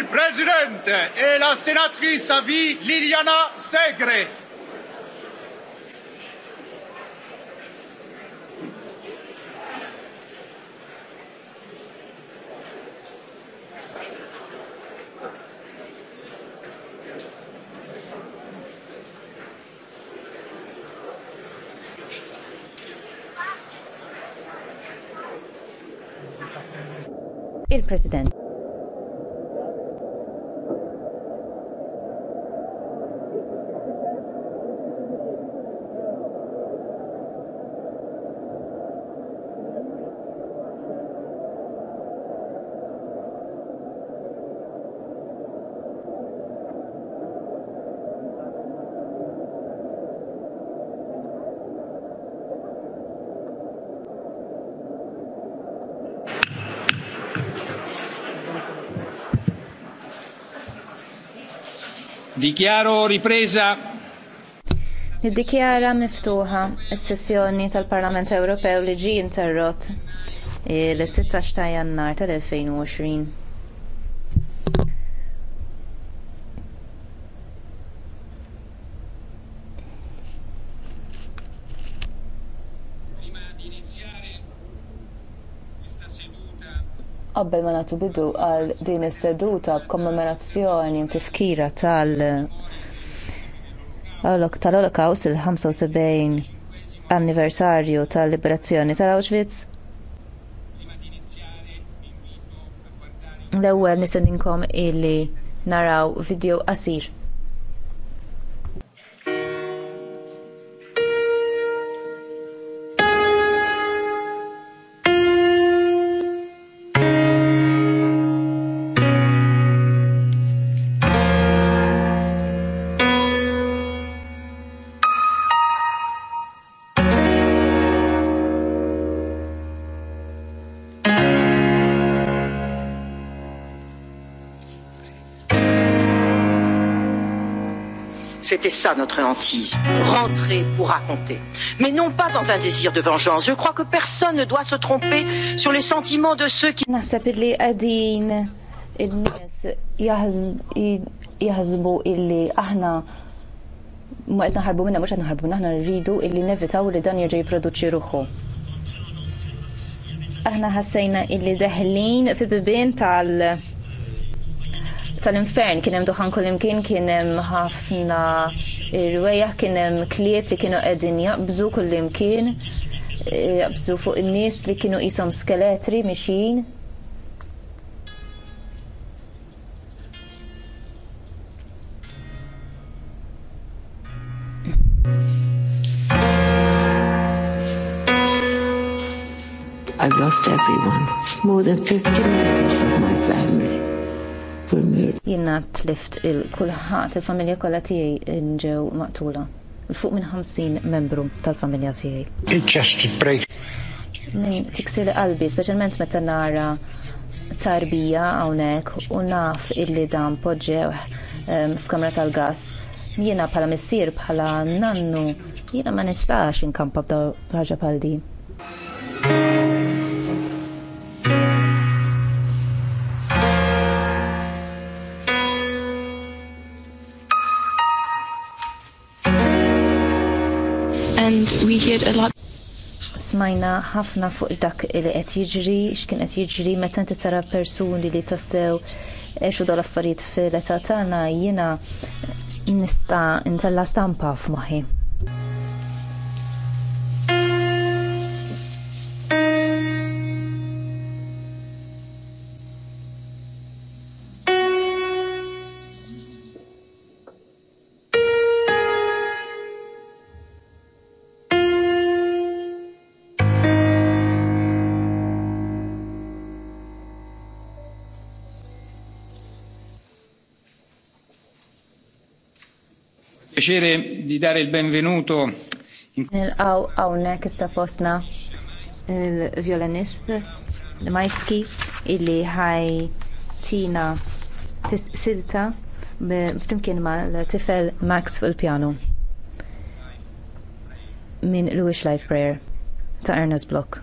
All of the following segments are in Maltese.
il Presidente e la senatrice avi Liliana Segre. il-President. Dikjaro ripresa. Nid-dikjara miftuħa s-sessjoni tal-Parlament Ewropew li ġie interrott l-16 ta' jannar tal-2020. qabel ma nagħtu bidu għal din is-seduta b'kommemorazzjoni u tifkira tal tal-Holocaust il-75 anniversarju tal-liberazzjoni tal-Auschwitz. L-ewwel nistedinkom illi naraw video qasir. C'était ça notre hantise. Rentrer pour raconter. Mais non pas dans un désir de vengeance. Je crois que personne ne doit se tromper sur les sentiments de ceux qui... aħna ma qed naħarbu minna mhux qed naħarbu rridu illi nevitaw li dan jerġa' jipproduċi ruħu. Aħna ħassejna illi deħlin fil bibien tal- tal-infern kien hemm duħan kullimkien kien hemm ħafna irwejjaħ kien hemm klieb li kienu qegħdin jaqbżu kullimkien jaqbżu fuq in-nies li kienu qishom skeletri mixin. I've lost everyone, more than 50 members of my family kull mir. Jina tlift il-kulħat, il-familja kollha tiegħi ġew maqtula. Fuq minn 50 membru tal-familja tiegħi. It just break. Tiksir qalbi, speċjalment meta nara tarbija hawnhekk u naf illi dan poġġew ehm, f'kamra tal-gas. Jiena bħala missier bħala nannu, jiena ma nistax inkampa b'da ħaġa pal din. and we hear a lot smajna ħafna fuq dak li qed jiġri, x'kien qed jiġri meta inti tara persuni li tassew xu dawn l-affarijiet fil-età tagħna jiena nista' intella stampa f'moħħi. piacere di dare il benvenuto. Nil-għaw għawnek istafosna il-violinist Majski illi ħaj tina silta f'timkien ma l-tifel Max fil-pjanu minn Lewis Life Prayer ta' Ernest Block.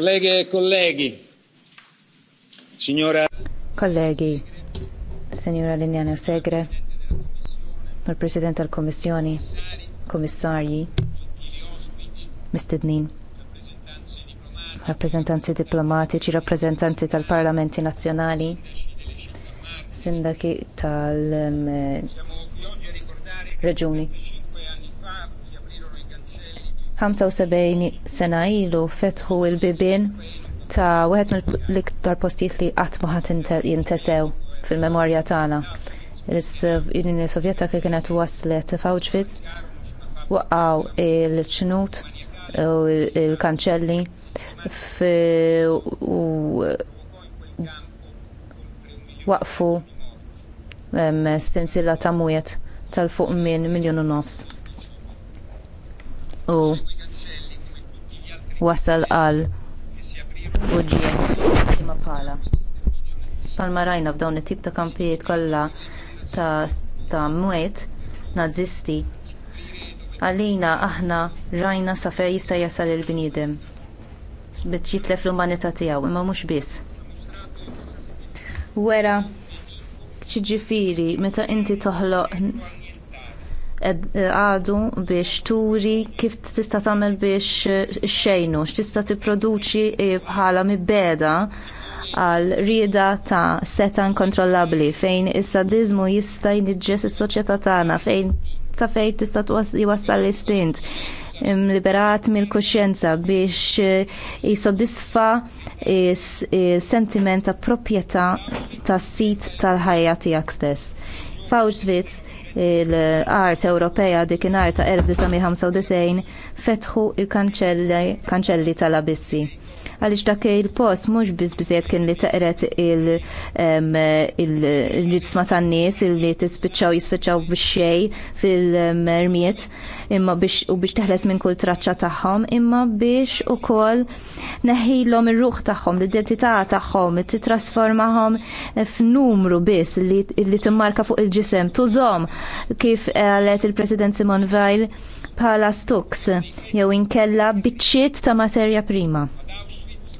Colleghe e colleghi, signora... Colleghi, signora Liniana Segre, il Presidente Commissione, commissari, Mr. mistednin, rappresentanti diplomatici, rappresentanti tal-Parlamenti Nazzjonali, sindaki tal ehm, regioni. 75 sena ilu fetħu l bibien ta' wieħed mill-iktar postijiet li qatt ma ħadd jintesew fil-memorja tagħna. L-Unjoni Sovjetika kienet waslet f'Auschwitz, waqgħu il-ċnut u il-kanċelli u waqfu stensilla ta' mwiet tal-fuq minn miljon u nofs. U wasal għal fuġien imma bħala. Palma rajna f'dawn it-tip ta' kampijiet kollha ta' ta' mwiet nazisti għalina aħna rajna sa jista' jasal il-bniedem biex jitlef l-umanità tiegħu imma mhux biss. Wera ċiġifieri meta inti toħloq għadu biex turi kif tista tagħmel biex eh, xejnu, x'tista tipproduċi eh, bħala mibbeda għal rieda ta' seta inkontrollabbli fejn is-sadizmu jista' jniġġes is-soċjetà tagħna fejn sa fejn tista' jwassal l-istint liberat mill-kuxjenza biex eh, jisodisfa sentiment ta' proprjetà tas sit tal-ħajja tiegħek stess. Fawġ Svitz l art Ewropea dikin art ta' 1995 fetħu il-kanċelli tal-abissi għaliex dak il-post mhux biss biżejjed kien li taqret il-ġisma tan-nies illi tispiċċaw jispiċċaw bix-xej fil-mermiet imma biex u biex teħles minn kull traċċa tagħhom imma biex ukoll neħilhom ir-ruħ tagħhom, l-identità tagħhom, titrasformahom f'numru biss li timmarka fuq il-ġisem, tużhom kif qalet il-President Simon Weil bħala stux jew inkella biċċiet ta' materja prima.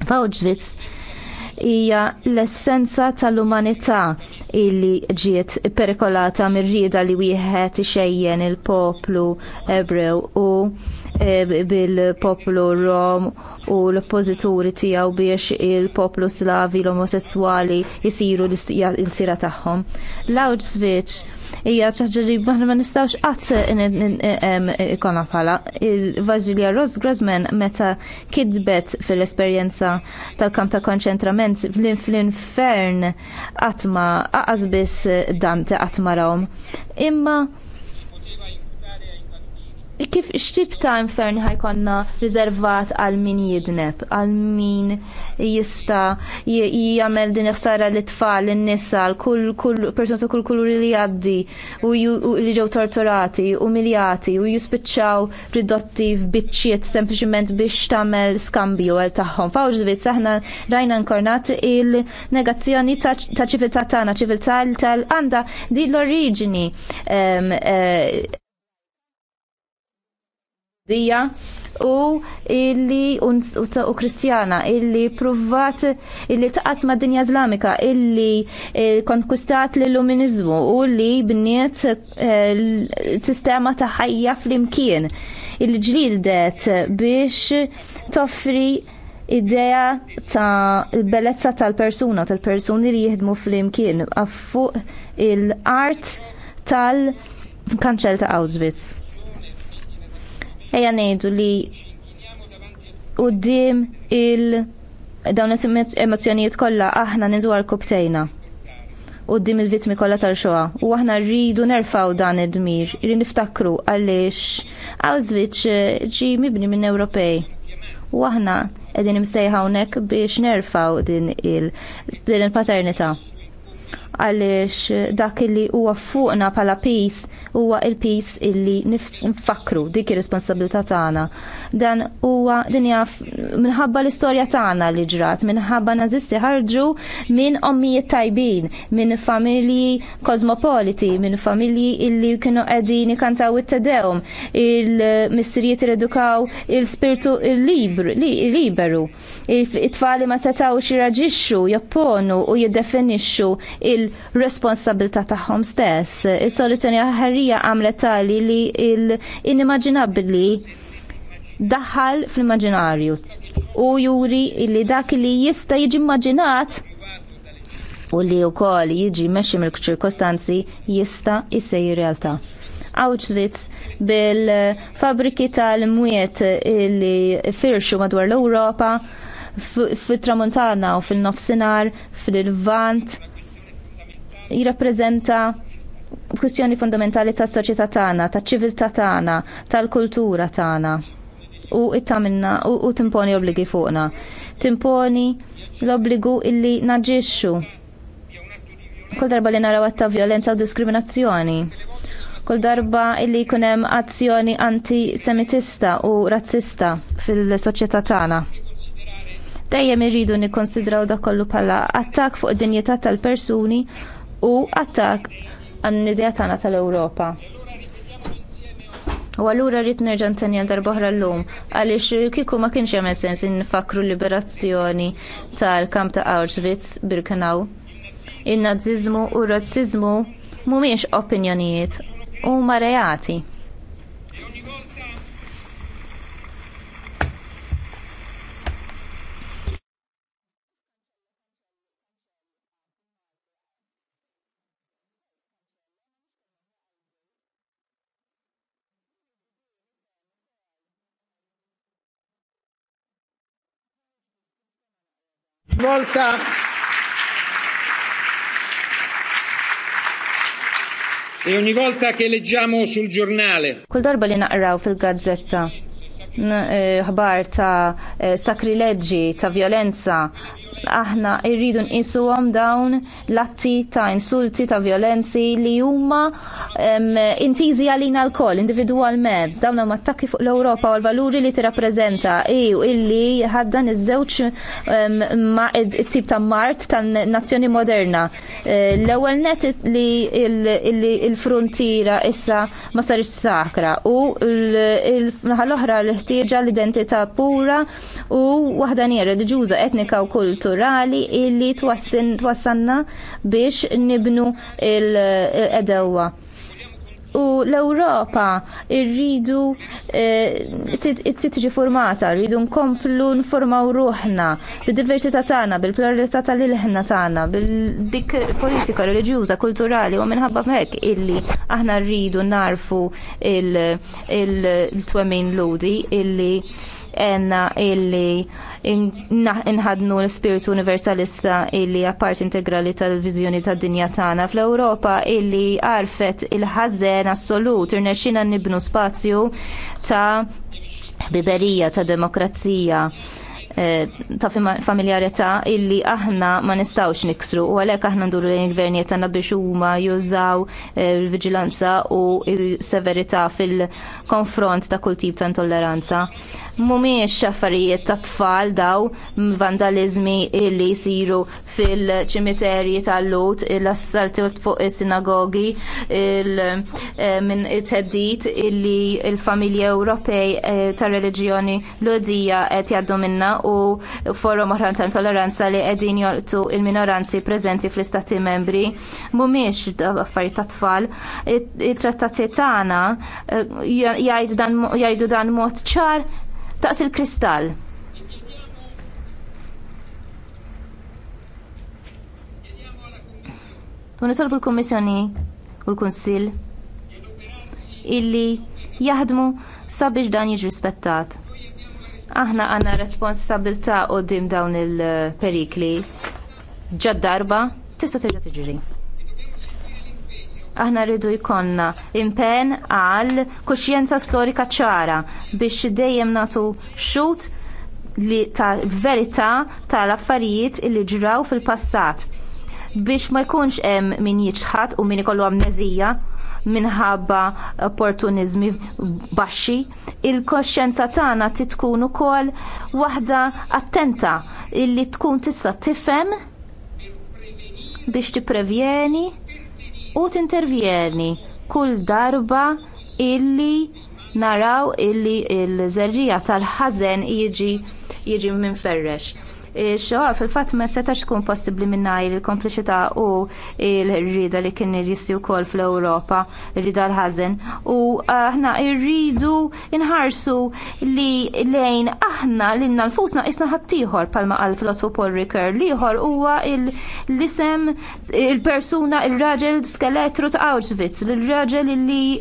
F'Auschwitz hija l-essenza tal-umanità illi ġiet perikolata mir-rieda li wieħed ixejjen il-poplu Ebrew u Eh, bil-poplu rom u l-oppozituri tiegħu biex il-poplu slavi l-omosessuali jisiru l-sira tagħhom. Loud switch hija ċaġġa li ma nistgħux qatt ikona bħala. Il-Vaġilja Ross Grossman meta kidbet fil-esperjenza tal-kamp ta' konċentrament fl-infern qatt ma biss Dante qatt ma rawm. Imma kif x'tip ta' infern ħajkonna riservat għal min jidneb, għal min jista jagħmel din ħsara l tfal l-nisa, kull kull persuna ta' kull kulur li jgħaddi u li ġew torturati, umiljati u jispiċċaw ridotti f'biċċiet sempliċement biex tagħmel skambju għal tagħhom. Fawġ żviet aħna rajna nkornat il-negazzjoni ta' ċiviltà tagħna, ċiviltà tal għanda din l-oriġini ehm, eh, dija u illi u kristjana illi pruvat illi taqat ma' dinja islamika illi eh, konkustat l-illuminizmu u li bniet eh, sistema ta' ħajja fl-imkien illi ġlildet biex toffri idea ta' bellezza tal-persuna tal-persuni li jihdmu fl-imkien għaffu il-art tal-kanċel ta' Auschwitz. Ejja ngħidu li qudiem il- dawn emozjonijiet kollha aħna ninżwar kubtejna qoddim il-vittmi kollha tal-xoa. U aħna rridu nerfaw dan id-dmir, irri niftakru għaliex Auschwitz eh, ġi mibni minn Ewropej. U aħna qegħdin imsejħa hawnhekk biex nerfaw din il-paternità. Għaliex dak li huwa fuqna bħala pis huwa il-pis illi nifakru dik ir-responsabilità tagħna. Dan huwa dinja minħabba l-istorja tagħna li ġrat, minħabba nazisti ħarġu minn ommijiet tajbin, minn familji kosmopoliti, minn familji illi kienu qegħdin ikantaw it-tedewm, il-missirijiet iredukaw il-spirtu il-liberu. It-tfali ma setawx jiraġixxu, jopponu u jiddefinixxu il-responsabilità tagħhom stess. Is-soluzzjoni l-Ungerija għamlet tali li l-inimmaġinabbli daħal fl-immaġinarju u juri li dak li jista jiġi immaġinat u li wkoll jiġi meċi mill ċirkostanzi jista jissej realtà. Auschwitz bil-fabriki tal-mwiet li firxu madwar l ewropa fit tramuntana u fil-nofsinar, fil-vant, jirrapprezenta kwistjoni fundamentali tas soċjetà tagħna, taċ-ċiviltà tagħna, tal-kultura tagħna. U ittamilna u, u timponi obbligi fuqna. Timponi l-obbligu illi naġixxu. Kull darba li naraw ta' violenza u diskriminazzjoni. Kull darba illi jkun hemm azzjoni antisemitista u razzista fil-soċjetà tagħna dejjem irridu nikkonsidraw dak kollu bħala attakk fuq id-dinjità tal-persuni u attakk għan-idea tagħna tal-Ewropa. U allura rrid nerġa' boħra l llum għaliex kieku ma kienx jagħmel sens infakru liberazzjoni tal-kamp ta' Auschwitz Birkenau. In-Naziżmu u r-Razzizmu mhumiex opinjonijiet huma reati. volta e ogni volta che leggiamo sul giornale. Kull darba li naqraw fil-gazzetta eh, ħbar ta' eh, sakrileġġi, ta' violenza, aħna irridu nqisuhom dawn l-atti ta' insulti ta' violenzi li huma intiżi għalina l-koll individwalment dawn huma attakki fuq l-Ewropa u l-valuri li tirrappreżenta u illi ħaddan iż-żewġ tip ta' mart tan-nazzjoni moderna. Eh, l-ewwel net li l-frontiera issa ma sarix sakra u l-naħa l-oħra l-ħtieġa l-identità pura u waħdanija diġuża etnika u kult kulturali illi twassanna biex nibnu l-edewa u l-Europa irridu eh, tiġi formata, rridu nkomplu nformaw ruħna bid-diversità tagħna, bil-pluralità tal-ilħna tagħna, bil-dik politika, reliġjuża, kulturali u minħabba hekk illi aħna rridu narfu il-twemmin ludi illi enna illi inħadnu l-spiritu universalista illi għapart integrali tal-vizjoni tad dinja tagħna fl-Ewropa illi għarfet il-ħażen assolut irnexina nibnu spazju ta' biberija ta' demokrazija eh, ta' familjarità illi aħna ma nistawx niksru u għalhekk aħna nduru l gvernijiet tagħna biex huma jużaw eh, il-viġilanza u s severità fil-konfront ta' kull tip ta' intolleranza mumiex affarijiet ta' tfal daw vandalizmi illi jsiru fil-ċimiterji tal-lut, l-assalti fuq is sinagogi eh, minn it-teddit illi l familji Ewropej eh, tar reliġjoni l-odija qed jgħaddu minna u forum oħra ta' intoleranza li qegħdin jolqtu l minoranzi preżenti fl-istati membri mhumiex affarijiet ta' tfal. it-trattati tagħna eh, jgħidu dan mod ċar Taqs il-kristall. U nitolbu l-Kummissjoni u l-Kunsill illi jaħdmu sabiex dan jiġi rispettat. Aħna għandna responsabilità quddiem dawn il-perikli ġad darba tista' terġa' tiġri aħna rridu jkollna impenn għal kuxjenza storika ċara biex dejjem nagħtu xut li ta' verità tal-affarijiet li ġraw fil-passat biex ma jkunx hemm min jiċħat u min ikollu amnezija minħabba opportuniżmi baxxi, il-koxxenza tagħna tkun ukoll waħda attenta illi tkun tista' tifhem biex tipprevjeni u tintervjeni kull darba illi naraw illi l-żerġija tal-ħażen jiġi jiġi minferrex xogħol fil-fatt ma setax tkun possibbli mingħajr il-kompliċità u l-rida li kien jeżisti wkoll fl-Ewropa, rida l-ħażen. U aħna rridu inħarsu li lejn aħna lilna l-fusna isna ħaddieħor palma qal filosofu Paul Ricker liħor huwa l-isem il-persuna il-raġel skeletru ta' Auschwitz, il-raġel li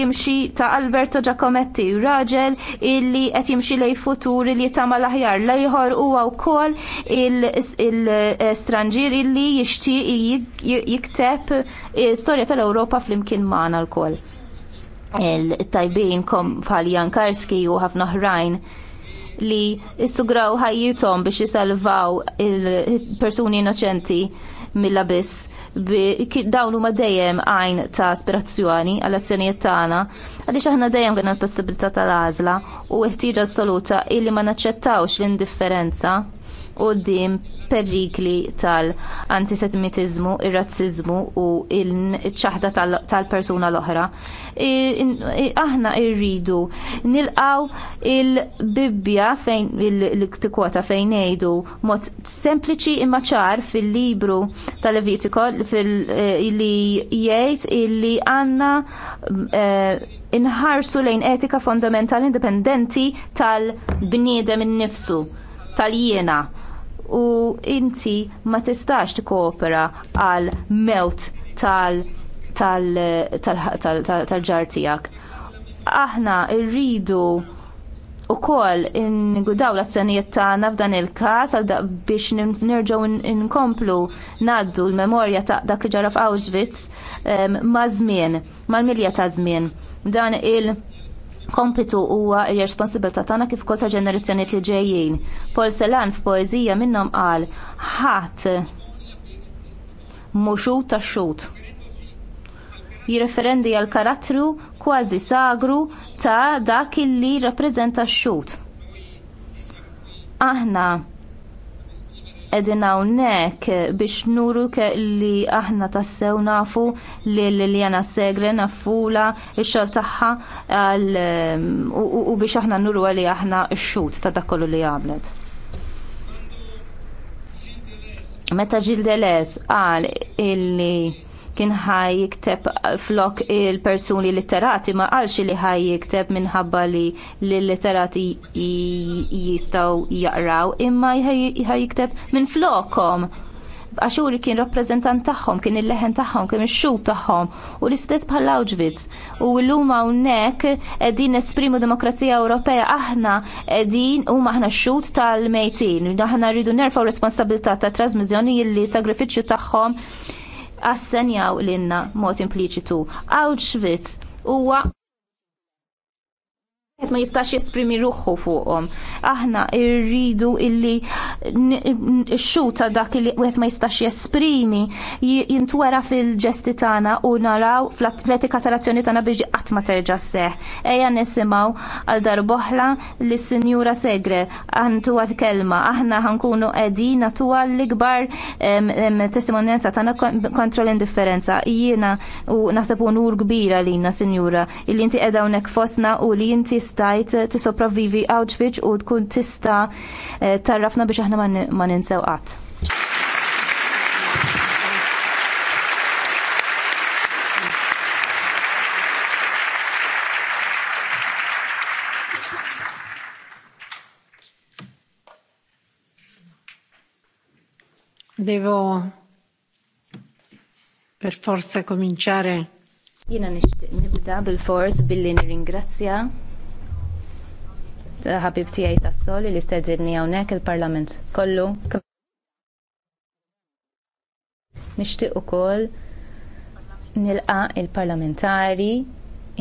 jimxi ta' Alberto Giacometti, raġel li qed jimxi lejn futur li jitama l-aħjar, lejħor ieħor huwa wkoll il-stranġir li jixtieq jikteb eh, storja tal-Ewropa flimkien magħna wkoll Il-tajbin kom bħal Jankarski u ħafna oħrajn li issugraw ħajjithom biex jisalvaw il-persuni innoċenti mill-abiss dawn huma dejjem għajn ta' aspirazzjoni għall azzjonijiet tagħna għaliex aħna dejjem kien il possibilità tal-għażla u ħtieġa assoluta illi ma naċċettawx l-indifferenza quddiem perikli tal-antisemitizmu, ir razzizmu u l-ċaħda tal-persuna l-oħra. Aħna rridu nilqaw il-Bibbja fejn il-tikwota fejn ngħidu mod sempliċi imma ċar fil-libru tal-Levitiko eh, li jgħid illi għandna eh, inħarsu lejn etika fondamentali indipendenti tal-bniedem innifsu tal-jiena. tal bniedem tal bniedem innifsu tal jiena u inti ma tistax tikkopera għal mewt tal-ġar tiegħek. Aħna rridu u kol ingudaw l-azzjonijiet tagħna f'dan il-każ għal biex nerġgħu nkomplu ngħaddu l-memorja ta' dak li ġara f'Auschwitz ma' żmien, mal-milja ta' żmien. Dan il- kompitu huwa ir-responsabilità tagħna kif kol ġenerazzjonijiet li ġejjin. Paul Celan f'poeżija minnhom qal ħadd muxut tax xut. Jirreferendi għal karattru kważi sagru ta' dak li rappreżenta x-xut. Aħna qegħdin hawnhekk biex nuru li aħna tassew nafu li jana Segre nafula x-xogħol tagħha u biex aħna nuru għali aħna x ta' dak kollu li għamlet. Meta ġildeles qal illi kien ħaj jikteb flok il-persuni litterati ma għalx li ħaj jikteb minħabba li l-litterati jistaw jaqraw imma ħaj jikteb minn flokom għaxuri kien rappresentant tagħhom, kien il-leħen tagħhom, kien ix xu tagħhom u l-istess bħal Auschwitz. U llum hawnhekk qegħdin nesprimu demokrazija Ewropea aħna qegħdin huma aħna x-xut tal-mejtin. Aħna rridu nerfgħu responsabilità ta' trasmissjoni li sagrifiċċju tagħhom assenjaw l-inna mod impliċitu. Auschwitz huwa Għet ma jistax jesprimi ruħu fuqhom. Aħna rridu illi xuta dak illi għet ma jistax jesprimi jintwera fil-ġesti tagħna u naraw fl-atletika tal-azzjoni tagħna biex qatt ma terġa' seħ. Ejja nisimgħu għal darboħla li senjura Segre għantu l-kelma. Aħna għankunu qegħdin natuha l-ikbar testimonjanza tagħna kontra l-indifferenza. Jiena u gbira li kbira s sinjura illi inti qiegħda hawnhekk fosna u li inti tistajt eh, tisopravvivi Auschwitz u tkun tista eh, tarrafna biex aħna ma ninsew qatt. Devo per forza cominciare. Jina nibda bil-fors billi nirringrazzja ħabib eh, tiegħi tas-Soli li stedinni hawnhekk il-Parlament kollu. Nixtieq ukoll nilqa il-parlamentari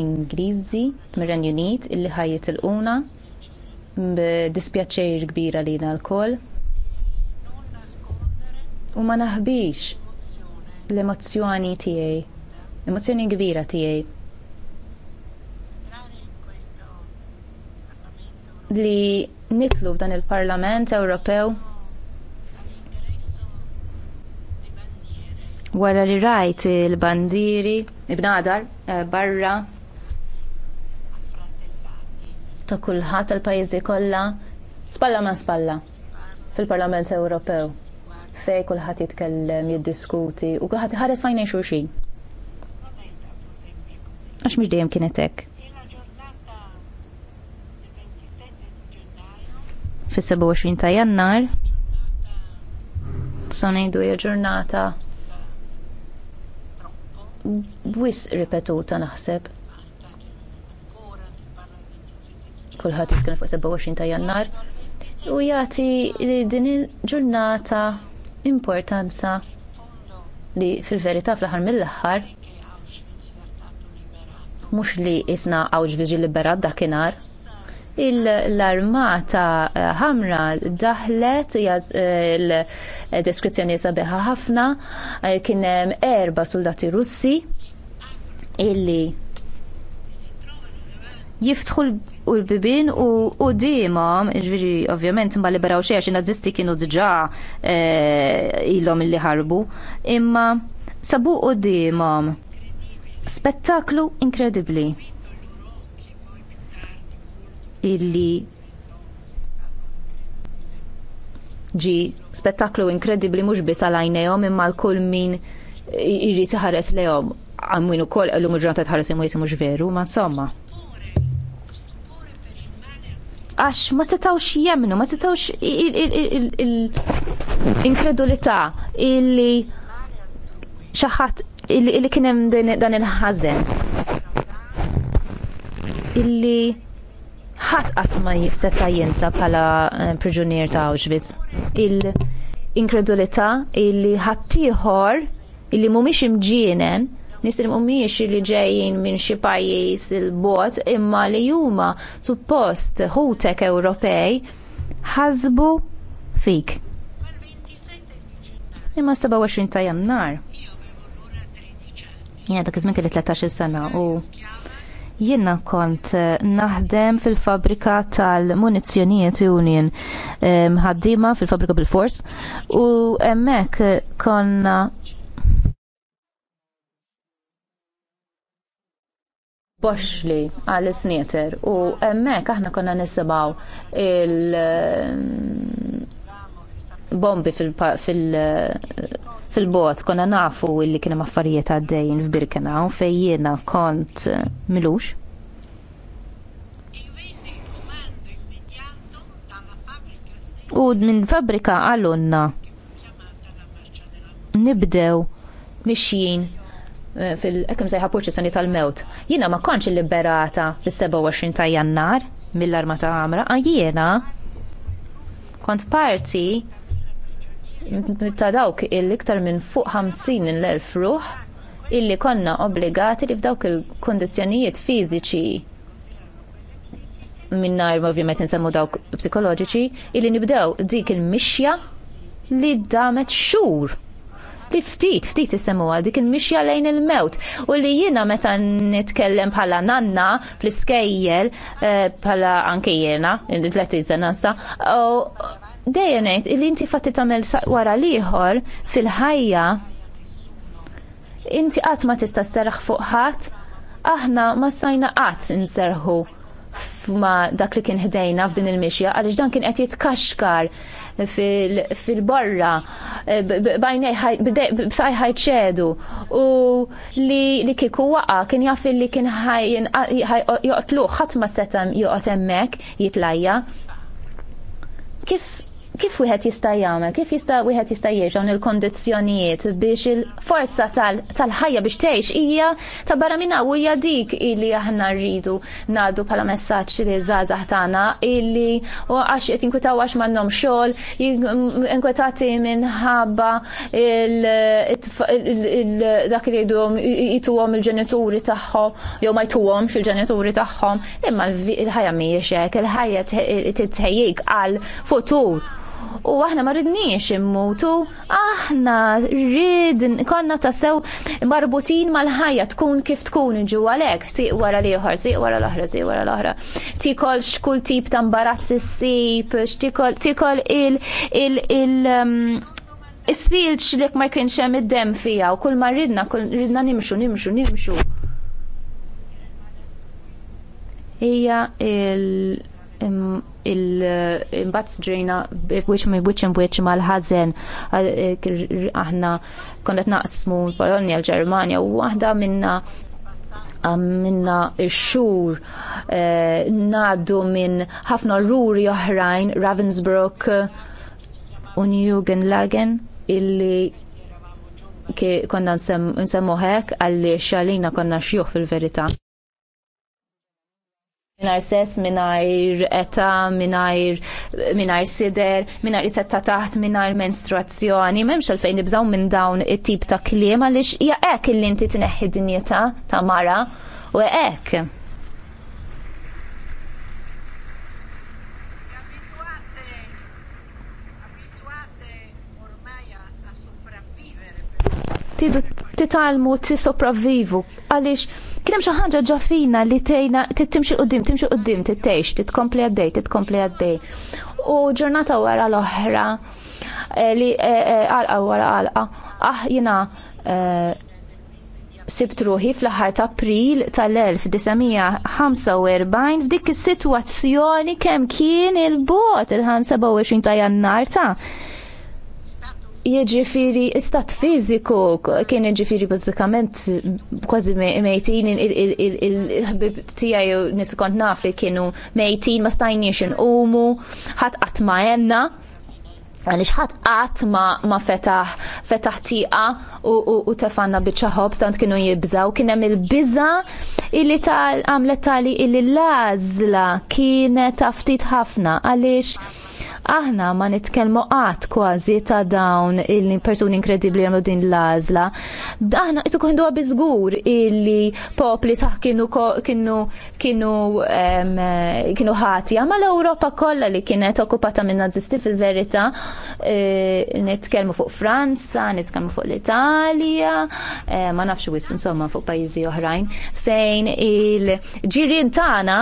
Ingliżi mir-Renju Unit illi ħajjet il-quna b'dispjaċir kbira lina l-koll. U ma naħbix l-emozjoni tiegħi, l-emozjoni kbira tiegħi li nitlu f'dan il-Parlament Ewropew wara li rajt il-bandiri, ibnadar, eh, barra ta' kulħadd tal-pajjiżi kollha spalla ma' spalla fil-Parlament Ewropew fej kulħadd jitkellem, jiddiskuti u kulħadd ħares fajn xulxin. Għax mhux dejjem kienet hekk. fis-27 ta' jannar. Sonejdu hija ġurnata wis ripetuta naħseb. Kulħadd jitkellem fuq 27 ta' jannar u jagħti li din il-ġurnata importanza li fil-verità fl-aħħar mill-aħħar mhux li isna Auschwitz liberat dakinhar l-armata eh, ħamra daħlet eh, il-deskrizzjoni sabiħa ħafna eh, kien hemm erba' soldati Russi illi jiftħu l-bibin u u dimam, ġviri ovvjament ma liberaw xeħx, nazisti kienu dġa ilhom illi ħarbu, imma sabu u Spettaklu inkredibli illi ġi spettaklu inkredibli mhux biss għal imma l-kull min irrid ħares lehom għammin ukoll illum il-ġurnata tħares imma jisimux veru, ma insomma. Għax ma setawx jemnu, ma setawx il-inkredulità illi xaħat illi kienem dan il-ħazen. Illi ħadd qatt ma seta' jinsa bħala eh, priġunier ta' Auschwitz. Il-inkredulità illi ħaddieħor illi mhumiex imġienen nisir mhumiex li ġejjin minn xi pajjiż il-bot imma li huma suppost ħutek Ewropej ħasbu fik. Imma 27 ta' jannar. Jena dak iż-żmien kelli 13 sena u Jiena kont eh, naħdem fil-fabrika tal-munizzjonijiet Union eh, ħaddima fil-fabrika bil-fors u hemmhekk konna boxli għal snieter u emmek aħna konna nisibaw il eh, bombi fil, fil fil-bot konna nafu illi kienem affarijiet għaddejjin f'Birkenau fej jiena kont eh, milux. U minn fabrika għallunna nibdew mixjin eh, fil-ekim eh, sejħa purċisani tal-mewt. Jiena ma konċ liberata fil-27 ta' jannar mill-armata għamra, għajjena kont parti ta' dawk il-iktar minn fuq 50 l ruħ illi konna obbligati li f'dawk il-kondizjonijiet fiżiċi minnajr ovvjament nsemmu dawk psikoloġiċi illi nibdew dik il-mixja li damet xur li ftit, ftit isemmuha dik il-mixja lejn il-mewt. U li jiena meta nitkellem bħala nanna fl-iskejjel eh, bħala anke jiena, il-tletiza nasa, dejjem ngħid illi inti fatti tagħmel wara l-ieħor fil-ħajja inti qatt ma tista' sserraħ fuq ħadd aħna ma stajna qatt inserħu ma dak li kien ħdejna f'din il-mixja għaliex dan kien qed jitkaxkar fil-borra eh, b'sajħaj ċedu u li kieku waqa kien jaf li kien ħajqtluq ħadd ma setam joqgħod hemmhekk jitlajja kif kif wieħed jista' jagħmel, kif jista' wieħed jista' jerġa' il-kondizzjonijiet biex il-forza tal-ħajja biex tgħix hija ta' barra minn hawn hija dik illi aħna rridu ngħaddu bħala messaġġ li żgħażagħ tagħna illi għax qed inkwetaw għax m'għandhom xogħol, inkwetati minħabba dak li jgħidhom jituhom il-ġenituri tagħhom jew ma jtuhomx il-ġenituri tagħhom, imma l-ħajja mhijiex hekk, il-ħajja titħejjik għal futur u aħna ma ridniex immutu, aħna rid konna tassew marbutin mal-ħajja tkun kif tkun ġu għalek, siq wara uħar, siq wara l ohra siq wara l-oħra. Tikol xkull tip ta' imbarazz sip tikol il- il- il- um, Is-silċ li ma kienx hemm id-dem fija u kull ma ridna, kull ridna nimxu, nimxu, nimxu. Hija il- il-imbat ġrina b'wiċ mi b'wiċ b'wiċ mal-ħazen e, aħna konnet naqsmu l l germania u waħda minna minna xur e, naddu minn ħafna ruri oħrajn Ravensbrook u Lagen illi konna nsemmu hekk għalli xalina konna xjuħ fil-verita minar sess, minar eta, minar, minar sider, minar isetta taħt, minar menstruazzjoni, memx għalfejn nibżaw minn dawn it-tip ta' klima li ja ek li inti t-neħi dinjeta ta' mara u ek. Tidu titalmu t sopravvivu għalix Kien hemm xi ħaġa ġafina li tejna tittimxi qudiem, timxi qudiem, tittejx, titkompli għaddej, titkompli għaddej. U ġurnata wara l-oħra eh, li eh, eh, għalqa wara għalqa, aħ ah, jina sibtruħi fl-aħħar ta' April tal-1945 f'dik is-sitwazzjoni kemm kien il-bot il-25 ta' Jannar ta' Jiġifieri istat fiżiku kien jieġifiri bazzikament kważi mejtin il-ħbib tiegħi nies kont naf li kienu mejtin ma stajniex inqumu, ħadd qatt ma għenna għalix ħat qatt ma fetaħ fetaħ tiqa u, u, u tefanna bieċaħob stant kienu jibżaw kien hemm il-biża illi tal għamlet tali illi lazla għażla kienet ftit ħafna għaliex aħna ma nitkellmu qatt kważi ta' dawn il-persuni inkredibbli jagħmlu din l-għażla. Aħna qisu kundu biżgur illi popli saħ kienu kienu kienu kienu ħati, ma l-Ewropa kollha li kienet okkupata minn nazisti fil-verità e, nitkellmu fuq Franza, nitkellmu fuq l-Italja, e, ma nafx wis insomma fuq pajjiżi oħrajn fejn il-ġirien tagħna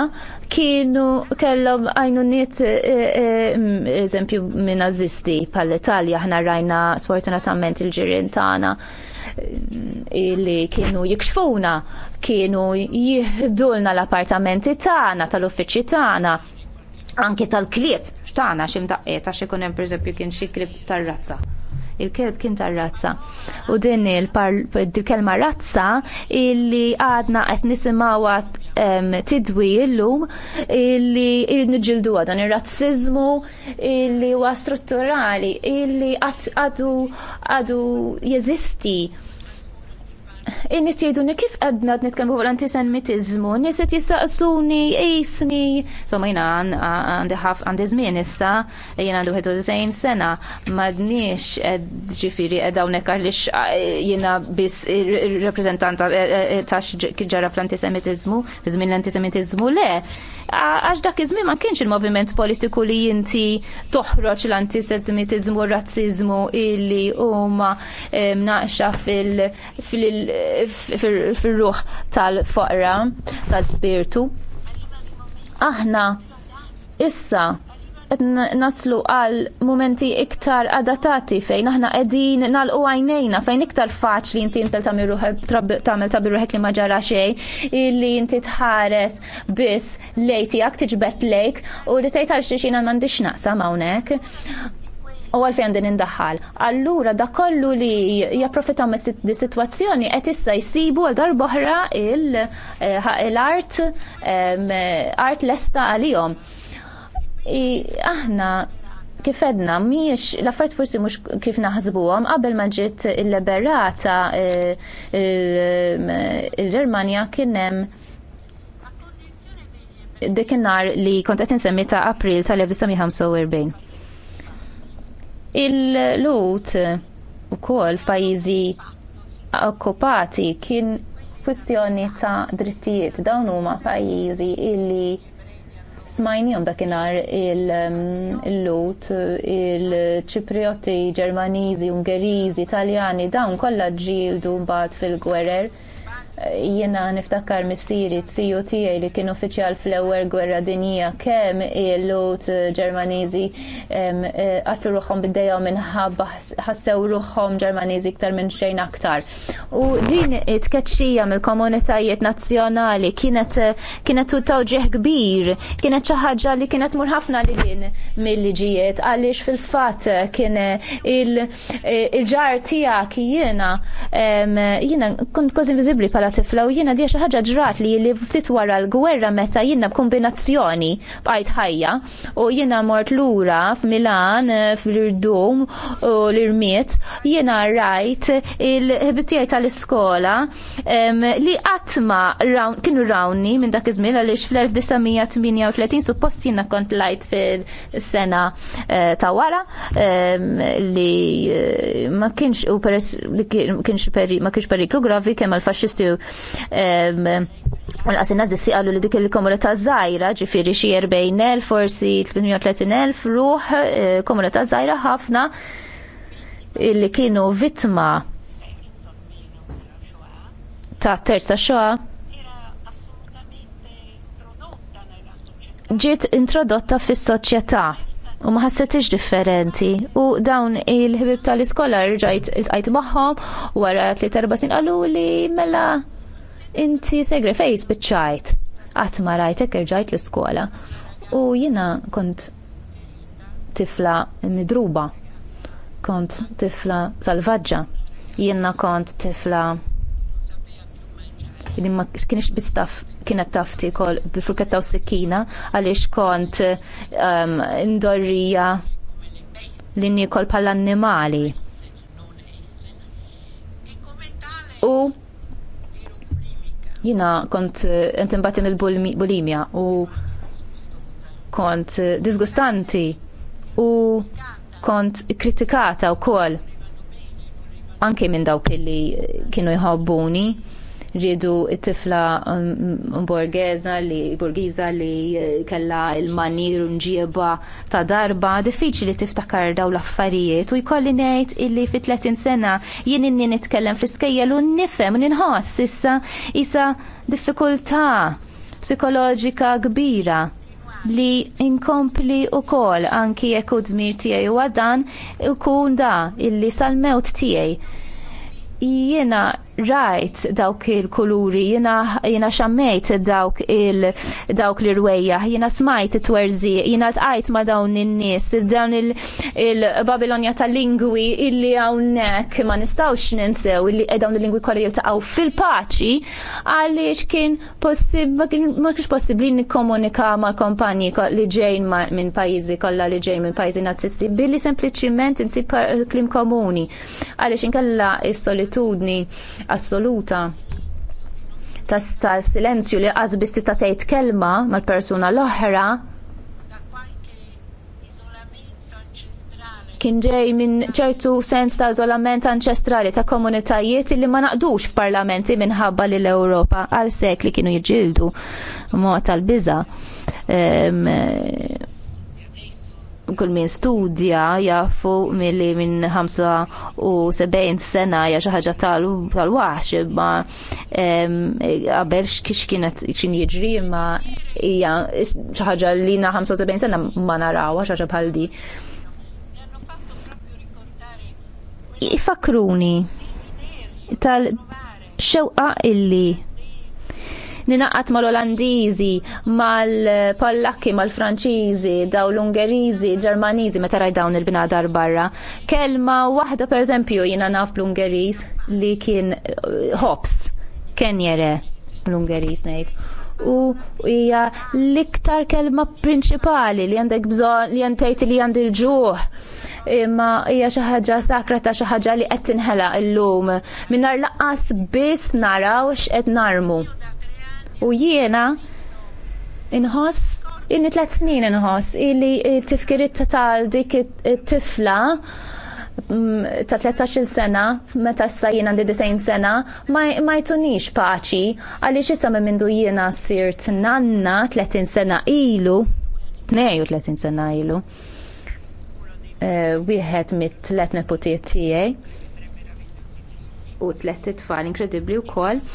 kienu kellhom għajnuniet eh, eh, mm, eżempju minn nazisti pal-Italja ħna rajna sfortunatament il-ġirien tagħna eh, li kienu jikxfuna, kienu jihdulna l-appartamenti tagħna tal-uffiċċji tagħna anke tal-klieb tagħna x'imdaqqiet għax ikun hemm pereżempju kien xi klieb tar-razza il-kelb kien ta' razza. U din il-kelma razza illi għadna qed nisimgħu tidwi illum illi irrid ġildu għadan ir-razzizmu illi huwa strutturali illi għadu għadu jeżisti In-nis kif għadna nitkellmu fuq għal antisemitizmu n jissaqsuni, qed jistaqsuni, jisni, somma jiena għandi ħaf għandi żmien issa, jina għandu 91 sena, m'għadniex ġifieri qed hawnhekk għaliex jiena biss reprezentanta ta' e, e, ġara fl-antisemitizmu, żmien l-antisemitizmu le għax dak iż-żmien ma kienx il-moviment politiku li inti toħroġ l-antisemitizmu u razzizmu illi huma mnaqxa fil-ruħ tal-foqra, tal-spirtu. Aħna issa naslu għal momenti iktar adatati fejn aħna qegħdin nalqu għajnejna fejn iktar faċli inti intel tagħmel tagħmel ta' ruħek li ma ġara xejn illi inti tħares biss lejti jak tiġbed lejk u li tgħid għal xi xina m'għandix naqsam hawnhekk u għalfejn din indaħħal. Allura da kollu li japprofitaw mis di situazzjoni qed issa jsibu għal darboħra il-art eh, art lesta għalihom aħna kif edna miex l-affarijiet forsi mhux kif naħsbuhom qabel ma ġiet liberata eh, eh, il-Ġermanja kien hemm dik in-nar li kont qed insemmi ta' April tal-1945. Il-lut ukoll f'pajjiżi okkupati kien kwistjoni ta' drittijiet dawn huma pajjiżi illi smajnijom dakinar um, il-lut, il-ċiprioti, ġermanizi, ungerizi, italjani, dawn kollha ġildu mbagħad fil-gwerer jiena niftakar missieri siju tijaj li kien uffiċjal fl-ewwel gwerra dinija kemm il-lut Ġermaniżi qatlu e, ruħom bid minn minħabba ħassew ruħom Ġermaniżi ktar minn xejn aktar. U din it-tkeċċija mill-komunitajiet nazzjonali kienet kienet ġieħ kbir, kienet ċaħġa li kienet mur ħafna li din mill-liġijiet għaliex fil-fatt kien e, il-ġar tiegħek jiena jiena kont kważi inviżibbli bħala tifla u jiena diexa ħaġa ġrat li li ftit wara l-gwerra meta jiena b'kombinazzjoni bqajt ħajja u jiena mort lura f'Milan eh, fl-irdum u l-irmiet jiena rajt il ħibtijaj tal-iskola li għatma kienu rawni minn dak iż għalix fl-1938 suppost jiena kont lajt fil-sena eh, ta' wara li eh, ma kienx u peress li kienx ma kienx periklu gravi kemm għal faxxisti Għasin qasin si għallu li dik il-komunità zaħira ġifiri xie 40.000 forsi 330.000 ruħ eh, komunità zaħira ħafna illi kienu vittma ta' terza xoħa. ġiet introdotta fis-soċjetà u ma ħassetix differenti. U dawn il-ħbib tal-iskola rġajt għajt maħħom wara tliet erba' sin għallu li mela inti segre fej spiċċajt. Qatt ma rajtek irġajt l-iskola. U jiena kont tifla midruba. Kont tifla salvaġġa. Jiena kont tifla li ma kienx bistaf kienet tafti kol bifruketta u sikkina għaliex kont um, indorrija li nikol pal-annimali. U jina kont eh, intimbati mill-bulimja u kont eh, disgustanti u kont kritikata u kol anke minn dawk li kienu jħobbuni rridu it-tifla um, um, borgeza li borgiza li eh, kella il-manir nġieba ta' darba diffiċli tiftakar daw l-affarijiet u jkolli ngħid illi fi 30 sena jien inni nitkellem fl-iskejjel u nifem u ninħoss issa isa diffikultà psikoloġika kbira li inkompli u kol anki jekk u dmir tiegħi u għadan ikun da illi sal-mewt tiegħi. Jiena rajt dawk il-kuluri, jina, jina xammejt dawk il dawk l-irwejja, jina smajt it-twerzi, jina tqajt ma dawn in-nies, dawn il-Babilonja tal-lingwi illi hawnhekk ma nistawx ninsew illi dawn il-lingwi kollha jiltaqgħu fil-paċi għaliex kien possib ma kienx possibbli nikkomunika ma' kompanji li ġejn minn pajjiżi kollha li ġejn minn pajjiżi nazisti billi sempliciment insib klim komuni għaliex inkella is-solitudni assoluta ta' silenzju li qasbis tista' tgħid kelma mal-persuna l-oħra kien ġej minn ċertu sens ta' iżolament anċestrali ta' komunitajiet li ma naqdux f'parlamenti minħabba li l-Ewropa għal sekli kienu jġildu mod tal-biża. Ehm, kull min studja jafu li minn 75 sena ja xaħġa tal wax ma għabelx kiex kienet xin jiġri ma xaħġa xi ħaġa li na 75 sena ma narawha xaħġa bħal di. Ifakruni tal-xewqa illi ninaqat mal-Olandiżi, mal-Pollakki, mal-Franċiżi, daw l-Ungeriżi, Ġermaniżi meta rajt dawn il-binadar barra. Kelma waħda eżempju, jiena naf l ungeriż li kien uh, hops, kenjere l ungeriż ngħid u hija l-iktar kelma prinċipali li għandek bżonn li għandek li għandi l-ġuħ. Imma hija xi ħaġa sakra ta' xi ħaġa li qed tinħela llum. minnhar laqas biss naraw x'qed narmu. U jiena inħoss inni tlet snin inħoss illi il-tifkirit ta' dik it-tifla mm, ta' 13 sena, meta issa jiena għandi 90 sena, ma jtunix paċi, għaliex issa minn mindu jiena sirt nanna 30 sena ilu, neju 30 sena ilu, eh, wieħed mit tlet nepotiet tiegħi u tlet tfal inkredibbli wkoll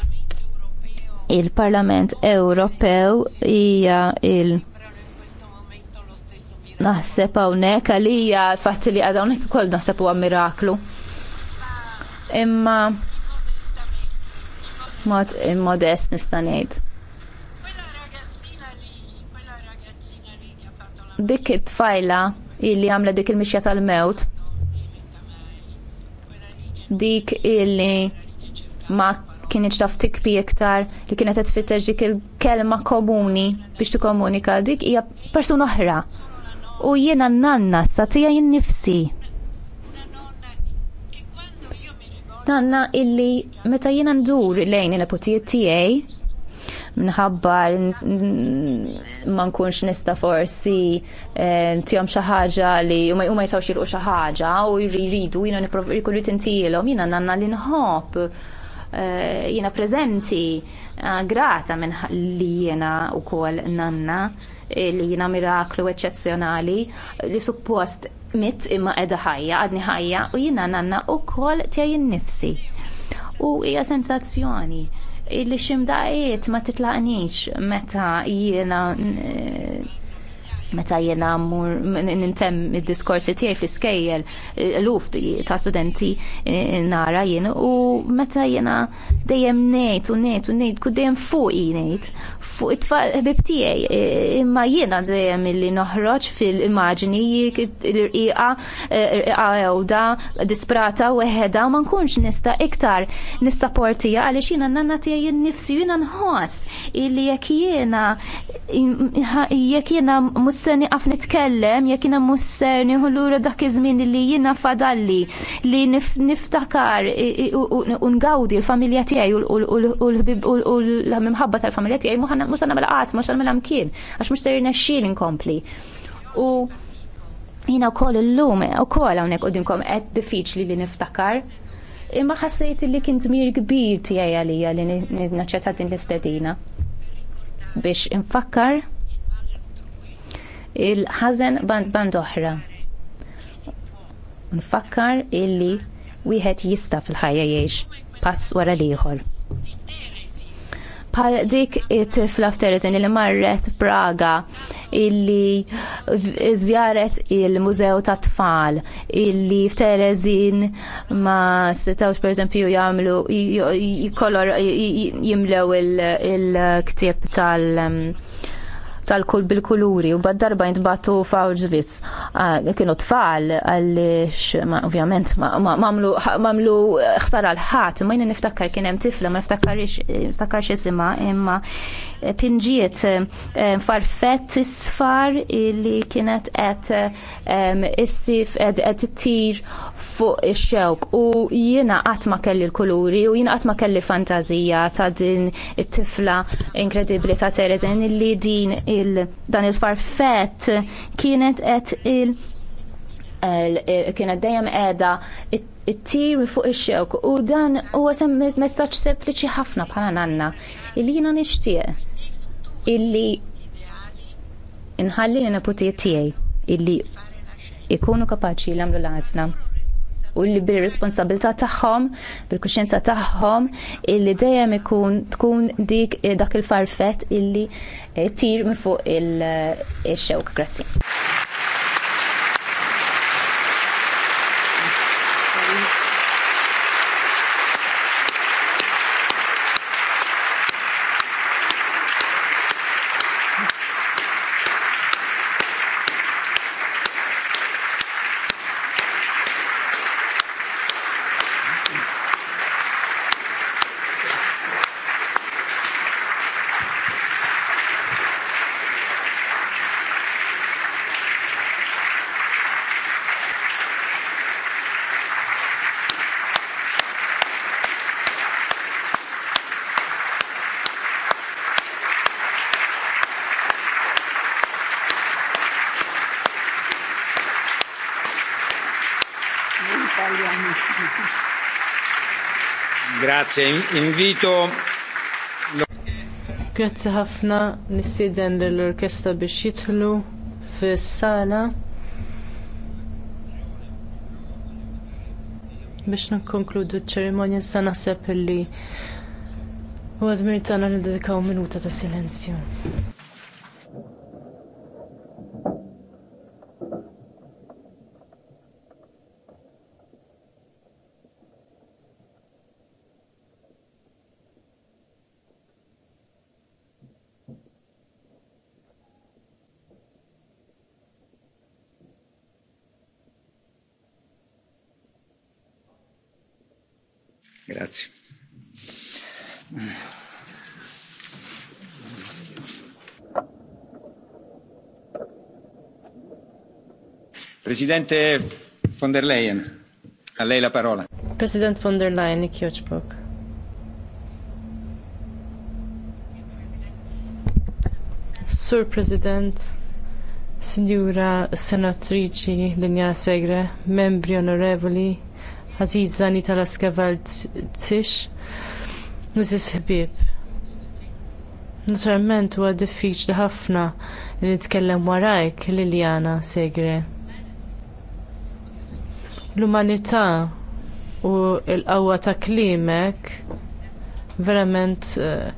il-Parlament Ewropew hija il- naħseb hawnhekk għalija l-fatt li għadha hawnhekk ukoll naħseb huwa miraklu. Imma mod immodest nista' ngħid. Dik it-tfajla illi għamla dik il-mixja tal-mewt dik illi ma kienieċ taf tikbi iktar li kienet qed tfitter dik il-kelma komuni biex tikkomunika dik hija persuna oħra. U jiena nanna sa tija jien nifsi. Nanna illi meta jiena ndur lejn il potijiet tiegħi minħabba ma nkunx nista forsi eh, tihom xi ħaġa li huma jistgħux jilqu xi ħaġa u jridu jiena jkun jkollu tintilhom jiena nanna li nħobb Eh, jiena prezenti eh, grata minn li jiena wkoll nanna eh, li jiena miraklu eċċezzjonali li suppost mit imma edha ħajja, għadni ħajja u jiena nanna wkoll tiegħi nifsi. U hija sensazzjoni li ximdaqiet ma titlaqnix meta jiena meta jena mur nintem id-diskorsi tiegħi fl-iskejjel luf ta' studenti nara jien u meta jena dejjem ngħid u ngħid u ngħid kull dejjem fuq ngħid fuq it-tfal ħbib tiegħi imma jiena dejjem illi noħroġ fil-immaġini il irqiqa irqiqa ewda disprata u ma nkunx nista' iktar nista' portija għaliex jiena nanna tiegħi nnifsi jiena nħoss illi jekk jiena jekk jiena musserni għaf nitkellem, jek jina musserni hullura dak iż li jina fadalli li niftakar u ngawdi l-familja tiegħi u l-mimħabba tal-familja tiegħi muħanna musanna mela għat, mhux għamel kien għax mhux ser nexxin inkompli. U jina wkoll illum ukoll eh, hawnhekk dinkom qed eh, diffiċli li niftakar imma ħassejt li kien dmir kbir tiegħi għalija li naċċetta din l-istedina biex infakkar il-ħazen band oħra. Nfakkar illi wieħed jista' fil-ħajja jgħix pass wara l-ieħor bħal dik it-tifla f'Terezin illi marret Praga illi zjaret il-mużew ta' tfal illi f'Terezin ma setgħux per eżempju jagħmlu jikolor jimlew il-ktieb tal- tal-kull bil-kuluri u bad darba jintbatu f'Auschwitz. Ah, kienu tfal għaliex ovvjament mamlu eh, ħsara l-ħadd, ma jien niftakar kien hemm tifla ma niftakarx isimha imma pinġiet eh, eh, farfett isfar li kienet qed eh, issif qed tir fuq ix-xewk u jiena qatt ma kelli l-kuluri u jiena qatt ma kelli fantazija ta' din it-tifla inkredibbli ta' Terezen illi din il dan il-farfett kienet qed il- kienet dejjem qiegħda it-tir fuq ix-xewk u dan huwa għasem messaġġ sempliċi ħafna bħala nanna li jiena nixtieq illi inħalli li naputijiet tiegħi illi ikunu kapaċi li l għażla u li bil-responsabilità tagħhom, bil-kuxjenza tagħhom, illi dejjem ikun tkun dik eh, dak il-farfet illi eh, tir minn fuq eh, il-xewk. Grazzi. Grazie, invito. Grazie ħafna nistieden lill-orkestra biex jidħlu fis-sala biex nikkonkludu ċ-ċerimonja sa naħseb illi u għadmir tagħna nidedikaw minuta ta' silenzju. Grazie. Presidente von der Leyen, a lei la parola. President von der Leyen, ik joċbok. Sur President, Signora Senatrici Linea Segre, membri onorevoli, Aziza tal t tsix, nizis ħbib. Naturalment huwa diffiċli ħafna li nitkellem warajk Liljana Segre. L-umanità u l-qawwa ta' klimek verament eh,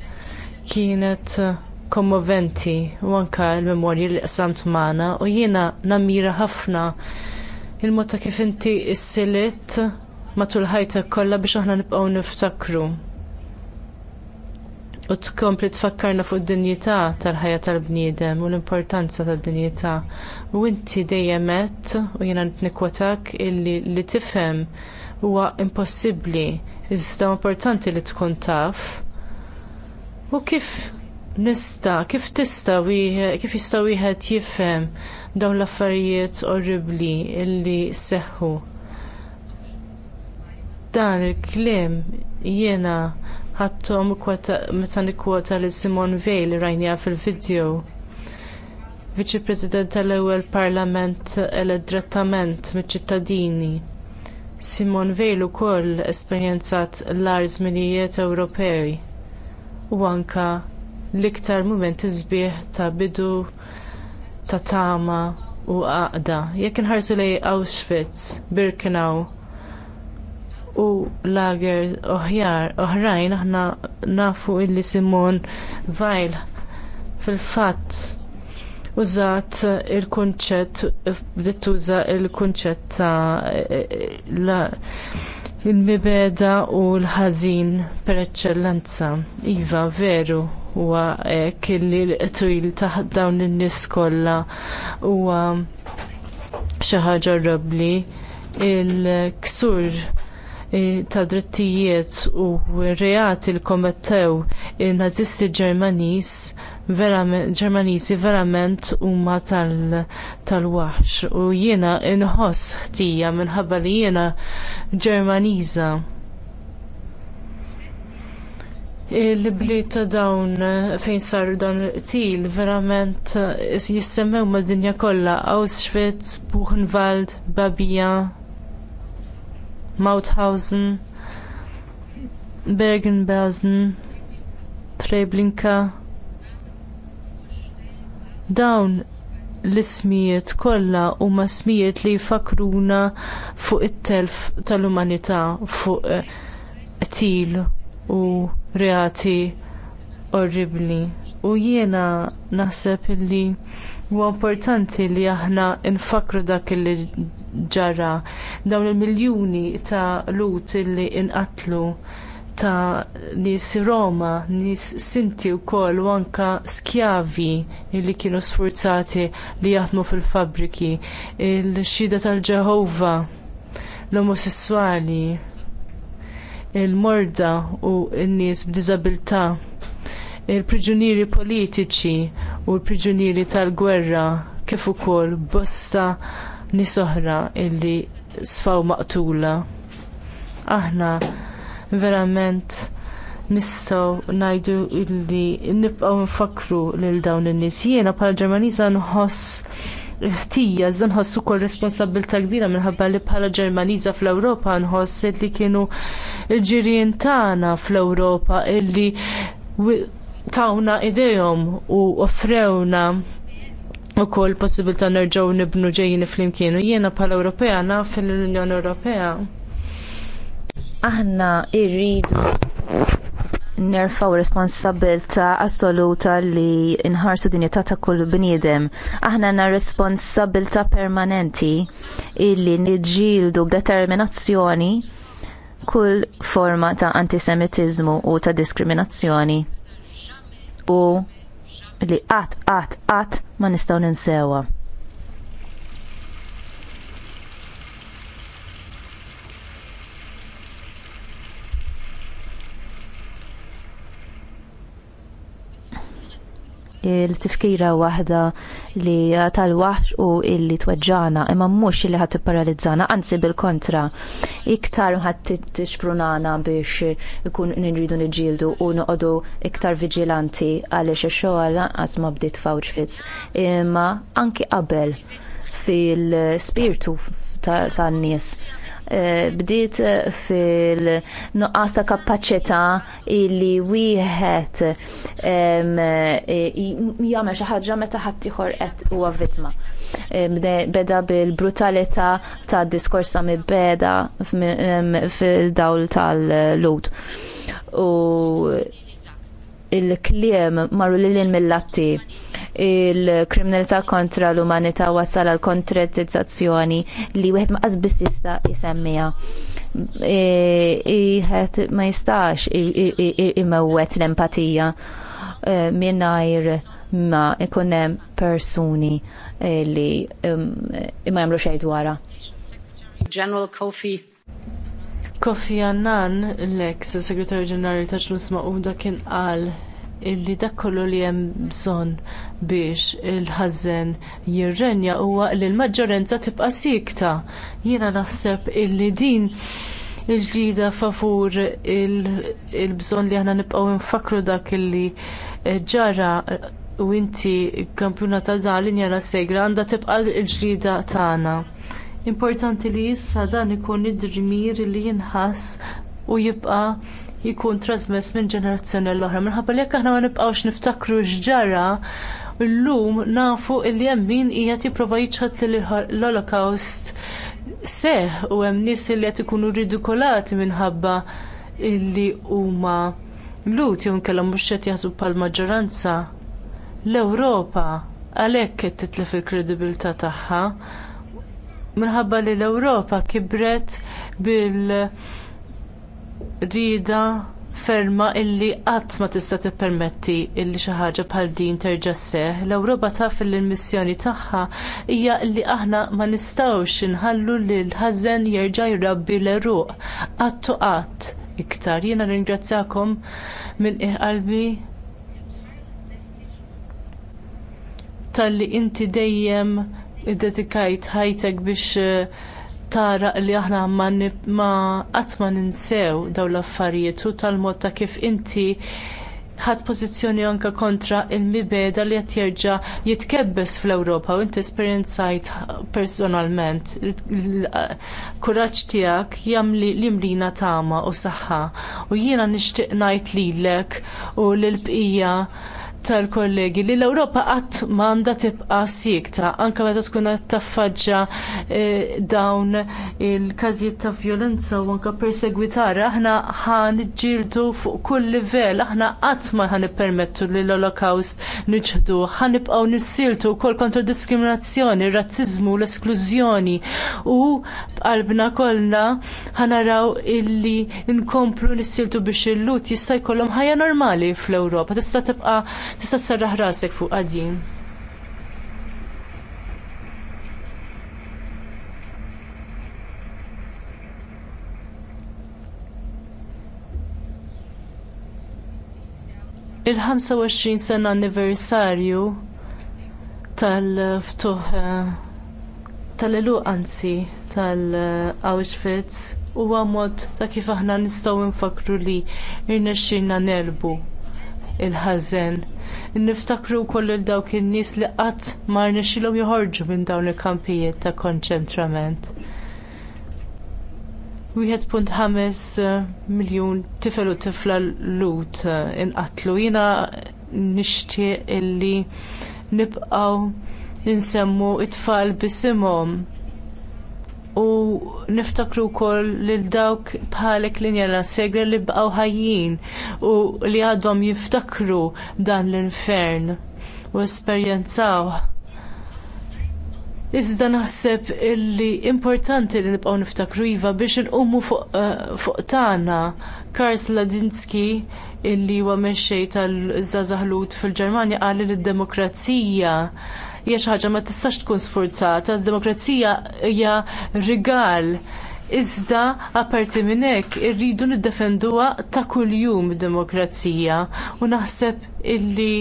kienet eh, kommoventi u anka l-memorji li qsamt magħna u jiena namira ħafna il mota kif inti s-silit matul ħajtek kollha biex aħna nibqgħu niftakru. U tkompli tfakkarna fuq id-dinjità tal-ħajja tal-bniedem u l-importanza tad-dinjità. U inti dejjem qed u jiena nikwatak illi li tifhem huwa impossibbli iżda importanti li tkun taf. U kif nista, kif tista kif jista' wieħed jifhem dawn l-affarijiet orribli illi seħħu dan il kliem jiena ħattom meta nikkwota lil Simon Veil li rajnija fil-video. Viċi President tal-ewwel Parlament eled miċ-ċittadini. Simon Veil ukoll esperjenzat l-ar żminijiet Ewropej u anke l-iktar mument sbieħ ta' bidu ta' tama u għaqda. Jekk inħarsu lejn Auschwitz, Birkenau, u lager oħjar oħrajn aħna nafu illi Simon Weil fil-fatt użat il-kunċett bdiet tuża l kunċett ta' il-mibeda u l-ħażin per eċċellenza. Iva, veru, huwa hekk illi l-qtil ta' dawn in-nies kollha huwa xi ħaġa robbli il-ksur Eh, ta' drittijiet u reati li kommettew il-nazisti Ġermaniż Ġermaniżi verament huma tal-waħx u jiena inħoss ħtija minħabba li jiena Ġermaniża. Il-bliet ta' dawn fejn saru dan il-qtil verament eh, jissemmew mad-dinja kollha Auschwitz, Buchenwald, Babija, Mauthausen, Bergen-Belsen, Treblinka. Dawn l-ismijiet kollha huma smijiet li jfakruna fuq it-telf tal-umanità fuq eh, qtil u reati orribli. U jiena naħseb illi Huwa importanti li aħna infakru dak li ġara dawn il-miljuni ta' lut li inqatlu ta' nies Roma, nies Sinti wkoll u anke skjavi li kienu sfurzati li jaħdmu fil-fabriki, il-xhieda tal-Ġehova, l-omosessuali, il-morda u n-nies b'diżabilità il-priġunieri politiċi u l-priġunieri tal-gwerra kif ukoll bosta nies oħra illi sfaw maqtula. Aħna verament nistgħu ngħidu illi nibqgħu nfakru lil dawn in-nies. Jiena bħala Ġermaniża nħoss ħtija, iżda nħossu responsabilità kbira minħabba li bħala Ġermaniża fl ewropa nħoss li kienu l ġirien tagħna fl ewropa illi tawna idejhom u offrewna wkoll possibilità nerġgħu nibnu ġejjin flimkien u jiena bħala Ewropea naf l unjoni Ewropea. Aħna irridu nerfaw responsabilta assoluta li nħarsu dinjità ta' kull bniedem. Aħna na responsabilta permanenti illi niġġieldu b'determinazzjoni kull forma ta' antisemitiżmu u ta' diskriminazzjoni u li qatt qatt qatt ma nistgħu ninsewha. il-tifkira waħda li tal-waħx u illi tweġġana imma mhux illi ħadd paralizzana anzi bil-kontra. Iktar ħadd tixprunana biex ikun nirridu niġġieldu u noqogħdu iktar viġilanti għaliex ix-xogħol lanqas ma bdiet fawċfitz. Imma anki qabel fil-spirtu tan-nies. Ta Eh, bdiet fil-nuqqas ta' kapaċità illi wieħed eh, jagħmel xi ħaġa meta ħadd ieħor qed huwa vittma. Beda bil-brutalità ta' diskorsa mibbeda fil-dawl tal-lud. U il-kliem marru lilin mill-latti il-kriminalità kontra l-umanità wassal għal kontretizzazzjoni li wieħed ma biss jisemmija. E, iħed ma jistax imewwet l-empatija e, minnajr ma ikun hemm persuni e, li ma jamlu xejn dwarha. General Kofi Kofi Annan, l-ex segretarju ġenerali ta' ġnus Mauda kien qal illi dak kollu li hemm bżonn biex il-ħażen jirrenja huwa li l-maġġoranza tibqa' sikta. Jiena naħseb illi din il-ġdida favur il-bżonn li aħna nibqgħu nfakru dak illi ġara u inti kampjuna ta' dalin jara segra għandha tibqa' l-ġdida tagħna. Importanti li issa dan ikun id-drimir li jinħass u jibqa' jkun trasmess minn ġenerazzjoni l-oħra. Minħabba li jekk aħna ma nibqgħux niftakru x'ġara llum nafu li hemm min qiegħed jipprova jiċħad li l-Holocaust seħ u hemm nies li qed ikunu ridikolati minħabba illi huma lut jew kellhom mhux qed jaħsbu bħal maġġoranza. L-Ewropa għalhekk qed titlef il-kredibilità tagħha minħabba li l-Ewropa kibret bil rida ferma illi qatt ma tista' tippermetti illi xi ħaġa bħal din terġa' sseħħ. L-Ewropa taf li l-missjoni tagħha hija li aħna ma nistgħux inħallu li l-ħażen jerġa' jrabbi l-eruq qatt u qatt iktar. Jiena ringrazzjakom minn qalbi talli inti dejjem id-dedikajt ħajtek biex eh, tara li aħna ma qatt ma ninsew dawn l-affarijiet u tal-mod ta' kif inti ħad pożizzjoni anke kontra il-mibeda li qed jerġa' jitkebbes fl-Ewropa u inti esperjenzajt personalment il-kuraġġ tiegħek jagħmli l-imlina tama u saħħa u jiena nixtieq ngħid lilek u lill bqija tal-kollegi li l-Ewropa qatt m'għandha tibqa' sikta anke meta tkun qed taffaġġa eh, dawn il-każijiet ta' vjolenza u anke persegwitar aħna ħanġildu fuq kull livell aħna qatt ma ħanippermettu li l-Holocaust Ħan ħanibqgħu nissiltu wkoll kontra diskriminazzjoni, razziżmu, l-esklużjoni u b'qalbna kollha ħanaraw illi nkomplu nissiltu biex il-lut jista' jkollhom ħajja normali fl-Ewropa tista' tibqa' tista' sserraħ rasek fuq qadin. Il-25 sena anniversarju tal-ftuħ eh, tal-eluq anzi tal-Auschwitz huwa mod ta' kif aħna nistgħu nfakru li irnexxina nelbu il-ħażen. Niftakru wkoll il dawk in-nies li qatt ma rnexxilhom joħorġu minn dawn il-kampijiet ta' konċentrament. Wieħed punt ħames eh, miljun tifel u tifla lut eh, inqatlu. Jiena nixtieq illi nibqgħu nsemmu it-tfal bisimhom u niftakru wkoll lil dawk bħalek linjala segre li bqgħu ħajjin u li għadhom jiftakru dan l-infern u esperjenzaw. Iżda naħseb illi importanti li nibqgħu niftakru iva biex inqumu fuq, eh, fuq tagħna Karl Ladinski illi huwa mexxej tal-żazaħlut fil-Ġermanja qal li d-demokrazija hija xi ħaġa ma tistax tkun sfurzata, d-demokrazija hija rigal. Iżda, apparti minn hekk irridu niddefenduha ta' kuljum id demokrazija u naħseb illi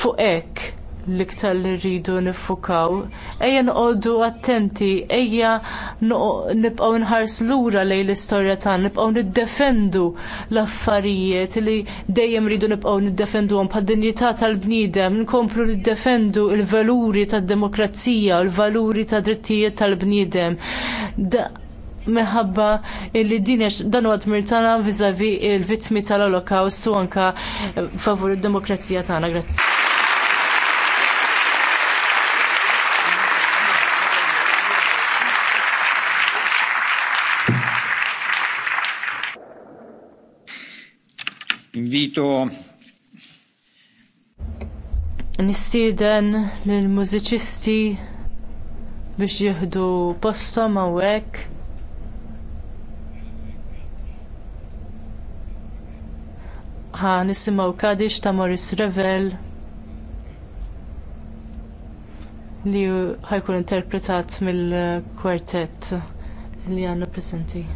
fuq hekk l-iktar li rridu nifukaw. Ejja noqogħdu attenti, ejja nibqgħu nħarsu lura lejn l-istorja tagħna, nibqgħu niddefendu l-affarijiet li dejjem rridu nibqgħu niddefenduhom bħal dinjità tal-bniedem, nkomplu niddefendu l valuri tad-demokrazija u l-valuri tad-drittijiet tal-bniedem meħabba illi dinex dan għad mirtana vizavi il-vitmi tal olokaust u anka favur id-demokrazija tagħna. Grazzi. Invito Nistieden lill mużiċisti biex jieħdu postom hawnhekk. Ħa nisimgħu kadix ta' Morris Revel li ħajkun interpretat mill-kwartett li għandna preżenti.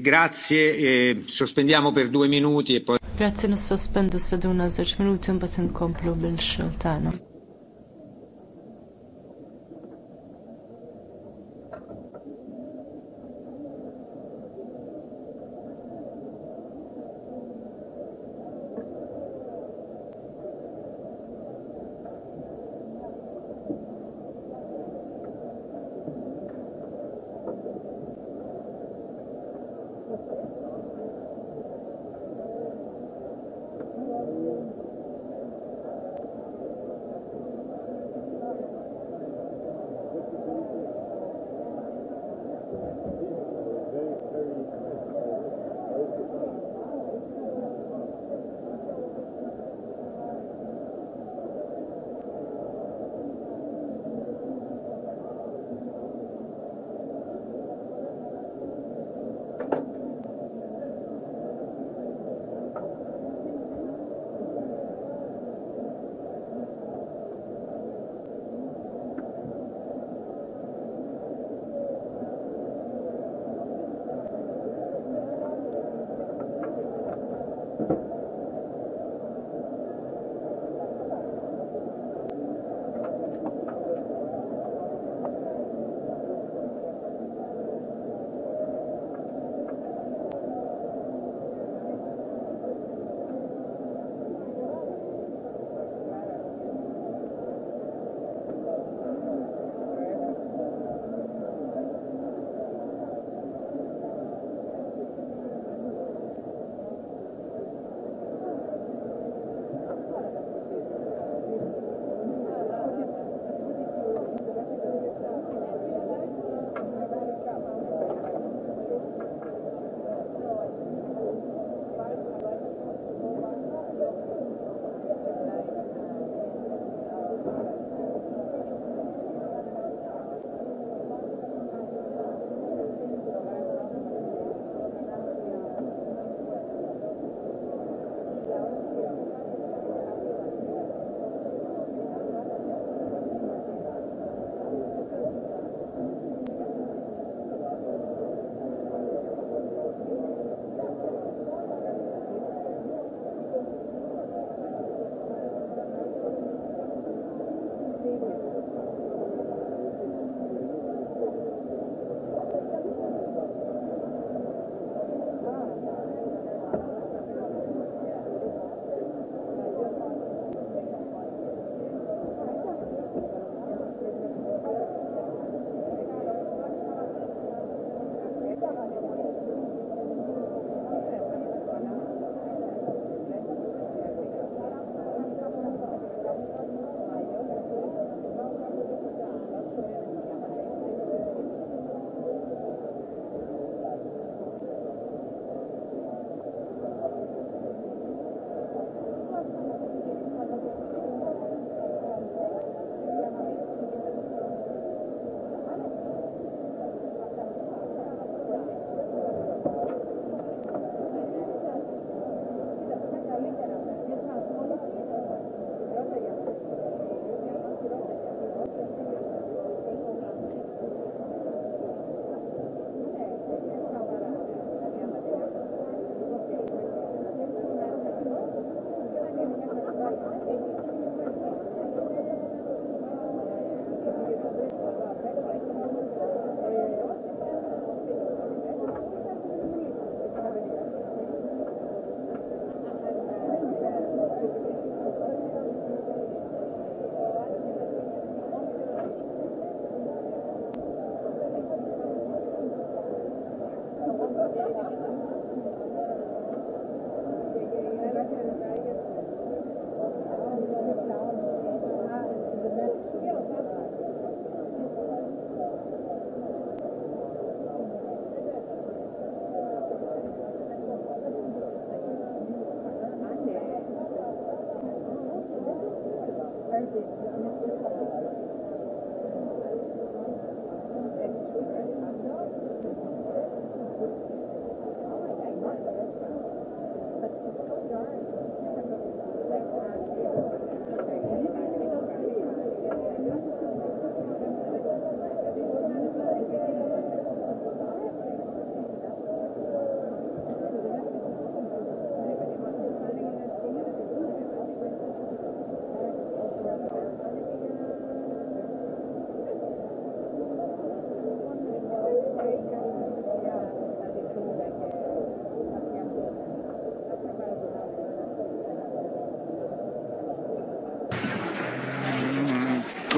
grazie, eh, sospendiamo per due minuti e poi. Grazie, nis sospendu s-saduna zoċ minuti un bat nkomplu bil-xoltana.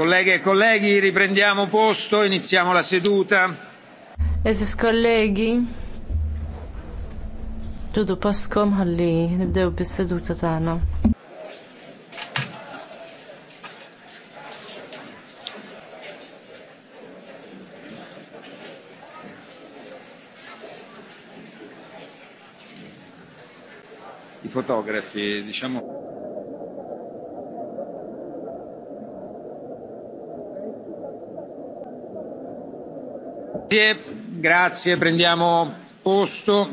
Colleghe e colleghi, riprendiamo posto, iniziamo la seduta. Esis kollegi, tudu paskom halli, nibdew bis-seduta tana. I fotografi, diciamo Grazie, grazie, prendiamo posto.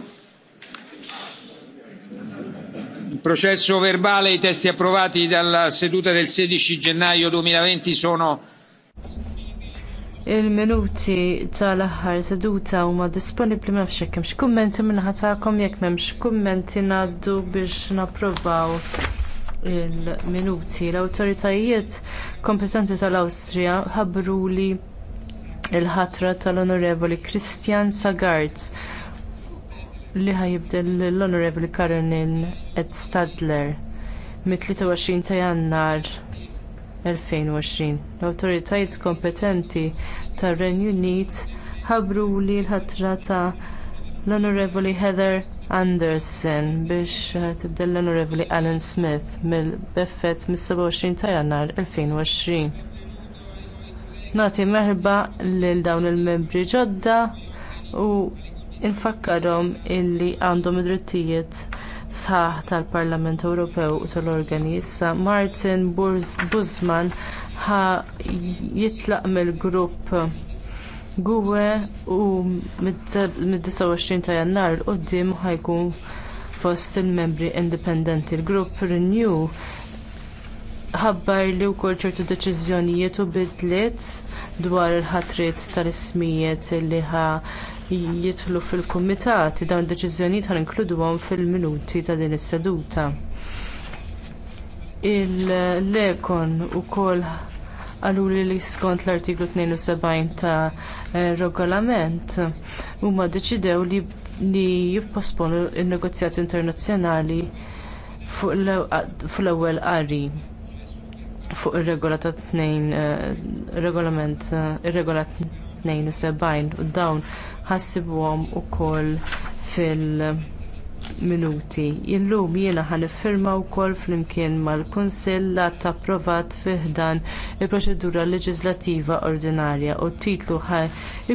Il processo verbale e i testi approvati dalla seduta del 16 gennaio 2020 sono il-minuti tal-aħħar seduta huma disponibbli ma nafx hekk hemmx kummenti ħatakom jekk m'hemmx kummenti ngħaddu biex napprovaw il-minuti. L-awtoritajiet kompetenti tal-Awstrija ħabruli il-ħatra tal-Onorevoli Christian Sagards li ħajibdel l-Onorevoli Karonin Ed Stadler mit-23 ta' jannar 2020. l awtoritajiet kompetenti tar renju Unit li l-ħatra ta' l-Onorevoli Heather Anderson biex tibdel l-Onorevoli Alan Smith mill-beffet mis-27 ta' jannar 2020. Nati merba lil dawn il-membri ġodda u infakkarhom illi għandhom id-drittijiet sħaħ tal-Parlament Ewropew u tal-organi issa Martin Buzman ħa jitlaq mill-grupp Gwe u mid-29 ta' jannar il qoddim ħajkun fost il-membri indipendenti. Il-grupp Renew ħabbar li wkoll ċertu deċiżjonijiet u bidliet dwar il-ħatrit tal-ismijiet li ħa jidħlu fil-kumitati dawn id deċiżjonijiet ħan inkluduhom fil-minuti ta' din is-seduta. Il-lekon ukoll għaluli li skont l-artiklu 72 ta' eh, regolament huma deċidew li, li jipposponu n negozjat internazzjonali fl ewwel qari fuq ir-regola ta' tnejn eh, regolament eh, ir-regola tnejn u u dawn ħassibuhom ukoll fil-minuti. Illum jiena ħan iffirma wkoll flimkien mal-Kunsill la ta' fih fiħdan il-proċedura leġislativa ordinarja u t titlu ħaj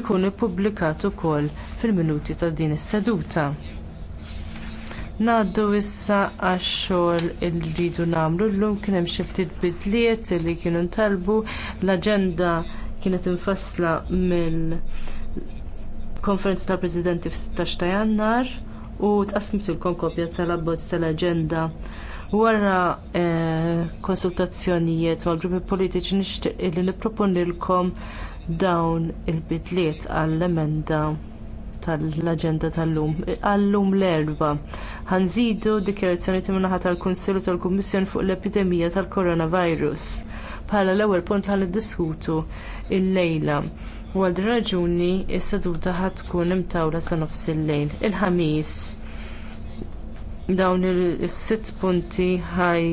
ikun ippubblikat ukoll fil-minuti ta' din is-seduta. Ngħaddu issa għax-xogħol li nagħmlu llum kien hemm xi ftit bidliet li kienu ntalbu l-aġenda kienet infassla mill konferenza tal-Presidenti f-16 ta' Jannar u tqasmitilkom kopja tal-abbozz tal-aġenda wara eh, konsultazzjonijiet mal gruppi politiċi nixtieq li nipproponilkom dawn il-bidliet għall-emenda tal-agenda tal-lum. Għallum l-erba. Ħanżidu dikjerazzjoni timnaħat tal-Kunsilu tal-Kummissjoni fuq l-epidemija tal koronavirus Bħala l-ewwel punt ħan diskutu il-lejla. U għal raġuni is-seduta ħad tkun imtawla sa nofs il-lejl. Il-ħamis dawn is-sitt punti ħaj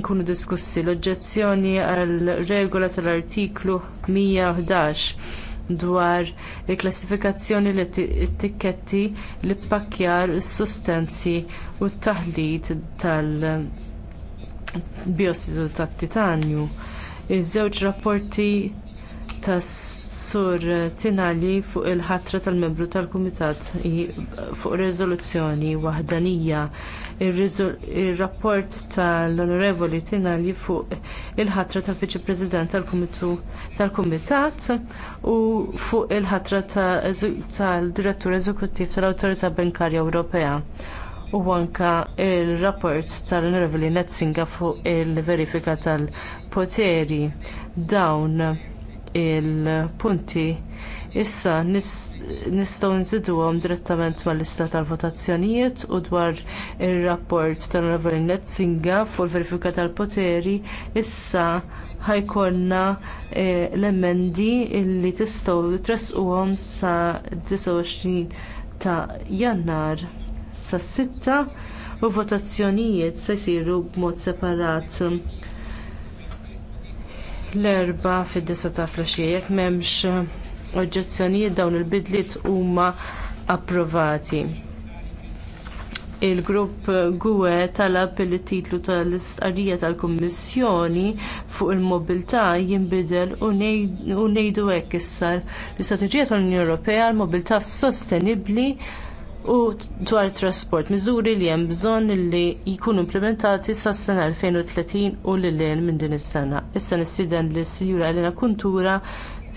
nkunu diskussi l-oġġezzjoni għal regola tal-artiklu 111 dwar il-klassifikazzjoni li t-tikketti li pakkjar is-sustanzi u t-taħlit tal-biossidu tat-titanju. Iż-żewġ rapporti tas-sur Tinali fuq il-ħatra tal-membru tal-Kumitat fuq riżoluzzjoni waħdanija. Ir-rapport tal-Onorevoli Tinali fuq il-ħatra tal-Viċi President tal-Kumitat u fuq il-ħatra tal-Direttur Eżekuttiv tal-Awtorità Bankarja Ewropea u anke r rapport tal-Onorevoli Netzinga fuq il-verifika tal-poteri dawn il-punti issa nistgħu nżiduhom direttament mal-lista tal-votazzjonijiet u dwar ir-rapport tal-Reverend Netzinga fuq il-verifika tal-poteri issa ħajkonna eh, l-emendi li tistgħu tresquhom sa 29 ta' jannar sa' 6 u votazzjonijiet se jsiru b'mod separat l-erba fid-disa ta' flasġija jekk m'hemmx oġġezzjonijiet dawn il-bidliet huma approvati. Il-grupp GUE talab li t titlu tal-istqarrija tal-Kummissjoni fuq il-mobilità jinbidel u ngħidu hekk issa l-istrateġija tal-Unjoni Ewropea għall mobilità sostenibbli u dwar trasport, miżuri li hemm bżonn li jkunu implementati sas-sena 2030 u lil minn din is-sena. Issa nistieden li s-Sinjura Elena Kuntura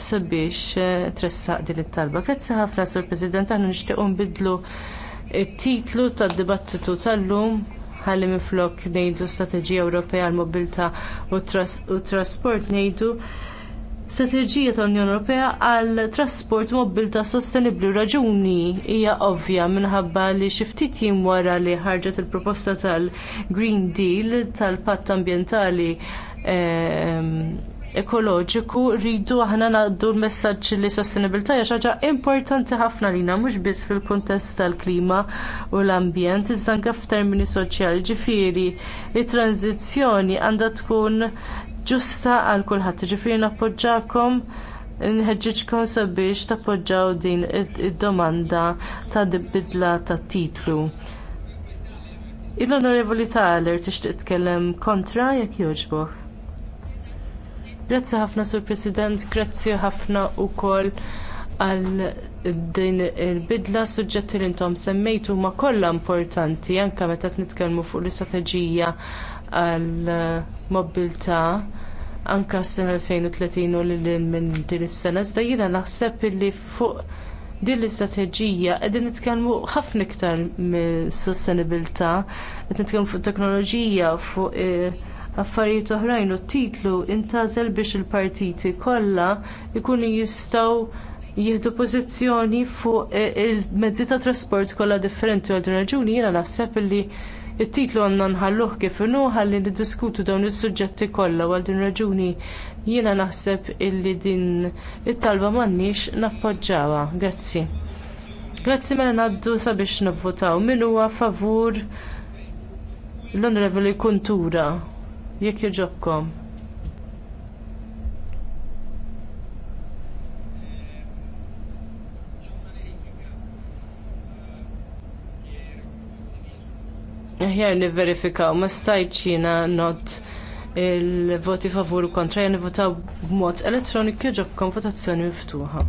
sabiex eh, tressaq din it-talba. Grazzi ħafna, Sur President, aħna nixtiequ nbidlu t titlu tad-dibattitu tal-lum ħalli minflok ngħidu strateġija Ewropea għall mobilità u trasport ngħidu strateġija tal-Unjoni Ewropea għal trasport mobilta sostenibbli raġuni hija ovvja minħabba li xi ftit jiem wara li ħarġet il-proposta tal-Green Deal tal-patt ambjentali ehm, ekoloġiku rridu aħna ngħaddu l-messaġġ li sostenibilità hija xi ħaġa importanti ħafna lina mhux biss fil-kuntest tal-klima u l-ambjent iżda anke f'termini soċjali ġifieri it-tranzizzjoni għandha tkun ġusta għal kulħadd. Ġifieri nappoġġakom nħeġġiġkom sabiex tappoġġaw din id-domanda ta' bidla ta' titlu. Il-Onorevoli Thaler tixtieq tkellem kontra jekk jogħġbok. Grazzi ħafna sur President, grazzi ħafna wkoll għal din il-bidla suġġetti li intom semmejtu huma kollha importanti anke meta nitkellmu fuq l-istrateġija għal mobilità anke s-sena 2030 u lil minn din is-sena. Iżda jiena naħseb illi fuq din l-istrateġija qegħdin nitkellmu ħafna iktar mis-sostenibilità, qed nitkellmu fuq teknoloġija, fuq eh, affarijiet oħrajn u t-titlu intażel biex il-partiti kollha jkunu jistgħu jieħdu pożizzjoni fuq eh, il-mezzi ta' trasport kollha differenti għal raġuni jiena naħseb li it-titlu għandna nħalluh kif inhu ħalli niddiskutu dawn is-suġġetti kollha għal din raġuni jiena naħseb illi din it-talba m'għandniex nappoġġawha. Grazzi. Grazzi mela ngħaddu sabiex nivvotaw. Min huwa favur l-Onorevoli Kuntura jekk joġobkom. Aħjar niverifikaw, ma stajt xina not il-voti favur u kontra jen votaw b'mod elettroniku ġobkom votazzjoni miftuħa.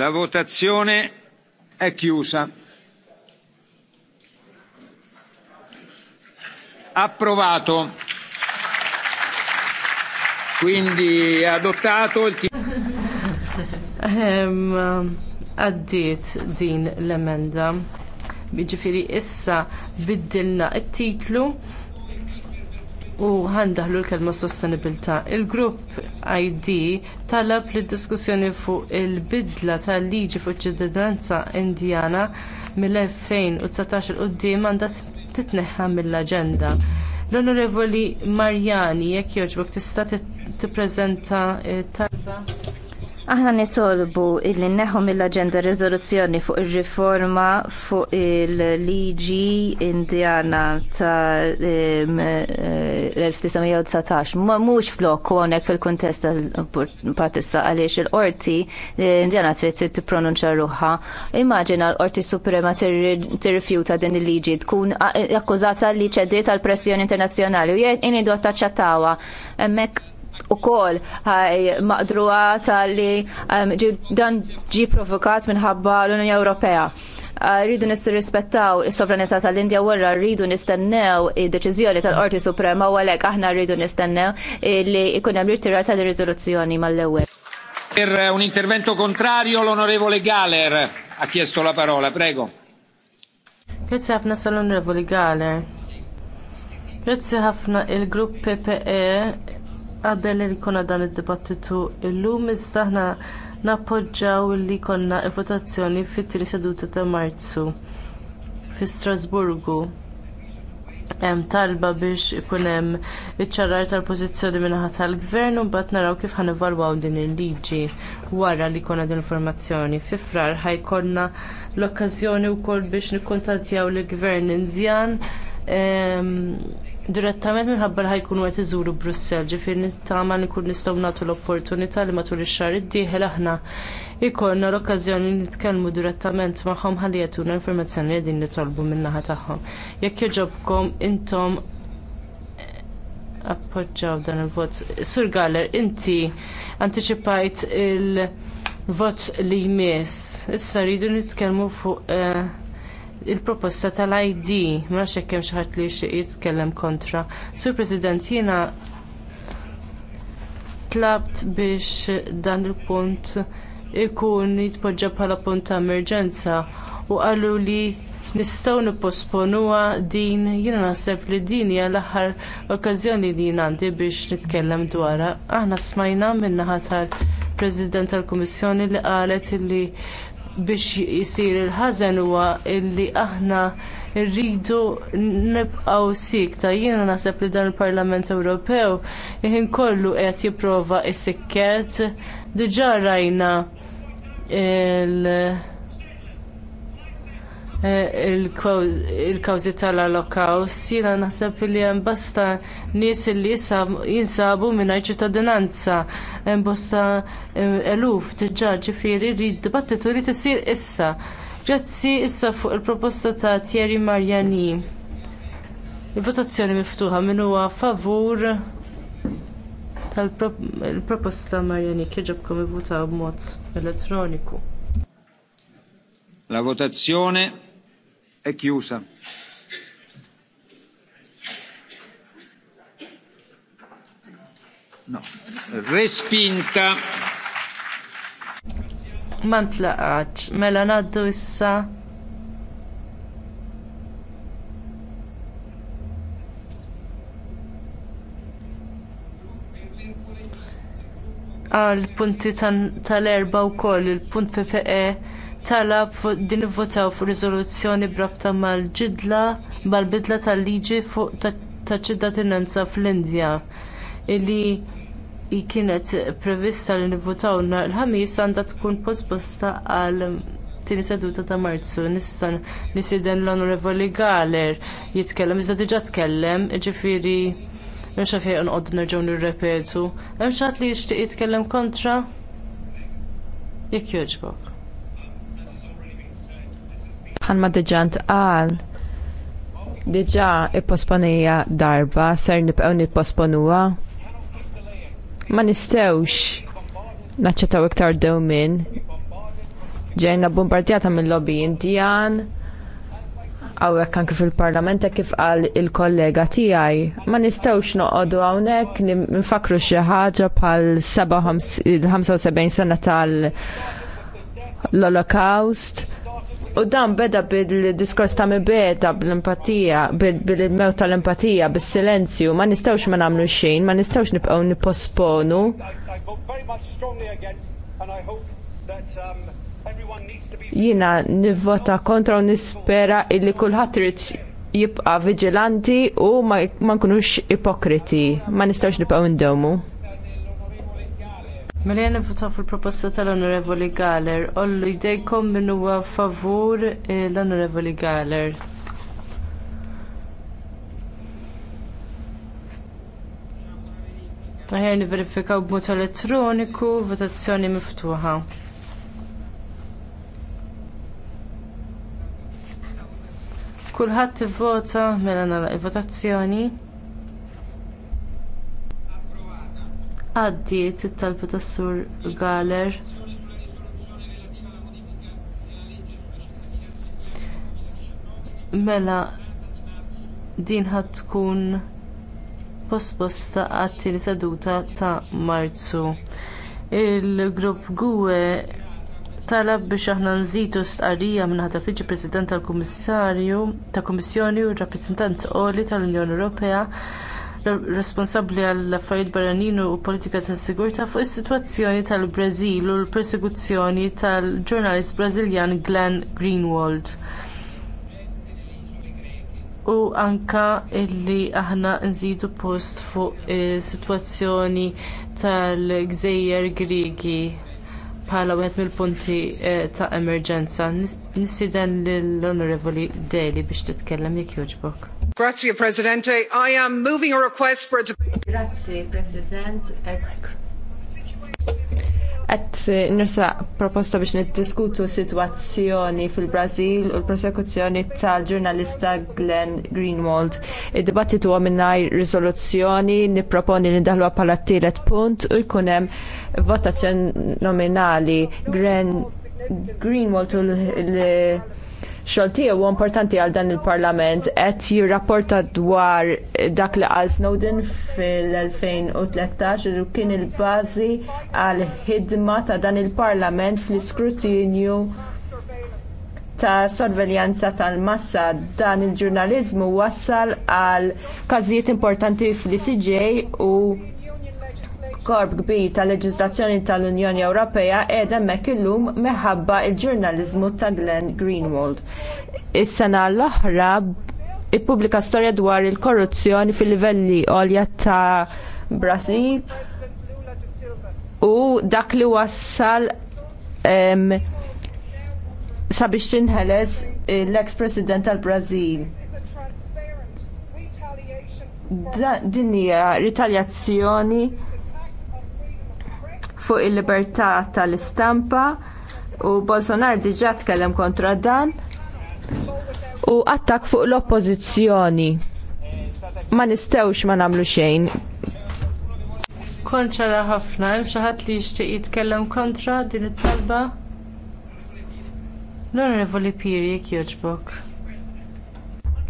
La votazzjoni è chiusa. Approvato. Quindi adottato il ehm, Għaddiet din l-emenda jiġifieri issa biddilna t titlu u ħandaħlu l-kelma sostenibilità. Il-grupp ID talab li d diskussjoni fuq il-bidla tal-liġi fuq ċittadinanza indjana mill-2019 il-qoddim għandha titneħħa mill-aġenda. L-Onorevoli Marjani, jekk jogħġbok tista' tippreżenta talba. Aħna nitolbu illi neħu mill-agenda rezoluzzjoni fuq ir-riforma fuq il-liġi indjana ta' l-1919. Ma mux flok konek fil-kontest tal-partissa għaliex il-qorti eh, indjana trid tippronunċa ruħha. Immaġina l-qorti suprema tirrifjuta din il-liġi tkun eh, akkużata li ċediet għal pressjoni internazzjonali u jgħin idu attaċċatawa. Hemmhekk u kol ħaj maqdruwa tal-li um, dan ġi provokat minħabba l-Unjoni Ewropea. Uh, rridu nisrispettaw is-sovranità tal-Indja wara rridu nistennew id-deċiżjoni tal-Qorti Suprema u għalhekk aħna rridu nistennew li jkun hemm ritirata tal riżoluzzjoni mal-ewwel. Per un intervento contrario l'onorevole Galer ha chiesto la parola, prego. Grazie ħafna sal-onorevoli Galer. Grazie ħafna il-grupp PPE qabel li jkollna dan id-dibattitu llum iżda aħna nappoġġjaw li jkollna votazzjoni fit-tieni seduta ta' Marzu fi Strasburgu. Hemm talba biex ikun hemm iċ-ċarrar tal-pożizzjoni minnaħa tal-gvern u mbagħad naraw kif ħanevalwaw din il-liġi wara li jkollna din l-informazzjoni. Fi frar ħajkollna l-okkażjoni wkoll biex nikkuntattjaw lill gvern Indjan ehm, direttament minħabba li ħajkunu għet iżuru Brussell, ġifir nittama li kun nistgħu nagħtu l-opportunità li matul ix-xahar iddieħel aħna jkollna l-okkażjoni li nitkellmu direttament magħhom ħalli jagħtuna informazzjoni li din nitolbu min-naħa tagħhom. Jekk joġobkom intom appoġġaw dan il-vot. Sur Galler, inti anticipajt il-vot li jmiss. Issa rridu nitkellmu fuq eh, il-proposta tal-ID, ma nafx hekk hemm ħadd li xi jitkellem kontra. Sur President, jiena tlabt biex dan il-punt ikun jitpoġġa bħala punt ta' emerġenza u qalu li nistgħu nipposponuha din jiena naħseb li din hija l-aħħar okkażjoni li jien għandi biex nitkellem dwarha. Aħna smajna min-naħa tal-President tal-Kummissjoni li qalet li biex jisir il-ħazen huwa illi aħna rridu nibqgħu sikta. Jiena naħseb li dan il-Parlament Ewropew jien kollu qed jipprova s-sikket diġà rajna il- Eh, il-kawzi tal-Holocaust, jiena naħseb li hemm basta nies li jinsabu mingħajr ċittadinanza, hemm bosta eh, eluf diġà ġifieri li d-dibattitu li tisir issa. Grazzi issa fuq il-proposta ta' Thierry Marjani. Il-votazzjoni miftuħa min huwa favur tal-proposta Marjani kieġobkom ivvutaw b'mod elettroniku. La votazione E chiusa. No. Respinta. Ma mela naddu issa. Għal punti tal-erba u koll, il-punt PPE talab din votaw fuq riżoluzzjoni brabta mal-ġidla mal-bidla tal-liġi fuq ta' ċittadinanza fl-Indja illi kienet prevista li nivvotaw nhar il-ħamis għandha tkun posposta għal tieni seduta ta' Marzu. Nista' nisiden l-Onorevoli Galer jitkellem, iżda diġà tkellem, ġifieri Mhux xa fejn qoddu nerġgħu nirrepetu. Hemm xi li jixtieq jitkellem kontra? Jekk jogħġbok bħalma diġà ntqal diġà ipposponija darba ser nibqgħu nipposponuwa Ma nistgħux naċċettaw iktar dewmien. Ġejna bombardjata mill-lobby Indijan għawek anki fil-parlament kif qal il-kollega tiegħi ma nistgħux noqogħdu hawnhekk nifakru xi ħaġa bħal 75 sena tal l-Holocaust U dan beda bil-diskors ta' mibeda, bil-empatija, bil mewt tal-empatija, bil-silenzju, ma nistawx ma namlu xejn, ma nistawx nibqaw niposponu. Jina nivvota kontra u nispera illi kullħat rrit jibqa vigilanti u ma nkunux ipokriti, ma nistawx nibqaw ndewmu. Mela nivvotaw fil-proposta tal-Onorevoli Galer. Ollu jdejkom min huwa favur eh, l-Onorevoli Galler. Aħjar niverifikaw b'mod elettroniku votazzjoni miftuħa. Kulħadd ivvota mela nagħlaq il-votazzjoni. il votazzjoni għaddiet it-talba tas-sur Galer. Mela din ħatkun tkun posposta għat-tieni seduta ta' Marzu. Il-grupp GUE talab biex aħna nżidu stqarrija minn ħata fiġi President tal-Kummissarju ta' Kummissjoni u r-Rappreżentant Qoli tal-Unjoni Ewropea responsabbli għall affarijiet barranin u politika ta' sigurtà fuq is-sitwazzjoni tal-Brażil u l-persekuzzjoni tal-ġurnalist Brażiljan Glenn Greenwald. U anke illi aħna nżidu post fuq is-sitwazzjoni tal-Gżejjer Griegi bħala wieħed mill-punti eh, ta' emerġenza. Nissiden lill onorevoli Deli biex titkellem jekk jogħġbok. Grazie, Presidente. I am moving a request for a... Eh, nirsa proposta biex niddiskutu sitwazzjoni fil brażil u l-prosekuzzjoni tal-ġurnalista Glenn Greenwald. Id-dibattitu għaminnaj rizoluzzjoni niproponi li daħlu bħala t-tielet punt u jkun hemm votazzjoni nominali Glenn Greenwald u l- Xogħol tiegħu importanti għal dan il-Parlament qed jirrapporta dwar dak li qal Snowden fil-2013 u kien il-bażi għal ħidma ta' dan il-Parlament fl-iskrutinju ta' sorveljanza tal-massa dan il-ġurnaliżmu wassal għal każijiet importanti fl-ICJ u korb kbir ta' leġiżlazzjoni tal-Unjoni Ewropea qiegħda hemmhekk illum meħabba l-ġurnaliżmu ta' Glenn Greenwald. Is-sena l-oħra ippubblika storja dwar il-korruzzjoni fil-livelli għolja ta' Brażil u dak li wassal um, sabiex tinħeles l-ex-president tal-Brażil din hija ritaljazzjoni fuq il-libertà tal-istampa u Bolsonaro diġà tkellem kontra dan u attak fuq l-oppożizzjoni. Ma nistgħux ma nagħmlu xejn. Kontra ħafna, hemm xi ħadd li jixtieq jitkellem kontra din it-talba? L-Onorevoli Piri, jekk jogħġbok.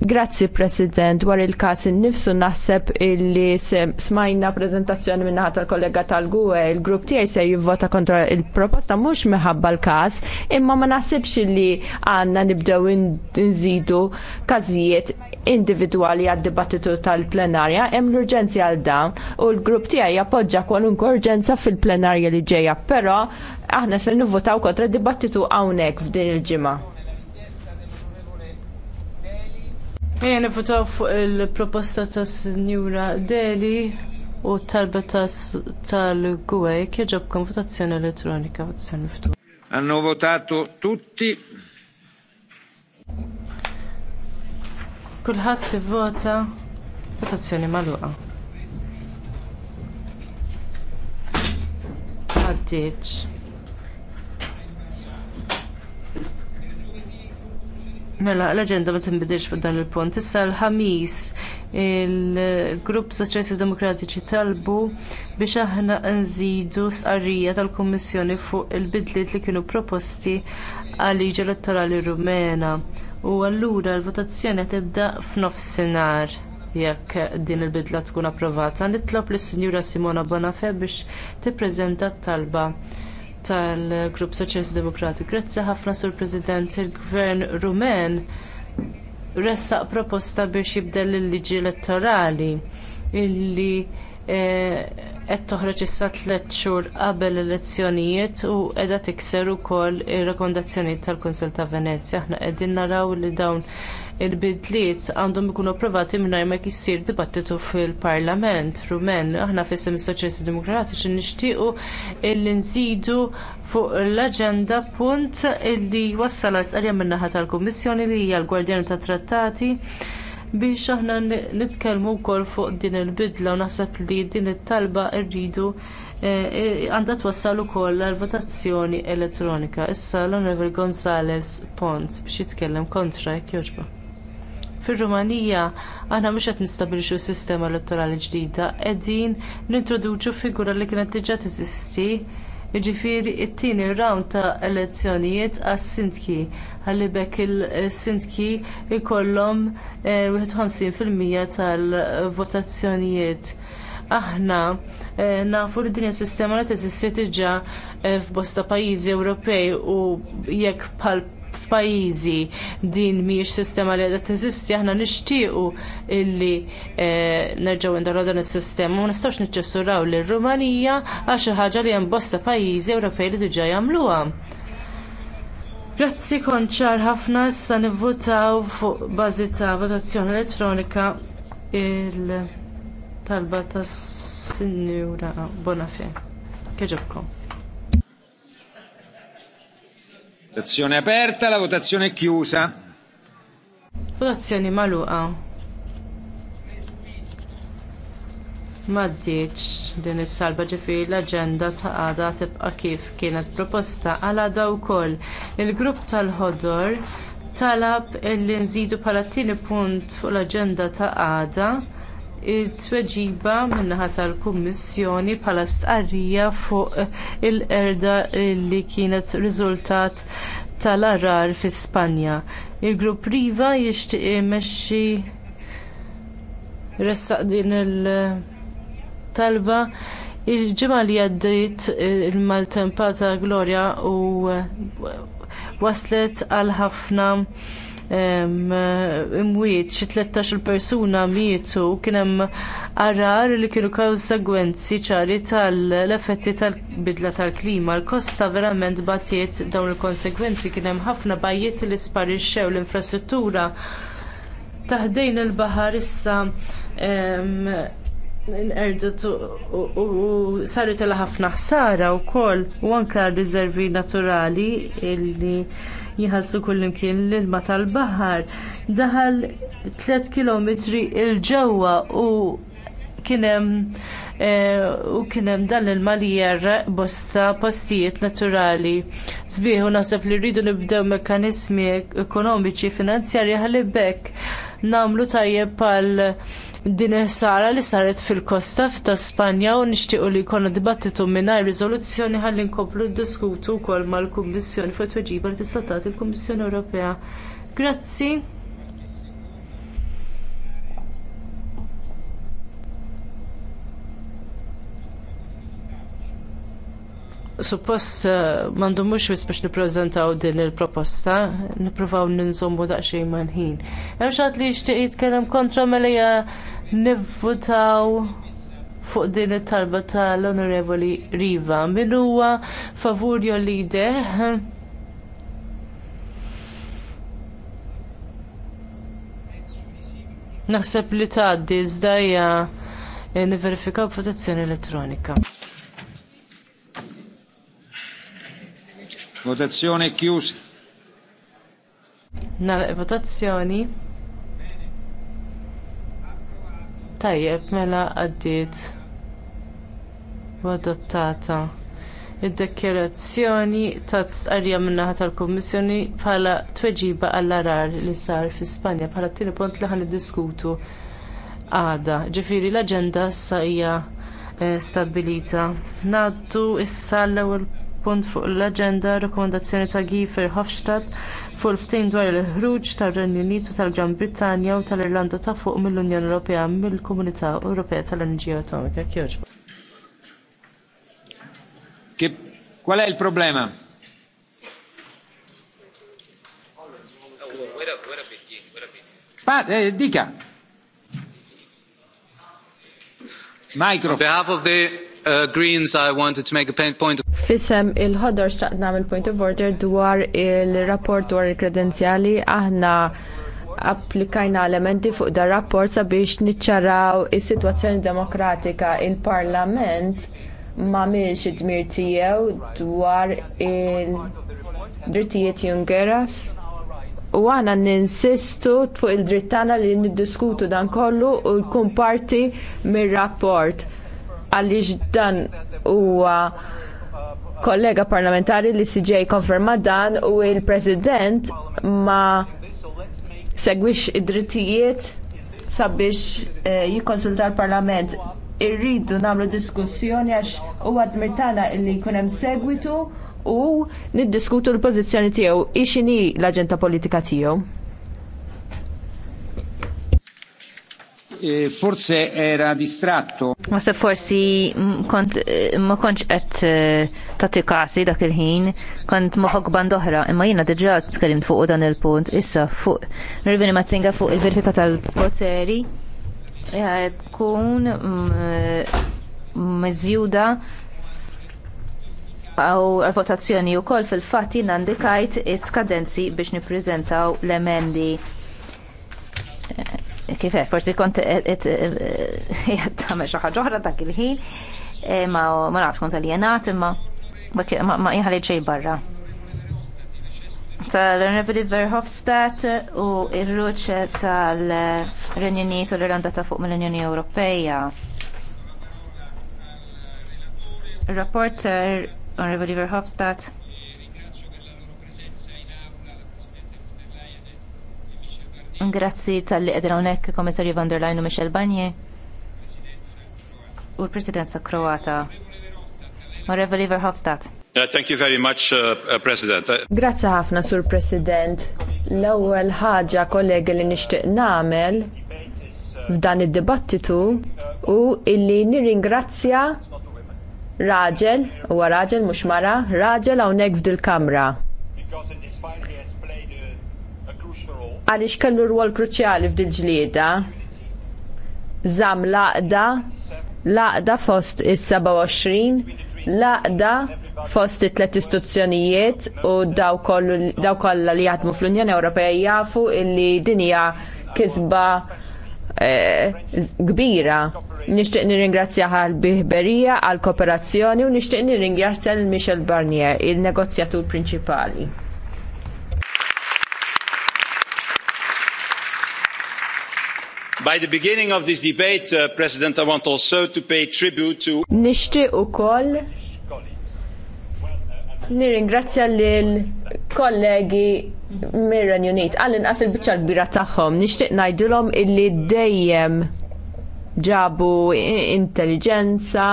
Grazzi President, war il-kas innifsu naħseb illi smajna prezentazzjoni minnaħat tal-kollega tal-GUE, il-grupp tiegħi se jivvota kontra il-proposta mhux meħabba l-kas, imma ma naħsibx illi għandna nibdew nżidu każijiet individwali għad-dibattitu tal-plenarja, hemm l-urġenzi għal dawn u l-grupp tiegħi jappoġġa kwalunkwe urġenza fil-plenarja li ġejja, però aħna se nivvotaw kontra dibattitu hawnhekk f'din il-ġimgħa. Ejja nifutaw fuq il-proposta ta' Sinjura Deli u talba tal-Gwe kieġobkom votazzjoni elettronika votazzjoni miftuħa. Hanno votato tutti. Kulħadd ivvota votazzjoni magħluqa. Għaddiċ. Mela, l-agenda ma tinbidilx fuq dan il-punt. Issa l-ħamis il-Grupp Soċjalisti Demokratiċi talbu biex aħna nżidu sqarrija tal-Kummissjoni fuq il-bidliet li kienu proposti għal-liġi elettorali rumena. U allura l-votazzjoni tibda f'nofsinhar jekk din il-bidla tkun approvata. Nitlob lis sinjura Simona Bonafè biex tippreżenta t-talba tal-Grupp Soċjalist Demokratiku. Grazzi ħafna sur President il-Gvern Rumen ressaq proposta biex jibdel il-liġi elettorali illi eh, qed toħroġ issa tliet xhur qabel elezzjonijiet u qiegħda tikser ukoll ir-rakkomandazzjonijiet tal-Kunsell ta' Venezja. Aħna qegħdin naraw li dawn il-bidliet għandhom ikunu approvati mingħajr ma jsir dibattitu fil-Parlament Rumen. Aħna fissem is-Soċjalisti Demokratiċi nixtiequ li nżidu fuq l-aġenda punt illi wassal għal min-naħa tal-Kummissjoni li hija l-Gwardjan tat Trattati biex aħna nitkellmu wkoll fuq din il-bidla u naħseb li din it-talba rridu eh, għandha twassal ukoll għall votazzjoni elettronika. Issa l-Onorevol Gonzales Pons biex jitkellem kontra jekk jogħġba. Fir-Rumanija aħna mhux qed nistabilixu sistema elettorali ġdida, qegħdin nintroduċu figura li kienet diġà teżisti Jiġifieri t tieni round ta' elezzjonijiet għas-sindki għalli bekk il-sindki jkollhom 51% eh, tal-votazzjonijiet aħna eh, nafu li dinja sistema li teżisti diġà eh, f'bosta pajjiżi Ewropej u jekk bħal f'pajjiżi din mhijiex sistema li qiegħda tiżisti, aħna nixtiequ illi eh, nerġgħu indarru dan is-sistema ma nistgħux niċċessuraw lir rumanija għal xi ħaġa li hemm bosta pajjiżi Ewropej li diġà jagħmluha. Grazzi konċar ħafna issa nivvutaw fuq bażi ta' votazzjoni elettronika il-talba tas-Sinjura Bonafè. Keġobkom. Votazione aperta, la votazione è chiusa. Votazione maluqa. Maddiċ din it-talba ġifiri l-agenda ta' għada tibqa kif kienet proposta għala daw wkoll. Il-grupp tal-ħodor talab l nżidu bħala tieni punt fuq l-agenda ta' għada it tweġiba min-naħa tal-Kummissjoni bħala stqarrija fuq il-erda li kienet riżultat tal-arar fi Spanja. Il-grupp Riva jixtieq imexxi ressaq din il-talba il-ġimgħa li għaddiet il-maltempata Gloria u waslet għal ħafna imwiet xi 13 persuna mietu kien hemm arar li kienu konsegwenzi ċari tal-effetti tal-bidla tal-klima. L-kosta verament batiet dawn il-konsegwenzi kien hemm ħafna bajjiet li sparixxew l-infrastruttura taħdejn il-baħar issa Nqerdet u saret illa ħafna ħsara wkoll u anke r riservi naturali illi jħassu kullimkien l-ilma tal-baħar. Daħal 3 km il-ġewwa u kienem eh, u kienem dan il-ma li bosta postijiet naturali. Sbieħu naħseb li rridu nibdew mekkanizmi ekonomiċi finanzjarji ħalli bekk namlu tajjeb pal din il-sara li saret fil-kosta ta' Spanja u nixtiequ li jkollna dibattitu mingħajr riżoluzzjoni ħalli nkomplu ddiskutu wkoll mal-Kummissjoni fuq tweġiba li tista' tagħti il kummissjoni Ewropea. Grazzi. Suppost eh, mandu mux bis biex niprezentaw din il-proposta, niprofaw ninżommu daqxej manħin. Hemm xaħat li jixtieq jitkellem kontra Melija nivvutaw fuq din it-talba tal-Onorevoli Riva. Min huwa favur jollideħ Naħseb li tgħaddi iżda hija niverifikaw votazzjoni elettronika. Votazzjoni chiusa. Nara votazzjoni. tajjeb mela għaddiet u adottata. Id-dekjerazzjoni ta' tqarrija min-naħa tal-Kummissjoni bħala tweġiba għall-arar li sar fi Spanja bħala t-tieni punt li ħan diskutu għada. Ġifieri l-aġenda issa hija eh, stabbilita. Ngħaddu issa l-ewwel punt fuq l-aġenda rekomendazzjoni ta' Gifer Hofstadt fuq il-ftehim dwar il-ħruġ tar-Renju Unitu tal-Gran Brittanja u tal-Irlanda ta' fuq mill-Unjoni Ewropea mill-Komunità Ewropea tal-Enerġija Atomika. Qual è il problema? Eh, dica. Microphone. On behalf of the Uh, Greens I wanted to make a point of Fisem il-ħodor xtaqt nagħmel point of order dwar il-rapport dwar il-kredenzjali aħna applikajna elementi fuq dar rapport sabiex niċċaraw is-sitwazzjoni demokratika il-Parlament m'għamilx id-dmir tiegħu dwar il-drittijiet Jungeras u għana ninsistu fuq il-drittana li niddiskutu dan kollu u jkun parti mir-rapport għaliex dan huwa kollega parlamentari li siġej konferma dan u il-president ma segwix id-drittijiet sabiex eh, jikonsulta jikkonsulta l-parlament. Irridu namlu diskussjoni għax huwa dmirtana illi jkun hemm segwitu u niddiskutu l-pożizzjoni tiegħu ixini l-aġenda politika tiegħu. Eh, forse era distratto. Ma se forsi mm, kont, eh, ma kontx qed eh, tagħti kasi dak il-ħin, kont moħħok band oħra, imma jiena diġà tkellimt fuq dan il-punt issa fuq Rivini Mazzinga fuq il-verifika tal-poteri tkun meżjuda mm, għaw votazzjoni wkoll fil-fatt jien għandikajt iskadenzi biex nippreżentaw l-emendi Kif forsi kont qed tagħmel xi ħaġa oħra dak il-ħin, e, ma nafx kont alienat imma ma jħallit xejn barra tal-Reveli Verhofstadt u il-ruċ tal-Renjuniet u l-Irlanda ta' fuq mill-Unjoni Ewropeja. Rapporter Reveli Verhofstadt Grazzi tal-li edra unek, komissarju van der Leyen u Michel Barnier u l-presidenza kroata. Marevoli Verhofstadt. Yeah, uh, thank you very much, uh, uh President. Uh, Grazzi ħafna, Sur President. L-ewwel ħaġa kollegi li nixtieq nagħmel f'dan id-dibattitu u illi nirringrazzja raġel, huwa raġel mhux mara, raġel hawnhekk f'dil-kamra għaliex kellu rwol kruċjali f'din ġlieda. Zam laqda, laqda fost is-27, laqda fost it-tlet istituzzjonijiet u daw kollha li jaħdmu fl-Unjoni Ewropea jafu illi din hija kisba eh, kbira. Nixtieq nirringrazzja għal biħberija, għal kooperazzjoni u nixtieq nirringrazzja l Michel Barnier, il-negozjatur prinċipali. By the beginning of this debate, uh, President, I want also to pay tribute to... Nishti ukoll nirringrazzja lil kollegi mir-Renju Unit għall-inqas il-biċċa kbira tagħhom nixtieq ngħidulhom illi dejjem ġabu intelligenza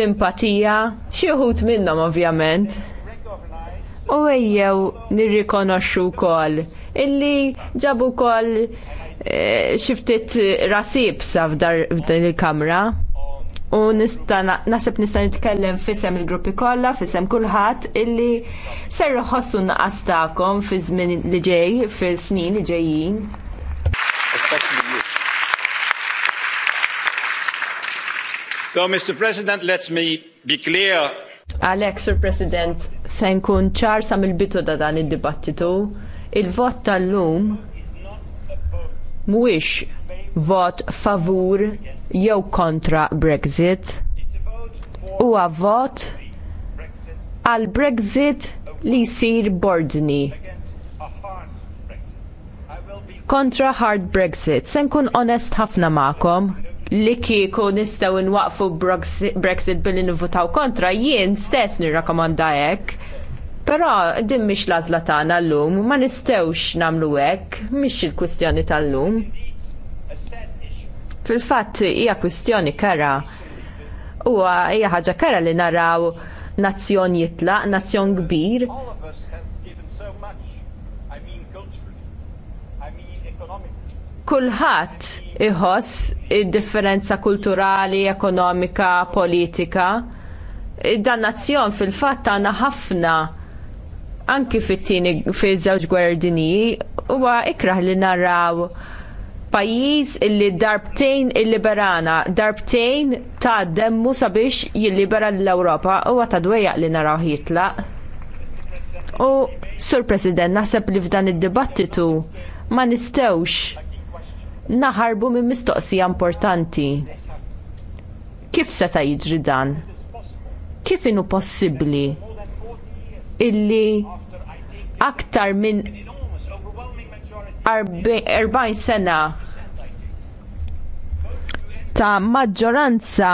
simpatija xi wħud minnhom ovvjament. U għejjew nirrikonoxxu wkoll illi ġabu wkoll eh, xi ftit rasib sa f'din il-kamra. U nista naħseb nista' nitkellem fisem il-gruppi kollha, fisem kulħadd illi ser ħossu naqas tagħkom fi żmien li ġej, fil-snin li ġejjin. So, Mr. President, let me be clear Għalek, Sur President, se nkun ċar sa mill-bitu da dan id-dibattitu, il-vot tal-lum mhuwiex vot favur jew kontra Brexit. Huwa vot għal Brexit li jsir bordni kontra hard Brexit. Se nkun onest ħafna magħkom li kieku nistgħu nwaqfu Brexit billi nivvotaw kontra, jien stess nirrakomanda hekk. Però din mish l-għażla tagħna llum, ma nistgħux nagħmlu hekk, mhix il-kwistjoni tal-lum. Fil-fatt hija kwistjoni kara. Huwa hija ħaġa kara li naraw nazzjon jitla, nazzjon kbir, kulħadd iħoss id-differenza kulturali, ekonomika, politika. Id-dannazzjon fil-fatt għandna ħafna anki fit-tieni fiż-żewġ gwerer dinji huwa ikraħ li naraw pajjiż illi darbtejn illiberana, darbtejn ta' demmu sabiex jillibera l-Ewropa huwa ta' dwejjaq li naraw jitlaq. U Sur President, naħseb li f'dan id-dibattitu ma nistewx naħarbu minn mistoqsija importanti. Kif seta' jiġri dan? Kif inu possibbli illi aktar minn 40 sena ta' maġġoranza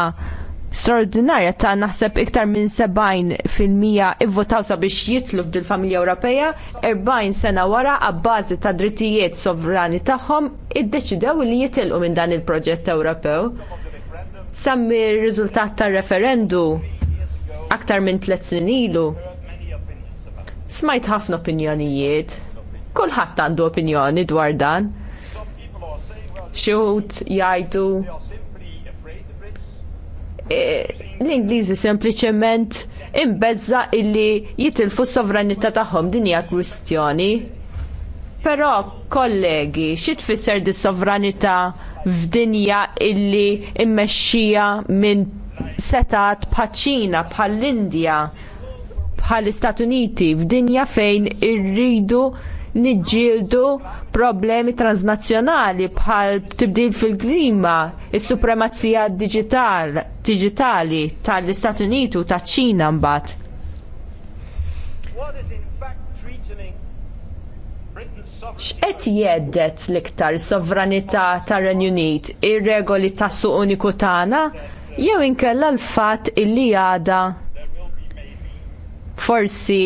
straordinarja ta' naħseb iktar minn 70% ivvotaw sabiex jitlu fil familja Ewropea, 40 sena wara għabbażi ta' drittijiet sovrani tagħhom iddeċidew li jitilqu minn dan il-proġett Ewropew. Sammi r-riżultat tar referendu aktar minn tliet snin ilu. Smajt ħafna opinjonijiet. Kulħadd għandu opinjoni dwar dan. Xi wħud jgħidu l-Ingliżi sempliċement imbezza illi jitilfu s-sovranità tagħhom din hija kwistjoni. Però kollegi, xi tfisser di sovranità f'dinja illi immexxija minn setat bħaċ-Ċina, bħall-Indja, bħall-Istati Uniti, f'dinja fejn irridu niġġieldu problemi transnazzjonali bħal tibdil fil-klima, is-supremazija digital, digitali tal-Istat Unitu taċ ċina mbagħad. X'qed jeddet l-iktar sovranità tar-Renju Unit, ir-regoli tas-suq uniku tagħna jew inkella l-fatt illi għada forsi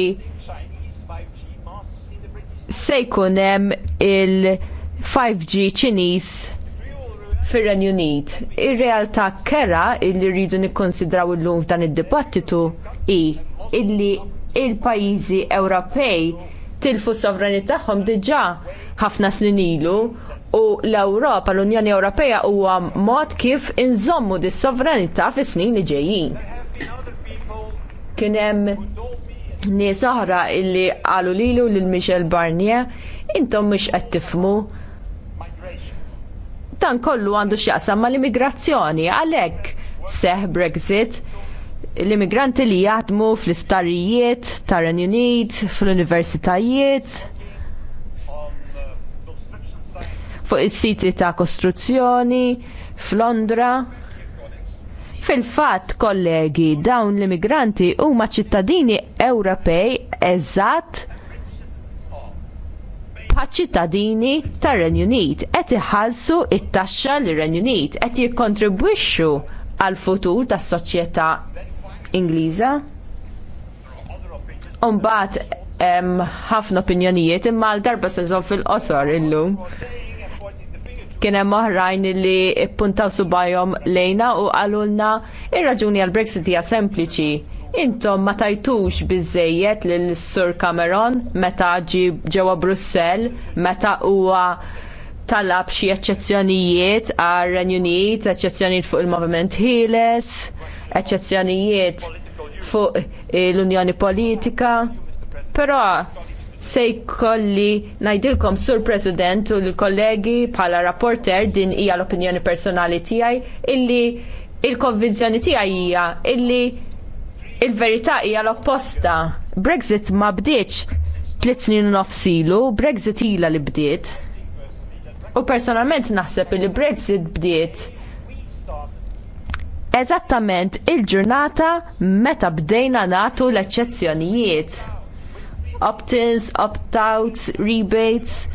se jkun hemm il-5G Ċiniż fir-Renju Unit. Ir-realtà kera li rridu nikkonsidraw illum f'dan id-dibattitu hi illi il-pajjiżi Ewropej tilfu s-sovranità tagħhom diġà ħafna snin ilu u l-Ewropa, l-Unjoni Ewropea huwa mod kif inżommu dis-sovranità fis-snin li ġejjin. Kien hemm nies oħra illi qalu lilu lil Michel Barnier, intom mhux qed tifmu. Dan kollu għandu x'jaqsam mal immigrazzjoni għalhekk seħ Brexit l-immigranti li jaħdmu fl-isptarijiet tar renju Unit, fl-universitajiet, fuq is-siti ta' kostruzzjoni, f'Londra. Fil-fatt, kollegi, dawn l-immigranti huma ċittadini Ewropej eżatt ċittadini tar renju Unit qed iħallsu t taxxa li renju Unit qed jikkontribwixxu għall futur tas-soċjetà Ingliża. Umbagħad hemm ħafna opinjonijiet imma l darba se fil-qosor illum. Kien hemm oħrajn li ppuntaw subajhom lejna u għalulna ir-raġuni għall brexit hija sempliċi. Intom ma tajtux biżżejjed lil Sur Cameron meta ġi ġewwa Brussell, meta huwa talab xi eċċezzjonijiet għal renju Unit, eċċezzjonijiet fuq il-Movement Hiles, eċċezzjonijiet fuq l-Unjoni Politika. Però se jkolli najdilkom sur president u l-kollegi bħala rapporter din hija l-opinjoni personali tiegħi illi il-konvinzjoni tiegħi hija illi il-verità hija l-opposta. Brexit ma bdietx tliet snin u nofsilu, Brexit ilha li bdiet. U personalment naħseb li Brexit bdiet eżattament il-ġurnata meta bdejna nagħtu l-eċċezzjonijiet opt-ins, opt-outs, rebates.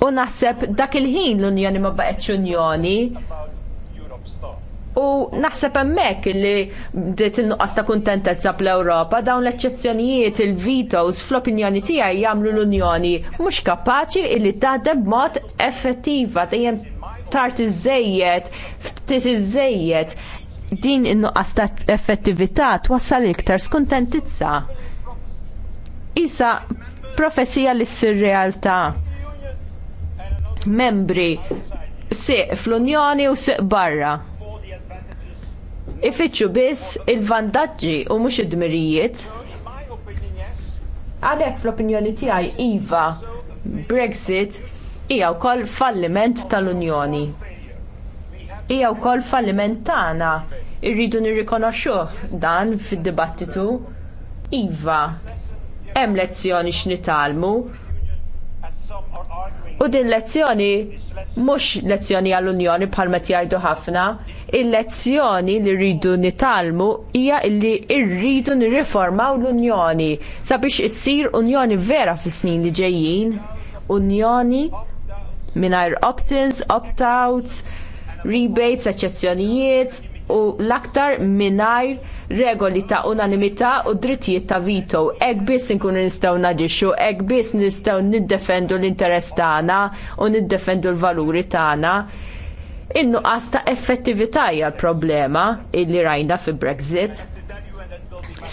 U naħseb dak il-ħin l-Unjoni ma baqgħetx Unjoni. U naħseb hemmhekk li bdiet innuqqas ta' kuntentezza bl-Ewropa dawn l-eċċezzjonijiet il-vetoes fl-opinjoni tiegħi jagħmlu l-Unjoni mhux kapaċi li taħdem b'mod effettiva dejjem tard iżejjed, ftit iżejjed din in-nuqqas ta' effettività twassal iktar skuntentizza. Isa profezija li ssir realtà membri seq fl-Unjoni u seq barra. Ifittxu biss il-vantaġġi u mhux id-dmirijiet. Għalhekk fl-opinjoni tiegħi iva Brexit hija wkoll falliment tal-Unjoni hija wkoll falliment tagħna. Irridu nirrikonoxxuh dan fid-dibattitu. Iva, hemm lezzjoni x'nitalmu. U din lezzjoni mhux lezzjoni għall-Unjoni bħal meta jgħidu ħafna, il-lezzjoni li rridu nitalmu hija li rridu nirriformaw l-Unjoni sabiex issir Unjoni vera fis-snin li ġejjin, Unjoni mingħajr opt-ins, opt-outs, rebates, eċċezzjonijiet u l-aktar mingħajr regoli ta' unanimità u drittijiet ta' vito. Hekk biss inkunu nistgħu naġixxu, hekk biss nistgħu niddefendu l-interess tagħna u niddefendu l-valuri tagħna. In-nuqqas ta' effettività hija l-problema illi rajna fi Brexit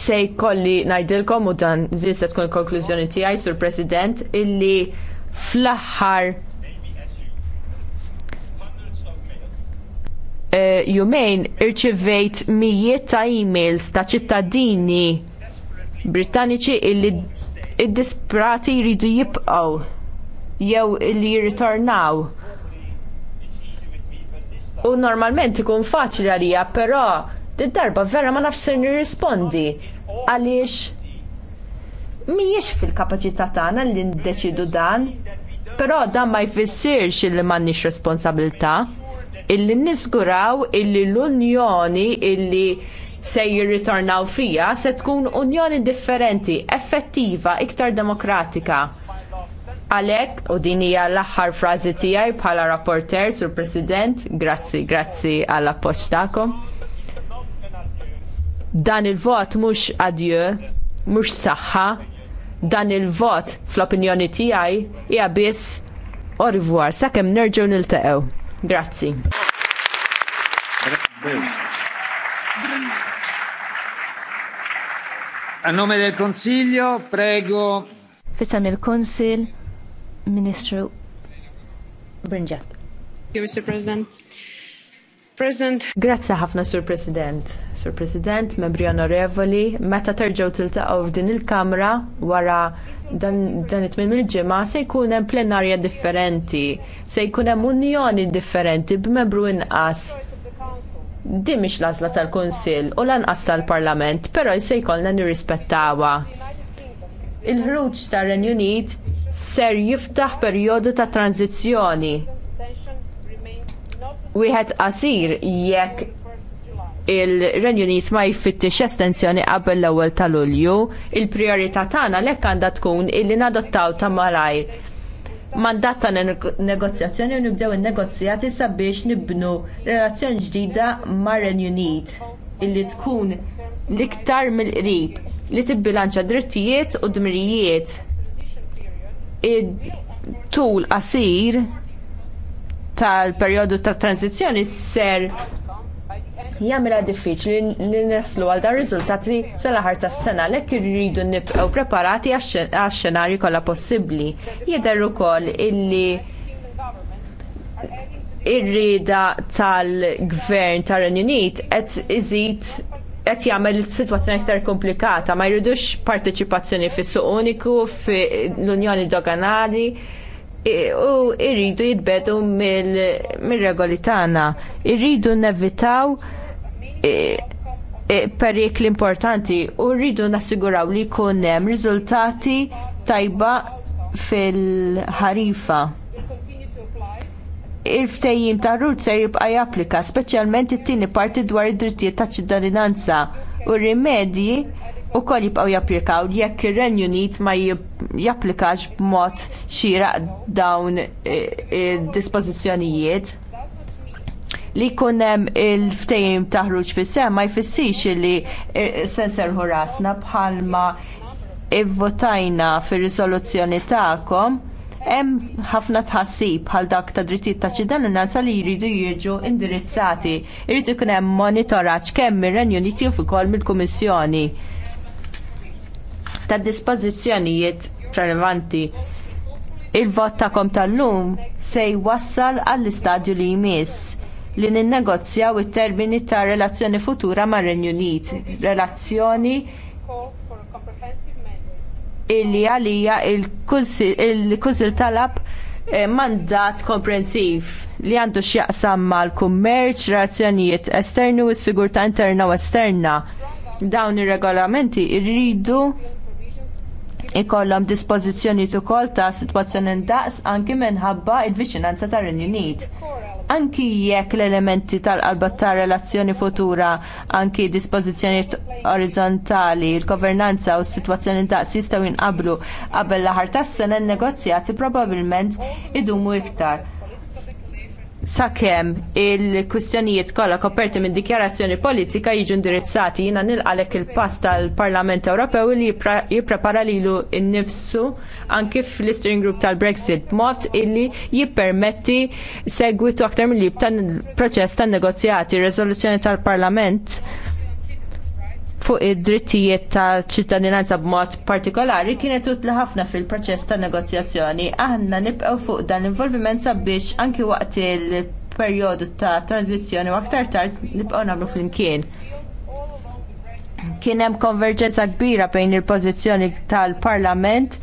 se jkolli ngħidilkom u dan se tkun il-konklużjoni tiegħi sur President illi fl-aħħar jumejn eh, irċivejt mijiet ta' emails ta' ċittadini Britanniċi illi id-disprati jridu jibqgħu jew illi jirritornaw. U normalment ikun faċli għalija, però id-darba vera ma nafx se nirrispondi għaliex mhijiex fil-kapaċità tagħna li ndeċidu dan, però dan ma jfissirx li m'għandniex responsabilità illi nisguraw illi l-unjoni illi se jirritornaw fija se tkun unjoni differenti, effettiva, iktar demokratika. Għalhekk, u din hija l-aħħar frażi tiegħi bħala rapporter sur President, grazzi, grazzi għall appoġġtakom Dan il-vot mhux adieu, mhux saħħa, dan il-vot fl-opinjoni tiegħi hija biss au revoir sakemm nerġgħu niltaqgħu. Grazzi. A nome del Consiglio, prego. Fissam il-Konsil, Ministru Brinja. Mr. President. President. Grazzi ħafna, Sur President. Sur President, membri onorevoli, meta terġgħu tiltaqgħu f'din il-Kamra wara dan, dan it-tmim il-ġimgħa se jkun hemm plenarja differenti, se jkun hemm unjoni differenti b'membru inqas. Din mhix l-għażla tal-Kunsill u lanqas tal-Parlament, però se jkollna nirrispettawha. Il-ħruġ tar-Renju Unit ser jiftaħ perjodu ta' tranzizzjoni. Wieħed qasir jekk il-Renju Unit ma jfittix estensjoni qabel l-ewwel ta' Lulju, il-prijorità tagħna lek għandha tkun illi nadottaw ta' malajr mandat ta' negozjazzjoni u nibdew in-negozjati sabiex nibnu relazzjoni ġdida mar renju Unit illi tkun l-iktar mill-qrib li tibbilanċa drittijiet u dmirijiet tul qasir tal-perjodu tat tranzizjoni ser jagħmilha diffiċli li neslu għal dar riżultati sal-aħar tas-sena lekk irridu nibqgħu preparati għax-xenarji kollha possibbli. Jidher ukoll illi ir-rida tal-gvern tar-Renju Unit qed iżid qed jagħmel sitwazzjoni aktar komplikata, ma jridux parteċipazzjoni fis-suq uniku fl-Unjoni Doganali u irridu jitbedu mill-regoli tagħna. Irridu nevitaw E, e, perikli importanti u rridu nassiguraw li jkun hemm riżultati tajba fil-ħarifa. Il-ftejjim ta' rut se jibqa' japplika, speċjalment it-tieni parti dwar id-drittijiet ta' ċittadinanza u rimedji u koll jibqaw japplikaw jekk ir-Renju Unit ma japplikax b'mod xieraq dawn id-dispożizzjonijiet. E, li jkun hemm il-ftejim taħruġ fis sem ma jfissix li eh, senser rasna bħalma ivvotajna fir risoluzzjoni tagħkom hemm ħafna tħassib bħal dak ta' drittijiet ta' ċittadinanza li jridu jiġu indirizzati. Jrid ikun hemm monitoraġġ kemm mir-Renju Unit ukoll mill-Kummissjoni ta' dispożizzjonijiet relevanti. Il-vot tagħkom tal-lum se jwassal għall-istadju li jmiss li ninnegozjaw it-termini ta' relazzjoni futura mar renju Unit, relazzjoni illi għalija il-Kunsil talab eh, mandat komprensiv li għandu x'jaqsam mal-kummerċ, relazzjonijiet esterni u s-sigurtà interna u esterna. Dawn ir-regolamenti rridu ikollhom dispożizzjonijiet ukoll ta' sitwazzjoni ndaqs anki minħabba l viċinanza tar-Renju Unit anki jekk l-elementi tal-qalba ta' relazzjoni futura, anki dispożizzjonijiet orizzontali, il-governanza u s-sitwazzjoni ta' jistgħu jinqabblu qabel l-aħar tas-sena n-negozjati probabbilment idumu iktar sakemm il-kwistjonijiet kollha koperti minn dikjarazzjoni politika jiġu indirizzati jiena nilqalek il-pass tal-Parlament Ewropew li jipprepara lilu nnifsu anke fl-Steering Group tal-Brexit b'mod illi jippermetti segwitu aktar mill-lib tal-proċess tan-negozjati, riżoluzzjoni tal-Parlament fuq id-drittijiet ta' ċittadinanza b'mod partikolari kienet utli ħafna fil-proċess ta' negozjazzjoni. Aħna nibqgħu fuq dan l-involviment sabiex anki waqt il-perjodu ta' tranzizzjoni u aktar tard nibqgħu nagħmlu flimkien. Kien hemm konverġenza kbira bejn il-pożizzjoni tal-Parlament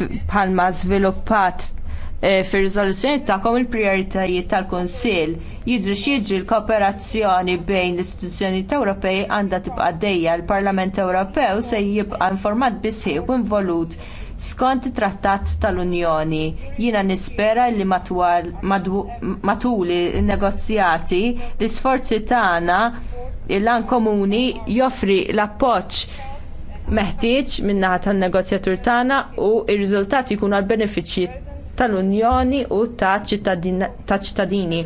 bħalma żviluppat Eh, fir-riżoluzzjoni tagħkom il-prijoritajiet tal-Kunsill. Jidri jiġri l-kooperazzjoni bejn l-istituzzjonijiet Ewropej għandha tibqa' dejja l-Parlament Ewropew se jibqa' informat bisħieq u involut skont it trattat tal-Unjoni. Jiena nispera li matul in negozjati l-isforzi tagħna l-an komuni joffri l-appoġġ meħtieġ min-naħa tan-negozjatur tagħna u r riżultati jkunu għall benefiċċji tal-Unjoni u ta' ċittadini.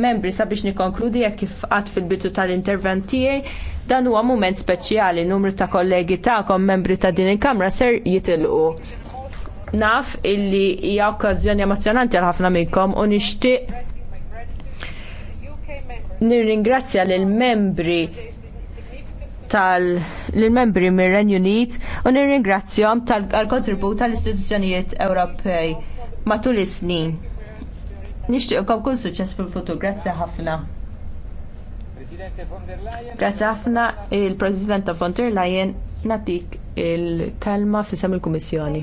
Membri sabiex nikonkludi jekk kif qatt fil-bitu tal-intervent tiegħi dan huwa mument speċjali numru ta' kollegi tagħkom membri ta' din il-Kamra ser jitilqu. Naf illi hija okkażjoni emozjonanti għal ħafna minnkom u nixtieq nirringrazzja lill membri tal-membri mir-Renju Unit u nirringrazzjom tal-kontribut tal-istituzzjonijiet Ewropej matul is-snin. Nixtieqkom kull suċċess fil-futur. Grazzi ħafna. Grazzi ħafna il-President von der Leyen natik il-kelma fisem il-Kummissjoni.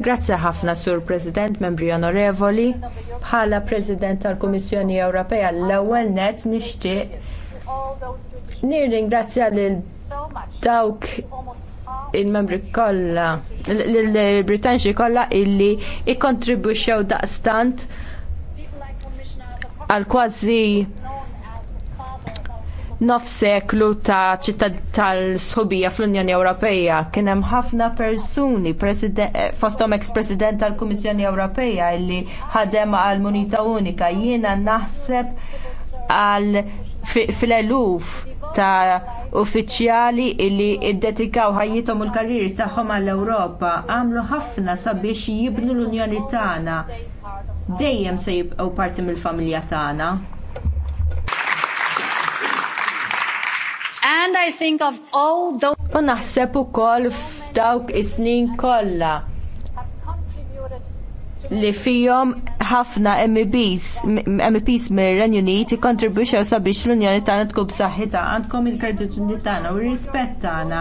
Grazzi ħafna Sur President, membri onorevoli, bħala President tal-Kummissjoni Ewropea l-ewwel net nixtieq nirringrazzja lil dawk il-membri kollha l-Britanxi kollha illi jikkontribwixxew daqstant għal kważi nof seklu ta' ċittad tal-sħobija fl-Unjoni Ewropea kien hemm ħafna persuni eh, fosthom ex-President tal-Kummissjoni Ewropea illi ħadem għal Munita Unika jiena naħseb għal fil-eluf ta' uffiċjali illi iddedikaw ħajjithom u l-karriri tagħhom għall-Ewropa għamlu ħafna sabiex jibnu l-Unjoni tagħna. Dejjem se jibqgħu parti mill-familja tagħna. And I think of all those U naħseb ukoll f'dawk is-snin kollha li fihom ħafna MEPs, MEPs mir-Renju Unit ikkontribwixxew sabiex l-Unjoni tagħna tkun bsaħħita għandkom il-kredituni tagħna u rispett tagħna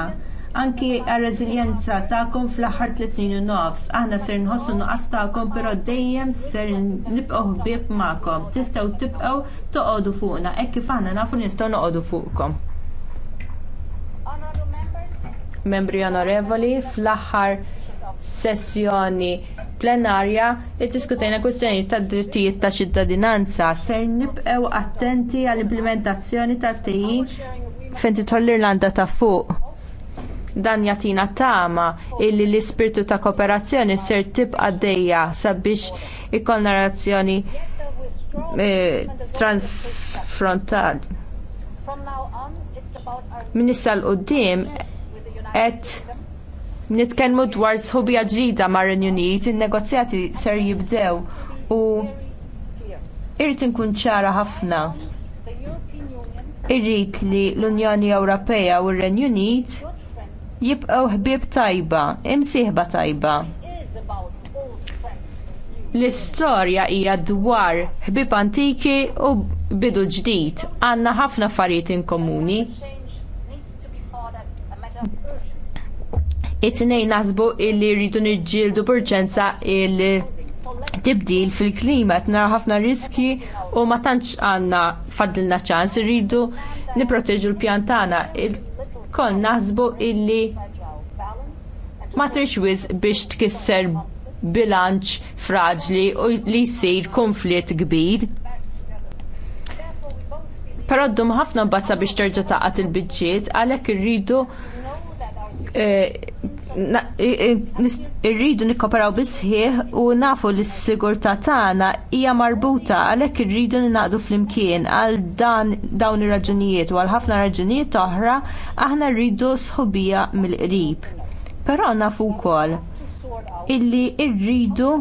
anki r reżiljenza tagħkom fl-aħħar tliet snin u nofs. Aħna ser nħossu nuqqas tagħkom però dejjem ser nibqgħu ħbieb magħkom. Tistgħu tibqgħu toqogħdu fuqna hekk kif aħna nafu nistgħu noqogħdu fuqkom. Membri onorevoli, fl-aħħar sessjoni plenarja li iddiskutejna kwestjonijiet tad drittijiet ta' ċittadinanza. Ser nibqgħu attenti għall-implementazzjoni tal-ftehim fejn titħol l-Irlanda ta' fuq. Dan jatina tama illi l-ispirtu ta' kooperazzjoni ser tibqa' dejja sabiex ikollna relazzjoni eh, transfrontal. Minissa l-qoddim qed nitkellmu dwar sħubija ġdida mar renju Unit, in-negozjati ser jibdew u irrid inkun ċara ħafna. Irrid li l-Unjoni Ewropea u r-Renju Unit jibqgħu ħbieb tajba, imsieħba tajba. L-istorja hija dwar ħbieb antiki u bidu ġdid. Għandna ħafna affarijiet inkomuni. it-tnej nasbu illi rridu nġildu purċenza il-tibdil fil-klima, t-naraw ħafna riski u ma tantx għanna faddilna ċans, rridu niproteġu l-pjantana. Il-kon nasbu illi ma wiz biex tkisser bilanċ fraġli u li jsir konflitt kbir. Però dum ħafna bazza biex terġa' taqat il-bidġiet, għalhekk irridu eh, irridu nikkoperaw bisħieħ u nafu li s-sigurtà tagħna hija marbuta għalhekk irridu ninaqdu flimkien għal dan dawn ir-raġunijiet u għal ħafna raġunijiet oħra aħna rridu sħubija mill-qrib. Però nafu wkoll illi rridu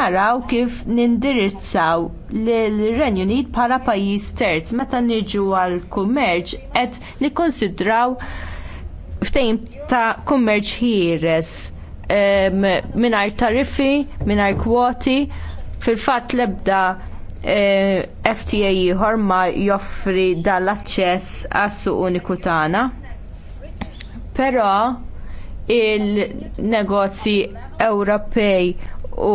naraw kif nindirizzaw l-Renju Unit bħala pajjiż terz meta niġu għall kummerċ qed nikkonsidraw ftejn ta' kummerċ ħieres mingħajr tariffi, mingħajr kwoti, fil-fatt l-ebda eh, FTA ieħor ma joffri dan l aċċess għas-suq uniku tagħna. Però il-negozji Ewropej u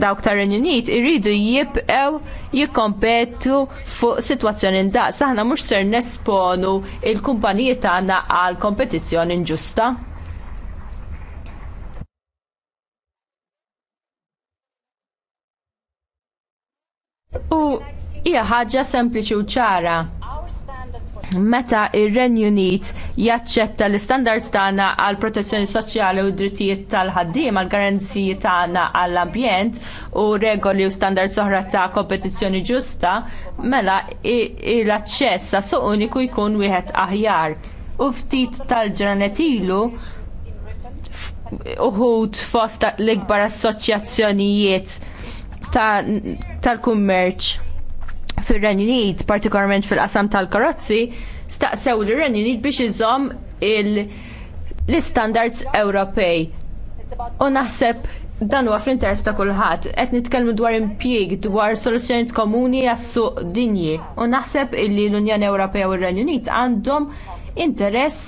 dawk tar Renjunit irridu jibqew jikkompetu fuq sitwazzjoni da. Aħna mhux ser nesponu il-kumpaniji tagħna għal kompetizzjoni inġusta. U hija ħaġa sempliċi u ċara meta ir-Renju Unit jaċċetta l-istandards tagħna għal protezzjoni soċjali u drittijiet tal-ħaddiem għal garanziji tagħna għall ambjent u regoli u standards oħra ta' kompetizzjoni ġusta, mela l-aċċess għas suq uniku jkun wieħed aħjar. U ftit tal-ġranet ilu uħud fost l-ikbar assoċjazzjonijiet tal-kummerċ fir-Renju partikolarment fil-qasam tal-karozzi, staqsew lir renju biex iżomm l-istandards Ewropej. U naħseb dan huwa fl-interess ta' kulħadd. Qed nitkellmu dwar impjieg, dwar soluzzjonijiet komuni għas-suq dinji. U naħseb illi l-Unjoni Ewropea u r-Renju Unit għandhom interess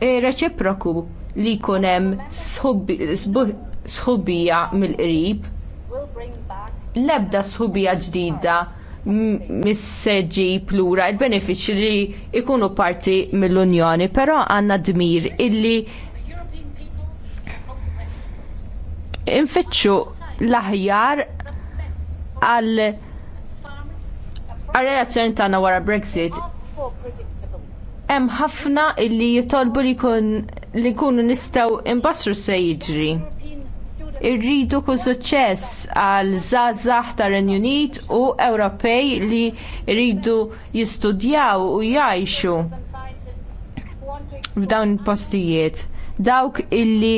eh, reċiproku li jkun hemm sħubija mill-qrib. L-ebda sħubija ġdida misseġi plura il-benefiċi li ikunu parti mill-Unjoni, però għandna dmir illi infittxu l-aħjar għal reazzjoni tagħna wara Brexit. Hemm ħafna illi jitolbu li jkunu nistgħu imbassru se jiġri irridu kull suċċess għal żgħażagħ tar-Renju Unit u Ewropej li rridu jistudjaw u jgħixu f'dawn il-postijiet. Dawk illi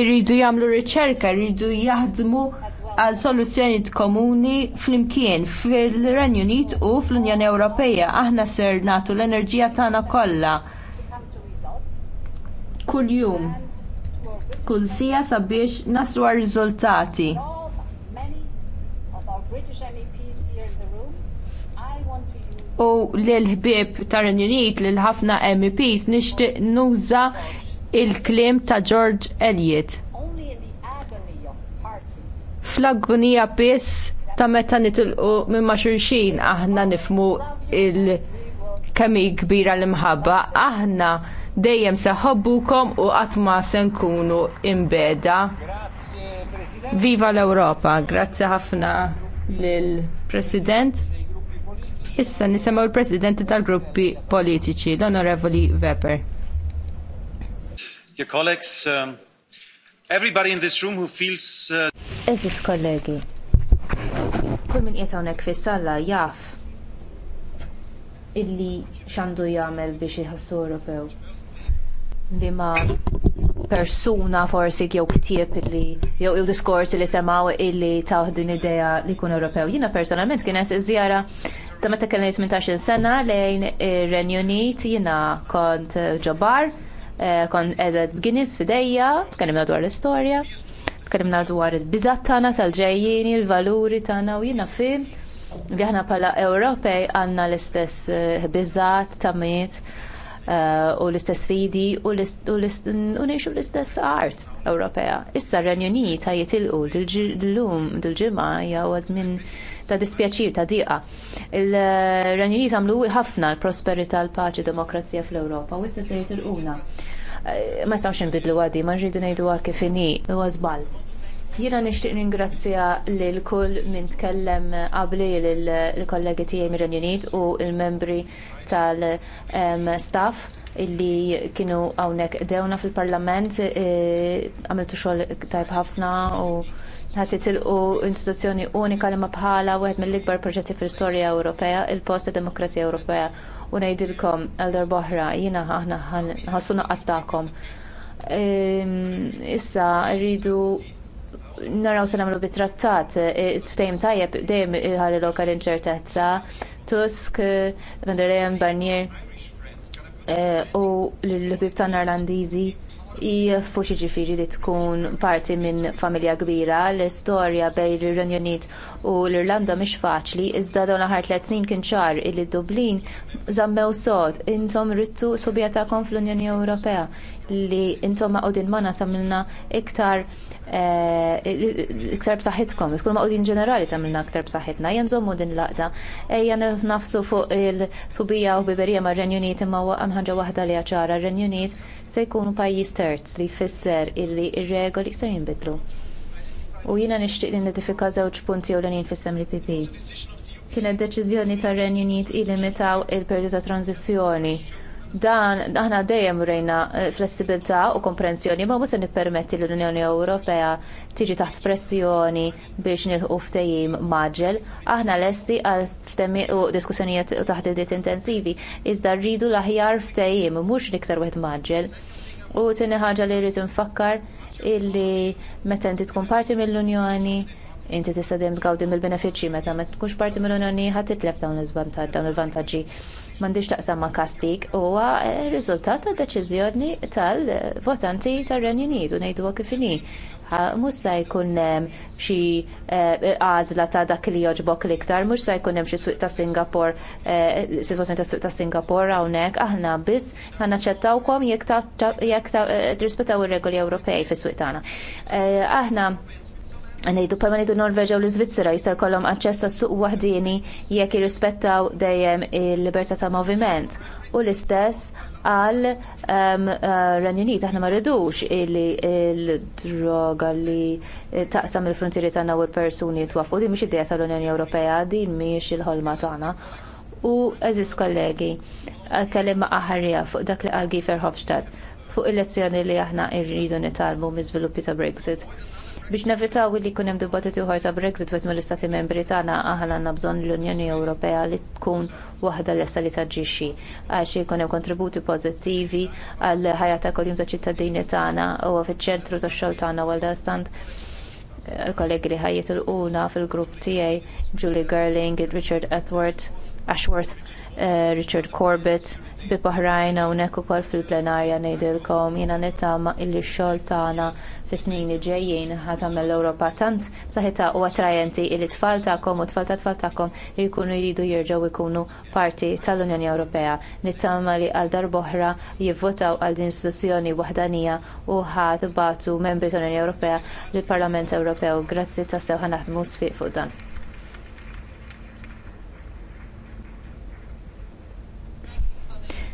irridu jagħmlu riċerka, irridu jaħdmu għal soluzzjonijiet komuni flimkien fil-Renju Unit u fl-Unjoni Ewropea. Aħna ser nagħtu l-enerġija tagħna kollha kuljum kull sija sabiex naslu għal riżultati. U l-ħbib tar Unit lil ħafna MEPs nixtieq nuża il-klim ta' George Eliot. Fl-agonija biss ta' meta nitilqu minn ma' xulxin aħna nifmu il- kemmi kbira l-imħabba aħna dejjem se u qatt ma se nkunu imbeda. Viva l-Ewropa, grazzi ħafna lill-President. Issa nisimgħu l-Presidenti tal-gruppi politiċi, l-Onorevoli Weber. Your colleagues, um, everybody in this room who feels uh... kollegi, kull min qiegħed hawnhekk fis-salla jaf illi x'għandu jagħmel biex iħossu Ewropew li ma persuna forsi jew ktieb li jew il diskors li semaw illi taħ din idea li jkun Ewropew. Jiena personalment kienet żjara ta' meta kellni 18 sena lejn ir-Renju jina kont ġobar, eh, kont qiegħda b'Guinness f'idejja, tkellimna dwar l-istorja, tkellimna dwar il-biżat tagħna tal ġejjin il-valuri tagħna u jiena fim li aħna bħala Ewropej għandna l-istess eh, biżat tamiet. miet u l-istess fidi u ngħixu l-istess art Ewropea. Issa r-Renju Unit ta' jitilqu dil-lum dil-ġimgħa hija żmien ta' dispjaċir ta' diqa. Il-Renju Unit għamlu ħafna l-prosperità, l-paċi, demokrazija fl-Ewropa u issa se jitilquna. Ma jistgħux inbidlu għadi, ma rridu ngħidu għak kif inhi huwa żball. Jiena nixtieq ningrazzja lil kull min tkellem qabli lill kollegi tiegħi mir-Renju Unit u l-membri tal-staff illi kienu hawnhekk dewna fil-parlament, e, għamiltu xogħol tajb ħafna u ħati tilqu istituzzjoni unika li ma bħala wieħed mill-ikbar proġetti fl-istorja Ewropea, il-post ta' demokrazija Ewropea. U ngħidilkom għal darboħra jiena aħna ħassu naqqas tagħkom. Issa rridu naraw se nagħmlu bit-trattat, e, e, ftejm tajjeb dejjem ħalli lokal inċertezza, Tusk, e, Van der Leyen, Barnier u l-ħbib tan Irlandiżi jifu xi ġifieri li tkun parti minn familja kbira, l-istorja bejn ir-Renju Unit u l-Irlanda mhix faċli, iżda dawn aħar tliet snin kien ċar illi Dublin żammew sod intom rittu subjatakom fl-Unjoni Ewropea li intom għodin mana tamilna iktar Eh, iktar b'saħħitkom, tkun maqudin ġenerali tagħmilna aktar b'saħħitna, jien żommu din laqda, ejja nafsu fuq il-subija u biberija ma' Renjuniet imma ħaġa waħda li ċara Renjuniet se jkunu pajjiż terz li jfisser illi r regoli iktar jinbidlu. U jiena nixtieq nidifika żewġ punti ewlenin fis-sem li PP. Kienet deċiżjoni tar-Renjuniet illimitaw il-perjodu ta' tranzizzjoni Dan aħna dejjem rejna eh, flessibilità u komprensjoni ma mhux se nippermetti l unjoni Ewropea tiġi taħt pressjoni biex nilħu ftehim maġel. Aħna lesti għal ftemi u diskussjonijiet u taħdidiet intensivi iżda rridu l-aħjar ftehim mhux l-iktar wieħed maġel. U tieni ħaġa li rrid nfakkar illi meta inti tkun parti mill-Unjoni inti tista' dejjem tgawdi mill-benefiċċji meta ma tkunx parti mill-Unjoni ħadd titlef dawn il-vantaġġi m'għandix taqsam ma' kastik huwa eh, riżultat ta' deċiżjoni tal-votanti tar-Renju Unit u nejdu kif inhi. Mhux se jkun hemm xi eh, għażla ta' dak li jogħġbok l-iktar, mhux se jkun hemm xi suq ta' Singapore, eh, situazzjoni ta' suq ta' Singapore hawnhekk aħna biss kom jekk jekk tirrispettaw ir-regoli Ewropej fis-suq tagħna. Aħna Nejdu pa nejdu Norveġa u l-Svizzera jistaw kollom għacċessa suq wahdini jekk jirrispettaw dejjem il-libertà ta' moviment. U l-istess għal um, ehm, eh, Renjunit, aħna ma rridux il-droga li taqsam il-frontieri tagħna u l-persuni twafu Din mhix idea tal-Unjoni Ewropea, din mhix il-ħolma tagħna. U eżis kollegi, kellimma aħarja fuq dak li għal Gifer Hofstadt fuq il-lezzjoni li aħna rridu nitalmu mi żviluppi ta' Brexit Biex nevitaw li jkun hemm dibattiti uħor ta' Brexit wet mill-Istati Membri tagħna aħna għandna bżonn l-Unjoni Ewropea li tkun waħda lesta li taġġixxi għax ikun hemm kontributi pożittivi għal ħajja ta' kuljum ta' ċittadini tagħna u fiċ-ċentru tax-xogħol tagħna għal stand il-kollegi li ħajjiet il-quna fil-grupp tiegħi Julie Gerling, Richard Edward, Ashworth, eh, Richard Corbett, oħrajn hawnhekk ukoll fil-plenarja ngħidilkom jiena nittama illi x-xogħol tagħna fis-snin li ġejjin ħadd tagħmel l-Ewropa tant b'saħħitha u attrajenti li tfal tagħkom u tfal ta' tfal tagħkom jkunu jridu jerġgħu jkunu parti tal-Unjoni Ewropea. Nittama li għal darb'oħra jivvotaw għal din istituzzjoni waħdanija u ħadd membri tal-Unjoni Ewropea lill-Parlament Ewropew. Grazzi tassew ħanaħdmu sfiq fuq dan.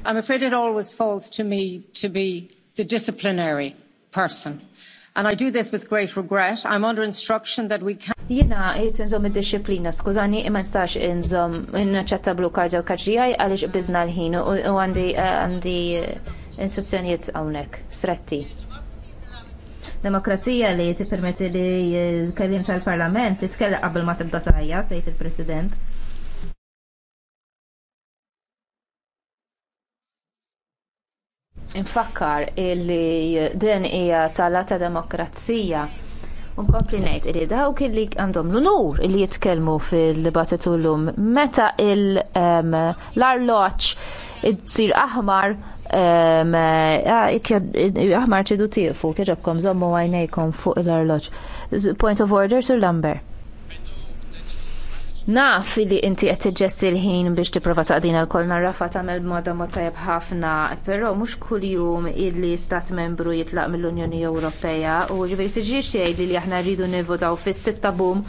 I'm afraid it always falls to me to be the disciplinary person. And I do this with great regret. I'm under instruction that we can. Jena, jirrit nżom id-disciplina, skużani, imma nistax nżom naċċetta blu kardja u kħġijaj għalix bizna l-ħin u għandi eh, għandi instruzzjonijiet għawnek, stretti. Demokrazija li ti li l-kellim tal-parlament titkellem qabel ma tibda tajja, tgħid il-President. Infakkar illi din hija sala ta' demokrazija. Unkompli ngħid li dawk illi għandhom l-unur illi jitkellmu fil-dibattitu llum meta l-arloċ id-sir aħmar aħmar ċidu tiefu kieġabkom żommu għajnejkom fuq l-arloċ. Point of order, Sir Lambert. Naf li inti qed tiġġesti l-ħin biex tipprova taqdina l-kol narrafa tagħmel b'moda ma tajjeb ħafna, però mhux kuljum illi stat membru jitlaq mill-Unjoni Ewropea u ġifieri tiġix jgħid li aħna rridu nivvotaw fis-sitta bum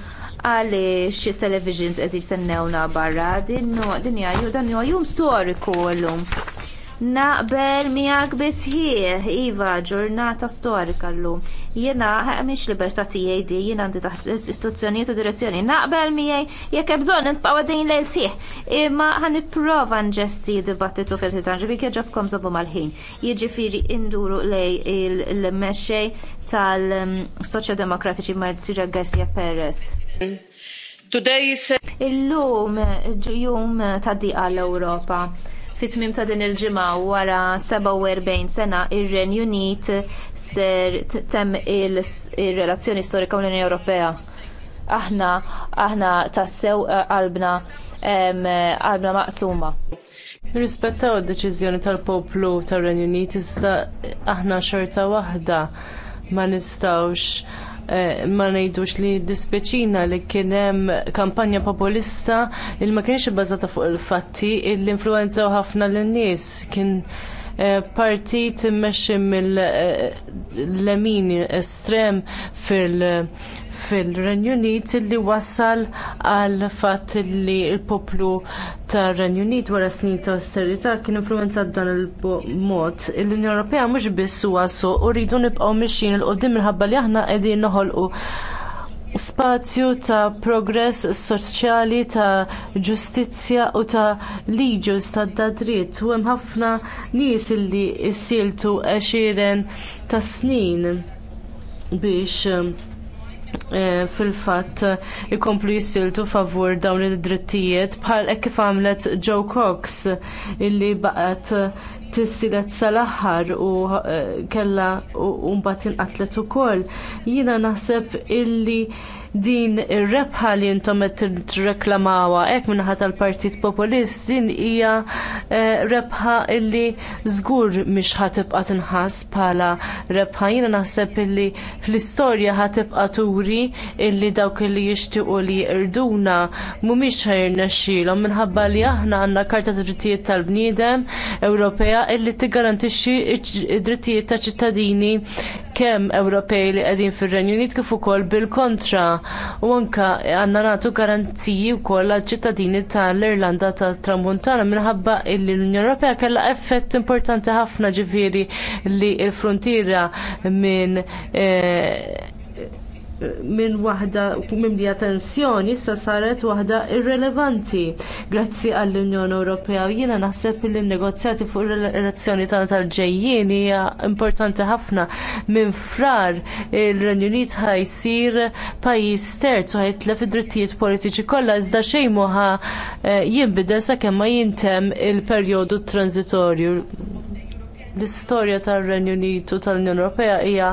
għaliex it-televisions qed jistennewna barra din hija dan huwa jum storiku llum. Naqbel miegħek bisħieħ, Iva, ġurnata storika llum. Jiena eh, mhix libertà tiegħi di, jiena għandi taħt istituzzjonijiet u direzzjoni. Naqbel miegħi jekk hemm bżonn nitbaqgħu din lejl sieħ. Imma ħan nipprova nġesti dibattitu fil-ħitan ġibi ġobkom żobu mal-ħin. Jiġifieri induru lej il-mexxej tal-Soċjaldemokratiċi mm, Marzira Garcia Perez. Today is... Illum jum ta' diqa għall ewropa fit-tmim ta' din il-ġimgħa wara 47 sena ir-Renju Unit ser temm ir-relazzjoni storika mal-Unjoni Ewropea. Aħna aħna tassew eh, qalbna eh, qalbna maqsuma. Nirrispettaw id-deċiżjoni tal-poplu tar-Renju Unit issa aħna xorta waħda ma nistawx Eh, ma ngħidux li dispeċina li kien hemm kampanja populista li ma kienx ibbażata fuq il-fatti illi influenzaw ħafna lin-nies kien eh, partit immexxi mill-lemin eh, estrem fil- fil-Renju Unit illi wassal għal fatt li l poplu tar renju Unit wara snin ta' austerità kien influenzat dan il-mod. L-Unjoni Ewropea mhux biss huwa suq u rridu nibqgħu mixjin il qudiem minħabba li aħna qegħdin noħolqu spazju ta' progress soċjali, ta' ġustizzja u ta' liġus ta' dadrit. U hemm ħafna nies illi ssiltu għexieren ta' snin biex um, Eh, fil fatt ikomplu jissiltu favur dawn id-drittijiet bħal hekk kif għamlet Joe Cox illi baqgħet tissilet sal-aħħar u eh, kellha u mbagħad inqatlet ukoll. Jiena naħseb illi din ir-rebħa li intom qed reklamawa hekk minnaħa tal-Partit Populist din hija eh, rebħa illi żgur mhix ħatibqa' tinħass bħala rebħa jiena naħseb illi fl-istorja ħatibqa' turi illi dawk illi jixtiequ li jirduna mhumiex ħajrnexxielhom minħabba li aħna għandna Karta Drittijiet tal-Bniedem Ewropea illi tiggarantixxi id-drittijiet ta' ċittadini kemm Ewropej li qegħdin fir-Renju Unit kif ukoll bil-kontra u anke għandna nagħtu garanziji wkoll għaċ-ċittadini tal-Irlanda tat Tramuntana minħabba illi l-Unjoni Ewropea kellha effett importanti ħafna ġifieri li l-frontiera minn eh, minn waħda mimlija tensjoni issa saret waħda irrelevanti grazzi għall-Unjoni Ewropea. Jiena naħseb li n-negozjati fuq ir-relazzjoni tagħna tal-ġejjien hija importanti ħafna minn frar il-Renju Unit ħajsir pajjiż terz u ħajtlef id-drittijiet politiċi kollha iżda xejn moħa eh, jinbidel sakemm ma jintem il-perjodu transitorju l-istorja tar-Renju Unitu tal-Unjoni Ewropea hija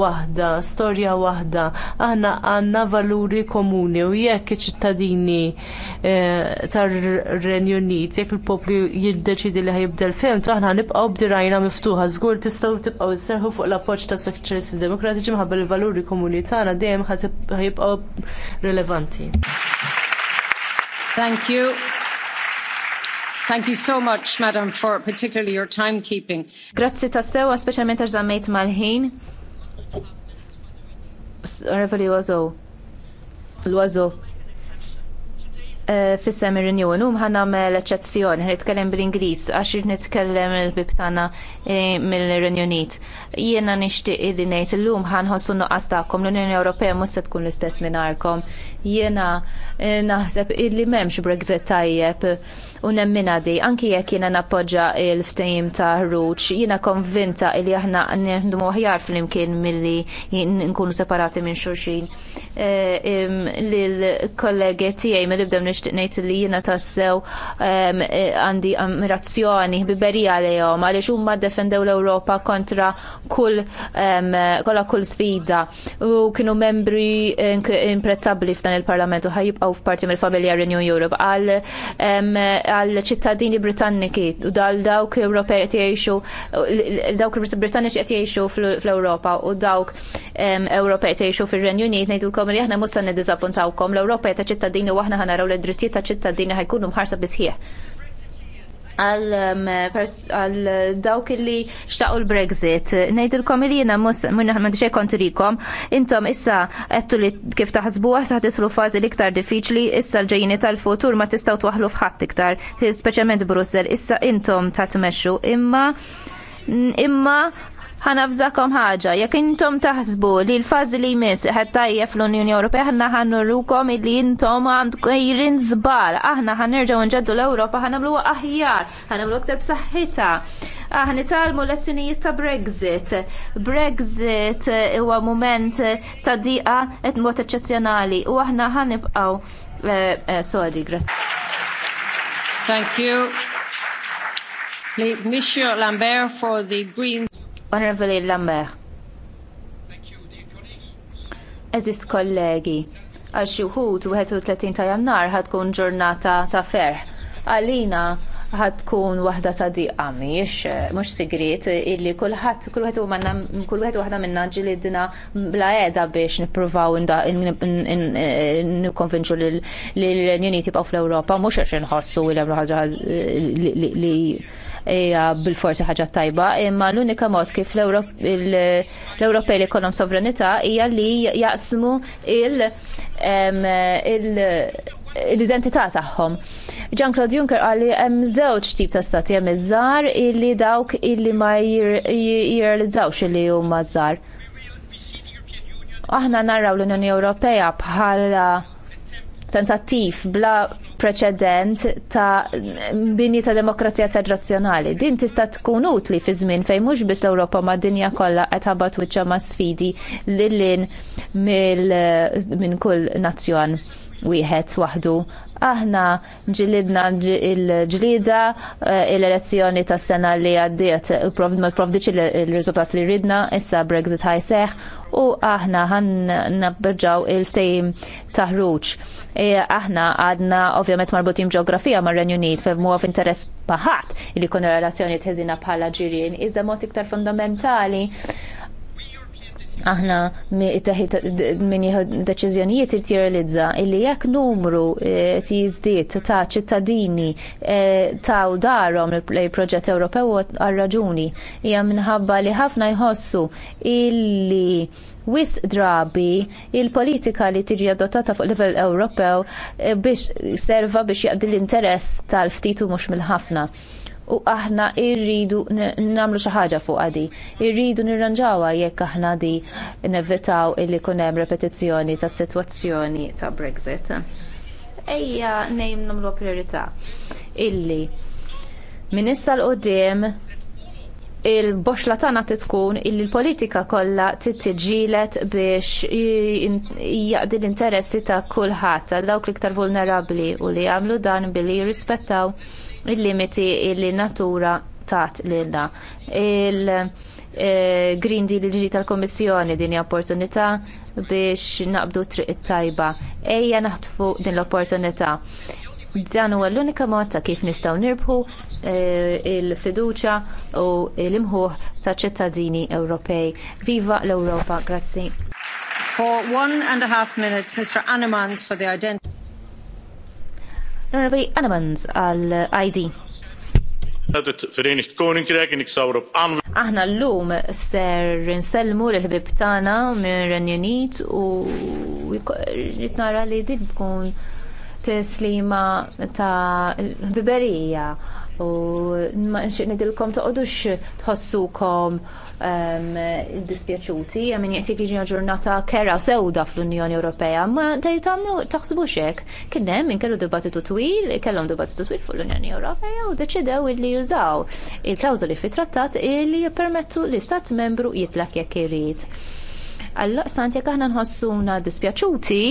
waħda, storja waħda. Aħna għandna valuri komuni u jekk iċ-ċittadini eh, tar-Renju Unit, jekk il-poplu jiddeċidi li ħajibdel fejn, aħna nibqgħu bdirajna miftuħa żgur tistgħu tibqgħu isserħu fuq l-appoġġ ta' soċjalisti demokratiċi minħabba li valuri komuni tagħna dejjem ħajibqgħu rilevanti. Thank you. Thank you so much, Madam, for particularly your timekeeping. Grazzi ta' sewa, specialment għax zammejt mal-ħin. Reveli wazo. L-wazo. Fissem il-renew, num ħanam l-eċezzjoni, nitkellem bil-Inglis, għax nitkellem il-bib tagħna eh, mill-Renjonit. Jiena nixtieq li ngħid illum ħanħossu nuqqas tagħkom l-Unjoni Ewropea mhux se tkun l-istess minn Jiena eh, naħseb illi m'hemmx Brexit tajjeb u nemmina di anki jekk jiena nappoġġa il ftajim ta' ħruġ jiena konvinta li aħna neħdmu aħjar flimkien milli nkunu separati minn xulxin. Eh, Lil-kollegi tiegħi mill-ibda nixtieq ngħid li jiena tassew għandi ammirazzjoni biberija lejhom għaliex huma defendew l-Ewropa kontra kull kull sfida u kienu membri imprezzabbli f'dan il-Parlament u ħajibqgħu f'parti mill-familja Renew Europe għal għal ċittadini Britanniki u dal dawk Ewropej qed jgħixu dawk Britanniċi qed jgħixu fl-Ewropa u dawk Ewropej qed jgħixu fir-Renju Unit ngħidulkom li aħna mhux se niddiżappuntawkom l-Ewropa ta' ċittadini u aħna ħanaraw li d-drittijiet ta' ċittadini ħajkunu mħarsa bisħieħ. Um, għal dawk li xtaqu l-Brexit. Nejdilkom li minna minnaħmad xej kontrikom, intom issa għettu li kif taħsbu għasa tislu fazi li ktar diffiċli, issa l-ġejjini tal-futur ma tistaw tuħlu fħat iktar, specialment Brussel, issa intom ta' tmexxu, imma imma ħanafżakom ħaġa, jekk intom taħsbu li l-fażi li jmiss qed tajjeb fl-Unjoni Ewropea aħna ħannurukom illi intom għandkom żbal, aħna ħanerġgħu nġeddu l-Ewropa ħanamluha aħjar, ħanamlu aktar b'saħħitha. Aħna nitalmu lezzjonijiet ta' Brexit. Brexit huwa mument ta' diqa qed mod eċċezzjonali u aħna ħanibqgħu eh, eh, sodi grazzi. Thank you. Please, Monsieur Lambert for the Green. Onorevoli Lambert. Eżis kollegi, għal xi wħud 31 ta' jannar tkun ġurnata ta' ferħ. Għalina tkun waħda ta' diqqa miex, mux sigrit illi kullħat, kullħat u manna, kullħat waħda minna ġilidna bla edha biex nipruvaw n-konvinċu l-Uniti b'għaw fl-Europa, mux għax ħassu il-għamlu ħagġa li bil-forsi ħaġa tajba, imma l-unika mod kif l-Ewropej li jkollhom sovranità hija li jaqsmu il- l-identità tagħhom. Jean-Claude Juncker qal li hemm żewġ tip ta' stati hemm iż-żar illi dawk illi ma jirrealizzawx illi huma żar. Aħna narraw l-Unjoni Ewropea bħala tentattiv bla preċedent ta' binji ta' demokrazija tradizzjonali. Din tista' tkun utli fi żmien fejn mhux biss l-Ewropa ma' dinja kollha qed ħabat wiċċa ma' sfidi lil minn kull nazzjon wieħed waħdu Aħna ġilidna il-ġlida eh, il-elezzjoni tas sena li għaddiet provdiċi il-rizultat li ridna, issa Brexit ħajseħ u aħna ħan nabberġaw il-ftejim taħruċ. E, aħna għadna ovvjament marbutim ġeografija mar renju Unit fe għaf f'interess paħat li kunu relazzjoni tħezina bħala ġirien, izza mod iktar fundamentali aħna min jieħu deċiżjonijiet irtiralizza illi jekk numru eh, t-jizdiet ta' ċittadini eh, ta' darhom il proġett Ewropew għal-raġuni hija minħabba li ħafna jħossu illi wis drabi il-politika li tiġi adottata fuq livell Ewropew eh, biex serva biex jaqdi l-interess tal-ftitu mhux mill-ħafna u aħna irridu namlu xi ħaġa fuq għadi. Irridu nirranġawha jekk aħna di nevitaw illi kun hemm repetizzjoni ta' sitwazzjoni ta' Brexit. Ejja nejm namlu priorità illi Min issa l-qudiem il-boxla tagħna titkun illi l-politika kollha tittiġilet biex jgħaddi l-interessi ta' kulħadd dawk l-iktar vulnerabbli u li jagħmlu dan billi jirrispettaw il-limiti li natura tat lilna. Il-Green eh, Deal il-ġi tal-Komissjoni din opportunità biex naqbdu triq it-tajba. Ejja naħtfu din l-opportunità. Dan huwa l-unika mod ta' kif nistgħu nirbħu eh, il-fiduċa u l-imħuħ ta' ċittadini Ewropej. Viva l-Ewropa, grazzi. For one and a half minutes, Mr. Annemans for the identity għal-ID. Aħna l-lum ser nsellmu l-ħbib tagħna minn Renjunit u nara li din tkun teslima ta' l-ħbiberija u ma nxieq nidilkom toqgħodux tħossukom dispjaċuti, għamin jgħetik li ġurnata kera sewda fl-Unjoni Ewropea, ma tajtamlu taħsbu xek, kienem minn kellu dibattitu twil, kellhom dibattitu twil fuq l-Unjoni Ewropea u deċidew illi jużaw il-klawżoli fit-trattat illi jippermettu li stat membru jitlak jekk irid. Allaq Santja, jekk aħna nħossuna dispjaċuti,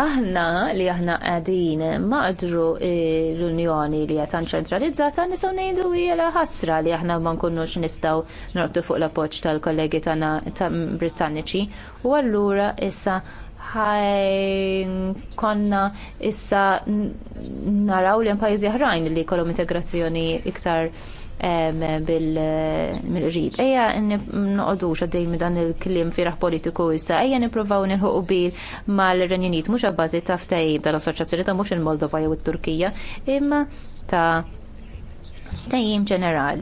aħna li aħna għadin maqdru eh, l-Unjoni li għatan ċentralizzata nisaw nejdu hija ħasra li aħna ma nkunnux nistaw nortu fuq l poċ tal-kollegi tana ta' Britanniċi u allura issa ħajn konna issa naraw li hemm pajjiżi oħrajn li jkollhom integrazzjoni iktar bil-rib. Ejja n-noqdu xaddejn dan il-klim firaħ politiku issa, ejja niprofaw nilħuq bil mal-Renjunit, mux għabbażi ta' ftajib dal-assoċazzjoni ta' mux il-Moldova jew il-Turkija, imma ta' tajim ġeneral,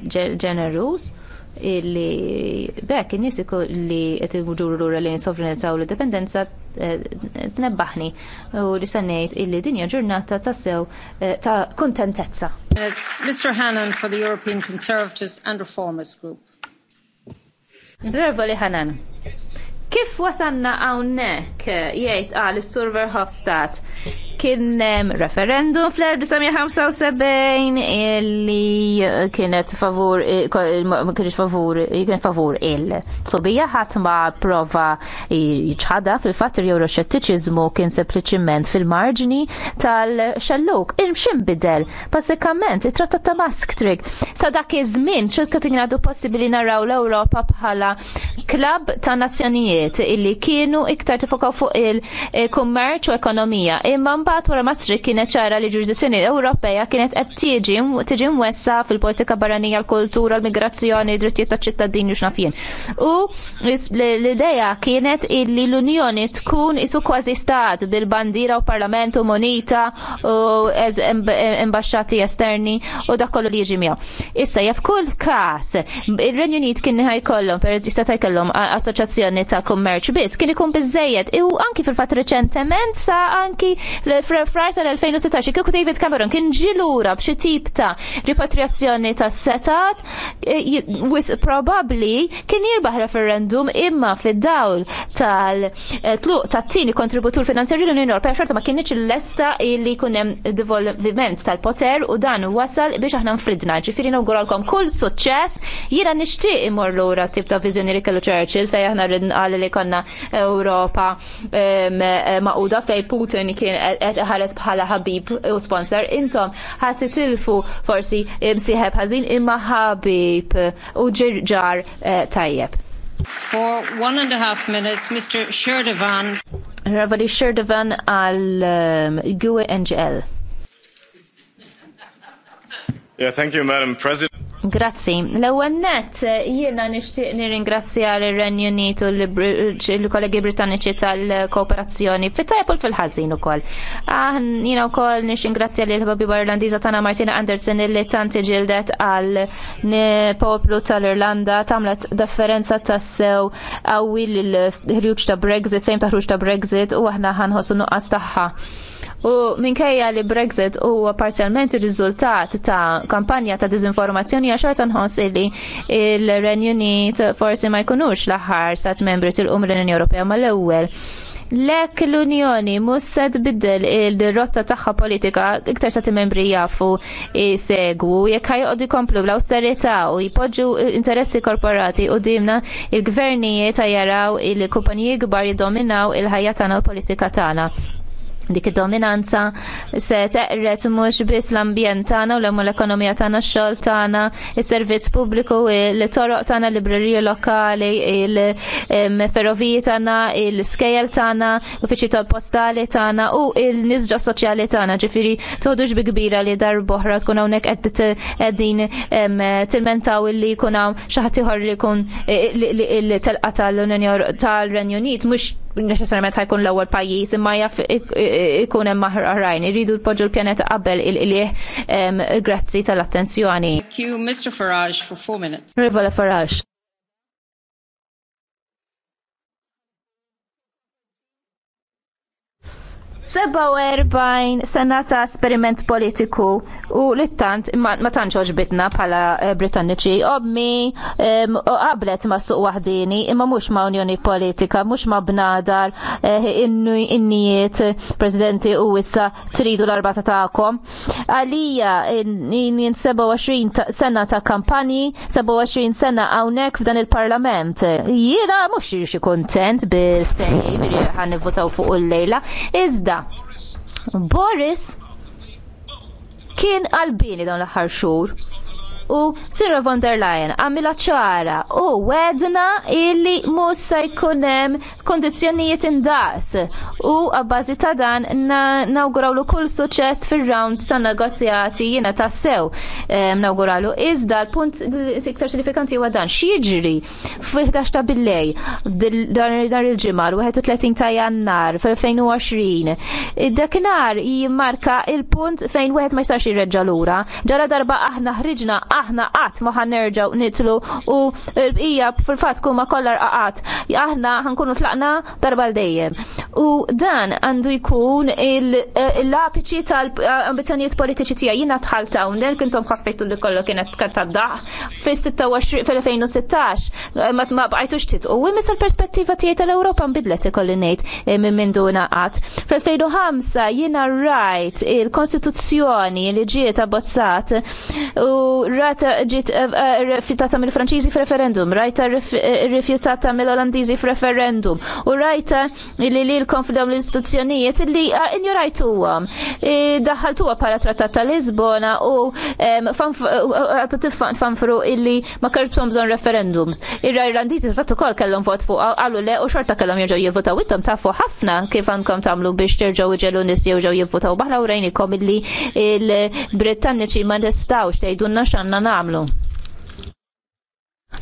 ġenerus li bekk in-nies li qed imġuru lura lejn sovranità u l-indipendenza eh, tnebbaħni u li ngħid illi dinja ġurnata ta' sew eh, ta' kuntentezza. It's Mr. Hannan for the European Conservatives and Reformers Group. Revoli Hannan. Kif wasanna hawnhekk eh, jgħid għal ah, is-Surver Hofstadt kien referendum fl-1975 illi kienet favur kienx favur kien favur il-sobija ħadd ma prova jiċħada fil fat il-Euroxettiċiżmu kien sempliċiment fil-marġni tal Il-mxim bidel, basikament, it-trattat ta' Maastricht. Sa dak iż-żmien xilka tingradu possibbli naraw l-Ewropa bħala klab ta' nazzjonijiet illi kienu iktar tifokaw fuq il-kummerċ u ekonomija. Imman Imbagħad wara Masri kienet ċara li ġurisdizzjoni Ewropea kienet qed tiġi tiġi mwessa fil-politika barranija l-kultura, l-migrazzjoni, drittijiet taċ ċittadin u x'nafjien. U l-idea kienet illi l-Unjoni tkun isu kważi stat bil-bandira u parlament u monita u embaxxati esterni u dak kollu li jiġi miegħu. Issa jaf kull każ ir-Renju Unit kien ħajkollhom per jista' assoċjazzjoni ta' kummerċ biss kien ikun biżejjed u anki fil-fatt reċentement sa anki l frar tal-2016 kieku David Cameron kien ġilura b'xi tip ta' ripatriazzjoni ta' setat e, wis probably kien jirbaħ referendum imma fid-dawl tal-tluq e, tat-tieni kontributur finanzjarju l-Unjoni Ewropea xorta ma kienieċ l-lesta li jkun hemm devolviment tal-poter u dan wasal biex aħna nfridna. Ġifiri nawguralkom kull suċċess jiena nixtieq imur lura tip ta' viżjoni li kellu Churchill fejn aħna ridnqal li konna Ewropa e, maquda fej Putin kien qed ħares bħala ħabib u sponsor intom ħadd titilfu forsi msieħeb ħażin imma ħabib u ġirġar eh, tajjeb. For one and a half minutes, Mr. Sherdevan. Ravali Sherdevan al ehm, GUE NGL. Yeah, thank you, Madam President. Grazzi. L-ewwel net jiena nixtieq nirringrazzja lir-Renju Unit u l-kollegi Britanniċi tal-kooperazzjoni fit-tajb fil-ħażin ukoll. Jiena wkoll nixtingrazzja lil ħbabiba Irlandiża tagħna Martina Anderson illi tant ġildet għal poplu tal-Irlanda tagħmlet differenza tassew qawwi l-ħruġ ta' Brexit, fejn ta' ħruġ ta' Brexit u aħna ħanħossu nuqqas tagħha. U minkejja li Brexit huwa parzjalment ir-riżultat ta' kampanja ta' diżinformazzjoni għax xorta nħoss illi il-Renju Unit forsi ma jkunux l-aħħar stat membri til-qum l-Unjoni Ewropea mal-ewwel lek l-Unjoni mhux se tbiddel il-rotta tagħha politika iktar sa membri jafu segwu jekk ħajqogħdu ikomplu l awsterità u jpoġġu interessi korporati dimna il-gvernijiet jaraw il-kumpaniji kbar jiddominaw il-ħajja tagħna u l-politika tagħna dik id-dominanza se teqret mhux biss l-ambjent tagħna u l-ekonomija tagħna x-xogħol tagħna, is-servizz pubbliku, l-toroq tagħna, l-librerija lokali, il-ferroviji tagħna, il-skejjel tagħna, l-uffiċċji tal-postali tagħna u l-nisġa soċjali tagħna. Ġifieri tgħodux bi kbira li dar boħra tkun hawnhekk qed qegħdin tilmentaw illi jkun hawn xi ħadd ieħor li jkun il-telqa tal-Unjoni tal-Renju Unit mhux neċessarjament ħajkun l-ewwel pajjiż imma jaf ikun hemm oħrajn. Iridu l-poġġu l-pjaneta qabel il-qlieh grazzi tal-attenzjoni. Thank you, Mr. Farage, for four minutes. Rivola Farage. 47 sena ta' esperiment politiku u littant ma tantx bitna bħala eh, Britanniċi. Ommi qablet ma' suq wahdini imma mhux ma' unjoni politika, mhux ma' bnadar eh, innijiet presidenti u issa tridu l-arbata tagħkom. Għalija jien 27 sena ta' kampani, 27 sena hawnhekk f'dan il-Parlament. Jiena mhux xi kontent bil-ftehim li ħan fuq l lejla iżda Boris kien qalbini dawn l-aħħar xhur u Sir von der Leyen għamila ċara u wedna illi mhux se jkun hemm u għabbazi ta' dan nawguralu kull suċċess fir-round ta' negozjati jiena tassew ehm, nawguralu iżda l-punt iktar sinifikanti huwa dan x'jiġri 11 ta' billej dan il-ġimgħa 31 ta' Jannar fil-2020 deknar jimmarka il-punt fejn wieħed ma jistax jirreġġa lura ġara darba aħna ħriġna aħna qatt ma ħanerġgħu nitlu u l-bqija fil-fatt kuma kollha qatt. Aħna ħankunu tlaqna darba dejjem. U dan għandu jkun l-apiċi tal-ambizjonijiet politiċi tiegħi jiena tħalt hawnhekk kintom ħassejtu li kollu kienet kattaddaħ fis-26 ma bqajtux titqu. U mis l perspettiva tiegħi tal-Ewropa nbidlet ikolli ngħid eh, minn minn duna qatt. Fil-2005 jiena rajt il-Kostituzzjoni li ġiet abbozzat u rajt Art ġiet rifjutata mill-Franċiżi f'referendum, rajta eh, rifjutata mill-Olandiżi f'referendum, u rajta li lilkom f'dawn l-istituzzjonijiet li eh, Daħaltu Daħaltuha bħala Trattat ta' Lisbona u għatu fanfru illi ma kellhom bżon referendums. Ir-Irlandiżi fatt ukoll kellhom vot fuq għallu le u xorta kellhom jirġaw jivvotaw wittom tafu ħafna kif għandkom tagħmlu biex terġgħu iġelu nies jerġgħu jivvotaw baħla u rejnikom illi il-Britanniċi ma nistawx tgħidulna x'għandna għanna nagħmlu.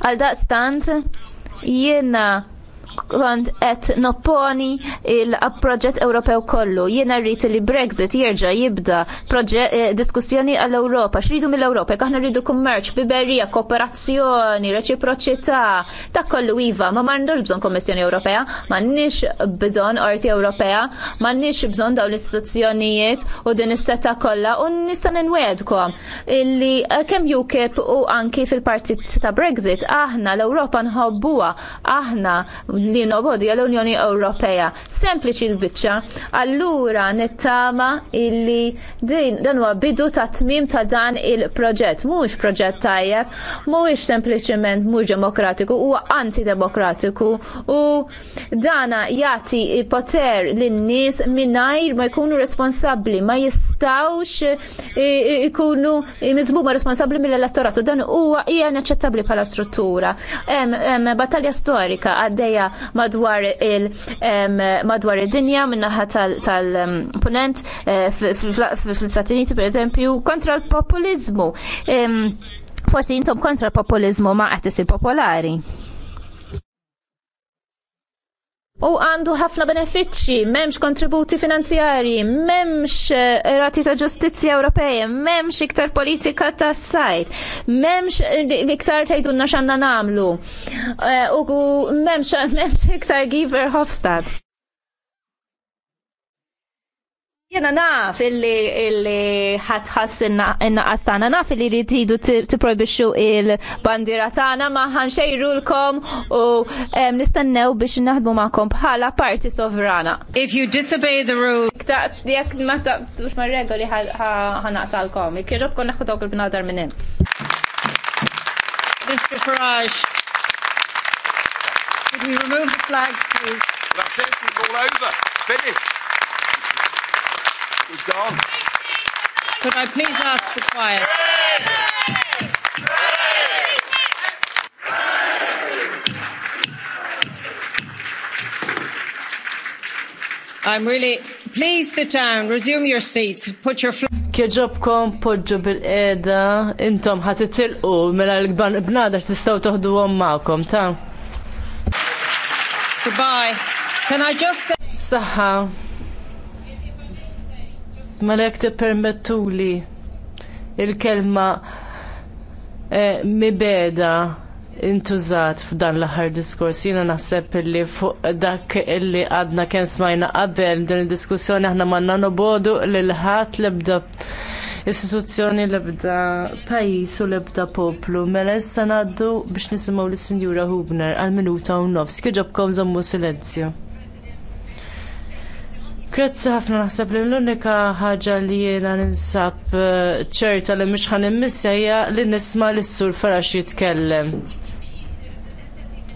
Għal daqstant jiena kont qed nopponi il-proġett Ewropew kollu. Jiena rrid li Brexit jerġa' jibda eh, diskussjoni għall ewropa x'ridu mill-Ewropa, jekk aħna rridu kummerċ, biberija, kooperazzjoni, reċiproċità, dak kollu iva, ma m'għandux bżonn Kommissjoni Ewropea, m'għandniex bżonn Qorti Ewropea, m'għandniex bżonn dawn l-istituzzjonijiet u din is-seta kollha u nista' ninwedkom illi eh, kemm UKIP e u anki fil-partit ta' Brexit aħna l-Ewropa nħobbuha aħna li nobodi għall-Unjoni Ewropea. Sempliċi l-biċċa, allura nittama illi din dan huwa bidu ta' tmim ta' dan il-proġett. Mhux proġett tajjeb, mhuwiex sempliċiment mhux demokratiku, huwa antidemokratiku u dana jagħti il-poter lin-nies mingħajr ma jkunu responsabbli, ma jistawx ikunu miżbuma responsabbli mill-elettoratu. Dan huwa hija inaċċettabbli bħala struttura. Hemm battalja storika għaddejja madwar il madwar id-dinja min-naħa tal-punent eh, fl-Stati Uniti pereżempju kontra l-populizmu. Forsi intom kontra l-populizmu ma qatt isir popolari. U għandu ħafna benefiċċji, memx kontributi finanzjarji, memx eh, rati ta' ġustizzja Ewropeja, memx iktar politika ta' sajt, memx eh, iktar tajdunna xanna namlu, eh, u memx iktar giver Hofstad. Jena naf illi illi ħatħass inna tagħna naf illi li t tipprojbixxu il-bandira tagħna ma ħanxejrulkom u nistennew biex naħdmu magħkom bħala parti sovrana. If you disobey the rule. jek ma taqtux ma regoli ħanaqtalkom. Kieġobkom naħu dawk il-bnadar minn Mr. Farage, could we remove the flags, please? That's it. It's all over. Finished. Could I please ask for quiet? I'm really please sit down, resume your seats, put your Kieġobkom podġu bil-qeda, intom ħat itilqu mela l-gban bnader tistaw toħdu għom ma'kom, ta' Goodbye. Can I just say... Saha. Mela jekk tippermettuli il-kelma eh, mibeda intużat f'dan l-aħħar diskors. Jiena naħseb illi fuq dak illi għadna kemm smajna qabel din id-diskussjoni aħna manna nobodu lil ħadd l-ebda istituzzjoni l-ebda pajjiż u l-ebda poplu. Mela issa ngħaddu biex nisimgħu lis-Sinjura Hubner għal minuta u nofs. Kieġobkom żommu silenzju. Grazzi ħafna naħseb li l-unika ħaġa li jiena ninsab eh, ċerta li mhux ħanimmissja hija li nisma' lis sur Farax jitkellem.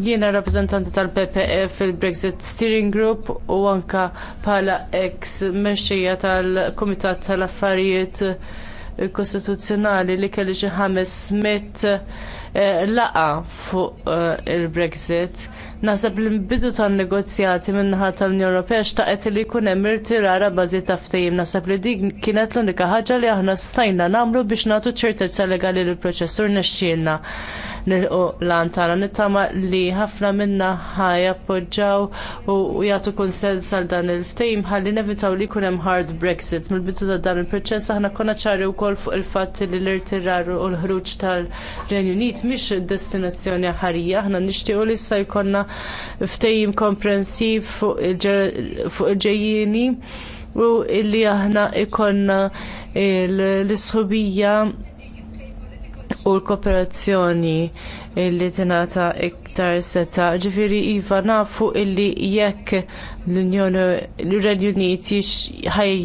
Jiena rappreżentanti tal-PPE fil-Brexit Steering Group u anke bħala ex mexxija tal-Kumitat tal-Affarijiet Kostituzzjonali li kelli xi ħames mit Eh, laqa fuq eh, il-Brexit. Naħseb li l-bidu tan negozjati min-naħa tal-Unjoni Ewropea xtaqet li jkun hemm irtirara bażi ta' ftehim. Naħseb li dik kienet l-unika ħaġa li aħna stajna nagħmlu biex nagħtu ċertezza legali lill proċessur nexxielna nilqu l-antana. Nittama li ħafna minna ħajappoġġaw u jagħtu konsens għal dan il-ftejm ħalli nevitaw li jkun hemm hard Brexit. Mill-bidu ta' dan il-proċess aħna konna ċari wkoll fuq il-fatt li l-irtirar u l-ħruġ tal-Renju Unit mhix destinazzjoni ħarija. Aħna nixtiequ li issa jkollna ftejim komprensiv fuq il-ġejjieni u illi aħna ikonna l-isħubija il u l-kooperazzjoni li tingħata iktar seta. Ġifieri iva nafu illi jekk l-Unjoni l-Renju Unit ħaj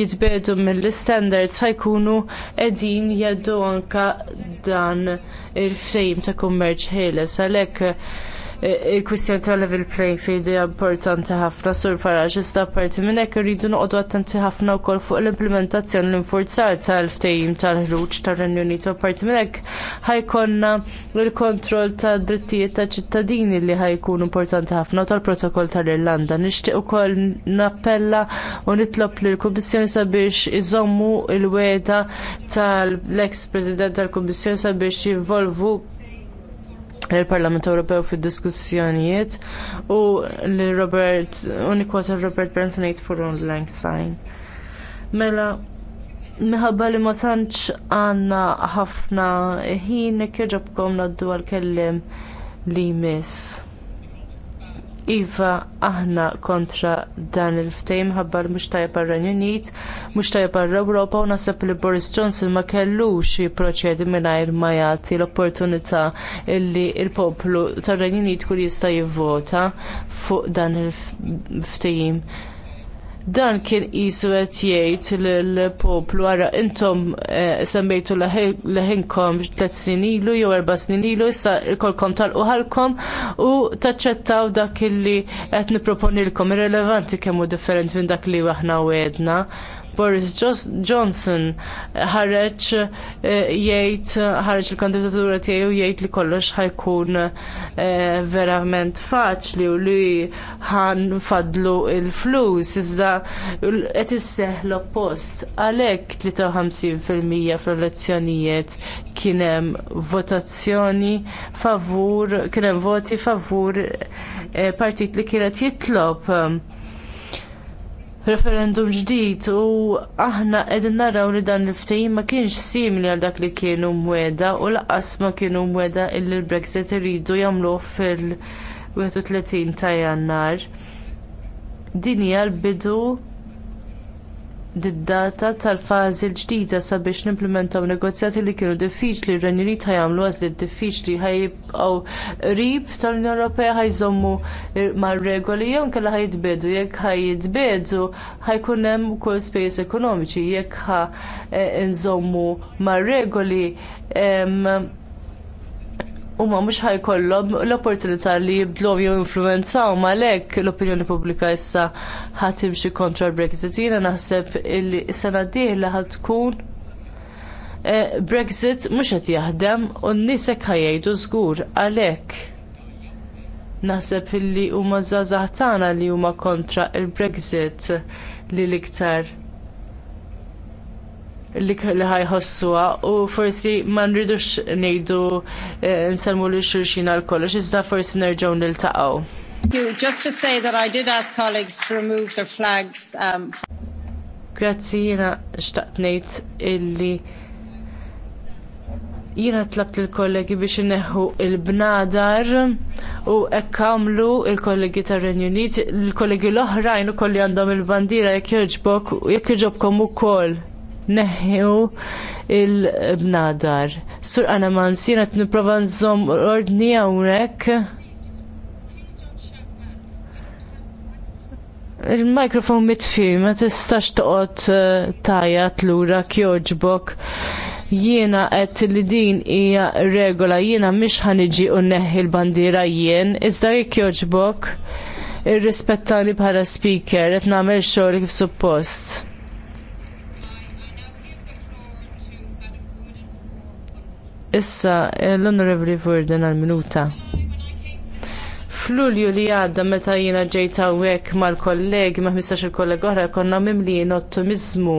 jitbedu mill-standards ħajkunu qegħdin jeddu anke dan il-frame ta' kummerċ ħieles għalhekk il-kwistjoni ta' level playing field hija importanti ħafna sur faraġ iżda apparti minn hekk irridu noqogħdu attenti ħafna wkoll fuq l-implementazzjoni l-infurzar tal-ftehim tal-ħruġ tar-Renju Unit u apparti minn hekk ħajkonna l-kontroll ta' drittijiet ta' ċittadini li ħajkun importanti ħafna u tal-protokoll tal-Irlanda. Nixtieq ukoll nappella u nitlob lill kummissjoni sabiex iżommu l weda tal-ex President tal-Kummissjoni sabiex jinvolvu il-Parlament Ewropew fid-diskussjonijiet u l-Robert, unikwata Robert Branson for lang sign. Mela, Minħabba li ma tantx għanna ħafna ħin jogħġobkom naddu għal-kellim li jmiss. Iva, aħna kontra dan il-ftejm ħabbar mhux tajjeb għar-Renju Unit, mhux tajjeb għall-Ewropa u naħseb li Boris Johnson ma kellux jipproċedi mingħajr ma jagħti l-opportunità li l poplu tar-Renju Unit kull jista' jivvota fuq dan il-ftejm dan kien jisu qed jgħid lill-poplu għara intom eh, semmejtu leħinkom tliet snin ilu jew erba' sninilu, jissa issa tal-uħalkom u taċċettaw dak illi qed nipproponilkom irrelevanti kemm hu differenti minn dak li aħna għedna. Boris Johnson ħareġ eh, jgħid ħareġ il-kandidatura tiegħu jgħid li kollox ħajkun eh, verament faċli u li fadlu l flus iżda qed isseħ l-oppost. Għalhekk 53% fl-elezzjonijiet kien hemm votazzjoni favur kien hemm voti favur eh, partit li kienet jitlob referendum ġdid u aħna qegħdin naraw li dan il-ftehim ma kienx simili għal dak li kienu mweda u laqas ma kienu mweda illi l-Brexit iridu jagħmluh fil-31 ta' Jannar. Din hija l-bidu did-data tal-fażi l-ġdida sabiex nimplementaw negozjati li kienu diffiċli, r-Renju Unit ħajamlu għażliet diffiċli ħajibqgħu qrib tal-Unjoni Ewropea ħajżommu eh, mar-regoli jew nkella ħajtbedu, jekk ħajtbedu ħajkun hemm ukoll spejjeż ekonomiċi, jekk ħa eh, nżommu mar-regoli huma mhux ħajkollhom l-opportunità li jibdlhom jew influenzaw għalhekk l-opinjoni pubblika issa ħadd imxi kontra l-Brexit. Jiena naħseb li sena d-dieħla ħad tkun eh, Brexit mhux qed jaħdem u n-nies hekk ħajjgħidu żgur għalhekk naħseb li huma żgħażagħ tagħna li huma kontra l brexit li iktar li ħossuha u forsi ma nridux ngħidu eh, nsemmu li xulxin għal kollox iżda forsi nerġgħu niltaqgħu. Just to say that I did ask colleagues to remove their flags. Um, Grazzi jiena xtaqt ngħid illi jiena tlabt il-kollegi biex ineħħu l bnadar u hekk għamlu l kollegi tar-Renju Unit, il-kollegi l-oħrajn ukoll li għandhom il-bandira jekk jogħġbok u jekk jogħġobkom ukoll neħħu il-bnadar. Sur għana man sina t-niprofa nżom ordni għawrek. Il-mikrofon mitfi, ma tistax toqgħod eh, tajat lura kjoġbok jiena qed li din hija regola jiena mhix ħaniġi u neħħi l bandira jien, iżda jekk jogħġbok irrispettani bħala speaker qed nagħmel xogħol kif suppost. Issa eh, l-Onorevoli Vorden għal-minuta. F'Lulju li għadda meta jiena ġejt hawnhekk mal-kollegi ma' 15 kollega oħra konna mimlijin ottimizmu.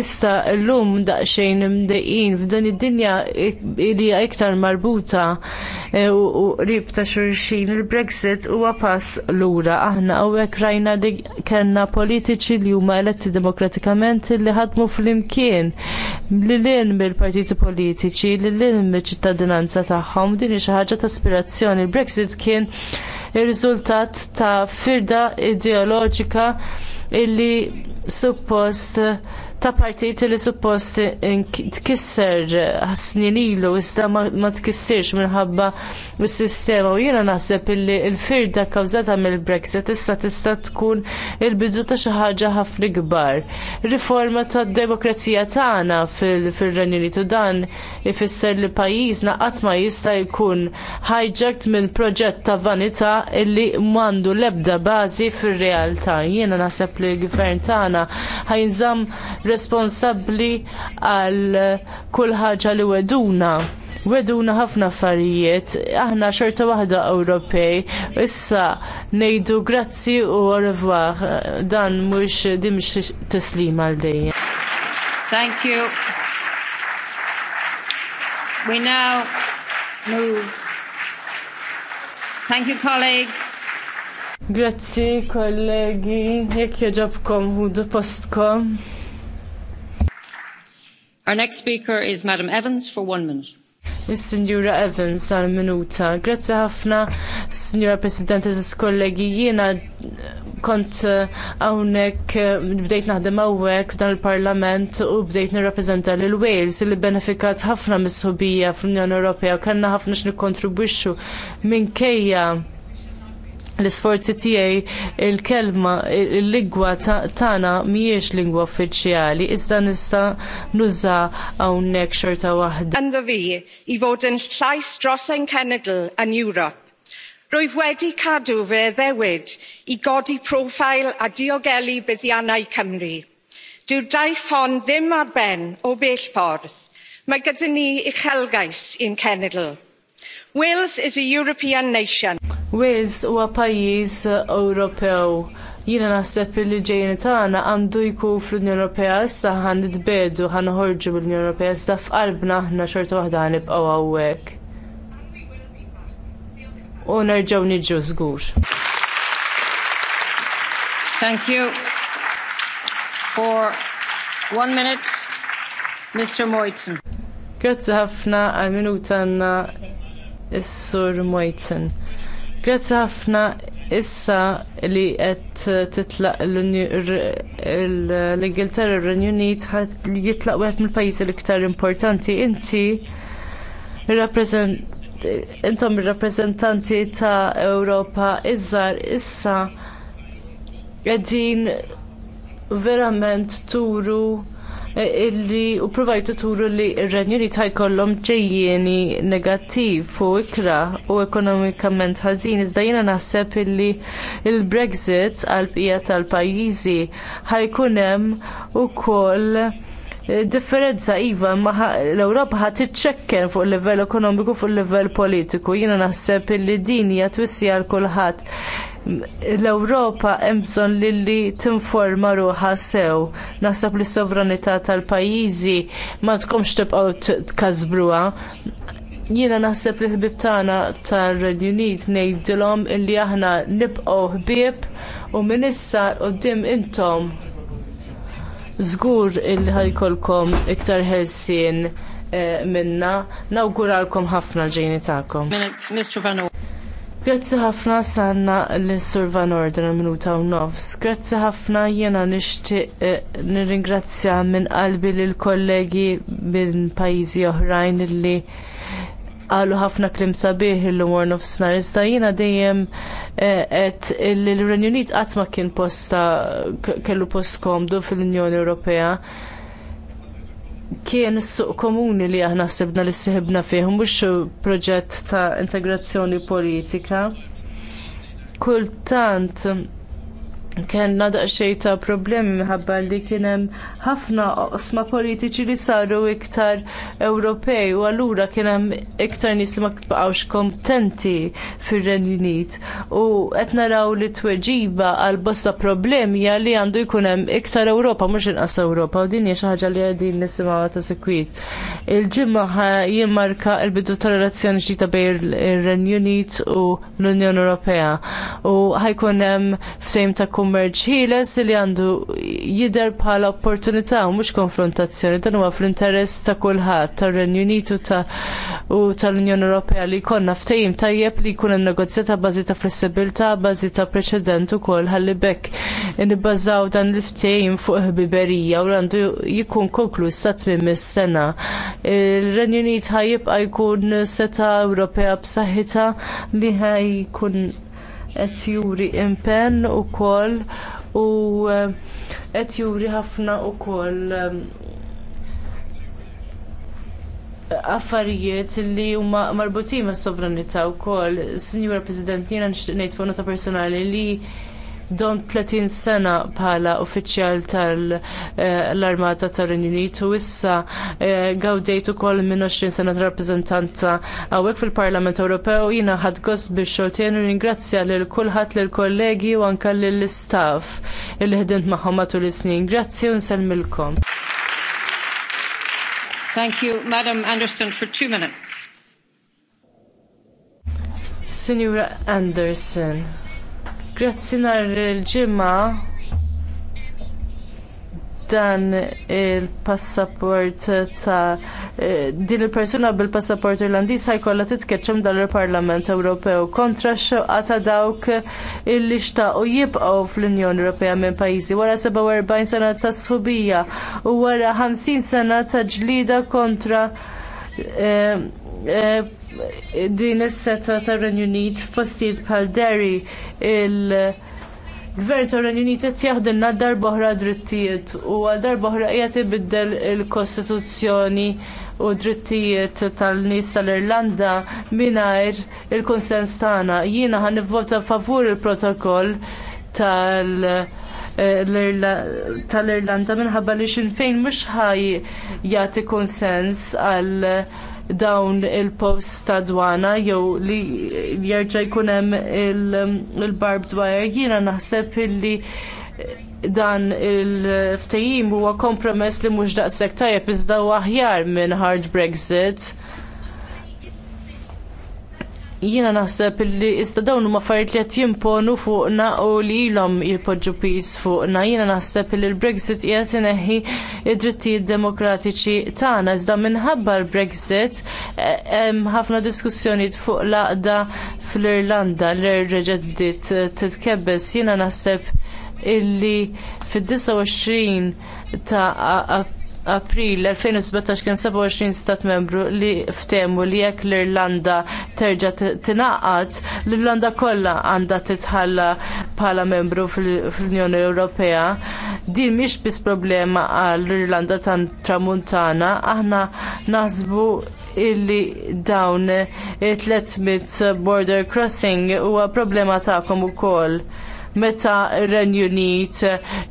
Issa llum daqsxejn imdejqin f'dan id-dinja li iktar marbuta e, u qrib ta' xulxin il-Brexit huwa pass lura. Aħna hawnhekk rajna li kellna politiċi li huma eletti demokratikament li ħadmu flimkien li lil mill-partiti politiċi li lil mill-ċittadinanza tagħhom din hi xi ħaġa ta' aspirazzjoni. Il-Brexit kien ir-riżultat ta' firda ideoloġika illi suppost ta' partiti li suppost tkisser eh, snin ilu iżda ma tkissirx minħabba s sistema u jiena naħseb illi l-firda kkawżata mill-Brexit issa tista' tkun il-bidu ta' xi ħaġa ħafna kbar. Riforma tad-demokrazija tagħna fil-Renju Unitu dan ifisser li pajjiżna qatt ma jista' jkun hijacked minn proġett ta' vanità illi m'għandu l-ebda bażi fir-realtà. Jiena naħseb li l-gvern tagħna ħajnżamm responsabbli għal kull ħaġa li weduna. Weduna ħafna affarijiet, aħna xorta waħda Ewropej, issa ngħidu grazzi u revoir, dan mhux dimx teslim għal dejjem. Thank you. We now move. Thank you colleagues. Grazzi kollegi, jekk joġobkom u postkom. Our next speaker is Madam Evans for one minute. Is-Sinjura Evans għal minuta. Grazzi ħafna, Sinjura President, eżis kollegi, jiena eh, kont għawnek, eh, eh, bdejt naħdem għawek f'dan il-parlament u bdejt nirrapprezenta l wales li benefikat ħafna mis-sobija fl-Unjoni Ewropea u kanna ħafna minn kejja l-isforzi tiegħi il-kelma il-lingwa tagħna mhijiex lingwa uffiċjali, iżda nista' nuża hawnhekk xorta waħda. Għandha fi i fod yn llais dros ein cenedl yn Ewrop. Rwyf wedi cadw fy addewid i godi profil a diogelu buddiannau Cymru. Dyw'r daith hon ddim ar ben o bell ffordd. Mae gyda ni uchelgais i'n cenedl. Wales is a European nation. Wales huwa pajjiż Ewropew. Jiena naħseb li ġejjin tagħna għandu jkun fl-Unjoni Ewropea issa ħan nitbiedu ħan noħorġu mill-Unjoni Ewropea iżda f'qalbna aħna xorta waħda nibqgħu hawnhekk. U nerġgħu niġu żgur. Thank you. For one minute, Mr. Moiten. Grazzi ħafna għal minuta għanna is-sur Moiten. Grazzi ħafna issa li qed titlaq l-Ingilterra r-Renju Unit jitlaq wieħed mill-pajjiżi l-iktar importanti inti intom ir-rappreżentanti ta' Ewropa iżgħar issa qegħdin verament turu Eh, illi u provajtu turu li r-renjuri jkollhom ġejjieni negattiv u ikra u ekonomikament ħażin. Iżda jiena naħseb illi il-Brexit għal-bqija tal-pajjiżi ħajkun hemm ukoll eh, differenza iva l-Ewropa ħat iċċekken fuq il livell ekonomiku fuq il livell politiku. Jiena naħseb illi din hija twissija għal kulħadd l-Ewropa hemm bżonn li tinforma ruħha sew. Naħseb li sovranità tal-pajjiżi ma tkomx tibqgħu tkażbruha. Jiena naħseb li ħbib tagħna tar-Renju Unit ngħidilhom illi aħna nibqgħu ħbieb u minn issa quddiem intom żgur illi ħajkolkom iktar ħelsien eh, minna nawguralkom ħafna ġejni tagħkom. Grazzi ħafna sanna l-Sur Van Orden minuta u nofs. Grazzi ħafna jena nishtiq eh, nirringrazzja minn qalbi lil kollegi minn pajjiżi oħrajn li qalu ħafna klim sabiħ illum war nofsnar. Iżda jiena dejjem eh, qed l-Renju Unit qatt ma kien posta kellu post komdu fil-Unjoni Ewropea kien is-suq komuni li aħna ħsibna li sihibna fih, mhux proġett ta' integrazzjoni politika. Kultant kellna daqsxejn ta' problemi minħabba li kien hemm ħafna oqsma politiċi li saru iktar Ewropej u allura kien hemm iktar nies li ma kbaqgħux kontenti fir-Renju Unit u qed naraw li tweġiba għal bosta problemi li għandu jkun hemm iktar Ewropa mhux inqas Ewropa u din hija xi ħaġa li qegħdin nisimgħu ta' sekwit. Il-ġimgħa jimmarka l-bidu ta' relazzjoni ġdida bejn ir-Renju Unit u l-Unjoni Ewropea u ħajkun hemm ftehim ta' kummerċ ħieles li għandu jidher bħala opportunità opportunità ta' mhux konfrontazzjoni dan huwa fl-interess ta' kulħadd tar-Renju Unitu ta' u tal-Unjoni Ewropea li jkollna ftehim tajjeb li jkun innegozjat ta' bażi ta' flessibilità, bażi ta' preċedent ukoll ħalli bekk nibbażaw dan il-ftehim fuq ħbiberija u għandu jkun konkluż sa tmiem is-sena. Ir-Renju Unit ħajjibqa' jkun seta' Ewropea b'saħħitha li ħajkun qed juri impenn ukoll u qed juri ħafna wkoll um, affarijiet li huma marbutin mas sovranità wkoll. Sinjura President, jiena nixtieq ngħid fuq nota personali li dom 30 sena bħala uffiċjal tal-Armata eh, tal-Renju Unitu issa eh, gawdejt ukoll minn 20 sena ta' rappreżentanza hawnhekk fil-Parlament Ewropew jiena ħadd gost biex xoltien u ringrazzja lil kulħadd lill kollegi u anke lill istaff illi ħdimt magħhom matul is-snin. Grazzi u nsellmilkom. Thank you, Madam Anderson, for two minutes. Signora Anderson. Grazzi nhar il-ġimgħa dan il-passaport ta' eh, din il-persuna bil-passaport irlandiż ħajkollha titkeċċem dan il-Parlament Ewropew kontra x-xewqa ta' dawk illi xtaqu jibqgħu fl-Unjoni Ewropea minn pajjiżi wara 47 sena ta' sħubija u wara 50 sena ta' ġlida kontra eh, eh, din is-seta tar-Renju Unit f'postijiet bħal Derry il- Gvern ta' Unit qed jaħdilna boħra drittijiet u għal boħra qiegħed ibiddel il-Kostituzzjoni u drittijiet tal-nies tal-Irlanda mingħajr il-konsens tagħna. Jiena ħan nivvota favur il-protokoll tal- tal-Irlanda minħabba li xinfejn mhux ħaj jagħti konsens għal dawn il-post ta' dwana jew li jerġa' jkun hemm il-barbed wire jiena naħseb illi dan il-ftehim huwa kompromess li mhux daqshekk tajjeb iżda aħjar minn hard Brexit Jiena naħseb li iżda dawn huma affarijiet li qed jimponu fuqna u li ilhom jipoġġu pis fuqna. Jiena naħseb li l-Brexit qiegħed ineħħi id-drittijiet demokratiċi tagħna iżda minħabba l-Brexit e, hemm ħafna diskussjonijiet fuq laqda fl-Irlanda l-reġeddit titkebbes jiena naħseb illi fid-29 ta' April 2017 kien 27 stat membru li ftemu li jekk l-Irlanda terġa tingħaqad, l-Irlanda kollha għandha titħalla bħala membru fl-Unjoni Ewropea. Din mhix biss problema għall irlanda tan-Tramuntana, aħna naħsbu illi dawn 300 border crossing huwa problema tagħkom ukoll meta r-Renju Unit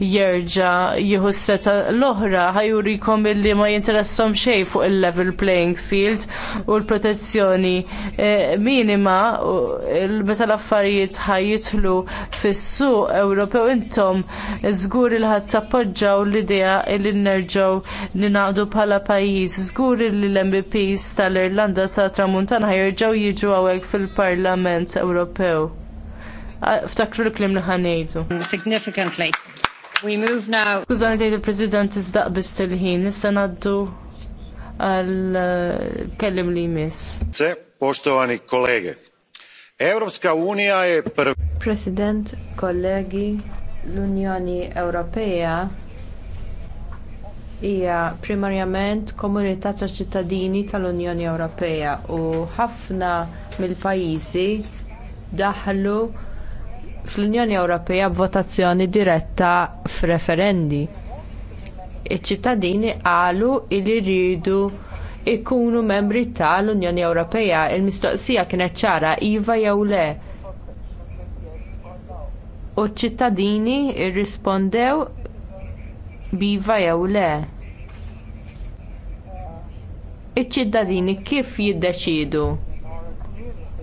jerġa jieħu s-seta l-oħra ħajurikom illi ma jinteressom xejn fuq il-level playing field u l-protezzjoni eh, minima meta l-affarijiet ħajitlu fis Ewropew intom żgur il ħadd tappoġġaw l-idea li nerġgħu ninaqdu bħala pajjiż. Żgur li l-MPs tal-Irlanda ta' Tramuntana ħajrġgħu jiġu hawnhekk fil-Parlament Ewropew ftakru l-klim li ħanejdu. Significantly. We move now. Kużan tgħid il-President izdaq bis tilħin, issa ngħaddu għal eh, kellim li jmiss. Se, poštovani kolege. Evropska Unija je prv... President, kollegi, l-Unjoni Ewropea hija primarjament komunità ta' ċittadini tal-Unjoni Ewropea u ħafna mill-pajjiżi daħlu fl-Unjoni Ewropea b'votazzjoni diretta f'referendi. Iċ-ċittadini qalu li jridu ikunu membri tal-Unjoni Ewropea. Il-mistoqsija kienet ċara iva jew le. U ċ-ċittadini rrispondew biva jew le. Iċ-ċittadini kif jiddeċiedu?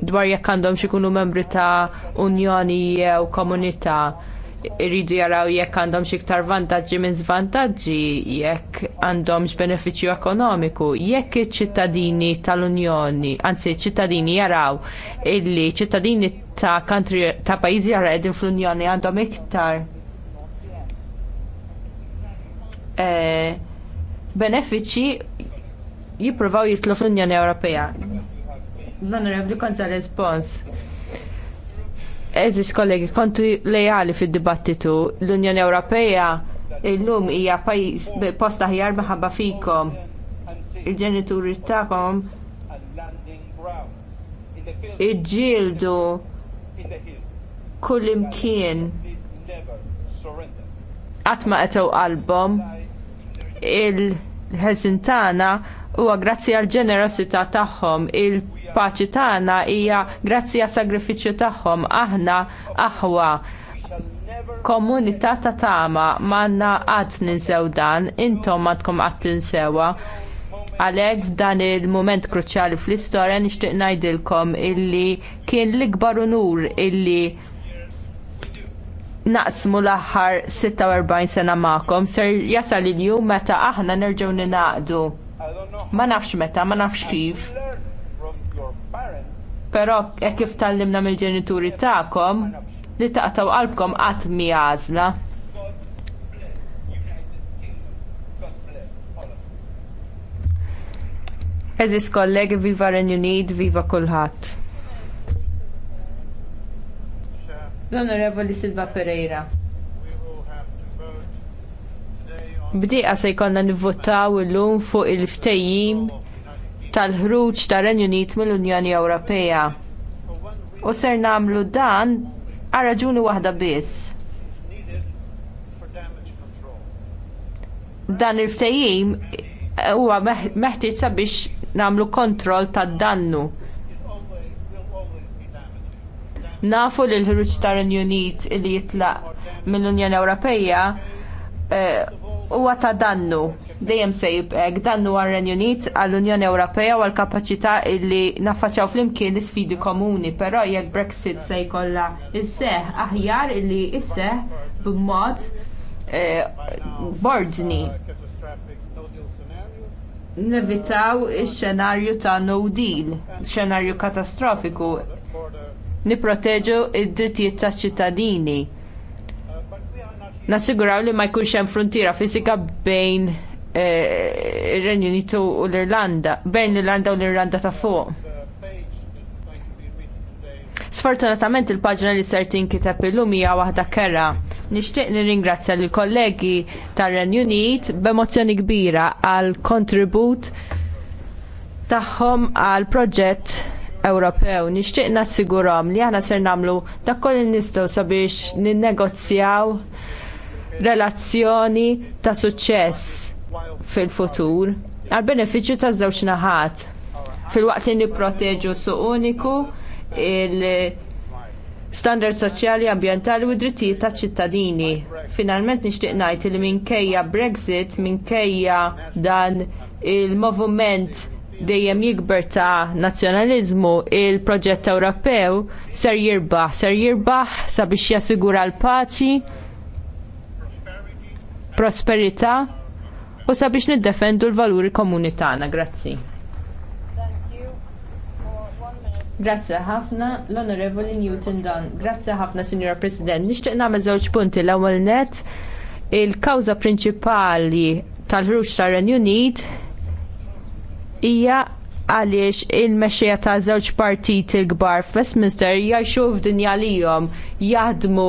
dwar jekk għandhom jkunu membri ta' unjoni jew komunità irridu jaraw jekk għandhom xiktar vantaġġi minn żvantaġġi, jekk għandhom benefiċċju ekonomiku, jekk iċ-ċittadini tal-Unjoni, anzi ċittadini jaraw illi ċittadini ta' country ta' pajjiżi jara qegħdin fl-Unjoni għandhom iktar e, benefiċċji jippruvaw jitlu fl-Unjoni Ewropea l-Onorevli Gonzalez Pons. Eżis kollegi, kontu lejali fil-dibattitu, l-Unjoni Ewropea lum hija pajjiż posta ħjar maħabba fikom. Il-ġenituri tagħkom iġġieldu kull imkien għatma għetew qalbhom il-ħeżintana huwa grazzi għal ġenerosità tagħhom il paċi tagħna hija grazzi għas sagrifiċċju tagħhom aħna aħwa komunità ta' tama manna qatt ninsew dan, intom għadkom qatt tinsewa. Għalhekk f'dan il mument kruċjali fl-istorja nixtieq ngħidilkom illi kien l-ikbar unur illi naqsmu l-aħħar 46 sena magħkom ser jasal il-jum meta aħna nerġgħu ninaqdu. Ma nafx meta, ma nafx kif. Però jekk kif tallimna mill-ġenituri tagħkom li taqtaw qalbkom qatt mi għażla. Eżis kollegi, viva Renju Unit, viva kulħadd. L-Onorevoli Silva Pereira. Bdiqa se jkollna nivvotaw illum fuq il-ftejjim tal-ħruġ tar-Renju Unit mill-Unjoni Ewropea. U ser nagħmlu dan għal raġuni waħda biss. Dan il-ftehim huwa meħtieġ sabiex nagħmlu kontroll tad-dannu. Nafu li l-ħruġ tar-Renju Unit li jitlaq mill-Unjoni Ewropea eh, huwa ta' dannu dejjem se jibqek dan huwa Unit għall-Unjoni Ewropea u għall-kapaċità li naffaċċaw flimkien l-isfidi komuni, però jekk Brexit se jkollha isseħ aħjar li isseħ b'mod eh, bordni. Nevitaw ix-xenarju ta' no deal, xenarju katastrofiku. Niproteġu id-drittijiet taċ ċittadini nassiguraw li ma jkunx hemm fruntiera fiżika bejn ir-Renju eh, Unitu u l-Irlanda, bejn l-Irlanda u l-Irlanda ta' fuq. Sfortunatament il-paġna li ser tinkiteb illum hija waħda kera. Nixtieq nirringrazzja lill kollegi tar-Renju Unit b'emozzjoni kbira għal kontribut tagħhom għal proġett Ewropew. Nixtieq nassigurom li aħna ser nagħmlu dak kolli nistgħu sabiex ninnegozjaw relazzjoni ta' suċċess fil-futur għal benefiċċju taż-żewġ naħat fil-waqt li nipproteġu suq uniku il-standard soċjali, ambjentali u drittijiet taċ ċittadini. Finalment nixtieq ngħid li minkejja Brexit, minkejja dan il movement dejjem jikber ta' nazzjonaliżmu il-proġett Ewropew ser jirbaħ, ser jirbaħ sabiex jassigura l-paċi, prosperità u sabiex niddefendu l-valuri komuni tagħna. Grazzi. Grazzi ħafna l-Onorevoli Newton Dunn. Grazzi ħafna, Signora President. Nixtieq nagħmel żewġ punti l-ewwel net il-kawża prinċipali tal-ħruġ tar-Renju Unit hija għaliex il mexxija ta' żewġ partiti il-kbar f'Westminster jgħixu f'dinja lihom jaħdmu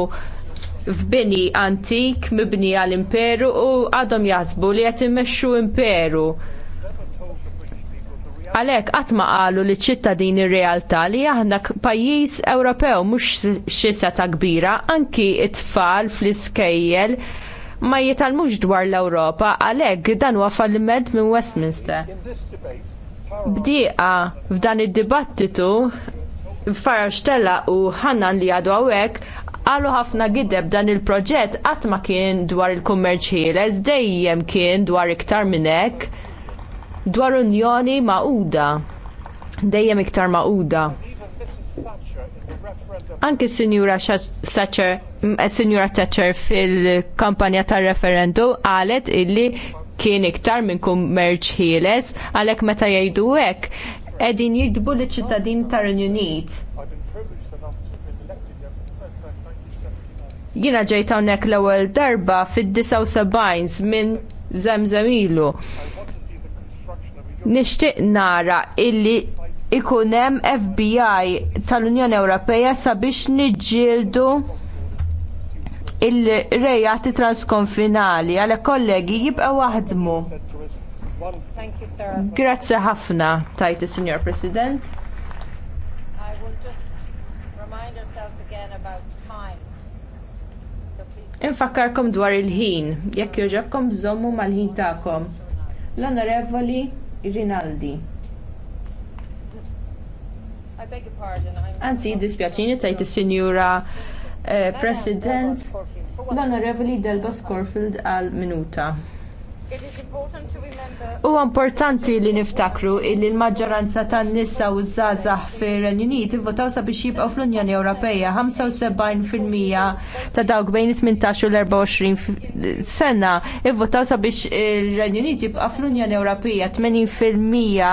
f'bini antik mibni għal imperu u għadhom jaħsbu li qed immexxu imperu. Għalhekk qatt ma qalu li ċittadini realtà li aħna pajjiż Ewropew mhux xi seta kbira, anki t tfal fl-iskejjel ma jitalmux dwar l-Ewropa għalhekk dan huwa falliment minn Westminster. Bdieqa f'dan id-dibattitu Farage Stella u Hannan li għadu għawek Għalu ħafna gideb dan il-proġett qatt ma kien dwar il-kummerċ ħieles, dejjem kien dwar iktar minn hekk, dwar unjoni maquda. Dejjem iktar maquda. Anki Sinjura Thatcher, eh, Sinjura Thatcher fil-kampanja tar-referendu qalet illi kien iktar minn kummerċ ħieles għalhekk meta jgħidu hekk qegħdin jikdbu liċ ċittadin tar-Unjonijiet Jiena ġejt hawnhekk l-ewwel darba fid-79 minn żemżem ilu. Nixtieq nara illi ikun hemm FBI tal-Unjoni Ewropea sabiex niġġieldu il-rejati transkonfinali għal kollegi jibqa' waħdmu. Grazzi ħafna, tajti, Signor President. Infakkarkom dwar il-ħin, jekk joġobkom bżommu mal-ħin tagħkom. L-Onorevoli Rinaldi. Anzi, dispjaċini tajt is-Sinjura eh, President l-Onorevoli Delba Scorfield għal minuta. U importanti li niftakru illi l-maġġoranza tan nisa u żgħażagħ fir-Renju Unit ivvotaw sabiex jibqgħu fl-Unjoni Ewropea 75% ta' dawk bejn 18 u l-24 sena ivvotaw sabiex ir-Renju Unit jibqa' fl-Unjoni Ewropea 80%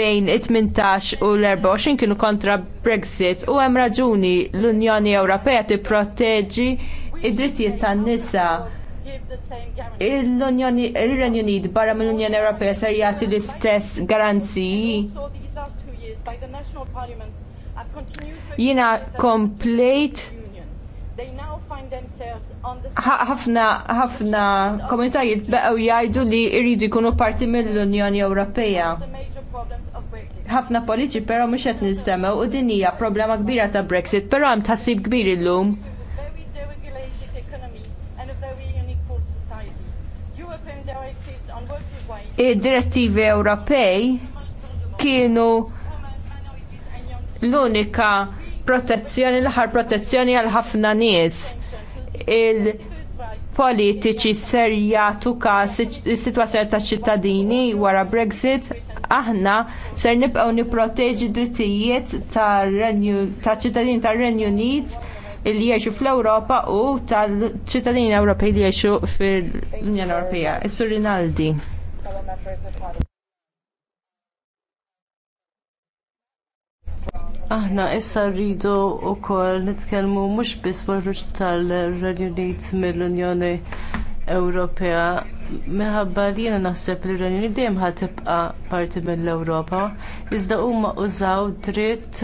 bejn 18 u l-24 kienu kontra Brexit u hemm raġuni l-Unjoni Ewropea tipproteġġi id-drittijiet tan-nisa Il-Unjoni il-Renju Unit barra mill-Unjoni Ewropea ser jati l-istess garanzi. Jina komplejt ħafna ħafna komunitajiet beqgħu jgħidu li jridu jkunu parti mill-Unjoni Ewropea. Ħafna politiċi però mhux qed nistemew u din hija problema kbira ta' Brexit, però hemm tħassib kbir illum. id-direttivi Ewropej kienu l-unika protezzjoni, l-aħħar protezzjoni għal ħafna nies. Il-politiċi ser jagħtu situazzjoni is-sitwazzjoni taċ ċittadini wara Brexit aħna ser nibqgħu niproteġi drittijiet ta' ċittadini tar-Renju Unit li jgħixu fl-Ewropa u tal-ċittadini Ewropej li jiexu fil-Unjoni Ewropea. Is-Sur Rinaldi fellow members of Parliament. Aħna issa rridu wkoll nitkellmu mhux biss warruġ tal-Renju mill-Unjoni Ewropea minħabba li jiena naħseb li r dejjem ħatibqa' tibqa' parti mill-Ewropa, iżda huma użaw dritt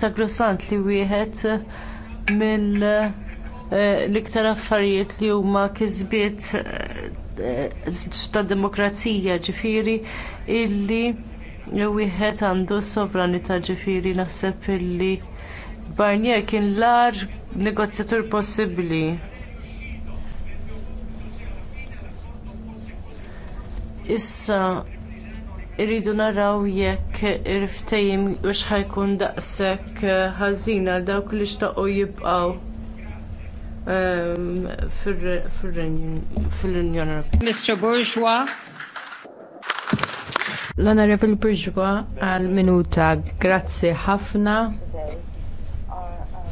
sagrosant li wieħed mill- eh, iktar affarijiet li huma kisbiet eh, ta' demokrazija ġifiri illi wieħed għandu s-sovranità ġifiri naħseb illi Barnier kien l-ar negozjatur possibbli. Issa irridu naraw jekk irftejim u xħajkun daqshekk ħażin għal dawk li xtaqgħu jibqgħu. Um, fil-Unjoni Ewropea. Mr. Bourgeois. L-Honorable Bourgeois għal-minuta, grazzi ħafna.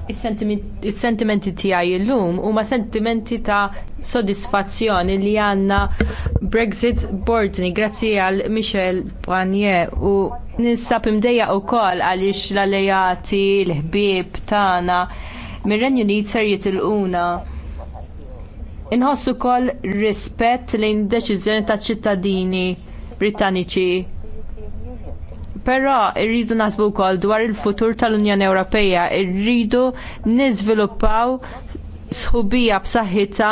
Is-sentimenti tiegħi illum huma sentimenti ta' sodisfazzjoni li għandna Brexit Bordni grazzi għal Michel Barnier u ninsab imdejja wkoll għaliex l-allejati, l-ħbieb tagħna mir-Renju Unit ser jitilquna. Inħossu kol rispett lejn deċiżjoni ta' ċittadini Britanniċi. Però irridu nasbu wkoll dwar il-futur tal-Unjoni Ewropea, irridu niżviluppaw sħubija b'saħħitha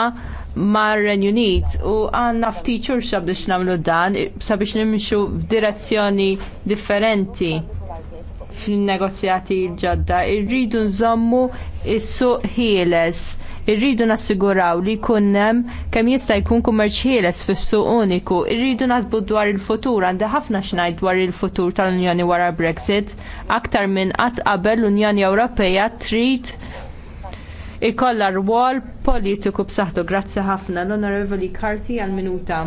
mar-Renju Unit u għandna ftit xurxa biex nagħmlu dan sabiex nimxu f'direzzjoni differenti fil-negozjati ġodda. Irridu nżommu is-suq ħieles. Irridu nassiguraw li jkun hemm kemm jista' jkun kummerċ ħieles fis-suq uniku. Irridu nasbu dwar il-futur, għandi ħafna xnajt dwar il-futur tal-Unjoni wara Brexit. Aktar minn qatt qabel l-Unjoni Ewropea trid ikollha rwol politiku b'saħħtu. Grazzi ħafna l-Onorevoli Karti għal-minuta.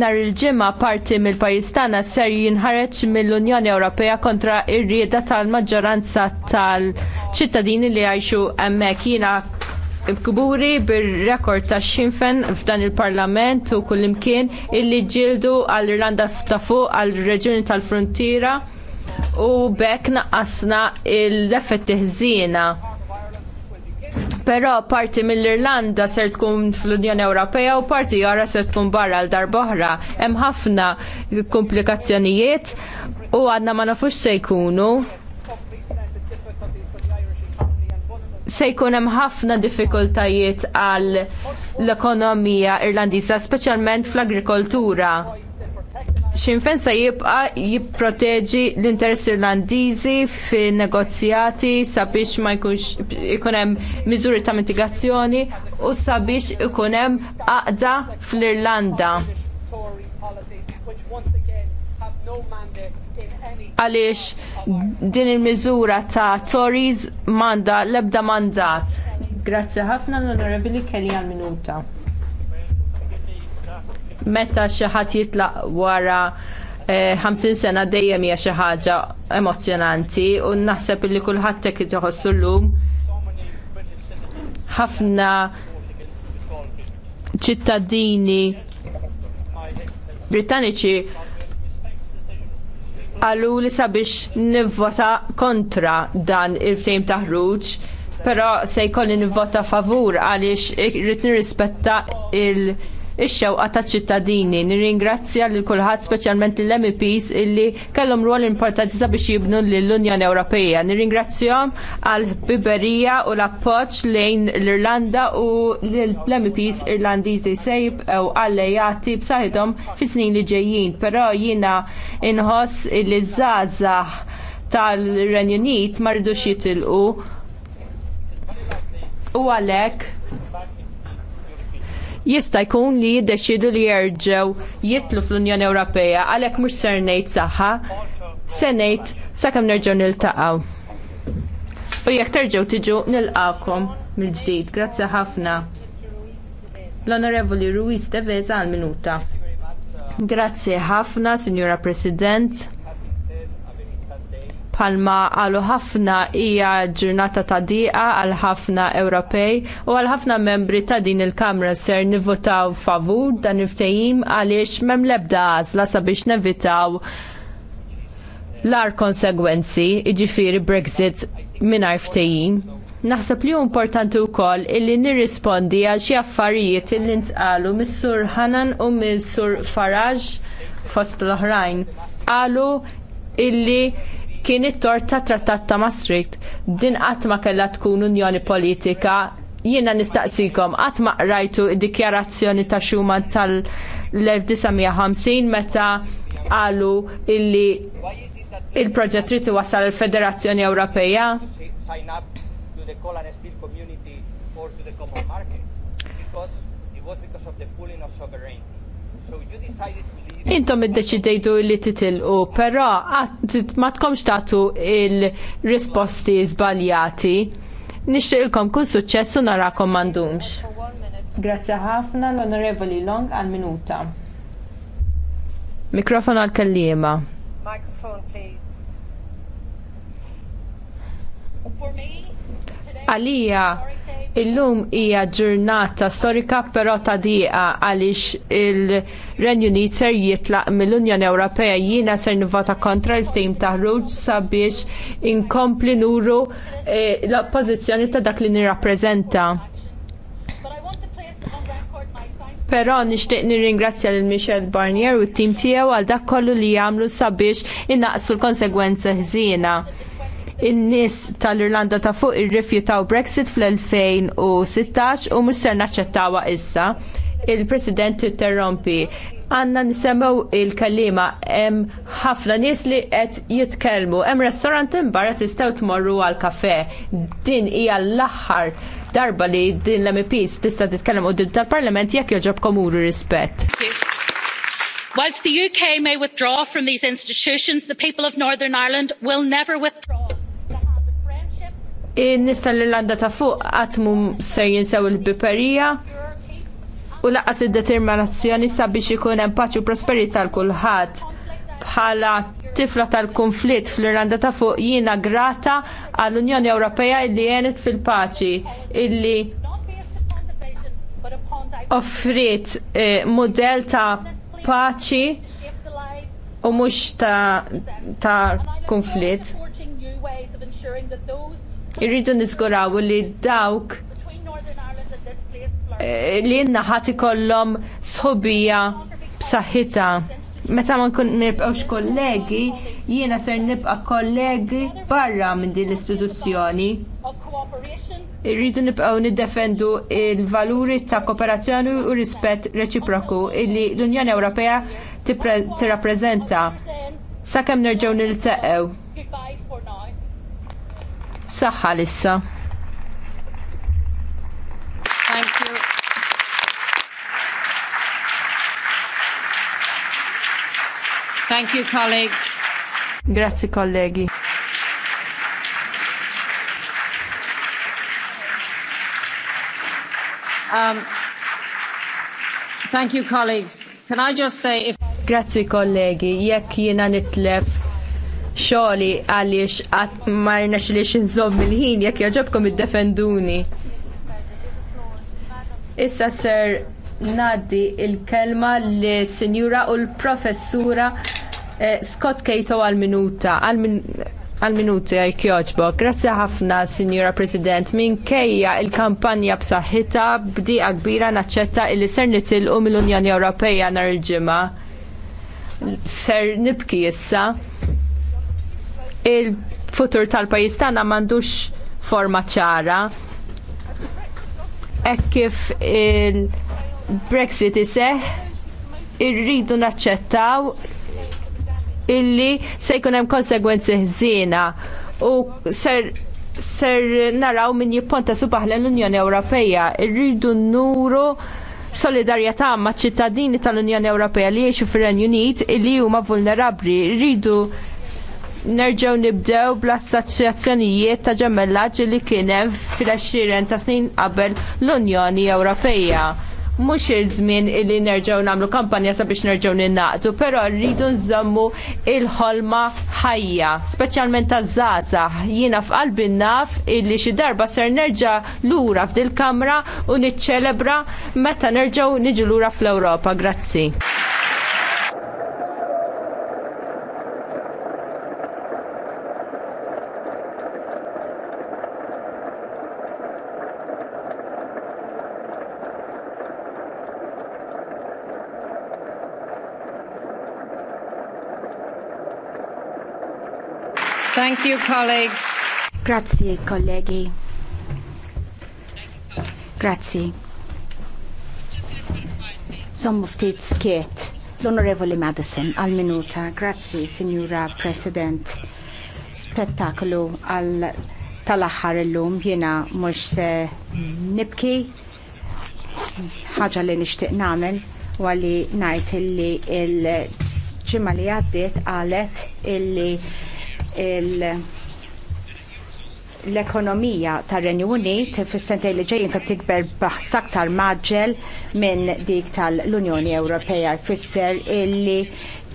Nar il-ġimgħa parti mill-pajjiż tagħna ser jinħareġ mill-Unjoni Ewropea kontra r rieda tal-maġġoranza tal-ċittadini li għajxu hemmhekk jiena kburi bir-rekord ta' xinfen f'dan il-Parlament u kullimkien illi ġildu għall-Irlanda ta' fuq għall reġuni tal-Frontiera u bekk naqqasna l-effetti ħżiena Però parti mill-Irlanda ser tkun fl-Unjoni Ewropea u parti oħra ser tkun barra l darboħra Hemm ħafna komplikazzjonijiet u għadna ma nafux se jkunu se jkun hemm ħafna diffikultajiet għall l-ekonomija Irlandiża, speċjalment fl-agrikoltura. Xinfen se jibqa jipproteġi l-interess irlandiżi fin negozjati sabiex ma jkunx ikun hemm miżuri ta' mitigazzjoni u sabiex ikun hemm għaqda fl-Irlanda. Għaliex din il-miżura ta' Tories manda l-ebda mandat. Grazzi ħafna l-Onorevoli Kelly għal-minuta meta xi ħadd jitlaq wara 50 eh, sena dejjem hija xi ħaġa emozjonanti u naħseb li kulħadd hekk iħossu llum ħafna ċittadini Britanniċi għallu li sabiex nivvota kontra dan il ta' ħruġ, però se jkolli nivvota favur għaliex irrid nirrispetta il-, -il ix-xewqa taċ ċittadini. Nirringrazzja lil kulħadd speċjalment lill-MEPs illi kellhom rwol importanti sabiex jibnu lill-Unjoni Ewropea. Nirringrazzjahom għal biberija u l-appoġġ lejn l-Irlanda u lill-MEPs Irlandiżi sejb u għallejati b'saħħithom fis-snin li ġejjin, però jiena inħoss li żgħażagħ tal-Renju Unit ma rridux jitilqu u għalhekk jista' jkun li jiddeċidu li jerġgħu jitlu fl-Unjoni Ewropea għalhekk mhux ser ngħid saħħa, se ngħid sakemm nerġgħu niltaqgħu. U jekk terġgħu tiġu nilqakom mill-ġdid, grazzi ħafna. L-Onorevoli Ruiz Tevez għal minuta. Grazzi ħafna, Signora President palma għalu ħafna hija ġurnata ta' diqa għal ħafna Ewropej u għal ħafna membri ta' din il-Kamra ser nivvotaw favur dan il-ftehim għaliex mem lebda għażla sabiex nevitaw l-ar konsegwenzi, iġifiri Brexit mingħajr ftehim. Naħseb li hu importanti wkoll illi nirrispondi għal xi affarijiet illi nqalu mis-sur Hanan u mis-sur Faraj fost l-oħrajn. Qalu illi kien it torta trattat ta' Maastricht. Din qatt ma kellha tkun unjoni politika. Jiena nistaqsikom qatt ma qrajtu d-dikjarazzjoni ta' Schumann tal-1950 meta qalu illi il-proġett trid wasal il-Federazzjoni Ewropea. Intom iddeċidejtu li titilqu, però ma tkomx tagħtu il-risposti żbaljati. nixtieqkom kull suċċessu narakom mandumx. Grazzi ħafna l-Onorevoli Long għal minuta. Mikrofon għal kelliema. Għalija, Illum hija ġurnata storika però ta' diqa għaliex il-Renju Unit ser jitlaq mill-Unjoni Ewropea jiena ser nivota kontra l ftim ta' ħruġ sabiex inkompli nuru eh, l-oppożizzjoni ta' dak li nirrappreżenta. Però nixtieq nirringrazzja lil Michel Barnier u t-tim tiegħu għal dak kollu li jagħmlu sabiex innaqsu l-konsegwenza ħżiena in-nies tal-Irlanda ta' fuq irrifjutaw Brexit fl-2016 u mhux ser naċċettawha issa. Il-President interrompi. għanna nisemmew il kelliema hemm ħafna nies li qed jitkellmu. Hemm restorant barra tistgħu tmorru għal kafè. Din hija l-aħħar darba li din l-MPs tista' titkellem quddiem tal-Parlament jekk joġobkom uru rispett. Whilst the UK may withdraw from these institutions, the people of Northern Ireland will never withdraw nista l-Irlanda ta' fuq għatmu se jinsew il-biperija u laqqas id-determinazzjoni sabiex ikun hemm paċi u prosperità l kulħadd bħala tifla tal-konflitt fl-Irlanda ta' fuq jiena grata għall-Unjoni Ewropea illi għenet fil-paċi illi offrit eh, ta' paċi u mhux ta', ta konflitt. Irridu nizguraw li dawk eh, li ħati ikollhom sħubija b'saħħitha. Meta ma nkun nibqgħux kollegi, jiena ser nibqa' kollegi barra minn din l-istituzzjoni. Irridu nibqgħu niddefendu l valuri ta' kooperazzjoni u rispett reċiproku illi l-Unjoni Ewropea tirrappreżenta sakemm nerġgħu niltaqgħu saħħa lissa. Thank you. Thank you, colleagues. Grazie, kollegi. Um, thank you, colleagues. Can I just say if... Grazie, kollegi. Jekk jiena nitlef xogħli għaliex qatt ma rnex li xinżomm il-ħin jekk jogħġobkom iddefenduni. Issa ser ngħaddi l kelma lis sinjura u l-professura eh, Scott Cato għal-minuta, għal-minuti jekk jogħġbok. Grazzi ħafna, sinjura President, minn kejja il-kampanja b'saħħitha b'diqa kbira naċċetta illi ser nitilqu mill-Unjoni Ewropea nhar il-ġimgħa. Ser nibki issa il-futur tal-pajis tagħna m'għandux forma ċara. Hekk kif il-Brexit iseħħ irridu naċċettaw illi se jkun hemm konsegwenzi ħżiena u ser ser naraw min jipponta subaħ l-Unjoni Ewropea irridu nuru solidarjetà maċ ċittadini tal-Unjoni Ewropea li jgħixu fir-Renju Unit illi huma vulnerabbli rridu nerġaw nibdew bl-assoċjazzjonijiet ta' ġemmellaġġ li kien hemm fil-20 ta' snin qabel l-Unjoni Ewropea. Mhux iż-żmien li nerġgħu nagħmlu kampanja sabiex nerġgħu ninnaqdu, però rridu nżommu il-ħolma ħajja, speċjalment taż-żgħażagħ. Jiena f'qalbi naf illi xi darba ser nerġa' lura f'dil kamra u niċċelebra meta nerġgħu niġu lura fl-Ewropa. Grazzi. you, colleagues. Grazzi, kollegi. Grazzi. Sommu ftit skiet. l Madison, għal-minuta. Grazzi, Signora President. tal-axħar illum jena mux se nibki ħaġa li nishtiq namel u għalli najt illi il-ġimma li għaddit għalet illi l-ekonomija tar renju Unit fis-sentej li ġejjin se tikber baħs aktar maġġel minn dik tal-Unjoni Ewropea jfisser illi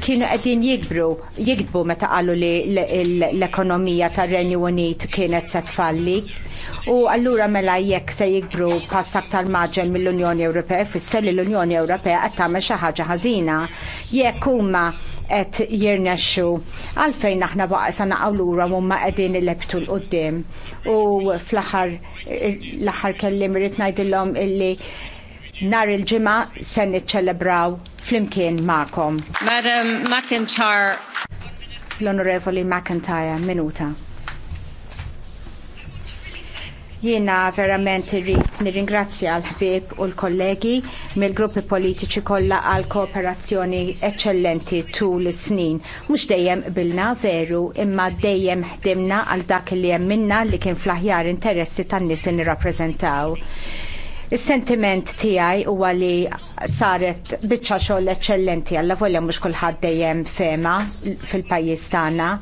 kienu qegħdin jikbru jikbu meta qalu li l-ekonomija tar renju Unit kienet se tfalli U allura mela jekk se jikbru pass aktar maġġel mill-Unjoni Ewropea fisser li l-Unjoni Ewropea qed tagħmel xi ħaġa ħażina jekk huma qed jirnexxu. Għalfejn aħna sa naqgħu lura mumma qegħdin ilebtu l qudiem U fl-aħħar l-aħħar kellim irrid ngħidilhom illi nhar il-ġimgħa se niċċelebraw flimkien magħkom. Madam McIntyre. L-Onorevoli McIntyre, minuta. Jiena verament irrid nirringrazzja l-ħbib u l-kollegi mill-gruppi politiċi kollha għal kooperazzjoni eċċellenti tul is-snin. Mhux dejjem bilna veru imma dejjem ħdimna għal dak li hemm minna li kien fl-aħjar interessi tan-nies li nirrappreżentaw. Is-sentiment tiegħi huwa li saret biċċa xogħol eċċellenti alla volja mhux kulħadd dejjem fema fil-pajjiż tagħna.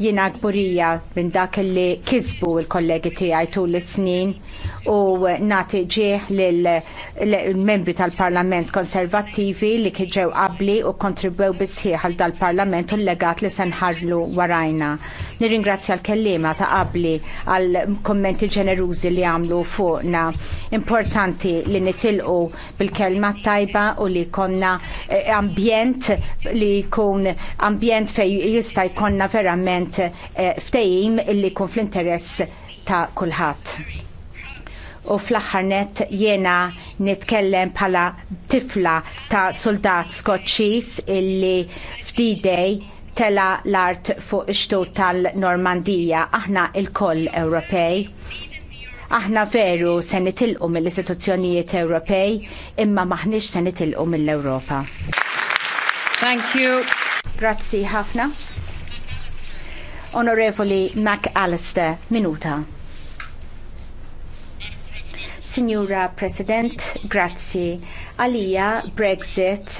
Jiena gburija minn dak li kisbu l kollegi tiegħi tul is-snin u nati ġieħ lill-membri tal-Parlament Konservattivi li kiġew qabbli u kontribwew bisħiħ għal dal-Parlament u l-legat li se nħarlu warajna. Nirringrazzja l-kellima ta' qabbli għal kommenti ġenerużi li għamlu fuqna. Importanti li nitilqu bil-kelma tajba u li konna eh, ambjent li jkun ambjent fej jista' jkollna verament kont eh, ftehim illi jkun fl-interess ta' kulħadd. U fl-aħħar nett jiena nitkellem bħala tifla ta' soldat skoċċiż illi f'D-Day tela l-art fuq ixtu tal-Normandija aħna l-koll Ewropej. Aħna veru se nitilqu mill-istituzzjonijiet Ewropej imma maħniex se nitilqu mill-Ewropa. Thank you. Grazzi ħafna. Onorevoli McAllister, minuta. Signora President, grazie. Għalija Brexit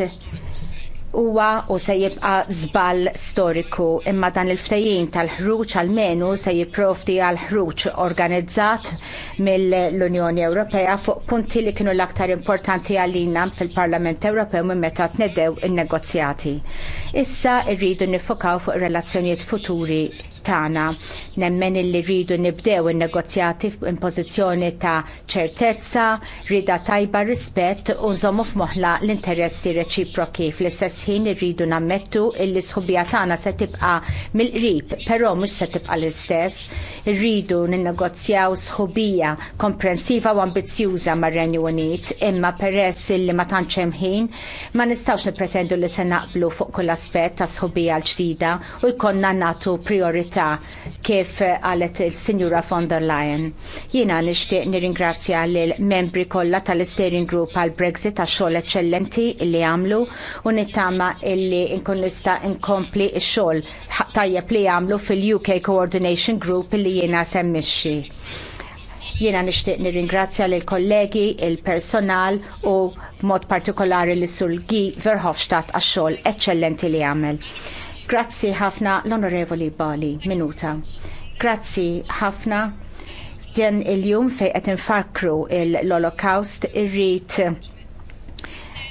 huwa u se jibqa' żball storiku imma dan il-ftehim tal-ħruġ għal-menu se jipprovdi għal ħruġ organizzat mill-Unjoni Ewropea fuq punti li kienu l-aktar importanti għalina fil-Parlament Ewropew minn meta tnedew in-negozjati. Issa rridu nifokaw fuq relazzjonijiet futuri tagħna. Nemmen illi rridu nibdew in-negozjati f'impożizzjoni ta' ċertezza, rida tajba rispett u nżommu f'moħħla l-interessi reċiproki. Fl-istess ħin irridu nammettu illi sħubija tagħna se tibqa' mill-qrib, però mhux se tibqa' l-istess. Irridu ninnegozjaw sħubija komprensiva u ambizzjuża mar-Renju Unit, imma peress illi ma tantx hemm ħin ma nistgħux nippretendu li se naqblu fuq kull aspett ta' sħubija l-ġdida u jkollna nagħtu priorità verità kif għalet il-Sinjura von der Leyen. Jiena nixtieq nirringrazzja lill membri kollha tal-Steering Group għal Brexit għax xogħol eċċellenti li għamlu u nittama illi nkun nista' nkompli x-xogħol tajjeb li għamlu fil-UK Coordination Group li jiena semmixxi. Jiena nixtieq nirringrazzja lill kollegi il-personal u b'mod partikolari lis sur Gi Verhofstadt għax-xogħol eċċellenti li għamel. Grazzi ħafna l-Onorevoli Bali, minuta. Grazzi ħafna din il-jum fejn qed infakru l-Holocaust irrid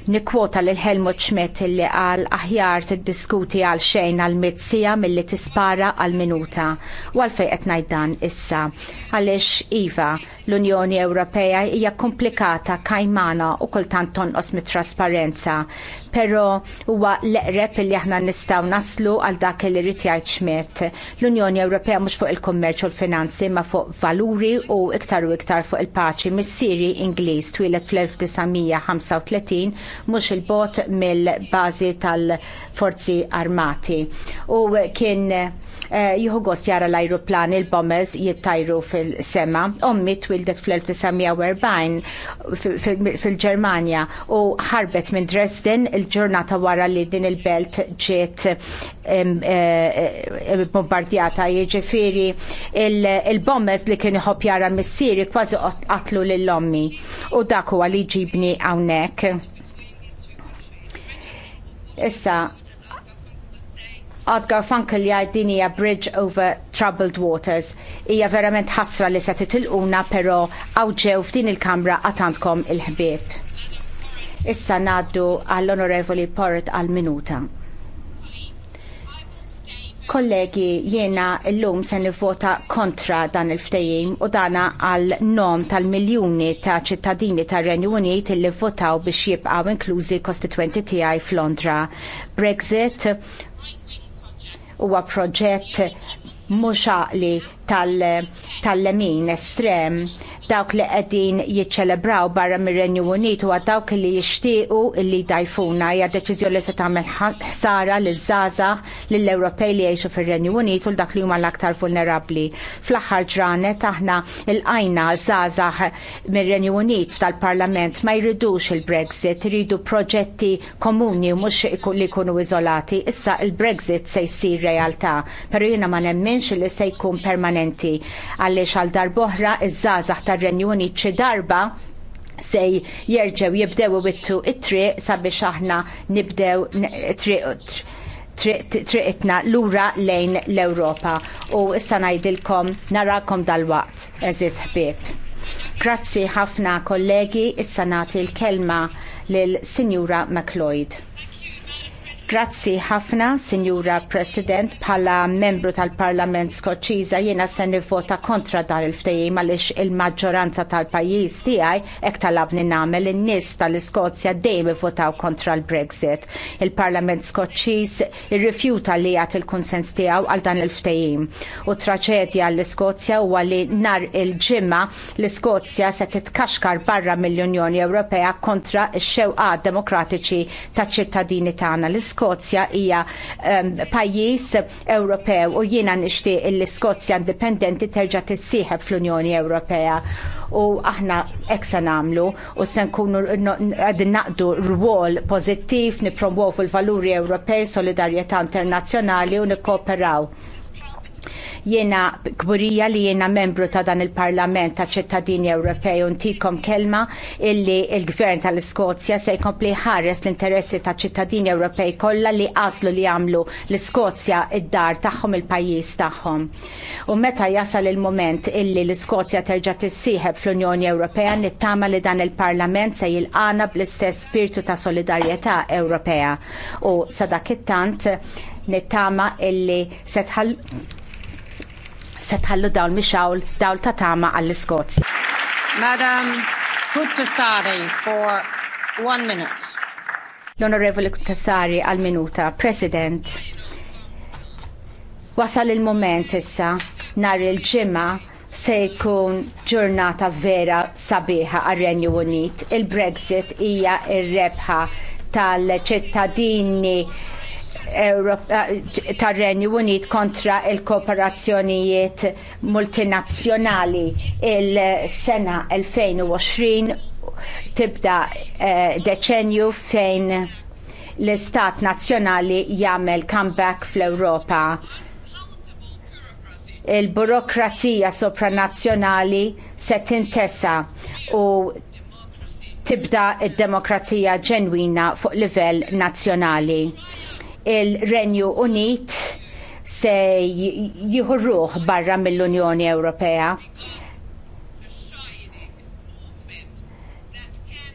nikkwota lil Helmut Schmidt illi qal aħjar tiddiskuti għal xejn għal mizzija milli tispara għal minuta u għal fejn qed ngħid dan issa. Għaliex iva l-Unjoni Ewropea hija komplikata kajmana u kultant tonqos mit-trasparenza però huwa l-eqreb li aħna nistgħu naslu għal dak li rrid jgħid L-Unjoni Ewropea mhux fuq il-kummerċ u l-finanzi ma fuq valuri u iktar u iktar fuq il-paċi mis-siri Ingliż twilet fl-1935 mhux il-bot mill-bażi tal-forzi armati. U kien Eh, jieħu gost jara l-ajruplan il-bombers jittajru fil-sema. Ommi twildet fl-1940 fil-Ġermanja u ħarbet minn Dresden il-ġurnata wara li din il-belt ġiet eh, eh, bombardjata jiġifieri il-bombers li kien iħobb jara missieri kważi qatlu lill-ommi u dak huwa li ġibni hawnhekk. Issa, Adgar Funkel jgħid din hija Bridge over Troubled Waters. Hija verament ħasra li se titilquna pero għawġew f'din il-kamra għatantkom il-ħbieb. Issa ngħaddu għall-Onorevoli Port għal-minuta. Kollegi, jiena l-lum sen nivvota kontra dan il-ftejim u dana għal nom tal-miljoni ta' ċittadini ta' Renju Unit li votaw biex jibqaw inklużi kostituenti tiegħi f'Londra. Brexit huwa proġett mhux għaqli tal-lemin tal estrem dawk li qegħdin jiċċelebraw barra mir-Renju Unit huwa dawk li jixtiequ illi dajfuna hija deċiżjoni li se tagħmel ħsara lil żgħażagħ lill Ewropej li jgħixu fir-Renju Unit u dak li huma l-aktar vulnerabbli. Fl-aħħar ġranet aħna l-qajna żgħażagħ mir-Renju Unit tal-Parlament ma jridux il-Brexit, iridu proġetti komuni u mhux li jkunu iżolati. Issa il-Brexit se jsir realtà, però jiena ma nemminx li se jkun permanenti permanenti għaliex għal darboħra iż-żgħażagħ tar-Renju Unit xi darba se jerġgħu jibdew wittu t triq sabiex aħna nibdew triq triqitna lura lejn l-Ewropa u issa ngħidilkom narakom dalwaqt eżis ħbieb. Grazzi ħafna kollegi, issa nagħti l-kelma lil Sinjura McLeod. Grazzi ħafna, Sinjura President, bħala membru tal-Parlament Skoċċiża jiena se nivvota kontra dan il-ftehim għaliex il-maġġoranza tal-pajjiż tiegħi hekk talabni nagħmel in-nies tal-Iskozja dejjem ivvotaw kontra l-Brexit. Il-Parlament Skoċċiż irrifjuta li jagħti il-kunsens tiegħu għal dan il-ftehim. U traċedja l-Iskozja huwa li nhar il-ġimgħa l-Iskozja se titkaxkar barra mill-Unjoni Ewropea kontra x xewqa demokratiċi taċ-ċittadini tagħna l l-Iskozja hija um, pajjiż Ewropew u jiena nixtieq li l-Iskozja indipendenti terġa' tissieħeb fl-Unjoni Ewropea u aħna eksa namlu u se nkunu għadin naqdu rwol pozittiv nipromuovu l-valuri Ewropej, solidarjetà internazzjonali u nikkooperaw Jiena kburija li jiena membru ta' dan il-Parlament ta' ċittadini Ewropej untikom kelma illi il-Gvern tal-Iskozja se jkompli ħares l-interessi ta' ċittadini Ewropej kollha li qaslu li jagħmlu l-Iskozja id-dar tagħhom il-pajjiż tagħhom. U meta jasal il-moment illi l-Iskozja terġa' tissieħeb fl-Unjoni Ewropea nittama li dan il-Parlament se jilqana bl-istess spiritu ta' solidarjetà Ewropea. U sadak it-tant nittama illi se setħal se tħallu dawl mixawl dawl ta' tama għall-Iskozja. Madam Kuttasari for one minute. L-Onorevoli Kuttasari għal-minuta, President. Wasal il-moment issa, nar il-ġimma se jkun ġurnata vera sabiħa għal renju Unit. Il-Brexit hija ir-rebħa il brexit hija ir rebħa tal ċittadini tar-Renju Unit kontra il-kooperazzjonijiet multinazzjonali il-sena 2020 tibda eh, deċenju fejn l-istat nazzjonali jagħmel comeback fl-Ewropa. Il-burokrazija sopranazzjonali se tintesa u tibda d demokrazija ġenwina fuq livell nazzjonali il-Renju Unit se jieħu barra mill-Unjoni Ewropea.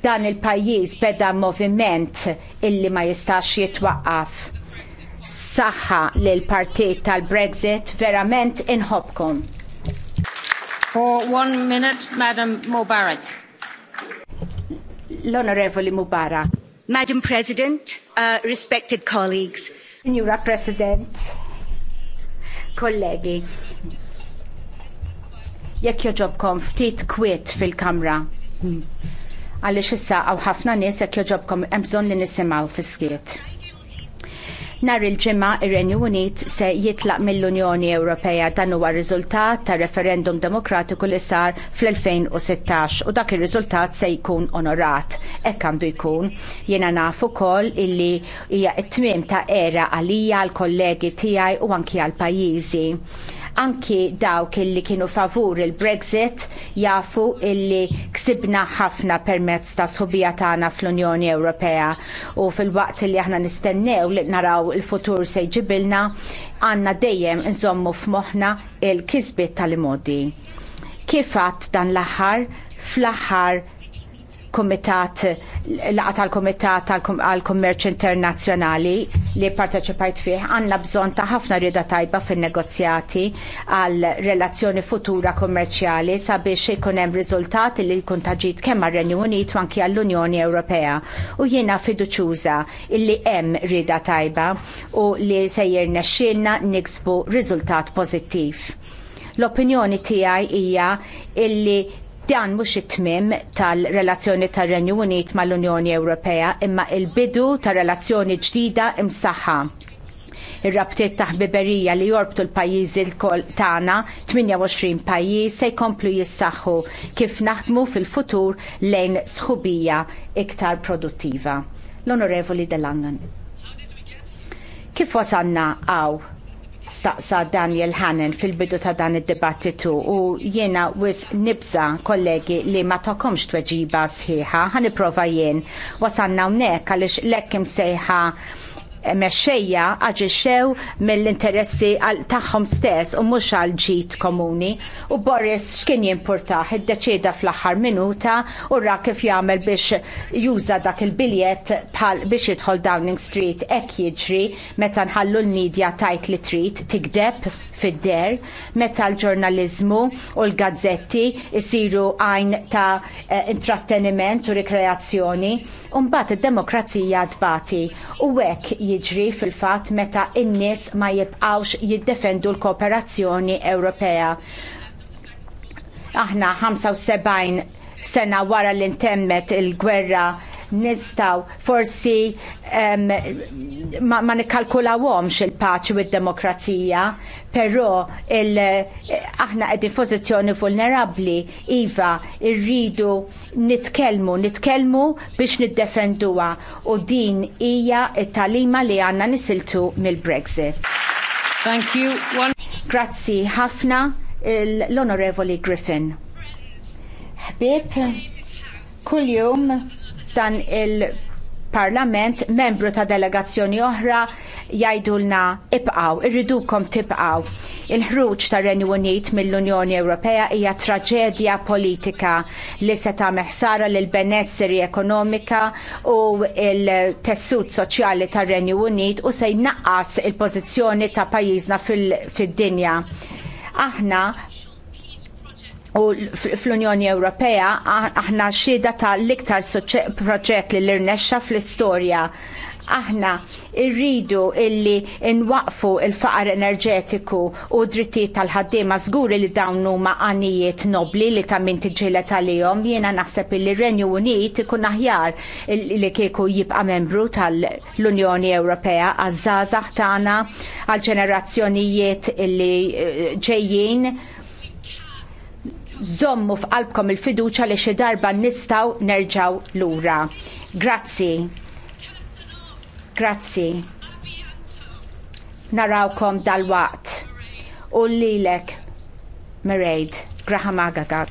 Dan il-pajjiż beda moviment illi ma jistax jitwaqqaf. Saħħa lil partit tal-Brexit verament inħobkom. For one minute, Madam Mubarak. L-Onorevoli Mubarak. Madam President, uh, respected colleagues. Signora President, kollegi, jekk joġobkom ftit kwiet fil-kamra, għaliex issa għaw ħafna nies jekk joġobkom hemm bżonn li nisimgħu fis-skiet. Nar il-ġimgħa ir-Renju Unit se jitlaq mill-Unjoni Ewropea dan huwa riżultat ta' referendum demokratiku li sar fl-2016 u dak ir-riżultat se jkun onorat. Hekk għandu jkun. Jiena naf ukoll illi hija t tmiem ta' era għalija għall kollegi tiegħi u anki għall pajjiżi Anki dawk illi kienu favur il-Brexit jafu illi ksibna ħafna permezz ta' sħubija tagħna fl-Unjoni Ewropea u fil-waqt li aħna nistennew li naraw il-futur se jġibilna għandna dejjem nżommu f'moħħna il-kisbiet tal-imodi. Kif Kifat dan l-aħħar fl-aħħar kumitat laqa tal-Kumitat tal-Kummerċ Internazzjonali li parteċipajt fih għandna bżonn ta' ħafna rieda tajba fin-negozjati għal relazzjoni futura kummerċjali sabiex ikun hemm riżultati li jkun taġit kemm għar-Renju Unit u anki għall-Unjoni Ewropea. U jiena fiduċjuża illi hemm rida tajba u li sejjer nexxielna niksbu riżultat pożittiv l-opinjoni tiegħi hija illi Dan mhux it-tmim tal-relazzjoni tar-Renju Unit mal-Unjoni Ewropea imma il-bidu ta' relazzjoni ġdida imsaħħa ir-rabtiet ta' ħbiberija li jorbtu l-pajjiżi l-kol tagħna 28 pajjiż se jkomplu jissaħħu kif naħdmu fil-futur lejn sħubija iktar produttiva. L-Onorevoli Delangan. Kif wasanna għaw staqsa Daniel Hannan fil-bidu ta' dan id-dibattitu u jiena wis nibza kollegi li ma tokomx tweġiba sħiħa ħaniprofa jien wasanna hawnhekk għaliex lekkim imsejħa sejħa mexxejja aġixxew mill-interessi tagħhom stess u mhux għal ġid komuni. U Boris x'kien jimpurtah iddeċieda fl-aħħar minuta u ra kif jagħmel biex juża dak il-biljett bħal biex jidħol Downing Street hekk jiġri meta nħallu l-medja tajt li trid tikdeb fid-der, meta l-ġurnalizmu u l-gazzetti isiru għajn ta' eh, intratteniment u rikreazzjoni, mbagħad id-demokrazija tbati u hekk jiġri fil-fatt meta n-nies ma jibqgħux jiddefendu l-kooperazzjoni Ewropea. Aħna 75 sena wara li ntemmet il-gwerra nistaw forsi um, ma, ma nikkalkulawhomx il-paċi u d-demokrazija, però il, aħna qegħdin pożizzjoni vulnerabbli iva rridu nitkellmu, nitkellmu biex niddefenduha u din hija it-talima li għandna nisiltu mill-Brexit. Thank you. One... Grazzi ħafna l-Onorevoli Griffin. Ħbib, kuljum dan il-parlament membru ta' delegazzjoni oħra jgħidulna ibqaw, irridukom tibqaw. Il-ħruġ ta' Renju Unit mill-Unjoni Ewropea hija traġedja politika li se ta' meħsara lil benesseri ekonomika u il-tessut soċjali ta' Renju Unit u se jnaqqas il-pożizzjoni ta' pajjiżna fid-dinja. Aħna U fl-Unjoni Ewropea aħna xieda tal-iktar proġett li l-irnexxa fl-istorja. Aħna irridu illi nwaqfu il-faqar enerġetiku u drittijiet tal-ħaddiema żguri li dawn huma għanijiet nobli li ta' min tiġilet għalihom jiena naħseb illi Renju Unit ikun aħjar li kieku jibqa' membru tal-Unjoni Ewropea għaż-żgħażagħ tagħna għall ġenerazzjonijiet illi eh, ġejjin Żommu f'qalbkom il-fiduċa li xi darba nistgħu nerġgħu lura. Grazzi. Grazzi. Narawkom dal-waqt. U lilek, Meraid, Graham Agagat.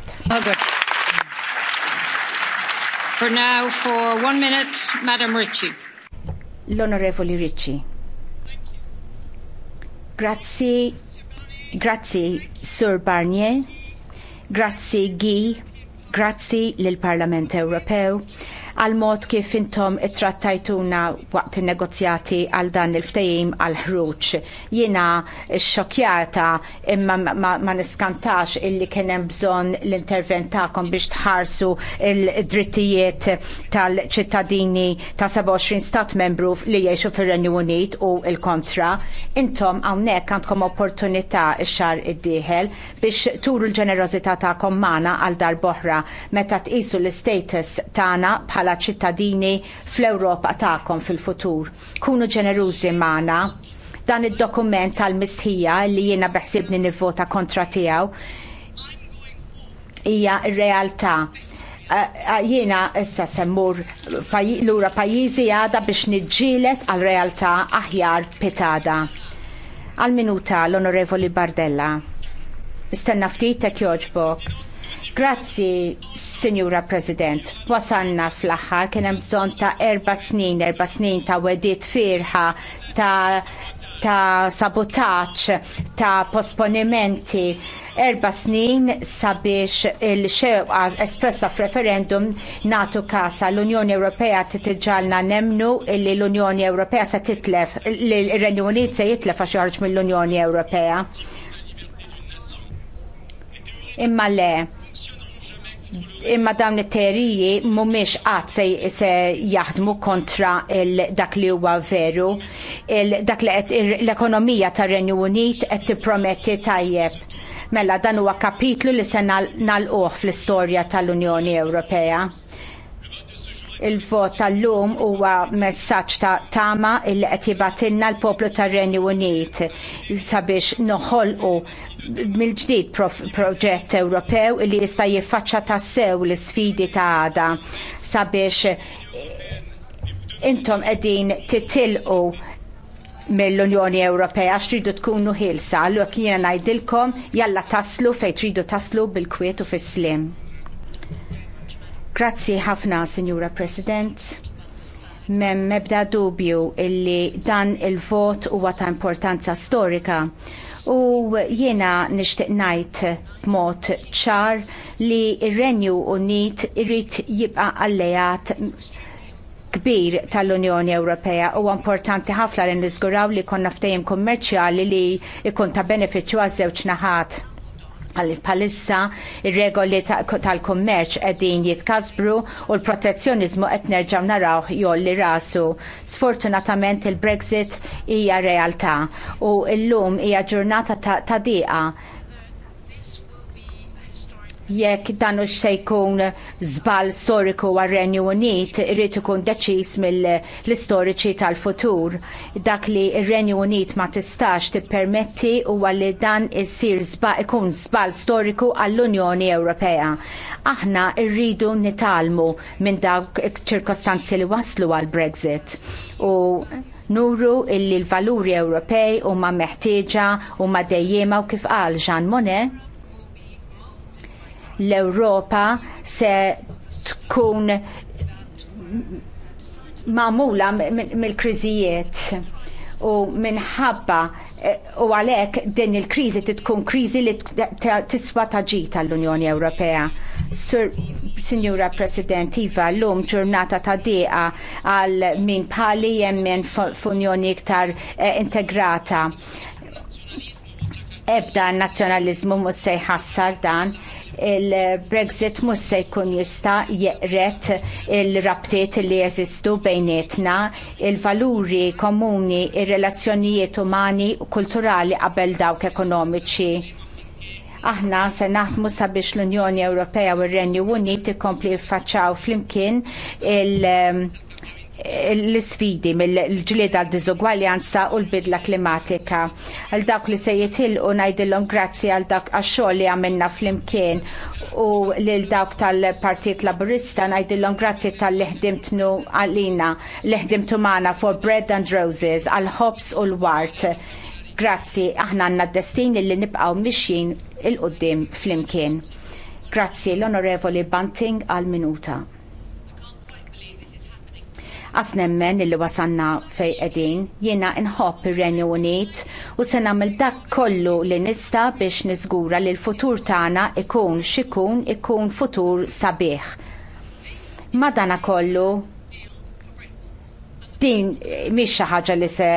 For now, for one minute, Madam Ritchie. L-Onorevoli Ritchie. Grazzi, grazzi, Sir Barnier. Grazzi Gi. Grazzi lill parlament Ewropew għal mod kif intom ittrattajtuna waqt il-negozjati għal dan il-ftejim għal ħruġ. Jiena xokjata imma ma, ma, niskantax illi kienem bżon l-intervent tagħkom biex tħarsu il-drittijiet tal-ċittadini ta' 27 stat membru li jiexu fir-Renju Unit u il-kontra. Intom għawnek għandkom opportunità xar id-dieħel biex turu l-ġenerozità ta' kommana għal dar boħra meta tqisu l-status tagħna bħala ċittadini fl-Ewropa tagħkom fil-futur. Kunu ġenerużi magħna dan id-dokument tal-mistħija li jiena beħsibni nivvota kontra tiegħu hija r-realtà jiena issa semmur lura pajjiżi għada biex nidġilet għal realtà aħjar pitada. Għal minuta l-Onorevoli Bardella. Istenna ftit tek joġbok. Grazzi, Signora President. Wasanna fl-aħħar kien hemm bżonn ta' erba' snin, erba' snin ta' wedit firħa ta' ta' sabotaċ, ta' posponimenti, erba snin sabiex il-xewqa espressa f'referendum natu kasa l-Unjoni Ewropea titġalna nemnu illi l-Unjoni Ewropea se titlef, l-Renju Unit se jitlef għax joħorġ mill-Unjoni Ewropea. Imma le, imma dawn it teoriji mhumiex qatt se jaħdmu kontra dak li huwa veru. Dak li l-ekonomija tar-Renju Unit qed tipprometti tajjeb. Mela dan huwa kapitlu li se nalquh fl-istorja tal-Unjoni Ewropea il-vot tal-lum huwa messaġġ ta' tama il qed jibatilna l-poplu tar-Renju Unit sabiex noħolqu mill-ġdid proġett Ewropew li jista' jiffaċċja tassew l-isfidi ta' għada sabiex eh, intom qegħdin titilqu mill-Unjoni Ewropea għax tridu tkunu ħilsa, allura jiena ngħidilkom jalla taslu fejn tridu taslu bil-kwiet u fis-slim. Grazzi ħafna, Signora President. Mem mebda dubju illi dan il-vot huwa ta' importanza storika u jiena nixtieq ngħid b'mod ċar li r-Renju Unit irid jibqa' allejat kbir tal-Unjoni Ewropea u importanti ħafna li niżguraw li konna ftehim kummerċjali li ikun ta' benefiċċju għaż-żewġ naħat għalli palissa il-regoli tal-kommerċ edin jitkasbru u l-protezzjonizmu qed nerġaw naraw jolli rasu. Sfortunatament il-Brexit hija realtà u l-lum hija ġurnata ta' diqa jekk dan u jkun żball storiku għal renju Unit irid ikun deċiż mill-istoriċi tal-futur. Dak li r-Renju Unit ma tistax tippermetti huwa li dan isir ikun żball storiku għall-Unjoni Ewropea. Aħna rridu nitalmu minn dawk ċirkostanzi li waslu għal-Brexit. U nuru illi l-valuri Ewropej huma meħtieġa huma dejjema u kif għal Jean Monnet l-Ewropa se tkun ma'mula mill-kriżijiet u minħabba eh, u għalhekk din il-kriżi tkun kriżi li tiswa taġita l-Unjoni Ewropea. Signora President, Iva, l-lum ġurnata ta' diqa għal min pali jemmen f'unjoni iktar eh, integrata. Ebda n-nazjonalizmu mus se jħassar dan il-Brexit mhux se jkun jista' jeqret il-rabtiet li jeżistu bejnietna, il-valuri komuni, il relazzjonijiet umani u kulturali qabel dawk ekonomiċi aħna se naħdmu sabiex l-Unjoni Ewropea u r-Renju Unit ikompli jiffaċċaw flimkien il- l isfidi mill-ġlieda għal-diżugwaljanza u l-bidla klimatika. Għal dawk li se jitilqu ngħidilhom grazzi għal dak għax-xogħol li għamilna flimkien u lil dawk tal-Partit Laburista ngħidilhom grazzi tal-li ħdimtnu għalina, li ħdimtu for bread and roses għal-ħobs u l-wart. Grazzi, aħna għandna d-destin li nibqgħu mixjin il-qoddim flimkien. Grazzi l-Onorevoli Banting għal-minuta. Għas nemmen illi wasanna fej edin, jena nħob ir-Renju Unit u se nagħmel dak kollu li nista biex niżgura li l-futur tagħna ikun xikun ikun futur sabiħ. Madana kollu din mhix xi ħaġa li se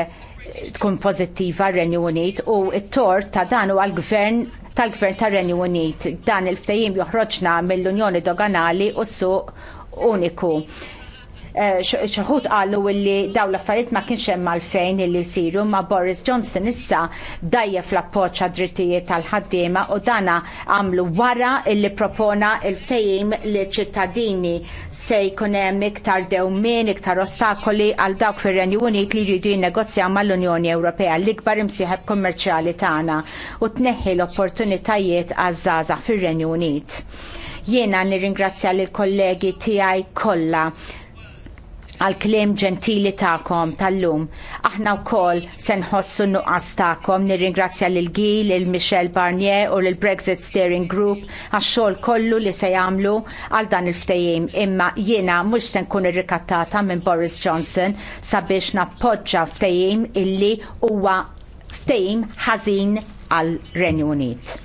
tkun pozittiva r-Renju Unit u t tor ta' dan għal-gvern tal-gvern tar-Renju Unit. Dan il-ftajim joħroġna mill-Unjoni Doganali u s-suq uniku. Eh, xaħut għallu illi daw l-affarijiet ma kienx hemm għalfejn illi jsiru ma Boris Johnson issa dajja fl-appoġġ drittijiet tal-ħaddiema u dana għamlu wara illi propona il-fejjim li ċittadini se jkun hemm iktar dewmien, iktar ostakoli għal dawk fir-Renju Unit li jridu jinnegozjaw mal-Unjoni Ewropea l-ikbar imsieħeb kummerċjali tagħna u tneħħi l-opportunitajiet għaż-żgħażagħ fir-Renju Unit. Jiena nirringrazzja lill kollegi tiegħi kollha għal kliem ġentili ta'kom tal-lum. Aħna u koll senħossu nuqqas ta'kom, nirringrazzja l-Gil, l-Michel Barnier u l-Brexit Steering Group għax-xogħol kollu li se jagħmlu għal dan il-ftejim. Imma jiena mhux se nkun irrikattata minn Boris Johnson sabiex nappoġġa ftejim illi huwa ftejim ħażin għal Renju Unit.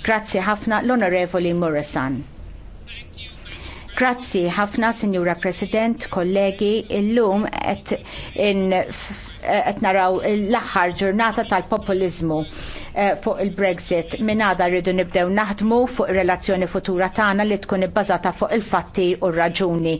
Grazzi ħafna l-Onorevoli Morrison. Grazzi ħafna, Sinjura President, kollegi, illum qed in Eh, qed naraw l-aħħar ġurnata tal-populiżmu eh, fuq il-Brexit. Minn għada rridu nibdew naħdmu fuq ir-relazzjoni futura tagħna li tkun ibbażata fuq il-fatti u r-raġuni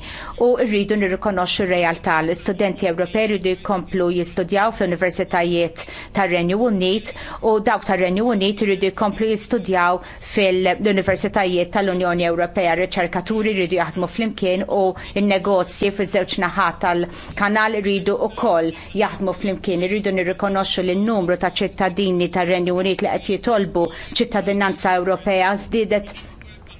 u rridu nirrikonoxxu r-realtà. L-istudenti Ewropej rridu jkomplu jistudjaw fl-Universitajiet tar-Renju Unit u dawk tar-Renju Unit rridu jkomplu jistudjaw fil-Universitajiet tal-Unjoni Ewropea. Riċerkaturi rridu jaħdmu flimkien u n negozji fiż-żewġ naħat tal-kanal rridu wkoll jaħdmu naħdmu flimkien irridu nirrikonoxxu li n-numru ta' ċittadini tar-Renju Unit li qed jitolbu ċittadinanza Ewropea żdiedet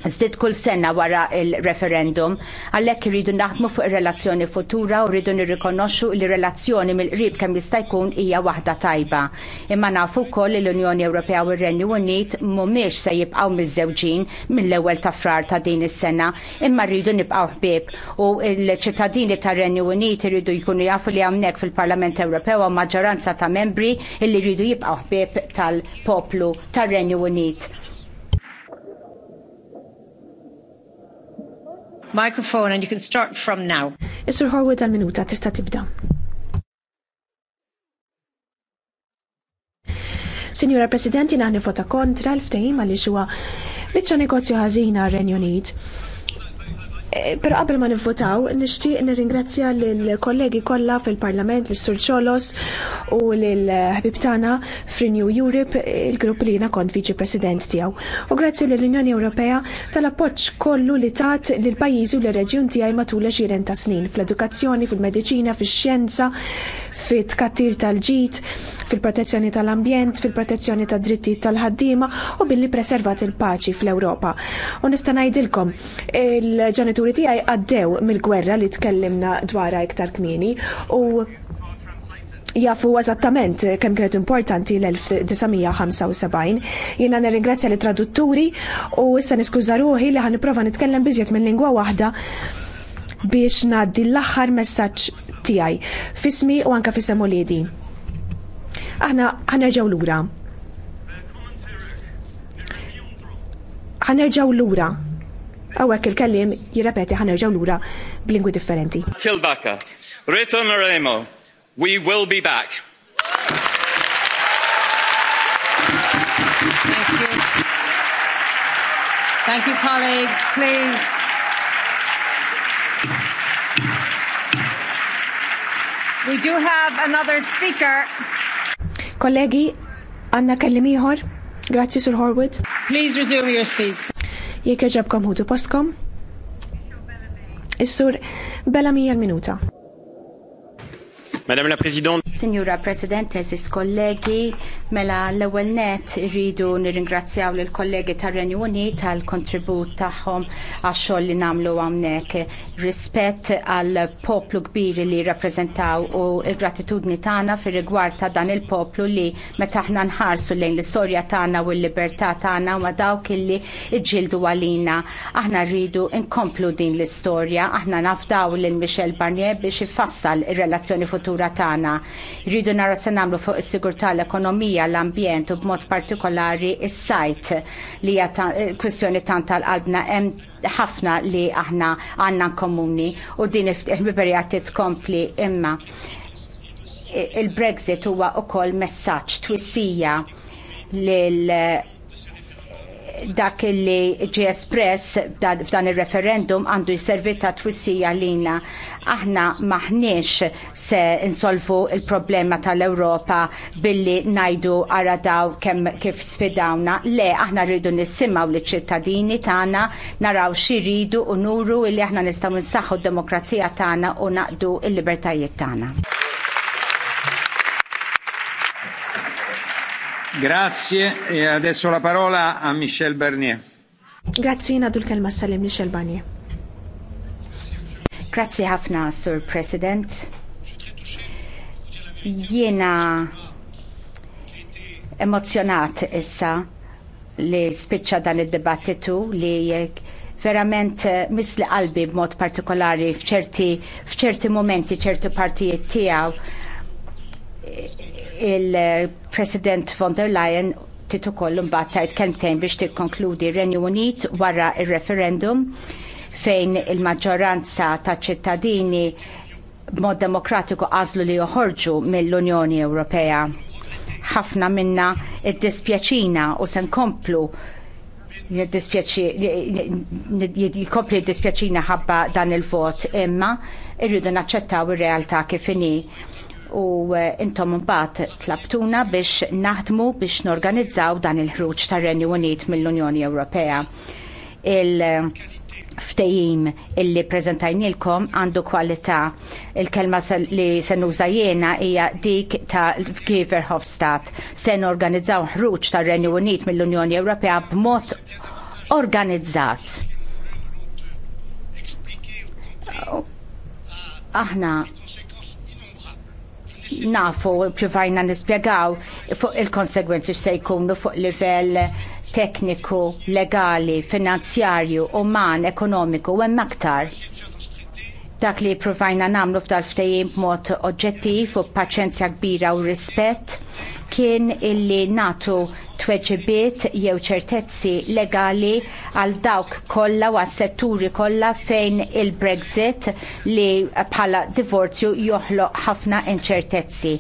Zdid kull sena wara il-referendum, għallek rridu naħdmu fuq il-relazzjoni futura u rridu nirrikonoxxu li relazzjoni mill-qrib kemm jista' jkun hija waħda tajba. Imma nafu wkoll li l-Unjoni Ewropea u r-Renju Unit mhumiex se jibqgħu miż-żewġin mill-ewwel ta' frar ta' din is-sena, imma rridu nibqgħu ħbieb u l-ċittadini tar-Renju Unit irridu jkunu jafu li hawnhekk fil-Parlament Ewropew u maġġoranza ta' membri illi rridu jibqgħu ħbieb tal-poplu tar-Renju Unit microphone and you can start from now. Isur Horwood għal minuta tista' tibda. Signora President, jina vota kontra l-ftehim għal huwa biċċa negozju ħażina r-Renju Unit Eh, Pero qabel ma nivvotaw, nixtieq nirringrazzja lill kollegi kollha fil-Parlament, lis sur Ċolos u lill-ħbib eh, tagħna f'Renew Europe, eh, il-grupp li jiena kont viċi president tiegħu. U grazzi lill unjoni Ewropea tal-appoġġ kollu li tat lil pajjiżi u l-reġjun tiegħi matul għexieren ta' snin fl-edukazzjoni, fil-mediċina, fix-xjenza, fit kattir tal-ġit, fil-protezzjoni tal-ambjent, fil-protezzjoni tad dritti tal-ħaddiema u billi preservat il-paċi fl-Ewropa. U nista' ngħidilkom, il-ġenituri tiegħi għaddew mill-gwerra li tkellimna dwarha iktar kmieni u jafu eżattament kemm kienet importanti l-1975. Jiena nirringrazzja li tradutturi u issa niskuża ruħi li ħaniprofa nitkellem biżjed minn lingwa waħda biex naddi l-aħħar messaċ tijaj, fismi u anka anke fisem uliedi. Aħna l ħanerġgħu lura. l-ura. Awek il-kellim jirrepeti ħanerġgħu lura b'lingwi differenti. Tilbaka, ritorneremo, we will be back. Thank you. Thank you, colleagues. Please. We do have another speaker. Kollegi, Anna kellim grazie Sir Horwood. Please resume your seats. Jekk jaġabkom ħudu postkom. Is-sur Bellamy għal-minuta. Madame la Presidente. Signora Presidente, sis kollegi, Mela l-ewwel net irridu nirringrazzjaw lill kollegi tar-Renju Unit tal-kontribut tagħhom għax-xogħol li nagħmlu hawnhekk rispett għal poplu kbir li rappreżentaw u l-gratitudni tagħna fir-rigward ta' dan il-poplu li meta aħna nħarsu lejn l-istorja tagħna u l-libertà tagħna ma dawk illi ġildu għalina. Aħna rridu nkomplu din l-istorja, aħna nafdaw lil Michel Barnier biex ifassal ir-relazzjoni futura tagħna. Rridu naraw se nagħmlu fuq is-sigurtà l-ekonomija għall-ambjent u b'mod partikolari is-sajt li hija kwistjoni tant tal-qalbna hemm ħafna li aħna għandna komuni u din il-biberija titkompli imma il-Brexit huwa ukoll messaġġ twissija lil dak li ġie espress f'dan ir referendum għandu jservi ta' twissija lina. Aħna maħniex se insolvu l problema tal-Ewropa billi ngħidu ara daw kemm kif sfidawna. Le, aħna rridu nissimaw liċ ċittadini tagħna naraw xi xiridu u nuru illi aħna nistgħu nsaħħu d-demokrazija tagħna u naqdu l libertajiet tagħna. Grazie e adesso la parola a Michel Barnier. Grazie nadu kelma Michel Barnier. Grazie ħafna, Sur President. Jiena emozjonat issa li spiċċa dan id-dibattitu li verament misli qalbi b'mod partikolari f'ċerti f'ċerti momenti, ċerti partijiet tiegħu il-President von der Leyen titu kollum mbagħad tajt kelmtejn biex tikkonkludi Renju Unit wara il referendum fejn il-maġġoranza ta' ċittadini b'mod demokratiku għażlu li joħorġu mill-Unjoni Ewropea. Ħafna minna id-dispjaċina u se nkomplu jikopli dispjaċina ħabba dan il-vot imma irridu naċċettaw ir-realtà kif inhi u eh, intom mbagħad tlabtuna biex naħdmu biex norganizzaw dan il-ħruġ tar-Renju Unit mill-Unjoni Ewropea. Il eh, ftejim illi prezentajnilkom għandu kwalità. Il-kelma li se nuża jiena hija dik ta' Giver Hofstadt. Se norganizzaw ħruġ tar Renju Unit mill-Unjoni Ewropea b'mod organizzat. Aħna nafu provajna nispjegaw fuq il-konsegwenzi x'se jkunu fuq livell tekniku, legali, finanzjarju, uman, ekonomiku u hemm aktar. Dak li provajna nagħmlu f'dal ftehim b'mod oġġettiv u paċenzja kbira u rispett kien illi natu tweġibiet jew ċertezzi legali għal dawk kollha u għas-setturi kollha fejn il-Brexit li bħala divorzju joħloq ħafna inċertezzi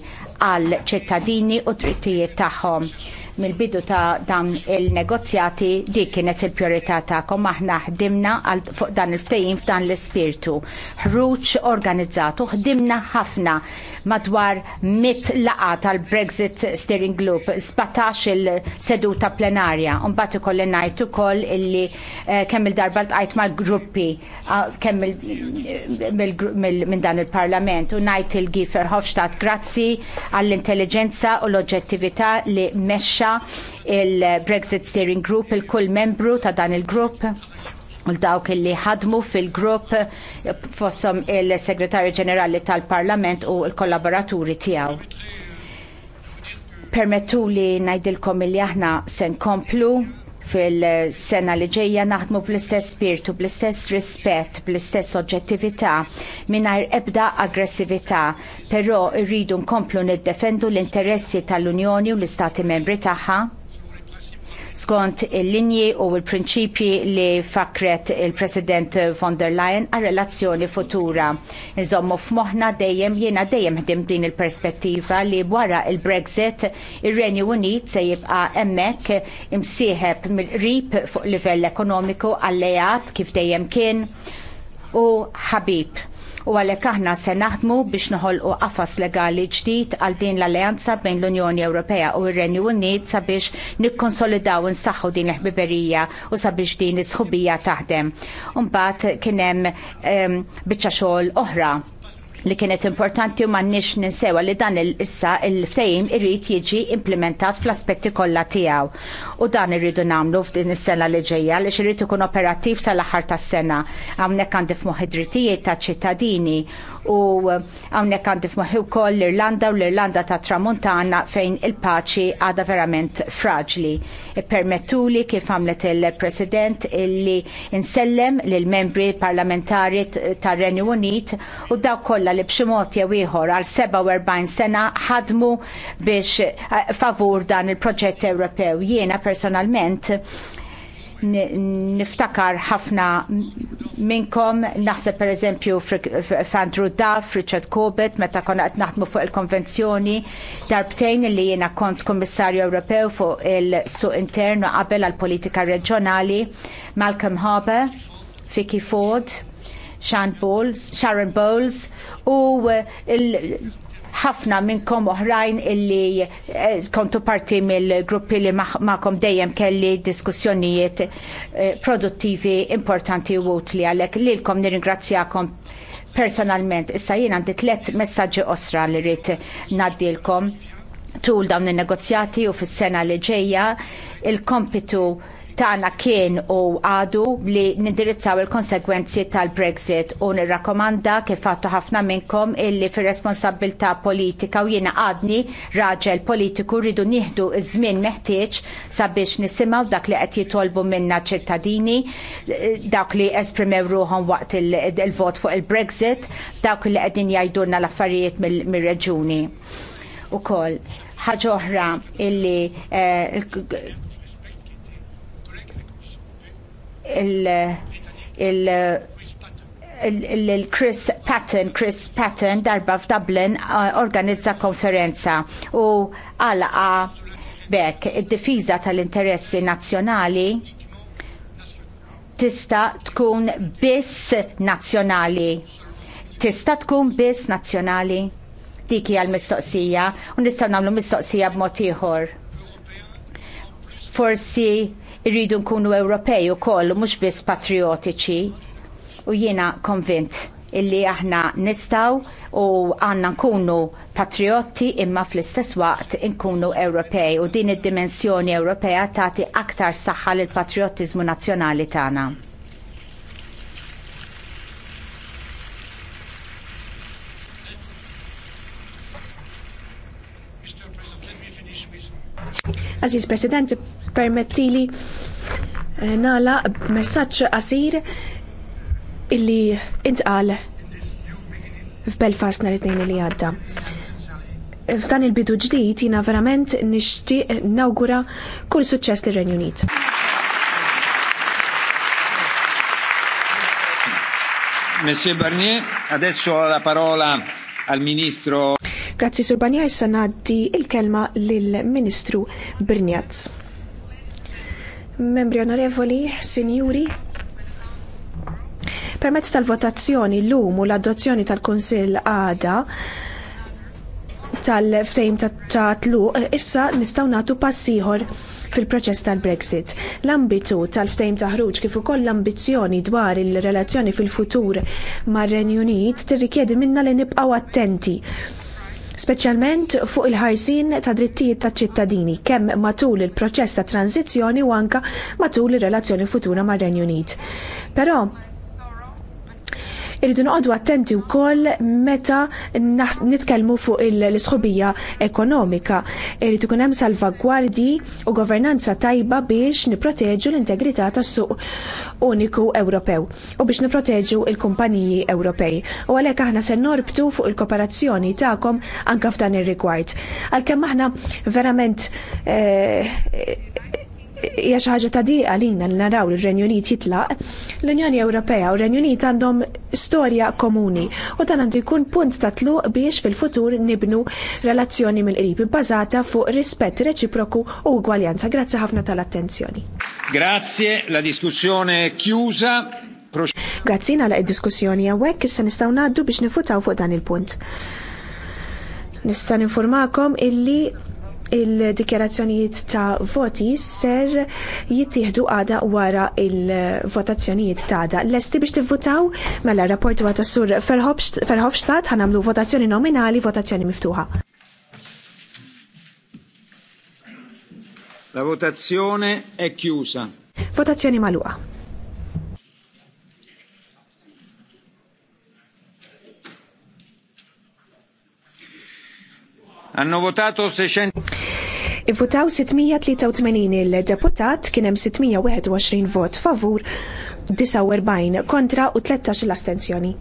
għal ċittadini u drittijiet tagħhom mill-bidu ta' dan il-negozjati dik kienet il-priorità tagħkom aħna ħdimna fuq dan il-ftejjin f'dan l-ispirtu. Ħruġ organizzatu ħdimna ħafna madwar mit laqa tal-Brexit Steering Group, 17 il-seduta plenarja, unbat ikolli ngħid ukoll illi eh, kemm il-darba l-tqajt mal-gruppi ah, kemm minn dan il-parlament u ngħid il-Gifer Hofstadt grazzi għall-intelligenza u l-oġġettività li mexxa kollha il-Brexit Steering Group, il-kull membru ta' dan il-grupp u dawk li ħadmu fil-grupp fossom il-Segretarju Ġenerali tal-Parlament u l-kollaboraturi tiegħu. Permettu li ngħidilkom li aħna se nkomplu fil-sena li ġejja naħdmu bl-istess spiritu, bl-istess rispett, bl-istess oġġettività, mingħajr ebda aggressività, però rridu nkomplu niddefendu l-interessi tal-Unjoni u l-Istati membri tagħha skont il-linji u l-prinċipji li fakret il-President von der Leyen għal relazzjoni futura. Nżommu f'moħħna dejjem jiena dejjem ħdim din il-perspettiva li wara il-Brexit ir-Renju Unit se jibqa' hemmhekk imsieħeb mill-qrib fuq livell ekonomiku alleat kif dejjem kien u ħabib u għalhekk aħna se naħdmu biex noħolqu qafas legali ġdid għal din l-alleanza bejn l-Unjoni Ewropea u r-Renju Unit sabiex nikkonsolidaw insaħħu din il-ħbiberija u sabiex din is-sħubija taħdem. Imbagħad kien hemm biċċa xogħol oħra li kienet importanti u m'għandniex ninsewa li dan il-issa il-ftejim irrit jiġi implementat fl-aspetti kollha tiegħu. U dan irridu nagħmlu f'din is-sena li ġejja li irrid ikun operattiv sal-aħħar tas-sena. Hawnhekk għandi f'moħħ id-drittijiet taċ-ċittadini u eh, hawnhekk għandi f'moħħi koll l-Irlanda u l-Irlanda ta' Tramuntana fejn il-paċi għadha verament fraġli. Permettuli kif għamlet il-President illi insellem l membri parlamentari tar-Renju Unit u daw kollha li b'xi jawiħor ieħor għal 47 sena ħadmu biex eh, favur dan il-proġett Ewropew. Jiena personalment niftakar ħafna minnkom naħseb pereżempju f'Andrew Duff, Richard Corbett, meta konna qed naħdmu fuq il-konvenzjoni darbtejn li jiena kont kommissarju Ewropew fuq il-suq internu qabel għall politika reġjonali, Malcolm Harbour, Vicky Ford, Sean Bowles, Sharon Bowles u eh, ħafna minnkom oħrajn illi eh, kontu parti mill-gruppi li maħkom dejjem kelli diskussjonijiet eh, produttivi importanti u utli għalhekk lilkom nirringrazzjakom personalment. Issa jien għandi tliet messaġġi osra li rrit naddilkom tul dawn in-negozjati u fis-sena li ġejja il-kompitu tagħna kien u għadu li nindirizzaw il-konsegwenzi tal-Brexit u nirrakkomanda kif għattu ħafna minnkom illi fir responsabilta politika u jiena għadni raġel politiku rridu nieħdu iż-żmien meħtieġ sabiex nisimgħu dak li qed jitolbu minna ċittadini, dak li esprimew ruhom waqt il-vot fuq il-Brexit, dawk li qegħdin jgħidulna l-affarijiet mir-reġuni. Ukoll ħaġa oħra illi eh, il- il-Chris Patton, Chris Patton darba f'Dublin uh, organizza konferenza u għalqa bekk id-difiża tal-interessi nazzjonali tista' tkun biss nazzjonali. Tista' tkun biss nazzjonali. Dik hija l-mistoqsija u nistgħu nagħmlu mistoqsija b'mod ieħor. Forsi irridu nkunu Ewropej ukoll mhux biss patriotiċi u jiena konvint illi aħna nistaw u għanna nkunu patriotti imma fl-istess waqt nkunu Ewropej u din id-dimensjoni Ewropea tagħti aktar saħħa lill patriotizmu nazzjonali tagħna. Aziz President, permettili eh, nala messaċ qasir illi intqal f'Belfast nhar it-tnejn li għadda. F'dan il-bidu ġdid jiena verament nixtieq nawgura kull suċċess lir-Renju Unit. Monsieur Barnier, adesso la parola al Ministro. Grazzi Sur Banjaj sanaddi il-kelma lill-Ministru Brnjazz. Membri onorevoli, signori, permezz tal-votazzjoni l-lum u l-adozzjoni tal-Konsil għada tal-ftejm ta' tluq, issa nistaw natu passiħor fil-proċess tal-Brexit. L-ambitu tal-ftejm taħruġ kif ukoll l-ambizzjoni dwar il-relazzjoni fil-futur mar-Renju Unit tirrikjedi minna li nibqgħu attenti speċjalment fuq il-ħarsin ta' drittijiet ta' ċittadini, kemm matul il-proċess ta' tranzizjoni u anka matul ir relazzjoni futura mar renju Unit. Però Irridu noqogħdu attenti wkoll meta nitkellmu fuq l-isħubija ekonomika. Irrid ikun hemm salvagwardji u governanza tajba biex nipproteġu l-integrità tas-suq uniku Ewropew u biex nipproteġu il-kumpaniji Ewropej. U għalhekk aħna se norbtu fuq il-kooperazzjoni tagħkom anke f'dan ir-rigward. Għalkemm aħna verament eh, hija xi ħaġa ta' diqa lina li naraw li renju Unit jitlaq, l-Unjoni Ewropea u renju Unit għandhom storja komuni u dan għandu jkun punt ta' tluq biex fil-futur nibnu relazzjoni mill-qrib bbażata fuq rispett reċiproku u ugwaljanza. Grazzi ħafna tal-attenzjoni. Grazie, la diskussjoni è chiusa. Grazzi għala id-diskussjoni għawek, issa nistaw naddu biex nifutaw fuq dan il-punt. Nista' informakom illi il-dikjarazzjonijiet ta' voti ser jittieħdu għada wara il-votazzjonijiet ta' għada. Lesti biex tivvutaw mela rapport għata sur Ferhofstadt ħanamlu votazzjoni nominali, votazzjoni miftuħa. La votazione è chiusa. Votazzjoni maluqa. Hanno votato 600. Ivvotaw 683 il-deputat kien hemm 621 vot favur, 49 kontra u 13 l-astenzjoni.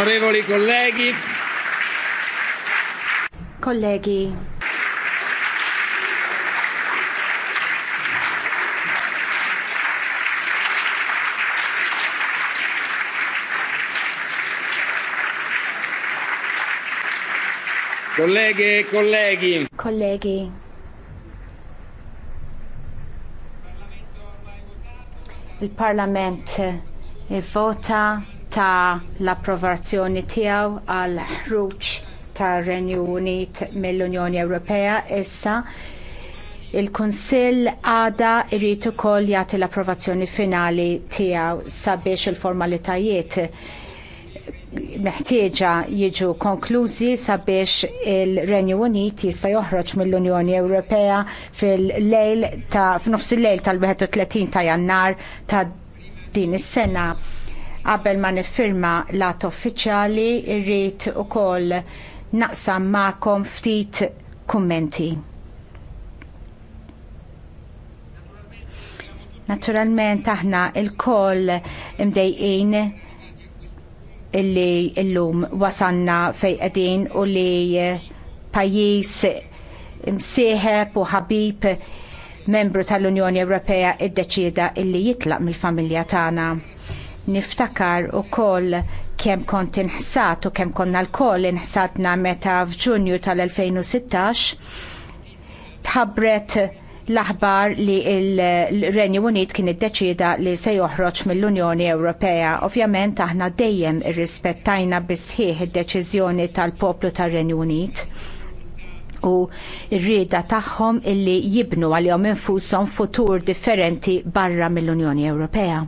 Onorevoli colleghi. Colleghi. Colleghe e colleghi. Colleghi. Il Parlamento eh, vota ta' l-approvazzjoni tiegħu għal ħruġ tar Renju Unit mill-Unjoni Ewropea issa il-Kunsill għada jrid ukoll jagħti l-approvazzjoni finali tiegħu sabiex il-formalitajiet meħtieġa jiġu konklużi sabiex il-Renju Unit jista' joħroġ mill-Unjoni Ewropea fil-lejl ta' f'nofs il-lejl tal-31 ta' Jannar ta' din is-sena Qabel ma niffirma l-att uffiċjali irrid ukoll naqsam magħkom ftit kummenti. Naturalment aħna il-koll imdejqin illi illum wasanna fejn qegħdin u li pajjiż imsieħeb u ħabib membru tal-Unjoni Ewropea iddeċieda illi jitlaq mill-familja tagħna niftakar ukoll kemm kont inħsat u kemm konna lkoll inħsatna meta f'Ġunju tal-2016 tħabbret l-aħbar li l-Renju Unit kien iddeċida li se joħroġ mill-Unjoni Ewropea. Ovvjament aħna dejjem irrispettajna bisħieħ id-deċiżjoni tal-poplu tar-Renju Unit u r-rieda tagħhom illi jibnu għalihom infushom futur differenti barra mill-Unjoni Ewropea.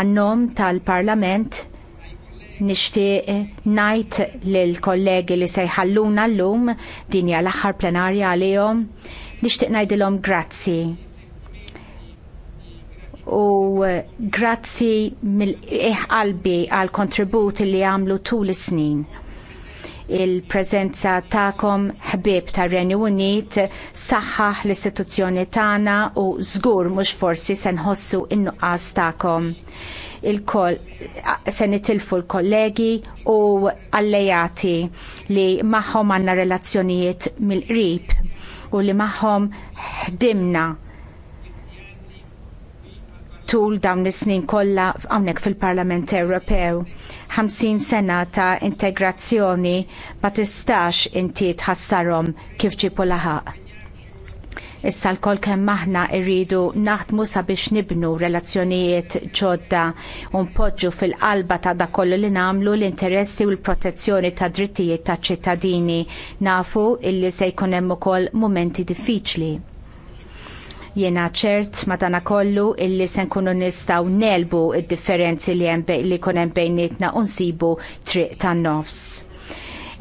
Għannom tal-Parlament nixtieq ngħid lill kollegi li se l llum dinja l-aħħar plenarja għalihom nixtieq ngħidilhom grazzi u grazzi mill-iħqalbi għal kontribut li għamlu tul is-snin il-preżenza tagħkom ħbieb tar-Renju Unit saħħaħ l-istituzzjoni tagħna u żgur mhux forsi se nħossu in-nuqqas tagħkom. Il-koll se nitilfu l-kollegi u allejati li magħhom għandna relazzjonijiet mill-qrib u li magħhom ħdimna tul dawn is-snin kollha hawnhekk fil-Parlament Ewropew 50 sena ta' integrazzjoni ma tistax inti tħassarhom kif ġipu laħaq. Issa l-kol kemm aħna rridu naħdmu sabiex nibnu relazzjonijiet ġodda u npoġġu fil-qalba ta' da kollu li nagħmlu l-interessi u l-protezzjoni ta' drittijiet taċ ċittadini nafu illi se jkun hemm ukoll mumenti diffiċli. Jiena ċert madana kollu illi se nkunu nistgħu nelbu d differenzi li, li hemm bejnietna u nsibu triq tan-nofs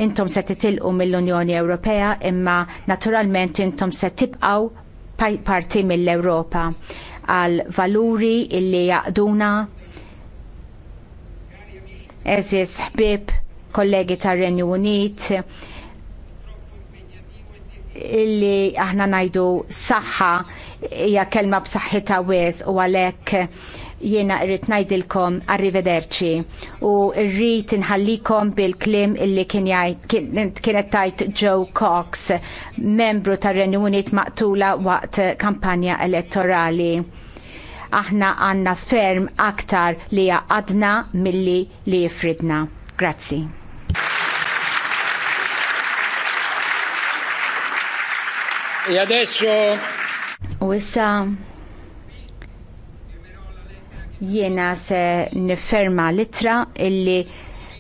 intom se titilqu mill-Unjoni Ewropea imma naturalment intom se tibqaw parti mill-Ewropa għal valuri illi jaqduna eżis ħbib kollegi tar renju Unit illi aħna najdu saħħa hija kelma b'saħħitha wes u għalhekk jiena rrid ngħidilkom arrivederċi u rrid inħallikom bil kliem illi kien kienet tajt Joe Cox, membru tar-Renju Unit maqtula waqt kampanja elettorali. Aħna għandna ferm aktar li għadna milli li jifridna. Grazzi. E adesso... U issa jiena se nifferma litra illi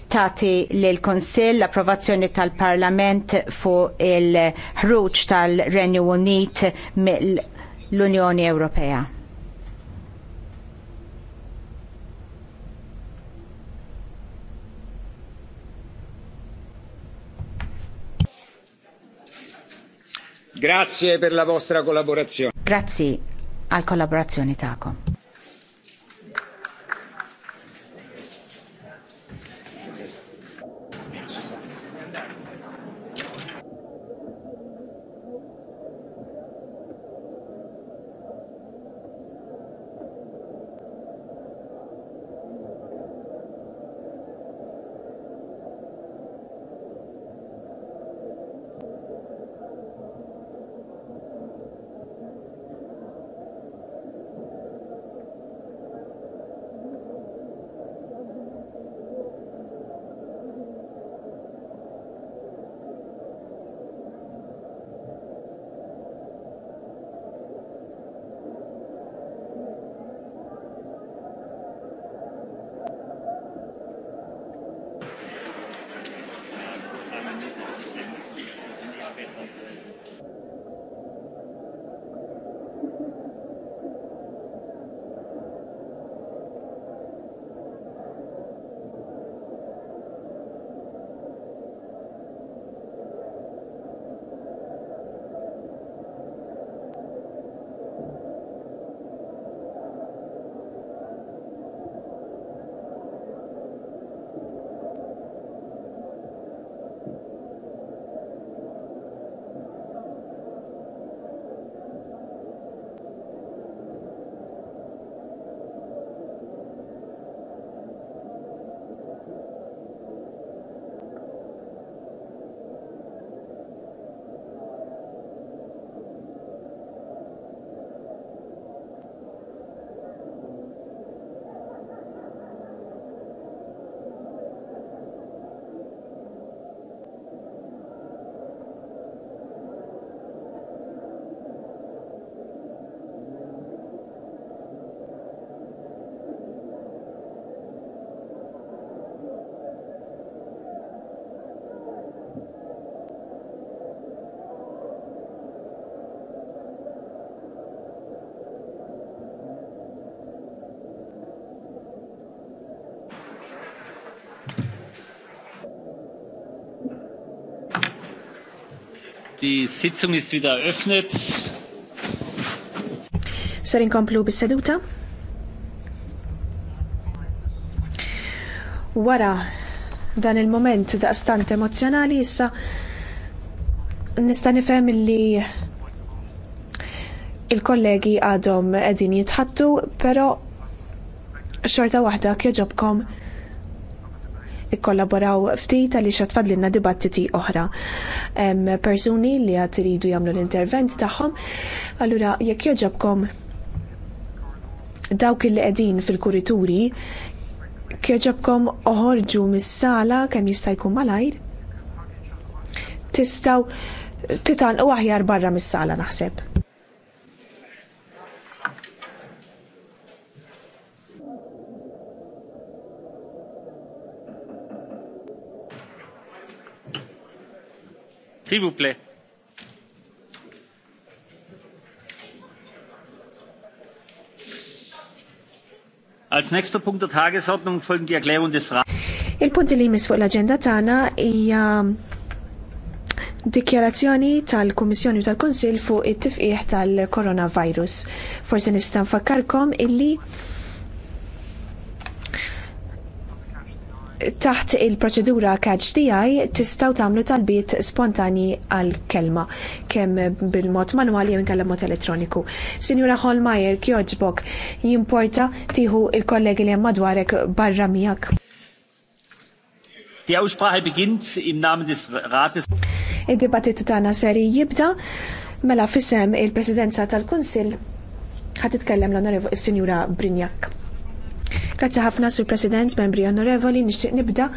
tati l konsil l-approvazzjoni tal-Parlament fuq il-ħruġ tal-Renju Unit mill-Unjoni Ewropea. Grazie per la vostra collaborazione. Grazie al collaborazione Taco. Die Sitzung ist wieder eröffnet. Ser inkomplu bis-seduta. Wara dan il-moment daqstant emozjonali issa nista' nifhem li il-kollegi għadhom qegħdin jitħattu, però xorta waħda kjoġobkom jikkollaboraw ftit għaliex għatfad l dibattiti oħra. Persuni li għat iridu jagħmlu l-intervent tagħhom, allura jekk jogħġobkom dawk il qegħdin fil-kurituri kieġabkom oħorġu mis-sala kemm jista' jkun malajr. Tistgħu titan u aħjar barra mis-sala naħseb. S'il vous plaît. Als nächster Punkt der Tagesordnung folgen die Erklärung des Rates. il punt li jmiss fuq l-agenda tagħna hija dikjarazzjoni tal-Kummissjoni u tal-Kunsill fuq it-tifqih tal-Coronavirus. Forsi nista' nfakkarkom illi taħt il-proċedura catch DI tistaw tagħmlu talbiet spontani għal kelma kemm bil-mod manwali jew inkella mod elettroniku. Sinjura Holmajer kjoġbok jimporta tieħu il-kollegi li hemm madwarek barra miegħek. Die Aussprache beginnt im Namen des Rates. Id-dibattitu tagħna seri jibda mela fisem il-Presidenza tal-Kunsill ħad titkellem l-Onorevoli Sinjura Brinjak. Grazzi ħafna sur President, membri onorevoli, nixtieq nibda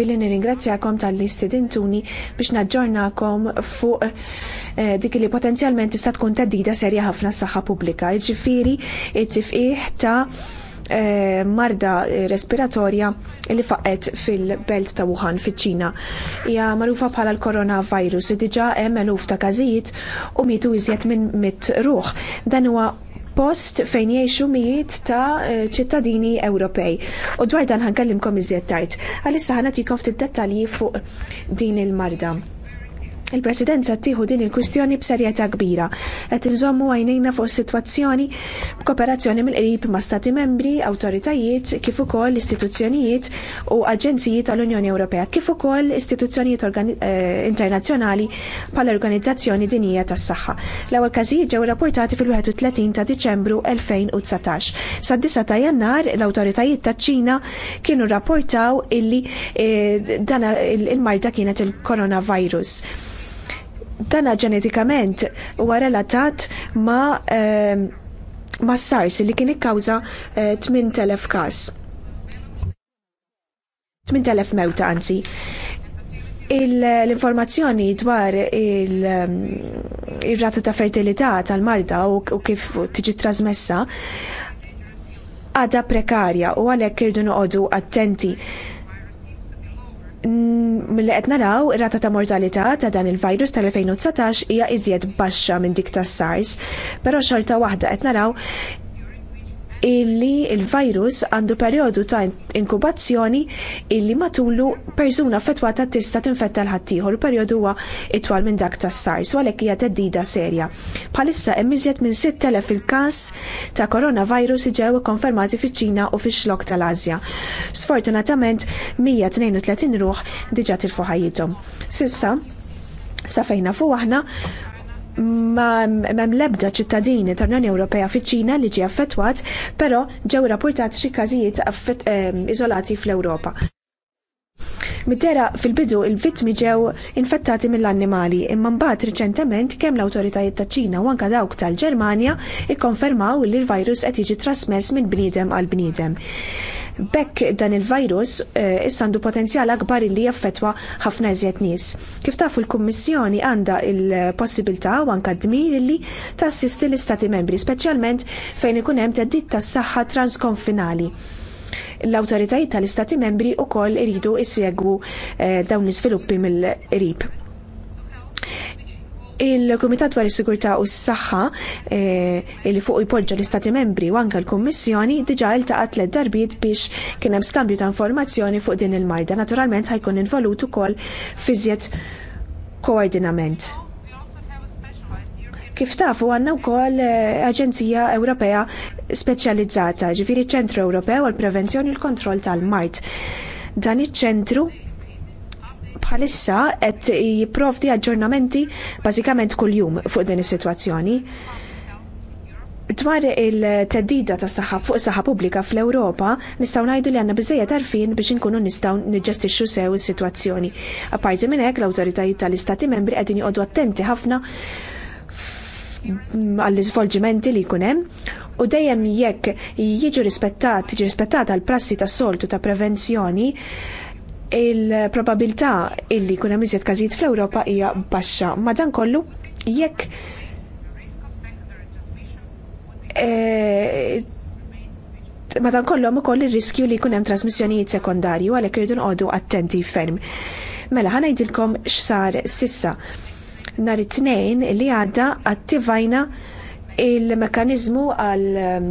billi nirringrazzjakom tal-li stidintuni biex naġġornakom fuq eh, dik li potenzjalment tista' tkun teddida serja ħafna s-saħħa pubblika. Ġifieri it-tifqih ta' eh, marda eh, respiratorja li faqet fil-belt ta' Wuhan fiċ-Ċina. Hija magħrufa bħala l-coronavirus diġà hemm eluf ta' każijiet u mitu iżjed minn mit ruħ. Dan huwa post fejn jiexu mijiet ta' eh, ċittadini Ewropej. U dwar dan ħankellimkom iżjed tard. Għalissa ħanatikom ftit dettalji fuq din il-marda. Il-Presidenza tiħu din il-kwistjoni b'serjetà kbira qed inżommu għajnejna fuq is-sitwazzjoni b'kooperazzjoni mill-qrib ma' Stati membri, awtoritajiet, kif ukoll istituzzjonijiet u aġenzijiet tal-Unjoni Ewropea, kif ukoll istituzzjonijiet eh, internazzjonali bħall Organizzazzjoni Dinija tas-Saħħa. L-ewwel każijiet ġew rapportati fil-31 ta' Diċembru 2019. Sad-9 ta' Jannar l-awtoritajiet taċ-Ċina kienu rrapportaw illi eh, dan il-marda kienet il-coronavirus. Dana ġenetikament huwa relatat ma' ehm, ma' SARS li kien ikkawża 8000 każ. 8000 mewta anzi. L-informazzjoni dwar ehm, il-rata ta' fertilità tal-marda u kif tiġi trasmessa għada prekarja u għalhekk irdu noqogħdu attenti Mm, mill-li qed naraw, ir-rata ta' mortalità ta' dan il-virus tal-2019 hija iżjed baxxa minn dik tas-SARS, però xorta waħda qed naraw illi il-virus għandu perjodu ta' inkubazzjoni illi matulu persuna fetwata tista' tinfetta l-ħaddieħor, perjodu huwa itwal minn dak tas SARS, għalhekk hija teddida serja. Bħalissa hemm iżjed minn 6000 il-każ ta' koronavirus ġew konfermati fiċ-Ċina u fix-xlok tal-Asja. Sfortunatament 132 ruħ diġà tilfu ħajjithom. Sissa, safejna fuq aħna ma hemm l-ebda ċittadini tal-Unjoni Ewropea fiċ-Ċina li ġie affettwat, però ġew rapportati xi każijiet ehm, iżolati fl-Ewropa. Middera fil-bidu il-vittmi ġew infettati mill-annimali imma mbagħad riċentement kemm l-awtoritajiet ta' Ċina u anke dawk tal-Ġermanja ikkonfermaw li l-virus qed jiġi trasmess minn bniedem għal bniedem. Bekk dan il-virus eh, issa għandu potenzjal akbar li jaffetwa ħafna iżjed nies. Kif tafu l-Kummissjoni għandha il-possibilità u anka dmir li tassisti l-Istati membri, speċjalment fejn ikun hemm teddit tas-saħħa transkonfinali l-autoritajiet tal-istati membri u koll iridu issegwu eh, dawn l iżviluppi mill-qrib. Il-Kumitat għal sigurtà u s-Saħħa eh, li fuq jpoġġa l-Istati Membri u anke l-Kummissjoni diġà taqat l darbiet biex kien hemm skambju ta' informazzjoni fuq din il-marda. Naturalment ħajkun involut ukoll fiżjed koordinament. Kif tafu għanna wkoll eh, Aġenzija Ewropea speċjalizzata, ġifiri ċentru Ewropew għall prevenzjoni l kontroll tal-Mart. Dan iċ-ċentru bħalissa qed jipprovdi aġġornamenti bażikament kuljum fuq din is-sitwazzjoni. Dwar il-teddida ta' saħħa fuq saħħa pubblika fl-Ewropa, nistgħu ngħidu li għandna biżejjed għarfien biex inkunu nistgħu niġġestixxu sew is-sitwazzjoni. Apparti minn hekk l-awtoritajiet tal-Istati membri qegħdin joqogħdu attenti ħafna għall-iżvolġimenti li jkun hemm u dejjem jekk jiġu rispettat, jiġu rispettata l-prassi tas soltu ta' prevenzjoni, il-probabilità illi jkun hemm iżjed każijiet fl-Ewropa hija baxxa. Madankollu jekk eh, madankollu hemm ukoll ir-riskju li jkun hemm trasmissjonijiet sekondarji u għalhekk irridu nqogħdu attenti ferm. Mela ħa ngħidilkom x'sar sissa. Nhar it-tnejn li għadda attivajna il-mekanizmu għal um,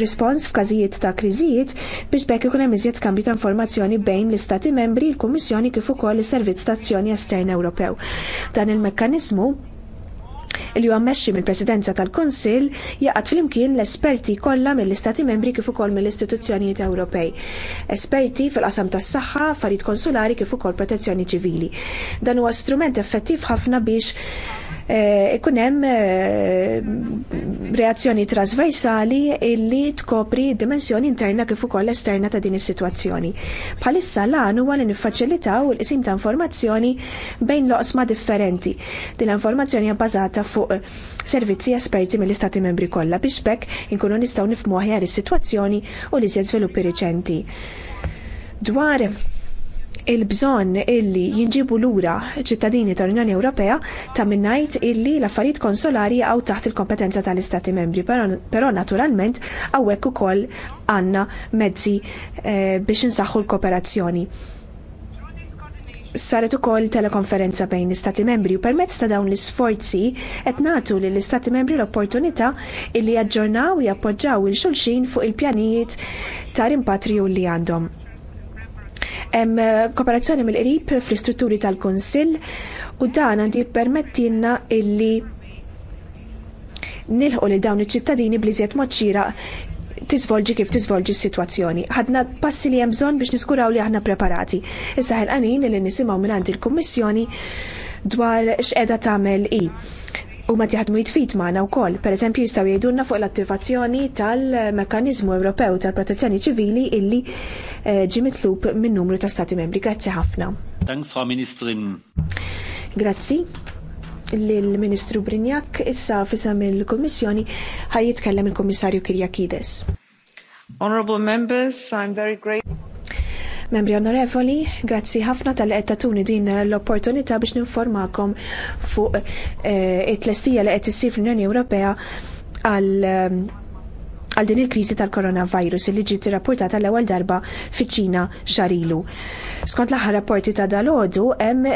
respons f'każijiet ta' kriżijiet biex bekk ikun hemm iżjed skambju ta' informazzjoni bejn l-Istati membri, il-Kummissjoni kif ukoll is-Servizz Tazzjoni Estern Ewropew. Dan il-mekkaniżmu li huwa mmexxi mill-Presidenza tal-Kunsill jaqgħad flimkien l-esperti kollha mill-Istati Membri kif ukoll mill-istituzzjonijiet Ewropej. Esperti fil-qasam tas-saħħa, affarijiet konsulari kif ukoll protezzjoni ċivili. Dan huwa strument effettiv ħafna biex Eh, ikun hemm eh, reazzjoni trasversali illi tkopri dimensjoni interna kif ukoll esterna ta' din is-sitwazzjoni. Bħalissa lan huwa li niffaċilitaw il-qisim ta' informazzjoni bejn loqsma differenti. Din l-informazzjoni bbażata fuq servizzi esperti mill-Istati membri kollha biex bekk inkunu nistgħu nifhmu aħjar is-sitwazzjoni u li żjed sviluppi riċenti. Dwar il-bżonn illi jinġibu lura ċittadini tal-Unjoni Ewropea ta' minnajt illi l-affarijiet konsolari għaw taħt il-kompetenza tal-Istati membri, però naturalment għawek ukoll għanna mezzi eh, biex insaħħu l-kooperazzjoni saret ukoll telekonferenza bejn l-Istati Membri u permezz ta' dawn l-isforzi qed nagħtu lill istati Membri l-opportunità illi jaġġornaw u jappoġġaw il-xulxin fuq il-pjanijiet ta' rimpatriju li għandhom. Hemm eh, kooperazzjoni mill-qrib fl-istrutturi tal-Kunsill u dan għandi jippermettilna illi nilħu li dawn iċ-ċittadini bliżiet maċċira tiżvolġi kif tiżvolġi s sitwazzjoni Ħadna passi li hemm bżonn biex niskuraw li aħna preparati. Issa ħelqanin li nisimgħu minn għandi l-Kummissjoni dwar x'qeda tagħmel i. U ma tiħadmu jitfit maħna u koll, per eżempju jistaw jgħidulna fuq l-attivazzjoni tal-mekanizmu Ewropew tal-protezzjoni ċivili illi eh, lup minn numru ta' stati membri. Grazzi ħafna. Dank, Frau Ministrin. Grazzi lil ministru Brinjak issa fisam il-Kommissjoni ħaj jitkellem il-Kommissarju Kirjakides. Honorable members, I'm very grateful. Membri onorevoli, grazzi ħafna tal-qed tatuni din l-opportunità biex ninformakom fuq eh, it-tlestija li qed issir fl-Unjoni Ewropea għal eh, għal din il-kriżi tal-coronavirus li ġiet rapportata l-ewwel darba fiċ-Ċina xarilu. Skont l-aħħar rapporti ta' dalodu hemm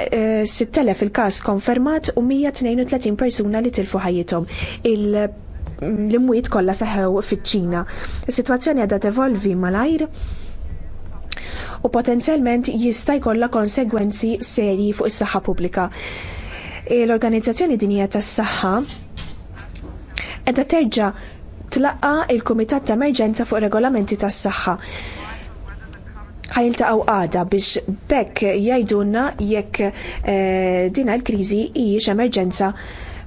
6000 eh, il-każ konfermat u 132 persuna li tilfu ħajjithom. Il- mm, l-imwiet kollha seħew fiċ-Ċina. Is-sitwazzjoni għadha tevolvi malajr u potenzjalment jista' jkollha konsegwenzi serji fuq is-saħħa pubblika. L-Organizzazzjoni Dinija tas-Saħħa qiegħda terġa' tlaqqa il-Kumitat ta' Emerġenza fuq Regolamenti tas-Saħħa ħajiltaqgħu għada biex bekk jgħidulna jekk din eh, dina l-kriżi hijiex emerġenza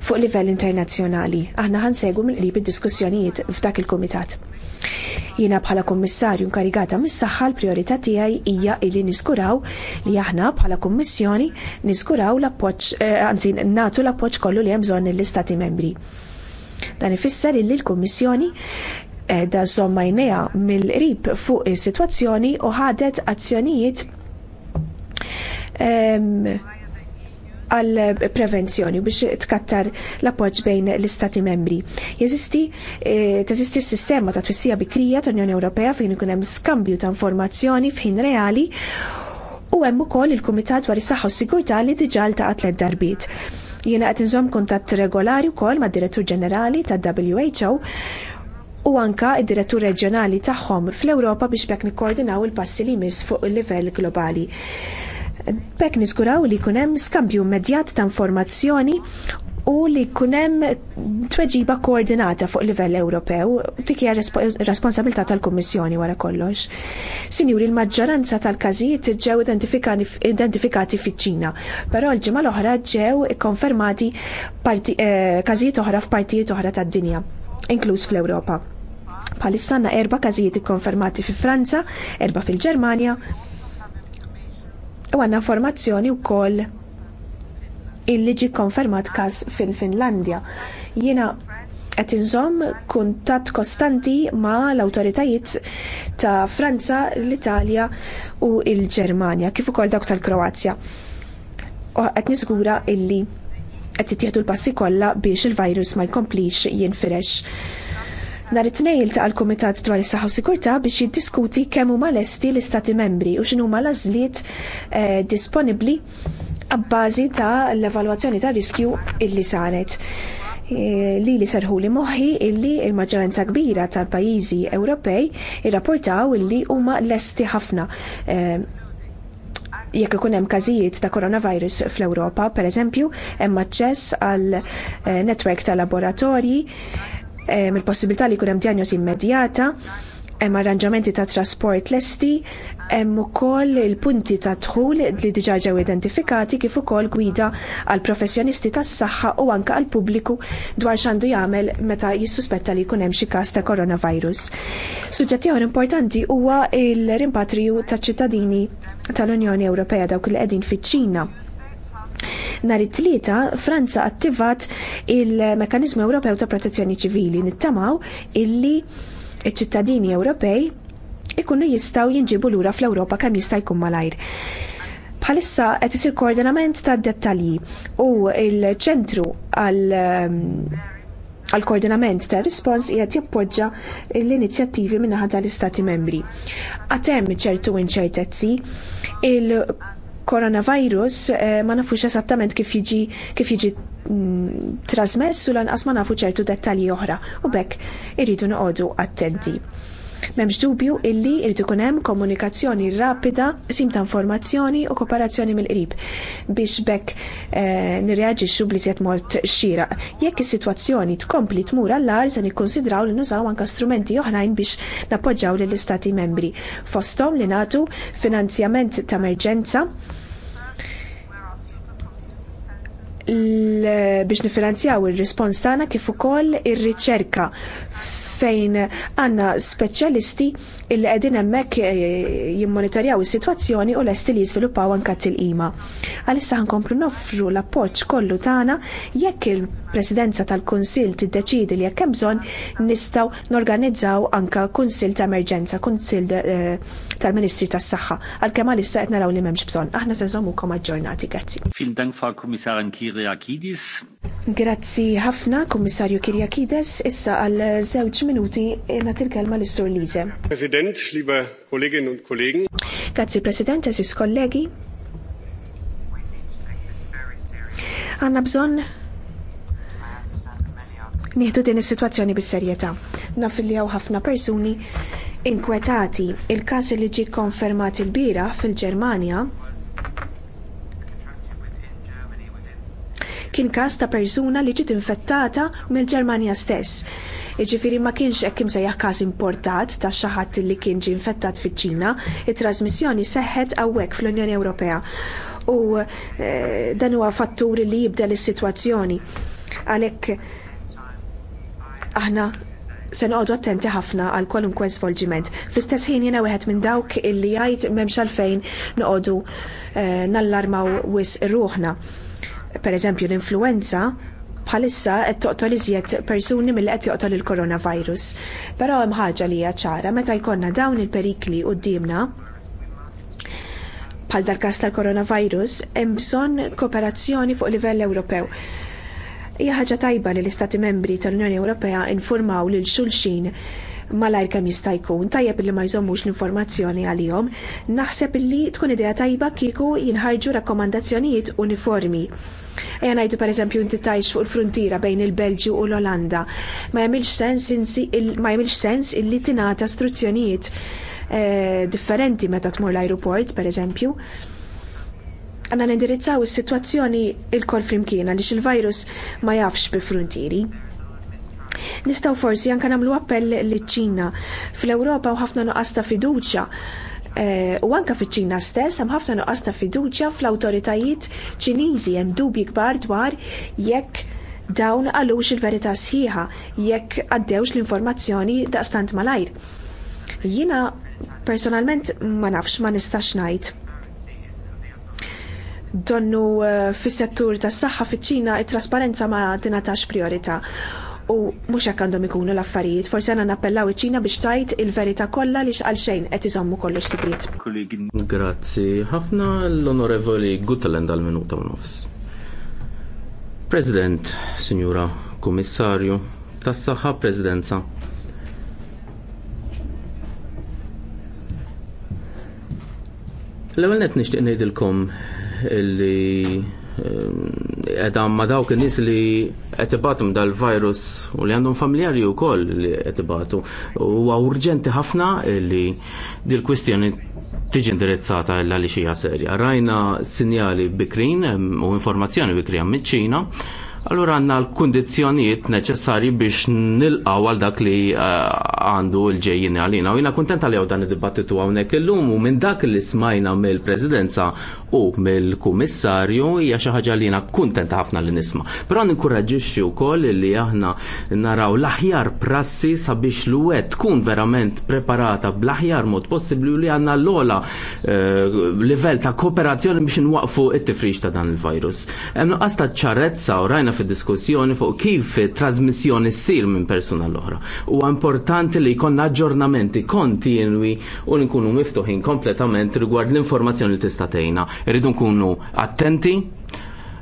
fuq livell internazzjonali. Aħna ħansegu mill-qrib id-diskussjonijiet f'dak il-kumitat. Jiena bħala kummissarju nkarigata mis-saħħa l-priorità tiegħi hija li niskuraw li aħna bħala kummissjoni niskuraw l-appoġġ eh, anzi nagħtu l-appoġġ kollu li hemm bżonn lill-istati membri. Dan ifisser li l-Kummissjoni eh, da somma jnejha mill-qrib fuq is-sitwazzjoni u ħadet azzjonijiet ehm, għal prevenzjoni biex tkattar l-appoġġ bejn l-Istati membri. Jeżisti, eh, teżisti s-sistema ta' twissija bikrija ta' Unjoni Ewropea fejn ikun hemm skambju ta' informazzjoni f'ħin reali u hemm ukoll il-Kumitat dwar is-Saħħa u Sigurtà li diġà ta' tliet darbiet. Jiena qed inżomm kuntatt regolari wkoll mad-Direttur Ġenerali tad-WHO u anka id-direttur reġjonali tagħhom fl-Ewropa biex bekk nikkoordinaw il-passi li jmiss fuq il-livell globali. Bekk niskuraw li kunem skambju immedjat ta' informazzjoni u li kunem tweġiba koordinata fuq livell Ewropew, tikja responsabilità tal-Kummissjoni wara kollox. Sinjuri, il-maġġoranza tal-każijiet ġew identifikati fiċ-Ċina, però l-ġimgħa l-oħra ġew ikkonfermati eh, każijiet oħra f'partijiet oħra tad-dinja, inkluż fl-Ewropa. Bħalistanna erba' każijiet ikkonfermati fi Franza, erba' fil-Ġermanja, u għanna formazzjoni u koll il-liġi konfermat kas fil-Finlandja. Jena għet inżom kuntat kostanti ma' l autoritajiet ta' Franza, l-Italja u il ġermanja kif ukoll dawk tal-Kroazja. U għet nisgura illi qed jittieħdu l-passi kolla biex il-virus ma jkomplix jinfirex Nhar it-tnejn iltaqa' l-Kumitat dwar is-Saħħa u Sikurtà biex jiddiskuti kemm huma lesti l-Istati Membri u x'inhu huma l-għażliet eh, disponibbli abbażi ta' l-evalwazzjoni ta' riskju illi saret. Eh, li li serħu li moħħi illi il-maġġoranza kbira tal-pajjiżi Ewropej irrapportaw illi huma lesti ħafna eh, jekk ikun hemm każijiet ta' coronavirus fl-Ewropa, pereżempju, hemm aċċess għal netwerk ta' laboratorji il-possibilità li jkun hemm diagnosi immedjata, hemm arranġamenti ta' trasport lesti, hemm ukoll il-punti ta' dħul li diġà ġew identifikati kif ukoll gwida għal professjonisti tas-saħħa u anke għal pubbliku dwar x'għandu jagħmel meta jissuspetta li jkun hemm xi każ ta' coronavirus. Suġġett ieħor importanti huwa il-rimpatriju taċ ċittadini tal-Unjoni Ewropea dawk li qegħdin fiċ-Ċina Nar it-tlieta, Franza attivat il-Mekanizmu Ewropew ta' Protezzjoni Ċivili nittamaw illi ċ-ċittadini Ewropej ikunu jistaw jinġibu lura fl-Ewropa kemm jista' jkun malajr. Bħalissa qed isir koordinament ta' dettalji u il-ċentru għal ehm, għal koordinament ta' respons jgħat jappoġġa l-inizjattivi minnaħa tal-Istati membri. Għatem ċertu inċertezzi, il coronavirus eh, ma nafux esattament kif jiġi kif jiġi mm, trasmessu u lanqas ma nafu ċertu dettalji oħra u bekk irridu noqogħdu attenti. M'hemmx dubju illi irid ikun hemm komunikazzjoni rapida, sim ta' informazzjoni u kooperazzjoni mill-qrib biex bekk eh, nirreaġixxu bliżjed mod xieraq. Jekk is-sitwazzjoni tkompli tmur għall-ar se nikkonsidraw li nużaw anke strumenti oħrajn biex nappoġġaw lill-istati membri. Fosthom li nagħtu finanzjament ta' emerġenza biex nifinanzjaw il-respons tagħna kif ukoll ir-riċerka fejn għanna speċjalisti illi qegħdin hemmhekk eh, jimmonitorjaw is-sitwazzjoni u lesti li jiżviluppaw anke il-ima. Għalissa ħankomplu noffru l-appoġġ kollu tagħna jekk il-Presidenza tal-Kunsill tiddeċidi li jekk hemm bżonn nistgħu norganizzaw anke Kunsill ta' Emerġenza, Kunsill eh, tal-Ministri tas-Saħħa għalkemm għalissa qed naraw li m'hemmx bżonn. Aħna se nżommukom aġġornati, grazzi. Fil Dank, Frau Ankiri Akidis. Grazzi ħafna, Kummissarju Kiriakides, issa għal żewġ minuti e nagħti kelma Lise. President, liebe Kolleginnen und Kollegen. Grazzi President, eżis kollegi. Għanna bżonn nieħdu din is-sitwazzjoni bis-serjetà. Naf li hawn ħafna persuni inkwetati. Il-każ li ġie konfermat il-bira fil-Ġermanja kien każ ta' persuna li ġiet infettata mill-Ġermanja stess. Iġifiri ma kienx hekk imsejjaħ każ importat ta' xi ħadd li kien ġie infettat fiċ-Ċina, it-trasmissjoni seħħet hawnhekk fl-Unjoni Ewropea. U eh, dan huwa fattur li jibdel is-sitwazzjoni. Għalhekk aħna se noqogħdu attenti ħafna għal kwalunkwe svolġiment. Fl-istess ħin jiena wieħed minn dawk illi jgħid m'hemmx għalfejn noqogħdu eh, nallarmaw wis ruħna. Per eżempju l-influenza bħalissa qed toqtol iżjed persuni milli qed joqtol il-coronavirus. Però hemm ħaġa li hija ċara meta jkollna dawn il-perikli quddiemna bħal dal-każ tal-coronavirus hemm bżonn kooperazzjoni fuq livell Ewropew. Hija ħaġa tajba li l-Istati Membri tal-Unjoni Ewropea infurmaw lil xulxin malajr kemm jista' jkun tajjeb li ma jżommux l-informazzjoni għalihom, naħseb li tkun idea tajba kieku jinħarġu rakkomandazzjonijiet uniformi Ejja najdu per eżempju inti tajx fuq il frontira bejn il-Belġju u l-Olanda. Ma jagħmilx sens ma jagħmilx sens illi tingħata struzzjonijiet eh, differenti meta tmur l-ajruport, per eżempju għanna nindirizzaw is-sitwazzjoni il-kol flimkien għaliex il-virus ma jafx bi frontieri. Nistaw forsi anka nagħmlu appell li ċina fl-Ewropa u ħafna nuqqas ta' fiduċja Eh, u anka fiċ-Ċina stess hemm ħafna nuqqas ta' fiduċja fl-awtoritajiet Ċiniżi hemm dubji kbar dwar jekk dawn għalux il-verità sħiħa jekk għaddewx l-informazzjoni daqstant malajr. Jina personalment ma nafx ma nistax ngħid donnu eh, fis settur tas saħħa fiċ-ċina it-trasparenza ma tingħatax priorità u mhux hekk għandhom ikunu l-affarijiet, forsi għandna nappellaw iċ-Ċina biex tajt il-verità kollha li xqal xejn qed iżommu kollox sigriet. Grazzi, ħafna l-Onorevoli Gutland għal-minuta nofs. President, Sinjura Kummissarju, tas-saħħa Presidenza. L-ewwel qed nixtieq ngħidilkom li Eh, edha ma dawk in li qed dal-virus u li għandhom familjari wkoll li qed ibatu. Huwa urġenti ħafna li dil kwistjoni tiġi indirizzata l għaliex xija serja. Rajna sinjali bikrin u informazzjoni bikrin minn ċina Allura għanna l-kondizjoniet neċessari biex nilqaw għal dak li eh, għandu l-ġejjini għalina. U jina kontent għal dan id-dibattitu għawnek il-lum u minn dak li smajna mill-prezidenza u mill-kummissarju hija xi ħaġa li jina kontent ħafna li nisma. Però ninkoraġġixxi wkoll li aħna naraw l-aħjar prassi sabiex l wet tkun verament preparata bl-aħjar mod possibbli li għanna l-ola eh, livell ta' kooperazzjoni biex nwaqfu it-tifrix ta' dan il-virus. Hemm nuqqas ta' ċarezza u rajna ħafna fid-diskussjoni fuq kif trasmissjoni ssir minn persuna l ohra Huwa importanti li jkollna aġġornamenti kontinwi u li nkunu miftuħin kompletament rigward l-informazzjoni li tista' tgħinna. Irridu nkunu attenti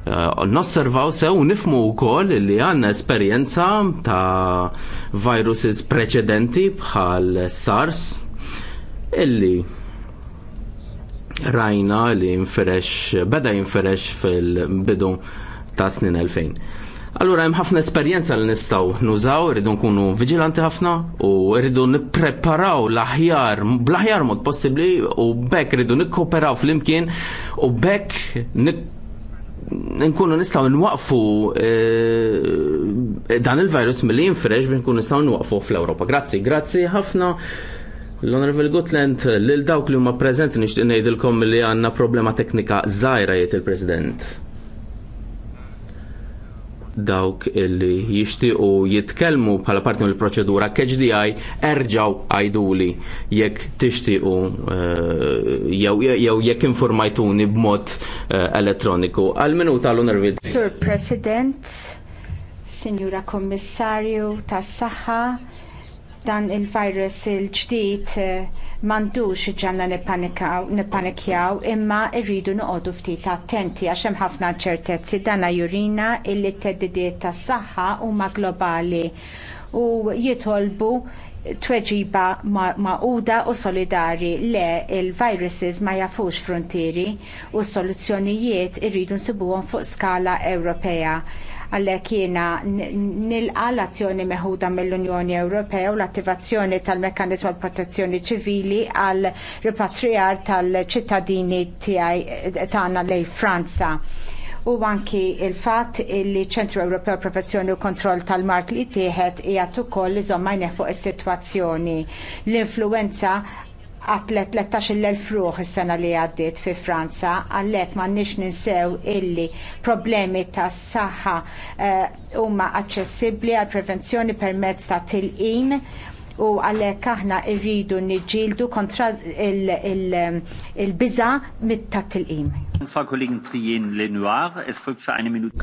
Uh, nosservaw sew nifmu wkoll li għandna esperjenza ta' viruses preċedenti bħal SARS illi rajna li jinferex beda jinferex fil-bidu ta' snin 2000. Allura hemm ħafna esperjenza li nistgħu nużaw, iridu nkunu viġilanti ħafna u rridu nippreparaw l-aħjar bl-aħjar mod possibbli u bekk irridu nikkoperaw flimkien u bekk nkunu nistaw nwaqfu eh, dan il-virus mill-li jinfreġ biex nkunu nistaw nwaqfu fl-Europa. Grazzi, grazzi ħafna. L-Honorable Gutland, lil dawk li huma preżenti nixtieq ngħidilkom li għandna problema teknika żgħira jgħid il-President dawk illi jixtiequ jitkellmu bħala parti mill proċedura KHDI erġaw għajduli jekk tixtiequ eh, jew jekk informajtuni b'mod eh, elettroniku. Għal minuta l nerviz. Sur President, Sinjura Kommissarju tas-Saħħa, dan il-virus il-ġdid eh, M'għandux ġanna nippanikjaw imma rridu noqogħdu ftit attenti għax hemm ħafna ċertezzi dana jurina illi t-teddidiet tas-saħħa huma globali u jitolbu tweġiba maquda ma u solidari le il-viruses ma jafux frontieri u s soluzzjonijiet irridu nsibuhom fuq skala Ewropea Għalhekk jiena nilqa l-azzjoni meħuda mill-Unjoni Ewropea u l-attivazzjoni tal-Mekkanizmu għall protezzjoni ċivili għal ripatrijar tal-ċittadini eh, tagħna lejn Franza u anki il-fatt li ċentru Ewropew Profezzjoni u Kontroll tal-Mart li tieħed hija ukoll li żommajne fuq is-sitwazzjoni. L-influenza għatlet 13.000 ruħ is-sena li għaddiet fi Franza, għallek ma nix ninsew illi problemi ta' s-saħħa eh, huma uh, aċċessibbli għal prevenzjoni permezz ta' tilqim u għallek aħna rridu niġġieldu kontra il-biża ta' tilqim.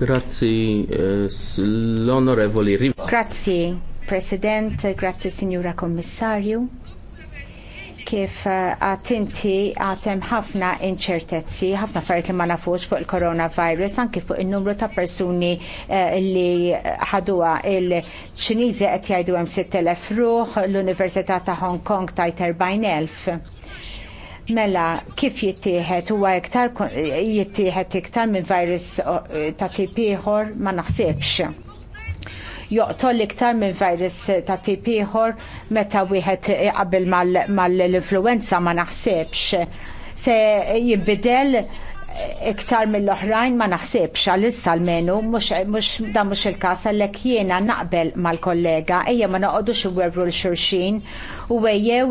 Grazzi, eh, l-onorevoli Riva. Grazzi, President, grazzi, Signora Kommissarju kif għatinti eh, għatem ħafna inċertezzi, ħafna affarijiet li ma nafux fuq il-coronavirus, anki fuq in numru ta' persuni eh, li ħaduha il-ċiniżi qed jgħidu hemm 6,000 ruħ, l-Università ta' Hong Kong tajt 40,000. Mela, kif jittieħed huwa iktar jittieħed iktar minn virus eh, ta' tip ieħor ma naħsibx joqtol iktar minn virus ta' tip ieħor meta wieħed qabel mal-influenza ma naħsebx. Se jinbidel iktar mill-oħrajn ma naħsibx għal-issa l-menu, da mux il-kas għallek jiena naqbel mal-kollega, ejja ma noqodux u werru l-xurxin u ejjew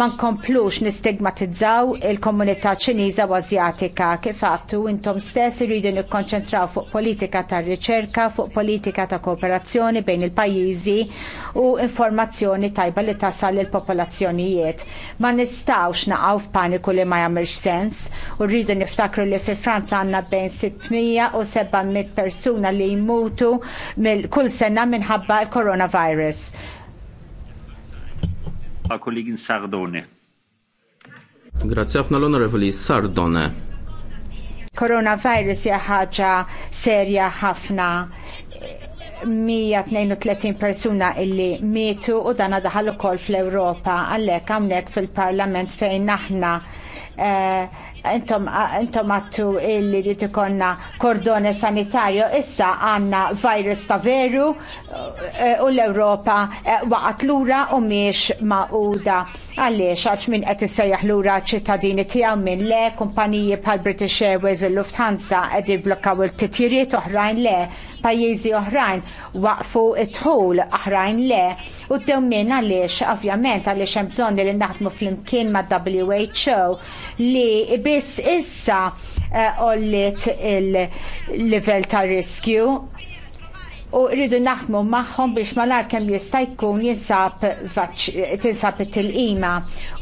ma nkomplux nistigmatizzaw il-komunità ċiniża u Azjatika kif għattu intom stess irridu nikkonċentraw fuq politika ta' riċerka, fuq politika ta' kooperazzjoni bejn il-pajjiżi u informazzjoni tajba li tasal il-popolazzjonijiet. Ma nistawx naqgħu f'paniku li ma jagħmilx sens u rridu niftakru li fi Franza għandna bejn 600 u 700 persuna li jmutu kull sena minħabba l-coronavirus. Kollegin Sardone. Grazie ħafna l-Onorevoli Sardone. Coronavirus hija ħaġa serja ħafna. 132 persuna illi mietu u dana daħal ukoll fl-Ewropa għalhekk hawnhekk fil-Parlament fejn aħna eh, intom għattu illi li ikonna kordone sanitarju, issa għanna virus ta' veru eh, u l-Europa eh, waqat lura u miex maquda. Għaliex, għax minn qed issejjaħ lura ċittadini tiegħu minn le, kumpaniji bħal British Airways u Lufthansa qed jibblokkaw il-titjiriet oħrajn le, pajjiżi oħrajn waqfu t-tħul oħrajn le u d-dewmin għaliex ovvjament għaliex hemm bżonn li naħdmu flimkien mad WHO li biss issa eh, ollit il-livell ta' riskju u rridu naħmu magħhom biex malar kemm jista' jkun jinsab tinsab it-tilqima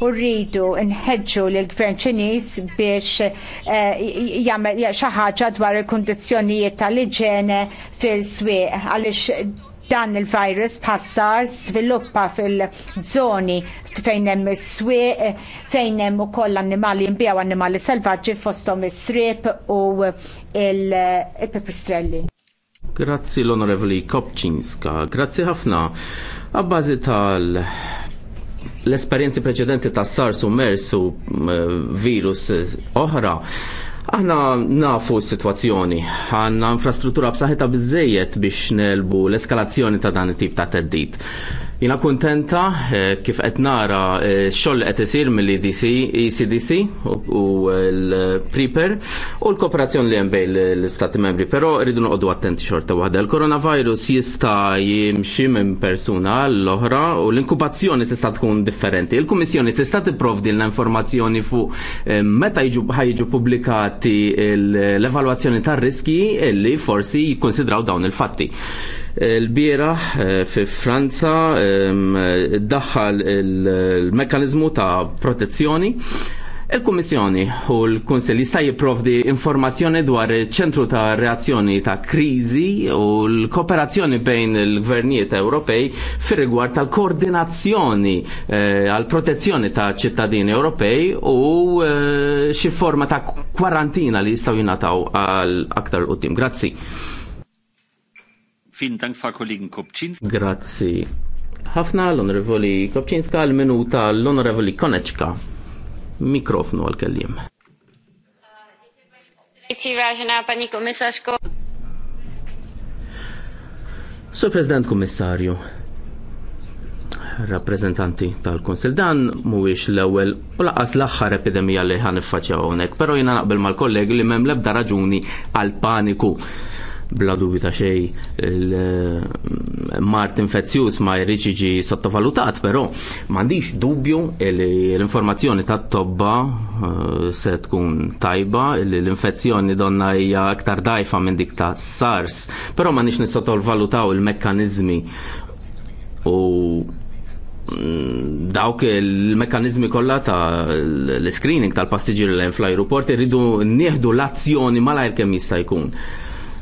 u rridu nħeġġu lill gvern Ċiniż biex eh, jagħmel xi ħaġa dwar il-kundizzjonijiet tal-iġene fil-swieq għaliex dan il-virus passar sviluppa fil-żoni fejn hemm is-swieq, fejn hemm ukoll annimali nbijaw annimali selvaġġi fosthom is-sriep u il-pipistrelli. Grazzi l-Onorevoli Kopċinska, grazzi ħafna. Għabbażi tal l-esperienzi preċedenti ta' SARS u MERS u virus oħra, Aħna nafu s-situazzjoni, għanna infrastruttura b'saħħitha biżejjed biex nelbu l-eskalazzjoni ta' dan it-tip ta' teddit. Jina kontenta eh, kif qed nara eh, xoll qed isir mill-EDC, ECDC u eh, l-Preper u l-kooperazzjoni li hemm bejn l-Istati Membri, però rridu noqogħdu attenti xorta waħda. Il-coronavirus jista' jimxi minn persuna l-oħra u l-inkubazzjoni tista' tkun differenti. Il-Kummissjoni tista' tipprovdi l-informazzjoni fuq meta ħajġu pubblikati l-evalwazzjoni tar-riski li forsi jikkonsidraw dawn il-fatti l-bieraħ eh, fi Franza daħħal il-mekanizmu ta' protezzjoni Il-Kummissjoni u l-Kunsel jista' jipprovdi informazzjoni dwar ċentru ta' reazzjoni ta' kriżi u l-kooperazzjoni bejn il-gvernijiet Ewropej fir rigward tal-koordinazzjoni eh, għal protezzjoni ta' ċittadini Ewropej u eh, xi forma ta' kwarantina li jistgħu jingħataw għal aktar qudiem. Grazzi. Fin dank fa' kollegin Grazzi. Ħafna l-Onorevoli Kopċinska l-minuta l-Onorevoli Koneċka. Mikrofnu għal-kellim. Sur President Kommissarju, rappresentanti tal-Konsil dan mhuwiex l-ewwel u laqas l-aħħar epidemija li ħan hawnhekk, però jiena naqbel mal-kollegi li m'hemm l-ebda raġuni għal paniku bla dubju ta' xej il-mart eh, infezzjuż ma jrid jiġi sottovalutat, però m'għandix dubju li l-informazzjoni tat-tobba eh, se tkun tajba, li l-infezzjoni donna hija aktar dajfa minn dik ta' SARS, però m'għandix nissottovalutaw il-mekkaniżmi u mm, dawk il-mekkanizmi kollha ta' l-screening tal-passiġġieri l-hemm fl-ajruport irridu nieħdu l-azzjoni malajr kemm jista' jkun.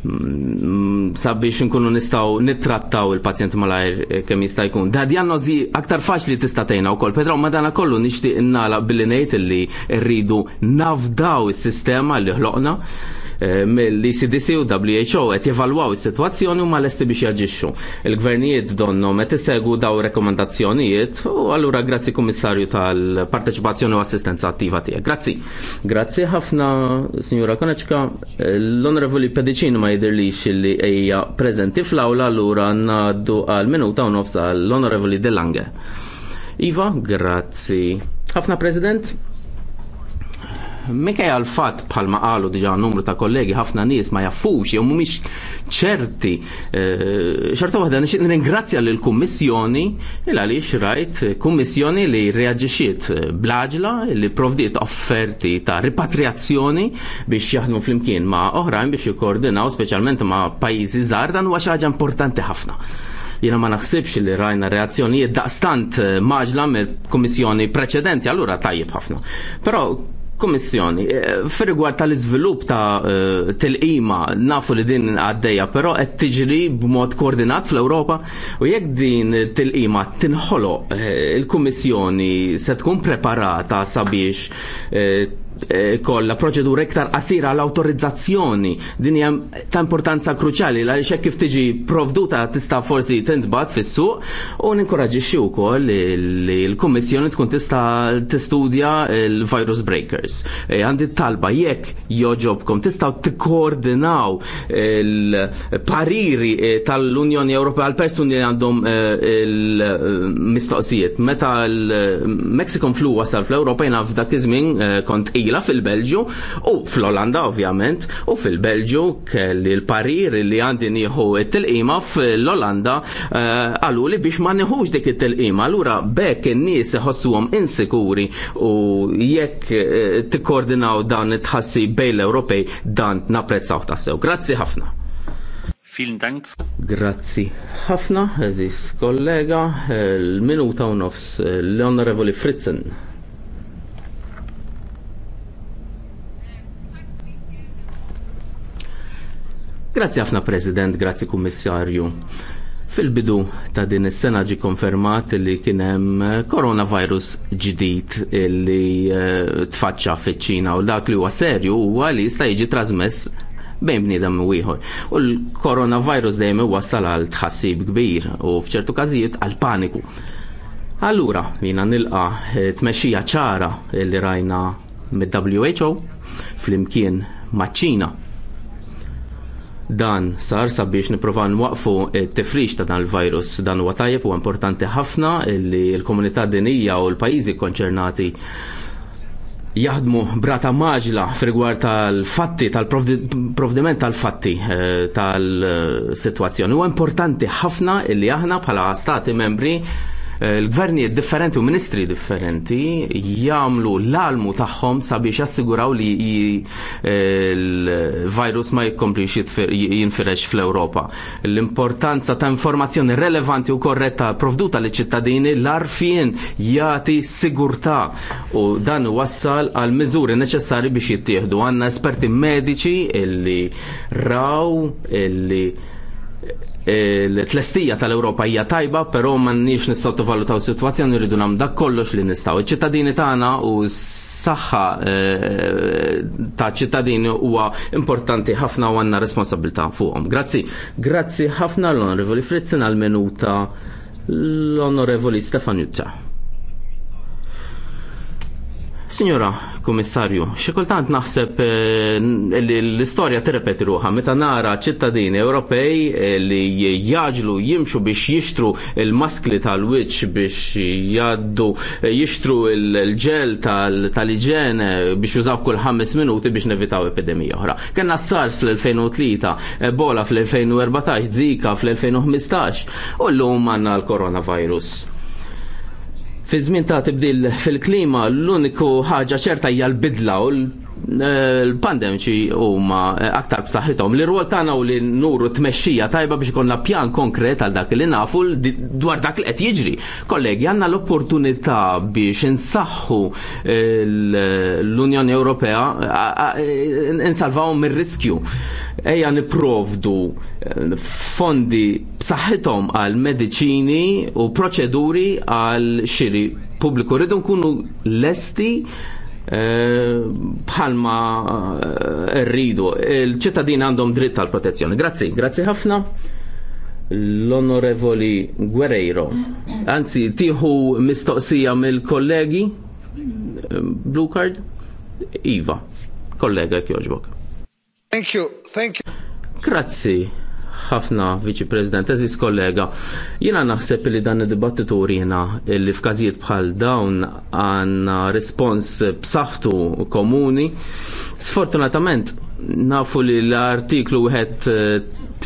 Mm, sabiex nkunu nistaw nittrattaw il-pazjent malajr eh, kemm jista' jkun. Da diagnozi aktar faċli tista' tgħinha wkoll, però madana kollu nixtieq nagħlaq billi ngħid li rridu nafdaw is-sistema li ħloqna Eh, mill-ECDC u WHO qed jevalwaw is-sitwazzjoni u malesti biex jaġixxu. Il-gvernijiet donnom qed isegwu daw rekomendazzjonijiet u allura grazzi kummissarju tal-parteċipazzjoni u assistenza attiva tiegħek. Grazzi. Grazzi ħafna, Signora Koneċka. L-Onorevoli Pedicin ma jidirlix li hija preżenti fl-awla allura ngħaddu għal minuta u nofs l onorevoli Delange. Iva, grazzi. Ħafna President, Mikaj għal fatt bħalma qalu diġa numru ta' kollegi ħafna nies ma jaffux jew mhumiex ċerti. Eh, xorta waħda nixtieq ringrazzja l kummissjoni il għaliex rajt kummissjoni li reagġiċiet blaġla li provdiet offerti ta' ripatriazzjoni biex jaħdmu flimkien ma' oħrajn biex jikkoordinaw specialment ma' pajjiżi żgħar dan huwa xi ħaġa importanti ħafna jena ma naħsibx li rajna reazzjoni daqstant eh, maġla mill kummissjoni preċedenti, allura tajjeb ħafna. Però Kommissjoni, eh, fir rigward tal-iżvilupp ta' eh, tilqima nafu li din għaddejja, però qed tiġri b'mod koordinat fl-Ewropa u jekk din tilqima tinħoloq eh, il kommissjoni se tkun preparata sabiex Eh, kolla proċedura iktar qasira l-autorizzazzjoni din hija ta' importanza kruċjali la hekk kif tiġi provduta tista' forsi tintbagħat fis-suq u ninkoraġixxi wkoll li l-Kummissjoni tkun tista' tistudja l-virus breakers. Eh, għandi talba jekk joġobkom tistgħu tikkoordinaw il-pariri eh, tal-Unjoni Ewropea għal persuni li għandhom il-mistoqsijiet. Meta l-Mexican flu wasal fl-Ewropa jnaf f'dak iż-żmien kont ila fil-Belġu u fl-Olanda ovvjament u fil-Belġu kelli l-parir li għandi nieħu it-tilqima fl-Olanda eh, għalu li biex ma neħux dik it-tilqima allura bekk in-nies iħossuhom insikuri u jekk eh, tikkoordinaw dan it-ħassib bejn l-Ewropej dan napprezzaw tassew. Grazzi ħafna. Vielen Dank. Grazzi. Ħafna, eżis kollega, eh, l-minuta u nofs, l-Onorevoli Fritzen. Grazzi ħafna President, grazzi Kummissarju. Fil-bidu ta' din is-sena ġi konfermat li kien hemm eh, coronavirus ġdid li eh, tfaċċa fiċ-Ċina u dak li huwa serju huwa li jista' jiġi trasmess bejn bniedem wieħor. U l-coronavirus dejjem wasal għal tħassib kbir u f'ċertu każijiet għal paniku. Allura, jina nilqa eh, tmexxija ċara li rajna mid-WHO flimkien maċ-Ċina Dan sar sabiex niprofa nwaqfu t-tifrix ta' dan il-virus. Dan huwa tajjeb u importanti ħafna li l-komunità dinija u l-pajjiżi konċernati jaħdmu brata maġla f'rigward tal-fatti, tal-provdiment tal-fatti eh, tal-situazzjoni. Eh, u importanti ħafna illi aħna bħala stati membri Eh, l-gvernijiet differenti u ministri differenti jagħmlu l-almu tagħhom sabiex jassiguraw li eh, l-virus ma jikkomplix jinfirex fl-Ewropa. L-importanza ta' informazzjoni relevanti u korretta provduta li ċittadini l-arfien jagħti sigurtà u dan wassal għal miżuri neċessari biex jittieħdu. Għandna esperti medici illi raw illi l-tlestija tal-Ewropa hija tajba, però t valutaw sitwazzjoni rridu nagħmlu dak kollox li nistaw. Iċ-ċittadini tagħna u s-saħħa eh, ta' ċittadini huwa importanti ħafna u għandna responsabilità fuqhom. Grazzi. Grazzi ħafna l-Onorevoli Fritzin għal-minuta l-Onorevoli Stefan Jutta. Signora Kummissarju, xikultant naħseb eh, li l-istorja terrepeti ruħa meta nara ċittadini Ewropej eh, li jaġlu jimxu biex jixtru il-maskli tal-wiċ biex jaddu eh, jixtru il-ġel tal-iġene biex jużaw kull ħames minuti biex nevitaw epidemija oħra. Kenna SARS fl-2003, Ebola fl-2014, Zika fl-2015 u l-lum għanna l-coronavirus Fi żmien ta' tibdil fil-klima l-uniku ħaġa ċerta hija l-bidla u l l-pandemċi huma eh, aktar b'saħħithom. Li rwol tagħna u li nuru tmexxija tajba biex ikollna pjan konkret għal dak li nafu dwar dak li qed jiġri. Kollegi, għandna l-opportunità biex insaħħu eh, l-Unjoni Ewropea insalvaw mir-riskju. Ejja niprovdu eh, fondi b'saħħithom għal mediċini u proċeduri għal xiri pubbliku. Rridu nkunu lesti Eh, bħalma eh, rridu. Il-ċittadin għandhom dritt tal protezzjoni. Grazzi, grazzi ħafna l-onorevoli Guerreiro. Anzi, tiħu mistoqsija mill-kollegi Blue Card Iva, kollega kjoġbok. Thank you, thank you. Grazzi ħafna Viċi President, eżis kollega. Jiena naħseb li dan id-dibattitu rina li f'każijiet bħal dawn għandna respons b'saħħtu komuni. Sfortunatament nafu li l-artiklu wieħed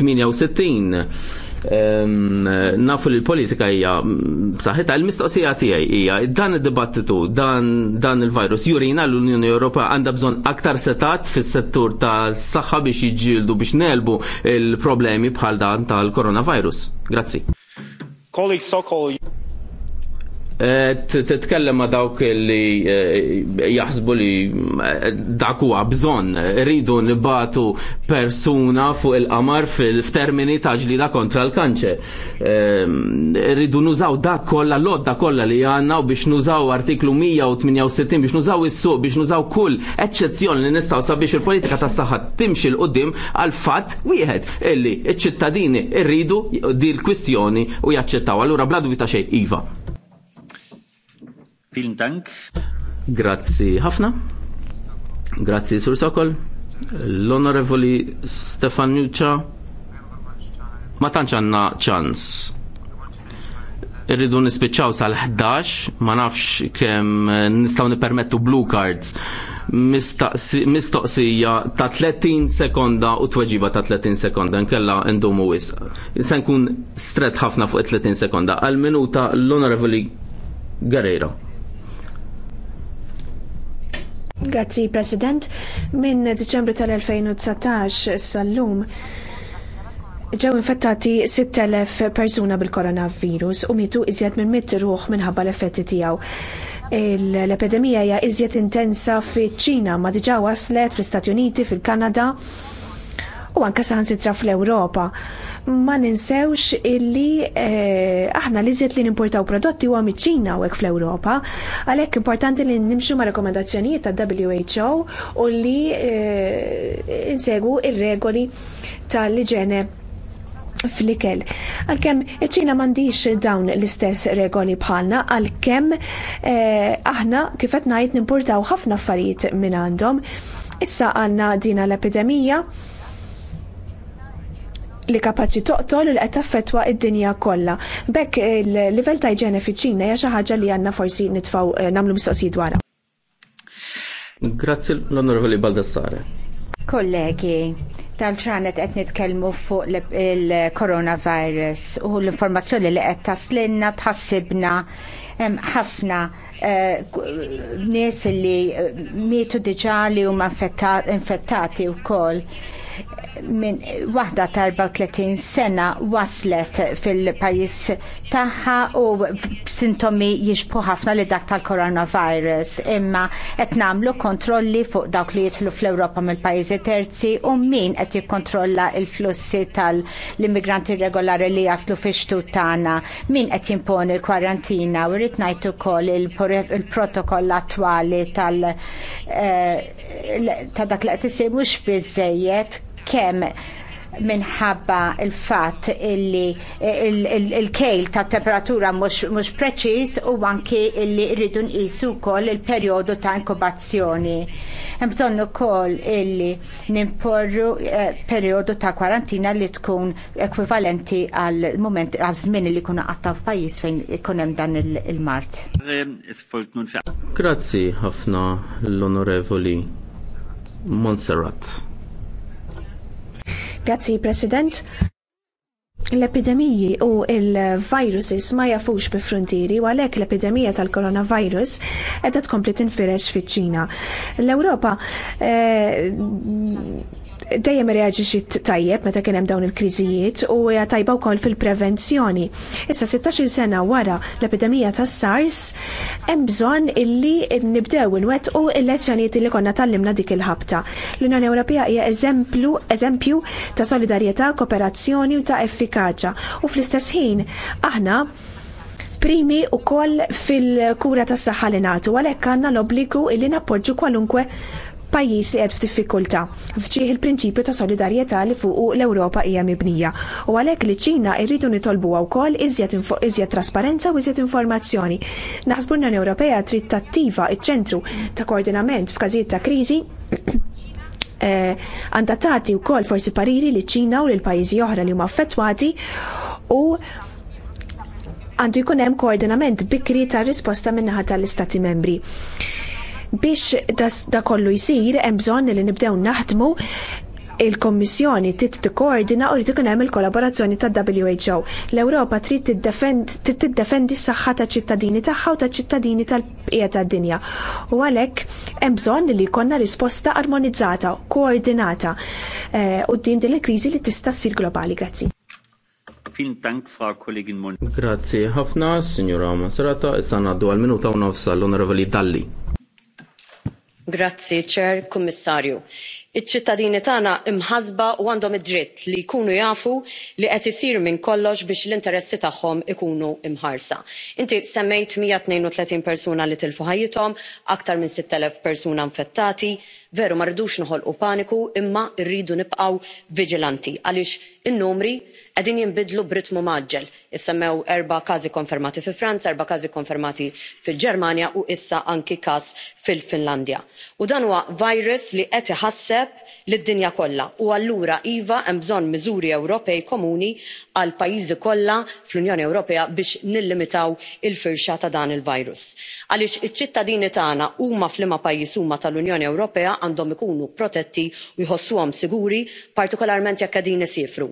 68 eh, nafu li l-politika hija saħħitha l-mistoqsija tiegħi hija dan id-dibattitu dan il-virus jurina l-Unjoni Ewropea għandha bżonn aktar setat fis-settur tas-saħħa biex jiġġieldu biex nelbu l problemi bħal dan tal-coronavirus. Grazzi. Eh, titkellem ma dawk li eh, jaħsbu li eh, dak huwa bżonn rridu nibatu persuna fuq il-qamar f'termini ta' ġlida kontra l-kanċer. Rridu nużaw dak kollha l-odda kollha li għandna biex nużaw artiklu 168 biex nużaw is-suq biex nużaw kull eċċezzjoni li nistgħu sabiex il-politika tas-saħħa timxi l qudiem għal fatt wieħed illi ċ-ċittadini rridu di l-kwistjoni u jaċċettaw. Allura bla dubita xejn iva. Grazzi ħafna. Grazzi Sur Sokol. L-Onorevoli Nuccia. Ma tantx għandna ċans. Irridu nispiċċaw sal-11, ma nafx kemm nistgħu nippermettu blue cards. Mistoqsija ta' 30 sekonda u tweġiba ta' 30 sekonda, nkella ndumu wis. Se nkun stret ħafna fuq 30 sekonda. Għal minuta l-Onorevoli Guerrero. Grazzi, President. Minn Deċembru tal-2019 sal-lum ġew infettati 6,000 persuna bil-koronavirus u mitu iżjed minn mit ruħ minħabba l-effetti tiegħu. L-epidemija hija iżjed intensa fiċ ċina ma diġà waslet fl-Istati Uniti, fil-Kanada u anke saħansitra fl-Ewropa. Ma ninsewx illi eh, aħna li li nimportaw prodotti huwa miċ-Ċina u fl-Ewropa, għalhekk importanti li nimxu ma' rekomendazzjonijiet ta' WHO u li eh, insegu ir-regoli tal-liġene fl-ikel. Għalkemm iċ-Ċina m'għandix dawn l-istess regoli bħalna, għalkemm eh, aħna kifet ngħid nimportaw ħafna affarijiet minn għandhom. Issa għandna dina l-epidemija li kapaċi toqtol u li qed taffettwa id-dinja kollha. Bekk il-livell ta' iġene fiċ-Ċina hija xi ħaġa li għandna forsi nitfgħu eh, nagħmlu mistoqsijiet dwarha. Grazzi l-Onorevoli Baldassare. Kollegi, tal-ċranet qed nitkellmu fuq il-coronavirus u l-informazzjoni li qed taslinna tħassibna ħafna eh, nies li eh, mietu diġà li huma infettati wkoll minn waħda ta' 34 sena waslet fil-pajjiż tagħha u sintomi jixbu ħafna li dak tal-coronavirus imma qed nagħmlu kontrolli fuq dawk li jidħlu fl-Ewropa mill-pajjiżi terzi u min qed jikkontrolla l-flussi tal-immigranti regolari li jaslu fi xtut tagħna, min qed jimponi l-kwarantina u rrid ngħid ukoll il-protokoll attwali tal- eh, ta' dak li qed isir mhux biżejjed kemm minħabba il-fat illi il-kejl ta' temperatura mhux preċiż u anki illi rridu nqisu wkoll il-perjodu ta' inkubazzjoni. Hemm bżonn ukoll illi nimporru eh, perjodu ta' kwarantina li tkun ekwivalenti għal mument għal żmien li jkun għatta f'pajjiż fejn ikun hemm dan il-mart. Grazzi ħafna l-Onorevoli Monserrat. Grazzi, President. L-epidemiji u il-viruses ma jafux bi frontieri u għalhekk l-epidemija tal-coronavirus qiegħda tkompli tinfirex fiċ-Ċina. L-Ewropa eh, dejjem reaġixi tajjeb meta kien hemm dawn il-kriżijiet u hija tajba wkoll fil-prevenzjoni. Issa 16 sena wara l-epidemija tas SARS hemm bżonn illi nibdew inwettqu l-lezzjonijiet li konna tallimna dik il-ħabta. L-Unjoni Ewropea hija eżempju eżempju ta' solidarjetà, kooperazzjoni u ta' effikaċja u fl-istess ħin aħna primi u koll fil-kura tas saħħa li natu, għalhekk għandna l-obbligu illi nappoġġu kwalunkwe pajjiż li qed f'diffikultà f'ġieħ il-prinċipju ta' solidarjetà li fuq l-Ewropa hija mibnija. U għalhekk li ċina rridu nitolbuha wkoll iżjed iżjed trasparenza u iżjed informazzjoni. Naħsbu l-Unjoni Ewropea trid tattiva iċ-ċentru ta' koordinament f'każijiet ta' kriżi eh, għandha tagħti wkoll forsi pariri li ċina u lil pajjiżi oħra li huma affettwati u għandu jkun hemm koordinament bikri tar risposta min-naħa tal-Istati membri. Biex da kollu jisir, hemm bżonn li nibdew naħdmu il-Kommissjoni trid tikkoordina u li ikun hemm il-kollaborazzjoni ta' WHO. L-Ewropa trid tiddefendi s-saħħa ta' ċittadini tagħha u ta' ċittadini tal-bqija tad-dinja. U għalhekk hemm bżonn li jkollna risposta armonizzata, koordinata eh, u din din il-kriżi li tista' ssir globali. Grazzi. Fin dank fra kollegin Mon. Grazzi ħafna, Signora Masrata, issa ngħaddu għall minuta u nofs l-Onorevoli Dalli. Grazzi, Chair, Kummissarju. Iċ-ċittadini tagħna imħasba u għandhom id-dritt li jkunu jafu li qed isir minn kollox biex l-interessi tagħhom ikunu imħarsa. Inti semmejt 132 persuna li tilfu ħajjithom, aktar minn 6,000 persuna infettati, veru ma rridux noħolqu paniku imma rridu nibqgħu viġilanti għaliex in-numri qegħdin jinbidlu b'ritmu maġġel issemmew erba' każi konfermati fi franza erba' każi konfermati fil-ġermanja u issa anki każ fil finlandja u dan huwa virus li qed iħasseb lid dinja kollha u allura iva hemm bżonn miżuri ewropej komuni għal pajjiżi kollha fl-unjoni ewropea biex nillimitaw il firxa ta' dan il virus għaliex iċ ċittadini tagħna huma f'liema pajjiż huma tal-unjoni ewropea għandhom ikunu protetti u jħossuhom siguri partikolarment jekk qegħdin isafru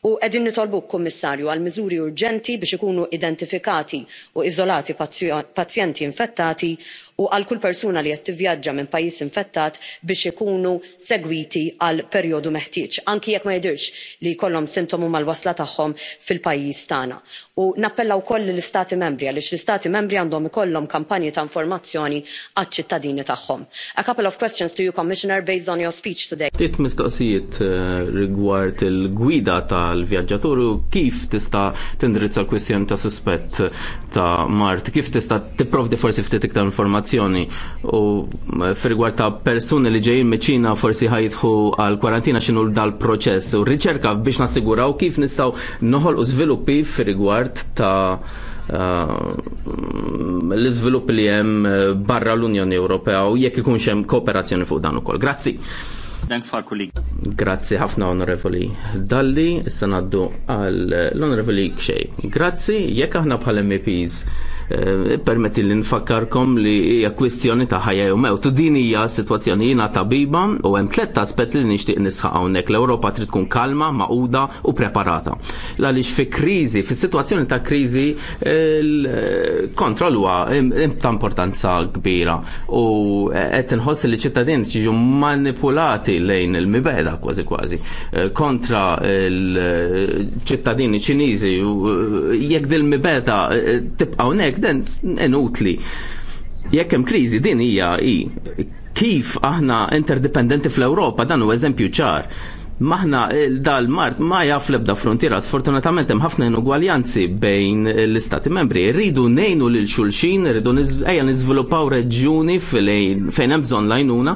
u qegħdin nitolbuk kummissarju għal miżuri urġenti biex ikunu identifikati u iżolati pazjenti infettati u għal kull persuna li qed tivvjaġġa minn pajjiż infettat biex ikunu segwiti għal perjodu meħtieġ anki jekk ma jidhirx li jkollhom sintomu mal-wasla tagħhom fil-pajjiż tagħna. U nappella wkoll lill-istati membri għaliex l-istati membri għandhom ikollhom kampanji ta' informazzjoni għaċ-ċittadini tagħhom. A couple of questions to you, Commissioner, based on your speech today. Tit mistoqsijiet eh, rigward il-gwida ta' tal-vjaġġatur u kif tista' tindrizza l-kwistjoni ta' suspett ta' Mart, kif tista' tipprovdi forsi ftit iktar informazzjoni u eh, f'rigward ta' persuni li ġejjin meċina forsi ħajtħu għal kwarantina x'inhu dal-proċess u riċerka biex nassiguraw kif nistgħu noħolqu żviluppi f'rigward ta' eh, l-izvilupp li hemm barra l-Unjoni Ewropea u jekk ikunx hemm kooperazzjoni fuq dan ukoll. Grazzi. Grazzi ħafna onorevoli Dalli, Sanaddu naddu għall eh, onorevoli Kxej. Grazzi, jekk aħna bħal MPs Eh, permetti li nfakkarkom li hija kwistjoni ta' ħajja jew mewt. Din hija sitwazzjoni jiena tabiba u hemm tliet aspett li nixtieq nisħaq hawnhekk. L-Ewropa trid tkun kalma, maquda u preparata. Għaliex fi kriżi, fi sitwazzjoni ta' kriżi l-kontroll huwa ta' importanza kbira u e, qed inħoss li ċittadini jiġu manipulati lejn il-mibeda kważi kważi eh, kontra l ċittadini ċiniżi eh, jekk dil-mibeda tibqa' hawnhekk evidence inutli. Jekk hemm kriżi din hija kif aħna interdipendenti fl-Ewropa dan u eżempju ċar Maħna eh, dal-mart ma jaf lebda frontiera, sfortunatament hemm ħafna inugwaljanzi bejn l-istati membri. Rridu nejnu lil xulxin, rridu ejja niżviluppaw reġjuni fejn hemm bżonn lajnuna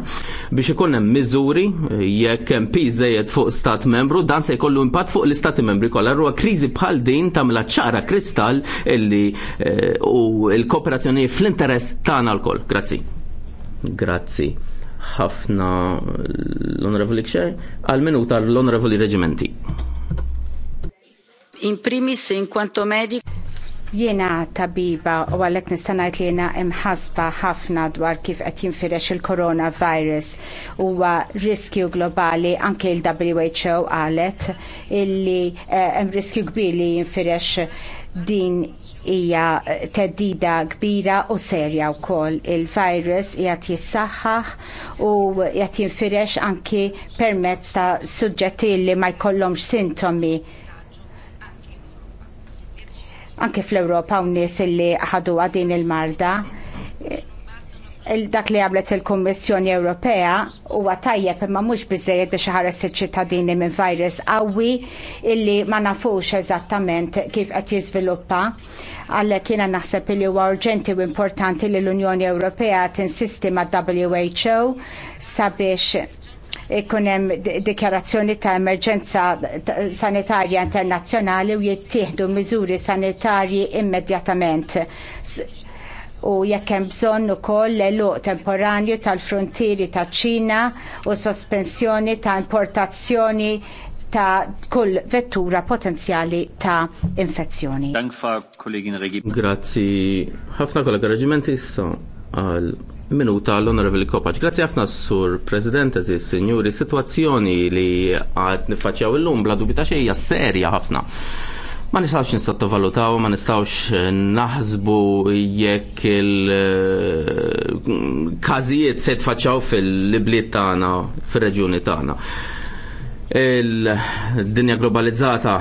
biex ikun hemm miżuri jekk hemm piżejjed fuq stat membru, dan se jkollu impatt fuq l-istati membri kollha. Ruha kriżi bħal din tagħmilha ċara kristall illi eh, u l-kooperazzjoni fl-interess tagħna l Grazzi. Grazzi ħafna l-Onorevoli Kxer għal minuta l-Onorevoli Reġimenti. In primis, in quanto medico, Jiena tabiba u għalhekk nistanajt li jiena imħasba ħafna dwar kif qed jinfirex il-coronavirus huwa riskju globali anke il-WHO qalet illi eh, hemm riskju kbir li jinfirex din hija eh, teddida kbira u serja wkoll. Il-virus qiegħed jissaħħaħ u qiegħed jinfirex anki permezz ta' suġġetti li ma jkollhomx sintomi anke fl-Ewropa hawn nies li ħadu din il-marda dak li għamlet il-Kommissjoni Ewropea huwa tajjeb imma mhux bizzejed biex ħares il-ċittadini minn virus qawwi illi ma nafux eżattament kif qed jiżviluppa. Għalhekk jiena naħseb li huwa urġenti u importanti li l-Unjoni Ewropea tinsisti mad-WHO sabiex ikun hemm dikjarazzjoni ta' emerġenza sanitarja internazzjonali u jittieħdu miżuri sanitarji immedjatament u jekk hemm bżonn ukoll l-eluq temporanju tal-frontieri taċ ċina u sospensjoni ta' importazzjoni ta' kull vettura potenzjali ta' infezzjoni. Grazzi ħafna kollega reġimenti issa għal minuta l-Onorevoli Kopaċ. Grazzi ħafna sur President eżis, signori, situazzjoni li għad nifacċaw l-lum bla dubita xejja serja ħafna. Ma nistawx nistattovalutaw, ma nistawx eh, naħsbu jekk il-kazijiet eh, se tfaċċaw fil-libliet tagħna, fir-reġjuni tagħna. Il-dinja globalizzata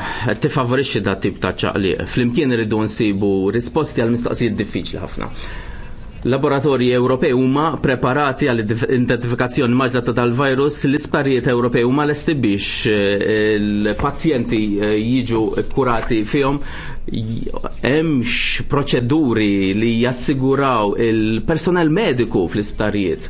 tifavorixxi dat tip ta' ċaqliq. Flimkien irridu nsibu risposti għal mistoqsijiet diffiċli ħafna. Laboratorji Ewropej huma preparati għal identifikazzjoni maġla tal-virus l-isparijiet Ewropej huma lesti biex eh, il-pazjenti eh, jiġu kurati fihom hemmx proċeduri li jassiguraw il-personal mediku fl isparijiet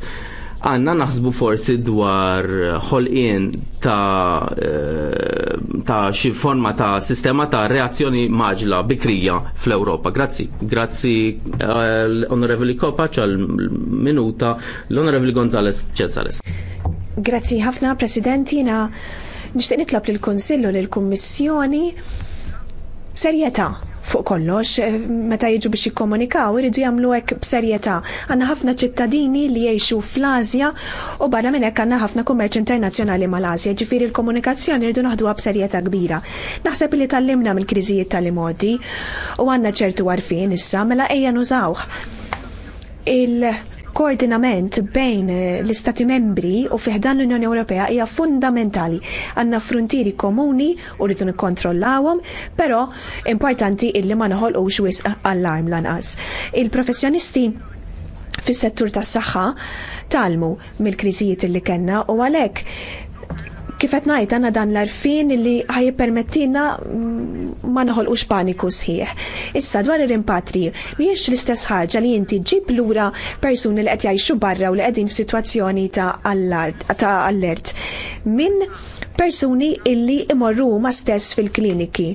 għanna naħsbu forsi dwar ħolqien ta', eh, ta xi forma ta' sistema ta' reazzjoni maġla bikrija fl-Ewropa. Grazzi. Grazzi eh, l-Onorevoli Kopa għal minuta l-Onorevoli Gonzales Cesares. Grazzi ħafna, Presidenti. jina nishtiq nitlob lill-Kunsillu lill-Kummissjoni serjetà fuq kollox, eh, meta jiġu biex jikkomunikaw, iridu jagħmlu hekk b'serjetà. Għandna ħafna ċittadini li jgħixu fl-Asja u barra minn hekk għandna ħafna kummerċ internazzjonali mal-Asja, ġifieri l-komunikazzjoni rridu naħduha b'serjetà kbira. Naħseb li tallimna mill-kriżijiet tal-imodi u għandna ċertu għarfien issa mela ejja nużawh. Il- koordinament bejn eh, l-Istati membri u fiħdan l-Unjoni Ewropea hija fundamentali. Għandna frontieri komuni u rridu nikkontrollawhom, però importanti illi ma noħolqux wisq allarm lanqas. Il-professjonisti fis-settur tas-saħħa talmu mill-kriżijiet illi kellna u għalhekk Kifet najt għanna dan l-arfin li ħajpermettina mm, ma u paniku sħiħ. Issa dwar ir-impatri, miex l-istess ħaġa li inti ġib lura persuni li qed jgħixu barra u li qegħdin f'sitwazzjoni ta' allert minn persuni illi imorru ma stess fil-kliniki.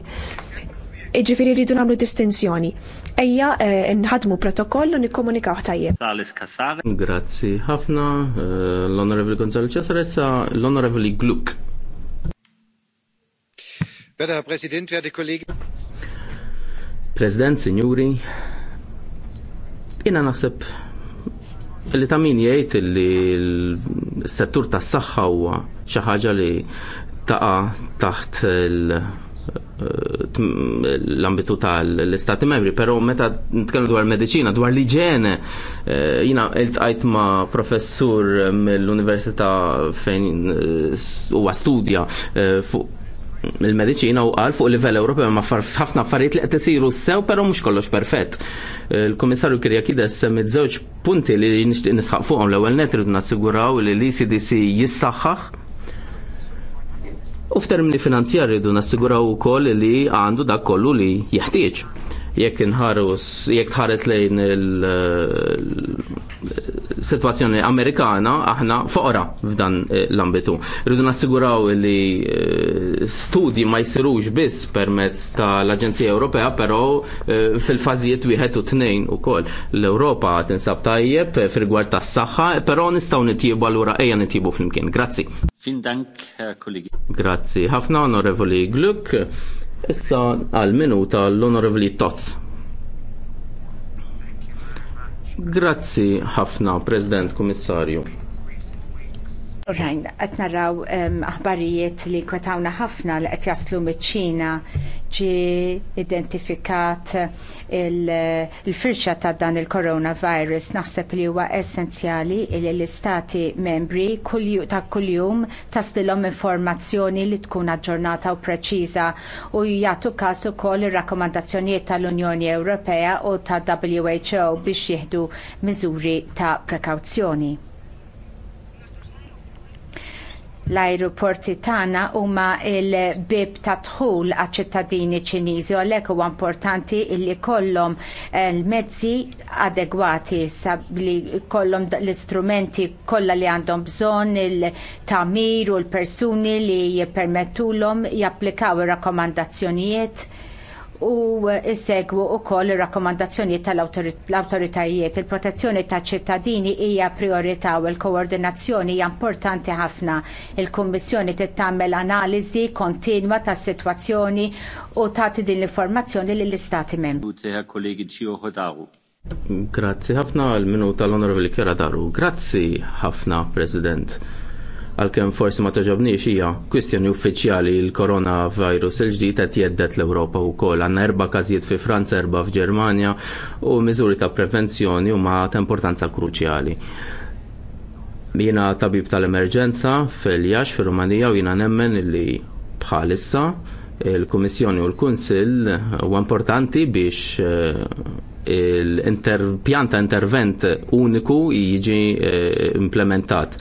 Iġifiri rridu namlu distinzjoni ejja eh, nħadmu protokoll u nikkomunikaw tajjeb. Grazzi ħafna eh, l-Onorevoli Gonzalo Cesare sa l-Onorevoli Gluck. Werter President, Präsident, kollegi. President, Signori, jina naħseb li ta' min jgħid li l-settur tas-saħħa huwa xi ħaġa li taqa' taħt il- l-ambitu tal-istati membri, pero meta nitkellmu dwar medicina, dwar l igiene eh, jina il-tqajt ma professur mill-Università fejn eh, u studja eh, fuq il-medicina u għal fuq livell Ewropew ma ħafna affarijiet li qed isiru sew però mhux kollox perfett. Il-Kummissarju Kirjakides semmi żewġ punti li nixtieq nisħaq fuqhom l-ewwel net irid nassiguraw li l-ECDC jissaħħaħ U f'termini finanzjarji du nassiguraw ukoll li għandu dak kollu li jeħtieġ jekk inħarus, jekk tħares lejn il-situazzjoni eh, amerikana, aħna foqra f'dan eh, l-ambitu. Rridu nassiguraw li eh, studji ma jsirux biss permezz tal-Aġenzija Ewropea, però fil-fażijiet wieħed u tnejn ukoll. L-Ewropa tinsab tajjeb fil-gwar tas-saħħa, però nistgħu nitjiebu allura ejja nitjiebu flimkien. Grazzi. Fin dank, kollegi. Grazzi. Ħafna onorevoli Gluck. Issa għal minuta l onorevli Toth. Grazzi ħafna, President Kummissarju. Rajn, qed naraw ehm, aħbarijiet li kwetawna ħafna li qed jaslu miċ-Ċina ġie identifikat il-firxa ta' dan il-coronavirus. Naħseb li huwa essenzjali li l-istati membri ta' kuljum taslilhom informazzjoni li tkun aġġornata u preċiża u jagħtu każ ukoll ir-rakkomandazzjonijiet tal-Unjoni Ewropea u ta' WHO biex jieħdu miżuri ta' prekawzjoni l-ajruporti tagħna huma il-bib ta' dħul għaċ ċittadini ċiniżi u għalhekk huwa importanti li jkollhom eh, l-mezzi adegwati sabli jkollhom l-istrumenti kollha li għandhom bżonn il-tamir u l-persuni li jippermettulhom japplikaw ir-rakkomandazzjonijiet u segwu wkoll ir rakkomandazzjonijiet tal-awtoritajiet. Il-protezzjoni taċ ċittadini hija priorità u l-koordinazzjoni hija importanti ħafna. Il-Kummissjoni tagħmel analiżi kontinwa tas-sitwazzjoni u tagħti din l-informazzjoni lill istati membri. Grazzi ħafna għal minuta l-Onorevoli Kera Daru. Grazzi ħafna, President għalkemm forsi ma toġobniex hija kwistjoni uffiċjali l-koronavirus il-ġdid qed jeddet l-Ewropa wkoll. Għandna erba' każijiet fi Franza, erba' f'Ġermanja u miżuri ta' prevenzjoni huma ta' importanza kruċjali. Jiena tabib tal-emerġenza fil-Jax fir-Rumanija u jiena nemmen li bħalissa il-Kummissjoni u l-Kunsill huwa importanti biex eh, l-pjanta intervent uniku jiġi eh, implementat.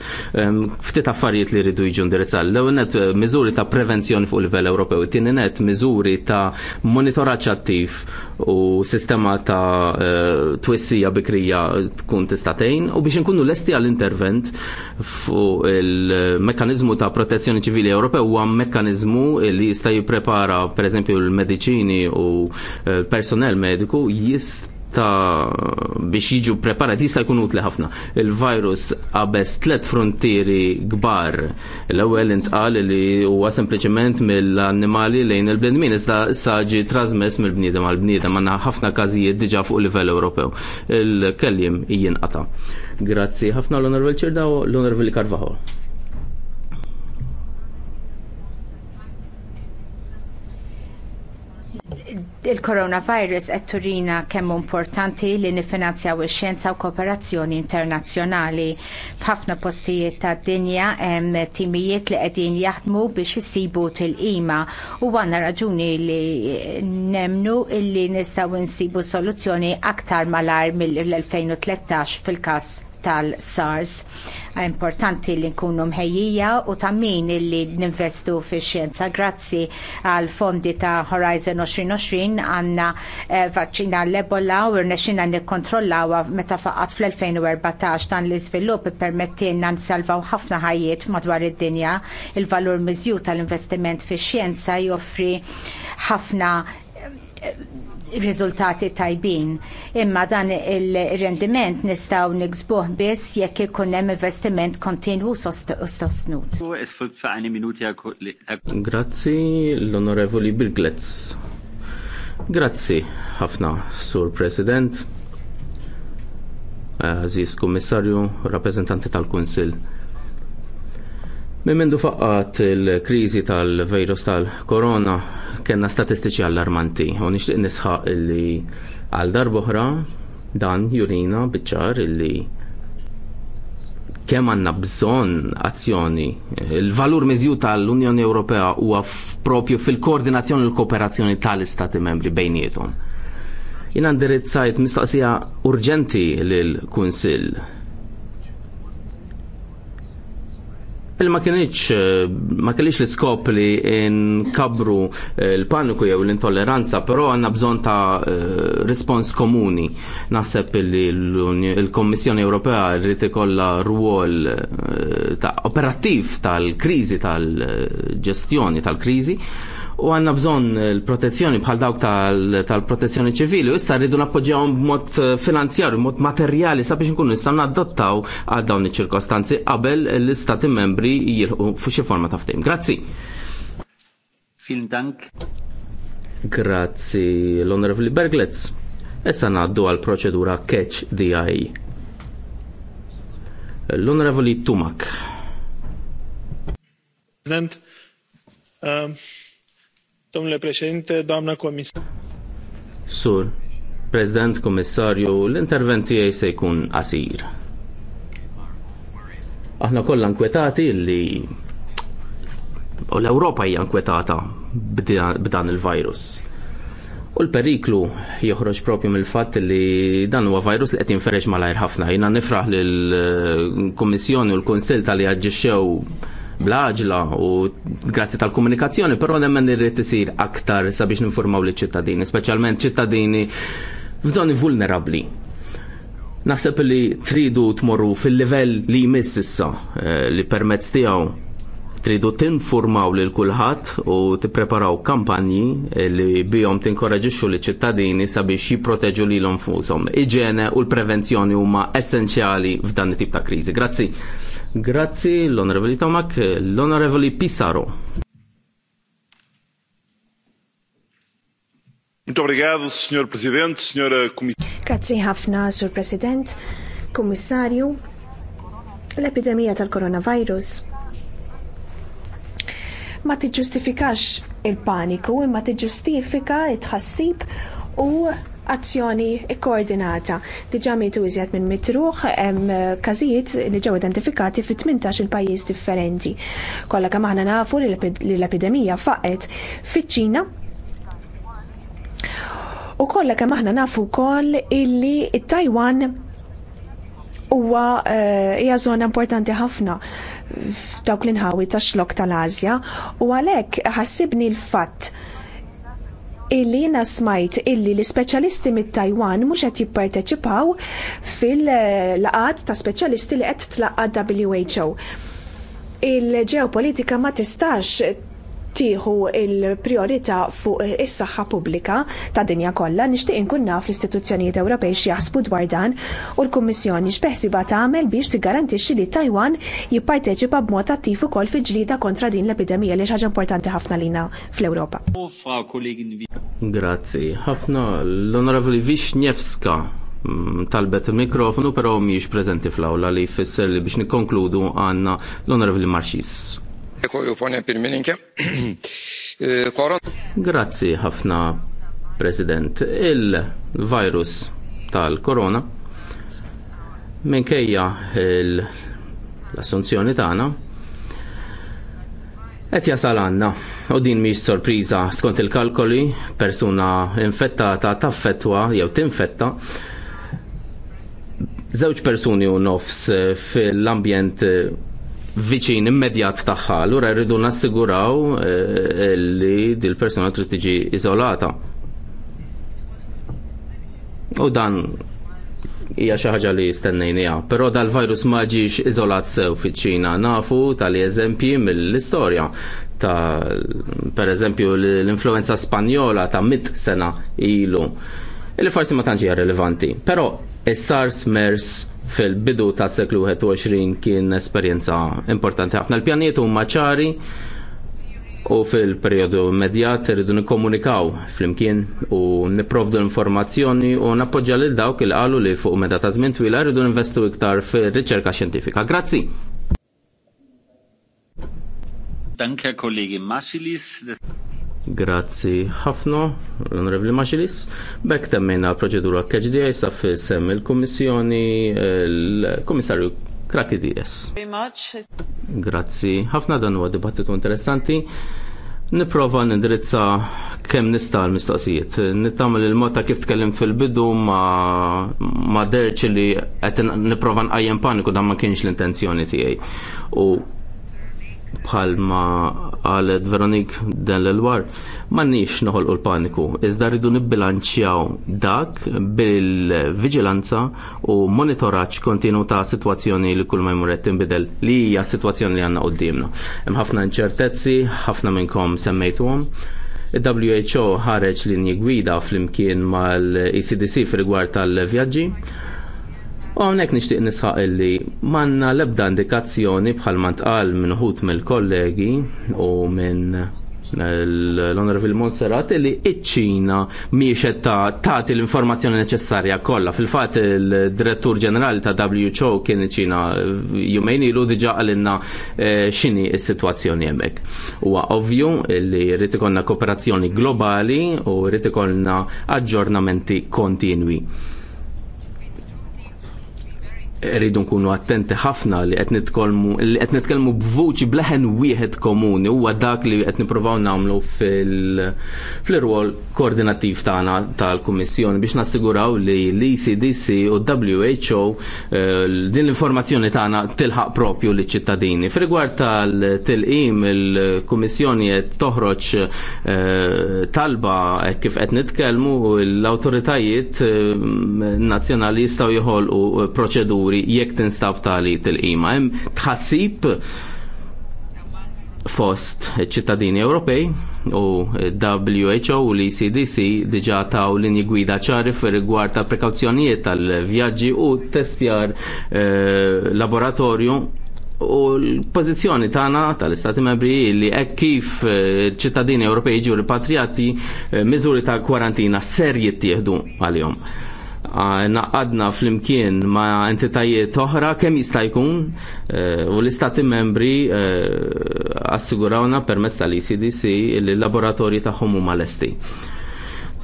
Ftit affarijiet li rridu jiġu indirizzati. L-ewwel net eh, miżuri ta' prevenzjoni fuq livell Ewropew, tieni net miżuri ta' monitoraġġ attiv u sistema ta' eh, twissija bikrija tkun tista' tgħin u biex inkunu lesti għall-intervent fuq il-mekkanizmu ta' protezzjoni ċivili Ewropew huwa mekkaniżmu li jista' jipprepara pereżempju l-mediċini u personel mediku jista' ta' biex jiġu preparati jista' jkun utli ħafna. Il-virus qabes tliet frontieri kbar. L-ewwel intqal li huwa sempliċement mill-annimali lejn il-bnedmin iżda issa ġi trasmess mill-bniedem għal bniedem għandna ħafna każijiet diġà fuq livell Ewropew. Il-kellim jinqata. Grazzi ħafna l-Onorevoli Ċirda u l-Onorevoli Carvaho. il-coronavirus qed turina kemm importanti li nifinanzjaw ix-xjenza u kooperazzjoni internazzjonali. F'ħafna postijiet tad-dinja hemm timijiet li qegħdin jaħdmu biex isibu til-qima u għandna raġuni li nemnu illi nistgħu nsibu soluzzjoni aktar malar mill-2013 fil-każ tal-SARS. Importanti li nkunu mħejjija u ta' min illi ninvestu fi xjenza. Grazzi għal fondi ta' Horizon 2020 għanna eh, vaccina l-Ebola u rnexxina nikkontrollaw meta faqat fl-2014 dan l-iżvilupp permettilna nsalvaw ħafna ħajjiet madwar id-dinja. Il-valur miżju tal-investiment fi xjenza joffri ħafna eh, riżultati tajbin. Imma dan il-rendiment nistaw niksbuh biss jekk ikun hemm investiment kontinwu sostnut. Grazzi l-Onorevoli Birglets. Grazzi ħafna, Sur President, Aziz Kummissarju, rappresentanti tal-Kunsil. Minn mindu faqqat il-krizi tal-virus tal-korona, kena statistiċi allarmanti u nixtieq nisħaq illi għal darboħra dan jurina bieċar illi kemm għandna bżonn azzjoni. Il-valur miżju tal-Unjoni Ewropea huwa propju fil-koordinazzjoni u l-kooperazzjoni tal-Istati membri bejniethom. Jina ndirizzajt mistoqsija urġenti lill kunsill il ma kienieċ, eh, ma kienx l-iskop li nkabru eh, l-paniku jew l-intolleranza, però għanna bżon ta' eh, respons komuni. Naħseb li l-Kommissjoni Ewropea rrit ikolla rwol ta' operattiv tal-krizi, tal-ġestjoni tal-krizi, u għanna bżon l-protezzjoni bħal dawk tal-protezzjoni ċivili u issa rridu nappoġġjawhom b'mod eh, finanzjarju, mod materjali sabiex nkunu nistgħu nadottaw għal dawn iċ-ċirkostanzi qabel l-istati membri jilħu fuq xi forma ta' ftehim. Grazzi. Vielen Dank. Grazzi l-Onorevoli Berglets. Issa ngħaddu għal proċedura catch DI. L-Onorevoli Tumak. President, um... Domnule Președinte, doamnă comisar. Sur, President Kommissarju, l-intervent tiegħi se jkun qasir. Aħna kollha nkwetati li u l-Ewropa hija nkwetata b'dan il-virus. U l-periklu joħroġ propju mill-fatt li dan huwa virus li qed jinferex malajr ħafna. Jiena nifraħ lill eh, kummissjoni u l-Kunsill tal-li bl u grazzi tal-komunikazzjoni, però nemmen irrid isir aktar sabiex ninformaw liċ ċittadini, speċjalment ċittadini f'żoni vulnerabbli. Naħseb li tridu tmorru fil-livell li jmiss issa eh, li permezz tiegħu tridu tinformaw lil kulħadd u tippreparaw kampanji eh, li bihom tinkoraġixxu li ċittadini sabiex jipproteġu lilhom fushom. Iġene u l-prevenzjoni huma essenzjali f'dan it-tip ta' kriżi. Grazzi. Grazzi l-Onorevoli Tomak, l-Onorevoli Pissaro. Muito obrigado, Sr. Presidente, Sra. Comissária. Grazie ħafna, Sur President, Comissário. L-epidemija tal-coronavirus ma tiġġustifikax il-paniku, imma tiġġustifika it tħassib u azzjoni ikkoordinata. Diġà mitu iżjed minn mitruħ hemm eh, każijiet li ġew identifikati fi 18 il-pajjiż differenti. Kollha kemm aħna nafu li l-epidemija faqet fiċ-Ċina U kollha kemm aħna nafu wkoll illi t taiwan huwa eh, hija żona importanti ħafna f'dawk l-inħawi tax-xlok tal-Asja u għalhekk ħassibni l-fatt illi nasmajt smajt illi l-speċjalisti mit-Taiwan mhux qed jipparteċipaw fil-laqad ta' speċjalisti li qed tlaqa' WHO. Il-ġeopolitika ma tistax tieħu il-priorità fuq is-saħħa pubblika ta' dinja kollha nixtieq inkun naf l-istituzzjonijiet Ewropej x'jaħsbu dwar dan u l-Kummissjoni x'beħsiba tagħmel biex tigarantixxi li Taiwan jipparteċipa b'mod attiv ukoll ġlida kontra din l-epidemija li ħaġa importanti ħafna lina fl-Ewropa. Grazzi. Ħafna l-Onorevoli Vixnevska mm, talbet il-mikrofonu, però miex prezenti fl-awla li fisser li biex nikkonkludu għanna l-Onorevoli Marxis. E, Grazzi ħafna, President. Il-virus tal-korona minkejja l-assunzjoni tagħna qed jasal għandna u din mhix sorpriża skont il-kalkoli persuna infettata taffettwa jew tinfetta żewġ persuni u nofs fil-ambjent viċin immedjat tagħha, allura rridu nassiguraw eh, li dil persuna trid tiġi iżolata. U dan hija xi ħaġa li stennejnija, però dal-virus ma ġiex iżolat sew fiċ-Ċina nafu tal-eżempji mill-istorja ta' per eżempju l-influenza spanjola ta' mit sena ilu. Illi forsi ma tantx hija rilevanti, però is-SARS MERS fil-bidu ta' seklu 21 kien esperjenza importanti ħafna. Il-pjaniet huma ċari u fil-periodu immedjat irridu nikkomunikaw flimkien u niprovdu informazzjoni u nappoġġa lil dawk il qalu li fuq meta ta' żmien twila rridu investu iktar fir-riċerka xjentifika. Grazzi. Danke, kollegi Masilis. Grazzi ħafna, l-Onorevli Maġilis. Bek temmina proċedura KHDI sa' fil-sem il komissjoni l-Komissarju Kraki DS. Grazzi ħafna dan huwa dibattitu interessanti. Niprofa nindirizza kemm nista' l-mistoqsijiet. Nittamil il-mod kif tkellimt fil-bidu ma, ma derċ li qed nipprova nqajjem paniku dan ma kienx l-intenzjoni tiegħi. U bħalma għalet Veronik dan l-war, noħol u l-paniku, iżda rridu nibbilanċjaw dak bil-vigilanza u monitoraġġ kontinu ta' situazzjoni li kull ma jmurret tinbidel li hija situazzjoni li għandna qudiemna. Hemm ħafna inċertezzi, ħafna minnkom semmejtuhom. Il-WHO ħareġ linji gwida flimkien mal-ECDC fil-rigward tal-vjaġġi U hawnhekk nixtieq nisħaq illi manna l-ebda indikazzjoni bħal ma tqal minn uħut mill-kollegi u minn l-Honorable Monserrat li iċ-ċina miexet ta' tagħti l-informazzjoni neċessarja kollha. Fil-fatt il-Direttur Ġenerali ta' WHO kien iċ-ċina jumejn ilu diġà għalinna eh, x'inhi s-sitwazzjoni hemmhekk. Huwa ovvju li rrid ikollna kooperazzjoni globali u rrid ikollna aġġornamenti kontinwi rridu nkunu attenti ħafna li qed nitkellmu li qed nitkellmu b'vuċi bleħen wieħed komuni huwa dak li qed nippruvaw nagħmlu fil-rwol koordinattiv tagħna tal-Kummissjoni biex nassiguraw li l-ECDC u WHO eh, din l-informazzjoni tagħna tilħaq propju liċ ċittadini. F'rigward tal-tilqim il-Kummissjoni qed toħroġ eh, talba kif qed nitkellmu l-awtoritajiet eh, nazzjonali jistgħu jħolqu proċeduri miżuri jekk tinstab tali til-qima. Hemm tħassib fost ċittadini Ewropej u WHO u l-ECDC diġa taw linji gwida ċari fir rigward ta' prekawzjonijiet tal-vjaġġi u testjar eh, laboratorju u l-pozizjoni tagħna tal-Istati Membri li hekk kif eh, ċittadini Ewropej ġu ripatriati eh, miżuri ta' kwarantina ser jittieħdu għalihom naqadna fl-imkien ma' entitajiet oħra kemm jista' jkun e, u l-istati membri e, assigurawna permezz tal-ECDC li l-laboratorji tagħhom huma lesti.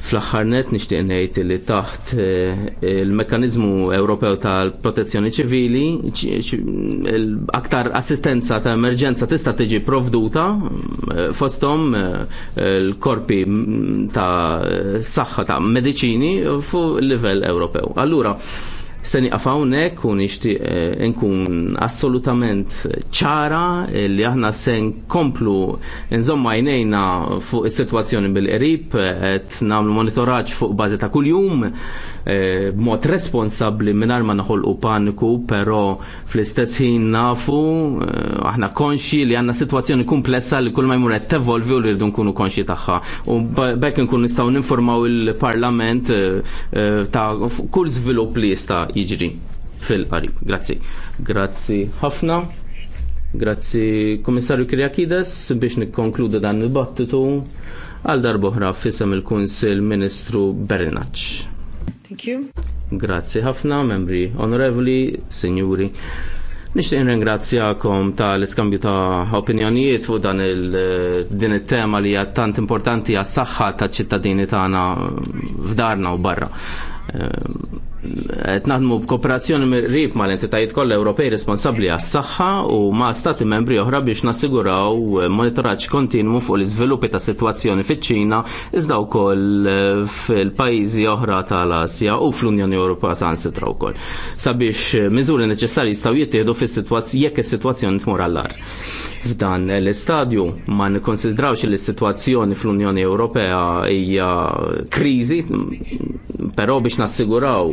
Fl-aħħar net nixtieq ngħid li taħt eh, il-mekkaniżmu Ewropew tal-protezzjoni ċivili aktar assistenza ta' emerġenza tista' tiġi provduta eh, fosthom eh, l-korpi mm, ta' saħħa ta' mediċini fuq livell Ewropew. Allura, Se nieqaf u nishti eh, nkun assolutament ċara li aħna se nkomplu nżomma jnejna fuq is situazzjoni bil-qrib et nagħmlu monitoraġġ fuq bazi ta' kuljum eh, b'mod responsabbli mingħajr ma u paniku, pero fl-istess ħin nafu eh, aħna konxi li għandna situazzjoni komplessa li kull ma jmur qed tevolvi u li rridu nkunu konxi tagħha. U bekk nkun nistgħu ninformaw il-Parlament ta' kull żvilupp li jista' jiġri fil-qarib. Grazzi. Grazzi ħafna. Grazzi Komissarju Kirjakides biex nikkonkludu dan il-battitu għal darboħra fisem il-Kunsil Ministru Berinaċ. Thank you. Grazzi ħafna, membri onorevoli, sinjuri. Nixtieq nirringrazzjakom tal-iskambju ta' opinjonijiet fuq dan il-din it-tema li hija tant importanti għas saħħa taċ ċittadini tagħna f'darna u barra qed naħdmu b'kooperazzjoni ma l entitajiet kollha Ewropej responsabbli għas-saħħa u ma' stati membri oħra biex nassiguraw monitoraġġ kontinwu fuq l-iżviluppi ta' sitwazzjoni fiċ-Ċina iżda wkoll eh, fil-pajjiżi oħra tal-Asja u fl-Unjoni Ewropea sansitra wkoll. Sabiex eh, miżuri neċessarji jistgħu jittieħdu fis-sitwazzjoni jekk is-sitwazzjoni tmur għall-ar. F'dan l-istadju ma nikkonsidrawx li s-sitwazzjoni fl-Unjoni Ewropea hija kriżi, però biex nassiguraw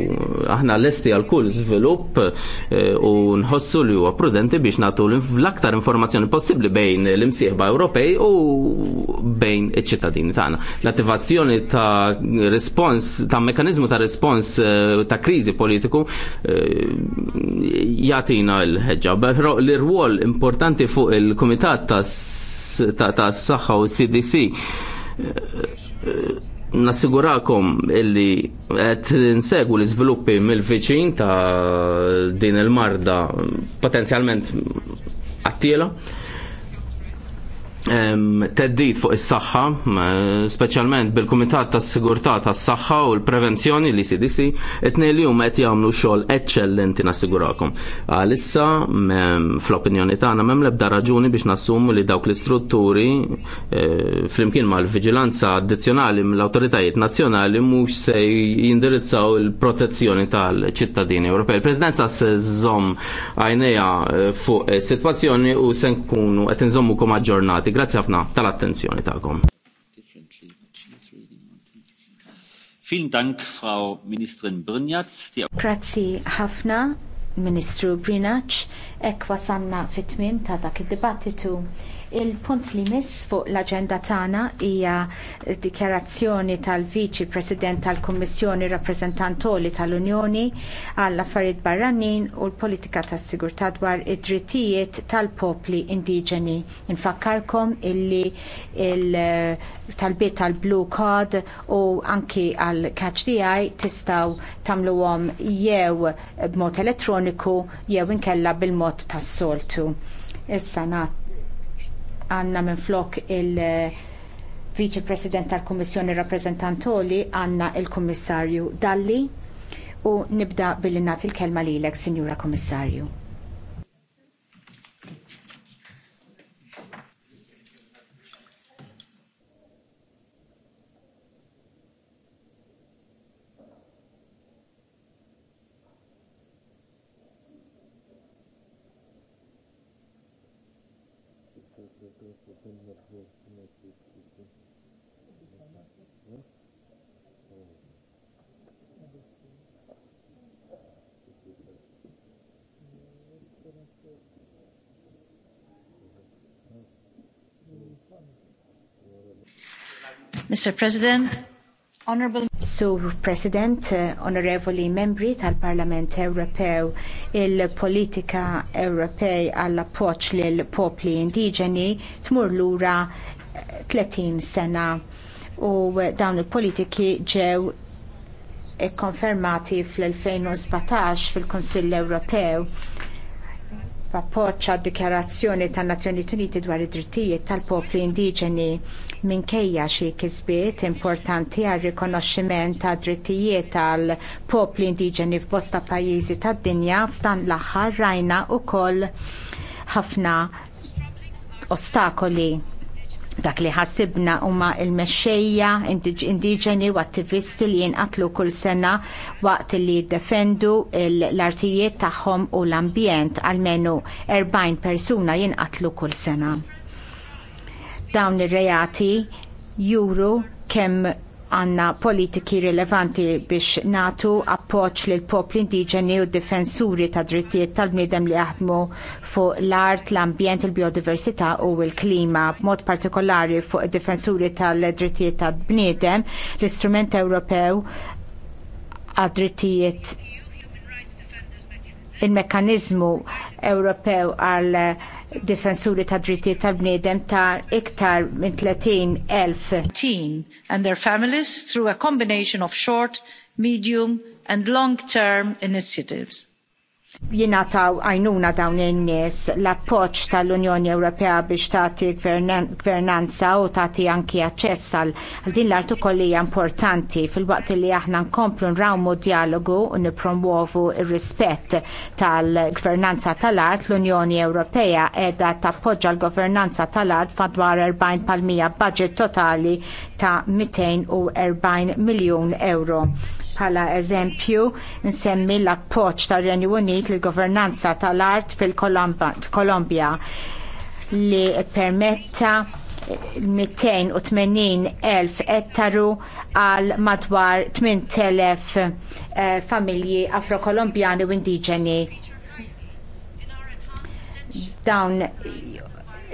aħna lesti għal kull żvilupp eh, u nħossu li huwa prudenti biex natu l-aktar informazzjoni possibli bejn l-imsieħba Ewropej u bejn iċ-ċittadini tagħna. L-attivazzjoni ta' respons, ta' mekanizmu ta' respons eh, ta' krizi politiku eh, jagħtina l-ħeġġa. L-irwol importanti fuq il-Kumitat ta' s-saħħa u CDC nassigurakom illi qed nsegu l izviluppi mill-viċin ta' din il-marda potenzjalment għattila teddit fuq is-saħħa, speċjalment bil-Kumitat tas-Sigurtà tas-Saħħa u l-Prevenzjoni li CDC, it-tnejn li huma qed jagħmlu xogħol eċċellenti nassigurakom. Għalissa fl-opinjoni tagħna m'hemm l-ebda raġuni biex nassumu li dawk l-istrutturi e, flimkien mal-viġilanza addizzjonali mill-awtoritajiet nazzjonali mhux se jindirizzaw il-protezzjoni tal-ċittadini Ewropej. Il-Presidenza se żomm għajnejha e, fuq is-sitwazzjoni e, u se nkunu qed inżommukom aġġornati Grazzi ħafna tal-attenzjoni tagħkom. Vielen Dank, Frau Ministerin Grazzi ħafna, Ministru Brinac, ekwa sanna fit ta' dak id-dibattitu. Il-punt li jmiss fuq l aġenda tagħna hija d dikjarazzjoni tal-Viċi President tal-Kummissjoni Rappreżentantoli tal-Unjoni għall affarijiet barranin u l-politika tas-sigurtà dwar id-drittijiet tal-popli indiġeni. Infakkarkom illi il talbiet tal-Blue Card u anki għall catch DI tistgħu tagħmluhom jew b'mod elettroniku jew inkella bil-mod tas-soltu. Issa nat għanna minn flok il- eh, Vice President tal kummissjoni Rappresentantoli għanna il-Kommissarju Dalli u nibda billi nagħti l-kelma lilek, Sinjura Kummissarju. Mr. President, Honorable Sur President, eh, onorevoli membri tal-Parlament Ewropew, il-politika Ewropej għall appoġġ lill popli indiġeni tmur lura 30 eh, sena u dawn il-politiki ġew ikkonfermati fl-2017 fil-Kunsill Ewropew f'appoġġ għad-Dikjarazzjoni tan-Nazzjonijiet Uniti dwar id-drittijiet tal-popli indiġeni minkejja xi kisbiet importanti għar rikonoxximent ta' drittijiet tal-popli indiġeni f'bosta pajjiżi tad-dinja f'dan l-aħħar rajna wkoll ħafna ostakoli dak li ħassibna huma il-mexxejja indiġeni u attivisti li jinqatlu kull sena waqt li jiddefendu l-artijiet tagħhom u l-ambjent għalmenu 40 persuna jinqatlu kull sena. Dawn ir-reati juru kemm għanna politiki rilevanti biex natu appoċ lill popli indiġeni u difensuri ta' drittijiet tal-bniedem li jaħdmu fuq l-art, l-ambjent, il-biodiversità u l klima b'mod partikolari fuq difensuri tal-drittijiet tal-bniedem, l-istrument Ewropew għad-drittijiet il-mekkanizmu Ewropew għal difensuri ta' drittijiet tal-bniedem ta' iktar minn 30,000. and their families through a combination of short, medium and long term initiatives Jingħataw għajnuna dawn in-nies l-appoġġ tal-Unjoni Ewropea biex tagħti gvernanza u tagħti anki aċċess għal din l-artikol hija importanti fil-waqt li aħna nkomplu nrawmu dialogu u nippromuovu r-rispett tal-gvernanza tal-art l-Unjoni Ewropea qiegħda tappoġġa l-governanza tal-art fadwar 40 palmija budget totali ta' 240 miljun euro Bħala eżempju, nsemmi l-appoċ tal-Renju Unit l-governanza tal-art fil-Kolombja li permetta 280.000 ettaru għal madwar 8.000 eh, familji afro-kolombjani u indiġeni. Dawn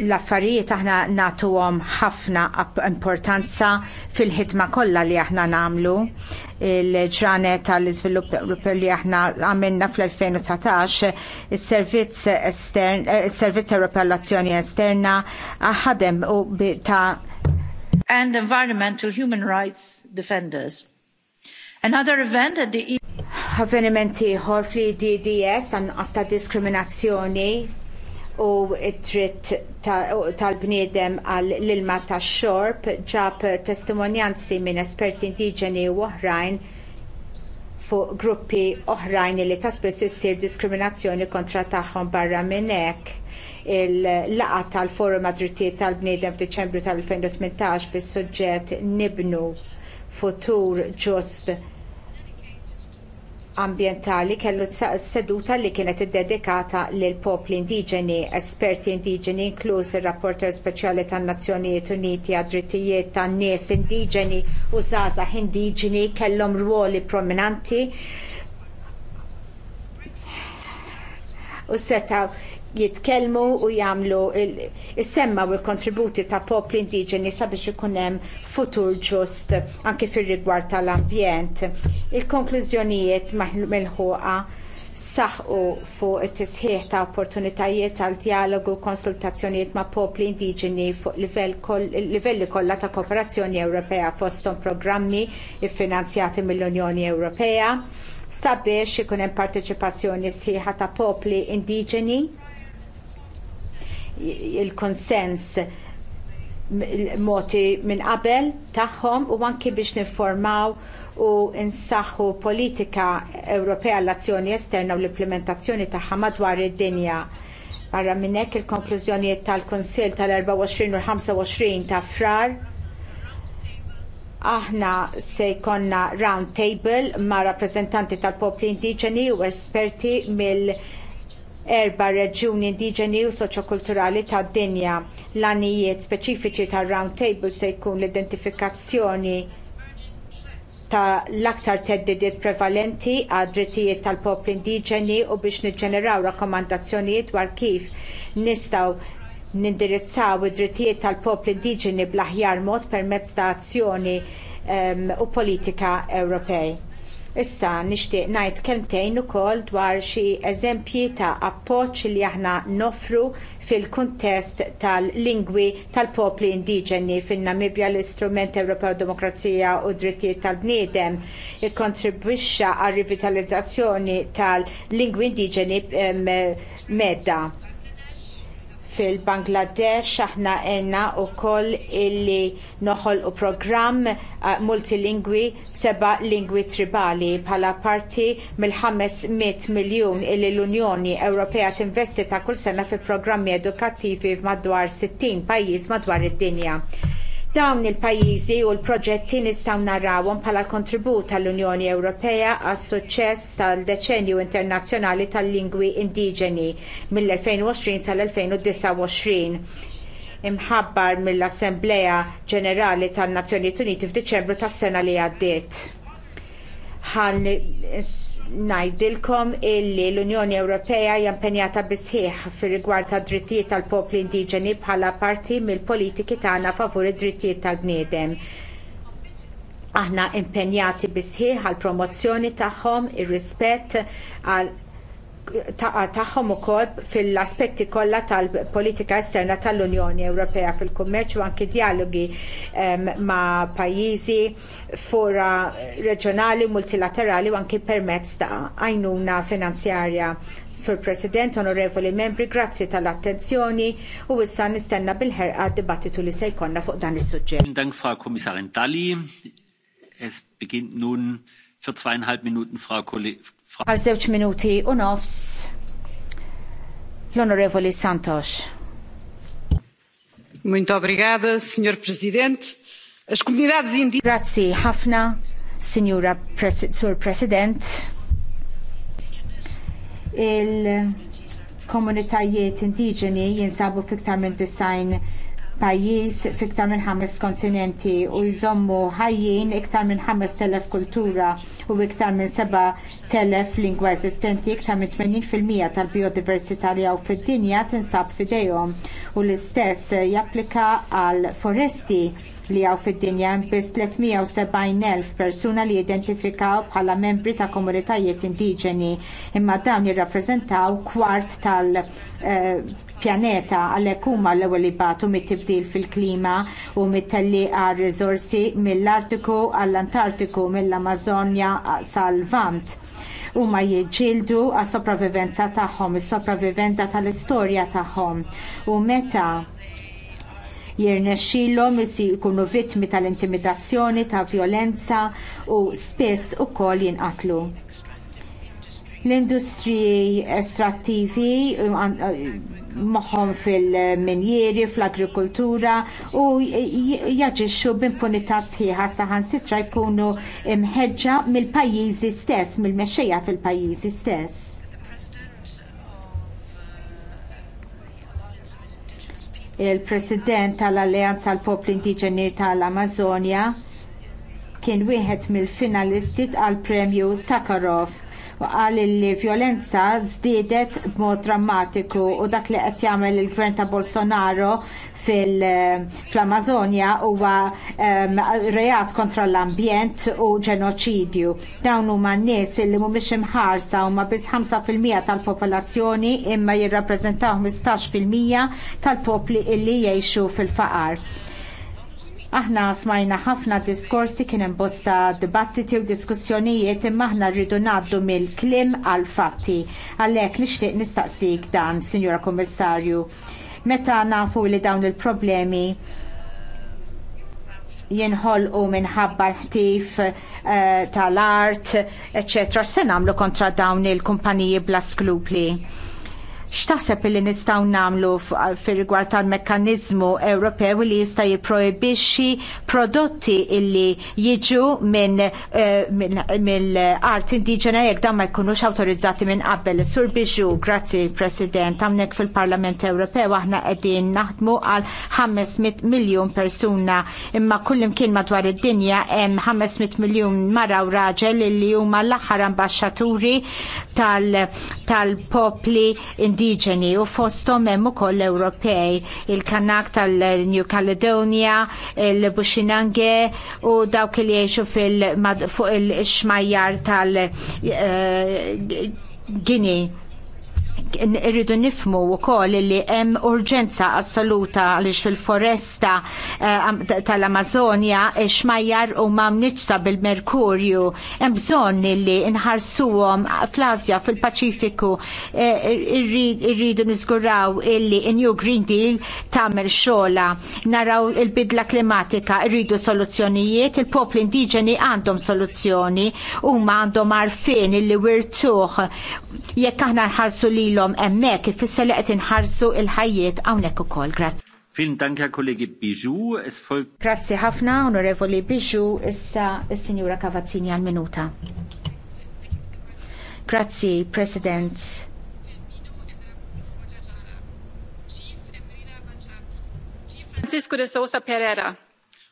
l-affarijiet aħna nagħtuhom ħafna importanza fil-ħidma kollha li aħna nagħmlu. Il-ġranet tal-iżvilupp li aħna għamilna fl-2019, is-servizz estern, eh, is-servizz Ewropew l-azzjoni esterna ħadem u ta' and environmental human rights defenders. Another event at the e avvenimenti ieħor fl-DDS għanqas ta' diskriminazzjoni u t-tritt tal-bniedem għal l-ilma tax xorb ġab testimonjanzi minn esperti indiġeni u oħrajn fuq gruppi oħrajn li tasbis issir diskriminazzjoni kontra tagħhom barra minn hekk il laqgħa tal-Forum għad-Drittijiet tal-Bniedem f'Diċembru tal-2018 bis-suġġett nibnu futur ġust ambjentali kellu seduta li kienet iddedikata lill popli indiġeni, esperti indiġeni, inkluż ir rapporter speċjali tan Nazzjonijiet Uniti għad drittijiet tan nies indiġeni u żgħażagħ indiġeni kellhom ruoli prominenti u setaw jitkellmu u jagħmlu il semma u il kontributi ta' popli indiġeni sabiex ikun hemm futur ġust anke fir-rigward tal-ambjent. Il-konklużjonijiet mill-ħuqa saħqu fuq it-tisħiħ ta' opportunitajiet għal dialogu konsultazzjonijiet ma' popli indiġeni fuq livelli kollha ta' kooperazzjoni Ewropea fosthom programmi iffinanzjati mill-Unjoni Ewropea sabiex ikun hemm parteċipazzjoni sħiħa ta' popli indiġeni il-konsens moti minn qabel tagħhom u anki biex niffurmaw u nsaħħu politika Ewropea l-azzjoni esterna u l-implementazzjoni tagħha madwar id-dinja. Barra minn hekk il-konklużjonijiet tal-Kunsill tal-24 u 25 ta' frar aħna se jkollna round table ma' rappreżentanti tal-popli indiġeni u esperti mill- erba reġjuni indiġeni u soċjokulturali tad-dinja. L-għanijiet speċifiċi tar-round table se jkun l-identifikazzjoni ta' l-aktar teddidiet prevalenti għad drittijiet tal-popli indiġeni u biex niġġeneraw rakkomandazzjonijiet dwar kif nistgħu nindirizzaw id-drittijiet tal-popli indiġeni bl-aħjar mod permezz ta' azzjoni um, u politika Ewropej. Issa nixtieq ngħid kelmtejn ukoll dwar xi eżempji ta' appoġġ li aħna nofru fil-kuntest tal-lingwi tal-popli indiġeni fin-Namibja l-Istrument Ewropew Demokrazija u Drittijiet tal-Bniedem ikkontribwixxa għar rivitalizzazzjoni tal-lingwi indiġeni medda fil-Bangladesh aħna għenna u koll illi noħol u program uh, multilingwi seba lingwi tribali bħala parti mill-500 miljon illi l-Unjoni Ewropea tinvesti ta' kull sena fi programmi edukattivi f'madwar 60 pajjiż madwar id-dinja. Dawn il-pajjiżi u l-proġetti nistgħu narawhom bħala kontribut tal-Unjoni Ewropea għas suċċess tal-deċenju internazzjonali tal-lingwi indiġeni mill-2020 sal-2029 imħabbar mill-Assembleja Ġenerali tan-Nazzjonijiet Uniti f'Diċembru tas-sena li għaddiet ngħidilkom illi l-Unjoni Ewropea hija impenjata bisħieħ fir rigward tad drittijiet tal-popli indiġeni bħala parti mill-politiki tagħna favur id-drittijiet tal-bniedem. Aħna impenjati bisħieħ għall promozzjoni tagħhom, ir-rispett għal taqa tagħhom ukoll fil-aspetti kollha tal-politika esterna tal-Unjoni Ewropea fil-kummerċ u anki dialogi um, ma' pajjiżi fora reġjonali, multilaterali u anki permezz ta' għajnuna finanzjarja. Sur President, onorevoli membri, grazzi tal-attenzjoni u issa nistenna bil-ħerqa dibattitu li se jkollna fuq dan is-suġġett. Dank Fra Kommissarin Dalli. Es beginnt nun für zweieinhalb Minuten Frau Kollegin Għal żewġ minuti u nofs l-Onorevoli Santos. Muito obrigada, Sr. President. As comunidades indígenas. Grazie Hafna, Signora Pres President. Il komunitajiet indiġeni jinsabu fiktar minn design pajjiż fiktar minn ħames kontinenti u jżommu ħajjin iktar minn 5,000 kultura u iktar minn 7,000 lingwa eżistenti, iktar minn 80% tal-biodiversità li għaw fil dinja tinsab fidejhom u l-istess japplika għal foresti li għaw fid-dinja biss 370.000 persuna li identifikaw bħala membri ta' komunitajiet indiġeni imma dawn jirrappreżentaw kwart tal- uh, pjaneta għalhekk huma l-ewwel li mit-tibdil fil-klima u mit-tellieqa riżorsi mill-Artiku għall-Antartiku mill-Amazonja sal-Vant huma jiġġieldu għas sopravivenza tagħhom, is-sopravivenza tal-istorja tagħhom u meta jirnexxilhom jkunu vittmi tal-intimidazzjoni, ta' vjolenza u spiss ukoll jinqatlu. L-industriji estrattivi moħħom fil-minjeri, fl-agrikoltura u jaġixxu b'impunità sħiħa saħan sitra jkunu imħedġa mill-pajjiżi stess, mill-mexxejja fil-pajjiżi stess. il-President tal-Alleanza tal popli Indiġeni tal-Amazonja kien wieħed mill-finalisti għall premju Sakharov qal li violenza żdiedet b'mod drammatiku u dak li qed jagħmel il-gvern ta' Bolsonaro fil-Amazonja huwa um, reat kontra l-ambjent u ġenoċidju. Dawn huma nies li mhumiex imħarsa huma biss 5% tal-popolazzjoni imma jirrappreżentaw 15% tal-popli illi jgħixu fil-faqar Aħna smajna ħafna diskorsi kien hemm bosta dibattiti u diskussjonijiet imma aħna rridu ngħaddu mill kliem għal fatti. Għalhekk nixtieq nistaqsik dan, Sinjura Kummissarju. Meta nafu li dawn il-problemi jinħolqu minħabba l-ħtif eh, tal-art, eċċetera, se nagħmlu kontra dawn il-kumpaniji bla skrupli. X'taħseb li nistgħu nagħmlu fir-rigward tal-mekkaniżmu Ewropew li jista' jipprojbixxi prodotti illi jiġu minn eh, mill-art indiġena jekk dan ma jkunux awtorizzati minn qabel. Sur Biġu, grazzi President, hawnhekk fil-Parlament Ewropew aħna qegħdin naħdmu għal 500 miljun persuna imma kullimkien madwar id-dinja hemm 500 miljun mara u raġel illi huma l-aħħar ambaxxaturi tal-popli tal indiġeni u fosthom hemm ukoll Ewropej, il-Kanak tal-New Caledonia, il bushinange u dawk li jgħixu fuq il-xmajjar tal-Gini. Eh, irridu nifmu wkoll li hemm urġenza assoluta għaliex fil-foresta eh, tal-Amazonja xmajjar huma mniċsa bil-merkurju hemm bżonn li nħarsuhom fl-Asja fil-Paċifiku eh, irridu nizguraw illi New Green Deal tagħmel xola naraw il-bidla klimatika rridu soluzzjonijiet il-popli indiġeni għandhom soluzzjoni ma' għandhom għarfien illi wirtuħ jekk aħna nħarsu li lilhom hemmhekk ifisser li qed inħarsu l-ħajjiet hawnhekk ukoll. Grazzi. Vielen Dank, Herr kollegi Biju, Es folgt... Grazie ħafna, Onorevoli Biju, Issa, il-Signora Cavazzini għal minuta. Grazie, President. Francisco de Sousa Pereira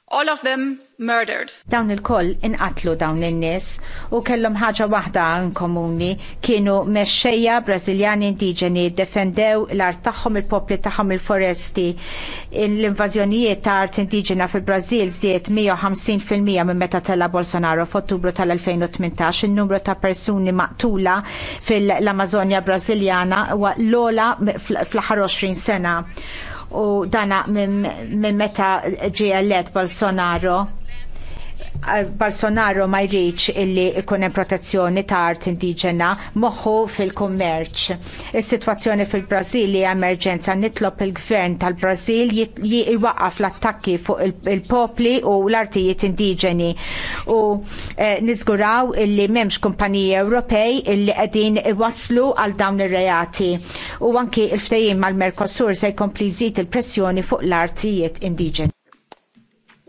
All of them murdered. Dawn il-koll inqatlu dawn il-nies u kellhom ħaġa waħda komuni kienu mexxejja Brażiljani indiġeni defendew l-art tagħhom il-popli tagħhom il-foresti. L-invażjonijiet ta' art indiġena fil-Brażil żdiet 150% minn meta tella Bolsonaro f'Ottubru tal-2018 in-numru ta' persuni maqtula fil-Amazonja Brażiljana huwa l-ola fl-aħħar 20 sena u dana minn meta ġie elett Bolsonaro Eh, Bolsonaro ma jridx illi ikun hemm protezzjoni ta' art indiġena moħħu fil-kummerċ. Is-sitwazzjoni fil-Brażil hija emerġenza nitlob il-gvern tal-Brażil jiwaqaf l-attakki fuq il-popli u l-artijiet indiġeni u eh, niżguraw illi m'hemmx kumpaniji Ewropej illi qegħdin iwasslu għal dawn ir-reati u anki l ftehim mal-Merkosur se jkompli jżid il-pressjoni fuq l-artijiet indiġeni.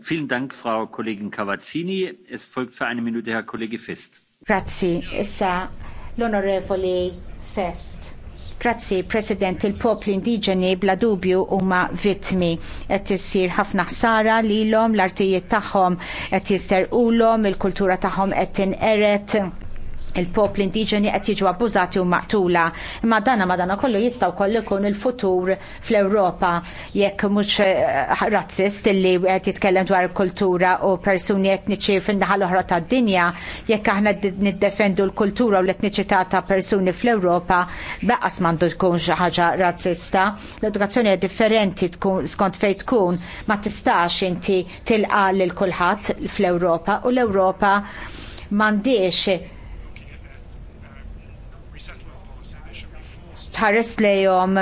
Vielen Dank, Frau Kollegin Cavazzini. Es folgt für eine Minute Herr Kollege Fest. Grazie, issa l Fest. Grazzi, President, il-popli indiġeni bla dubju huma vittmi qed issir ħafna ħsara lilhom l-artijiet tagħhom qed jisterqulhom, il-kultura tagħhom qed tinqeret il-popli indiġeni qed jiġu abbużati u maqtula. Imma dana madana kollu jistgħu kollu jkun il-futur fl-Ewropa jekk mhux eh, razzist illi qed jitkellem dwar kultura u persuni etniċi fin-naħa l-oħra tad-dinja jekk aħna niddefendu l-kultura u l-etniċità ta' persuni fl-Ewropa baqas m'għandu tkun xi ħaġa razzista. L-edukazzjoni hija differenti tkun skont fejn tkun ma tistax inti tilqa lil kulħadd fl-Ewropa u l-Ewropa m'għandix tħares lejom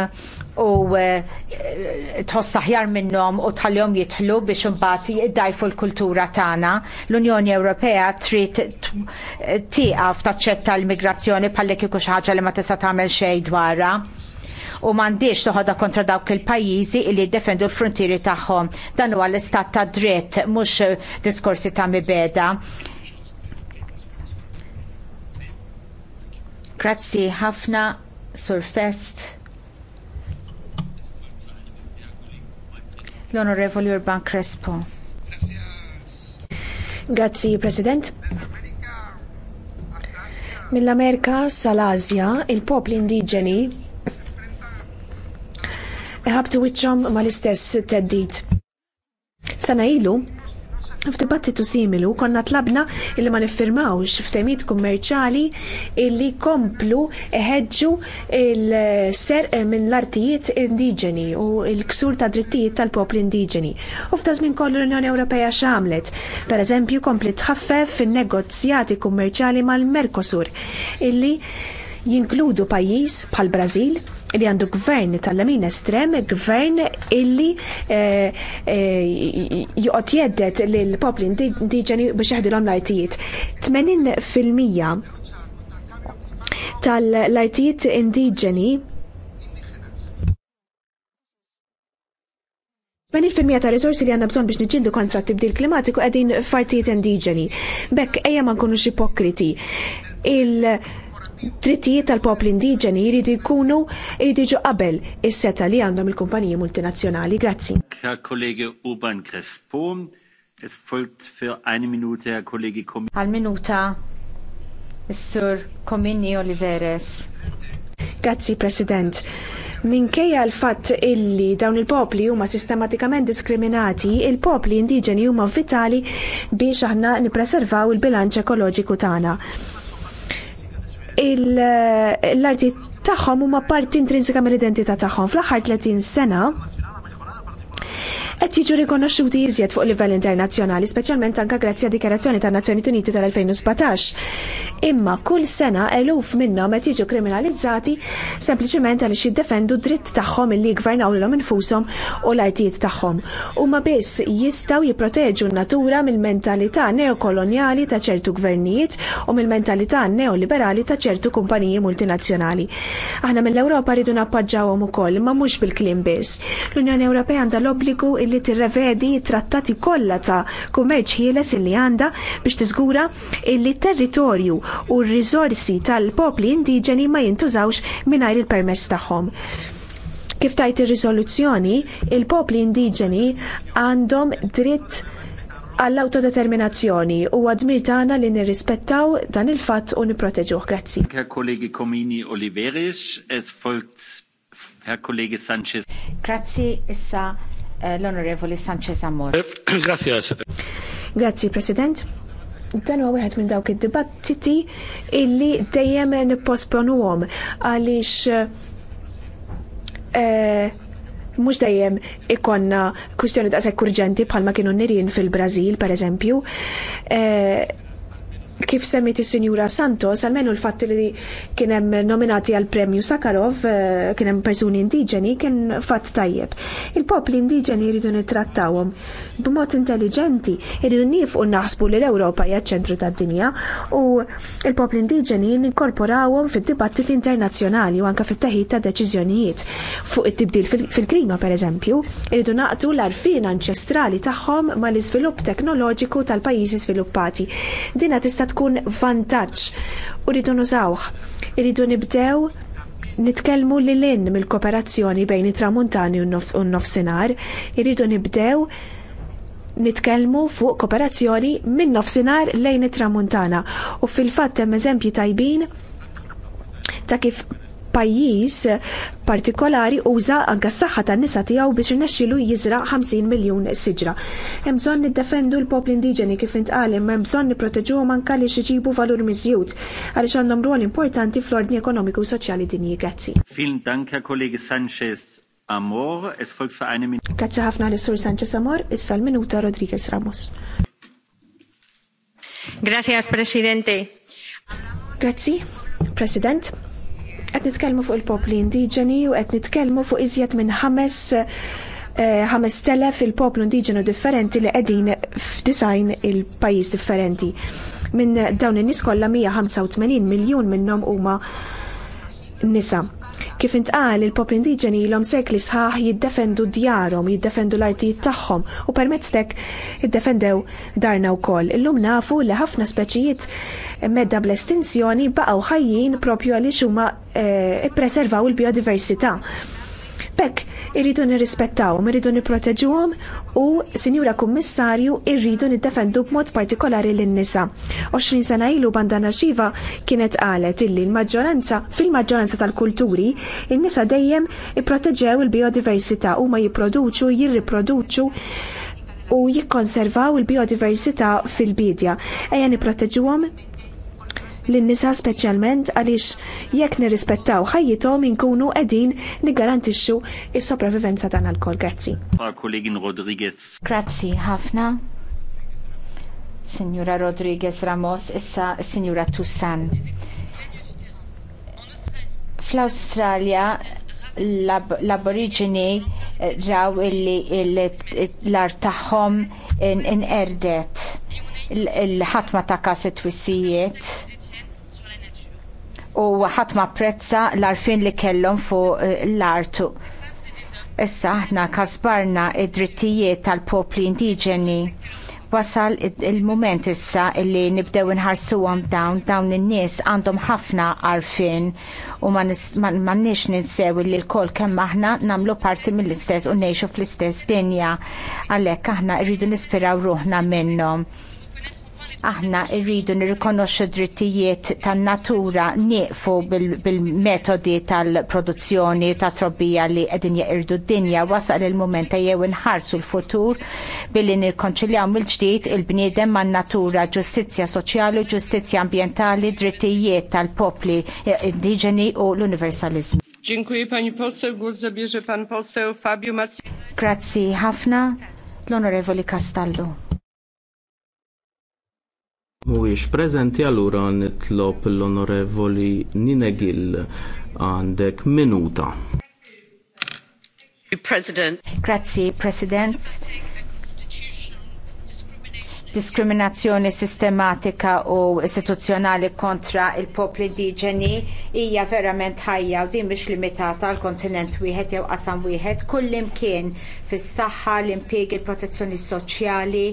u eh, eh, tħossaħjar minnom minnhom u tħallihom jitħlu biex imbagħad jiddajfu l-kultura tagħna. L-Unjoni Ewropea trid eh, tieqaf taċċetta l-migrazzjoni bħalli kieku xi ħaġa li ma tista' tagħmel xejn dwarha u m'għandix toħodha kontra dawk il-pajjiżi li jiddefendu l-frontieri tagħhom. Dan huwa l-istat ta' dritt mhux diskorsi ta' mibeda. Grazzi ħafna Surfest. L-Onorevoli Urban Crespo. Grazzi, President. Mill-Amerika sal-Azja, il-popli indiġeni ħabtu wiċċhom mal-istess teddit. Sena ilu, F'dibattitu similu konna tlabna illi ma niffirmawx f'temijiet kummerċali illi komplu eħeġġu il-serq minn l-artijiet indiġeni u l-ksur ta' drittijiet tal-popli indiġeni. U f'ta' żmien kollu l-Unjoni Ewropea x'għamlet, pereżempju kompli tħaffef fin-negozjati kummerċali mal-Mercosur illi jinkludu pajjiż bħal Brażil li għandu gvern tal lamin estrem, gvern illi eh, eh, juqot jeddet l-popli indiġeni biex jaħdilhom l-artijiet. 80% tal-artijiet indiġeni firmija ta' risorsi li għanna bżon biex nġildu kontra t-tibdil klimatiku għedin fartijiet indiġeni. Bekk ejja ma nkunux ipokriti. Il- drittijiet tal-popli indiġeni jridu jkunu jridu jiġu qabel is-seta li għandhom il-kumpaniji multinazzjonali. Grazzi. kollegi Urban Crespo, es folgt für eine Minute Herr Kollege Għal minuta, Sur Komini Oliveres. Grazzi, President. Minkejja l-fatt illi dawn il-popli huma sistematikament diskriminati, il-popli indiġeni huma vitali biex aħna nippreservaw il-bilanċ ekoloġiku tagħna l-arti tagħhom huma parti intrinsika mill-identità tagħhom. Fl-aħħar 30 sena qed jiġu rikonoxxuti iżjed fuq livell internazzjonali, speċjalment anke grazzi għad dikjarazzjoni tan-Nazzjoni Uniti tal-2017. Imma kull sena eluf minnhom qed jiġu kriminalizzati sempliċement għaliex jiddefendu dritt tagħhom illi jgvernaw lilhom infushom u l-artijiet tagħhom. Huma biss jistgħu jipproteġu n-natura mill-mentalità neokoloniali ta' ċertu gvernijiet u mill-mentalità neoliberali ta' ċertu kumpaniji multinazzjonali. Aħna mill-Ewropa rridu nappoġġawhom ukoll, ma mhux bil-kliem biss. L-Unjoni Ewropea għandha l-obbligu illi tirrevedi trattati kollha ta' kummerċ ħieles illi għandha biex tiżgura illi territorju u r-riżorsi tal-popli indiġeni ma jintużawx mingħajr il-permess tagħhom. Kif tajt ir-riżoluzzjoni, il-popli indiġeni għandhom dritt għall-autodeterminazzjoni u għadmir tagħna li nirrispettaw dan il-fatt u nipproteġuh. Grazzi. Herr kollegi Comini Oliveris, es folgt Herr Sanchez. Grazzi issa Eh, l-Onorevoli Sanchez Amor. Eh, grazie. Grazie, President. Dan huwa wieħed minn dawk id-dibattiti illi dejjem nipposponuhom għaliex eh, mhux dejjem ikonna kwistjoni sekk urġenti bħalma kienu nirien fil-Brażil, per eżempju kif semmiti Sinjura Santos, almenu l-fatt li kienem nominati għal premju Sakarov, eh, kienem persuni indiġeni, kien fatt tajjeb. Il-popli indiġeni jridu nittrattawhom b'mod intelligenti, jridu nifqu naħsbu li l-Ewropa hija ċentru tad-dinja u il-popli indiġeni ninkorporawhom fid-dibattiti internazzjonali u anke fit teħid ta' deċiżjonijiet fuq it-tibdil fil-klima pereżempju, jridu naqtu l-arfin anċestrali tagħhom mal-iżvilupp teknoloġiku tal-pajjiżi sviluppati. Dina tista' tista' tkun vantaġġ u rridu nużawh. Irridu nibdew nitkellmu li l-in mill-kooperazzjoni bejn it-tramuntani u n-nofsinhar, irridu nibdew nitkellmu fuq kooperazzjoni minn nofsinhar lejn it-tramuntana u fil-fatt hemm eżempji tajbin ta' kif pajjiż partikolari uża anka s-saħħa tan-nisa tiegħu biex inexxilu jiżra 50 miljun siġra. Hemm bżonn niddefendu l-popli indiġeni kif intqal imma hemm bżonn nipproteġuhom anke li xiġibu valur miżjud għaliex għandhom rol importanti fl-ordni ekonomiku u soċjali dinji. Grazzi. Fin Dank, kollegi Sanchez. Amor, es folgt für eine Minute. Grazie ħafna l-Sur Sanchez Amor, issa l-minuta Rodriguez Ramos. Grazie, Presidente. Grazzi, President. Qed nitkellmu fuq il-popli indiġeni u qed nitkellmu fuq iżjed minn ħames eh, ħames telef il-poplu indiġenu differenti li qegħdin f'design il-pajjiż differenti. Minn dawn in-nies kollha 185 miljun minnhom huma nisa. Kif intqal il-popli indiġeni ilhom sekli sħaħ jiddefendu djarhom, jiddefendu l-artijiet tagħhom u permezz tek jiddefendew darna wkoll. Illum nafu li ħafna speċijiet medda bl-estinzjoni baqgħu ħajjin propju għaliex huma eh, ppreservaw il-biodiversità. Bekk irridu nirrispettawhom, irridu nipproteġuhom u Sinjura Kummissarju irridu niddefendu b'mod partikolari lin-nisa. 20 sena ilu bandana xiva kienet qalet illi l-maġġoranza fil-maġġoranza tal-kulturi il nisa dejjem ipproteġew il-biodiversità huma jipproduċu, jirriproduċu u jikkonservaw il-biodiversità fil-bidja. Ejja għom lin-nisa speċjalment għaliex jekk nirrispettaw ħajjithom inkunu qegħdin niggarantixxu s sopravivenza tagħna lkoll. Grazzi. Rodriguez. Grazzi ħafna. Signora Rodriguez Ramos, issa Signora Tussan. Fl-Awstralja l-aborigini raw illi l-art tagħhom inqerdet il-ħatma ta' kaset wissijiet u ħadd ma prezza l-arfin li kellhom fuq eh, l-artu. Issa aħna kasbarna id-drittijiet tal-popli indiġeni wasal il mument issa illi nibdew nħarsuhom dawn dawn in-nies għandhom ħafna għarfien u m'għandniex ninsew li l-kol kemm aħna nagħmlu parti mill-istess u ngħixu fl-istess dinja għalhekk aħna rridu nispiraw ruħna minnhom. Aħna rridu nirrikonoxxu drittijiet tan-natura nieqfu bil-metodi tal-produzzjoni ta' trobbija li qegħdin jeqirdu d-dinja wasal il-mument ta' jew inħarsu l-futur billi nirkonċiljaw mill-ġdid il-bniedem man-natura, ġustizzja soċjali, ġustizzja ambjentali, drittijiet tal-popli indiġeni u l-universalizmu. Dziękuję pani poseł. Głos zabierze pan poseł Fabio Masi. Grazie ħafna l-Onorevoli Castaldo. Mhuwiex preżenti allura nitlob l-Onorevoli Ninegil għandek minuta. President. Grazie, President diskriminazzjoni sistematika u istituzzjonali kontra il-popli indiġeni hija verament ħajja u din mhix limitata għal kontinent wieħed jew qasam wieħed kullimkien fis-saħħa, l-impjieg, il-protezzjoni soċjali,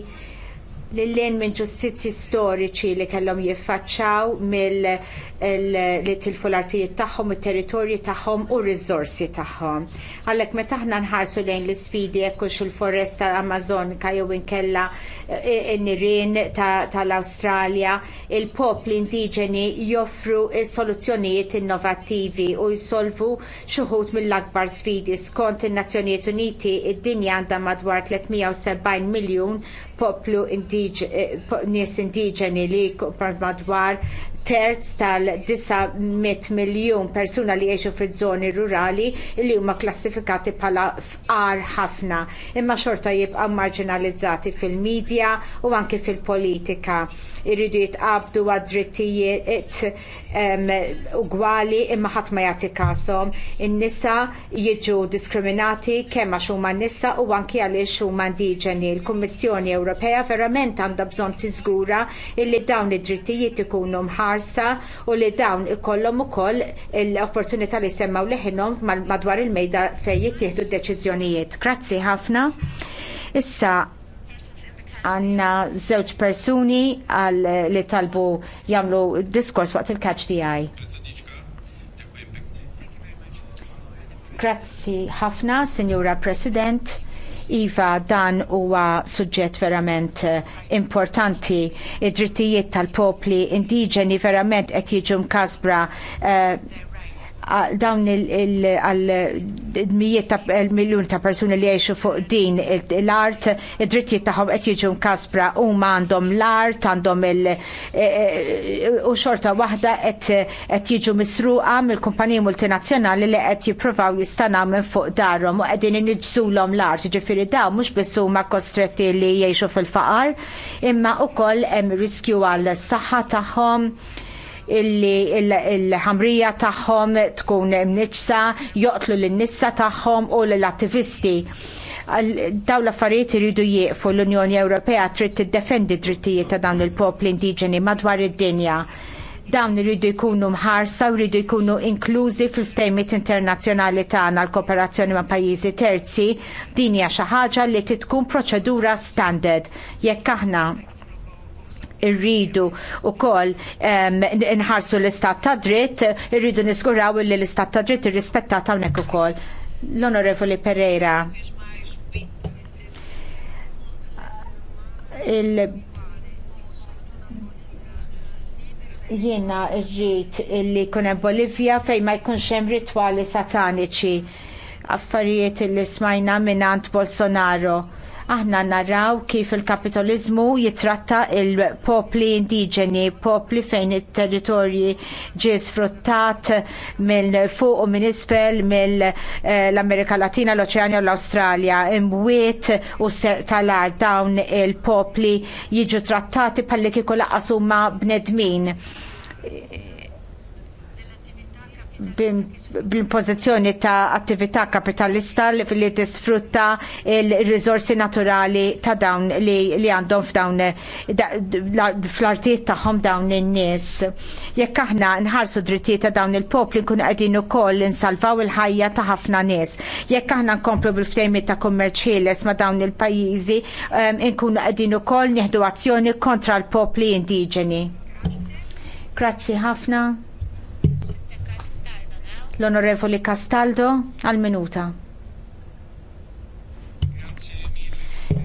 l lin minn ġustizzi storiċi li kellhom jiffaċċaw mill li tilfu l-artijiet tagħhom, it-territorji tagħhom u r-riżorsi tagħhom. Għalhekk meta aħna nħarsu lejn l-isfidi jekkux il-foresta Amazonika jew inkella eh, n-nirien tal-Awstralja, il-popli indiġeni joffru soluzzjonijiet innovattivi u jsolvu xuħut mill-akbar sfidi skont in-Nazzjonijiet Uniti id-dinja għandha madwar 370 miljun poplu eh, nies indiġeni li madwar terz tal-900 miljun persuna li jgħixu fiż-żoni rurali li huma klassifikati bħala fqar ħafna imma xorta jibqgħu marginalizzati fil-medja u anke fil-politika irridu jitqabdu għad-drittijiet ugwali imma ħadd ma jagħti kasom. In-nisa jiġu diskriminati kemm għax huma nisa u anki għaliex huma indiġeni. Il-Kummissjoni Ewropea verament għandha bżonn tiżgura li dawn id-drittijiet ikunu mħarsa u li dawn ikollhom ukoll l-opportunità li semmaw leħinhom madwar il-mejda fejn jittieħdu d-deċiżjonijiet. Grazzi ħafna. Issa għanna żewġ persuni għal li talbu jamlu diskors waqt il-catch di Grazzi ħafna, Signora President. Iva, dan huwa suġġett verament eh, importanti. Id-drittijiet tal-popli indiġeni verament qed jiġu mkasbra uh, dawn il-mijiet ta' miljun ta' persuni li jgħixu fuq din l-art, id dritti tagħhom qed jiġu mkasbra huma għandhom l-art, għandhom il- e- e- e- u xorta waħda qed jiġu misruqa mill-kumpaniji multinazzjonali li qed jippruvaw jistanaw minn fuq darhom u qegħdin iniġżulhom l-art, jiġifieri dawn mhux biss huma kostretti li jgħixu fil-faqar, imma wkoll hemm riskju għall-saħħa tagħhom illi il-ħamrija tagħhom tkun mniċsa, joqtlu lin-nissa tagħhom u l-attivisti. Daw l-affarijiet iridu jieqfu l-Unjoni Ewropea trid tiddefendi drittijiet ta' dawn il-popli indiġeni madwar id-dinja dawn iridu jkunu mħarsa u jridu jkunu inklużi fil-ftejmiet internazzjonali tagħna l-kooperazzjoni ma' pajjiżi terzi, din hija xi ħaġa li titkun proċedura standard jekk aħna irridu wkoll inħarsu l-istat ta' dritt, irridu nisguraw li l-istat ta' dritt irrispettat hawnhekk ukoll. L-Onorevoli Pereira. Il jiena rrit li hemm Bolivja fejn ma jkunx hemm ritwali sataniċi affarijiet li smajna minant Bolsonaro aħna narraw kif il-kapitolizmu jitratta il-popli indiġeni, popli fejn it-territorji ġie sfruttat minn fuq u minn isfel mill-Amerika eh, Latina, l-Oċeania u l australia Imwiet u ser tal-art dawn il-popli jiġu trattati palli kiku laqasuma bnedmin bil-pożizzjoni ta' attività kapitalista li tisfrutta il-rizorsi naturali ta' dawn li għandhom f'dawn fl-artijiet tagħhom dawn in-nies. Jekk aħna nħarsu drittijiet ta' dawn il-popli nkunu qegħdin ukoll insalvaw il-ħajja ta' ħafna nies. Jekk aħna nkomplu bil-ftejmi ta' kummerċ ħieles ma' dawn il-pajjiżi nkunu qegħdin ukoll nieħdu azzjoni kontra l-popli indiġeni. Grazzi ħafna. L-Onorevoli Castaldo għal minuta.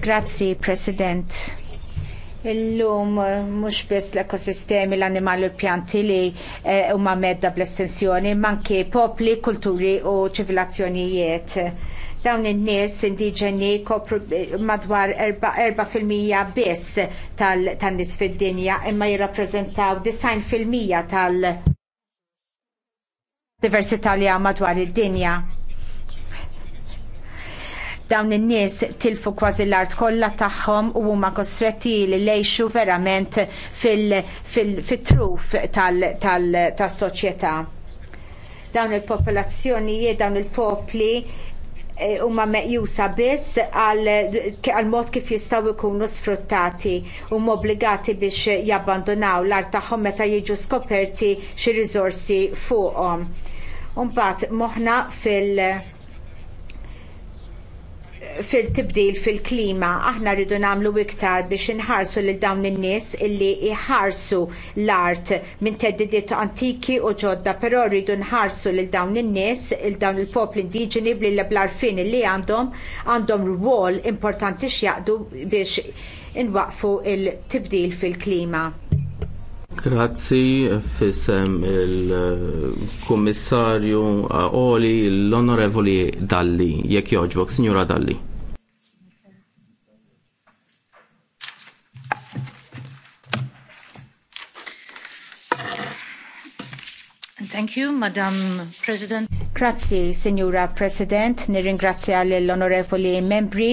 Grazzi, President. Illum mhux biss l-ekosistemi l-animali u pjanti li eh, huma medda bl-estensjoni, manki popli, kulturi u ċivilazzjonijiet. Dawn in-nies indiġeni kopru madwar 4% biss tan-nies fid-dinja imma jirrappreżentaw mija tal- diversità li għam dwar id-dinja. Dawn in-nies tilfu kważi l-art kollha tagħhom u huma kostretti li lejxu verament fil-truf tal-soċjetà. Dawn il-popolazzjonijiet, dawn il-popli Eh, huma meqjusa biss għal mod kif jistgħu jkunu sfruttati u mobbligati biex jabbandonaw l-art tagħhom meta jiġu skoperti xi riżorsi fuqhom. Mbagħad moħħna fil- fil-tibdil fil-klima. Aħna rridu nagħmlu iktar biex inħarsu lil dawn in-nies illi jħarsu l-art minn teddidiet antiki u ġodda, però rridu nħarsu lil dawn in-nies, il dawn il-popli indiġeni bli l-blarfin illi għandhom għandhom rwol importanti x'jaqdu biex inwaqfu il-tibdil fil-klima. Grazzi fissem il-Kummissarju Oli, l-Onorevoli Dalli, jekk joġbok, Signora Dalli. Thank you, Madam President. Grazzi, Signora President. Nirringrazzja l-onorevoli membri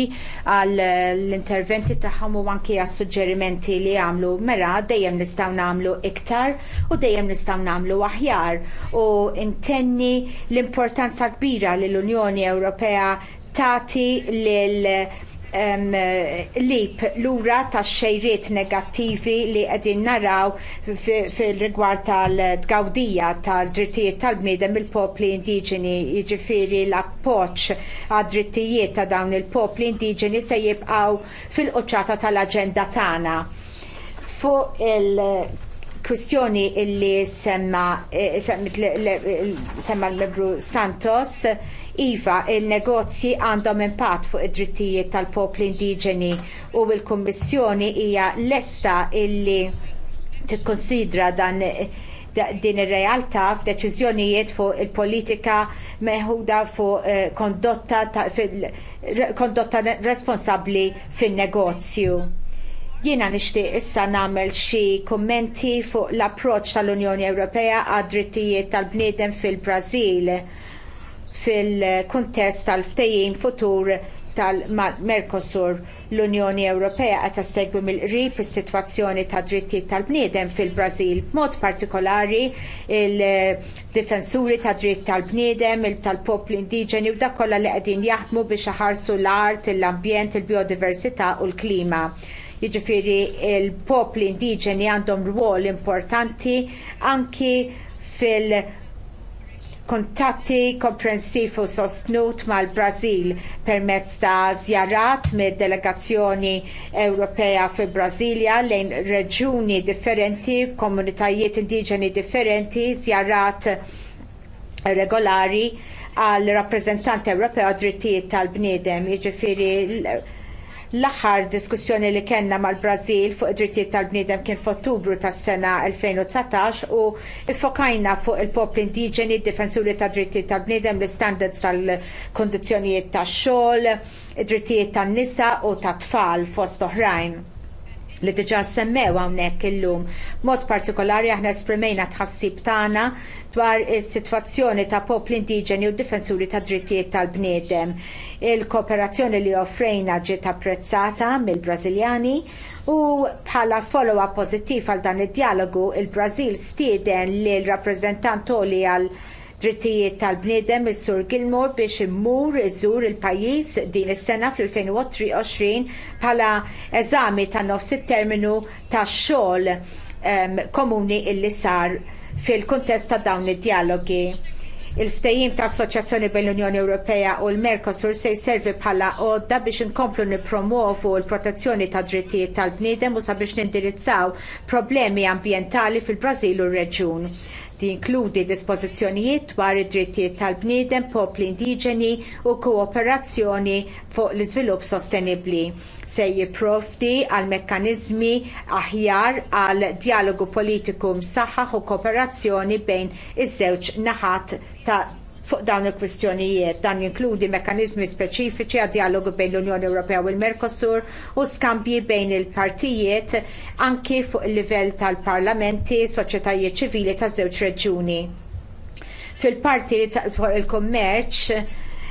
għall eh, l-interventi tagħhom u anki għas suġġerimenti li għamlu. Mera, dejjem nistgħu nagħmlu iktar u dejjem nistgħu nagħmlu aħjar u intenni l-importanza kbira li l-Unjoni Ewropea tagħti lil lip lura tax xejriet negattivi li qegħdin naraw fil-rigward tal gawdija tal-drittijiet tal-bniedem il-popli indiġeni jiġifieri l-appoġġ għad-drittijiet ta' dawn il-popli indiġeni se jibqgħu fil-quċċata tal-aġenda tagħna. Fuq il- kwistjoni illi semma eh, semma l-Mebru Santos Iva, il-negozji għandhom impatt fuq id-drittijiet tal-popli indiġeni u l-Kummissjoni hija lesta illi tikkonsidra dan din ir-realtà f'deċiżjonijiet fuq il-politika meħuda fuq eh, kondotta, kondotta responsabbli fin-negozju. Jiena nixtieq issa nagħmel xi kummenti fuq l-approċċ tal-Unjoni Ewropea għad drittijiet tal-bniedem fil-Brażil fil-kuntest tal-ftejjim futur tal-Mercosur l-Unjoni Ewropea qed segwi mill-qrib is-sitwazzjoni ta' drittijiet tal-bniedem fil-Brażil, b'mod partikolari il-difensuri ta' dritt tal-bniedem, tal-popli indiġeni u dak kollha li qegħdin jaħdmu biex iħarsu l-art, l-ambjent, il-biodiversità u l-klima. Jiġifieri l popli indiġeni għandhom rwol importanti anki fil- kontatti komprensiv u sostnut mal brażil permezz ta' żjarat mid delegazzjoni Ewropea fi Brażilja lejn reġjuni differenti, komunitajiet indiġeni differenti, żjarat regolari għal rappreżentant Ewropew għad drittijiet tal-bniedem, jiġifieri L-aħħar diskussjoni li kellna mal-Brażil fuq id-drittijiet tal-bniedem kien f'Ottubru tas-sena 2019 u ffokajna fuq il-popli indiġeni, difensuri tad drittijiet tal-bniedem, l-istandards tal kundizzjonijiet tax-xogħol, id-drittijiet tan-nisa u tat-tfal fost oħrajn li diġa semmew hawnhekk illum. Mod partikolari aħna esprimejna tħassib tagħna dwar is-sitwazzjoni ta' popli indiġeni u difensuri ta' drittijiet tal-bniedem. Il-kooperazzjoni li offrejna ġiet apprezzata mill-Brażiljani U bħala follow-up pożittiv għal dan id-dialogu, il-Brazil stieden li l-rappresentant għal drittijiet tal-bniedem is-Sur Gilmore biex immur iżur il-pajjiż din is-sena fl-2023 bħala eżami tan nofs it-terminu tax-xogħol um, komuni illi sar fil-kuntest ta' dawn id-dialogi. il ftejim ta' Assoċjazzjoni bejn l-Unjoni Ewropea u l-Mercosur se jservi bħala għodda biex inkomplu nippromovu l-protezzjoni ta' drittijiet tal-bniedem u sabiex nindirizzaw problemi ambjentali fil-Brażil u r-reġjun tinkludi dispożizzjonijiet dwar id-drittijiet tal-bniedem, popli indiġeni u kooperazzjoni fuq l-iżvilupp sostenibbli. Se jipprovdi għal mekkaniżmi aħjar għal dialogu politiku msaħħaħ u kooperazzjoni bejn iż-żewġ naħat ta' fuq dawn il-kwistjonijiet. Dan jinkludi mekkaniżmi speċifiċi għad dialogu bejn l-Unjoni Ewropea u l-Mercosur u skambji bejn il-partijiet anki fuq il-livell tal-parlamenti, soċjetajiet ċivili taż żewġ reġjuni. Fil-parti il-kommerċ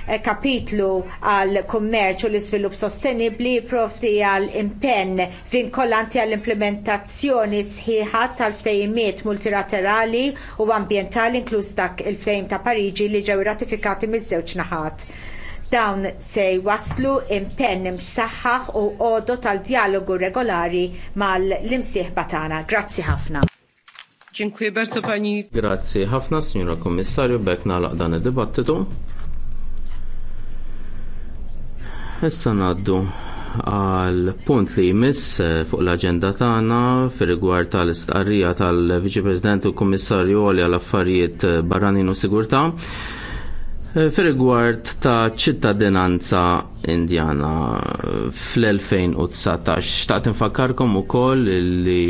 Eh, kapitlu għal kummerċ u l-iżvilupp sostenibbli provdi għal impenn vinkolanti għall implementazzjoni sħiħa tal-ftejimiet multilaterali u ambjentali inkluż dak il-ftejim ta' Pariġi li ġew ratifikati miż-żewġ naħat dawn se jwasslu impenn imsaħħaħ u għodu tal-dialogu regolari mal-imsieħba tagħna. Grazzi ħafna. pani. Grazzi ħafna, Signora Kommissarju, bekk nagħlaq dan id-dibattitu. Issa ngħaddu għal punt li jmiss eh, fuq l aġenda tagħna fir rigward tal-istqarrija tal-Viċi President u Kummissarju għal affarijiet barranin u sigurtà Fir-rigward ta' ċittadinanza indjana fl-2019, xtaqt infakkarkom ukoll li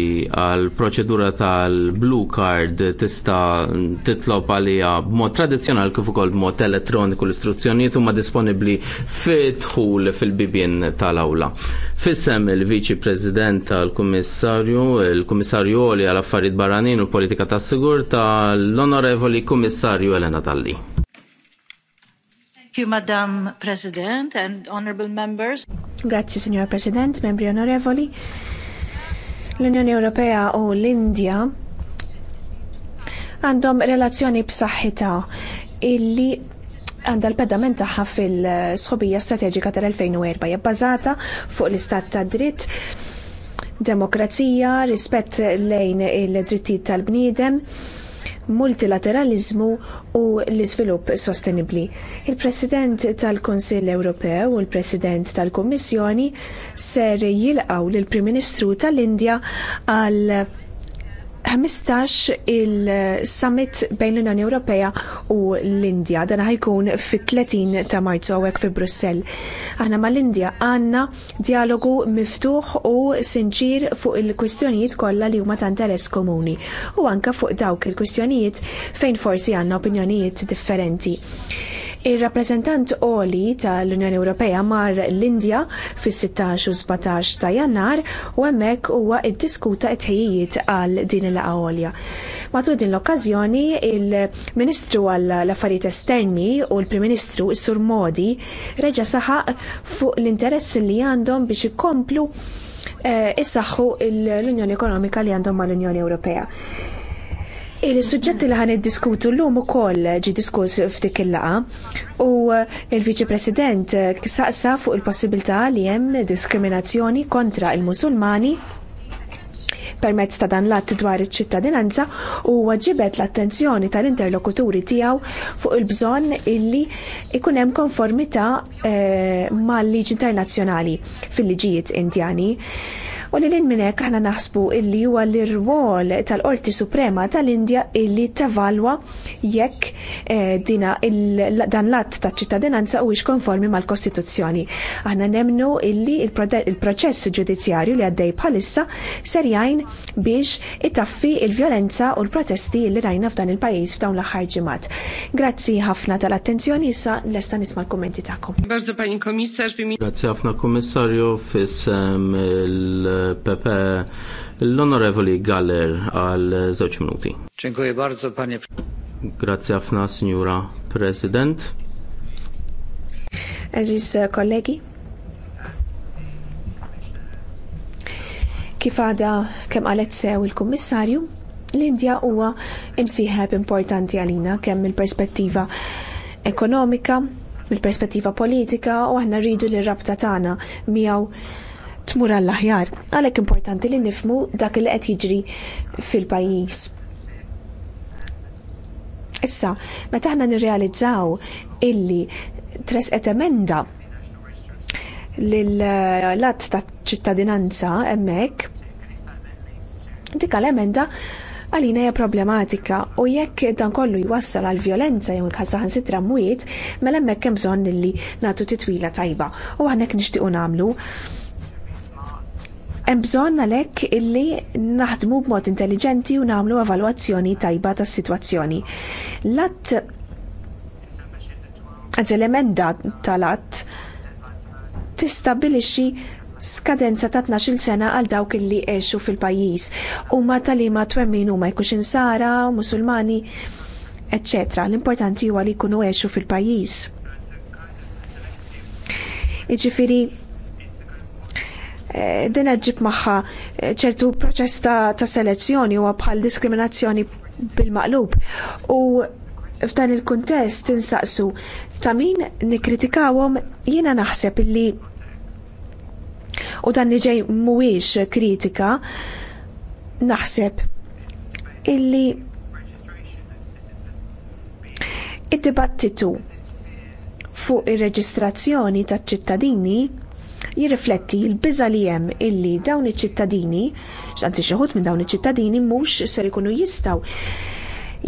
għal proċedura tal-Blue Card tista' titlob għalija b'mod tradizjonal kif ukoll b'mod elettroniku l-istruzzjonijiet huma disponibbli fitħul fil-bibien tal-awla. Fissem il-Viċi President tal-Kummissarju, il-Kummissarju Oli għal affarijiet barranin u politika tas sigurta l-Onorevoli Kummissarju Elena Talli you, Madam President and honorable members. Grazzi, Signor President, membri onorevoli. L-Unjoni Ewropea u l-Indja għandhom relazzjoni b'saħħitha illi għandha l-pedament tagħha fil-sħobija strateġika tal-2004 bbażata fuq l-istat ta' dritt, demokrazija, rispett lejn il-drittijiet tal-bniedem, multilateralizmu u l-iżvilupp sostenibli. Il-President tal-Konsill Ewropew u l-President tal-Kommissjoni ser jilqaw lill prim Ministru tal-Indja għal 15 il-summit bejn l-Unjoni Ewropea u l-Indja. Dan ħajkun fit-30 ta' Marzu għek fi Brussell. Aħna ma l-Indja għanna dialogu miftuħ u sinċir fuq il-kwistjonijiet kollha li huma ta' interess komuni u anka fuq dawk il-kwistjonijiet fejn forsi għanna opinjonijiet differenti. Ir-rappreżentant Oli tal-Unjoni Ewropea mar l-Indja fis-16 u 17 ta' Jannar u hemmhekk huwa iddiskuta t-ħejjiet għal din il għolja. Matul din l-okkażjoni il-Ministru għall affarijiet Esterni u l-Prim Ministru Sur Modi reġa' saħaq fuq l-interess li għandhom biex ikomplu eh, issaħħu l-Unjoni Ekonomika li għandhom mal-Unjoni Ewropea. Il-sujġetti li ħan diskutu l-lum u koll ġi diskus f'dik il-laqa u il-Viċi President saqsa fuq il-possibilità li hemm diskriminazzjoni kontra il-Musulmani permezz ta' dan l-att dwar iċ-ċittadinanza u waġġibet l-attenzjoni tal-interlokuturi tiegħu fuq il-bżonn illi ikun hemm konformità eh, mal-liġi internazzjonali fil-liġijiet indjani. U li l inminek minnek aħna naħsbu illi huwa l-irwol tal-Qorti Suprema tal-Indja illi tavalwa jekk eh, dina dan l-att ta' ċittadinanza u konformi mal-Kostituzzjoni. Aħna nemnu illi il-proċess ġudizzjarju li għaddej bħalissa serjajn biex itaffi il-violenza u l-protesti li rajna f'dan il-pajis f'dawn l-aħħar ġimat. Grazzi ħafna tal-attenzjoni issa lesta nisma' l-kommenti ta'kom. Grazzi ħafna komissarju fis il- Pepe l-Onorevoli Galler għal żewġ minuti. Dziękuję bardzo, panie. Grazie ħafna, signora President. Aziz eh, kollegi, kif għada kemm għalet sew il-Kummissarju, l-Indja huwa imsieħeb importanti għalina kemm il-perspettiva ekonomika, mill-perspettiva politika u aħna rridu l rabta tagħna miegħu tmur għall-aħjar. Għalhekk importanti li nifmu dak li qed jiġri fil-pajjiż. Issa, meta aħna nirrealizzaw illi qed emenda lill-lat ta' ċittadinanza hemmhekk, dik l-emenda għalina hija problematika u jekk dan kollu jwassal għal violenza jew il-ħasaħan sitra mwiet, mela hemmhekk hemm bżonn illi nagħtu titwila tajba u għandek nixtiequ nagħmlu. Hemm bżonn għalhekk illi naħdmu b'mod intelligenti u nagħmlu evalwazzjoni tajba tas-sitwazzjoni. L-att l-emenda tal-att tistabilixi skadenza ta' 12 sena għal dawk illi għexu fil-pajis u ma talima twemmin u ma jkux insara, musulmani, etc. L-importanti huwa li jkunu għexu fil-pajis. Iġifiri, Eh, din ġib magħha eh, ċertu proċess ta' selezzjoni huwa bħal diskriminazzjoni bil-maqlub. U f'dan il-kuntest insaqsu ta' min nikkritikawhom jiena naħseb illi u dan li ġej mhuwiex kritika naħseb illi id-dibattitu fuq ir-reġistrazzjoni taċ-ċittadini jirrifletti l-biża li hemm illi dawn iċ-ċittadini, x'anti xi minn dawn iċ-ċittadini mhux ser ikunu jistgħu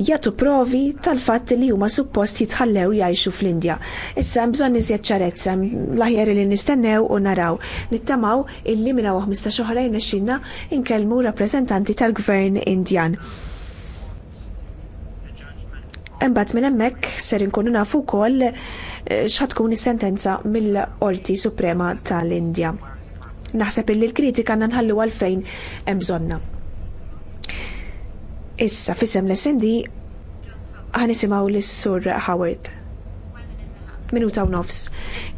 jagħtu provi tal-fatt li huma suppost jitħallew jgħixu fl-Indja. Issa hemm bżonn iżjed ċarezza, l-aħjar li nistennew u naraw. Nittamaw illi minn hawn 15 oħra jnexxinna inkellmu rappreżentanti tal-Gvern Indjan. Imbagħad minn hemmhekk ser inkunu nafu wkoll xħatkun is-sentenza mill-Qorti Suprema tal-Indja. Naħseb illi l-kritika għandna nħallu għalfejn hemm bżonna. Issa fisem l-SND ħanisimgħu lis-Sur Howard. Minuta u nofs.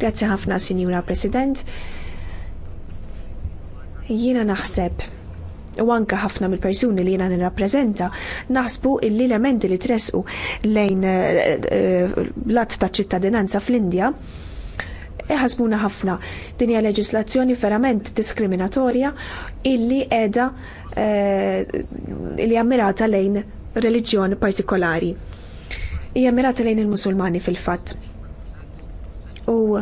Grazzi ħafna, Sinjura President. Jiena naħseb u anka ħafna mill-persuni li jena nirrappreżenta naħsbu l-elementi li tresqu lejn eh, eh, l-att ta' ċittadinanza fl-Indja iħasbuna ħafna. Din hija leġislazzjoni verament diskriminatorja illi edha eh, illi ammirata lejn reliġjoni partikolari. Hija ammirata lejn il-Musulmani fil-fatt. U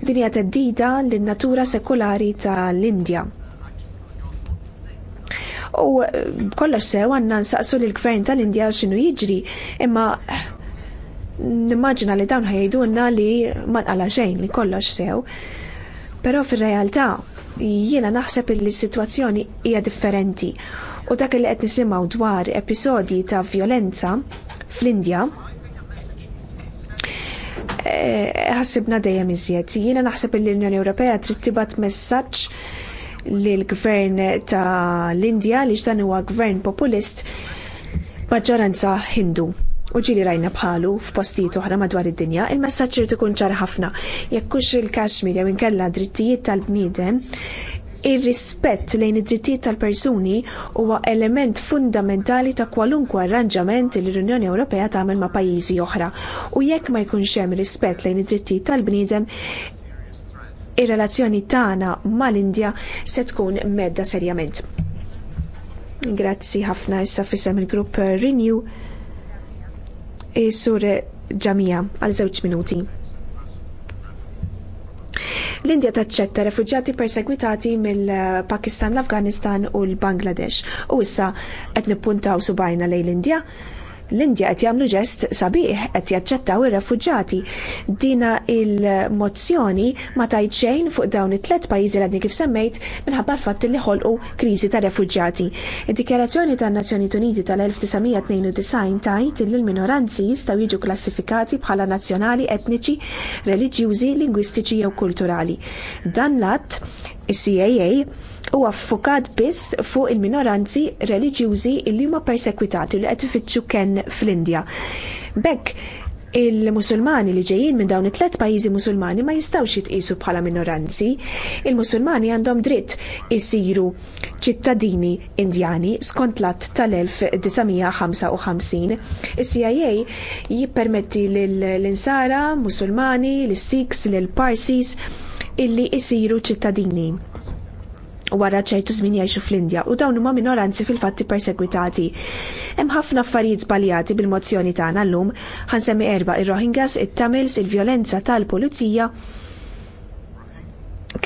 Din hija teddida lin-natura sekulari tal-Indja. U eh, kollox sew għandna nsaqsu lill gvern tal-Indja x'inhu jiġri, imma nimmaġina li dawn ħajdunna li ma nqala xejn li kollox sew. Però fir-realtà jiena naħseb li s-sitwazzjoni hija differenti. U dak li qed nisimgħu dwar episodji ta' violenza fl-Indja Eh, ħassibna dejjem iżjed. Jiena naħseb li l-Unjoni Ewropea trid tibgħat messaġġ lill gvern ta' l-Indja li x'dan huwa gvern populist maġġoranza Hindu u ġili rajna bħalu f'postijiet oħra madwar id-dinja, il-messaġġ irid ikun ċar ħafna. Jekk hux il-Kashmir jew inkella drittijiet tal-bniedem, Ir-rispett lejn id-drittijiet tal-persuni huwa element fundamentali ta' kwalunkwe arranġament li l-Unjoni Ewropea tagħmel ma' pajjiżi oħra. U jekk ma jkunx hemm rispett lejn id-drittijiet tal-bniedem, ir-relazzjoni tagħna mal-Indja se tkun medda serjament. Grazzi ħafna issa fisem il-grupp Renew is-sur ġamija għal żewġ minuti. L-Indja taċċetta refuġjati persegwitati mill-Pakistan, l-Afganistan u l-Bangladesh. U issa qed nippuntaw subajna lejn l-Indja l-Indja qed jagħmlu ġest sabiħ qed jaċċettaw ir-refuġġati. Dina il-mozzjoni ma tajt xejn fuq dawn it-tlet pajjiżi li kif semmejt minħabba l-fatt li ħolqu kriżi ta' refuġġati. Id-Dikjarazzjoni tan-Nazzjonijiet Uniti tal-1992 tajt li l-minoranzi jistgħu jiġu klassifikati bħala nazzjonali, etniċi, reliġjużi, lingwistiċi jew kulturali. Dan l-att, is-CAA, huwa affukat biss fuq il-minoranzi reliġjużi li huma persekwitati li qed ifittxu kenn fl-Indja. Bekk il-Musulmani li ġejjin minn dawn it-tlet pajjiżi Musulmani ma jistgħux jitqisu bħala minoranzi. Il-Musulmani għandhom dritt isiru ċittadini Indjani skont l-att tal-1955. Is-CIA jippermetti lill-insara, Musulmani, lis-Sikhs, lill-Parsis illi isiru ċittadini wara ċertu żmien jgħixu fl-Indja u dawn huma minoranzi fil-fatti persegwitati. Hemm ħafna affarijiet żbaljati bil-mozzjoni tagħna llum, ħansemmi erba' ir-Rohingyas, it-Tamils, il-vjolenza tal-pulizija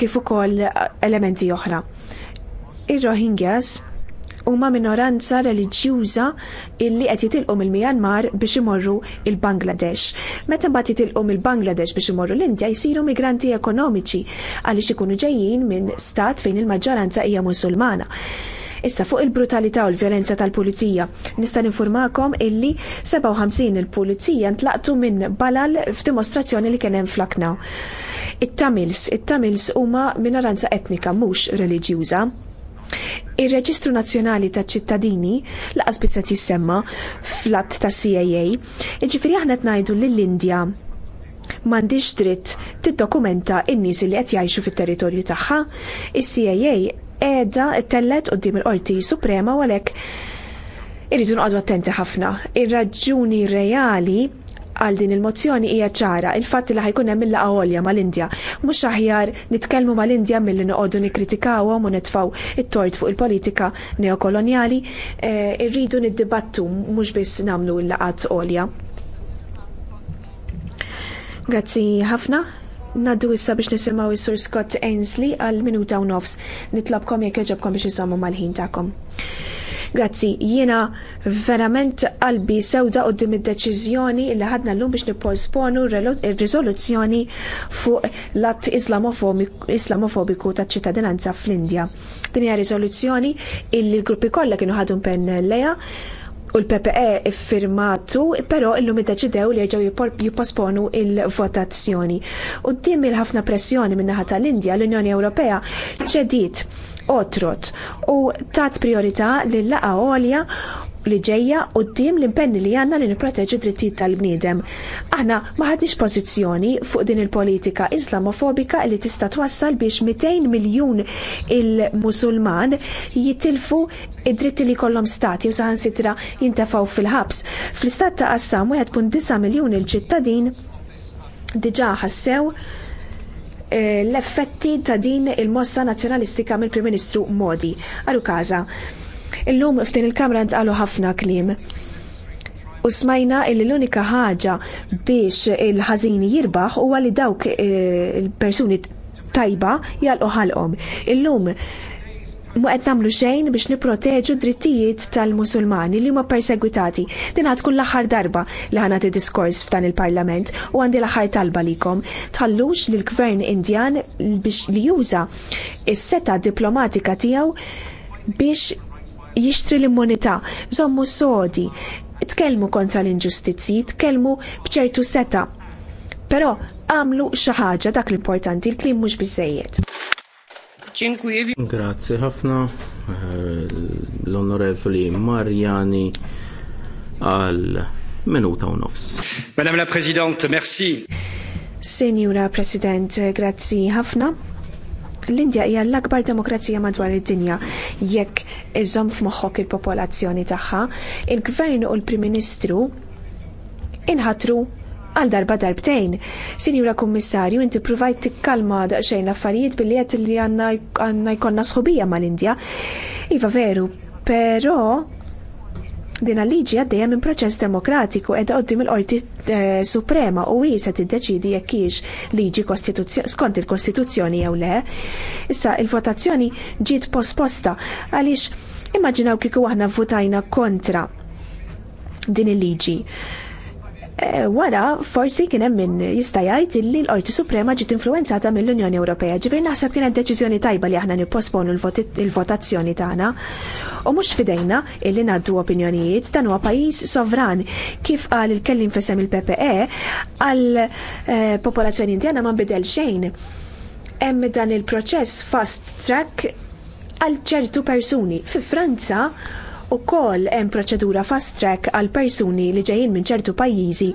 kif ukoll elementi oħra. Ir-Rohingyas huma minoranza reliġjuża illi qed jitilqu mill-Myanmar biex imorru il-Bangladesh. Meta mbagħad jitilqu mill-Bangladesh biex imorru l-Indja jsiru migranti ekonomiċi għaliex ikunu ġejjin minn stat fejn il-maġġoranza hija Musulmana. Issa fuq il-brutalità u l-violenza tal-pulizija, nista' ninformakom illi 57 il-pulizija ntlaqtu minn balal f'dimostrazzjoni li kien hemm flakna. It-Tamils, it-Tamils huma minoranza etnika mhux reliġjuża. Ir-Reġistru Nazzjonali ta' ċittadini laqas qed jissemma fl-att ta' CIA, iġifiri aħna ngħidu lill-Indja m'għandix dritt tiddokumenta n nies li qed jgħixu fit-territorju tagħha, is-CIA qiegħda tellet qudiem il-Qorti Suprema u għalhekk irridu nqogħdu attenti ħafna. Ir-raġuni reali għal din il-mozzjoni hija ċara il-fatt li ħajkun hemm il-laqa għolja mal-Indja. Mhux aħjar nitkellmu mal-Indja milli noqogħdu nikkritikawhom u nitfgħu it-tort fuq il-politika neokoloniali, eh, irridu niddibattu mhux biss nagħmlu l-laqat għolja. Grazzi ħafna. Naddu issa biex nisimaw is-Sur Scott Ainsley għal minuta u nofs. nitlobkom jekk jogħġobkom biex nisimgħu mal-ħin tagħkom. Grazzi, jiena verament qalbi sewda dim id-deċiżjoni li ħadna llum biex nipposponu r-riżoluzzjoni fuq l-att islamofobiku ta' ċittadinanza fl-Indja. Din hija riżoluzzjoni illi gruppi kollha kienu ħadu pen leja u l-PPE firmatu, però illum iddeċidew li ġew jipposponu il-votazzjoni. U dim il-ħafna pressjoni min-naħa tal-Indja l-Unjoni Ewropea ċedit otrot u tat priorità lill laqa għolja li ġejja u d-dim l-impenni li għanna li niproteġu drittijiet tal-bniedem. Aħna maħadniex pozizjoni fuq din il-politika islamofobika li tista' twassal biex 200 miljun il-Musulman jitilfu id-dritti li kollhom stati u saħan sitra jintafaw fil-ħabs. Fl-istat ta' Assam 1.9 miljun il-ċittadin diġa ħassew eh, l-effetti ta' din il-mossa nazjonalistika mill-Prim Ministru Modi. Għalu kaza, Illum f'din il-kamra ntqalu ħafna kliem. U smajna illi l-unika ħaġa biex il-ħażin jirbaħ huwa li dawk eh, il-persuni tajba jalqu ħalqhom. Illum mu qed nagħmlu xejn biex nipproteġu drittijiet tal-Musulmani li huma persegwitati. Din ħad tkun l-aħħar darba li ħanati diskors f'dan il-Parlament u għandi l-aħħar talba likom. Tħallux lill gvern Indjan biex li juża is-seta diplomatika tiegħu biex jixtri l-immunità, żommu sodi, tkellmu kontra l inġustizzji tkellmu bċertu seta. Però għamlu xi ħaġa dak l-importanti, l klim mhux biżejjed. Grazie ħafna eh, l-onorevoli Marjani għal minuta u nofs. Madame la Presidente, merci. Signora President, grazzi ħafna l-Indja hija l-akbar demokrazija madwar id-dinja jekk iżom f'moħħok il-popolazzjoni tagħha, il-Gvern u l-Prim Ministru inħatru għal darba darbtejn. Sinjura Kummissarju, inti provajt tikkalma daqxejn l-affarijiet billi għet li għandna jkollna sħubija mal-Indja. Iva veru, però Din liġi għaddejja minn proċess demokratiku edha għoddim il-Qorti eh, Suprema u jisa t-deċidi jekk hiex liġi skont il-Kostituzzjoni jew le. Issa il-votazzjoni ġiet posposta għaliex immaġinaw kieku aħna votajna kontra din il-liġi. Eh, wara forsi kien hemm min jista' jgħid illi l-Qorti Suprema ġiet influenzata mill-Unjoni Ewropea. Ġifier naħseb kienet deċiżjoni tajba li aħna nipposponu l-votazzjoni tagħna u mhux fidejna illi ngħaddu opinjonijiet dan huwa pajjiż sovran kif qal il-kellim fisem il-PPE għal eh, popolazzjoni indjana ma bidel xejn. Hemm dan il-proċess fast track għal ċertu persuni. Fi Franza kol hemm proċedura fast track għal persuni li ġejjin minn ċertu pajjiżi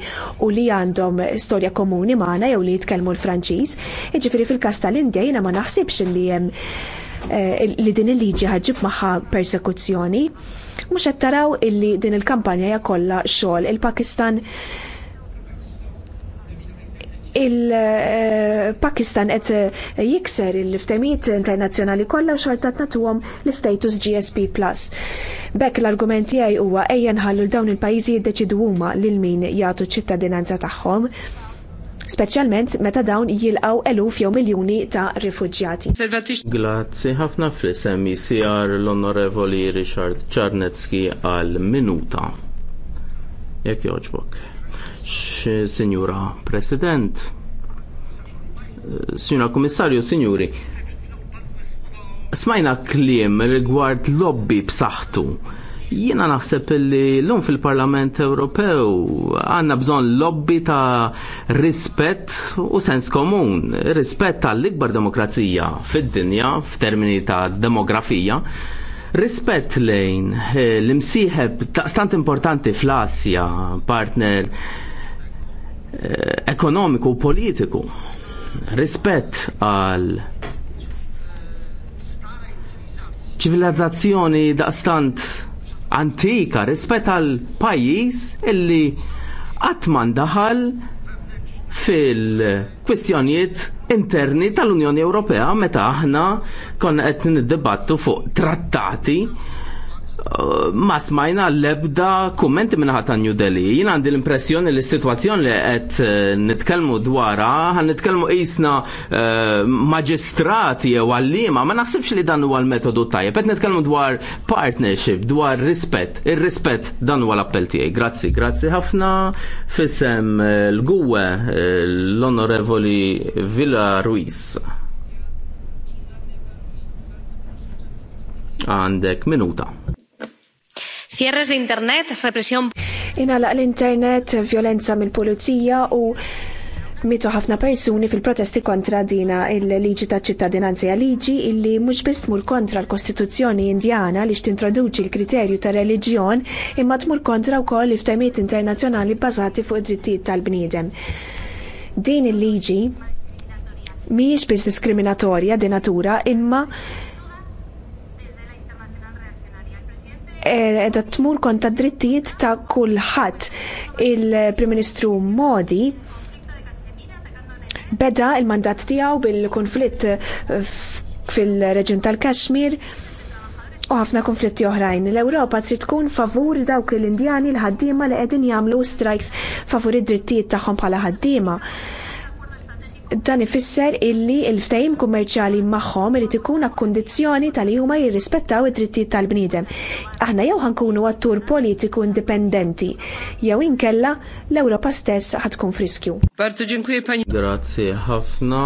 u li għandhom storja komuni magħna jew li jitkellmu l-Franċiż. Jiġifieri fil-każ tal-Indja jiena ma naħsibx li hemm eh, li din il-liġi ħaġib magħha persekuzzjoni. Mhux qed taraw illi din il-kampanja hija kollha xogħol il-Pakistan il pakistan il-Pakistan qed eh, jikser il-ftemijiet internazzjonali kollha u xortat nagħtuhom l-status GSP+. Bek l argumenti tiegħi huwa ejja nħallu dawn il-pajjiżi jiddeċidu huma lil min jagħtu ċittadinanza tagħhom speċjalment meta dawn jilqaw eluf jew miljuni ta' rifuġjati. Grazzi ħafna fl-isem jisjar e l-Onorevoli Richard Czarnecki għal minuta. Jekk joġbok. Sinjura President, eh, Sinjura Komissarju, Sinjuri, smajna kliem rigward lobby b'saħħtu. Jiena naħseb li l-lum fil-Parlament Ewropew għanna bżon lobby ta' rispett u sens komun, rispett tal-ikbar demokrazija fid-dinja f'termini ta' demografija, rispett lejn eh, l-imsieħeb ta' stant importanti fl-Asja, partner Eh, ekonomiku u politiku rispett għal ċivilizzazzjoni daqstant antika rispett għal pajjiż illi qatt ma ndaħal fil-kwistjonijiet interni tal-Unjoni Ewropea meta aħna konna qed niddibattu fuq trattati ma smajna l-ebda kummenti minnaħat ta' New Delhi. Jien għandi l-impressjoni li s-situazzjoni li qed eh, nitkellmu dwarha, għan nitkellmu qisna eh, maġistrati u għallima, ma naħsibx li dan huwa l-metodu tajjeb. Qed nitkelmu dwar partnership, dwar rispet, Ir-rispett dan huwa l-appell tiegħi. Grazzi, grazzi ħafna fisem eh, l-gwe l-Onorevoli Villa Ruiz. għandek minuta. Cierres de internet, represión. Inala l-internet, violenza mill-pulizija u mitu ħafna persuni fil-protesti kontra dina il-liġi ta' ċittadinanza liġi illi mhux biss tmur kontra l-Kostituzzjoni Indjana li x'tintroduċi l-kriterju ta' reliġjon imma tmur kontra wkoll iftemiet internazzjonali bbażati fuq id-drittijiet tal-bniedem. Din il-liġi mhijiex biss diskriminatorja din natura imma Eh, edha tmur konta drittijiet ta' kulħadd. Il-Prim Ministru Modi beda il-mandat tiegħu bil-konflitt eh, fil-reġjun tal-Kashmir u ħafna konflitti oħrajn. L-Ewropa trid tkun favur dawk l-Indjani l-ħaddiema li qegħdin jagħmlu strikes favur id-drittijiet tagħhom bħala ħaddiema dan ifisser illi il-ftehim kummerċjali magħhom irid ikun kundizzjoni tal-li huma jirrispettaw id-drittijiet tal-bniedem. Aħna jew ħankunu attur politiku indipendenti, jew inkella l-Ewropa stess ħatkun friskju. Bardzo dziękuję pani. Grazie ħafna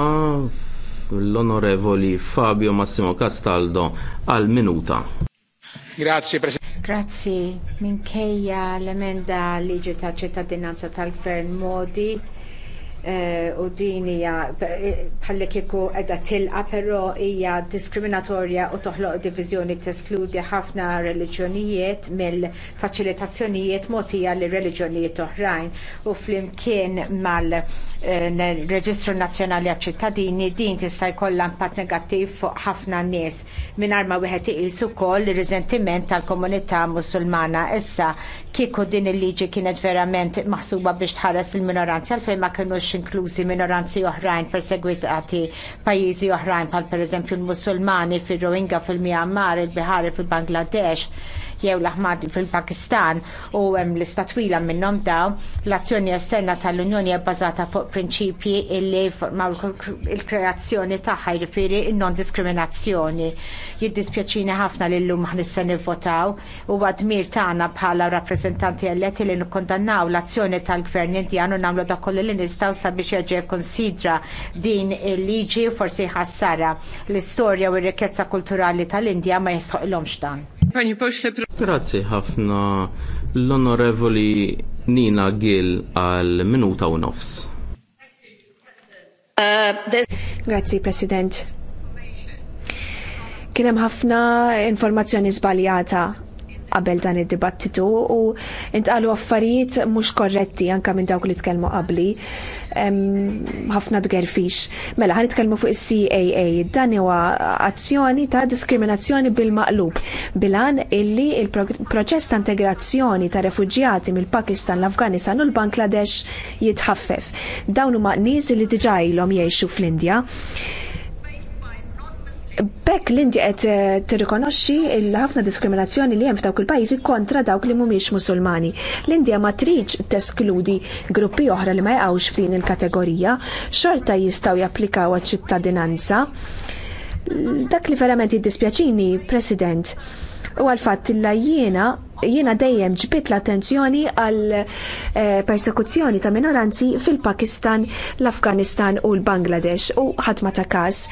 l-onorevoli Fabio Massimo Castaldo għal minuta. Grazie Presidente. Grazie. Minkejja l-emenda liġi ta' ċittadinanza tal fern Modi Eh, u din hija eh, bħalli kieku qiegħda tilqa però hija diskriminatorja u toħloq diviżjoni teskludi ħafna reliġjonijiet mill-faċilitazzjonijiet mogħtija li reliġjonijiet oħrajn u flimkien mal-Reġistru eh, Nazzjonali għaċ-ċittadini din tista' jkollha impatt negattiv fuq ħafna nies mingħajr ma wieħed iqis ukoll ir-riżentiment tal-komunità Musulmana issa kieku din il-liġi kienet verament maħsuba biex tħares il-minoranzi għalfejn ma kinux inklużi minoranzi oħrajn persegwitati pajjiżi oħrajn bħal pereżempju l-Musulmani fir-Rohingya fil-Myanmar, il-Bihari fil-Bangladesh jew l-Ahmadi fil-Pakistan u hemm lista twila minnhom daw, l-azzjoni esterna tal-Unjoni hija bbażata fuq prinċipji illi formaw il-kreazzjoni tagħha jiġifieri non-diskriminazzjoni. Jiddispjaċini ħafna li llum aħna se nivvotaw u għadmir tagħna bħala rappreżentanti eletti li nikkondannaw l-azzjoni tal-Gvern Indjan u nagħmlu dak kollu li nistgħu sabiex jerġa' jikkonsidra din il-liġi forsi ħassara l-istorja u r-rikkezza kulturali tal-Indja ma jistħoqilhomx dan. Grazzi ħafna l-onorevoli Nina Gill għal minuta u nofs. Uh, Grazzi, President. Kienem ħafna informazzjoni zbaljata qabel dan id-dibattitu u intqalu affarijiet mhux korretti anke minn dawk li tkellmu qabli. Ħafna dgerfix. Mela ħan nitkellmu fuq is-CAA. Dan huwa azzjoni ta' diskriminazzjoni bil-maqlub bilan illi il-proċess ta' integrazzjoni ta' refuġjati mill-Pakistan, l-Afganistan u l-Bangladesh jitħaffef. Dawn huma nies li diġà ilhom jgħixu fl-Indja. Bekk l-inti qed eh, tirrikonoxxi l-ħafna diskriminazzjoni li hemm f'dawk il-pajjiżi kontra dawk li mhumiex Musulmani. L-Indja ma tridx teskludi gruppi oħra li ma jgħawx f'din il-kategorija, xorta jistgħu japplikaw għal ċittadinanza Dak li verament jiddispjaċini, President, u għal-fatt illa lajjena jiena dejjem ġbit l-attenzjoni għal eh, persekuzzjoni ta' minoranzi fil-Pakistan, l-Afganistan u l-Bangladesh u ma ta' kas.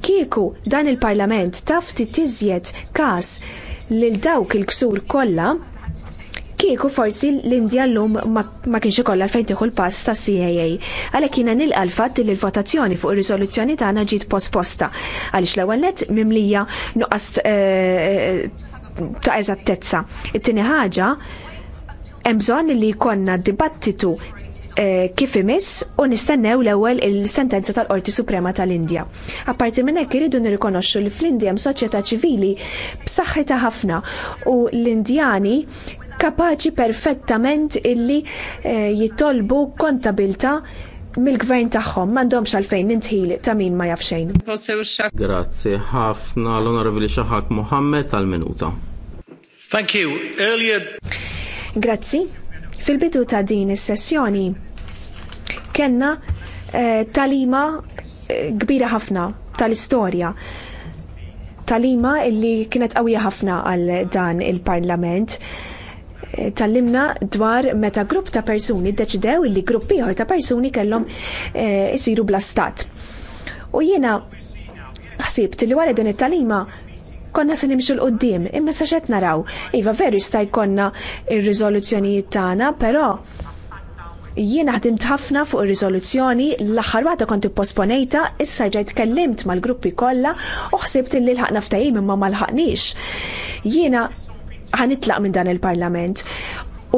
Kieku dan il-Parlament tafti tizjet kas lil dawk il-ksur kollha kieku forsi l-Indja l-lum ma kienx ikollha fejn tieħu l-pass ta' CIA. Għalhekk jiena nilqa' l-fatt li l-votazzjoni fuq ir-riżoluzzjoni tagħna ġiet posposta għaliex l-ewwel nett mimlija nuqqas eh, ta' eżattezza. It-tieni ħaġa hemm bżonn li jkollna dibattitu eh, kif imiss u nistennew l-ewwel il-sentenza tal-Qorti Suprema tal-Indja. Apparti minn hekk iridu nirrikonoxxu li fl-Indja hemm soċjetà ċivili b'saħħitha ħafna u l-Indjani kapaċi perfettament illi eh, jitolbu kontabilta mill-gvern tagħhom m'għandhomx għalfejn nintħil ta' min ma jafxejn. Grazzi ħafna l-Onorevoli Shahak Muhammed tal-Minuta. Thank you. Earlier... Grazzi. Fil-bidu ta' din is-sessjoni kenna eh, talima eh, kbira eh, ħafna tal-istorja. Talima illi kienet qawwija ħafna għal dan il-Parlament eh, tallimna dwar meta grupp ta' persuni deċidew illi grupp ieħor ta' persuni kellhom eh, isiru bla stat. U jiena ħsibt li wara din it-talima konna se nimxu l-qoddim, imma se xed naraw. Iva veru jista' jkollna il riżoluzzjonijiet tagħna, però jiena ħdimt ħafna fuq ir-riżoluzzjoni l-aħħar wata kont ipposponejta, issa ġejt tkellimt mal-gruppi kollha u ħsibt li l-ħaqna ftajim imma ma lħaqniex. Jiena ħanitlaq minn dan il-Parlament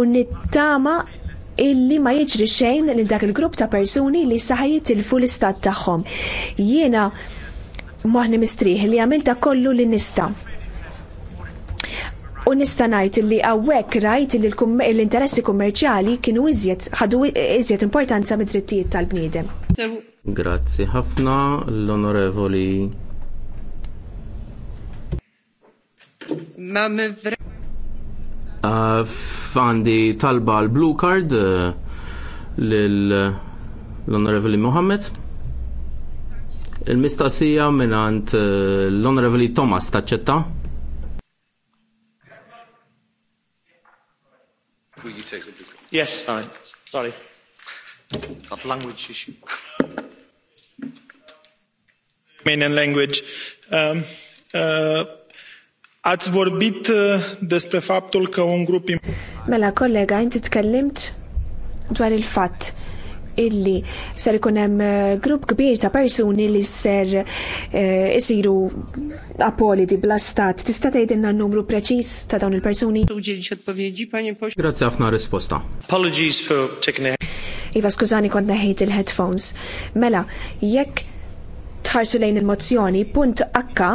u nittama illi ma jiġri xejn lil dak il-grupp ta' persuni li saħajiet il-fu l-istat tagħhom. Jiena maħni mistriħ li għamilta kollu li nista. U nista ngħid li hawnhekk rajt li l-interessi kummerċali kienu iżjed ħadu iżjed importanza mid-drittijiet tal-bniedem. Grazzi ħafna l-onorevoli. Għandi talba l-blue card eh, l-onorevoli Mohammed. Il-mistoqsija minn għand eh, l-Onorevoli Thomas taċċetta. Yes, I, sorry. That language issue. Main and language. Um, uh, ați vorbit uh, despre faptul că un grup... Mela, kollega, inti tkellimt dwar il fat illi ser ikun hemm eh, grupp kbir ta' persuni li ser eh, isiru apolidi bla stat. Tista' tgħidilna n-numru preċiż ta' dawn il-persuni? Grazzi ħafna risposta. Apologies for taking Iva skużani kont neħejt il-headphones. Mela, jekk tħarsu lejn il-mozzjoni, punt akka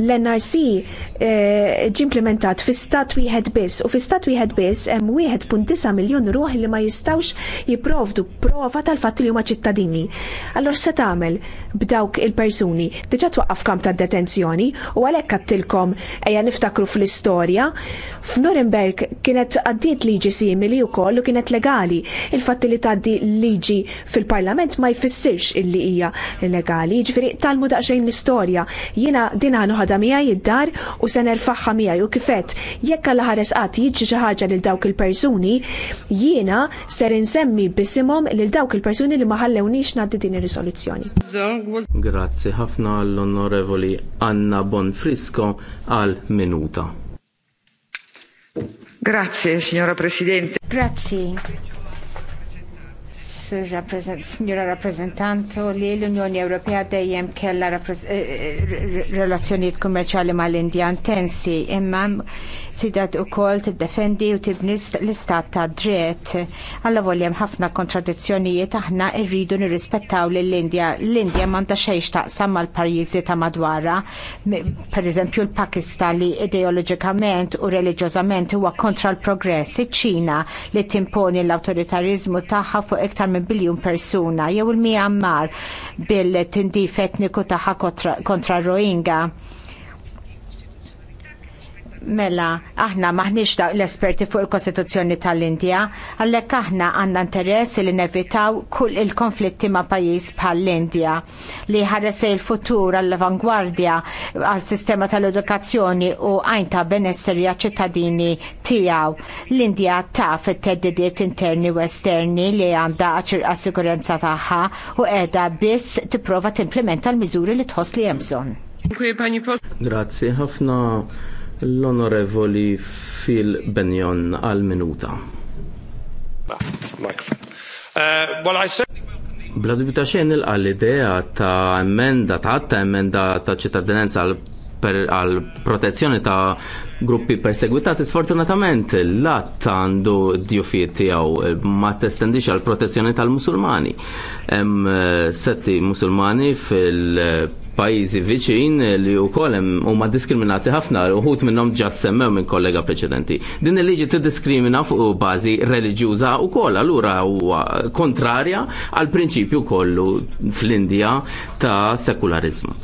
l-NRC eh, ġimplementat fi stat wieħed biss u fi stat wieħed biss hemm wieħed punt 1.9 miljun ruħ li ma jistawx jipprovdu prova tal-fatt li huma ċittadini. Allora se tagħmel b'dawk il-persuni. Diġa twaqqaf kamp ta' detenzjoni u għalhekk għattilkom eja niftakru fl-istorja. F'Nuremberg kienet għaddiet liġi simili wkoll u kienet legali. Il-fatti li tgħaddi liġi fil-Parlament ma jfissirx illi hija legali. Ġifiri talmu daqsxejn l-istorja. Jiena din ħanuħadha mija id-dar u se nerfaħħa miegħi u kifet jekk għal ħares qatt jiġi xi ħaġa lil dawk il-persuni, jiena ser insemmi bisimom lil dawk il-persuni li ma ħallewniex ngħaddi din ir-risoluzzjoni was... Grazzi ħafna l-Onorevoli Anna Bonfrisco għal minuta. Grazie, signora Presidente. Grazie. Signora rappresentanto li l-Unjoni Ewropea dejjem kellha eh, eh, relazzjonijiet kummerċjali mal-Indja intensi imma tidat u kol t-defendi u tibnis l-istat ta' dritt. Alla voljem ħafna kontradizzjonijiet aħna irridu nirrispettaw l-Indja. L-Indja manda ta' taqsam mal pajjiżi ta' madwara, per eżempju l-Pakistan li ideoloġikament u reliġjożament huwa kontra l-progress, iċ-Ċina li timponi l-autoritarizmu tagħha fuq iktar minn biljun persuna, jew il mijammar bil-tindif etniku tagħha kontra Rohingya Mela, aħna maħniex da l-esperti fuq il-Kostituzzjoni tal-Indja, għallek aħna għanna interess li nevitaw kull il-konflitti ma' pajis bħall-Indja li ħarrese il-futur għall-avangwardja għall-sistema tal-edukazzjoni u għajnta benesserja ċittadini tijaw. L-Indja taf fit teddidiet interni u esterni li għanda assikurenza taħħa u edha biss tipprova implementa l-miżuri li tħoss li jemżon. Grazie ħafna L-Onorevoli Phil benjon għal-minuta. Ah, uh, Bla dubita xejn il idea ta' emenda, ta' għatta emenda ta' ċittadinanza għal protezzjoni ta' gruppi perseguitati sfortunatament l-att għandu d-djufiet tijaw ma testendix għal protezzjoni tal-musulmani. Hemm eh, setti musulmani fil- pajizi viċin li wkoll huma diskriminati ħafna uħud minnhom ġas semmew minn kollega preċedenti. Din il-liġi tiddiskrimina fuq bażi reliġjuża wkoll allura huwa kontrarja għal prinċipju kollu fl-Indja ta' sekularizmu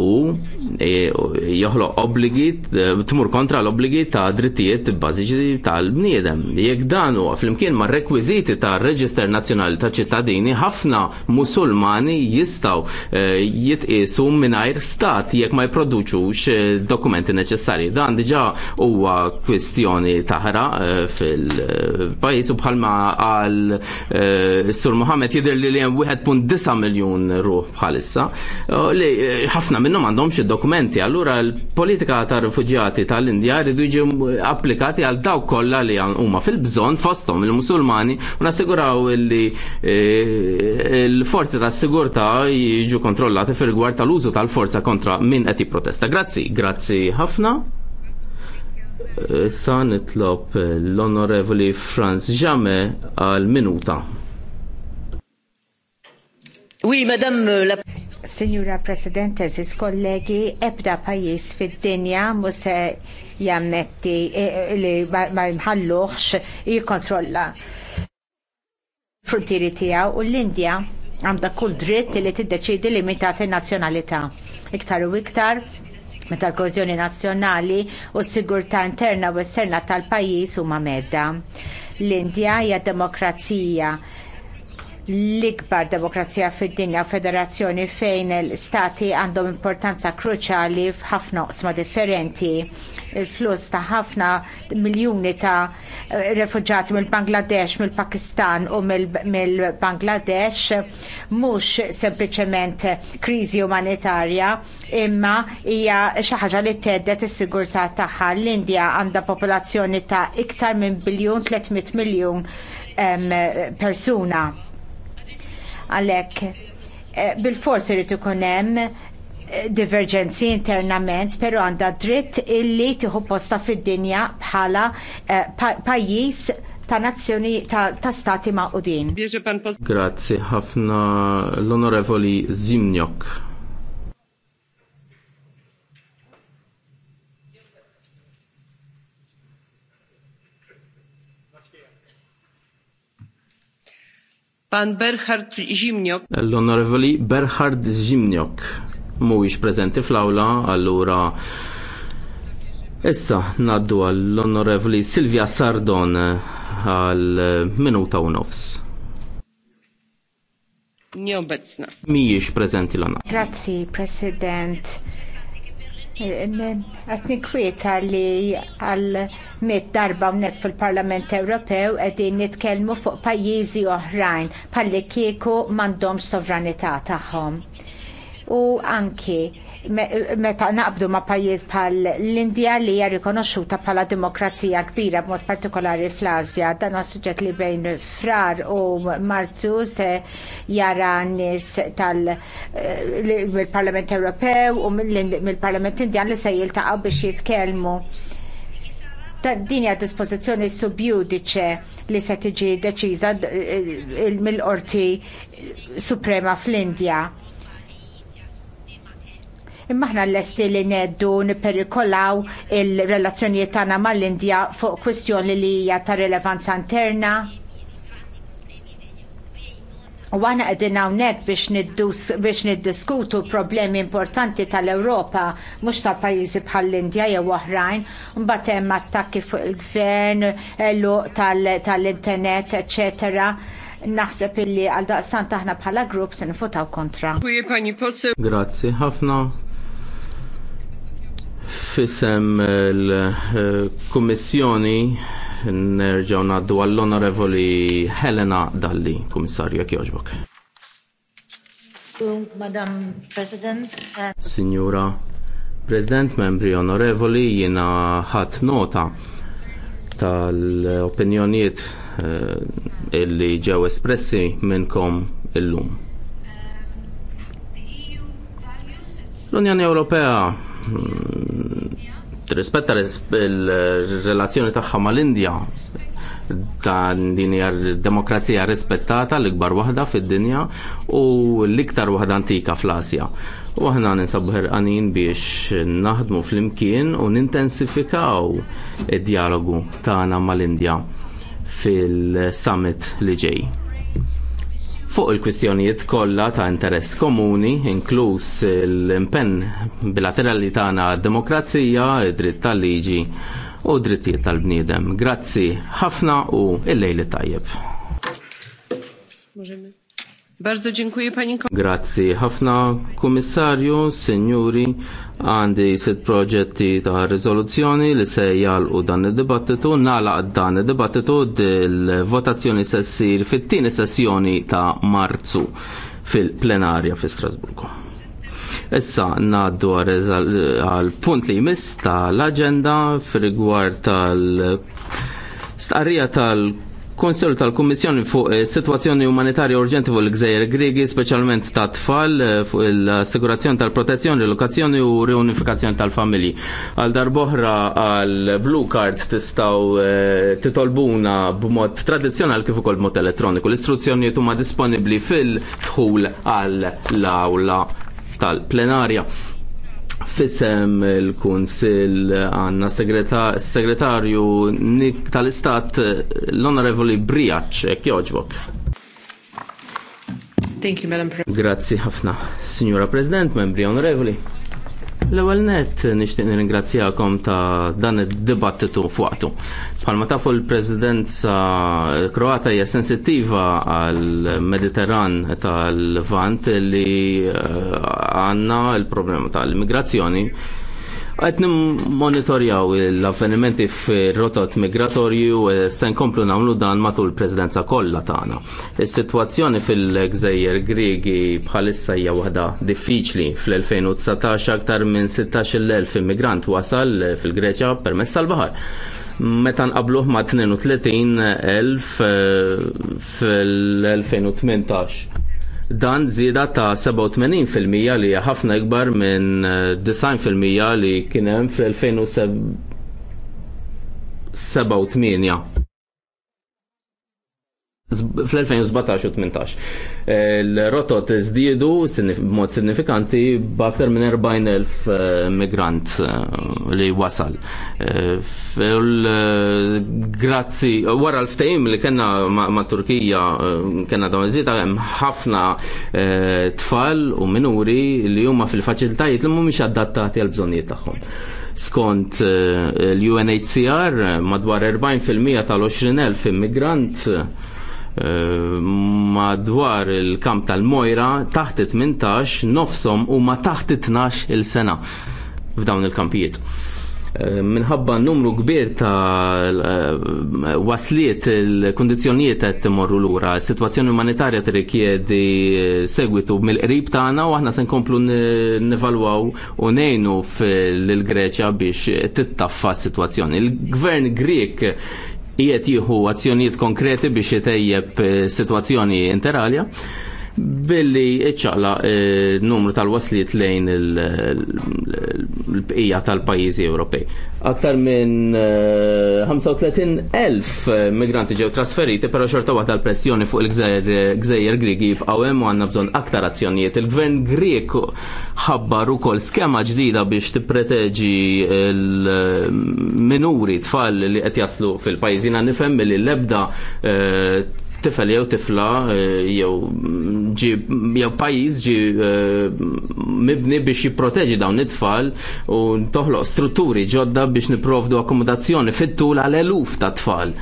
u e, joħloq obbligi e, tmur kontra l-obbligi ta' drittijiet bażiċi tal-bniedem. Jekk dan huwa flimkien ma' rekwiżiti ta' Reġister Nazzjonali ta' Ċittadini, ħafna musulmani jistgħu e, jitqisu mingħajr stat jekk ma jproduċux dokumenti neċessarji. Dan diġà huwa kwistjoni taħra fil-pajjiż u bħalma għal Sur Muhammad jidher li hemm 1.9 miljun ruħ bħalissa li ħafna minnum għandhomx id-dokumenti. Allura l-politika ta' rifuġjati tal-Indja rridu jiġu applikati għal dawk kollha li huma fil-bżonn fosthom il-Musulmani u nassiguraw li eh, l-forzi ta' sigurtà jiġu kontrollati fil-gwar tal-użu tal-forza kontra min qed jipprotesta. Grazzi, grazzi ħafna. Eh, sa nitlob l-Onorevoli Franz Jame għal minuta. Oui, madame euh, la Signora Presidente, sis kollegi, ebda pajis fid-dinja muse se jammetti e, e, li ma jmħalluħx jikkontrolla frontieri tiegħu u l-Indja għandha kull dritt li tiddeċidi li mitati nazzjonalità. Iktar u iktar meta l kozjoni nazzjonali u s-sigurtà interna u esterna tal-pajjiż huma medda. L-Indja hija demokrazija l-ikbar demokrazija fid-dinja federazzjoni fejn l-stati għandhom importanza kruċjali f'ħafna oqsma differenti. Il-flus ta' ħafna miljuni ta' refuġati mill-Bangladesh, mill-Pakistan u mill-Bangladesh mhux sempliċement kriżi umanitarja imma hija xi ħaġa li teddet is-sigurtà tagħha. L-Indja għandha popolazzjoni ta' iktar minn biljun 300 miljun persuna Għalhekk eh, bil-fors irid ikun hemm eh, divergenzi internament, pero għandha dritt illi tiħu posta fid-dinja bħala eh, pajjiż ta' nazzjoni ta' stati ma' udin. Grazzi ħafna l-onorevoli Zimnjok. Pan Berhard Zimniok. L-Onorevoli Berhard Zimniok mhuwiex prezenti fl-awla, allura issa naddu għall-Onorevoli Silvia Sardon għal minuta u nofs. Mhijiex prezenti l-għana. Grazzi, President Għatni kwieta li għal mit darba unnek fil-Parlament Ewropew għedin nitkelmu fuq pajjiżi oħrajn palli kieku mandom sovranità tagħhom. U anki meta naqbdu ma' pajjiż bħal l-Indja li hija rikonoxxuta bħala demokrazija kbira b'mod partikolari fl-Asja. Dan huwa suġġett li bejn frar u Marzu se jara nies tal-Parlament eh, Ewropew u mill-Parlament Indjan li se jiltaqgħu biex jitkellmu din hija dispożizzjoni subjudice li se tiġi deċiża eh, mill-qorti Suprema fl-Indja imma aħna lesti li neddu nipperikolaw il-relazzjonijiet tagħna mal-Indja fuq kwistjoni li hija ta' rilevanza interna. U għana għedin għawnek biex niddiskutu problemi importanti tal-Europa, mux ta' pajizi bħall-Indja jew oħrajn, mbagħad hemm attakki fuq il-gvern, l lu tal-internet, eccetera naħseb illi għal daqstan taħna bħala grupp se nifutaw kontra. Grazzi ħafna Fisem l-Kummissjoni nerġaw naddu għall-Onorevoli Helena Dalli, Kummissarju Kjoġbok. Madam President. Signora President, membri onorevoli, jina ħat nota tal-opinjonijiet eh, illi ġew espressi minnkom illum. L-Unjoni Ewropea rispetta il-relazzjoni tagħha mal-Indja dan din hija demokrazija rispettata l-ikbar waħda fid-dinja u l-iktar waħda antika fl-Asja. U aħna ninsabu ħerqanin biex naħdmu fl-imkien u nintensifikaw id-dialogu tagħna mal-Indja fil-summit li ġej fuq il-kwistjonijiet kollha ta' interess komuni, inkluż l-impenn bilaterali tagħna għad-demokrazija, id-dritt tal-liġi u drittijiet tal-bniedem. Grazzi ħafna u il-lejli tajjeb. Bardzo dziękuję pani Grazzi ħafna kummissarju, sinjuri, għandi sitt proġetti ta' rizoluzzjoni li se u dan id-dibattitu, nala dan id-dibattitu dil-votazzjoni se ssir fit-tieni sessjoni ta' Marzu fil-plenarja fi Strasburgo. Issa naddu għal punt li jmiss tal-agenda fil-rigward tal-starija tal-, -agenda, tal Konsil tal-Kummissjoni fuq eh, situazzjoni umanitarja urġenti fuq l-Gżejjer Grigi, speċjalment ta' tfal eh, fuq l-assigurazzjoni tal-protezzjoni, l l-lokazzjoni u reunifikazzjoni tal-familji. Għal darboħra għal Blue Card tistaw eh, titolbuna b'mod tradizzjonali kif ukoll b'mod elettroniku. L-istruzzjonijiet huma disponibbli fil-dħul għall-awla tal-plenarja. Fisem il-Kunsil għanna segretarju tal-Istat l-Onorevoli Briaċ, kjoġbok. Thank you, Madam President. Grazzi ħafna, Signora President, membri onorevoli. L-ewwel nett nixtieq nirringrazzjakom ta' dan id-dibattitu fuqtu. Bħalma tafu l-Presidenza Kroata hija sensittiva għal Mediterran tal-Vant li eh, għandna l problema tal-immigrazzjoni Għet monitorjaw l-avvenimenti f-rotot migratorju e, sen komplu namlu dan matul prezidenza kollha tagħna. Is-sitwazzjoni fil gżegjer grigi bħalissa hija waħda diffiċli. Fl-2019 aktar minn 16,000 immigrant wasal fil-Greċja permess tal-baħar meta nqabluh ma' 32,000 e, fil-2018 dan żieda ta' 87% li ħafna ikbar minn 90% eh, li kien hemm fl-2007 8 fl-2017 u 18. Il-rotot eh, zdiedu mod signifikanti b'aktar minn 40.000 eh, migrant eh, li wasal. Grazzi, wara l-ftejim li kena ma' Turkija kena da' mażita, hemm ħafna tfal u minuri li huma fil facilitajiet li mumiex adattati għal bżonijiet tagħhom skont l-UNHCR madwar 40% tal-20.000 immigrant Eh, madwar il-kamp tal-Mojra taħt 18 nofsom u ma taħt 12 il-sena f'dawn il-kampijiet. Eh, minħabba numru kbir ta' eh, wasliet il-kondizjonijiet qed timorru lura, situazzjoni umanitarja t-rikjedi segwitu mill-qrib tagħna u għahna se nkomplu nivalwaw u nejnu fil-Greċja biex tittaffa s-sitwazzjoni. Il-Gvern Grek jiet jieħu azzjonijiet konkreti biex jitejjeb eh, situazzjoni interalja billi iċċaqla eh, numru tal-wasliet lejn il-bqija tal-pajjiżi Ewropej. Aktar minn 35,000 eh, eh, migranti ġew trasferiti, però xorta waħda l-pressjoni fuq il-gżejjer Grigi jibqgħu hemm u għandna bżonn aktar azzjonijiet. Il-Gvern Grieg ħabbar ukoll skema ġdida biex tippreteġi l-minuri tfal li qed jaslu fil-pajjiżina nifhem li l-ebda tifel jew tifla eh, jew ġi jew pajjiż ġi eh, mibni biex jipproteġi dawn it-tfal u toħloq strutturi ġodda biex niprovdu akkomodazzjoni fit-tul għal eluf ta' tfal.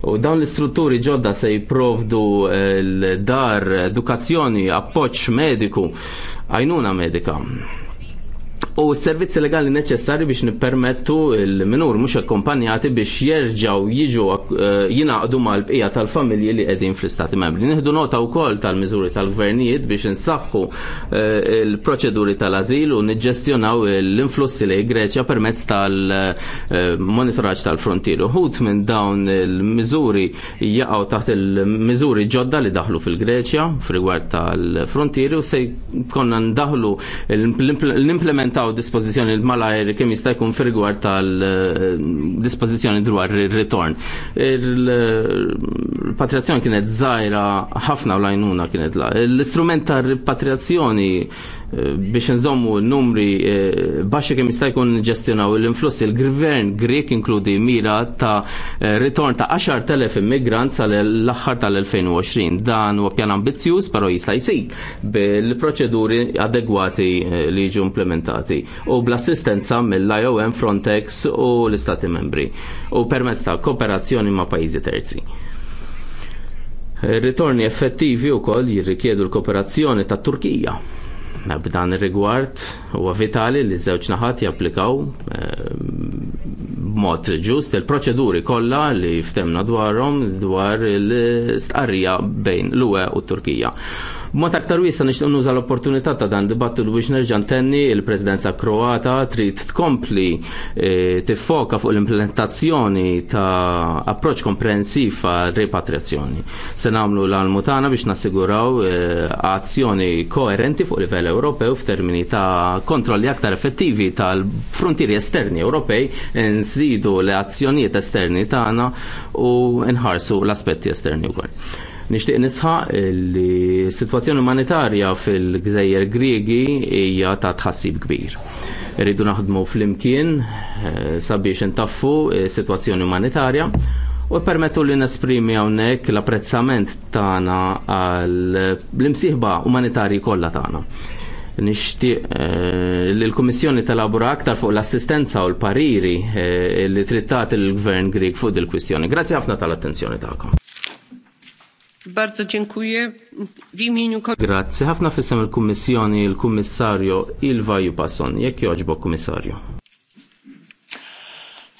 U dawn l-istrutturi ġodda se jiprovdu eh, l-dar, edukazzjoni, appoċ mediku, għajnuna medika. U s-servizzi legali neċessari biex nippermettu il-minur mhux akkompanjati biex jerġgħu jiġu Eh, jinaqdu mal-bqija tal-familji li qegħdin fl-Istati Membri. Nieħdu nota wkoll tal-miżuri tal-gvernijiet biex insaħħu eh, il-proċeduri tal-azil u niġġestjonaw l-influssi li Greċja permezz tal-monitoraġġ tal eh, frontiru Uħud minn dawn il-miżuri jaqgħu taħt il-miżuri ġodda li daħlu fil-Greċja f'rigward tal-frontieri u se konna ndaħlu l-implementaw dispożizzjoni l-malajr kemm jista' jkun f'rigward tal-dispożizzjoni dwar ir-ritorn il-repatriazzjoni kienet zaħira ħafna u lajnuna kienet la. L-istrument ta' repatriazzjoni biex nżommu numri eh, baxi kemm jista' jkun ġestjonaw l-influssi il-gvern Grek inkludi mira ta' eh, ritorn ta' 10,000 immigrant l aħħar tal-2020. Dan huwa pjan ambizzjuż però jista' jsir bil-proċeduri adegwati eh, li jiġu implementati u bl-assistenza mill-IOM Frontex u l-Istati membri u permezz ta' kooperazzjoni ma' pajjiżi terzi. Ritorni effettivi wkoll jirrikjedu l-kooperazzjoni tat Turkija B'dan ir-rigward huwa vitali li ż-żewġ naħat japplikaw eh, b'mod ġust il-proċeduri kollha li ftemna dwarhom dwar il-stqarrija bejn l-UE u t Turkija. Mod aktar wiesa nixtieq nuża l-opportunità ta' dan dibattitu biex nerġan tenni il-Presidenza Kroata trid tkompli e, tifoka fuq l-implementazzjoni ta' approċċ komprensiv għal repatriazzjoni. Se nagħmlu l almutana biex nasiguraw e, azzjoni koerenti fuq livell Ewropew f'termini ta' kontrolli aktar effettivi tal-frontieri esterni Ewropej nżidu l-azzjonijiet esterni tagħna u nħarsu l-aspetti esterni wkoll. Nixtieq nisħa li s-sitwazzjoni umanitarja fil-Gżejjer Griegi hija ta' tħassib kbir. Irridu naħdmu flimkien eh, sabiex intaffu eh, s-sitwazzjoni umanitarja u permettu li nesprimi hawnhekk l-apprezzament tagħna għall imsieħba umanitarji kollha tagħna Nixtieq eh, li l kummissjoni talabura aktar fuq l-assistenza u l-pariri li trittat il-Gvern Grieg fuq dil-kwistjoni. Grazzi ħafna tal-attenzjoni tagħkom. Bardzo dziękuję. W imieniu Grazie Hafna fissem il-Kummissjoni il-Kummissarju Ilva Jupason. Jekk joġbok Kummissarju.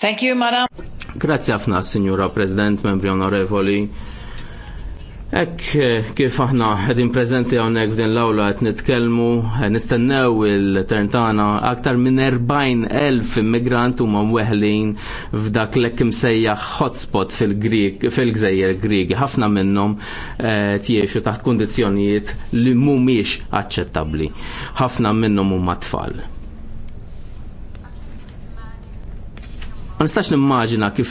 Thank you, madam. Grazie ħafna, Signora President, membri onorevoli. Ek eh, kif aħna għedin prezenti għonek din l-awla għed nitkelmu, eh, nistennew il-terntana aktar minn 40.000 immigrant u ma mweħlin f'dak l-ek sejja hotspot fil-gżejjer Grigi. ħafna minnhom eh, tiexu taħt kondizjonijiet li mumiex aċċettabli. ħafna minnhom huma tfal. Ma nistax nimmaġina kif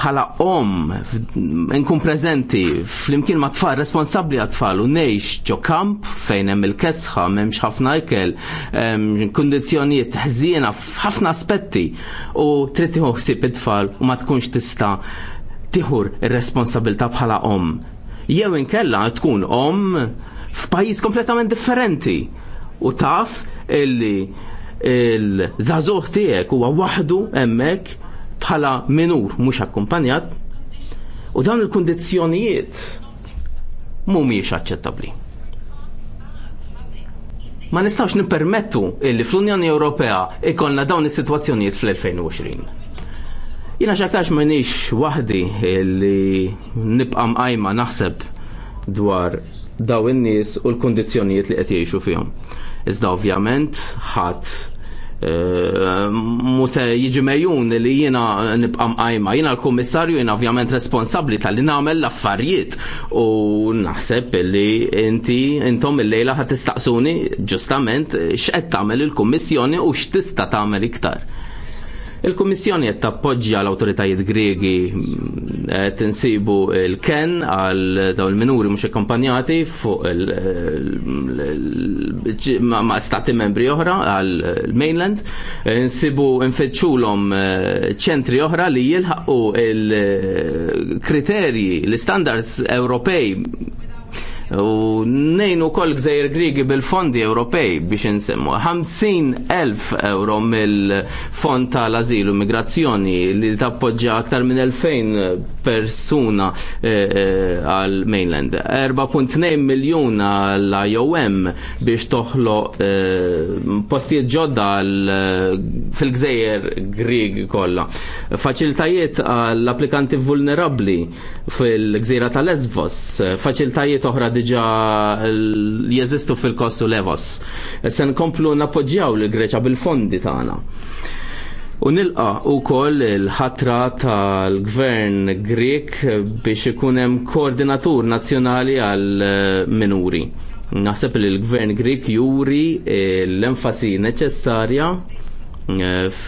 bħala om nkun preżenti flimkien ma' tfal responsabbli għat-tfal u ngħix ġo kamp fejn hemm il-kesħa m'hemmx ħafna ikel, kundizzjonijiet ħżiena f'ħafna aspetti u trid tieħu ħsieb it-tfal u ma tkunx tista' tieħur ir responsabilità bħala om. Jew inkella tkun om f'pajjiż kompletament differenti u taf illi il żagħżugħ tiegħek huwa waħdu hemmhekk bħala minur mhux akkumpanjat u dawn il-kundizzjonijiet mhumiex aċċettabbli. Ma nistax nippermettu illi fl-Unjoni Ewropea ikollna dawn is-sitwazzjonijiet fl-2020. Jiena xaktarx m'għandix waħdi li nibqa' mqajma naħseb dwar daw in-nies u l kundizzjonijiet li qed jgħixu fihom. Iżda ovvjament ħadd mu se jiġi mejjun li jiena nibqa' mqajma. Jiena l-kummissarju jiena ovvjament responsabbli tal-li nagħmel l-affarijiet u naħseb li inti intom illejla ħad tistaqsuni ġustament x'qed tagħmel il-Kummissjoni u x'tista' tagħmel iktar. Il-Kummissjoni qed tappoġġja l-awtoritajiet Griegi tinsibu mm, l-ken għal dawn il-minuri mhux akkompanjati fuq ma' stati membri oħra għal mainland insibu nfittxulhom eh, ċentri oħra li jilħaqu il-kriterji, eh, l-standards Ewropej U nejnu kol gżajr Grigi bil-fondi Ewropej biex nsemmu 50.000 euro mill-fond tal-azilu migrazzjoni li tappoġġa aktar minn 2000 persuna eh, eh, għal mainland. 4.2 miljon għal IOM biex toħlo eh, postijiet ġodda fil-gżejjer Grieg kollha. Faċiltajiet għall applikanti vulnerabli fil-gżira tal-Lesvos, faċiltajiet oħra diġa jeżistu fil-Kossu Levos. Se nkomplu nappoġġjaw l-Greċa bil-fondi tagħna. U nilqa wkoll il-ħatra tal-gvern Grek biex ikun hemm koordinatur nazzjonali għal eh, minuri. Naħseb li l-gvern Grek juri eh, l-enfasi neċessarja eh,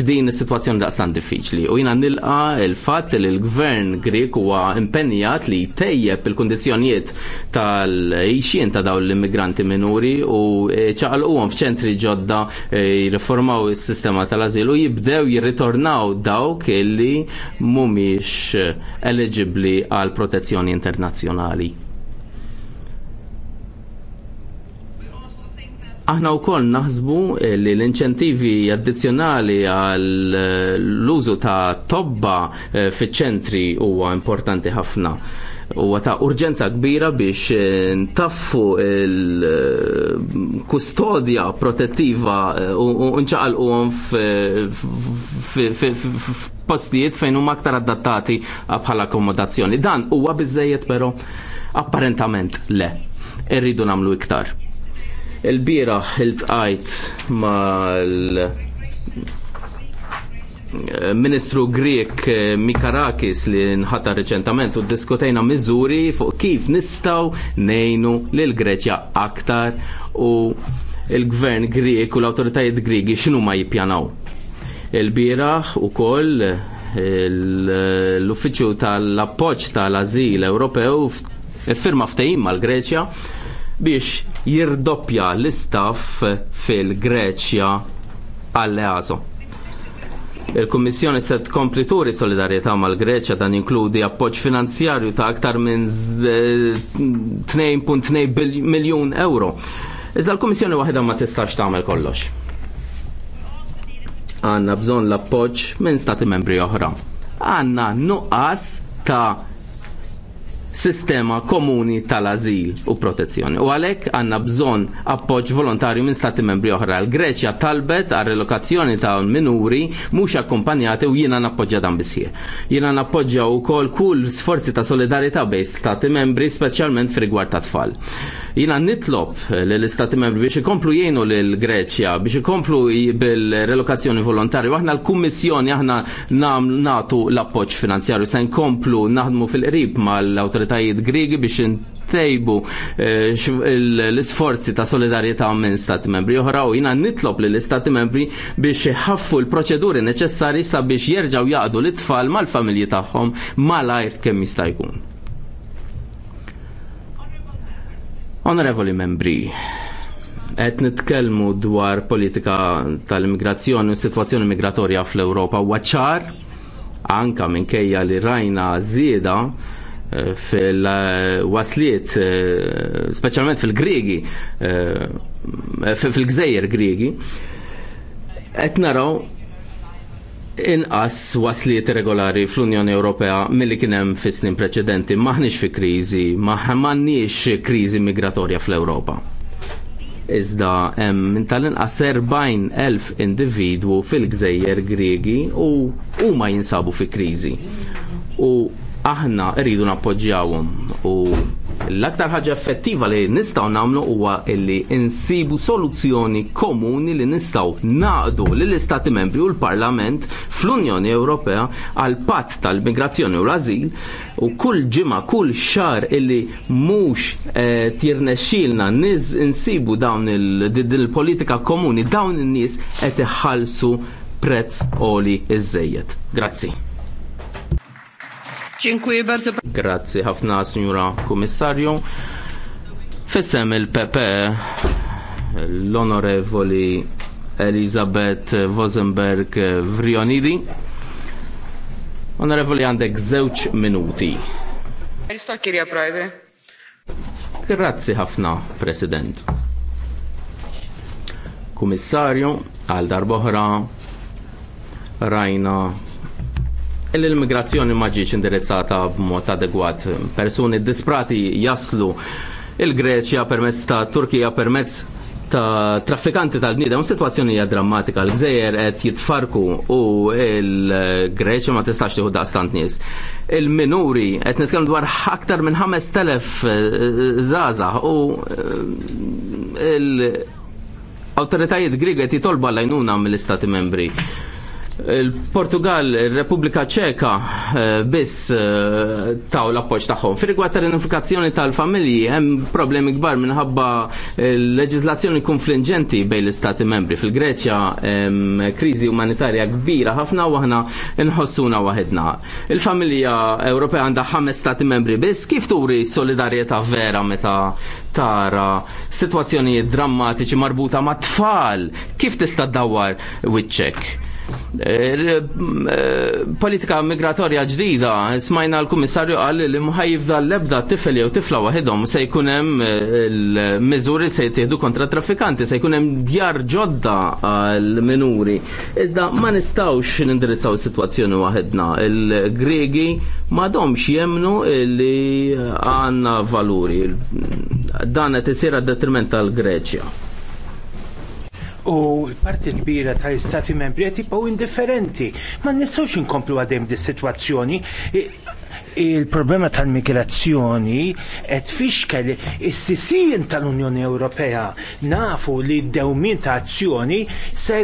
f'din is-sitwazzjoni daqstan diffiċli u jiena nilqa l-fatt li l-gvern Grek huwa impenjat li jtejjeb il-kundizzjonijiet tal-ixjien ta' dawn l-immigranti minuri u ċaqalquhom f'ċentri ġodda eh, jirriformaw is-sistema tal-azil u jibdew jirritornaw dawk illi mhumiex eligibbli għal protezzjoni internazzjonali. Aħna wkoll naħsbu li l-inċentivi addizzjonali għal eh, użu ta' tobba eh, fiċ-ċentri huwa importanti ħafna huwa ta' urġenza kbira biex eh, ntaffu l kustodja protettiva u nċaqal f'postijiet fejn huma aktar adattati bħala akkomodazzjoni. Dan huwa biżejjed però apparentament le. Irridu namlu iktar. Il-bira il-tqajt ma l eh, Ministru Grek eh, Mikarakis li nħata reċentament u diskutejna miżuri fuq kif nistaw nejnu lil Greċja aktar u il-gvern Grek u l-autoritajiet Grigi xinu ma jipjanaw. Il-biraħ u koll eh, l-uffiċu tal-appoċ tal-azil Ewropew firma ftejim mal-Greċja biex jirdoppja l-istaff fil-Greċja għall-EASO. Il-Kummissjoni se tkompli turi solidarjetà mal-Greċja dan inkludi appoġġ finanzjarju ta' aktar minn 2.2 miljun euro. Iżda l-Kummissjoni waħda ma tistax tagħmel kollox. Għanna bżonn l-appoġġ minn stati membri oħra. Għanna nuqqas ta' sistema komuni tal-azil u protezzjoni. U għalhekk għandna bżonn appoġġ volontarju minn stati membri oħra. L-Greċja talbet għal relokazzjoni ta' minuri mhux akkumpanjati u jiena nappoġġa dan bisħie. Jiena nappoġġa wkoll kull sforzi ta' solidarità bejn stati membri speċjalment f'rigward ta' tfal. Jina nitlob l-istati membri biex ikomplu jgħinu l-Greċja biex ikomplu bil-relokazzjoni volontarju. Aħna l-Kummissjoni aħna nagħtu l-appoġġ finanzjarju se nkomplu naħdmu fil-qrib mal-awtorità autoritajiet biex intejbu eh, l-isforzi ta' solidarieta minn stati membri oħra u jina nitlob li l-istati membri biex ħaffu l-proċeduri neċessari sabiex jerġaw jaqdu l-tfal mal-familji tagħhom malajr kemm jista' jkun. Onorevoli membri, qed nitkellmu dwar politika tal-immigrazzjoni u situazzjoni migratorja fl-Ewropa huwa ċar anka minkejja li rajna żieda fil-wasliet, eh, speċjalment fil-Griegi, eh, fil-gżejjer Griegi, qed naraw inqas wasliet regolari fl-Unjoni Ewropea milli kien hemm fis-snin preċedenti. Maħniex fi kriżi, m'għandniex kriżi migratorja fl-Ewropa. Iżda hemm minn tal-inqas 40,000 individwu fil-gżejjer Griegi u huma jinsabu fi kriżi. U aħna rridu nappoġġjawhom u l-aktar ħaġa effettiva li nistgħu nagħmlu huwa li insibu soluzzjoni komuni li nistgħu naqdu lill istati membri u l-Parlament fl-Unjoni Ewropea għal patt tal-migrazzjoni u l-azil u kull ġimgħa kull xar illi mhux eh, tirnexxilna niż insibu dawn il-politika komuni dawn in-nies qed iħallsu prezz oli iżejjed. Grazzi. Dziękuję bardzo. Grazzi ħafna, Signora Kummissarju. Fissem il pp l-Onorevoli Elizabeth Vosenberg Vrionidi. Onorevoli għandek zewċ minuti. Grazzi ħafna, President. Kummissarju, għal darboħra rajna l-immigrazzjoni ma ġietx indirizzata b'mod adegwat. Persuni disprati jaslu il-Greċja permezz ta' Turkija permezz ta' traffikanti tal gnida un situazzjoni hija drammatika. L-gżejjer qed jitfarku u l-Greċja ma tistax tieħu daqstant nies. Il-minuri qed nitkellem dwar aktar minn 5000 eh, eh, zaza u eh, l-awtoritajiet Grieg qed jitolbu għall-għajnuna mill-Istati Membri Il-Portugal, il-Repubblika Ċeka eh, biss eh, taw l-appoġġ tagħhom. Fir-rigward tal-unifikazzjoni tal-familji hemm problemi kbar minħabba l leġizlazzjoni konfliġenti bejn l stati membri. Fil-Greċja hemm kriżi umanitarja kbira ħafna u aħna nħossuna waħedna. Il-familja Ewropea għandha ħames stati membri biss kif turi solidarjetà vera meta tara situazzjoni drammatiċi marbuta ma' tfal kif tista' dawwar wiċċek Eh, politika migratorja ġdida, smajna l-Kummissarju għal li mħajjif l-ebda tifel jew tifla waħedhom se jkun hemm eh, il se jtihdu kontra traffikanti, se jkun hemm djar ġodda l minuri. Iżda ma nistawx nindirizzaw is-sitwazzjoni waħedna. Il-Gregi m'għadhomx jemnu li għandna valuri. Dan qed isir għad-detriment tal-Greċja u parti kbira ta' istati membri qed jibqgħu indifferenti. Ma nistgħux inkomplu għadem di sitwazzjoni. Il-problema tal-migrazzjoni qed fixkel is-sisijin tal-Unjoni Ewropea nafu li d-dewmin ta' azzjoni e, se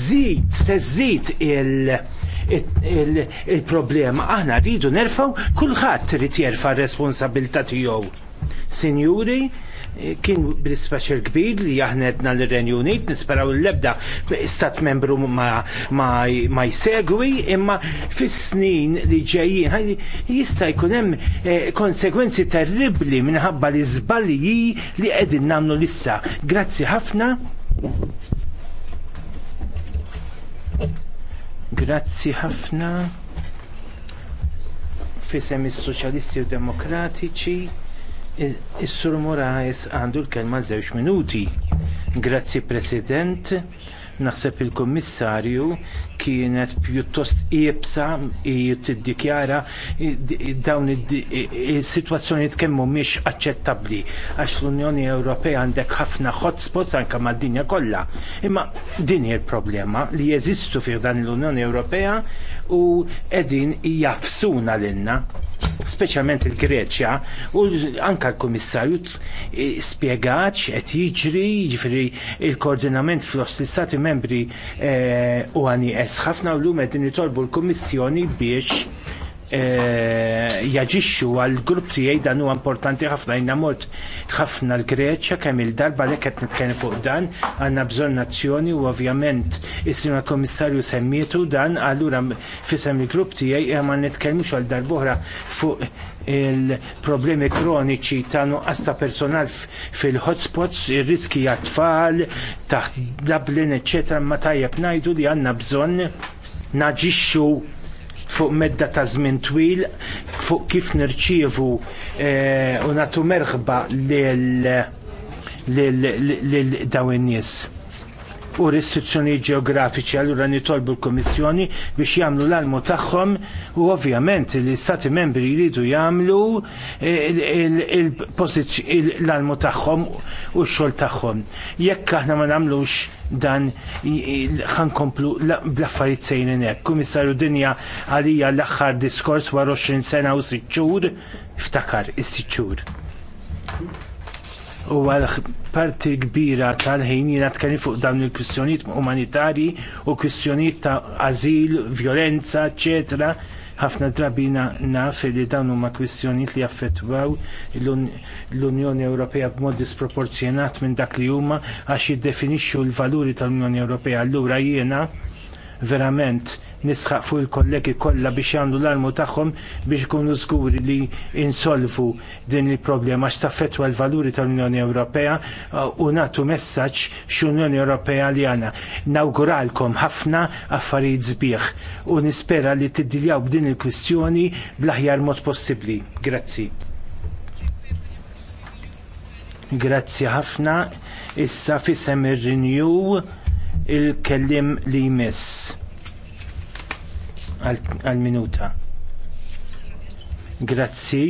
żid se żid il- il-problema. Aħna rridu nerfaw kulħadd irid jerfa' r-responsabilità tiegħu. Sinjuri, kien bil isfaċer kbir li jaħnetna l-Renju Unit, nisperaw l-lebda stat membru ma, jsegwi, imma fis-snin li ġejjin jista' jkun hemm eh, konsegwenzi terribli minħabba li żbalji li qegħdin nagħmlu lissa. Grazzi ħafna. Grazzi ħafna fisem is-Soċjalisti u Demokratiċi. Is-Sur Moraes għandu l-kelma żewġ minuti. Grazzi President, naħseb il kummissarju kienet pjuttost iebsa tiddikjara dawn is sitwazzjoni kemm mhumiex aċċettabbli għax l-Unjoni Ewropea għandek ħafna hotspots anke mad-dinja kollha. Imma din hi l-problema li jeżistu fih dan l-Unjoni Ewropea u qegħdin jafsuna lilna speċjalment il-Greċja, u anka l-Komissarju spiegat x'qed jiġri, jiġri il-koordinament fl-ost l-Stati membri eh, u għani ħafna u l-lum qegħdin jitolbu l-Kummissjoni biex Eh, jaġixxu għal grupp tiegħi dan huwa importanti ħafna jna mod ħafna l-Greċja kemm il-darba li qed nitkellem fuq dan għandna bżonn nazzjoni u ovvjament is-sima kummissarju semmietu dan allura fisem il-grupp tiegħi eh, ma nitkellmux għal oħra fuq il-problemi kroniċi ta' nuqqas ta' personal fil-hotspots, ir-riski għat-tfal, taħt Dublin, eccetera, ma tajjeb ngħidu li għandna bżonn naġixxu fuq medda ta' żmien twil fuq kif nirċievu eh, u nagħtu merħba lil dawn in-nies u restrizzjoni ġeografiċi allura nitolbu l-Komissjoni biex jagħmlu l-almu tagħhom u ovvjament l-Istati membri jridu jagħmlu l-almu tagħhom u x-xogħol tagħhom. Jekk aħna ma nagħmlux dan ħankomplu bl-affarijiet sejnin hekk. Kummissarju dinja għalija l-aħħar diskors wara 20 sena u sitt xhur, iftakar is-sitt u għal parti kbira tal-ħin jina tkellem fuq dawn il-kwistjonijiet umanitarji u kwistjonijiet ta' azil, violenza, eccetera. Ħafna drabina naf li dawn huma kwistjonijiet li affettwaw l-Unjoni Ewropea b'mod disproporzjonat minn dak li huma għax jiddefinixxu l-valuri tal-Unjoni Ewropea. Allura jiena verament nisħaq fuq il-kollegi kollha biex jagħmlu l-armu tagħhom biex ikunu żguri li insolvu din il-problema x'taffettwa l-valuri tal-Unjoni Ewropea uh, u nagħtu messaġġ x'Unjoni Ewropea li għandna Nawguralkom ħafna affarijiet sbieħ u nispera li tiddiljaw b'din il-kwistjoni bl-aħjar mod possibbli. Grazzi. Grazzi ħafna. Issa fisem ir-renew il-kellim li jmiss għal-minuta. Grazzi,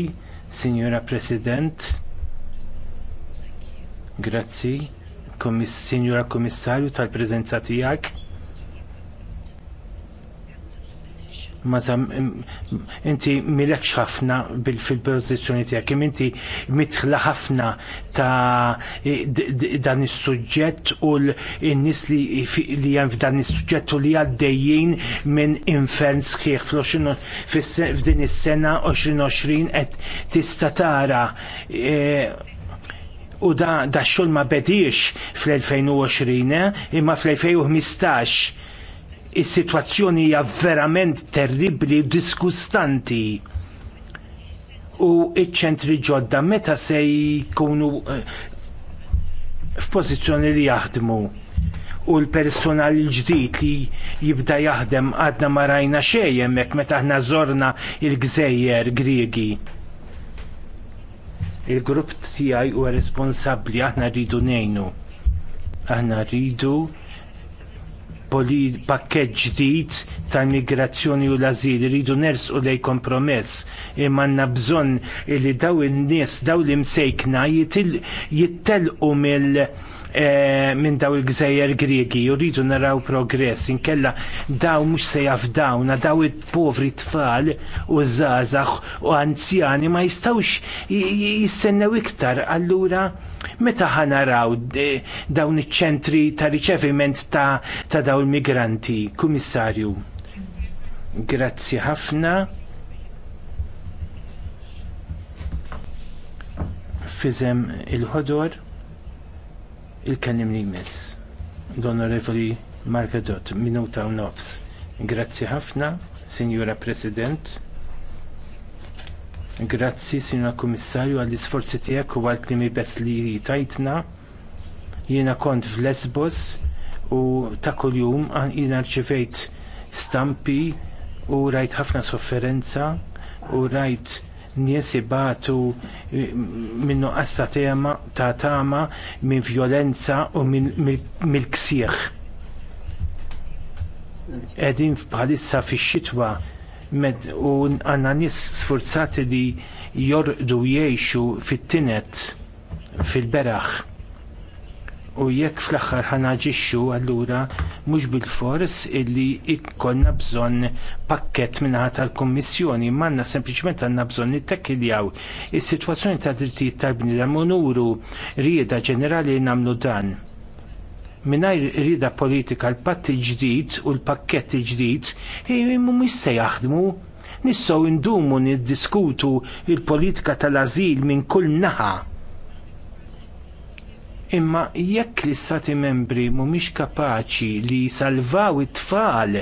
Signora President. Grazzi, Signora Komissarju tal-prezenza tijak ma inti milekx ħafna fil-pozizjoni tiegħek kemm inti mitħla ħafna ta' dan is-suġġett u l nies li hemm f'dan is-suġġett u li għaddejjin minn infern sħiħ f'din is-sena 2020 qed tista' tara e, u da xol xogħol ma bediex fl-2020 imma fl-2015 is-sitwazzjoni hija verament terribli u diskustanti u iċ-ċentri ġodda meta se jkunu eh, f'pożizzjoni li jaħdmu u l-personal ġdid li jibda jaħdem għadna ma rajna xejn hemmhekk meta aħna żorna il-gżejjer Griegi. Il-grupp tiegħi huwa responsabbli aħna rridu ngħinu. Aħna rridu pakkeġġ ġdid tal-migrazzjoni u l-azil iridu nersqu lejn kompromess imma għandna bżonn li daw in-nies daw li msejkna jittelqu mill- Eh, minn daw il-gżejjer Griegi u rridu naraw progress inkella daw mhux se jafdawna daw il-povri tfal u zazax u anzjani ma jistawx jistennew iktar allura meta ħanaraw eh, dawn iċ-ċentri ta' riċeviment ta', ta dawn il-migranti, kummissarju. Grazzi ħafna. Fizem il-ħodor il-kellim li jmiss. Donorevoli Markedot, minuta u nofs. Grazzi ħafna, Signora President. Grazzi, Signora Komissarju, għall-isforzi tiegħek u għall-klimi bess li tajtna. Jiena kont f'Lesbos u ta' kuljum jena rċivejt stampi u rajt ħafna sofferenza u rajt nies ibatu eh, minnu qasta tema ta' tama minn violenza u mill ksieħ Edin bħalissa fi xitwa med u għanna nis sforzati li jorqdu jiexu fit-tinet fil-beraħ U jekk fl-axħar ħanaġixxu allura mhux bil-fors illi ikkonna bżonn pakkett minnaħa tal-Kummissjoni, m'għandna sempliċement għandna bżonn nittakkiljaw is-sitwazzjoni ta' drittijiet tal-bniedem u nuru rieda ġenerali li nagħmlu dan. Mingħajr rieda politika l-patt ġdid u l-pakkett ġdid mhumiex se jaħdmu nistgħu ndumu niddiskutu l politika tal-ażil minn kull naħa Imma jekk l-istati membri mhumiex kapaċi li jsalvaw it-tfal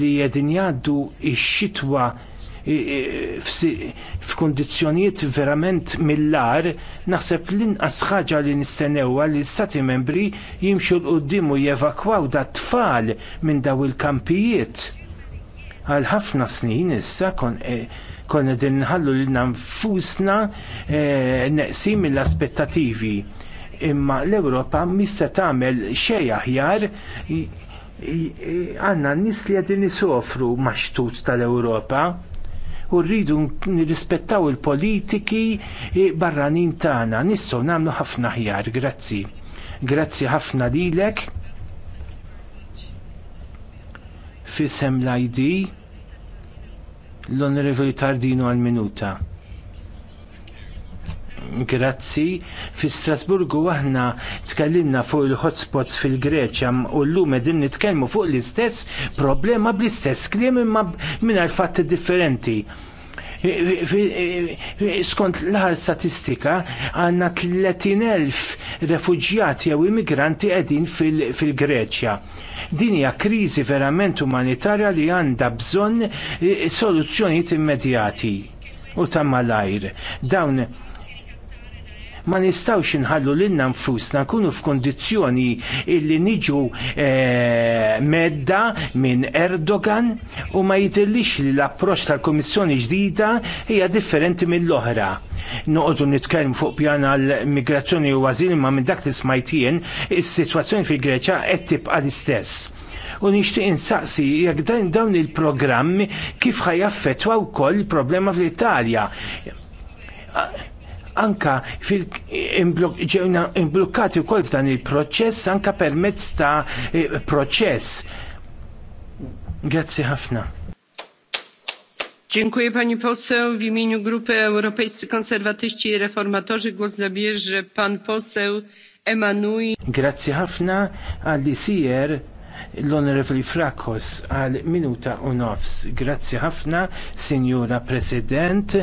li jedin jaddu ix-xitwa f'kundizzjonijiet verament mill naħseb l-inqas ħaġa li nistennewha li l-istati membri jimxu l-qoddim u jevakwaw da tfal minn daw il-kampijiet. Għal ħafna snin issa kon eh, konna din nħallu li nfusna eh, neqsin mill-aspettativi. Imma l-Ewropa mista tagħmel xejn aħjar għanna nis li għedin nisofru maċtut tal-Europa u rridu nirrispettaw il-politiki barranin tagħna. Nistgħu nagħmlu ħafna ħjar, grazzi. Grazzi ħafna lilek. Fisem l-ID l-Onorevoli Tardino għal minuta. Grazzi. Fi Strasburgu aħna tkellimna fuq il-hotspots fil-Greċja u llum qegħdin nitkellmu fuq l-istess problema bl-istess kliem imma mingħajr fatti differenti skont l-ħar statistika għanna 30.000 refugjati jew immigranti qegħdin fil-Greċja. Din hija kriżi verament umanitarja li għandha bżonn eh, soluzzjonijiet immedjati u l-ajr. Dawn ma nistawx inħallu l-inna nfusna nkunu f'kondizjoni illi niġu eh, medda minn Erdogan u ma jidillix li l-approċ tal-Komissjoni ġdida hija differenti mill-oħra. Noqogħdu nitkellmu fuq pjan l migrazzjoni u għażil ma minn dak li smajtien is-sitwazzjoni fil-Greċja qed tibqa' l-istess u nixtieq insaqsi jekk dan dawn il-programmi kif ħajaffettwa wkoll il-problema fl-Italja anka ġejna imblukkati wkoll f'dan il-proċess anka permezz ta' eh, proċess. Grazzi ħafna. Dziękuję pani poseł. W imieniu Grupy Europejscy Konserwatyści i Reformatorzy głos zabierze pan poseł Emanui. Grazie ħafna għalli sijer l-Onorevoli Frakos għal minuta u nofs. Grazzi ħafna, Signora President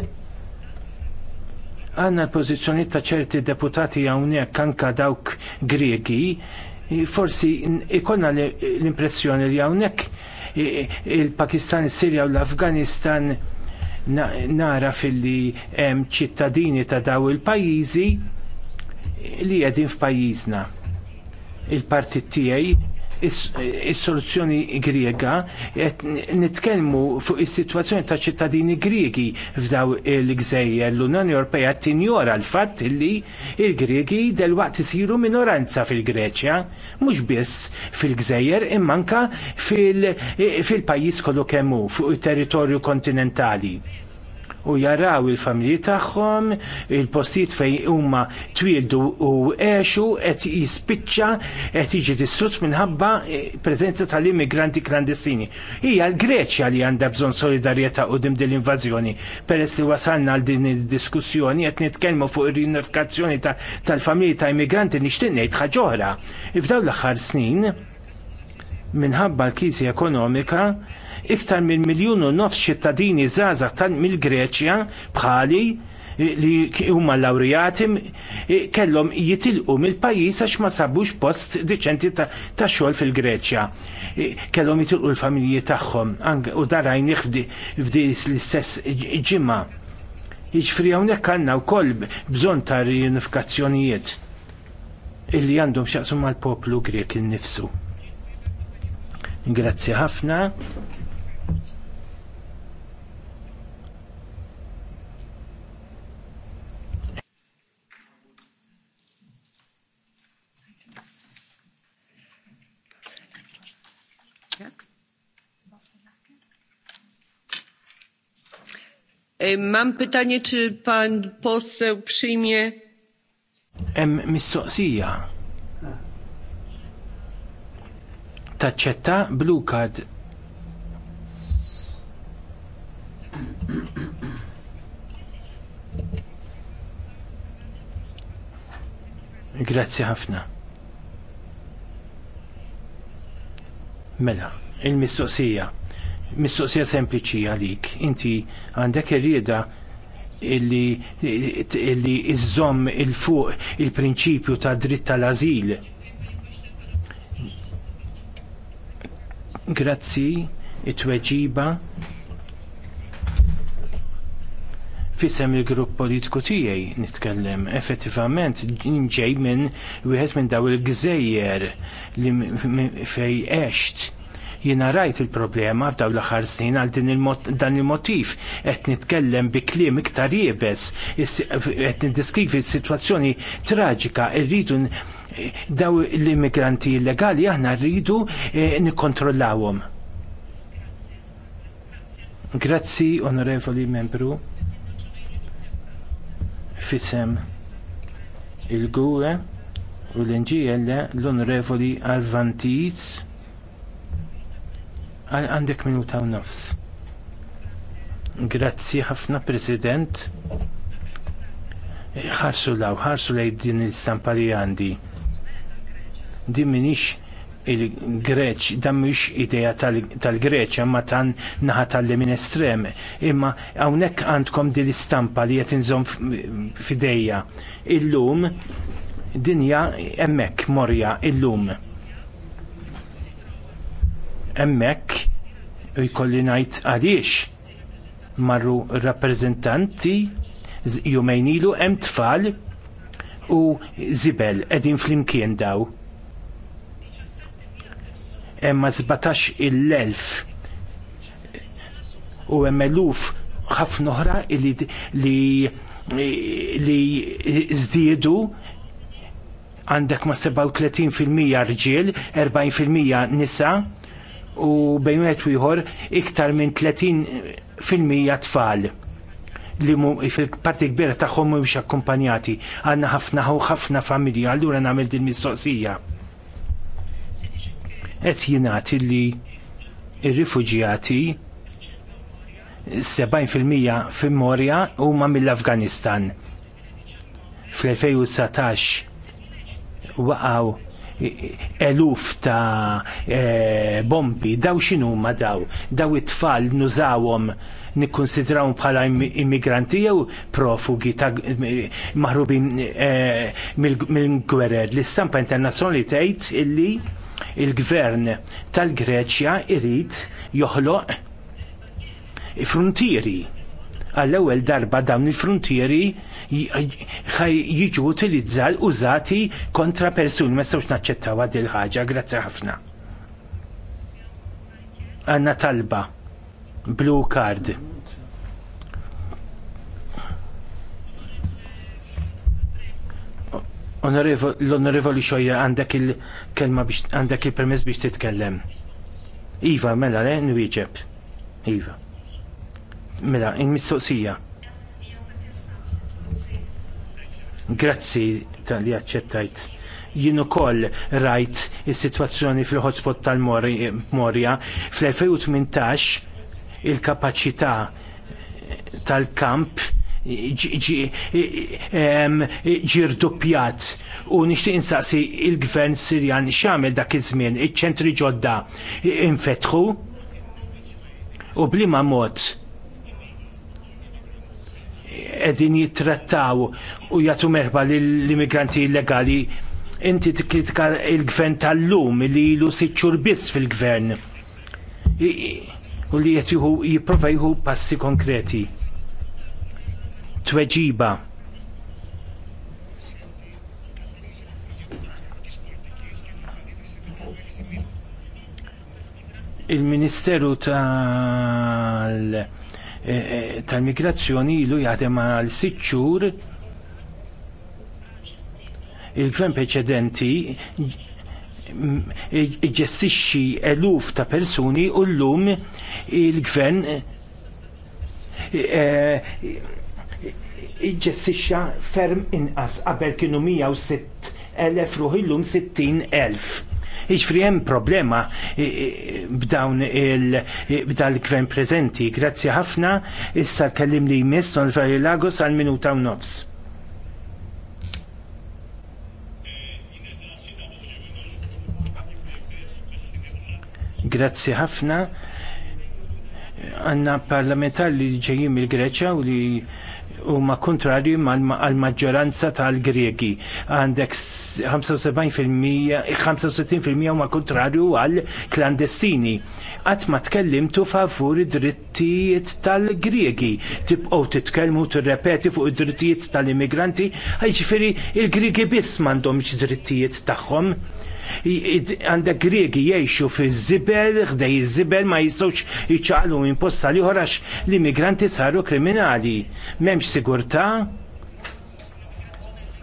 għanna l pożizzjonijiet ta' ċerti deputati għawnek anke dawk Griegi, forsi ikonna l-impressjoni li għawnek il-Pakistan, il-Sirja u l-Afganistan nara fil-li ċittadini ta' daw il-pajizi li għedin f'pajizna. Il-partit tiegħi is-soluzzjoni Griega qed nitkellmu fuq is-sitwazzjoni ta' ċittadini Griegi f'daw il-Gżejjer l-Unjoni Ewropea tinjora l-fatt li il-Griegi delwaqt isiru minoranza fil-Greċja, mhux biss fil-Gżejjer imma anke fil-pajjiż kollu kemm hu fuq it-territorju kontinentali u jaraw il-familji tagħhom, il-postijiet fejn huma twildu u għexu qed jispiċċa qed jiġi distrutt minħabba eh, preżenza tal-immigranti klandestini. Hija l-Greċja li għandha bżonn solidarjetà qudiem din l-invażjoni. Peress li wasalna għal din id-diskussjoni qed nitkellmu fuq ir-rinifikazzjoni tal-familji ta' immigranti nixtieq ngħid ħaġa oħra. F'dawn l-aħħar snin minħabba l-kriżi ekonomika iktar minn miljun u nofs ċittadini żgħażagħ tan mill-Greċja bħali eh, li huma lawrijati eh, kellhom jitilqu mill-pajjiż għax ma sabux post diċenti ta' xogħol fil-Greċja. Eh, kellhom jitilqu l-familji tagħhom u darajn f'di l-istess ġimgħa. Jiġifieri hawnhekk għandna wkoll bżonn ta' riunifikazzjonijiet illi għandhom x'jaqsmu mal-poplu Grek innifsu. Grazzi ħafna. E, mam pytanie, czy pan poseł przyjmie? mistoqsija. Taċċetta blue card. Grazzi ħafna. Mela, il-mistoqsija mistoqsija sempliċi għalik. Inti għandek irrieda illi illi il-fuq il-prinċipju ta' dritt tal-azil. Grazzi, it-tweġiba fissem il-grupp politiku tiegħi nitkellem effettivament ġej minn wieħed minn daw il-gżejjer li fej għext Jiena rajt il-problema f'daw l-aħħar snin għal dan il-motiv qed nitkellem bi kliem iktar jiebes, qed niddiskrivi s-sitwazzjoni traġika rridu daw l-immigranti illegali aħna rridu e, nikkontrollawhom. Grazzi, onorevoli membru fisem il-gwe u l-NGL l-Onorevoli Arvantiz Għandek minuta u nofs. Grazzi ħafna, President. Ħarsu law, ħarsu lej din il-stampa li għandi. Dimminix il-Greċ, dammix ideja tal-Greċ, imma tan naħa tal-lemin estrem. Imma hawnhekk għandkom din l-istampa li qed inżomm fidejja. Illum dinja hemmhekk morja illum. Hemmhekk jkolli ngħid għaliex marru rappreżentanti jumejn ilu hemm tfal u zibel qegħdin flimkien daw. Emma 17.000 il-elf u hemm eluf ħafna oħra li li żdiedu għandek ma' 37% rġiel, 40% nisa, u bejn wieħed u ieħor iktar minn 30 fil-mija tfal li fil-parti kbira tagħhom mhumiex akkumpanjati. Għandna ħafna u ħafna familji, allura nagħmel din mistoqsija. Qed jingħati li r rifuġjati 70% fil-Morja huma mill-Afganistan. Fl-2019 waqgħu eluf ta' eh, bombi, daw xinu ma daw, daw it-tfal nużawhom nikkonsidrawhom bħala immigranti jew profugi ta' maħrubin eh, mill-gwerer. L-istampa internazzjonali tgħid illi il-gvern tal-Greċja irid joħloq frontieri għall-ewwel darba dawn il-frontieri jiġu utilizzal użati kontra persuni ma sewx naċċettaw għad il-ħaġa, grazzi ħafna. Għanna talba, blue card. L-onorevoli xoja għandek il-kelma għandek il-permess biex titkellem. Iva, mela, le, nwieġeb. Iva. Mela, in-mistoqsija. Grazzi tal-li accettajt. Jien ukoll rajt is-sitwazzjoni fil-hotspot tal-Morja fl-2018 il-kapaċità tal-kamp ġir u nixtieq insaqsi l gvern Sirjan x'għamel dak iż-żmien iċ-ċentri ġodda infetħu u bliema mod edin jittrattaw u jagħtu merħba l-immigranti illegali inti tikkritika il-gvern tal-lum li ilu sitxur biss fil-gvern u li qed jipprova jieħu passi konkreti. Tweġiba. Il-Ministeru tal- Eh, eh, tal-migrazzjoni ilu jaħdem għal sitt xhur il-gvern preċedenti ġestixxi eluf ta' persuni u llum il-gvern eh, ġessixxa ferm inqas qabel kienu 106 elef ruħ illum 60 elf. Iġfri hemm problema b'dawn il-gvern prezenti. Grazzi ħafna, issa kellim li jmiss non-Vari Lagos għal minuta u nofs. Grazzi ħafna għanna parlamentar li ġejjim il greċa u li huma kontrarju għal maġġoranza tal-Griegi. Għandek 65% huma kontrarju għal klandestini. Qatt ma tkellimtu favur id-drittijiet tal-Griegi. Tibqgħu titkellmu tirrepeti fuq id-drittijiet tal-immigranti, ħajġifieri il-Griegi biss m'għandhomx drittijiet tagħhom għandek Griegi jgħixu fi zibel, ħdej zibel ma jistgħux jiċċaqlu minn posta li ħorax l-immigranti saru kriminali. M'hemmx sigurtà,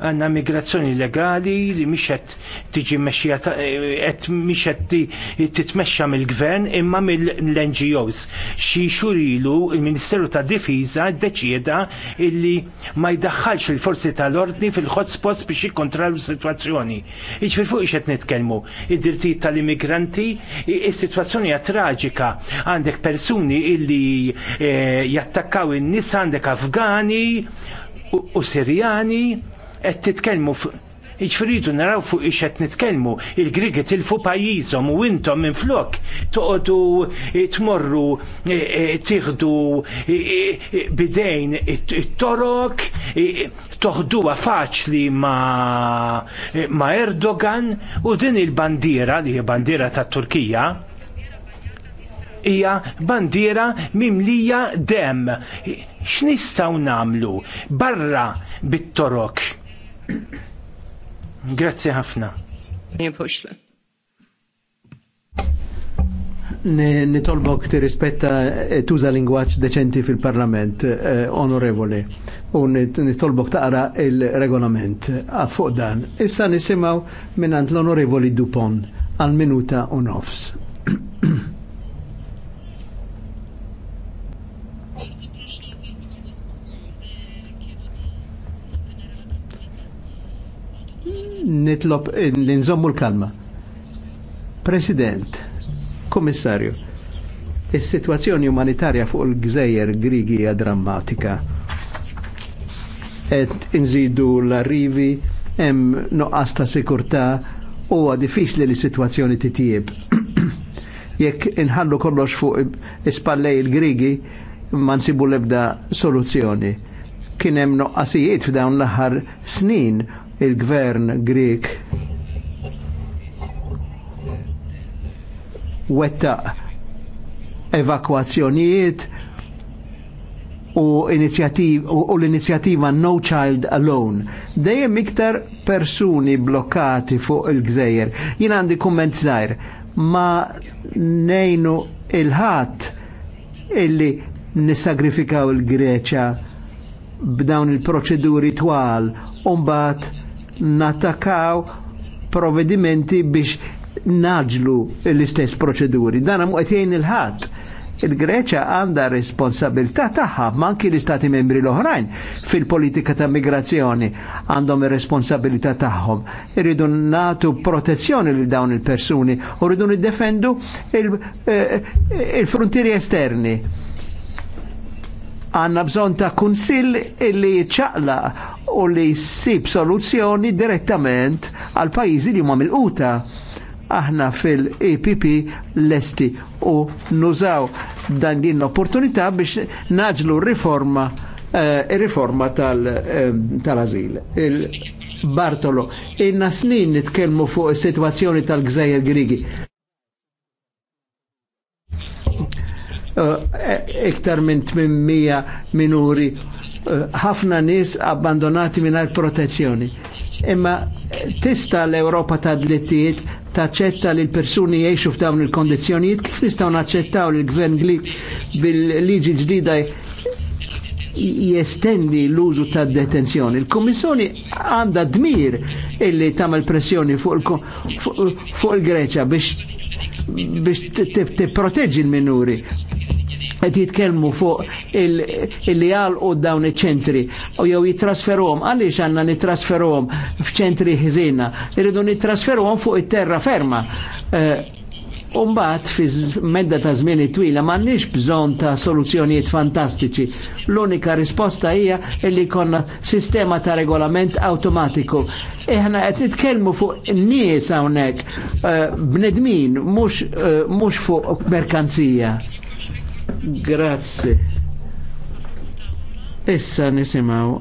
għanna migrazzjoni legali li mixet tiġi mexxijat mixet titmexxa mill-gvern imma mill-NGOs. Xi xurilu il-Ministeru ta' Difiża ddeċieda illi ma jdaħħalx il-forzi tal-ordni fil-hotspots biex jikontrallu s-sitwazzjoni. Iġfir fuq ixet nitkellmu, id dirti tal-immigranti, is-sitwazzjoni hija traġika. Għandek persuni illi eh, jattakkaw in nisa għandek Afgani u Sirjani qed titkellmu Iġfridu jiġifieri naraw fuq iċet nitkelmu, il il-fu pajizom u intom minn flok toqdu eh, tmorru eh, eh, tiħdu bidejn it-torok, toħduwa faċli ma Erdogan u din il-bandiera li bandira bandiera ta' Turkija hija bandiera mimlija dem. X'nistgħu namlu barra bit-torok? Grazzi ħafna. Nitolbok tirrispetta eh, tuża lingwaġġ deċenti fil-Parlament, eh, onorevoli, u nitolbok taqra il-regolament ah, fuq dan. Issa nisimaw minnant l-onorevoli Dupont għal minuta u nofs. nitlob li nżommu l-kalma. President, Komissarju, il sitwazzjoni umanitarja fuq il-gżejjer Grigi hija drammatika. Et inżidu l-arrivi, hemm noqqas ta' sikurtà huwa diffiċli li situazzjoni titjieb. Jekk inħallu kollox fuq ispallej il-Grigi, ma nsibu lebda soluzzjoni. Kien hemm noqqasijiet f'dawn l-aħħar snin il-gvern Grek wetta evakwazzjonijiet u, u l-inizjattiva No Child Alone. Dejjem iktar persuni blokkati fuq il-gżejjer. Jien għandi kumment żgħir ma nejnu il-ħadd illi nisagrifikaw il greċja b'dawn il-proċeduri twal u mbagħad natakaw provvedimenti biex naġlu l-istess proċeduri. Dan għamu għetjen il-ħat il-Greċa għanda responsabilità taħħa manki l-istati membri l-oħrajn fil-politika ta' migrazzjoni għandhom responsabilità taħħom. Irridu natu protezzjoni li dawn il-persuni u rridu niddefendu eh, eh, il-frontieri esterni Għanna bżon ta' kunsill illi ċaqla u li jissib soluzzjoni direttament għal pajjiżi li huma mill-quta aħna fil-EPP lesti u nużaw dan din l-opportunità biex naġlu riforma r eh, riforma eh, tal-azil. Il-Bartolo, inna snin nitkelmu fuq is situazzjoni tal-gżajer Grigi. Eh, iktar minn 800 minuri, eh, ħafna nis abbandonati minn protezzjoni. Imma tista l-Europa ta' drittijiet taċċetta li l-persuni jiexu f'dawn il-kondizjonijiet, kif nistgħu naċċettaw li l-gvern bil-liġi ġdida jestendi l-użu ta' detenzjoni. Il-Kommissjoni għanda dmir illi tagħmel pressjoni fuq il-Greċa biex biex t-proteġi l-minuri Et jitkelmu fuq il-li għal u dawni ċentri u jew jitrasferuhom għaliex għandna nitrasferuhom f'ċentri ħżina, irridu nitrasferuhom fuq it-terra ferma. Uh, Umbat, fi medda ta' zmini twila, ma nix bżon ta' soluzzjonijiet fantastiċi. L-unika risposta hija li konna sistema ta' regolament automatiku. Eħna eh, qed nitkellmu fuq nies hawnhekk eh, bnedmin eh, mhux fuq merkanzija. Grazzi. Issa nisimaw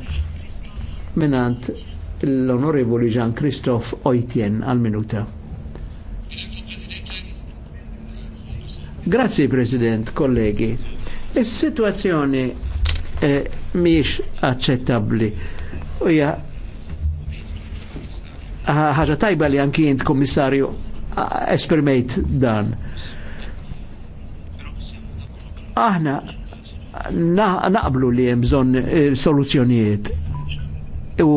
minant l-onorevoli jean Kristof Ojtjen għal-minuta. Grazie President, kollegi. Is-situazzjoni eh, miex accettabli. U ja, ħaġa tajba li anki jint kommissarju espermejt dan. Aħna naqblu li hemm bżonn eh, soluzjonijiet. u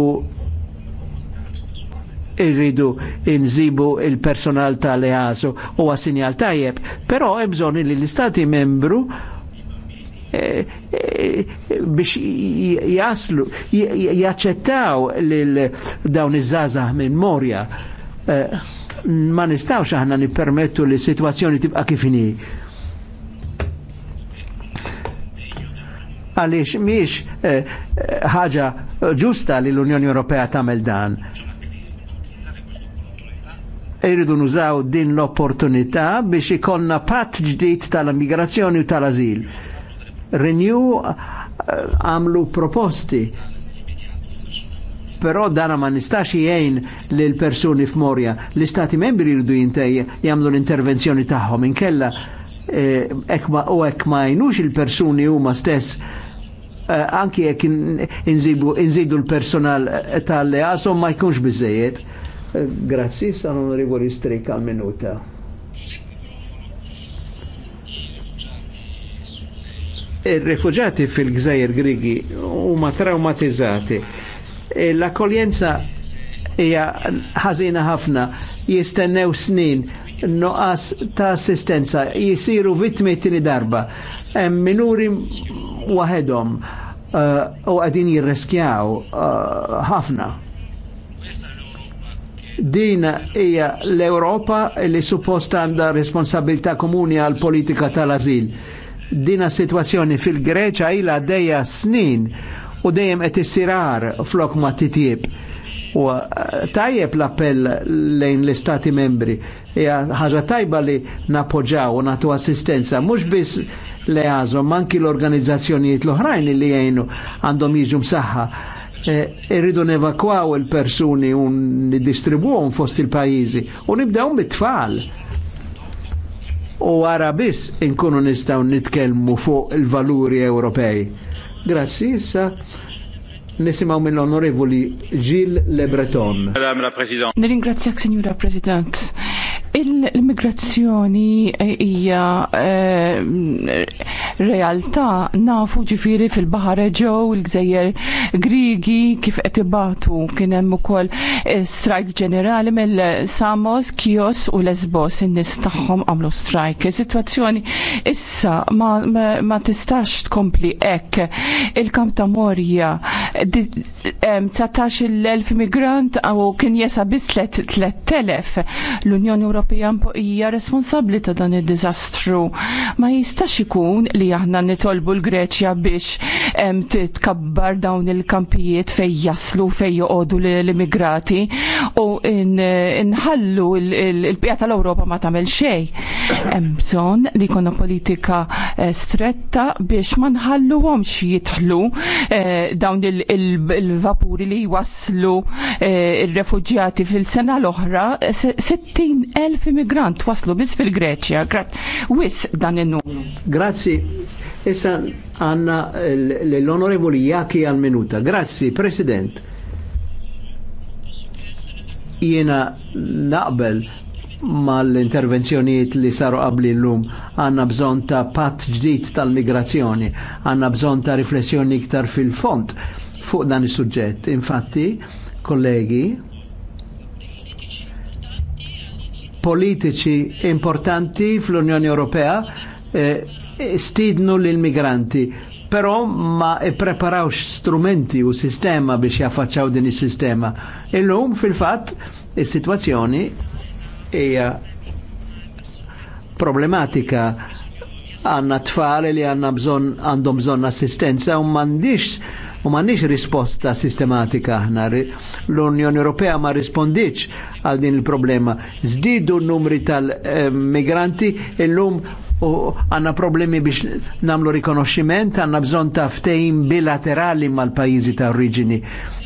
irridu inżibu il-personal tal-EASO u għasinjal tajjeb, però hemm bżonn li l-Istati membru eh, eh, biex jaslu, jaċċettaw lil dawn iż-żazah minn Morja. Eh, ma nistawx aħna nippermettu li situazzjoni tibqa' kif inhi. Għaliex miex ħaġa ġusta li l-Unjoni Ewropea tagħmel dan jridu nużaw din l-opportunità biex ikonna pat ġdid tal-immigrazzjoni u tal-azil. Renew eh, għamlu proposti però dana ma nistax jgħin lil persuni f'Morja. L-istati membri jridu jintej jagħmlu l-intervenzjoni tagħhom inkella eh, ekma u ek ma jnux il-persuni huma stess eh, anki jekk inżidu l-personal eh, tal-leasom ma jkunx biżejjed Grazzi, san onorevoli Strik al minuta. Il-rifugjati fil-gżajr Grigi huma traumatizzati. E L-akkoljenza hija ħażina ħafna, jistennew snin, noqas ta' assistenza, jisiru vittmi tini darba, hemm minuri waħedhom uh, u uh, għadin jirreskjaw ħafna. Uh, Din hija l-Europa li suppost għandha responsabilità komuni għal politika tal-azil. Dina situazzjoni fil-Greċa ila dejja snin u dejjem qed issirar flok ma titjib. U eh, tajjeb l-appell lejn l-Istati membri. Hija ħaġa tajba li napoġaw u natu assistenza, mhux biss le għażhom, manki l-organizzazzjonijiet l-oħrajn li jgħinu għandhom jiġu msaħħa Eh, irridu evakwaw nevakwaw il-persuni u nidistribuhom fost il-pajjiżi un nibdew mit-tfal. U għara bis inkunu nistaw nitkelmu fuq il-valuri Ewropej. Grazzi issa nisimaw mill-onorevoli Gilles Le Breton. Madame la President. Nirringrazzjak, Signora President. Il-immigrazzjoni hija eh, realtà nafu ġifiri fil-Bahar ġew il-Gżejjer Grigi, kif qed ibatu kien hemm ukoll eh, strajk ġenerali mill-Samos, Kios u Lesbos in-nies tagħhom għamlu strajk. Is-sitwazzjoni issa ma, ma, ma tistax tkompli hekk. Il-kamp ta' Morja 19,000 migrant u kien jesa biss 3,000. L-Unjoni Ewropea hija responsabbli ta' dan id-diżastru. Ma jistax ikun li li aħna nitolbu l-Greċja biex titkabbar dawn il-kampijiet fej jaslu fej joqodu l-immigrati u nħallu il-pija tal-Ewropa ma tagħmel xejn. Hemm bżonn li jkollna politika eh, stretta biex ma nħalluhomx jidħlu eh, dawn il-vapuri li jwasslu eh, il refuġjati fil-sena l-oħra 60,000 immigrant waslu biss fil-Greċja. Wis dan in-numru. Grazzi Issa għanna l-onorevoli Jaki għal-minuta. Grazzi, President. Jena naqbel ma l intervenzjoniet li saru qabli l-lum għanna bżon ta' pat ġdid tal-migrazzjoni, għanna bżon ta' riflessjoni iktar fil-font fuq dan il suġġett Infatti, kollegi, politiċi importanti fl-Unjoni Ewropea eh, stidnu l-migranti, però ma preparawx strumenti u sistema biex jaffaċċaw din is-sistema. Illum fil-fatt is-sitwazzjoni hija problematika għanna tfal li għanna bżon għandhom bżon assistenza u mandiċ u mandiċ risposta sistematika aħna. L-Unjoni Ewropea ma rispondiċ għal din il-problema. Zdidu n-numri tal-migranti eh, illum u għanna problemi biex namlu rikonoxximent, għanna bżon ta' ftejn bilaterali mal-pajizi ta' origini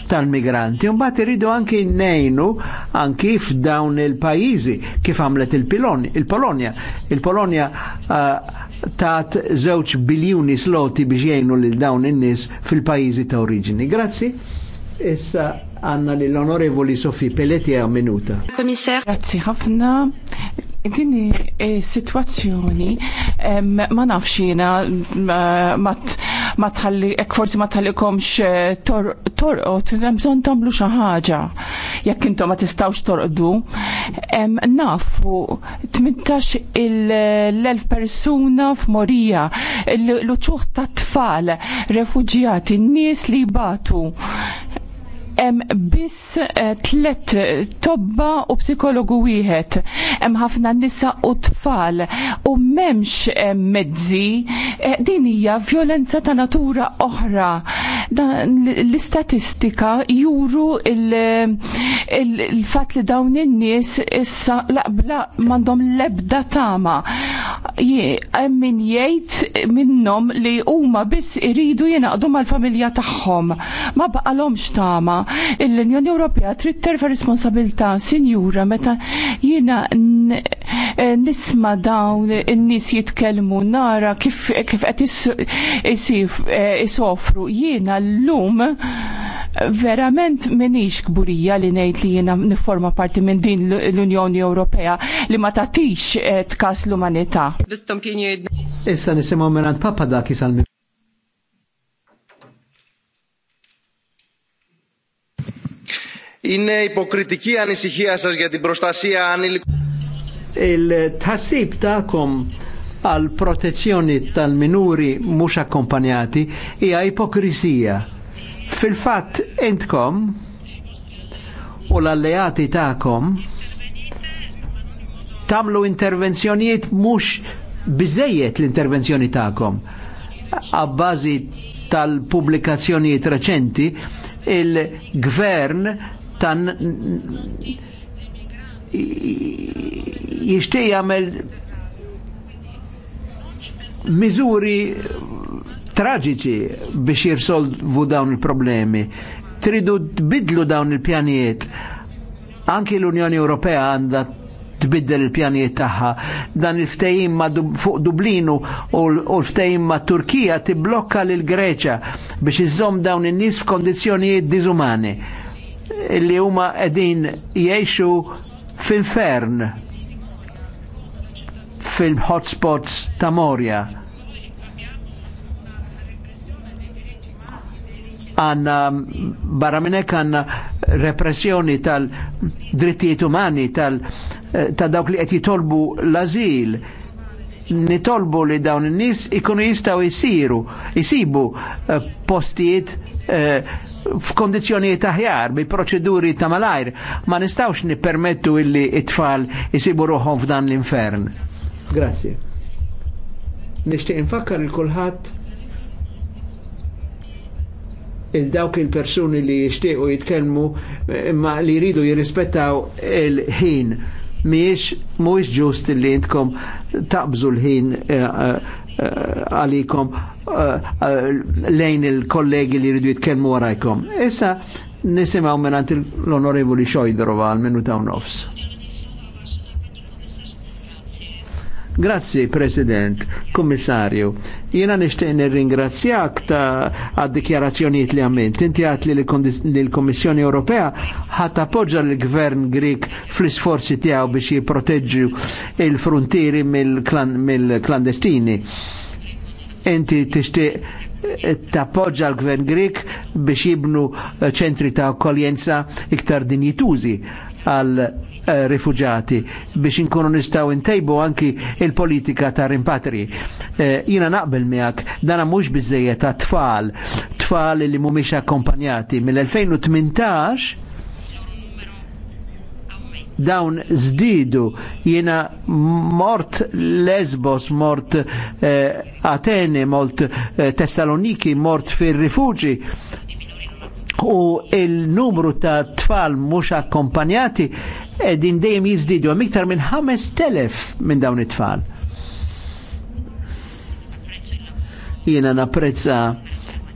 tal-migranti. bat iridu anki nejnu anki f'dawn il-pajjiżi kif għamlet il-Polonja. il polonia uh, tat żewġ biljuni sloti biex jgħinu lil dawn in-nies fil-pajjiżi ta' origini. Grazzi. Issa għanna l-onorevoli Sofi Pelletier minuta. Komissar. Grazzi ħafna. Din situazzjoni ma nafxina ma tħalli forsi ma tħallikomx torqot, hemm bżonn tagħmlu xi ħaġa. Jekk intom ma tistgħux torqdu, nafu 18 il-elf persuna f'Morija, l luċuħ ta' tfal, refuġjati, nies li batu hemm biss eh, tlet tobba u psikologu wieħed. Hemm ħafna nisa u tfal u m'hemmx eh, mezzi eh, din hija violenza ta' natura oħra. L-istatistika juru il-fatt li dawn in-nies issa laqbla m'għandhom l-ebda tama. Min jgħid minnhom li huma biss iridu jingħaqdu mal-familja tagħhom. Ma baqalhomx tama l-Unjoni Ewropea trid terfa responsabilità sinjura meta jiena eh, nisma dawn in-nies jitkellmu nara kif kif qed eh, isofru jiena llum verament minix kburija li ngħid li jiena niforma parti minn din l-Unjoni Ewropea li ma tagħtix eh, tkas l-umanità. Issa nisimgħu da Papadakis għal Είναι υποκριτική ανησυχία σας για την προστασία ανήλικων. Il-tassib ta'kom għal protezzjoni tal-minuri mux akkompanjati hija ipokrisija. Fil-fatt entkom u l-alleati ta'kom tamlu intervenzjonijiet mux bizzejiet l-intervenzjoni ta'kom. Abbażi tal-pubblikazzjonijiet reċenti il-gvern tan jishtiq jagħmel miżuri traġiċi biex jirsolvu dawn il-problemi. Tridu tbidlu dawn il-pjanijiet. Anki l-Unjoni Ewropea għandha tbiddel il-pjanijiet tagħha. Dan il-ftehim ma fuq Dublinu u l-ftehim ma' Turkija tibblokka lil Greċa biex iżżomm dawn in-nies f'kondizzjonijiet diżumani li huma qegħdin jgħixu f'infern fil-hotspots ta' Morja. għanna barra minnek għanna repressjoni tal-drittijiet umani, tal- eh, ta' dawk li qed jitolbu l-azil nitolbu li dawn in-nies ikunu jistgħu jsiru, jsibu eh, postijiet eh, f'kondizzjonijiet aħjar bi proċeduri ta' malajr, ma nistgħux nippermettu illi it-tfal jsibu ruħhom f'dan l-infern. Grazie. Nixtieq infakkar il kulħadd il-dawk il-persuni li jixtiequ jitkellmu imma eh, li jridu jirrispettaw il-ħin miex mhuwiex ġust li intkom taqbżu l-ħin eh, eh, eh, għalikom lejn il-kollegi li jridu jitkellmu warajkom. Issa nisimgħu minn l-Onorevoli Xojdrova għal minu ta' nofs. Grazzi, President, Kommissarju. Jena nishtiq nirringrazzjak ta' għad dikjarazzjoniet li għamilt. Inti għat li l-Kommissjoni Ewropea ħat appoġġa l-Gvern Grik fl-isforzi tiegħu biex jipproteġġu il-frontieri mill-klandestini. Inti tixtieq eh, tappoġġa l-gvern Grik biex jibnu eh, ċentri ta' akkoljenza iktar dinjitużi għal Eh, rifugjati biex inkunu nistaw intejbu anki il-politika ta' rimpatri. Eh, jina naqbel miegħek dana mhux biżejjed ta' tfal, tfal li mhumiex akkompanjati mill-2018 dawn zdidu jena mort Lesbos, mort eh, Atene, mort eh, Tessaloniki, mort fil rifugi u il-numru ta' tfal mhux akkompanjati din dejjem jiżdiedu hemm iktar minn 5000 minn dawn it-tfal. Jiena napprezza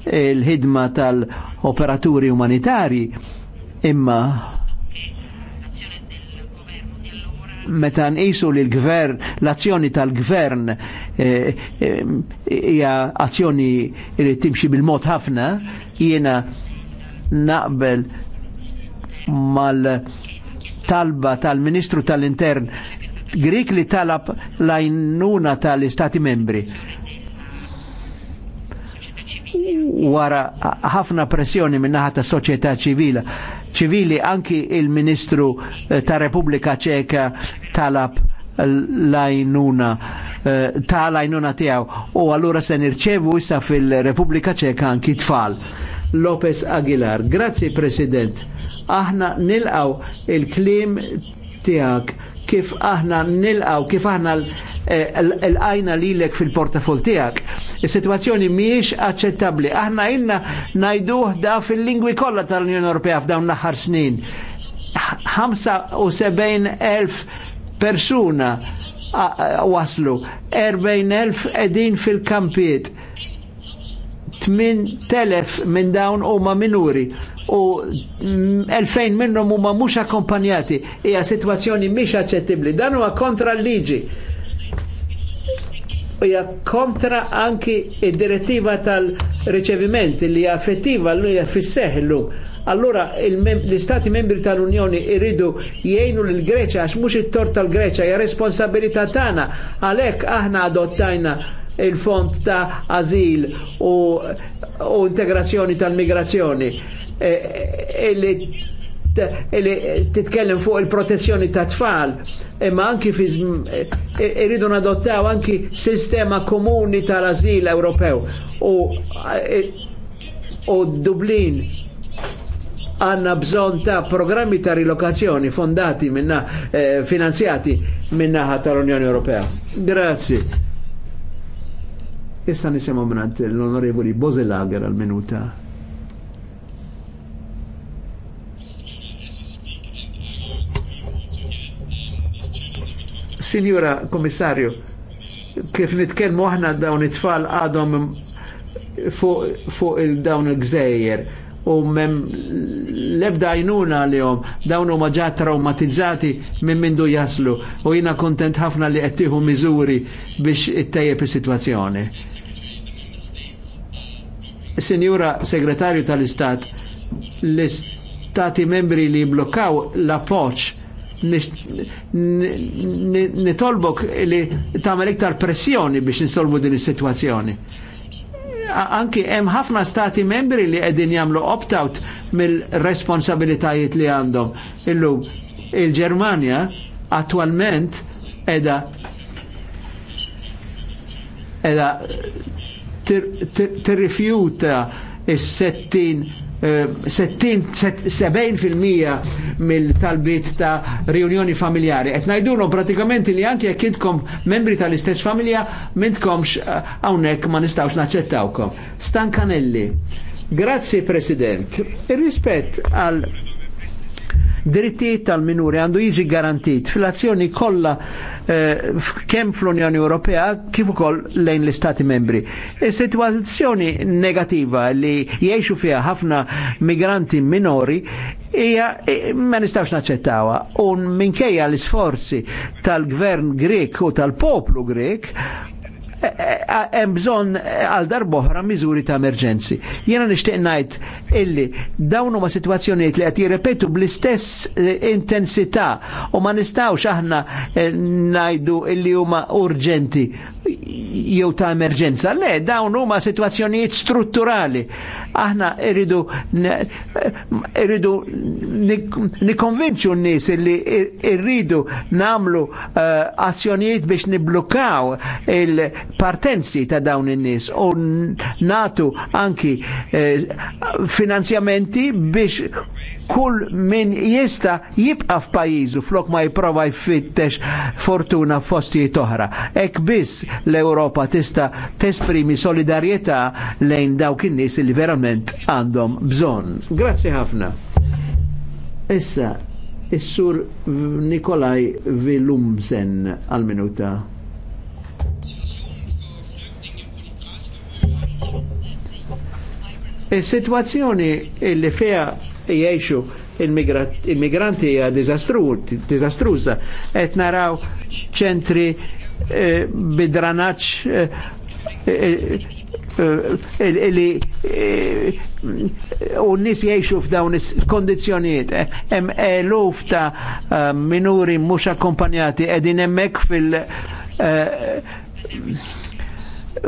il-ħidma tal-operaturi umanitari imma meta nqisu li l-gvern, l-azzjoni tal-gvern eh, eh, hija azzjoni li timxi bil-mod ħafna, jiena naqbel mal talba tal-Ministru tal-Intern Grik li talab lajnuna tal-Istati membri wara ħafna pressjoni minnaħa ta' soċjetà ċivila. ċivili anki il-Ministru eh, ta' Repubblika Ċeka talab lajnuna eh, ta' lajnuna tiegħu u allura se nirċevu issa fil-Repubblika Ċeka anki tfal. Lopez Aguilar. Grazzi President, aħna nilqaw il-klim tijak kif aħna nilqaw, kif aħna eh, l-għajna li l fil-portafol tijak. Il-situazzjoni miex accettabli. Aħna inna najduħ da fil-lingwi kollha tal-Unjoni Ewropea f'dawn l-aħħar snin. 75,000 persuna waslu, 40,000 edin fil-kampiet 8,000 minn dawn huma minuri u 2000 minnhom huma mhux akkompanjati. Hija sitwazzjoni mhix aċċettibbli. Dan huwa kontra l-liġi. Hija kontra anki id-direttiva tal-riċeviment li hija effettiva l hija fis-seħ illum. Allora l-istati membri tal-Unjoni irridu jgħinu l-Greċa għax mhux it-tort tal-Greċa hija responsabilità tagħna għalhekk aħna adottajna il-fond ta' azil u, u integrazzjoni tal-migrazzjoni e, e, illi titkellem fuq il-protezzjoni ta' tfal, imma anki fi e, irridu nadottaw anki sistema komuni tal-azil Ewropew u, u Dublin għanna bżon ta' programmi ta' rilokazzjoni fondati minna eh, finanzjati minnaħa tal-Unjoni Ewropea. Grazie. Issa nisimaw minnant l-onorevoli Bozelager għal-minuta. Signora Komissarju, kif nitkellmu aħna dawn it-tfal għadhom fuq il-dawn il-gżejjer u mem lebda jnuna li jom dawn u maġa traumatizzati minn mindu jaslu u jina kontent ħafna li għettiħu mizuri biex it-tejjeb il situazzjoni Sinjura Segretarju tal-Istat, l-Istati membri li blokkaw l-appoċ nitolbok li tagħmel iktar pressjoni biex nistolbu din is-sitwazzjoni. Anki hemm ħafna stati membri li qegħdin jagħmlu opt-out mill-responsabilitajiet li għandhom. Illum il-Ġermanja attualment qiegħda edha tirrifjuta is-settin 70% eh, mill-talbit ta' riunjoni familjari. Et najdunu pratikament li anki jek intkom membri tal-istess familja, mintkomx għawnek eh, ma nistawx naċċettawkom. Stan Kanelli, grazzi President, il-rispett għal drittijiet tal-minuri għandu jiġi garantit fil-azzjoni kollha eh, kemm fl-Unjoni Ewropea kif ukoll lejn l-Istati membri. Is-sitwazzjoni e negativa li jgħixu fiha ħafna migranti minori hija eh, ma nistax naċċettawha. U minkejja l-isforzi tal-gvern Grek u tal-poplu Grek Eh, eh, hemm bżonn eh, għal darboħra miżuri ta' emerġenzi. Jiena nixtieq ngħid illi dawn huma sitwazzjonijiet li qed jirrepetu bl-istess intensità u ma nistgħux aħna ngħidu illi huma urġenti jew ta' emerġenza. Le, dawn huma sitwazzjonijiet strutturali. Aħna irridu irridu nikonvinċu n-nies illi irridu namlu azzjonijiet biex niblukaw il partenzi ta' dawn in-nies u natu anki eh, finanzjamenti biex kull min jista jibqa f'pajjiżu flok ma jipprova jfittex fortuna f'postijiet oħra. Ek biss l-Ewropa tista' tesprimi solidarjetà lejn dawk in-nies li verament għandhom bżonn. Grazzi ħafna. Issa, is-sur Nikolaj Vilumsen għal-minuta. Il-situazzjoni illi feja jiexu il-migranti hija dizastruża qed naraw ċentri eh, bidranaċ eh, eh, eh li u n-nis jiexu f'dawn kondizjoniet hemm eluf ta' minuri mhux akkompanjati qegħdin hemmhekk fil-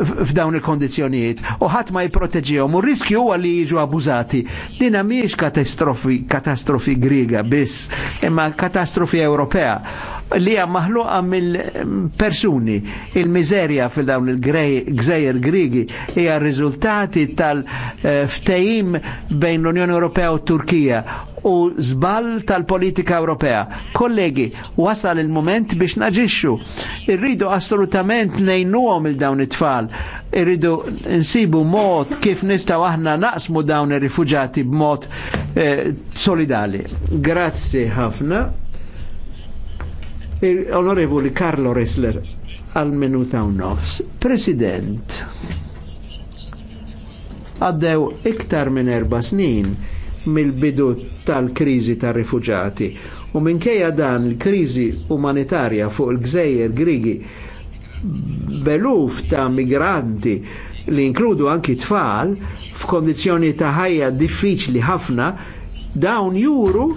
f'dawn il-kondizjonijiet u ħadd ma jipproteġihom u riskju huwa li jiġu abbużati. Dina mhijiex katastrofi katastrofi griega biss, imma katastrofi Ewropea li hija maħluqa mill-persuni. Il-miżerja fil-dawn il-gżejjer Grigi hija riżultati tal-ftehim bejn l-Unjoni Ewropea u Turkija u żball tal-politika Ewropea. Kollegi, wasal il-moment biex naġixxu. Irridu assolutament nejnuhom il-dawn it-tfal. Irridu nsibu mod kif nistgħu aħna naqsmu dawn ir-rifuġati b'mod eh, solidali. Grazzi ħafna. Onorevoli Carlo Ressler, al minuta u nofs. President, għaddew iktar minn erba snin mill-bidu tal-krizi tal-rifuġati u minkejja dan l-krizi umanitarja fuq il-gżejjer Grigi beluf ta' migranti li inkludu anki tfal f'kondizjoni ta' ħajja diffiċli ħafna dawn juru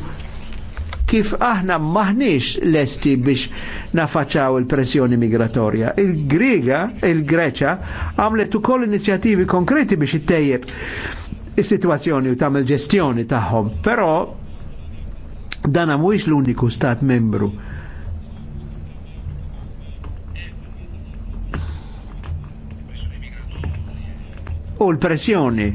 kif aħna maħniex lesti biex nafaċaw il-pressjoni migratorja. Il-Griga, il-Greċa, għamlet ukoll inizjativi konkreti biex ittejjeb is-sitwazzjoni u tagħmel ġestjoni tagħhom, però dan mhuwiex l-uniku stat membru. U l-pressjoni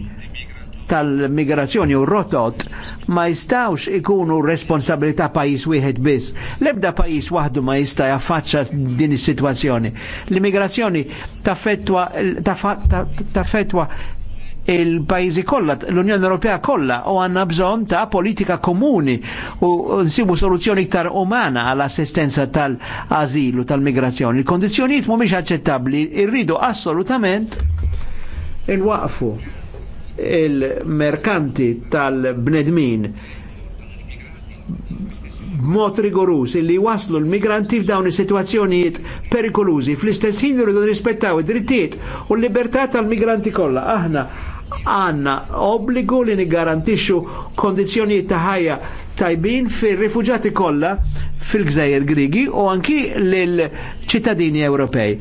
tal-migrazzjoni u rotot ma jistawx ikunu responsabilità pajis wieħed biss. Lebda pajis waħdu ma jista' jaffaċċa din is-sitwazzjoni. L-immigrazzjoni taffettwa fetwa il pajizi kollha, l-Unjoni Ewropea kollha u għandna bżonn ta' politika komuni u nsibu soluzzjoni iktar umana għall assistenza tal-azilu tal-migrazzjoni. Il-kondizzjonijiet mhumiex aċċettabbli, irridu assolutament il-waqfu il-merkanti tal-bnedmin b'mod rigorus li waslu l-migranti f'dawn is-sitwazzjonijiet perikolużi fl-istess ħin irridu rispettaw id-drittijiet u l-libertà tal-migranti kollha. Aħna għanna obbligu li nigarantixxu kondizzjonijiet ta' ħajja tajbin fir-rifuġati kollha fil-Gżejjer Grigi u anki lil ċittadini Ewropej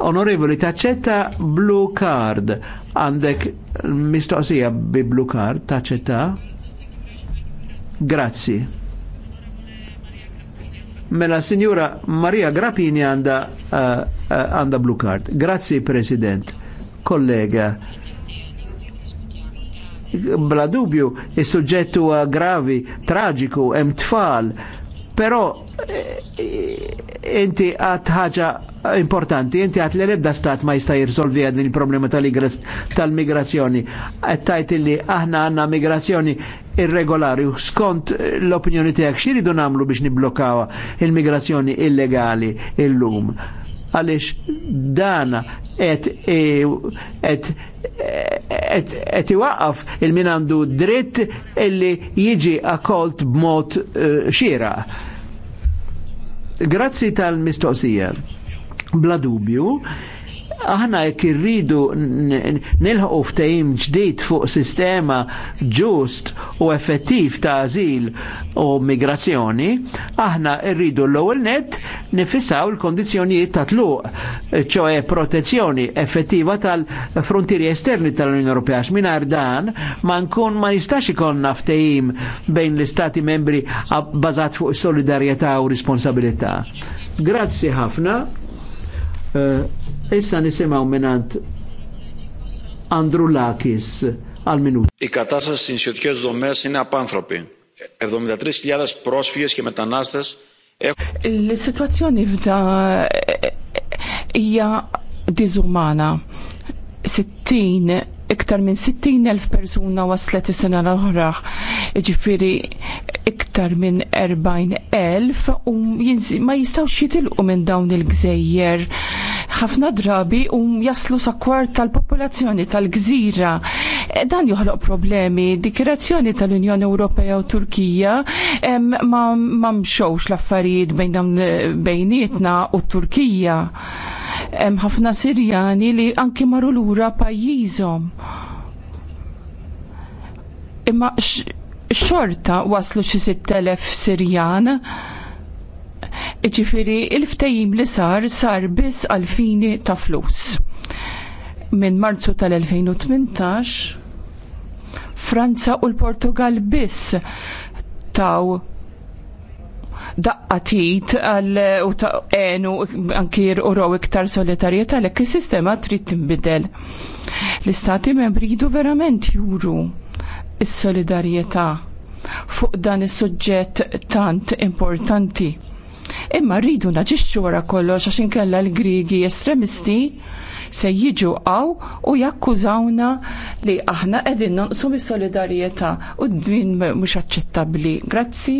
Onorevoli, taċċetta blue card. Għandek mistoqsija bi blue card, taċċetta? Grazzi. Mela signora Maria Grappini għanda eh, eh, għanda uh, uh, blue card. Grazzi President, kollega. Bla dubju, il-sujġettu gravi, traġiku, hemm tfal Pero, eh, inti għat ħaġa importanti, inti għat l-ebda stat ma jista jirżolvi għad il-problema tal migrazjoni Għat tajt li aħna għanna migrazjoni irregolari skont l-opinjoni tijak xiridu namlu biex niblokawa il migrazjoni illegali il-lum. Għalix dana et, e, et, et, et iwaqaf il-min għandu dritt illi jiġi akolt b'mod uh, xira Grazzi tal-mistoqsija. Bla dubju, aħna jekk irridu nilħu ftehim ġdid fuq sistema ġust u effettiv ta' azil u migrazzjoni, aħna rridu l-ewwel net nifissaw il-kondizzjonijiet ta' tluq, ċoe protezzjoni effettiva tal-frontieri esterni tal-Unjoni Ewropea. minar dan ma nkun ma jistax ikollna ftehim bejn l-istati membri bbażat fuq solidarjetà u responsabilità. Grazzi ħafna. Uh, Issa nisimaw minant Andru Lakis għal-minut. Η κατάσταση στις νησιωτικές δομές είναι απάνθρωπη. 73.000 πρόσφυγε και μετανάστες L-situazzjoni f'da hija diżumana. 60 iktar minn 60.000 persuna waslet is-sena l-oħra, ġifiri iktar minn 40.000 u ma jistawx jitilqu minn dawn il-gżejjer. Ħafna drabi u jaslu jaslu sakwar tal-popolazzjoni tal-gżira. E, dan joħloq problemi. Dikirazzjoni tal-Unjoni Ewropea u Turkija ma, ma l-affarijiet bejn dawn bejnietna u Turkija hemm ħafna Sirjani li anki marulura pajjiżhom. Imma xorta waslu xi 6000 Sirjan. Ġifiri, il-ftejim li sar sar biss għal-fini ta' flus. Minn marzu tal-2018 Franza u l-Portugal biss taw daqqatit għal u enu anki jirquraw iktar solidarieta l sistema trid tinbidel. L-istati membri jidu verament juru is-solidarjetà fuq dan is-suġġett tant importanti. Imma rridu naġixxu wara kollox għax inkella l-Grigi estremisti se jiġu għaw u jakkużawna li aħna qegħdin nonqsu mis solidarjetà u din mhux aċċettabbli. Grazzi.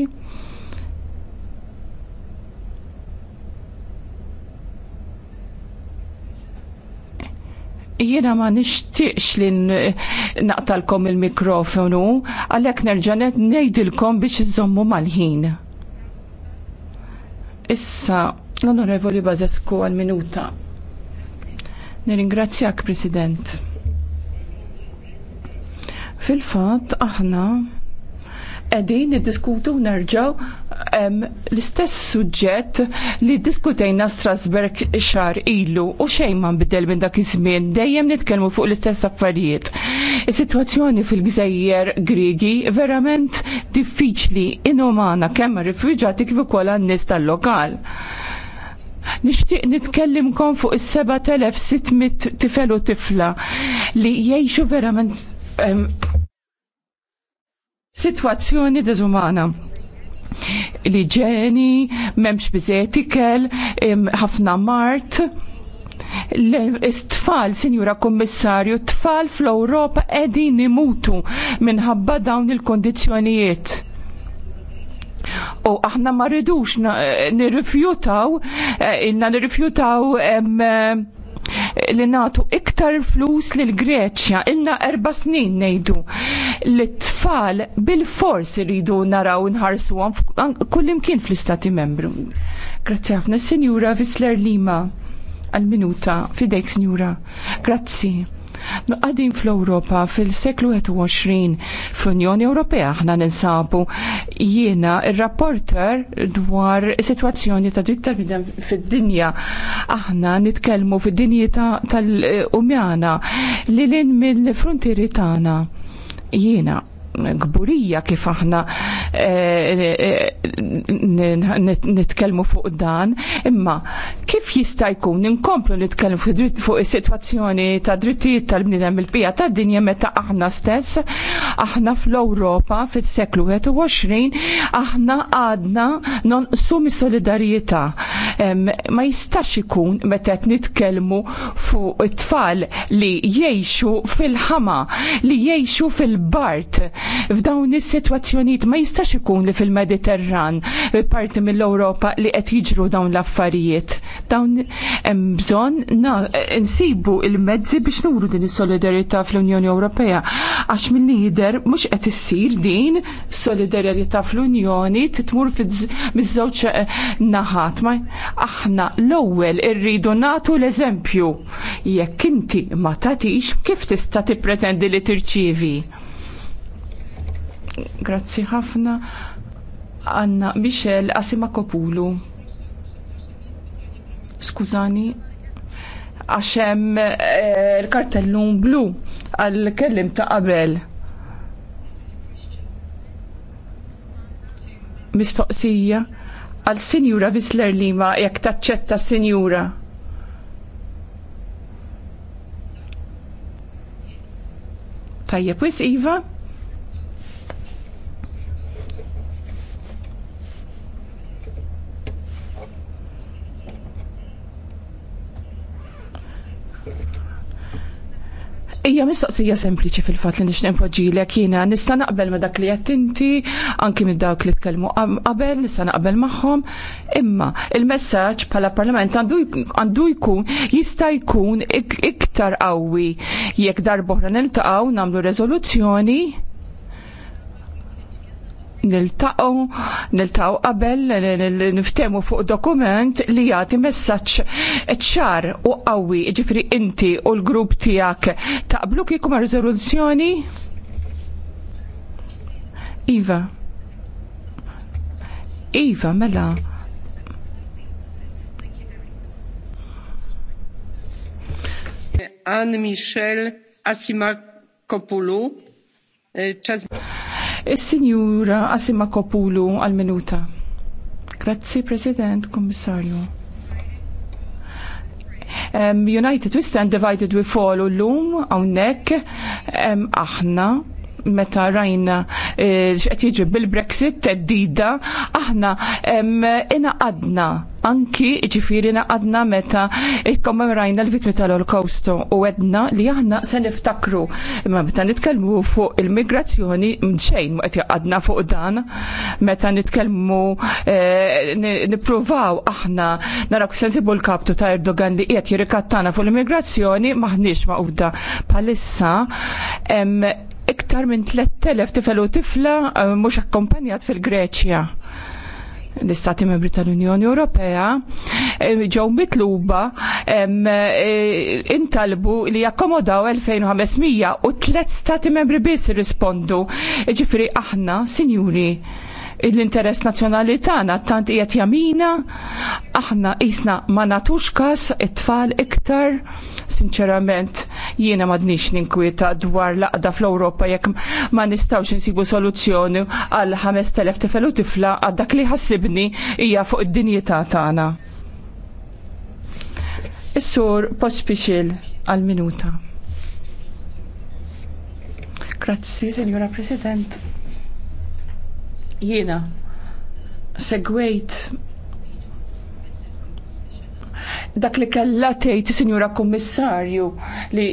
Jiena ma nixtieqx li naqtalkom il-mikrofonu, għalhekk nerġanet ngħidilkom biex iżommu mal-ħin. Issa, l-Onorevoli Bazesku għal-minuta. Nirringrazzjak, President. Fil-fatt, aħna edin niddiskutu nerġaw l-istess suġġett li diskutejna Strasberg xar ilu u xejn ma nbidel minn dak iż-żmien dejjem nitkellmu fuq l-istess affarijiet. Is-sitwazzjoni fil-Gżejjer Griegi verament diffiċli inumana kemm rifuġati kif ukoll għan-nies tal-lokal. Nixtieq nitkellimkom fuq is-7600 tifel u tifla li jgħixu verament Situazzjoni dizumana li ġeni, memx bizet ikel, ħafna mart. L-istfal, Sinjura Kommissarju, tfal fl-Europa edin imutu minħabba dawn il-kondizjonijiet. U aħna ma rridux nirrifjutaw, eh, inna nirrifjutaw li natu iktar flus lil Greċja inna erba snin nejdu li tfal bil-fors iridu naraw nħarsu għan kullimkien fl-istati membru. Grazzi ħafna, Sinjura Visler Lima, għal-minuta, fidejk, Sinjura. Grazzi. Għadin fl-Europa fil-seklu 21 fl-Unjoni Ewropea ħna ninsabu jiena il-rapporter dwar situazzjoni ta' dritt tal-bidem fil-dinja. Aħna nitkelmu fil-dinja tal-umjana eh, li l-in mill-frontieri tagħna jiena gburija kif aħna eh, eh, eh, nitkellmu fuq dan, imma kif jista' jkun inkomplu nitkellmu fuq is-sitwazzjoni ta' drittijiet tal-bniedem il-bija tad dinja meta aħna stess, aħna fl-Ewropa fis-seklu 21 aħna għadna nonqsu mis-solidarjetà. Ma jistax ikun meta qed nitkellmu fuq it-tfal li jgħixu fil-ħama, li jgħixu fil-bart F'dawn is-sitwazzjonijiet ma jistax ikun li fil-Mediterran parti mill-Ewropa li qed jiġru dawn l-affarijiet. Dawn hemm bżonn insibu il-mezzi biex nuru din is-solidarità fl-Unjoni Ewropea għax mill-lider mhux qed issir din solidarità fl-Unjoni titmur miż-żewġ eh, naħat. Ma aħna l-ewwel irridu nagħtu l-eżempju. Jekk inti ma tagħtix kif tista' tippretendi li tirċievi? Grazzi ħafna. Anna Michel Asima Kopulu. Skużani, għaxem eh, il-kartellum blu għal-kellim ta' qabel. Mistoqsija għal sinjura Visler Lima jekk taċċetta sinjura. Tajjeb, wis Iva? Ija mistoqsija sempliċi fil-fat li nixtieq poġilek jiena nista' naqbel ma dak li qed inti, anki minn dawk li tkellmu qabel, nista' naqbel magħhom, imma il-messaġġ bħala Parlament għandu jkun jista' jkun iktar qawwi jekk darbohra niltaqgħu nagħmlu riżoluzzjoni niltaqgħu, niltaqgħu qabel, niftemu fuq dokument li jagħti messaġġ ċar u qawwi, ġifri inti u l-grupp tiegħek taqblu kiku ma' rezoluzzjoni? Iva. Iva, mela. Anne Michel Asimakopoulou. Eh, Czas... Is-Sinjura Asima Kopulu għal-minuta. Grazzi, President, Kommissarju. Um, United we stand divided we fall u l-lum għawnek um, aħna meta rajna eh, x'qed jiġi bil-Brexit teddida, aħna inaqadna anki ġifiri naqadna meta ikkommemorajna l-vittmi tal-Holokausto u għedna li aħna se niftakru imma meta nitkellmu fuq il-migrazzjoni mxejn ma qed jaqadna fuq dan meta nitkellmu eh, nippruvaw aħna naraw sensibu l-kaptu ta' Erdogan li qiegħed jirikattana fuq l-immigrazzjoni maħniex maqbda palissa iktar minn 3000 tifel u tifla eh, mhux akkompanjat fil-Greċja l-Istati Membri tal-Unjoni Ewropea eh, ġew mitluba eh, intalbu li jakkomodaw 2500 u tliet Stati Membri biss irrispondu. Ġifri aħna, sinjuri, l-interess nazzjonali tagħna tant qiegħed jamina, aħna qisna ma nagħtux każ it-tfal iktar. Sinċerament jiena m'għadniex ninkwieta dwar laqda fl-Ewropa jekk ma nistgħux insibu soluzzjoni għal 5000 tifel u tifla għad dak li ħassibni hija fuq id-dinjità tagħna. Is-sur pospiċil għal-minuta. Grazzi, Signora President. Jiena segwejt dak li kella tgħid Sinjura kommissarju li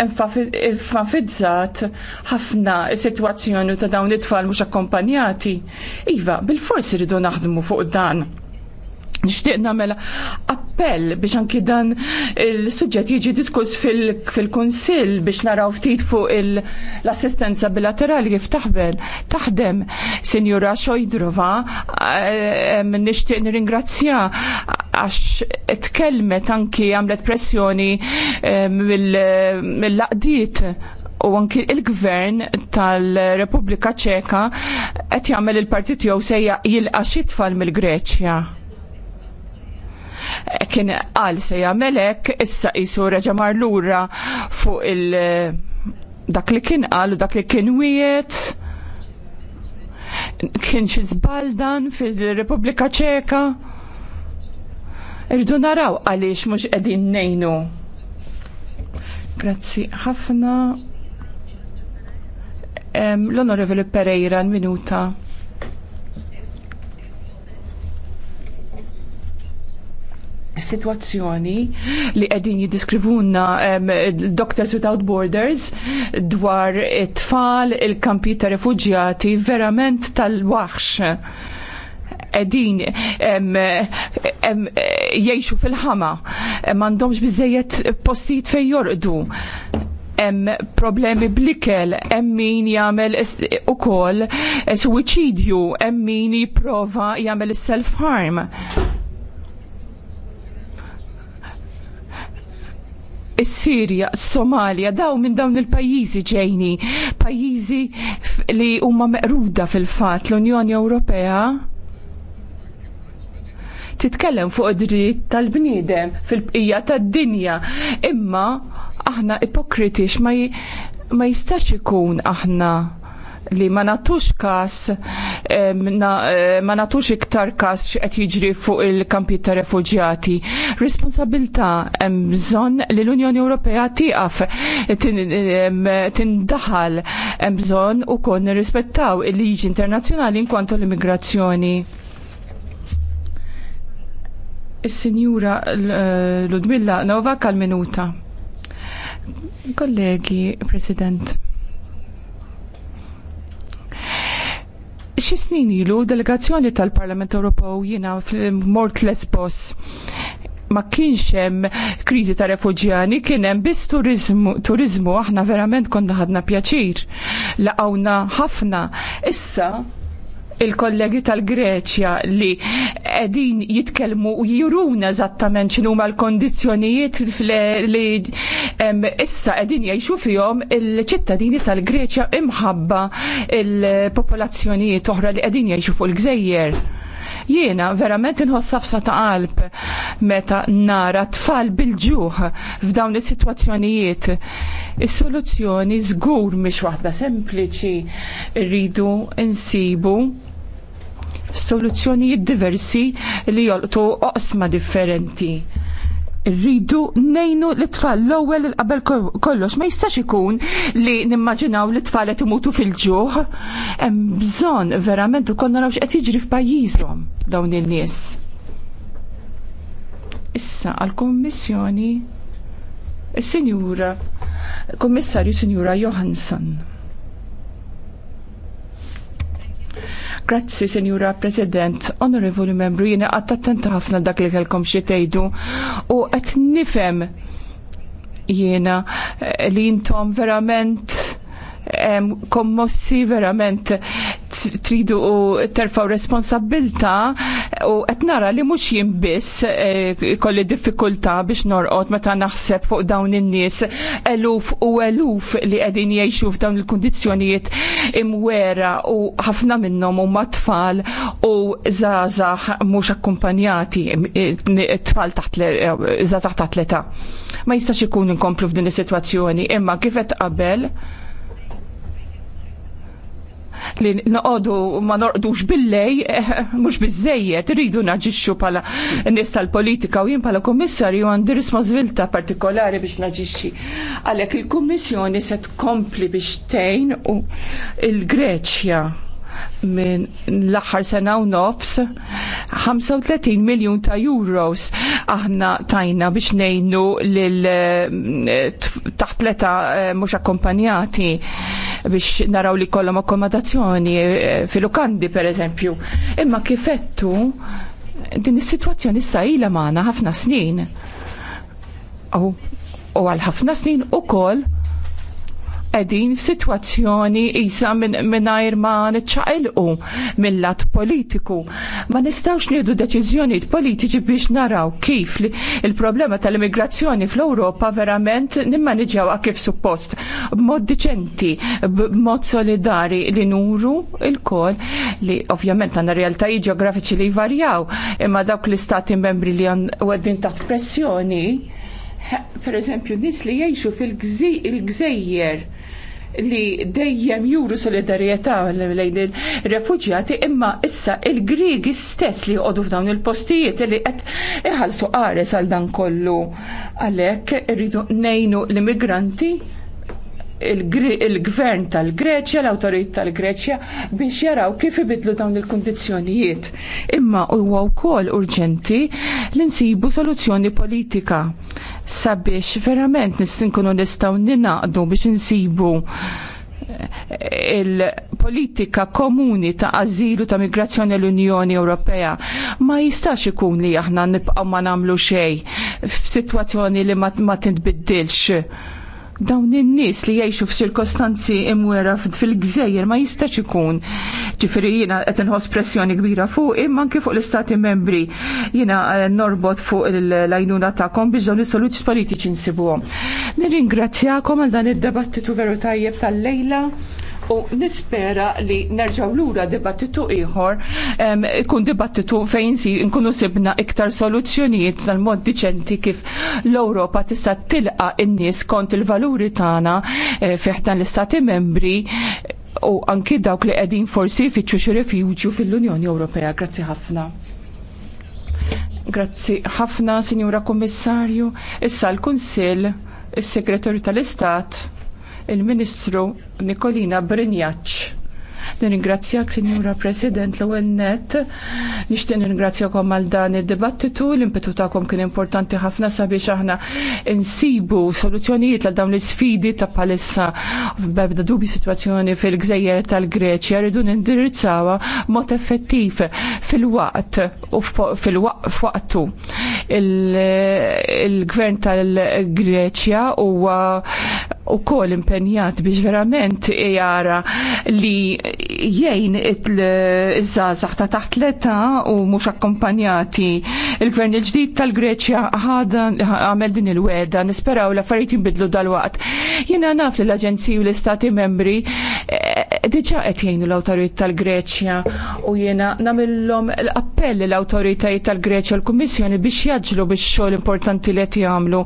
enfafizzat ħafna s-sitwazzjoni ta' dawn it-tfal mhux akkompanjati. Iva, bil-forsi rridu naħdmu fuq dan nixtieq nagħmel appell biex anki dan il-suġġett jiġi diskuss fil-Kunsill biex naraw ftit fuq l-assistenza bilaterali kif taħbel taħdem Sinjura Xojdrova eh, nixtieq nirringrazzja għax tkellmet anki għamlet pressjoni mill-laqdiet u anki il-gvern tal-Repubblika Ċeka qed jagħmel il-partit jew sejja jilqa' xi tfal mill-Greċja kien qal se jagħmelek issa qisu reġa' marlura lura fuq il dak li kien għal u dak li kien wiet kien xi żbaldan fil-Repubblika Ċeka. Irdu naraw għaliex mhux qegħdin ngħinu. Grazzi ħafna. L-Onorevoli Pereira, minuta situazzjoni li qegħdin jiddiskrivuna um, Doctors Without Borders dwar it-tfal il-kampi ta' refugjati verament tal-waħx għedin jgħixu fil-ħama mandomx biżejjed postijiet fejn jorqdu hemm problemi blikel, hemm min jagħmel ukoll eh, suwiċidju, hemm min jipprova jagħmel is-self harm is-Sirja, s-Somalia, daw minn dawn il-pajjiżi ġejni, pajjiżi li huma meqruda fil-fatt l-Unjoni Ewropea titkellem fuq id-dritt tal-bniedem fil-bqija tad-dinja, imma aħna ipokriti ma jistax ikun aħna li ma natux kas eh, eh, ma natux iktar kas x'qed jiġri fuq il-kampi ta' refuġjati. Responsabilità hemm bżonn li l-Unjoni Ewropea tieqaf tindaħal hemm bżonn ukoll nirrispettaw il-liġi internazzjonali inkontu l-immigrazzjoni. Is-Sinjura eh, Ludmilla Novak għal-minuta. Kollegi, President Xi snin ilu delegazzjoni tal-Parlament Ewropew jiena mort Lesbos ma kienx hemm kriżi ta' refuġjani, kien hemm biss turizmu, turizmu aħna verament konna ħadna pjaċir. Laqgħuna ħafna. Issa il-kollegi tal-Greċja li edin jitkelmu u jiruna eżattament xinu ma l-kondizzjonijiet li issa edin jgħixu fihom il-ċittadini tal-Greċja imħabba il-popolazzjonijiet oħra li edin jgħixu fuq il-Gżejjer. Jiena verament inħossaf sa ta' qalb meta nara tfal bil-ġuħ f'dawn is-sitwazzjonijiet. Is-soluzzjoni żgur mhix waħda sempliċi rridu insibu soluzzjonijiet diversi li jolqtu oqsma differenti rridu nejnu l-tfal l-ewwel qabel kollox ma jistax ikun li nimmaġinaw li tfal qed imutu fil-ġuħ. Hemm bżonn verament ukoll narawx qed jiġri f'pajjiżhom dawn in-nies. Issa għall-Kummissjoni is-Sinjura Kummissarju Sinjura Johansson. Grazzi, Senjura President, Onorevoli Membru, jiena għatt attenta ħafna dak li kelkom xi tgħidu u qed nifhem jiena eh, li intom verament kommossi verament tridu u terfaw responsabilta u qed nara li mhux jimbis e, eh, kolli diffikultà biex norqod meta naħseb fuq dawn in-nies eluf u eluf li qegħdin jgħixu f'dawn il-kundizzjonijiet imwera u ħafna minnhom huma tfal u zazax mhux akkumpanjati eh, tfal taħt zazax eh, taħt l-età. Ma jistax ikun inkomplu f'din is-sitwazzjoni imma kif qed qabel li noqogħdu ma norqdux billej, eh, mhux biżejjed, iridu naġixxu bħala nies tal-politika u jien bħala kummissarju għandi responsabilità partikolari biex naġixxi. Għalhekk il-Kummissjoni se tkompli biex tejn u il-Greċja minn l-aħħar sena u nofs 35 miljun ta' euros aħna tajna biex nejnu lil eh, taħt leta eh, mhux akkompanjati biex naraw li kollom akkomodazzjoni eh, fil-lukandi pereżempju. Imma kifettu din is-sitwazzjoni issa ilha magħna ħafna snin. U għal ħafna snin ukoll edin situazzjoni isa minnajr ma nċaqilqu mill-lat politiku. Ma nistawx nidu deċiżjonijiet politiċi biex naraw kif il-problema tal-immigrazzjoni fl-Ewropa verament nimmaniġawha kif suppost. B'mod diċenti, b'mod solidari li nuru il-kol li ovvjament għandna realtajiet ġeografiċi li jvarjaw imma dawk l-istati membri li għaddin taħt pressjoni per eżempju, nis li jiexu fil-gżejjer li dejjem juru solidarjetà lejn il-refuġjati imma issa il-Grigi stess li jqogħdu f'dawn il-postijiet li qed iħallsu qares għal dan kollu. Għalhekk irridu ngħinu l-immigranti il-gvern tal-Greċja, l autorit tal-Greċja biex jaraw kif ibidlu dawn il kundizzjonijiet Imma huwa wkoll urġenti li nsibu soluzzjoni politika sabiex verament nistinkunu nistgħu ninaqdu biex insibu eh, il-politika komuni ta' azilu ta' migrazzjoni l-Unjoni Ewropea ma jistax ikun li aħna nibqgħu ma nagħmlu xejn f'sitwazzjoni li ma, ma tintbiddilx dawn in-nies li jgħixu f'ċirkostanzi imwera fil-gżejjer ma jistax ikun. Ġifieri jiena qed inħoss pressjoni kbira fuq imma anke fuq l-istati membri jiena eh, norbot fuq l-għajnuna tagħkom biex is-soluzzi politiċi nsibuhom. Nirringrazzjakom għal dan id-debattitu veru tajjeb tal-lejla u nispera li nerġaw lura dibattitu ieħor ikun dibattitu fejn si nkunu sibna iktar soluzzjonijiet tal-mod diċenti kif l-Ewropa tista' tilqa' in-nies kont il-valuri tagħna eh, fiħdan l-istati membri u anki dawk li qegħdin forsi jfittxu xi rifjuġju fil-Unjoni Ewropea. Grazzi ħafna. Grazzi ħafna, Sinjura Kommissarju. Issa l-Kunsill, is-Segretarju tal-Istat, il-Ministru Nikolina Brinjaċ. Nirringrazzjak, Sinjura President, l-ewwel net. Nixtieq nirringrazzjakom għal dan id-dibattitu, l-impetu tagħkom kien importanti ħafna sabiex aħna insibu soluzzjonijiet għal dawn l-isfidi ta' palissa b'ebda dubi situazzjoni fil-gżejjer tal-Greċja rridu nindirizzawha mod effettiv fil-waqt u fil-waqtu. Il-gvern tal-Greċja huwa u kol impenjat biex verament jara li jgħin iż-żazax ta' taħt l-età u mhux akkompanjati. Il-gvern il-ġdid tal-Greċja ħada għamel din il-weda, nisperaw l-affarijiet jinbidlu dal-waqt. Jiena naf li l-Aġenziji u l-Istati membri eh, diġà qed jgħinu l-awtoritajiet tal-Greċja u jiena nagħmilhom l-appell l-awtoritajiet tal-Greċja u l-Kummissjoni biex jaġlu biex xogħol importanti li qed jagħmlu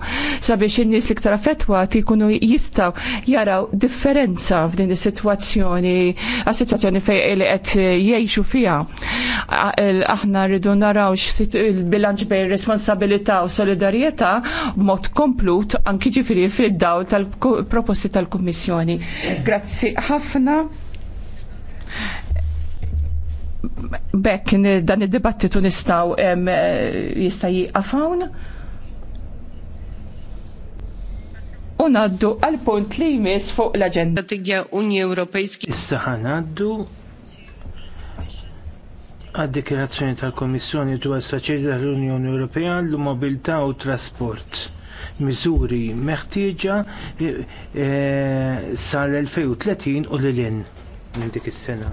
sabiex in-nies iktar affettwati jkunu jistgħu jaraw differenza f'din is-sitwazzjoni situazzjoni fej li qed jgħixu fiha. Aħna rridu naraw il-bilanċ bejn responsabilità u solidarjetà b'mod komplut anki ġifieri fid-dawl tal-proposti tal-Kummissjoni. Grazzi ħafna bekk dan id-dibattitu nistaw jista' jieqaf hawn. u naddu għal punt li jmiss fuq l-agenda. Strategija Unji Ewropejski. Issa ħanaddu għad dikjerazzjoni tal-Komissjoni dwar strateġija tal-Unjoni Ewropea l-mobilità u trasport. Miżuri meħtieġa eh, sal-2030 u l-lin minn dik is-sena.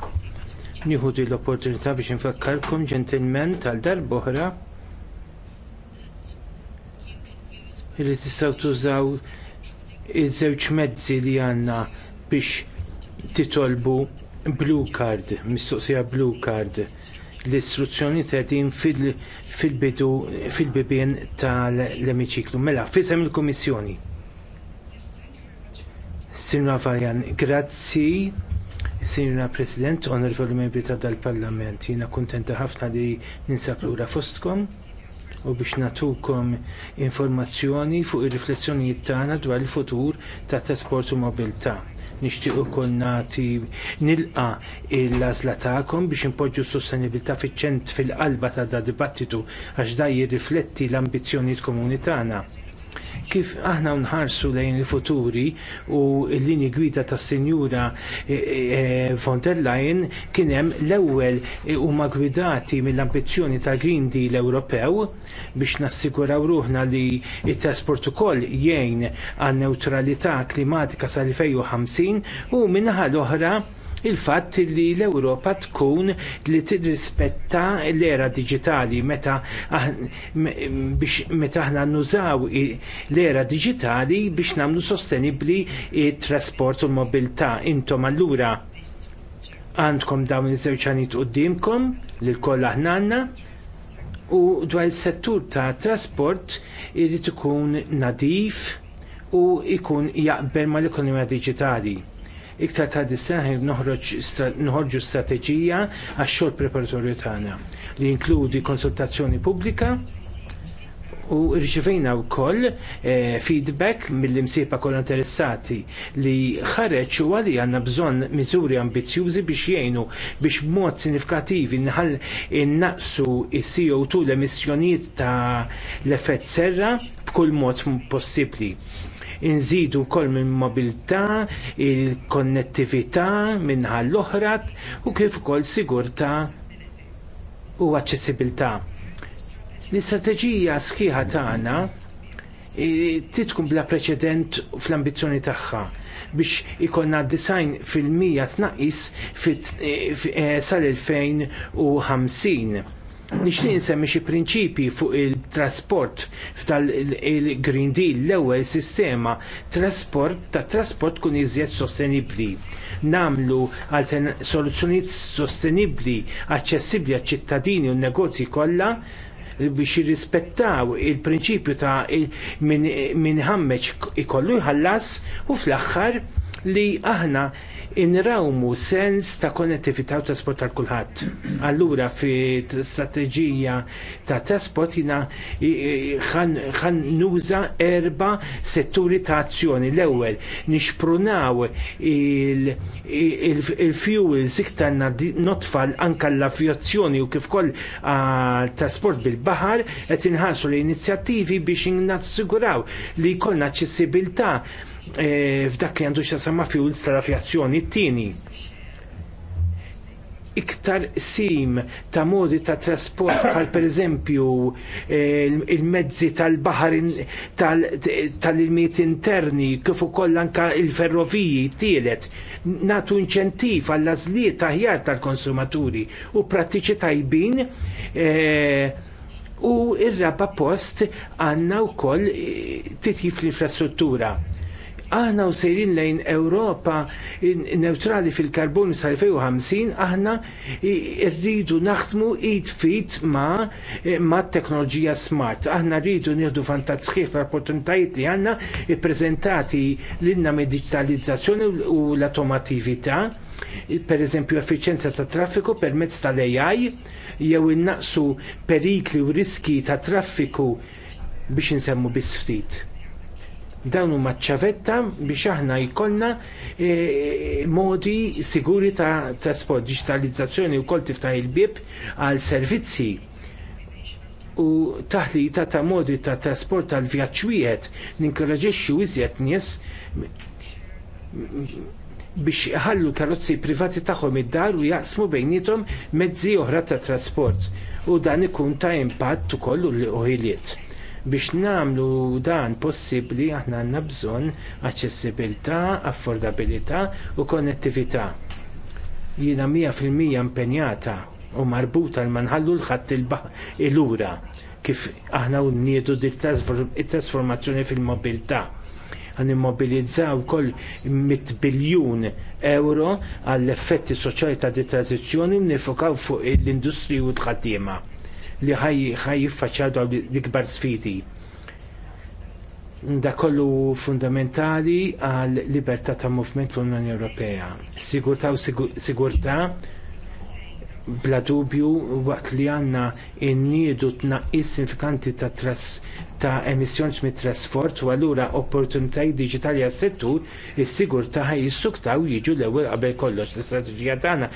Nieħu l-opportunità biex infakkarkom ġentilmen tal-darbohra li tistgħu tużaw iż-żewġ mezzi li għandna biex titolbu blue card, mistoqsija blue card. L-istruzzjoni tedin fil-bidu fil-bibien tal-emiċiklu. Mela, fisem il-Komissjoni. Sinra Varjan, grazzi. Sinjura President, onorevoli membri ta' dal-Parlament, jina kontenta ħafna li ninsab lura fostkom u biex natukom informazzjoni fuq ir-riflessjonijiet tagħna dwar il-futur tat trasport u mobilità. Nixtieq ukoll nagħti nilqa l-għażla tagħkom biex impoġġu s-sostenibilità fiċ-ċent fil-qalba ta' da dibattitu għax da jirrifletti l-ambizzjonijiet komuni tagħna kif aħna nħarsu lejn il-futuri u l-lini gwida tas sinjura eh, eh, von der Leyen kienem l-ewwel eh, huma gwidati mill-ambizzjoni ta' Green Deal Ewropew biex nassiguraw ruħna li t trasport ukoll jgħin għan neutralità klimatika sal-2050 u minnaħa l-oħra il-fatt li l-Ewropa tkun li tirrispetta l-era digitali meta biex meta aħna nużaw l-era digitali biex nagħmlu sostenibbli t trasport u l-mobilità. Intom allura għandkom dawn iż-żewġ ħanit quddiemkom lil kollha ħnanna u dwar is-settur ta' trasport irid ikun nadif u jkun jaqbel mal ekonomija diġitali iktar ta' dis-sena noħorġu strateġija għax-xogħol preparatorju tagħna li jinkludi konsultazzjoni pubblika u rċivejna wkoll e, feedback mill-imsiepa kollha interessati li ħareġ u għalli għandna bżonn miżuri ambizjużi biex jgħinu biex b'mod sinifikattivi nħall innaqsu il-CO2 l-emissjonijiet ta' l-effett serra b'kull mod possibbli inżidu wkoll minn mobilità, il-konnettività minnha l-oħra u kif ukoll sigurtà u aċċessibilità. L-istrateġija sħiħa tagħna tkun bla preċedent fl-ambizzjoni tagħha biex ikonna design fil-mija tnaqis eh, eh, sal-2050 Nixtieq insemmi xi prinċipji fuq il-trasport tal-Green Deal l-ewwel sistema trasport tat trasport kun iżjed sostenibbli. Namlu soluzzjonijiet sostenibbli aċċessibbli għaċ-ċittadini u n-negozji kollha biex jirrispettaw il-prinċipju ta' il ikollu jħallas u fl-aħħar li aħna inrawmu sens ta' konnettività u trasport tal kulħadd. Allura fi strateġija ta' trasport jina ħan nuża erba setturi ta' azzjoni. L-ewwel nixprunaw il-fuels iktar notfal anka l-avjazzjoni u kif koll trasport bil-baħar qed inħarsu l-inizjattivi biex nassiguraw li jkollna aċċessibilità E, f'dak li għandu xasamma fuels tal fjazzjoni t-tieni iktar sim ta' modi ta' trasport bħal pereżempju e, il-mezzi tal-baħar tal-ilmiet interni kif ukoll anke l ferroviji tielet natu inċentiv għall ta' aħjar tal-konsumaturi u prattiċi tajbin e, u r raba post għandna wkoll titjif l-infrastruttura aħna u sejrin lejn Ewropa neutrali fil-karbon sal-2050, aħna rridu naħdmu id fit ma, e, ma teknoloġija smart. Aħna rridu nieħdu vantaġġ sħiħ l-opportunitajiet li għandna ippreżentati lilna mid-digitalizzazzjoni u l-automatività per eżempju effiċenza ta' traffiku permezz tal-AI jew innaqsu perikli u riski ta' traffiku biex insemmu bis ftit Dawn huma ċavetta biex aħna jkollna e, modi siguri ta' trasport, digitalizzazzjoni wkoll tiftaħ il bieb għal servizzi u taħlita ta' modi ta' trasport tal-vjaġġ wieħed ninkoraġixxu iżjed nies biex iħallu karozzi privati tagħhom id-dar u jaqsmu bejnietom mezzi oħra ta' trasport u dan ikun ta' impatt ukoll u ħiliet. Biex nagħmlu dan possibbli aħna għandna bżonn aċċessibilità, affordabilità u konnettività. Jiena mija fil-mija impenjata u marbuta l-manħallu l ħatt il-lura kif aħna unniedu il-trasformazzjoni fil-mobilità. Għan immobilizzaw kol 100 biljun euro għall-effetti soċjali ta' di tranzizjoni nifokaw fuq l-industri u l-ħaddiema li ħaj jiffaċċjaw l-ikbar sfidi. Da kollu fundamentali għal libertà ta' movement l-Unjoni Ewropea. Sigurtà u sigurtà bla dubju waqt li għandna innidu tnaqqis sinifikanti ta' tras ta' emissjoni mit trasport u allura opportunitaj diġitali għas settur is ta' ħaj jissuktaw jiġu l-ewwel qabel kollox. L-istrateġija tagħna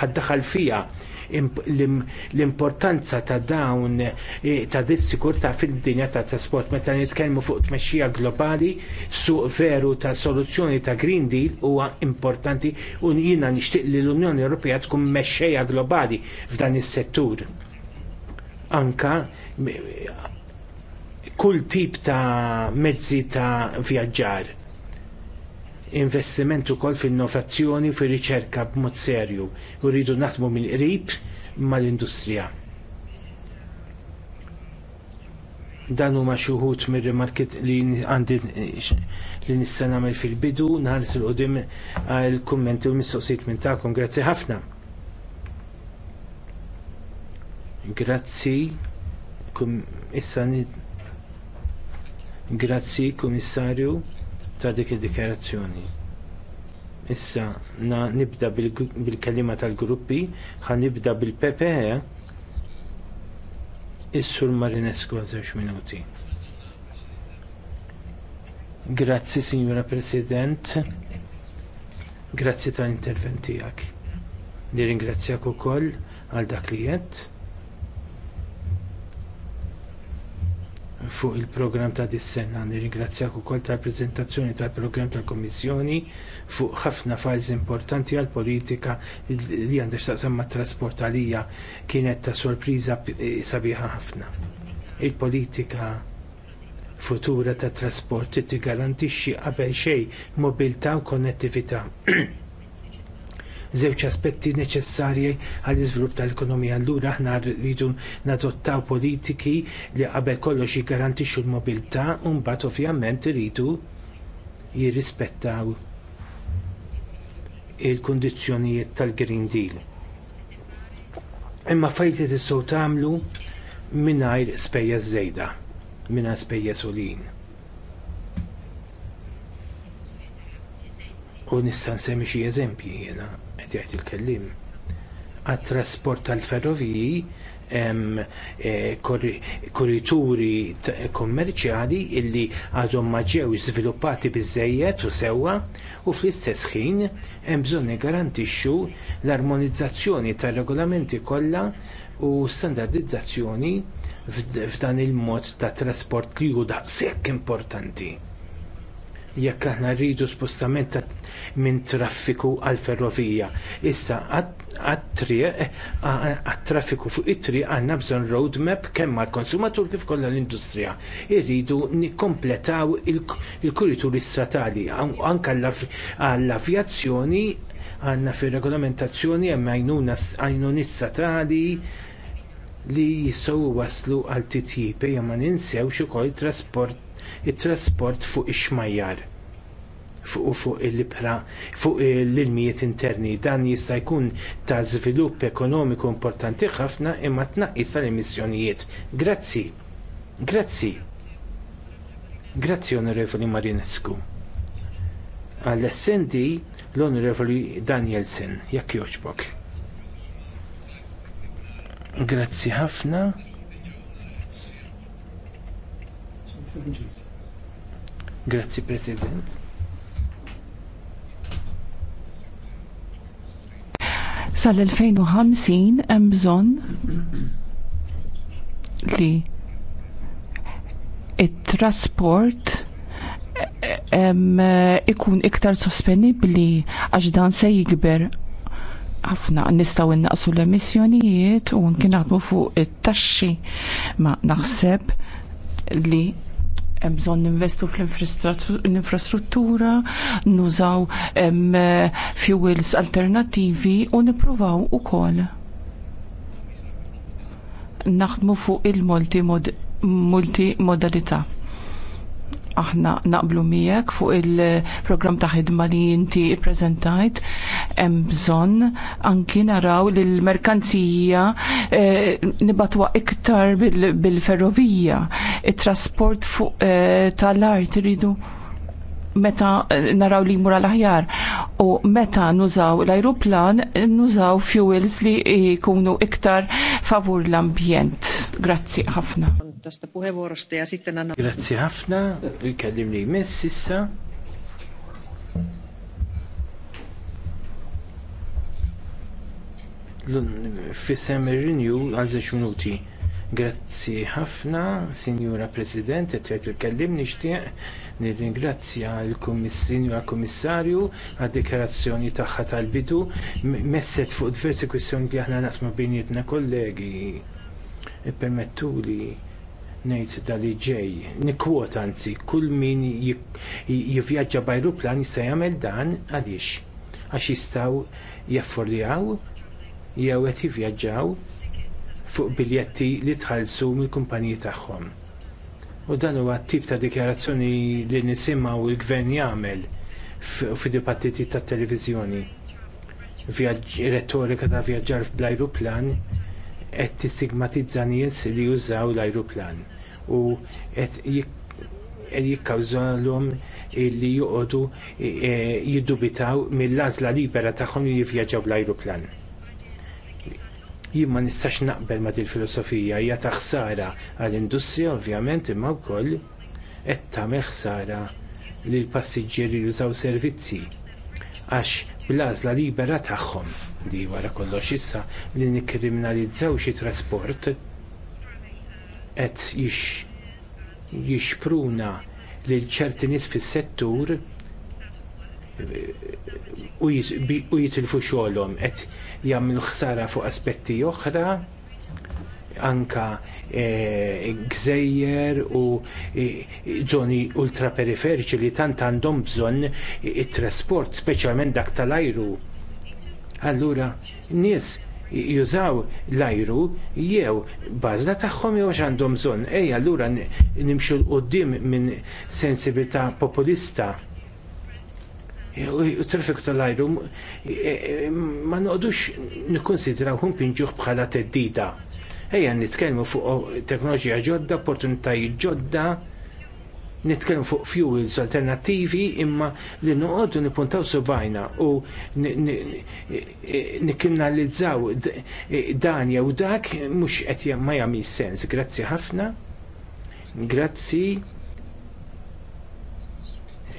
ħaddaħal fija l-importanza ta' dawn e, ta' dis-sikurtà fid-dinja tat trasport meta nitkellmu fuq tmexxija globali suq veru ta' soluzzjoni ta' Green Deal huwa importanti u jiena nixtieq li l-Unjoni Ewropea tkun mexxejja globali f'dan is-settur. Anka kull tip ta' mezzi ta' vjaġġar investiment ukoll fil-innovazzjoni fir riċerka b'mod serju u rridu naħdmu mill-qrib mal-industrija. Dan huma xi wħud mir-rimarkit li għandi li nista' nagħmel fil-bidu naħares il qudiem għal kummenti u mistoqsijiet minn tagħkom. Grazzi ħafna. Grazzi. Kum, issa Grazzi, Kummissarju ta' dik id-dikjarazzjoni. Issa na nibda bil-kelima bil tal-gruppi, ħan nibda bil-PPE is-sur għal żewġ minuti. Grazzi, Signora President. Grazzi tal-intervent tiegħek. Nirringrazzjak ukoll għal dak li jett fuq il-programm ta' dis-sena. Nirringrazzjak ukoll tal-preżentazzjoni tal-programm tal-Kommissjoni fuq ħafna files importanti għal politika li għandha x'taqsam mat-trasport għalija kienet ta' sorpriża sabiħa ħafna. Il-politika futura tat trasport tigarantixxi qabel xejn mobilità u konnettività żewġ aspetti neċessarji għall iżvilupp tal-ekonomija. Allura aħna rridu nadottaw politiki li qabel kollox jiggarantixxu l-mobilità u mbagħad ovvjament iridu jirrispettaw il kundizzjonijiet tal-Green Deal. Imma fajti tistgħu tagħmlu mingħajr spejjeż żejda, mingħajr spejjeż solin. U nista' nsemmi xi eżempji jiena wieħed il-kellim. Għat-trasport tal-ferroviji eh, korrituri kommerċjali illi għadhom ma ġew żviluppati biżżejjed u sewwa u fl-istess ħin hemm bżonn garantixxu l-armonizzazzjoni tar-regolamenti kollha u standardizzazzjoni f'dan il-mod ta' trasport li hu daqshekk importanti jekk aħna rridu spostament minn traffiku għall ferrovija. Issa għat eh, traffiku fuq it-triq għandna bżonn roadmap kemm għall konsumatur kif kollha l-industrija. Irridu nikkompletaw il-kurituri statali anke għall-avjazzjoni għandna fir-regolamentazzjoni hemm għajnuniet statali li jistgħu waslu għal titjib imma ma ninsewx ukoll it-trasport fuq ix-xmajjar fuq fuq il-libra fuq l-ilmijiet interni. Dan jista' jkun ta' żvilupp ekonomiku importanti ħafna imma tnaqqis tal-emissjonijiet. Grazzi. Grazzi. Grazzi Onorevoli Marinescu. Għall-essendi l-Onorevoli Danielsen, jekk joġbok. Grazzi ħafna. Grazzi President. Sal-2050 hemm bżonn li it-trasport eh, eh, ikun iktar sostenibbli għax dan se jikber ħafna nistaw innaqsu l-emissjonijiet u nkien fuq it-taxxi ma naħseb li hemm bżonn ninvestu fl-infrastruttura, nużaw fuels alternattivi u nippruvaw ukoll naħdmu fuq il-multimodalità aħna naqblu miegħek fuq il-programm ta' ħidma li inti ippreżentajt hemm bżonn anki naraw lill l-merkanzija eh, nibatwa iktar bil-ferrovija, bil it-trasport fuq eh, tal-art iridu meta eh, naraw li jmur għall aħjar u meta nużaw l-ajruplan nużaw fuels li jkunu iktar favur l-ambjent. Grazzi ħafna. Grazzi puheenvuorosta ja sitten Grazie ħafna, il-kellim li jmiss issa. Fisem il-renew għal minuti. Grazzi ħafna, Signora President, et il-kellim nishtiq nirringrazzja l Kommissarju għad dekarazzjoni tagħha tal-bidu messet fuq diversi kwistjoni li aħna nasma bejnietna kollegi. li ngħid dali ġej, nikkwota anzi, kull min jivvjaġġa bajruplan jista' jagħmel dan għaliex għax jistgħu jaffurjaw jew qed jivvjaġġaw fuq biljetti li tħallsu mill-kumpaniji tagħhom. U dan huwa t tip ta' dikjarazzjoni li nisimgħu l gvern jagħmel fi dibattiti tat televiżjoni. Retorika ta' vjaġġar fl ajruplan qed tistigmatizza nies li jużaw l-ajruplan u qed jikkawżalhom li joqogħdu e, jiddubitaw mill-għażla libera tagħhom li jivvjaġġaw bl-ajruplan. Jien ma nistax naqbel ma' din filosofija hija ta' ħsara għall-industrija ovvjament imma wkoll qed tagħmel ħsara lill passiġġieri li jużaw servizzi għax bl-għażla libera tagħhom li wara kollox issa li nikkriminalizzaw xi trasport qed jixpruna lil ċerti nies fis-settur eh, u jitilfu xogħolhom qed jagħmlu ħsara fuq aspetti oħra anka eh, gżejjer u żoni eh, ultraperiferiċi li tant għandhom bżonn it-trasport, speċjalment dak tal-ajru Allura, nies jużaw l-ajru jew bażla tagħhom jew għax għandhom bżonn. Ej, allura nimxu l-qoddim minn sensibilità populista u traffiku tal-ajru e, e, ma noqdux nikkonsidraw hun pinġuħ bħala teddida. Ejja nitkellmu fuq teknoloġija ġodda, opportunitajiet ġodda, nitkellmu fuq fuels alternattivi imma li noqogħdu nipuntaw subajna u nikkriminalizzaw dan jew dak mhux qed ma jagħmel sens. Grazzi ħafna. Grazzi.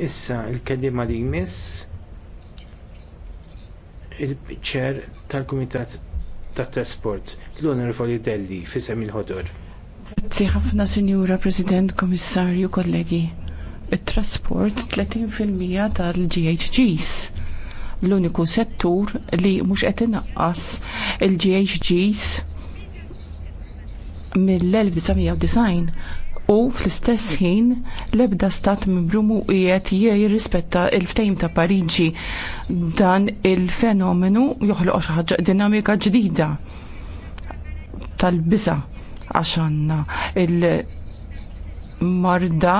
Issa il-kelliema li jmiss il-ċer tal-Kumitat tat Trasport, l-Onorevoli Delli, fisem il-ħodor. Grazzi ħafna Sinjura President, Komissarju, kollegi. Il-trasport 30% tal-GHGs l-uniku settur li mhux qed inaqqas il-GHGs mill-1990 u fl-istess ħin l-ebda stat membru mu qiegħed jirrispetta il-ftejm ta' Pariġi dan il-fenomenu joħloq ħaġa dinamika ġdida tal-biża' Għaxanna il- marda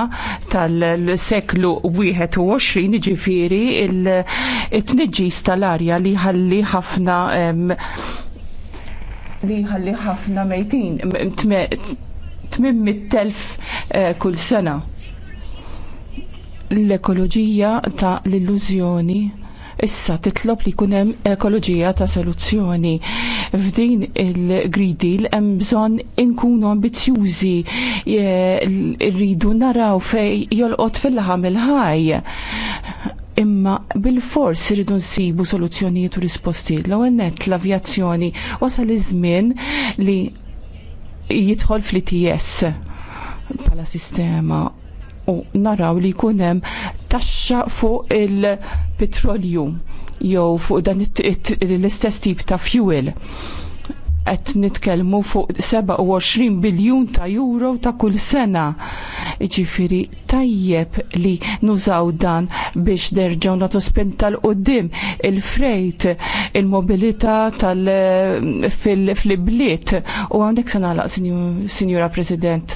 tal-seklu 21 ġifiri il-tniġis tal-arja li ħalli ħafna li ħalli ħafna mejtin mit-telf eh, kull sena l-ekoloġija ta' l-illużjoni issa titlob li jkun hemm ekoloġija ta' soluzzjoni. F'din il-Green Deal hemm bżonn inkunu ambizzjużi rridu naraw fej jolqot fil-ħam il-ħaj imma bil-fors iridu nsibu soluzzjonijiet u risposti. L-ewwel nett l-avjazzjoni wasal iż-żmien li jidħol fl-ITS bħala sistema u naraw li jkun hemm taxxa fuq il-petrolju jew fuq dan l-istess tip ta' fuel qed nitkellmu fuq 27 biljun ta' euro ta' kull sena. Ġifiri tajjeb li nużaw dan biex derġaw natu spin tal-qoddim il-frejt, il-mobilita tal-fil-bliet u għandek sena laq, Sinjura President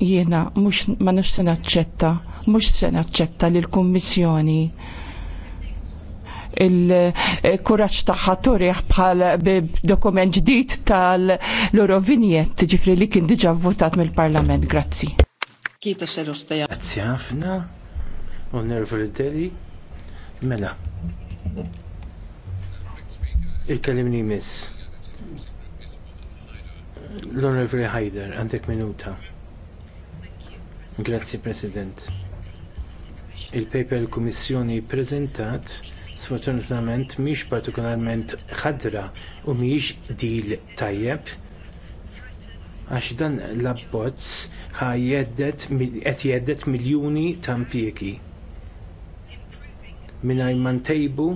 jiena mhux ma nafx se naċċetta, mhux se naċċetta li l-Kummissjoni il-kuraċ eh, tagħha turiħ bħal dokument ġdid tal loro vinjet ġifri li kien diġà votat mill-Parlament. Grazzi. Kita selustaja. Grazzi ħafna. Onorevoli Deli. Mela. Il-kellimni miss. L-Onorevoli Hajder, għandek minuta. Grazzi President. Il-paper l-Kummissjoni ppreżentat sfortunatament mhix partikolarment ħadra u mhix dil tajjeb għax dan l-abbozz qed jeddet miljuni ta' impjiegi. Mingħajr ma ntejbu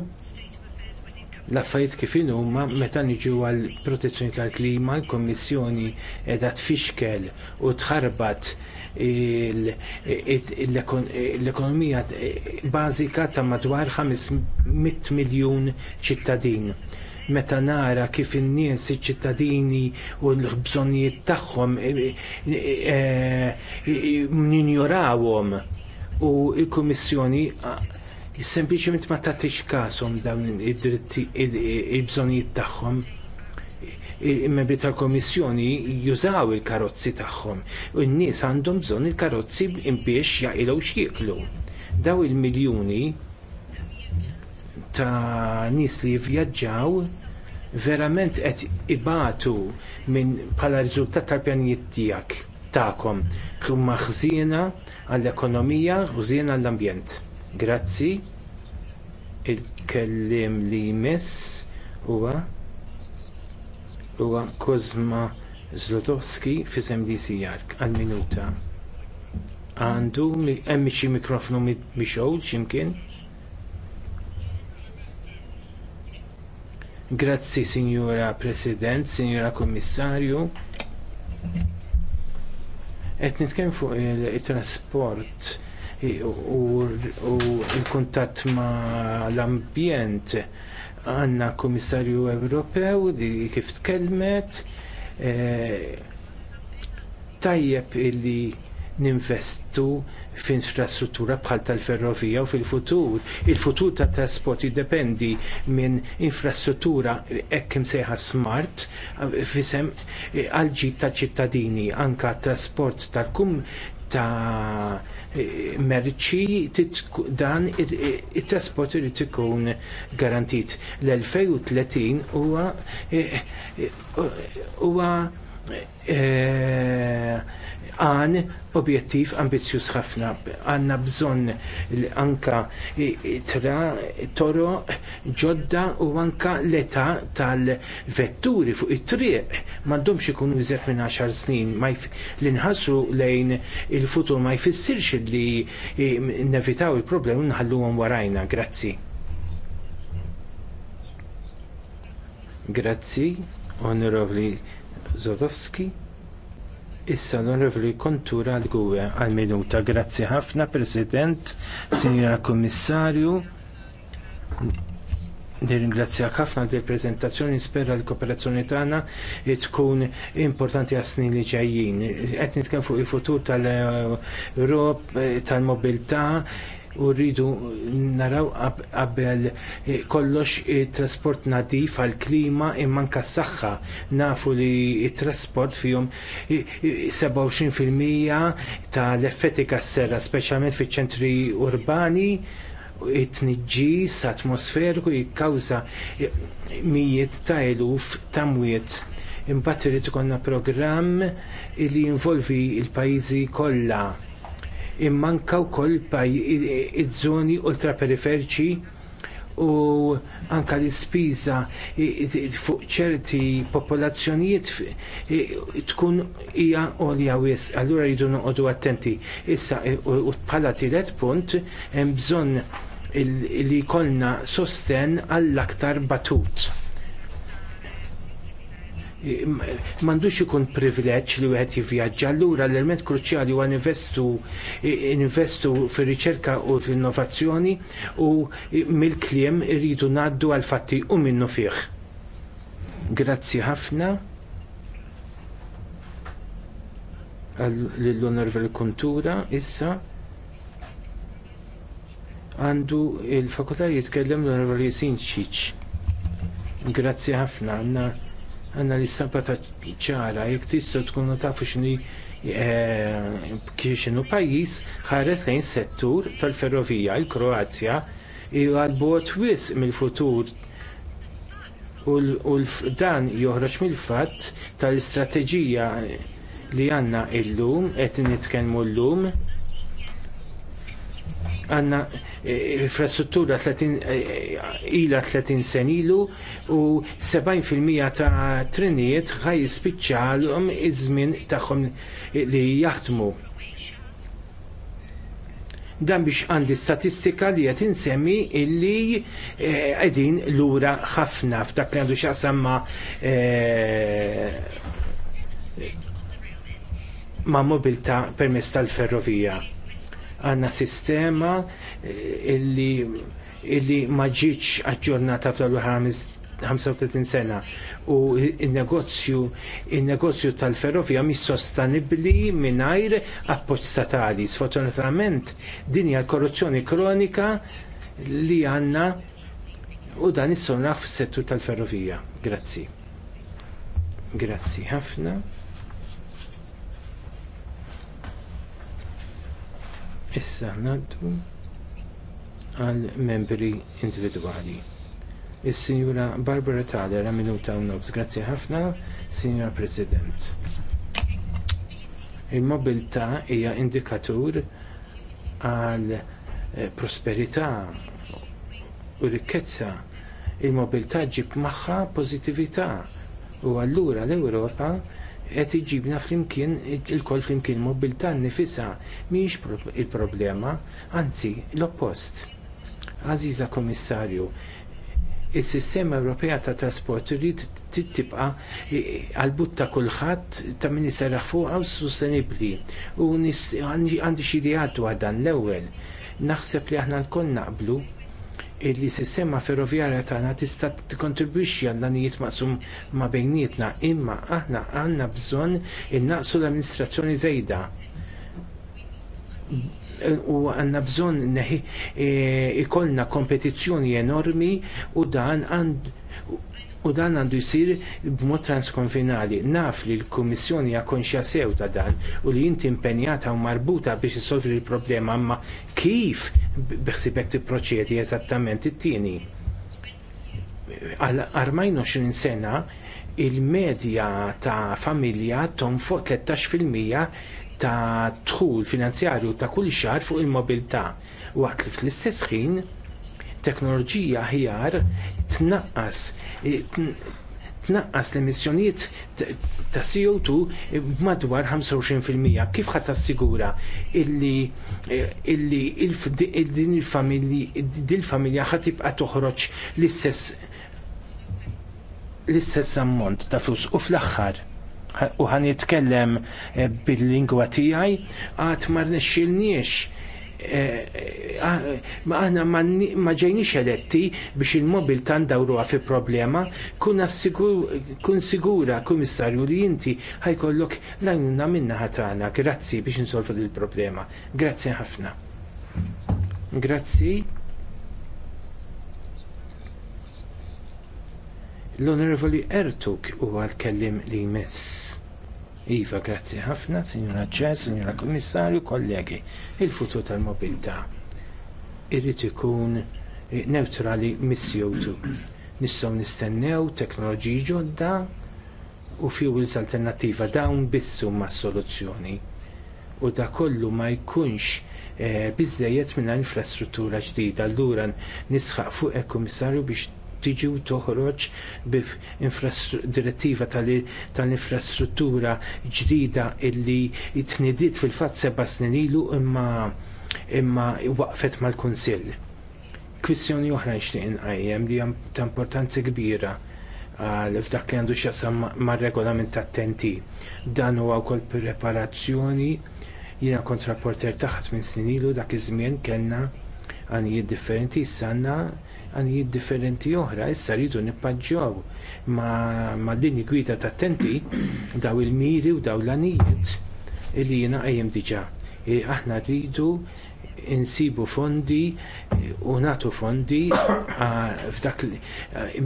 l-affarijiet kif huma meta niġu għall protezzjoni tal-klima, l-Kommissjoni qiegħda tfixkel u tħarbat l-ekonomija bażika ta' madwar 500 miljun ċittadin. Meta nara kif in-nies iċ-ċittadini u l-bżonnijiet tagħhom e- e- e- ninjurawhom u l-Kummissjoni sempliċement ma tagħtix kasom dawn id-dritti il-bżonijiet tagħhom il-membri tal-Komissjoni jużaw il-karozzi tagħhom. U n-nies għandhom bżonn il-karozzi biex jaqilgħu x'jieklu. Daw il-miljuni ta' nies li jivvjaġġaw verament qed ibatu minn bħala riżultat tal-pjanijiet tiegħek tagħkom. Kumma ħżiena għall-ekonomija, ħżiena għall-ambjent. Grazzi. Il-kellim li jmiss huwa huwa Kozma Zlotowski fisem li sijar għal-minuta. Għandu hemm xi mikrofonu mixol x'imkien? Grazzi Signora President, Signora Kommissarju. Qed nitkellem fuq it trasport u l-kuntatt ma' l-ambjent għandna Kummissarju Ewropew li kif tkellmet e, tajjeb illi ninvestu f'infrastruttura bħal tal-ferrovija u fil-futur. Il-futur tat trasport jiddependi minn infrastruttura hekk imsejħa smart fisem għal ġid taċ ċittadini anke t trasport tal-kum ta' merċi dan it-trasport irid ikun garantit. L-2030 huwa eh, eh, huwa eh, għan objettiv ambizjuż ħafna. Għanna bżonn anka tra toro ġodda u anka l-età tal-vetturi fuq it-triq m'għandhomx ikunu iżet minn 10 snin li nħassru lejn il-futur ma jfissirx li nevitaw il-problemi nħalluhom warajna. Grazzi. Grazzi, Onorevoli Zodowski. Issa l-onorevoli kontura għal-gwe għal-minuta. Grazzi ħafna, President, Sinjora Kommissarju. Nirringrazzjak ħafna għal prezentazzjoni spera l-kooperazzjoni tagħna tkun importanti għas snin li ġejjin. Qed nitkellem fuq il-futur tal-Europ, tal-mobilità, u rridu naraw qabel eh, kollox it-trasport nadif għall klima imma anke s-saħħa. Nafu li t trasport fihom 27% tal-effetti kas-serra, speċjalment fiċ-ċentri urbani, it-tniġġis atmosferiku jikkawża eh, mijiet ta' eluf ta' mwiet imbagħad irid ikollna programm li jinvolvi l pajjiżi kollha immanka wkoll iż-żoni ultraperiferiċi u anka l-ispiża fuq ċerti popolazzjonijiet tkun hija għolja wis, allura jridu noqogħdu attenti. Issa e, u bħala tielet punt hemm bżonn li jkollna sosten għall-aktar batut m'għandux ikun privileġġ li wieħed jivvjaġġa allura l-element kruċjali huwa investu investu fir-riċerka u fl-innovazzjoni u mill-kliem irridu ngħaddu għal fatti u minnu fih. Grazzi ħafna l-Onorevoli Kuntura issa għandu il-fakultà jitkellem l-Onorevoli Sinċiċ. Grazzi ħafna għanna għanna li sabata ċara, jek tistu tkunu tafu xini eh, kiexinu pajis ħares lejn settur tal-ferrovija, il-Kroazja, għal-bot wis mill-futur u dan joħroġ mill-fatt tal-istrateġija li għandna llum qed nitkellmu llum għanna eh, l-infrastruttura eh, ila 30 sen ilu u 70% ta' trinijiet ħaj jispiċċalhom iż-żmien tagħhom li jaħdmu dan biex għandi statistika li qed insemmi illi eh, qegħdin lura ħafna f'dak li għandu xaqsam ma ma mobilta permess tal-ferrovija għandna sistema eh, illi, illi ma ġietx aġġornata fl-35 sena u il-negozju il-negozju tal-ferrovja mis sostenibbli mingħajr appoġġ statali. Sfortunatament din hija korruzzjoni kronika li għandna u dan is-sonaħ fis-settur tal-ferrovija. Grazzi. Grazzi ħafna. Issa ngħaddu għal membri individwali. Is-Sinjura Barbara Thaler, minuta u nofs. Grazzi ħafna, Sinjura President. Il-mobilità hija indikatur għal eh, prosperità u rikkezza. Il-mobilità ġib magħha pożittività u allura l-Ewropa qed iġibna flimkien il-kol flimkien mobilità nifisa mhijiex il-problema, anzi l-oppost. Aziza Komissarju, il-sistema Ewropea ta' trasport trid tibqa għal butta ta' kulħadd ta' min jisarraħ fuqha u sostenibbli. U għandi xi ideat dwar dan l-ewwel. Naħseb li aħna lkoll naqblu illi sistema ferroviarja tagħna tista' tikkontribwixxi għal danijiet maqsum ma' bejnietna, imma aħna għandna bżonn innaqsu l-amministrazzjoni żejda. U għandna bżonn e, ikollna kompetizzjoni enormi u dan għandu u dan għandu jsir b'mod transkonfinali. Naf li l-Kummissjoni hija konxja sew ta' dan u li inti impenjata u marbuta biex isolvi l-problema, imma kif biħsibek tipproċedi eżattament it-tieni? Għal 24 sena il-medja ta' familja tonfoq 13% ta' dħul finanzjarju ta' kull xahar fuq il-mobilità. Waqt li fl-istess ħin teknoloġija ħjar tnaqqas e, tnaqqas l-emissjonijiet ta' CO2 e, madwar 25%. Kif ħat assigura illi e, din il-familja ħat tibqa' toħroġ l-istess ammont ta' flus u fl-aħħar u ħan jitkellem bil-lingwa tiegħi għad ma rnexxilniex Eh, eh, ah, ma aħna ma ġejniex eletti biex il-mobil tandawruha fi problema, kun sigura, kummissarju, li inti ħajkollok lajnuna minna ħatana. Grazzi biex insolvu il problema Grazzi ħafna. Grazzi. L-Onorevoli Ertug huwa l-kellim li jmiss. Iva, grazzi ħafna, Signora Ċer, Signora Kommissarju, kollegi. Il-futur tal-mobilità Irrit ikun neutrali mis co Nistgħu nistennew teknoloġiji ġodda u fuels alternattiva dawn bissu ma' soluzzjoni. U da kollu ma jkunx e, eh, bizzejiet minn infrastruttura ġdida. Allura nisħaq fuq il-Kummissarju biex tiġi u toħroġ bif direttiva tal-infrastruttura ġdida illi tnidiet fil-fatt seba' snin ilu imma imma waqfet mal-Kunsill. Kwistjoni oħra nixtieq inqajjem li hemm ta' importanza kbira għal ah, f'dak li għandu x'jaqsam mar-regolament tat-TNT. Dan huwa wkoll preparazzjoni jiena kontrapporter taħt minn snin ilu dak iż-żmien kellna għanijiet differenti s-sanna għanijiet differenti oħra, issa rridu nippaġġjaw ma, ma linji gwida ta' tenti daw il-miri u daw l-għanijiet illi jina għajem diġa. E, aħna rridu insibu fondi u natu fondi f'dak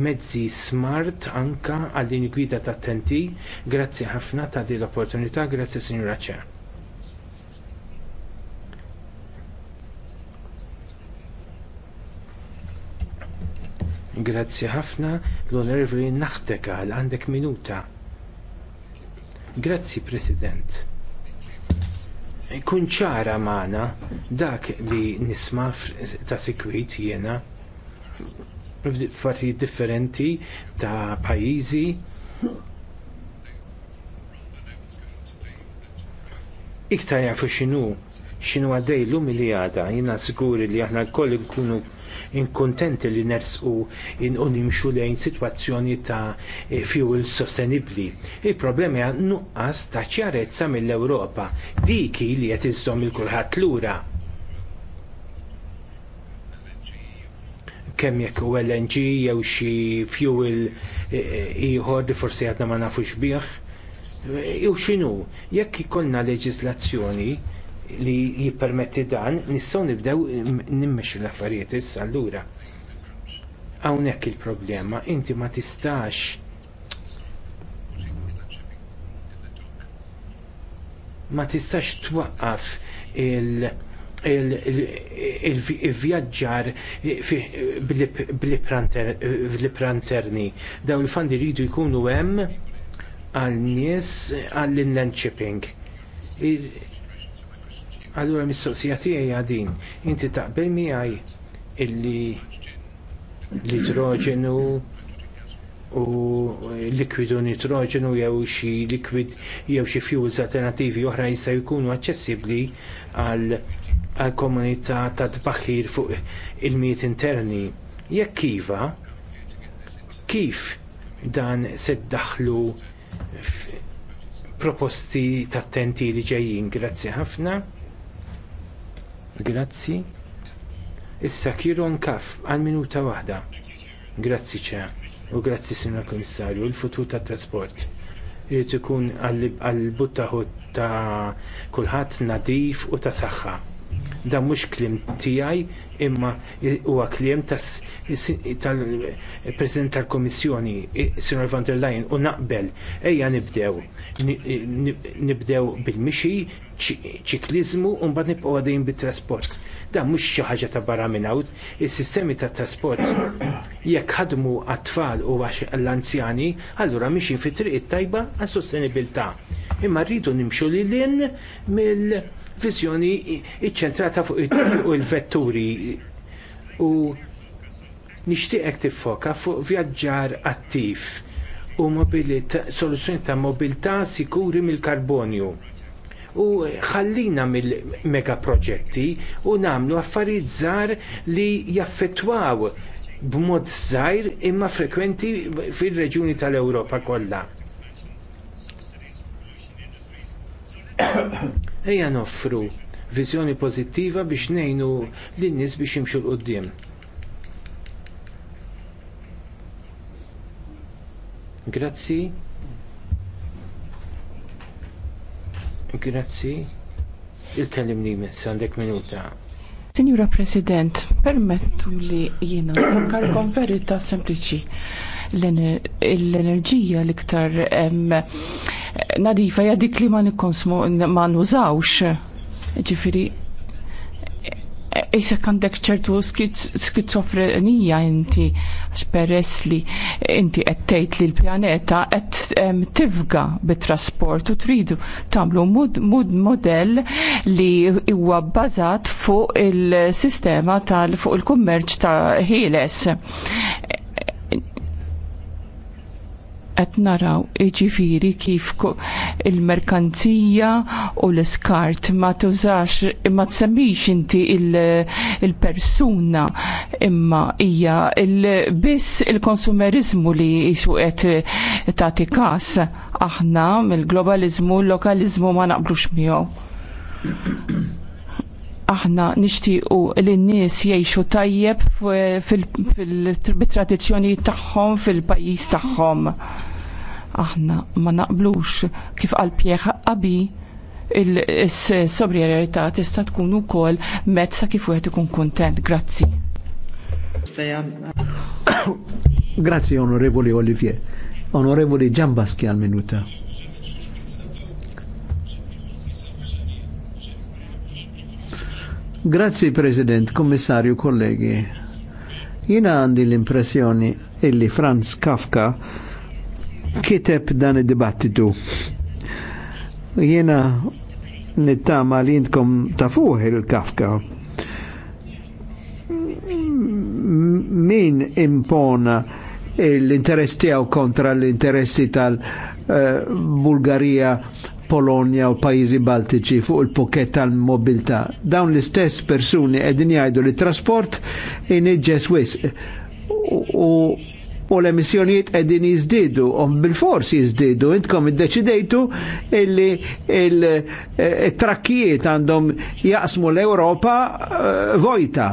mezzi smart anka għall-linji gwita ta' tenti. Grazzi ħafna ta' din l-opportunità, grazzi signora ċer. Grazzi ħafna l-onorevoli naħteka għal għandek minuta. Grazzi President. Kun ċara maħna dak li nisma ta' sikwit jena f'partijiet differenti ta' pajjiżi iktar jafu x'inhu x'inhu għaddej lum li għada, jiena żguri li aħna lkoll nkunu inkuntenti li nersqu u nimxu lejn sitwazzjoni ta' eh, fuel sostenibbli. Il-problema għan nuqqas ta' ċjarezza mill-Ewropa, diki li qed iżżomm il-kulħadd lura. kemm jekk u LNG jew xi fuel eh, eh, ieħor li forsi għadna ma nafux bih. Jew x'inhu, jekk ikollna leġiżlazzjoni li jippermetti dan, nistgħu nibdew mm, nimmexxu l-affarijiet issa allura. Hawnhekk il-problema, inti ma tistax ma tistax twaqqaf il- il-vjaġġar bl-pranterni. Daw il-fandi rridu jkunu hemm għal nies għall inland shipping. Allura mistoqsija tiegħi għadin, inti taqbel miegħi illi l-idroġenu u likwidu nitroġenu jew xi likwid jew xi fuels alternattivi oħra jistgħu jkunu aċċessibbli għal komunità ta' tbaħħir fuq il-miet interni. Jekk kiva, kif dan se daħlu proposti ta' tenti li ġejjin, grazzi ħafna. Grazzi. Issa kiru nkaf għal minuta waħda. Grazzi ċe. U grazzi sinna komissarju. Il-futur tat trasport. Irid ikun għal-buttaħu ta' kulħadd nadif u ta' saħħa. Dan mhux kliem tiegħi imma huwa kliem tal-President tal-Komissjoni, Sir van der Leyen, u naqbel, ejja nibdew, nibdew bil-mixi, ċiklizmu, u mbagħad nibqgħu għadin bit-trasport. Dan mhux xi ħaġa ta' barra minn hawn, is-sistemi tat-trasport jekk ħadmu għat-tfal u l anzjani allura mixin fit-triq it-tajba għas-sostenibilità. Imma rridu nimxu lil mill- vizjoni iċċentrata fuq il-vetturi u nixtieqek tiffoka fuq vjaġġar attiv u soluzzjoni ta' mobilità sikuri mill-karbonju u ħallina mill mega proġetti u nagħmlu affarijiet żgħar li jaffettwaw b'mod żgħir imma frekwenti fir-reġjuni tal-Ewropa kollha ejja noffru viżjoni pożittiva biex ngħinu lin-nies biex jimxu l-qudiem. Grazzi. Grazzi. Il-kellimni miss għandek minuta. Signora President, permettu li jiena nfakkarkom verità sempliċi l-enerġija l-iktar nadifa ja dik li ma nikkonsmu ma nużawx. Ġifiri, jisek għandek ċertu skizofrenija inti, għax peress li inti għettejt li l-pjaneta għett tifga bit-trasport u tridu tamlu mod model li huwa bazat fuq il-sistema tal fuq il-kummerċ ta' ħieles qed naraw iġifiri kif il-merkanzija u l-iskart ma tużax ma tsemmix inti il-persuna imma hija biss il-konsumerizmu li qed tagħti każ aħna mill-globalizmu l-lokalizmu ma naqblux miegħu aħna nixtiequ li n-nies jgħixu tajjeb fil tradizzjonijiet tagħhom fil-pajjiż tagħhom. Aħna ma naqblux kif qal Pierre qabi il-sobrierità tista' tkun ukoll mezza kif wieħed ikun kuntent. Grazzi. Grazzi onorevoli Olivier. Onorevoli Giambaski għal minuta. Grazzi President, Kommissarju, kollegi. Jina għandi l-impressjoni illi Franz Kafka kiteb dan id-dibattitu. Jina nittama li jintkom tafuħ il-Kafka. Min impona l interessi tiegħu kontra l-interessi tal-Bulgarija eh, Polonja u pajjiżi Baltiċi fuq il-poket tal mobilta Dawn l-istess persuni qegħdin jgħidu li trasport inġes wisq u l-emissjonijiet edin jizdidu, u bil-fors jizdidu, intkom id-deċidejtu illi il-trakkijiet eh, għandhom jaqsmu l-Europa eh, vojta.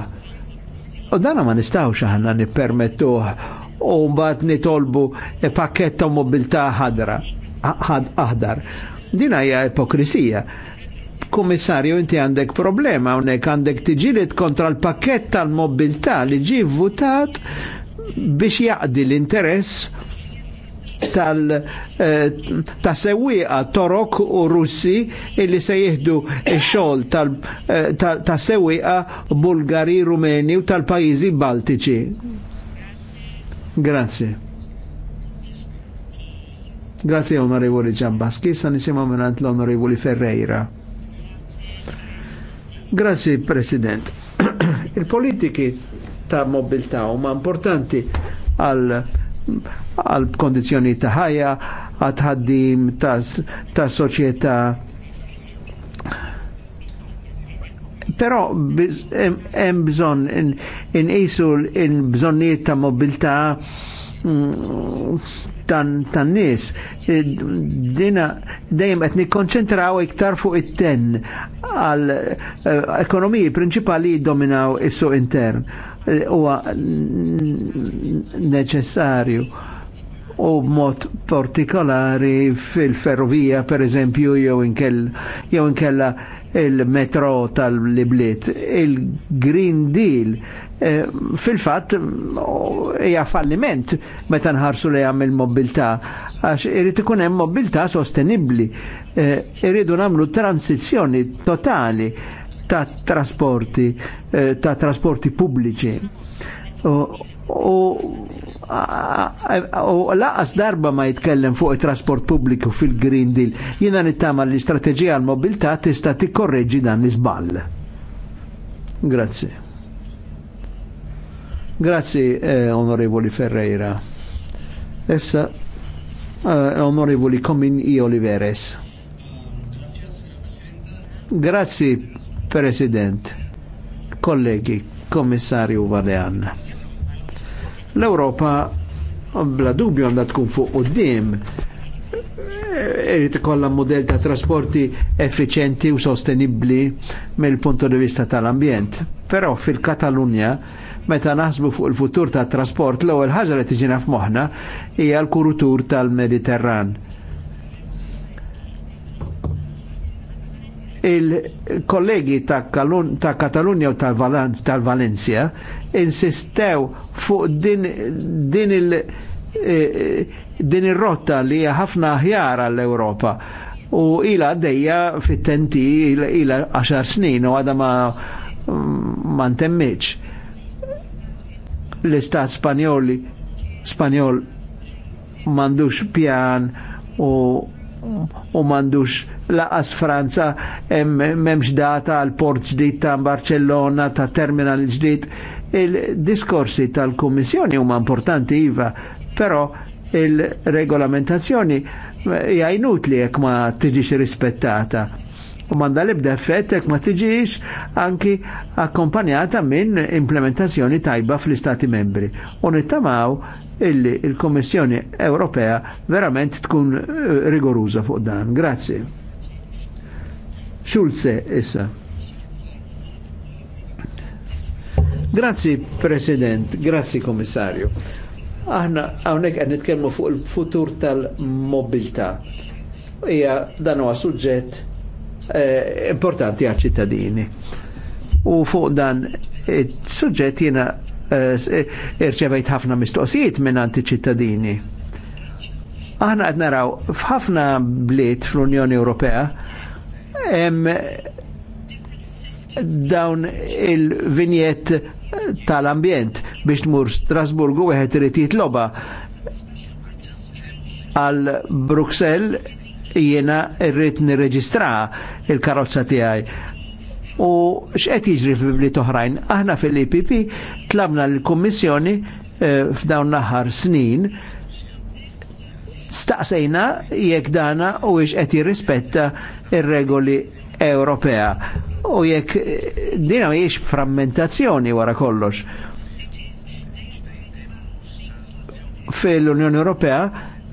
U dana ma nistawx aħna nipermettu u mbagħad nitolbu eh, pakketta mobilità ħadra aħdar. Din hija ipokrisija. Kummissarju, inti għandek problema, unek għandek tiġilit kontra l-pakket tal-mobilità li ġi votat biex jaqdi l-interess tal eh, ta' sewiqa torok u russi illi se jihdu xol tal eh, ta', ta sewiqa bulgari rumeni u tal-pajizi baltiċi. Grazie. Grazie onorevoli Giambaschi, sta insieme a l l'onorevoli Ferreira. Grazie President. Il-politiki ta' mobilità huma importanti al għal kondizjoni ta' ħajja, għadħaddim ta', ta società. Però hemm bżonn in, in in bżonnijiet ta' mobilità mm, tan-nies. tan eh, Dina dejjem qed nikkonċentraw iktar fuq it-ten għal eh, ekonomiji prinċipali jiddominaw is-suq intern. Eh, huwa neċessarju u mod partikolari fil-ferrovija per eżempju jew inkella il-metro tal-libliet. Il-Green Deal eh, fil-fat hija falliment meta nħarsu li għamil mobilità għax irrid ikun hemm mobilità sostenibbli. Eh, irridu nagħmlu transizzjoni totali ta' trasporti eh, ta' trasporti pubbliċi. U u laqas darba ma jitkellem fuq il trasport publiku fil-Green Deal, jina nittama l-istrateġija għal-mobilità tista' t-korreġi dan l-iżball. Grazie. Grazie, eh, onorevoli Ferreira. Essa, eh, onorevoli Comin i Oliveres. Grazie, Presidente. kollegi, Commissario Valeanna. L-Europa bla dubju għanda tkun fuq qudiem irrid ikollha modell ta' trasporti effiċenti u sostenibbli mill-punt di vista tal-ambjent. Però fil-Katalunja meta naħsbu fuq il-futur tat trasport l-ewwel ħaġa li tiġina f'moħħna hija l-kurutur tal-Mediterran Il-kollegi ta', ta Katalunja u tal-Valencia insistew fuq din, din il- eh, din ir-rotta li hija ħafna ħjar għall europa U ila dejja fit-tenti ila 10 snin u għadha ma ma ntemmiċ. L-istat Spanjoli Spanjol mandux pjan u u mandux laqas Franza memx data għal port ġdid ta' Barcellona ta' terminal ġdid il-diskorsi tal-Kommissjoni huma importanti iva, però il-regolamentazzjoni eh, jajnut li jekk ma tiġix rispettata. U manda libda effett jekk ma tiġix anki akkompanjata minn implementazzjoni tajba fl-Istati membri. U nittamaw illi il-Kommissjoni Ewropea verament tkun eh, rigoruża fuq dan. Grazzi. Schulze issa. Grazzi President, grazzi Kommissarju. Aħna hawnhekk qed nitkellmu fuq il-futur tal-mobilità. Hija dan huwa suġġett eh, importanti għal ċittadini. U fuq dan il-suġġett eh, jiena Eh, irċevejt ħafna mistoqsijiet minn anti ċittadini. Aħna qed naraw f'ħafna bliet fl-Unjoni Ewropea hemm dawn il-vinjet tal-ambjent biex tmur Strasburgu wieħed irid jitloba għal Bruxelles jiena irrid nirreġistra il-karozza tiegħi u x'qed jiġri f'bibli toħrajn. Aħna fil-IPP tlabna l-Kummissjoni eh, f'dawn naħar snin staqsejna jekk dana u qed jirrispetta ir-regoli Ewropea u jekk eh, dina mhijiex frammentazzjoni wara kollox. Fil-Unjoni Ewropea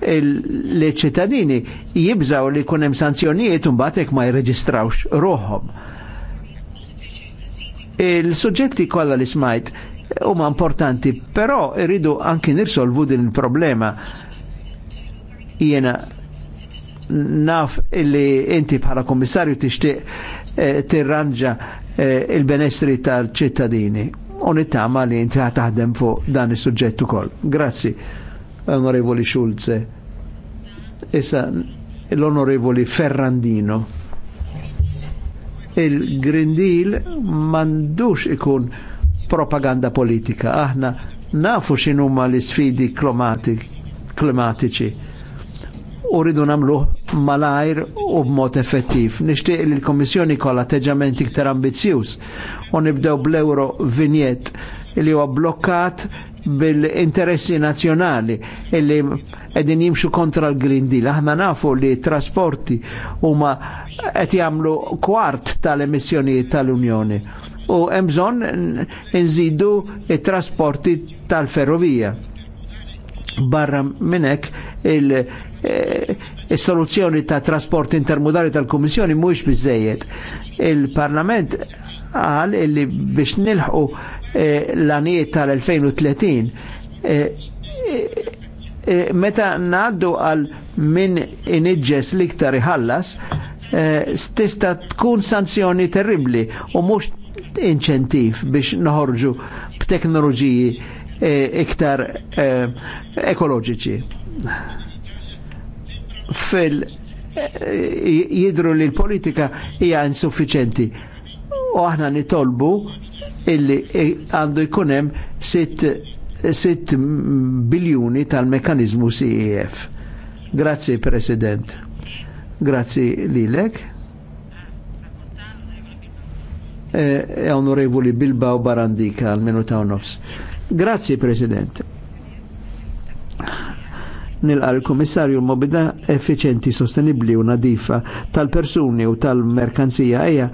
li ċittadini jibżaw li kunem sanzjonijiet un hekk ma jirreġistrawx ruħom. Il-suġġetti kollha li smajt huma importanti, però irridu anki nirsolvu din il-problema. Jiena naf illi inti bħala kommissarju tixtieq eh, tirranġa eh, il benessri tal-ċittadini. Unittama li inti taħdem fuq dan is-suġġett ukoll. Grazzi, Onorevoli Schulze. Issa l-Onorevoli Ferrandino il-Green Deal mandux ikun propaganda politika. Aħna nafu x'inhuma l-isfidi klimatiċi u rridu namlu malajr u b'mod effettiv. Nixtieq li l komissjoni kollha atteġġament iktar ambizzjuż u nibdew bl-euro vinjet li huwa blokkat bil-interessi nazjonali illi edin jimxu kontra l-Green Deal. Aħna nafu li trasporti huma qed jagħmlu kwart tal-emissjonijiet tal-Unjoni. U hemm bżonn inżidu it-trasporti tal-ferrovija. Barra minnek il- eh, il-soluzzjoni ta' trasport intermodali tal-Kummissjoni mhuwiex biżejjed. Il-Parlament qal illi biex nilħu Eh, l-għaniet tal-2030 eh, eh, meta naddu għal min inġes liktar iħallas, stista tkun sanzjoni terribli u mux inċentiv biex noħorġu b'teknoloġiji iktar ekoloġiċi. Fil jidru li l-politika hija insuffiċenti u aħna nitolbu illi għandu jkunem 6 biljuni tal-mekanizmu CEF. Grazie, President. Grazie lilek. Eh, eh, onorevoli Bilbao Barandika, almeno ta' nofs. Grazie, President. Nilqa Commissario komissarju mobida effiċenti, sostenibli u nadifa tal-persuni u tal-merkanzija eja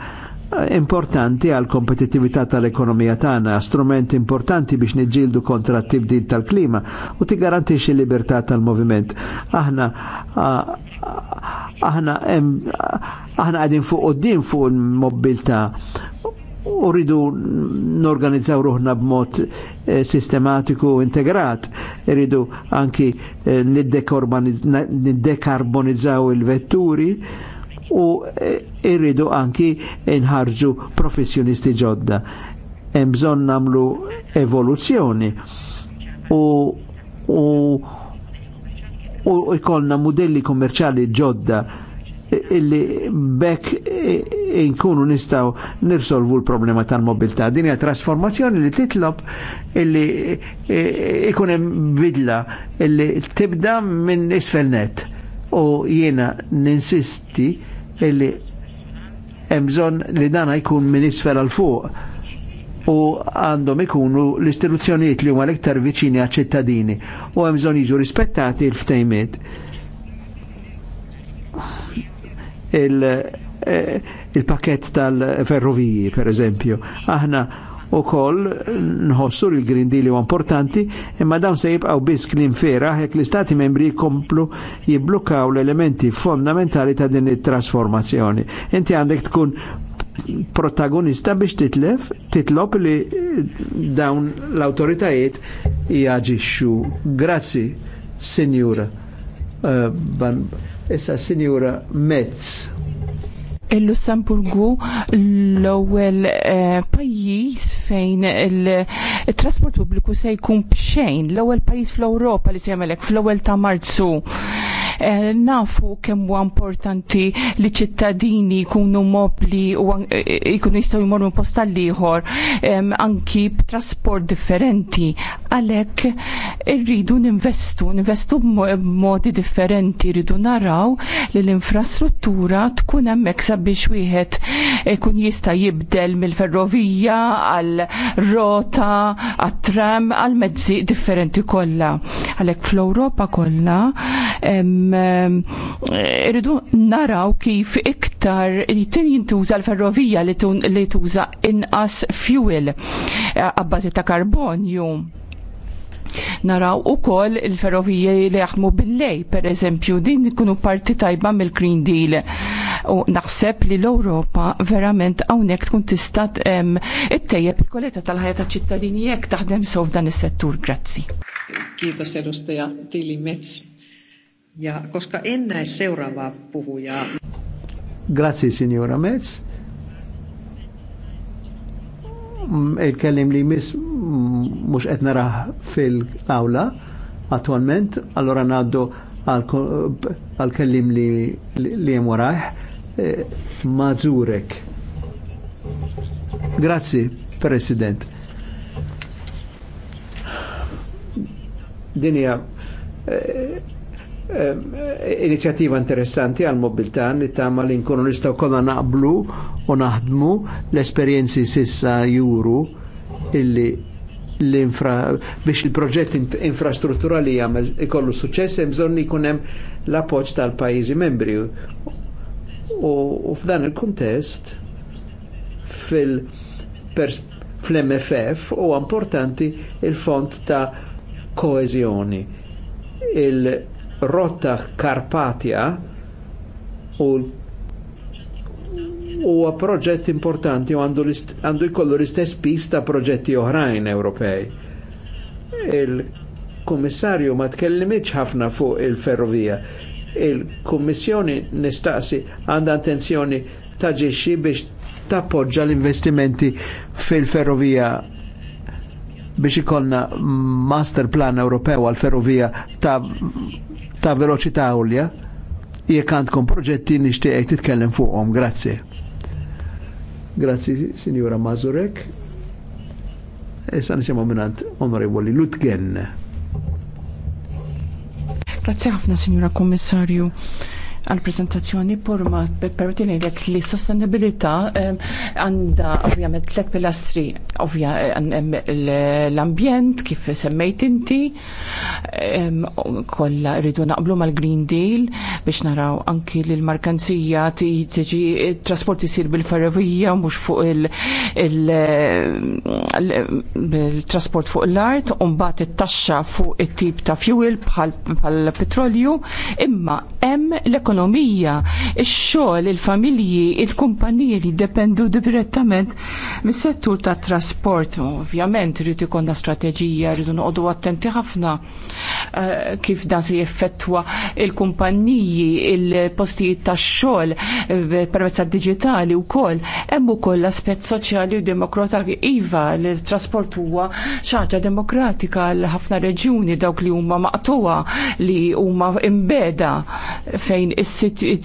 importanti għal kompetitività tal-ekonomija tagħna, strument importanti biex niġġieldu kontra t-tibdil tal-klima u tigarantixxi libertà tal-moviment. Aħna aħna aħna qegħdin fuq qudiem fuq il-mobilità u rridu norganizzaw ruħna b'mod e, sistematiku integrat, rridu anki e, niddekarbonizzaw il-vetturi, u eh, irridu anki inħarġu professjonisti ġodda. Mżon namlu evoluzzjoni u u u jkollna modelli kommerċali ġodda eh, illi bekk eh, inkunu nistaw nirsolvu l-problema tal mobilta Din hija trasformazzjoni li titlob illi ikun hemm bidla illi tibda minn isfelnet. U jiena ninsisti illi emżon li dana jkun minn isfel għal fuq u għandhom ikunu l-istituzzjonijiet li huma l-iktar viċini għal ċittadini u emżon jiġu rispettati l-ftejmiet. Il-pakket il, eh, il pakket tal ferroviji per eżempju, aħna u koll nħossu il green Deal importanti, imma dawn se jibqgħu biss klim fera jekk l-Istati membri jkomplu jibblukkaw l-elementi fondamentali ta' din it-trasformazzjoni. Inti għandek tkun protagonista biex titlef, titlop li dawn l-autoritajiet jaġixxu. Grazzi, Sinjura. Eh, issa, Sinjura Metz il-Lussemburgu l-ewwel eh, pajjiż fejn il-trasport pubbliku se jkun b'xejn, l-ewwel pajjiż fl-Ewropa li se hekk, fl-ewwel ta' Marzu Eh, nafu kemm huwa importanti li ċittadini jkunu mobli u eh, eh, jkunu jistgħu jmorru post tal-ieħor anki b'trasport differenti. Għalhekk irridu ninvestu, ninvestu b'modi differenti, rridu naraw li l-infrastruttura tkun hemmhekk sabiex wieħed ikun jista' jibdel mill-ferrovija għal rota, għat tram, għal mezzi differenti kollha. Għalhekk fl-Ewropa kollha irridu naraw kif iktar jintuża l-ferrovija li li tuża inqas fuel eh, għabbażi ta' karbonju. Naraw u koll il ferrovija li jaħmu bil-lej, per eżempju, din kunu parti tajba mill-Green Deal. U naħseb li l-Europa verament għawnek tkun tistat it-tejjeb il-koleta tal-ħajja ta' ċittadini jek taħdem sof dan is-settur. Grazzi. Kieto steja Tili Metz. Ja koska en näe seuraava puhuja. Grazie, signora Metz. Il-kellim mm, li mis mux mm, etna raħ fil-awla attualment, allora naddu għal-kellim li li jemurajħ eh, mażurek. Grazie, President. Dinja, eh, Eh, inizjattiva interessanti għal mobilità li tagħmel li nkunu nistgħu kollha naqblu u naħdmu l esperjenzi sissa juru illi l-infra biex il-proġett infrastrutturali jagħmel ikollu suċċess hemm bżonn jkun hemm l-appoġġ tal-pajjiżi membri. U f'dan il-kuntest fil fl-MFF u importanti il-font ta' koezjoni rotta Karpatja u huwa proġett importanti u għandu jkollu l-istess pista proġetti oħrajn Ewropej. Il-Kummissarju ma tkellimx ħafna fuq il-ferrovija. Il-Kummissjoni nistaqsi għandha intenzjoni taġixxi biex tappoġġa l-investimenti fil-ferrovija biex ikollna master plan Ewropew għal ferrovija ta' ta' veloċità għolja jekk għandkom proġetti nixtieqek titkellem fuqhom. Grazzi. Grazzi, Signora Mazurek. Issa nisimgħu minant Onorevoli Lutgen. Grazzi ħafna, Signora Kommissarju għal-prezentazzjoni purma permetti ngħidlek li sostenibilità għandha ovvjament tliet pilastri ovvja l-ambjent kif semmejt inti kollha rridu naqblu mal-Green Deal biex naraw anki li l-markanzija tiġi trasport jisir bil-ferrovija mhux fuq il-trasport fuq l-art u mbagħad it-taxxa fuq it-tip ta' fuel bħal petrolju imma hemm l-ekonomija l-ekonomija, ix-xogħol, il-familji, il-kumpaniji li jiddependu direttament mis-settur tat trasport. Ovvjament rrid ikolna strateġija, rridu noqogħdu attenti ħafna uh, kif dan se jeffettwa il-kumpaniji, il-postijiet tax-xogħol eh, permezz digitali wkoll, hemm ukoll l-aspett soċjali u demokratiki iva li trasport huwa ħaġa demokratika għal ħafna reġjuni dawk li huma maqtuwa li huma imbeda fejn is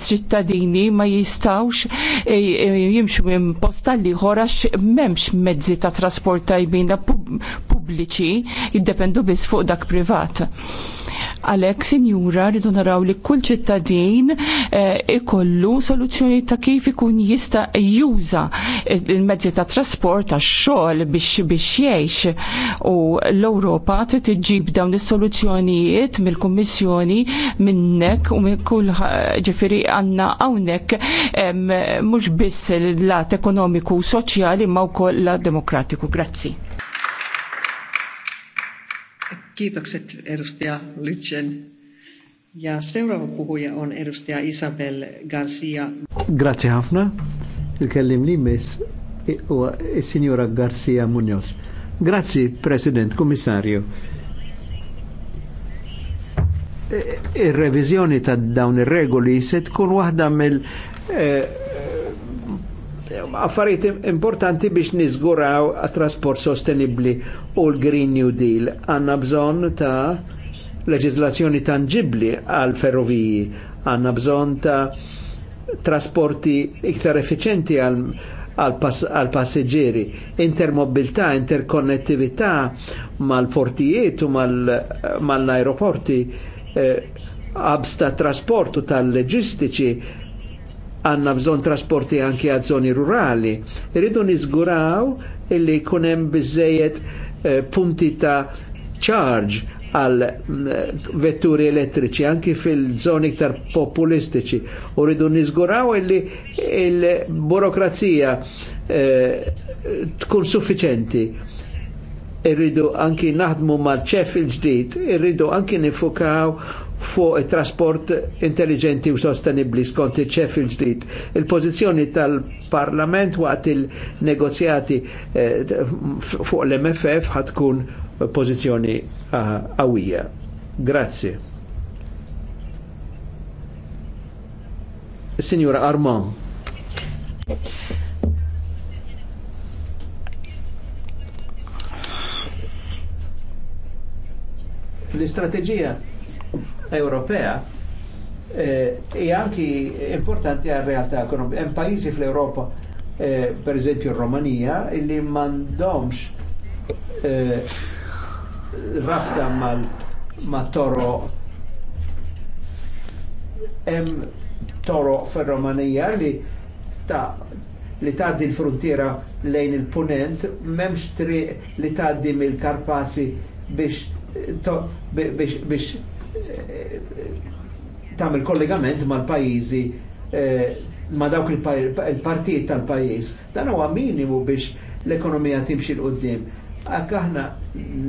ċittadini ma jistawx e, e, jimxu minn posta li għax memx mezzi ta' trasport tajbin pubbliċi jiddependu biss fuq dak privat. Għalhekk, sinjura, rridu naraw li kull ċittadin eh, ikollu soluzzjoni ta' kif ikun jista' juża eh, il-mezzi ta' trasport tax-xogħol biex biex jgħix. U l-Ewropa trid iġġib dawn is-soluzzjonijiet mill-Kummissjoni minnek u minn kull ġifieri għandna hawnhekk mhux biss l-lat ekonomiku u soċjali ma wkoll la demokratiku. Grazzi. Kiitokset edustaja Lytsen. Ja seuraava puhuja on edustaja Isabel Garcia. Grazie hafna. Il-kellim li miss huwa e signora Garcia Munoz. Grazie President, Kommissarju. Ir-reviżjoni e-, e-, ta' dawn ir-regoli se tkun waħda mill- affarijiet importanti biex nizguraw trasport sostenibli u l-Green New Deal. Għanna bżon ta' leġizlazzjoni tangibli għal ferroviji, għanna bżon ta' trasporti iktar efficienti għal għal passeġġieri, intermobilità, interkonnettività mal-portijiet u mal-aeroporti, mal eh, absta trasportu tal-leġistiċi, għanna bżon trasporti anki għad zoni rurali. Irridu nizguraw illi kunem bizzejiet eh, punti ta' charge għal eh, vetturi elettriċi anki fil zoni iktar populistiċi u rridu nizguraw illi il-burokrazija eh, tkun suffiċenti irridu anki naħdmu mal ċef il-ġdid, irridu anki nifukaw fuq trasport intelligenti u sostenibli skont iċ-ċef il-ġdid. Il-pożizzjoni tal-Parlament waqt il-negozjati eh, fuq l-MFF ħatkun pozizjoni għawija. Eh, Grazie. Signora Armand. L-istrateġija Ewropea eh, e anche importanti a realtà ekonomika. Hemm pajjiżi fl eh, per esempio eżempju r li mandoms eh, rafta mal-toro ma em toro fir Romania li ta' li tgħaddi l-fruntiera lejn il-punent m'hemmx triq li tgħaddi mill-Karpazi biex eh, biex il kollegament mal-pajjiżi eh, ma' dawk il-partijiet tal-pajjiż. Dan huwa minimu biex l-ekonomija timxi l-qoddim. Għak aħna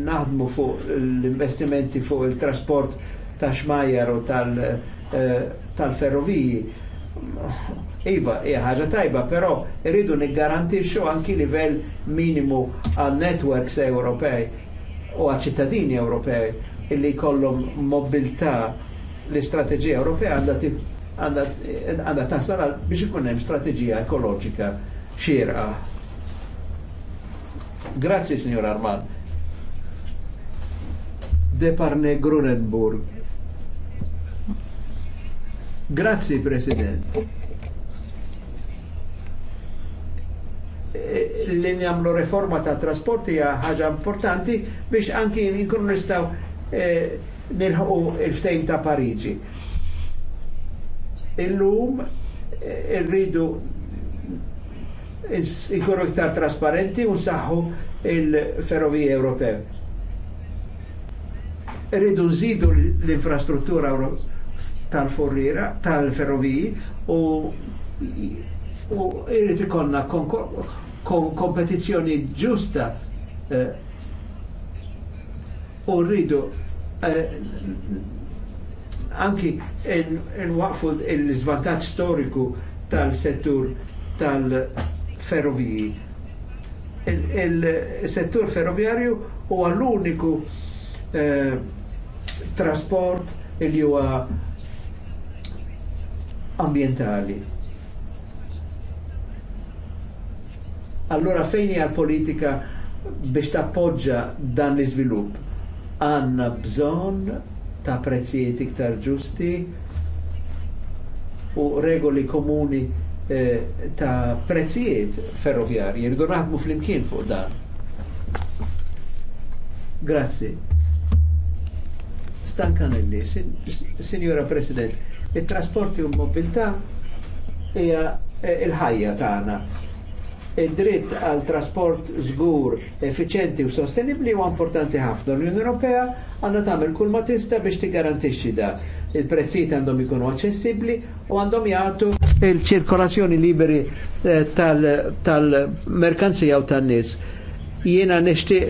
naħdmu fuq l-investimenti fuq il-trasport ta' xmajer u eh, tal-ferroviji. Iva, ħaġa tajba, però rridu niggarantixxu anki livell minimu għal networks Ewropej u għal ċittadini Ewropej illi jkollhom mobilità l-istrateġija Ewropea għandha tasal biex ikun hemm strateġija ekoloġika xierqa. Grazzi, signor Arman. Deparne Grunenburg. Grazzi, President. Eh, Li njamlu reforma ta' trasporti hija ħaġa importanti biex anki nkunu nistgħu Eh, nilħu il-ftejn ta' Pariġi. Illum eh, irridu ikunu iktar trasparenti u nsaħħu il-ferrovija Ewropew. Irridu nżidu l-infrastruttura tal-forriera, tal-ferroviji u u irrid ikonna kompetizzjoni ġusta eh, u rridu eh, anki n-waqfu l-izvantaġġ storiku tal-settur tal-ferroviji. Il-settur ferroviarju u għall uniku eh, trasport li huwa ambientali. Allora fejn hija l-politika biex tappoġġa dan l-iżvilupp? għanna bżon ta' prezzijiet iktar ġusti u regoli komuni eh, ta' prezzijiet ferroviarji. Rridu naħdmu fl-imkien fuq dan. Grazzi. Stankanelli, Signora President, il-trasporti u mobilità hija eh, il-ħajja tagħna id-dritt għal trasport żgur, effiċenti u sostenibli huwa importanti ħafna. L-Unjoni Ewropea għandha tagħmel kull ma tista' biex tigarantixxi da. Il-prezzijiet għandhom ikunu aċċessibbli u għandhom jagħtu il-ċirkolazzjoni liberi eh, tal-merkanzija u tan-nies. Jiena nixtieq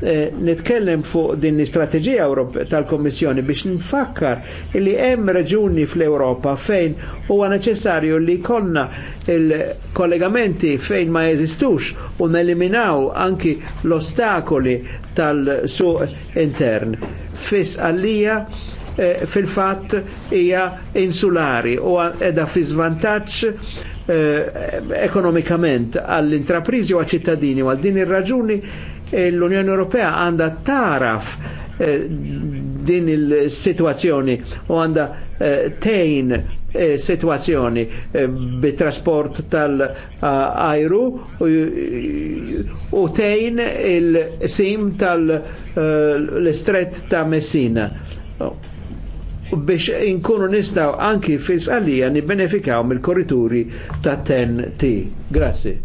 Eh, nitkellem fuq din l-istrateġija tal-Kommissjoni biex nfakkar li hemm raġuni fl-Ewropa fejn huwa neċessarju li konna il-kollegamenti fejn ma jeżistux u neliminaw anki l-ostakoli tal-suq intern. Fis għallija eh, fil-fatt hija insulari u edha fi zvantaġġ eh, ekonomikament għall-intrapriżi u għal-ċittadini u għal din ir-raġuni l-Unjoni Ewropea għanda taraf eh, din il-situazzjoni u għanda eh, tejn eh, situazzjoni bit-trasport tal-ajru u tejn il-sim tal-istret ta' Messina biex inkunu nistaw anki fil-sqallija nibbenefikaw mill-korrituri ta' ten t Grazie.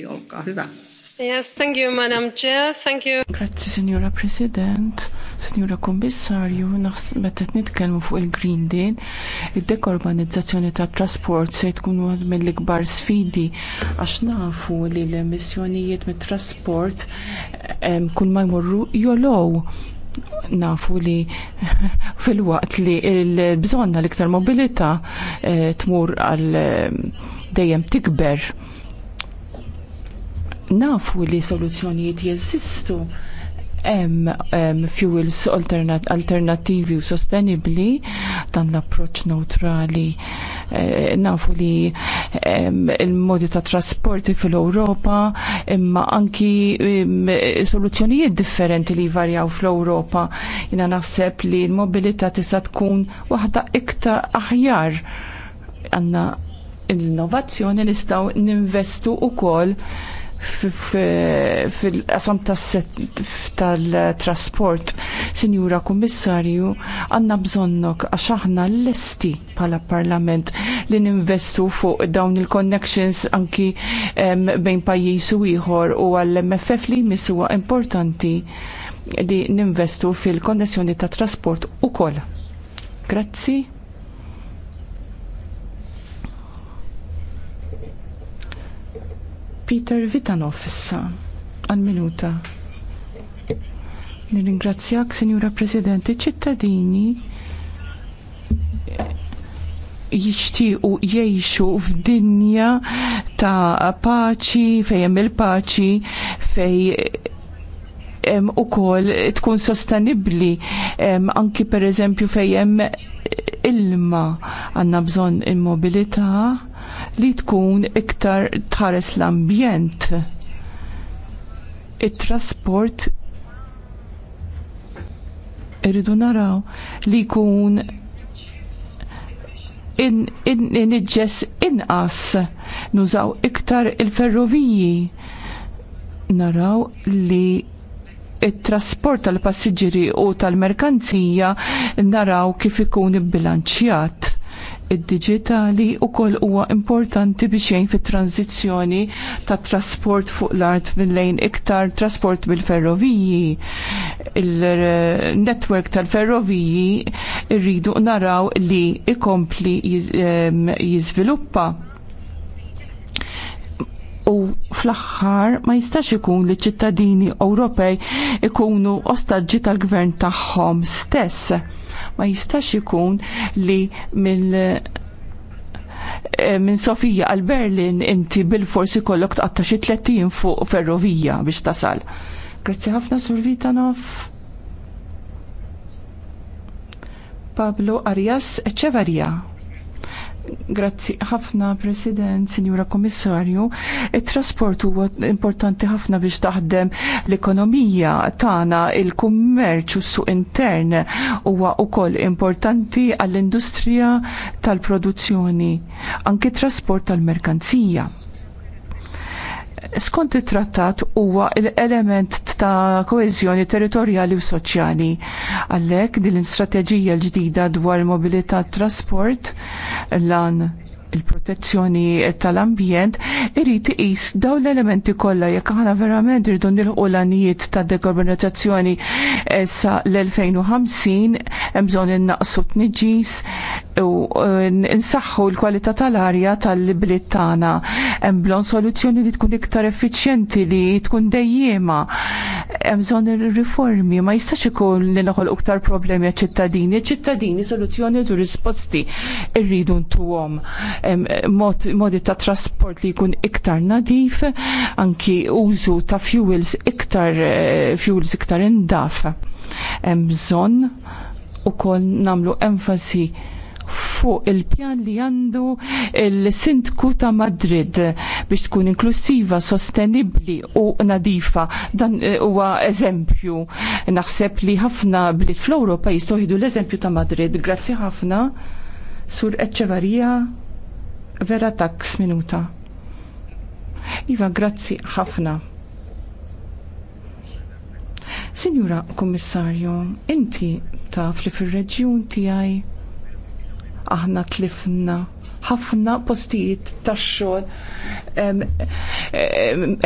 minuutti, olkaa hyvä. Yes, thank you, Madam Chair. Thank you. Grazzi, Signora President, Signora Kommissarju, naħsbet nitkellmu fuq il-Green Deal. Id-dekorbanizzazzjoni ta' trasport se tkun waħed mill-ikbar sfidi għax nafu li l-emissjonijiet mit-trasport kull ma jmorru jolow nafu li fil-waqt li l-bżonna l-iktar mobilita eh, tmur għal dejjem tikber nafu li soluzzjonijiet jeżistu hemm fuels alternat alternativi u sostenibbli dan l-approċċ neutrali eh, nafu li il-modi ta' trasporti fil-Ewropa imma anki soluzzjonijiet differenti li jvarjaw fl-Ewropa jina naħseb li l-mobilità tista' tkun waħda iktar aħjar għandna l-innovazzjoni nistgħu ninvestu wkoll fil-qasam tal-trasport. Sinjura Kummissarju, għanna bżonnok għax aħna l-lesti pala parlament li ninvestu fuq dawn il-connections anki bejn pajjiż u ieħor u għall-MFF li jmissuwa importanti li ninvestu fil-konnessjoni ta' trasport ukoll. Grazzi. Peter Vitanov fissa għal-minuta. Nirringrazzjak, Signora Presidenti, ċittadini jixtiequ jgħixu f'dinja ta' paċi, fejn il-paċi, fej em, u kol tkun sostenibli em, anki per eżempju fejem ilma għanna bżon il-mobilita li tkun iktar tħares l-ambjent. It-trasport irridu naraw li jkun inġess in, in inqas nużaw iktar il-ferroviji. Naraw li it-trasport tal-passiġġieri u tal-merkanzija naraw kif ikun ibbilanċjat id-digitali wkoll huwa importanti biex jgħin fit-tranzizzjoni tat trasport fuq l-art minn lejn iktar trasport bil-ferroviji. Il-netwerk tal-ferroviji rridu naraw li ikompli jiżviluppa u fl-axħar ma jistax ikun li ċittadini Ewropej ikunu ostaġġi tal-gvern tagħhom stess ma jistax ikun li mill eh, minn Sofija għal Berlin inti bil-forsi kollok tqatta xi tlettin fuq ferrovija biex tasal. Grazzi ħafna Sur Vitanov. Pablo Arias Echevarria. Grazzi ħafna President, Signora Komissarju. Il-trasport huwa importanti ħafna biex taħdem l-ekonomija tagħna, il-kummerċ u s-suq intern huwa wkoll importanti għall-industrija tal-produzzjoni, anki trasport tal-merkanzija skont it-trattat huwa l-element ta' koeżjoni territorjali u soċjali. Għalhekk din l-istrateġija l-ġdida dwar mobilità trasport lan il-protezzjoni tal-ambjent irrid iqis daw l-elementi kollha jekk aħna verament irridu nilħu l-anijiet ta' dekarbonizzazzjoni eh, sa l-2050 hemm bżonn innaqsu tniġis u eh, nsaħħu l-kwalità tal-arja tal-bliet tagħna. Hemm bżonn soluzzjoni li tkun iktar effiċjenti li tkun dejjema. Hemm bżonn ir-riformi ma jistax ikun li noħolqu iktar problemi għaċ-ċittadini, ċittadini soluzzjoni u risposti irridu ntuhom modi ta' trasport li jkun iktar nadif, anki użu ta' fuels iktar eh, fuels iktar indaf. Hemm bżonn ukoll nagħmlu enfasi fuq il-pjan li għandu il-sindku ta' Madrid biex tkun inklusiva, sostenibli u nadifa. Dan eh, huwa eżempju. Naħseb li ħafna bli fl-Ewropa jistgħu l-eżempju ta' Madrid. Grazzi ħafna. Sur Eċċevarija vera taks minuta. Iva, grazzi ħafna. Sinjura Kommissarju, inti taf li fil-reġjun tijaj aħna tlifna ħafna postijiet tax xogħol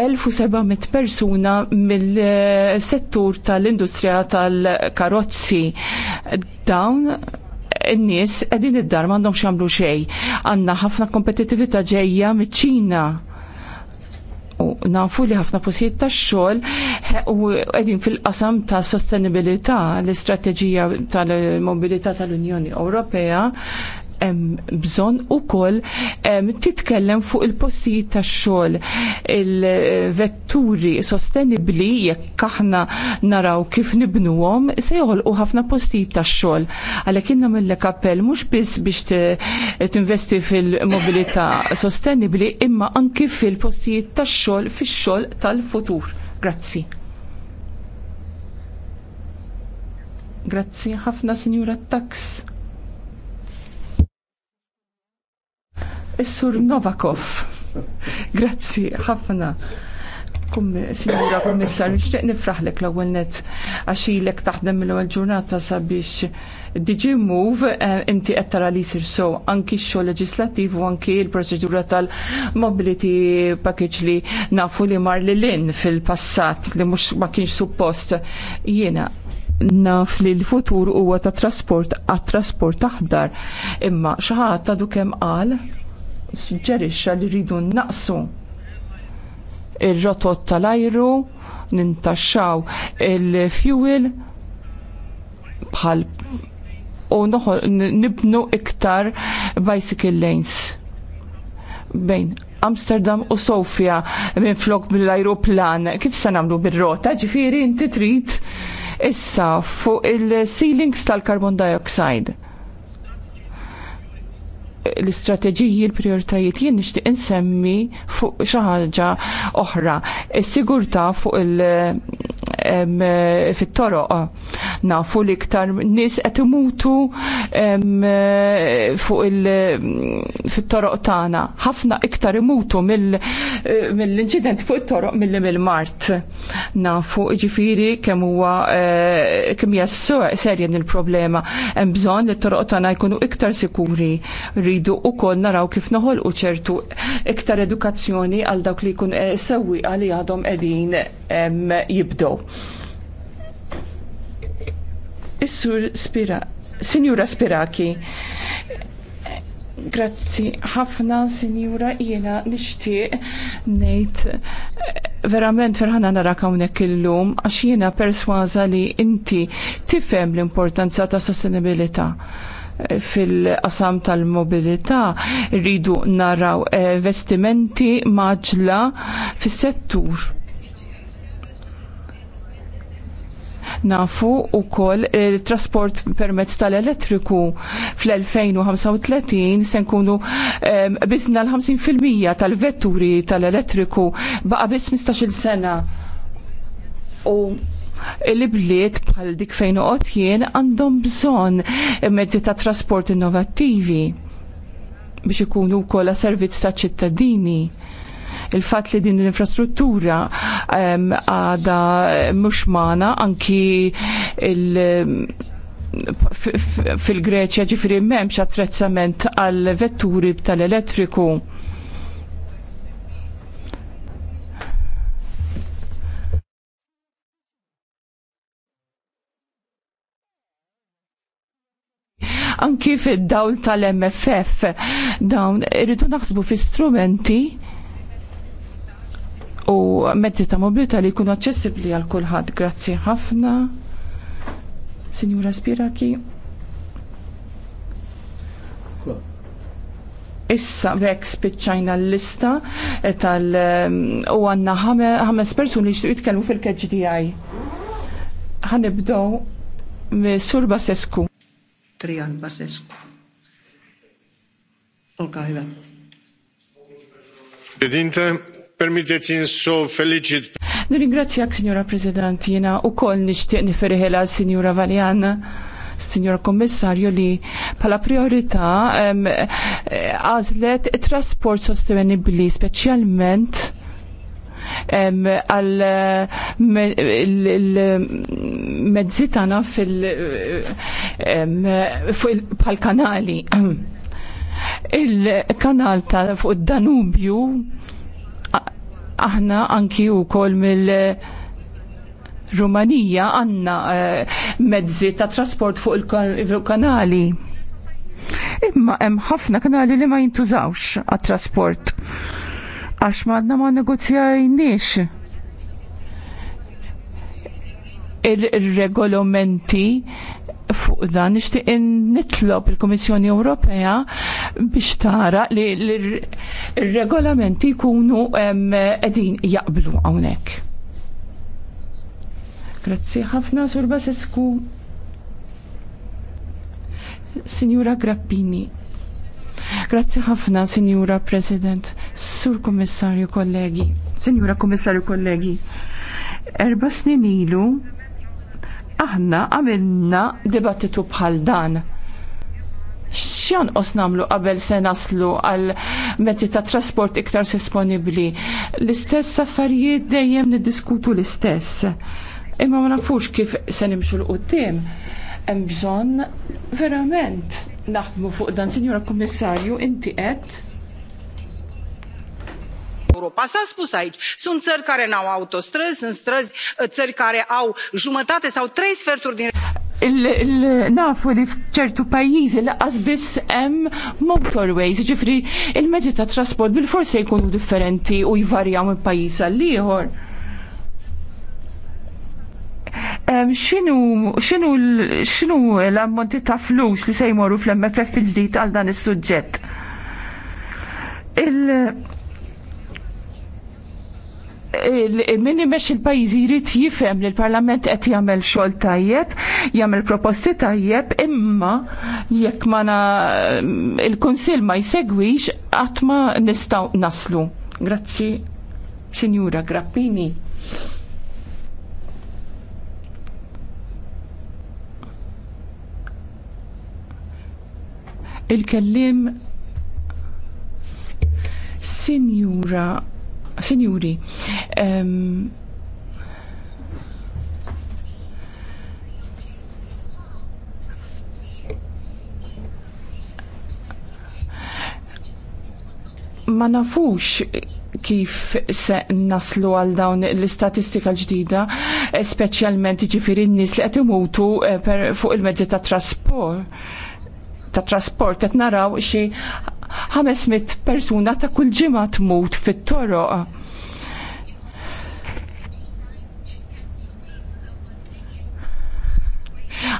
1700 persuna mill-settur tal-industrija tal-karozzi dawn n-nies qegħdin id-dar m'għandhomx jagħmlu xejn. Għandna ħafna kompetittività ġejja miċ-Ċina u nafu li ħafna fusijiet ta' xogħol u qegħdin fil-qasam ta' sostenibilità l-istrateġija tal-mobilità tal-Unjoni Ewropea bżon u koll titkellem fuq il-postijiet ta' xogħol il-vetturi sostenibli jekk aħna naraw kif nibnuhom se joħolqu ħafna postijiet ta' xogħol. Għalhekk inna mill-lek appell mhux biss biex tinvesti fil-mobilità sostenibli imma anki fil-postijiet ta' xogħol fix-xogħol tal-futur. Grazzi. Grazzi ħafna, Sinjura Tax. Is-Sur Novakov. Grazzi ħafna. Sinjura Kommissar, nixtieq nifraħlek l-ewwel nett għax ilek taħdem mill-ewwel ġurnata sabiex Digi Move eh, inti qed tara li jsir so anki x-xogħol leġislattiv u anki l-proċedura tal-mobility package li nafu li mar li lin fil-passat li mhux ma kienx suppost jiena naf li l-futur huwa ta' trasport għat trasport aħdar imma xi ħadd għadu kemm qal suġġerixxa li rridu naqsu ir-rotot tal-ajru, nintaxxaw il-fuel bħal u nibnu iktar bicycle lanes bejn Amsterdam u Sofia minn flok mill-ajruplan. Kif se nagħmlu bir-rota? Ġifieri inti trid issa fuq il-ceilings tal-carbon dioxide l-istrateġiji, l-prioritajiet jien nixtieq insemmi fuq xi ħaġa oħra. Is-sigurtà fuq il- fit-toroq nafu li iktar nies qed imutu fuq il fit-toroq tagħna. Ħafna iktar imutu mill-inċident fuq it-toroq milli mill-Mart. Nafu jiġifieri kemm huwa eh, kemm hija serjen il-problema. Hemm bżonn li t-toroq tagħna jkunu iktar sikuri rridu koll naraw kif noħolqu ċertu iktar edukazzjoni għal dawk li jkun eh, sewi għal għadhom qegħdin jibdew. Is-sur Spira, Sinjura Spiraki, Grazzi ħafna, Sinjura, jena nixtieq ngħid eh, verament ferħana narak hawnhekk illum għax jiena persważa li inti tifhem l-importanza ta' sostenibilità fil-qasam tal-mobilità rridu naraw eh, vestimenti maġla fis-settur. nafu u koll eh, trasport permezz tal-elettriku fl-2035 se nkunu um, bizna l-50% tal-vetturi tal-elettriku baqa bis 15 sena u il-bliet bħal dik fejn uqgħod jien għandhom bżonn mezzi ta' trasport innovattivi biex ikunu wkoll servizz ta' ċittadini il-fat li din l-infrastruttura għada mux mana anki fil-Greċja ġifri memx attrezzament għal vetturi tal-elettriku anki fid-dawl tal-MFF dawn irridu naħsbu fi strumenti u mezzi ta' mobilita li jkunu aċċessibbli għal kulħadd. Grazzi ħafna. Signora Spiraki. Issa vek spiċċajna l-lista tal- um, u għanna ħames persuni li jitkellmu fil-KGDI. Ħanibdow Sur Basescu. Trian Basescu. Olkaa hyvä. Presidente, permitteți să o felicit. Nirringrazzjak, Signora President, jena u koll nishtiq niferiħela, Signora Valjana. Signor Kommissarju li pala priorita eh, għazlet trasport sostenibli, specialment għal medzitana mezzi tagħna bħal-kanali. Il-kanal ta' fuq danubju aħna anki wkoll mill- Rumanija għanna eh, mezzi ta' trasport fuq il-kanali. Imma hemm ħafna kanali li ma jintużawx għat-trasport għax madna ma negozjajniex ir-regolamenti fuq dan nixtieq nitlob il-Kummissjoni Ewropea biex tara li l-regolamenti jkunu qegħdin jaqblu hawnhekk. Grazzi ħafna Sur Basescu. Signora Grappini. Grazzi ħafna, Sinjura President, Sur Kommissarju kollegi. Signora Kommissarju kollegi, erba snin ilu aħna għamilna dibattitu bħal dan. X'jan osnamlu qabel se naslu għal mezzi ta' trasport iktar disponibbli. L-istess affarijiet dejjem niddiskutu l-istess. Imma ma nafux kif se nimxu l-qudiem Hemm bżonn verament naħdmu fuq dan, Sinjora Kummissarju, inti qed Europa. S-a spus aici, sunt țări care n-au autostrăzi, sunt străzi, țări care au jumătate sau trei sferturi din il-nafu li fċertu pajjiżi laqas biss hemm motorways, ġifri il-mezzi ta' trasport bil-forsi jkunu differenti u jvarjaw minn pajjiż għal ieħor xinu l-ammonti ta' flus li se jmorru fl-MFF fil ġdid għal dan is-suġġett? Il- min imex il-pajjiżi jrid jifhem li l-Parlament qed jagħmel xogħol tajjeb, jagħmel proposti tajjeb, imma jekk ma il-Kunsill ma jsegwix qatt ma nistgħu naslu. Grazzi, Sinjura Grappini. il-kellim Sinjura Sinjuri um, ma nafux kif se naslu għal dawn l-istatistika l-ġdida, specialment ġifiri n-nis li għetimutu eh, fuq il-mezzi ta' trasport ta' trasport qed naraw xi 500 persuna ta' kull ġimgħa tmut fit-toroq.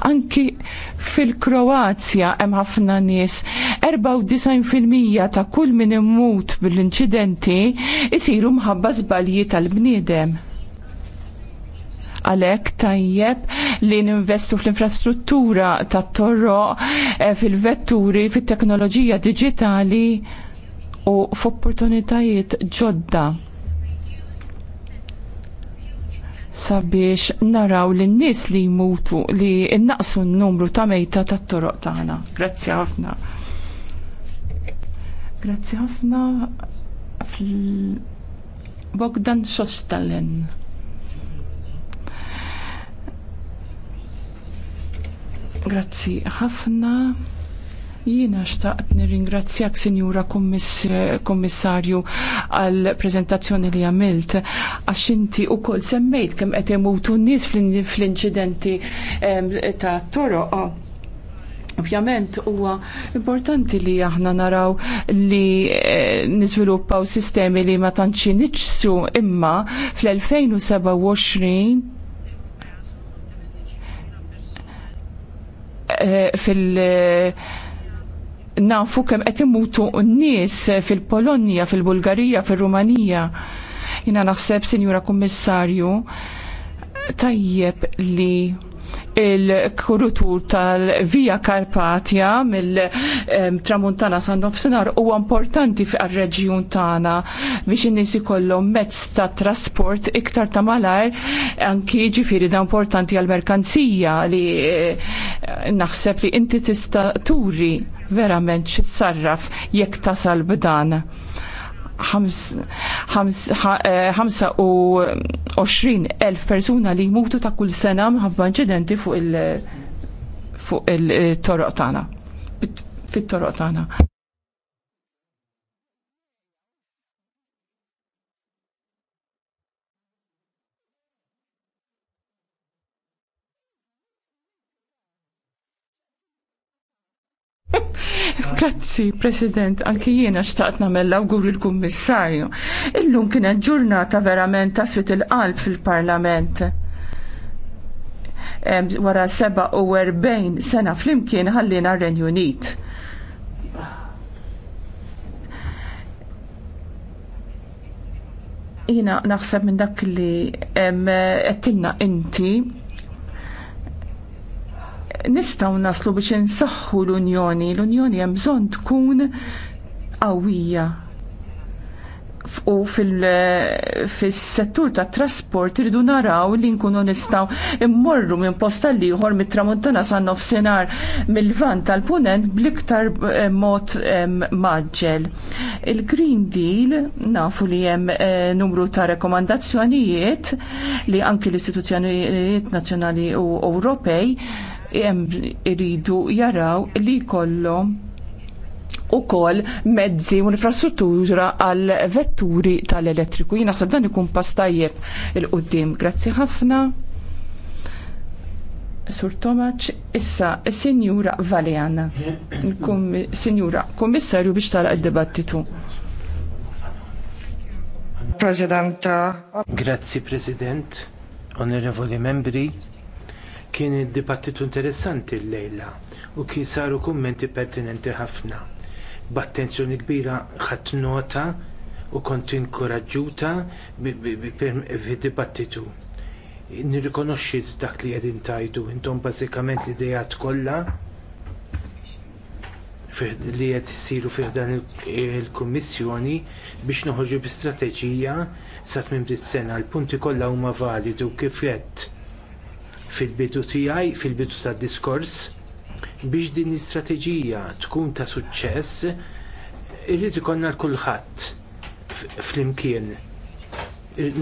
Anki fil-Kroazja hemm ħafna nies 94% ta' kull min immut bil-inċidenti isiru mħabba żbalji tal-bniedem għalhekk tajjeb li ninvestu fl-infrastruttura ta' torro eh, fil-vetturi, fit-teknoloġija digitali u f'opportunitajiet ġodda sabiex naraw li n-nis li jmutu li n-naqsu n-numru ta' mejta ta' toroq tagħna. Grazzi ħafna. Grazzi ħafna fil Bogdan Xostalen. Grazzi ħafna. Jiena xtaqt nirringrazzjak, Sinjura Kommissarju, għal prezentazzjoni li għamilt, għax inti u semmejt kem qed imutu n-nies fl-inċidenti ta' toroq. Ovvjament huwa importanti li aħna naraw li eh, niżviluppaw sistemi li ma tantx niġsu imma fl-2027 Eh, fil- eh, nafu kem qed imutu n-nies fil-Polonja, fil-Bulgarija, fil-Rumanija. Jina naħseb, Sinjura Kummissarju, tajjeb li il-kurutur tal-Vija Karpatja mill-Tramuntana san nofsinhar u importanti għal reġjun tagħna biex in-nies ikollhom mezz ta' trasport iktar ta' malajr anki ġifieri da' importanti għal merkanzija li eh, naħseb li inti tista' turi verament x'issarraf jekk tasal b'dan Eh, eh, elf persuna li jmutu ta' kull sena mħabba inċidenti fuq il-toroq eh, tagħna. Fit-toroq tagħna. Grazzi, President, anki jiena xtaqt namel l auguri l kummissarju Illum kienet ġurnata verament ta' swit il-qalb fil-Parlament. Wara 47 sena flimkien ħallina r-Renju Unit. Jiena naħseb minn dak li għettilna inti nistgħu naslu biex insaħħu l-Unjoni. L-Unjoni hemm bżonn tkun qawwija u fil-settur tat trasport irridu naraw li nkunu nistgħu immorru minn posta l-ieħor mit-tramuntana san nofsinhar mill-vant tal-punent bliktar eh, mod eh, maġġel. Il-Green Deal nafu li hemm eh, numru ta' rekomandazzjonijiet li anki l-istituzzjonijiet nazzjonali u Ewropej iridu jaraw li kollom u kol mezzi u l-infrastruttura għal vetturi tal-elettriku. Jina naħseb dan ikun pastajjeb il-qoddim. Grazzi ħafna. Sur Tomac, issa, Signora Valjan, Sinjura, Kommissarju biex tara id-dibattitu. Presidenta. Grazzi, President, onorevoli membri, Kien id-dibattitu interessanti llejla u kien saru kummenti pertinenti ħafna. B'attenzjoni kbira ħadd nota u kont inkoraġġuta fid-dibattitu. Nirrikonoxxi dak li qegħdin tajdu intom bażikament l-idejat kollha li qed isiru fih dan il-Kummissjoni biex noħorġu bi strateġija sa tmiem dis-sena. L-punti kollha huma validi u kif qed fil-bidu tiegħi, fil-bidu tad diskors, biex din l-istrateġija tkun ta' suċċess, irrid ikollna l-kulħadd flimkien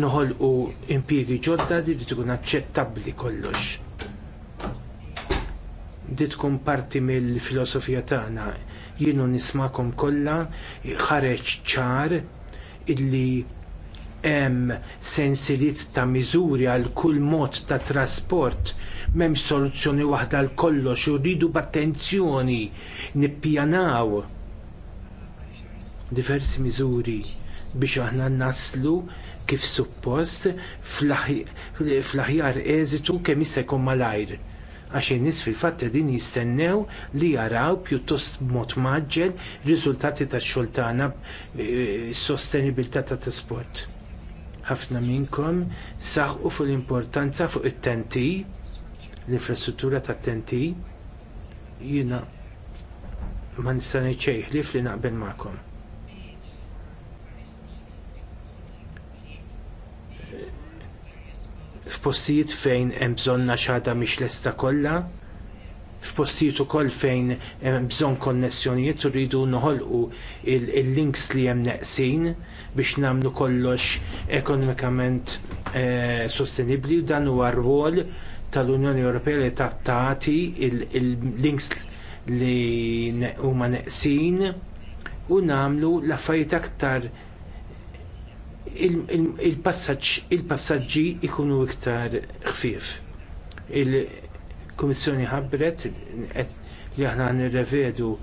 noħolqu impjiegi ġodda li tkun aċċettabbli kollox. Di tkun parti mill-filosofija tagħna. Jienu nismakom kollha ħareġ ċar illi hemm sensiliet ta' miżuri għal kull mod ta' trasport m'hemmx soluzzjoni waħda għal kollox rridu b'attenzjoni nippjanaw diversi miżuri biex aħna naslu kif suppost fl-aħjar eżitu kemm jista' jkun malajr għax in-nies fil-fatt din jistennew li jaraw pjuttost b'mod maġġel riżultati tax-xogħol tagħna s-sostenibilità eh, tat-trasport ħafna minnkom saħqu fuq l-importanza fuq it-tenti, l-infrastruttura ta' tenti, jina ma nistani ċejħ li fli naqbel ma'kom. F'postijiet fejn hemm bżonn xada mhix lesta kollha, f'postijiet ukoll fejn hemm bżonn konnessjonijiet u rridu noħolqu il-links li hemm neqsin biex nagħmlu kollox ekonomikament eh, sostenibbli u dan huwa rwol tal-Unjoni Ewropea li tagħti il-links li huma neqsin u nagħmlu l-affarijiet aktar il-passaġġi ikunu iktar ħfief. Il-Kummissjoni ħabbret li aħna nirrevedu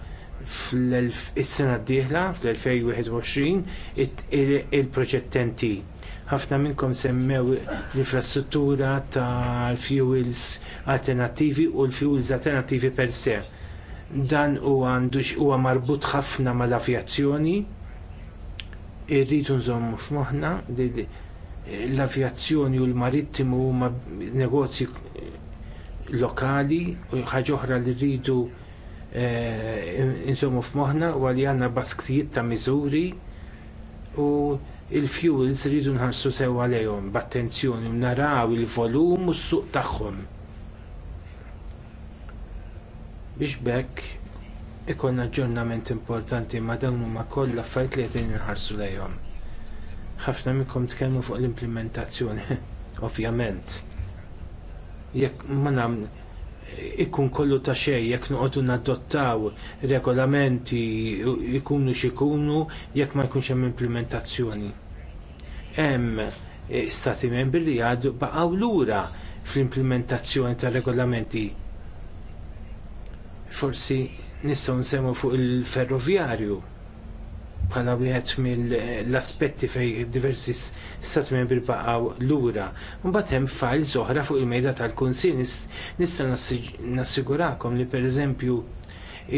fl-sena d-dieħla, fl-2021, il-proġettenti. Ħafna minnkom semmew l-infrastruttura tal-fuels alternattivi u l-fuels alternattivi per se. Dan huwa huwa marbut ħafna mal-avjazzjoni. Irridu nżommu f'moħħna li l-avjazzjoni u l-marittimu huma negozji lokali u ħaġa oħra li rridu Eh, inżomu f'moħħna u għalli għandna basktijiet ta' miżuri u il-fuels rridu nħarsu sew lejhom b'attenzjoni u naraw il-volum u s-suq tagħhom. Biex bekk ikollna aġġornament importanti ma dawn huma kollha affarijiet li qegħdin inħarsu lejhom. Ħafna minnkom tkellmu fuq l-implementazzjoni, ovvjament. Jekk ma ikun kollu ta' xej, jekk noqogħdu nadottaw regolamenti ikunu xikunu jekk ma jkunx hemm implementazzjoni. Hemm eh, stati membri li għadu baqgħu lura fl-implementazzjoni ta' regolamenti. Forsi nistgħu nsemmu fuq il-ferroviarju bħala wieħed mill-aspetti fej diversi stati membri baqgħu lura. Mbagħad hemm files oħra fuq il-mejda tal-Kunsil nista' nassigurakom li pereżempju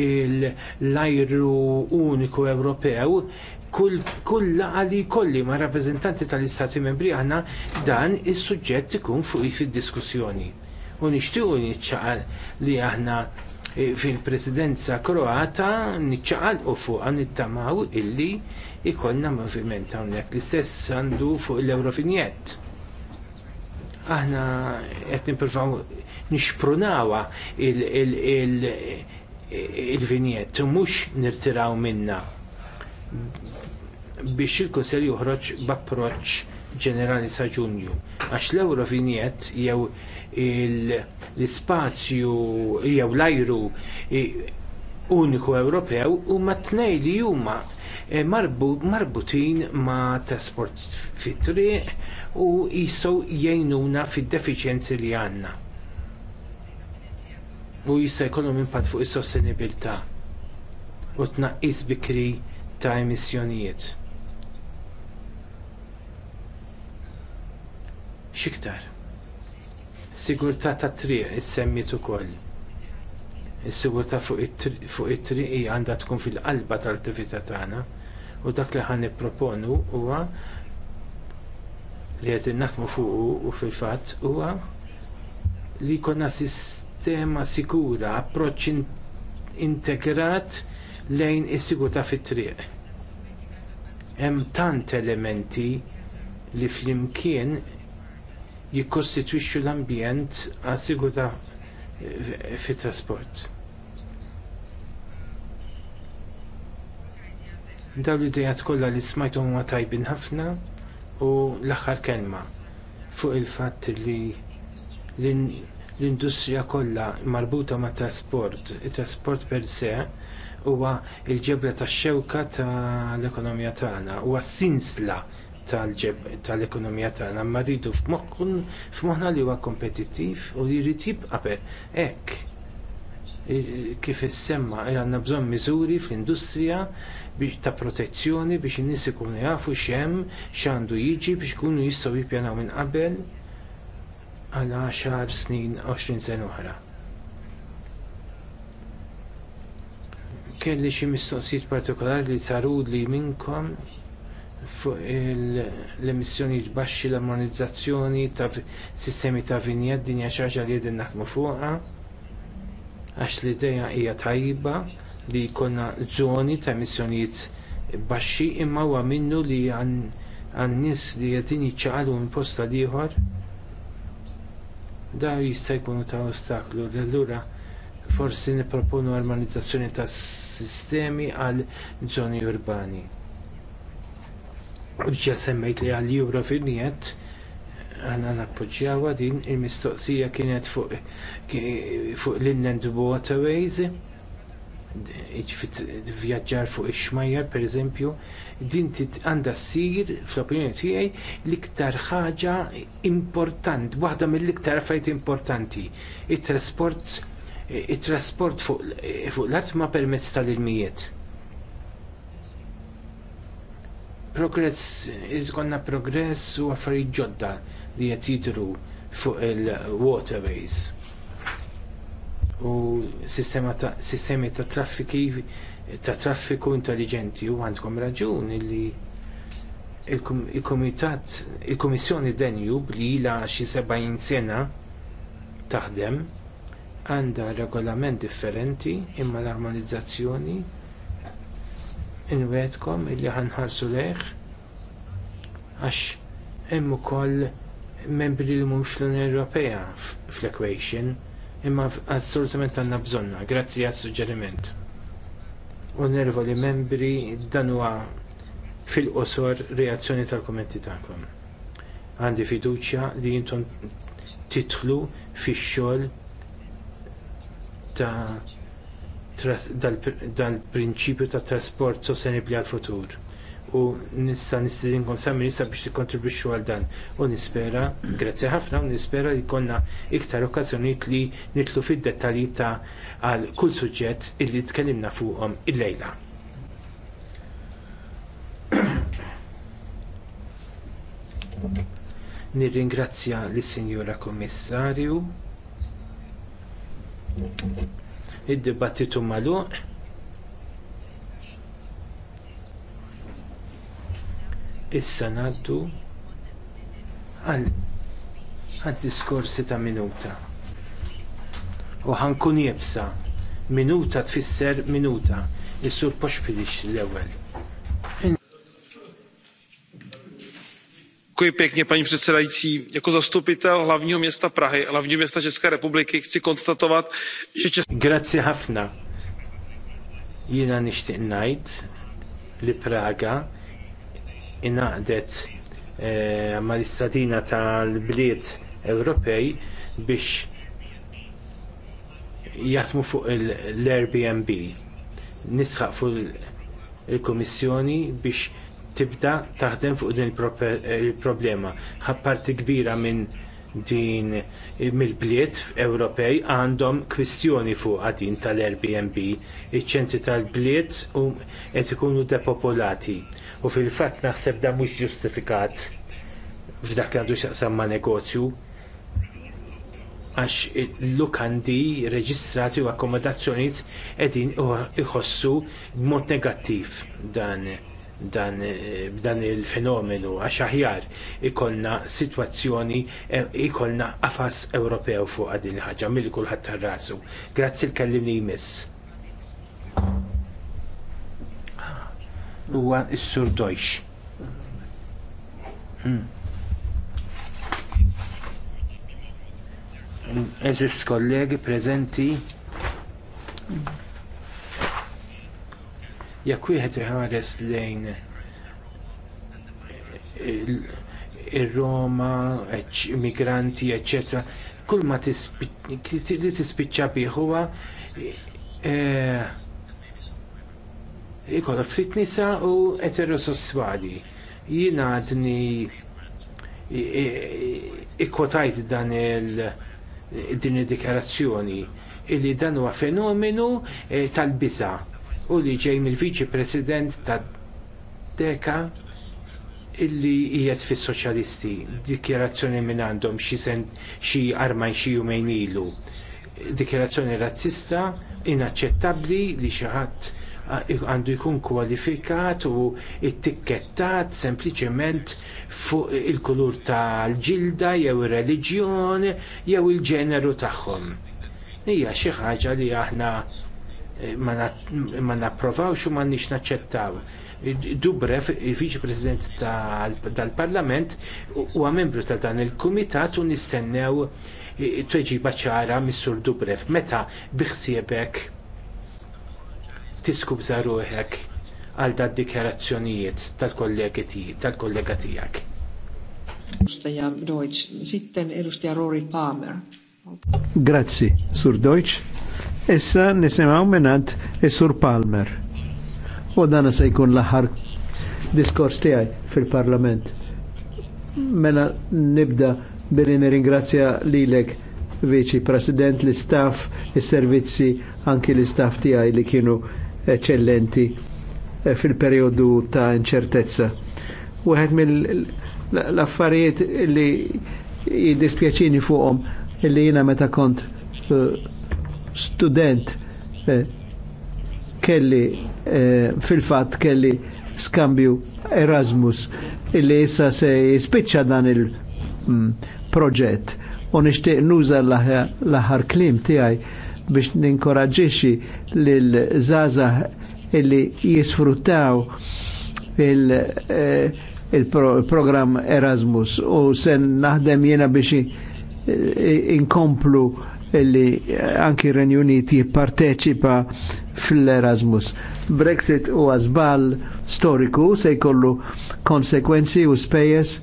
l-ajru uniku Ewropew kull kull li kolli ma' rappreżentanti tal-istati membri aħna dan is-suġġett ikun fuq fid diskussjoni u nitċaqal niċċaqal li aħna eh, fil-presidenza kroata niċċaqal u fuqa nittamaw illi ikollna moviment hawnhekk l-istess għandu fuq l eurofinjet Aħna qed nippruvaw nixprunawa il vinjet mhux nirtiraw minna biex il-Kunsell joħroġ b'approċċ ġenerali sa' ġunju. Għax l-euro vinjet jew l-spazju jew l-ajru e, uniku Ewropew huma t-tnejn li huma e, marbutin ma' trasport fit-triq u jistgħu jgħinuna fid-defiċjenzi li għandna. U jista' jkollhom impatt fuq is-sostenibilità u tnaqqis bikri ta' emissjonijiet xiktar. Sigurtà tat triq is-semmit ukoll. Is-sigurtà fuq it-triq għandha tkun fil-qalba tal-attività tagħna u dak li ħan nipproponu huwa li qed naħdmu fuq u fil-fatt huwa li jkollna sistema sikura, approċċ integrat lejn is-sigurtà fit-triq. Hemm tant elementi li flimkien jikkostitwixxu l-ambjent għas eh, fit-trasport. Daw l-idejat kollha li smajtu huma tajbin ħafna u l-aħħar kelma fuq il-fatt li l-industrija kollha marbuta mat trasport, it trasport per se huwa l ġebra tax-xewka tal-ekonomija tagħna, huwa sinsla tal-ekonomija tagħna, ma rridu f'moħħna li huwa kompetittiv u li jrid jibqa' hekk kif issemma e, għandna bżonn miżuri fl-industrija ta' protezzjoni biex in-nies ikunu jafu x'hemm x'għandu jiġi biex ikunu jistgħu jippjanaw minn qabel għal 10 snin 20 sena oħra. Kelli xi mistoqsijiet partikolari li saru li minnkom fuq l-emissjoni baxxi l-armonizzazzjoni ta' sistemi ta' vinjet dinja ċaġa li jedin naħdmu fuqha għax l-ideja hija tajba li jkollna żoni ta' emissjonijiet baxxi imma huwa minnu li għan nies li qegħdin jiċċaqalu minn posta ieħor da jista' jkunu ta' ostaklu allura forsi nipproponu armonizzazzjoni tas sistemi għal żoni urbani. Uġġa semmejt li għal-jura finniet niet għanna nappoġġjawa din il-mistoqsija kienet fuq l-inland waterways vjaġġar fuq ix-xmajjar pereżempju, din għandha ssir fl-opinjoni tiegħi l-iktar ħaġa importanti, waħda mill-iktar affarijiet importanti. It-trasport it-trasport fuq l-art ma permezz tal-ilmijiet. progress, konna progress u affarijiet ġodda li qed jidru fuq il-waterways. U s sistemi ta' traffiki ta' traffiku intelligenti u għandkom raġun li il-komitat, il komitat il komissjoni li ila xi 70 sena taħdem għandha regolament differenti imma l-armonizzazzjoni inwedkom illi ħanħarsu leħ għax hemm ukoll membri li mhumx l-Unjoni Ewropea fl-equation imma assolutament għandna bżonna, grazzi għas suġġeriment. li membri, dan huwa fil-qosor reazzjoni tal-kommenti tagħkom. Għandi fiduċja li jintom titħlu fix-xogħol ta' dal-prinċipju ta' trasport sostenibli għall futur U nista nistidinkom sa' minista biex tikkontribwixxu għal dan. U nispera, grazzi ħafna, u nispera li jkollna iktar okkażjonijiet li nitlu fid-dettalji ta' għal kull suġġett illi tkellimna fuqhom illejla. Nirringrazzja l sinjura Kommissarju. Id-dibattitu magħluq. Issa ngħaddu għal diskorsi ta' minuta. U ħankun jibsa. Minuta tfisser minuta. Is-sur l-ewwel. paní předsedající jako zastupitel hlavního města prahy hlavního města české republiky chci konstatovat že Grazzi ħafna. Jiena nixtieq ngħid li Praga ingħaqdet e, eh, istadina tal-bliet Ewropej biex jaħdmu fuq l-Airbnb. Nisħaq fuq il-Kummissjoni biex tibda taħdem fuq din il-problema. Parti kbira minn din mill-bliet Ewropej għandhom kwistjoni fuq din tal-Airbnb. Iċ-ċentri tal-bliet u qed ikunu depopolati. U fil-fatt naħseb da mhux ġustifikat f'dak li għandu x'aqsam ma' negozju għax lukandi reġistrati u akkomodazzjonijiet qegħdin iħossu b'mod negattiv dan dan il-fenomenu għax aħjar ikollna sitwazzjoni e, ikollna qafas Ewropew fuq din il-ħaġa milli kulħadd tar-rasu. Grazzi l-kellimni jmiss. Huwa s-sur Deutsch. Hmm. Eżis kollegi prezenti Jekk wieħed iħares lejn ir-Roma, migranti, eċċetera, kull ma tispiċċa bih huwa e, e, ikollok ftit nisa u eterosessuali. Jien għadni ikkwotajt dan il- din id-dikarazzjoni illi dan huwa fenomenu e, tal-biża' u li ġejn il viċi President ta' Deka illi qiegħed fis-Soċjalisti. Dikjerazzjoni minn għandhom xi xi armajn xi jumejn ilu. Dikjerazzjoni razzista inaċċettabbli li xi ħadd għandu jkun kwalifikat u ittikettat sempliċement fuq il-kulur tal-ġilda jew ir-reliġjon jew il-ġeneru tagħhom. Hija xi ħaġa li aħna ma napprovawx u ma nix naċċettaw. Dubrev, viċi president tal-parlament, u membru ta' dan il-kumitat u nistennew e, tweġi ċara Missur Dubrev. Meta biħsiebek tiskub ruħek għal da' dikjarazzjonijiet tal-kollega tal-kollega tijak. Edustaja Deutsch, sitten edustaja Rory Palmer. Grazzi, Sur Deutsch. Issa nisimaw minnant Isur Palmer. U dana se jkun laħar diskors tijaj fil-Parlament. Mela nibda billi nirringrazzja lilek veċi president l-istaff, is-servizzi, anki l-istaff tijaj li kienu eccellenti eh, fil-periodu ta' inċertezza. għed mill-affarijiet li jiddispjaċini fuqom li jina meta kont uh, student eh, kelli eh, fil-fat kelli skambju Erasmus illi jissa se jispiċa dan il-proġett mm, u nixtieq nuża l-aħħar klim tiegħi biex ninkoraġġixxi lil zaza illi jisfruttaw il- eh, il-program Erasmus u sen naħdem jena biex inkomplu illi eh, anki Renju Unit jipparteċipa fl-Erasmus. Brexit u għazbal storiku se jkollu konsekwenzi u spejes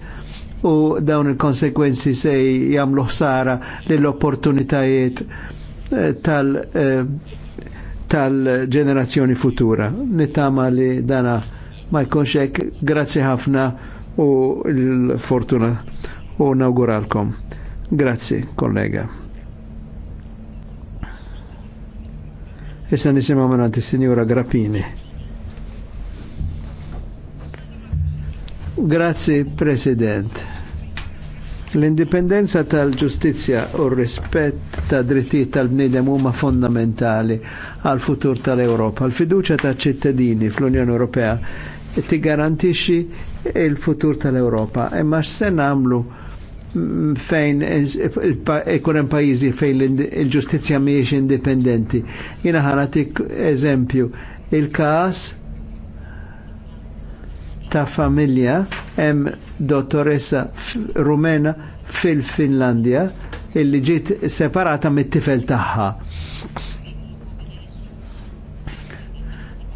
u dawn il-konsekwenzi se jamlu ħsara l-opportunitajiet eh, tal- eh, tal-ġenerazzjoni futura. Nittama li dana ma jkunx grazzi ħafna u l-fortuna u nawguralkom. Grazzi, kollega. Issa nisimaw minnant il-Sinjura Grappini. Grazzi, President. L-indipendenza tal-ġustizja u rispett ta' drittijiet tal-bnidem huma fondamentali għal futur tal-Ewropa. L-fiduċa ta' ċittadini fl-Unjoni Ewropea ti garantixxi il-futur tal-Ewropa. Imma e x'se nagħmlu fejn ikunem pajizi pajjiżi fejn il-ġustizzja mhijiex indipendenti. Jiena ħaratik eżempju, il-każ ta' familja em dottoressa rumena fil-Finlandja illi ġiet separata mit-tifel tagħha.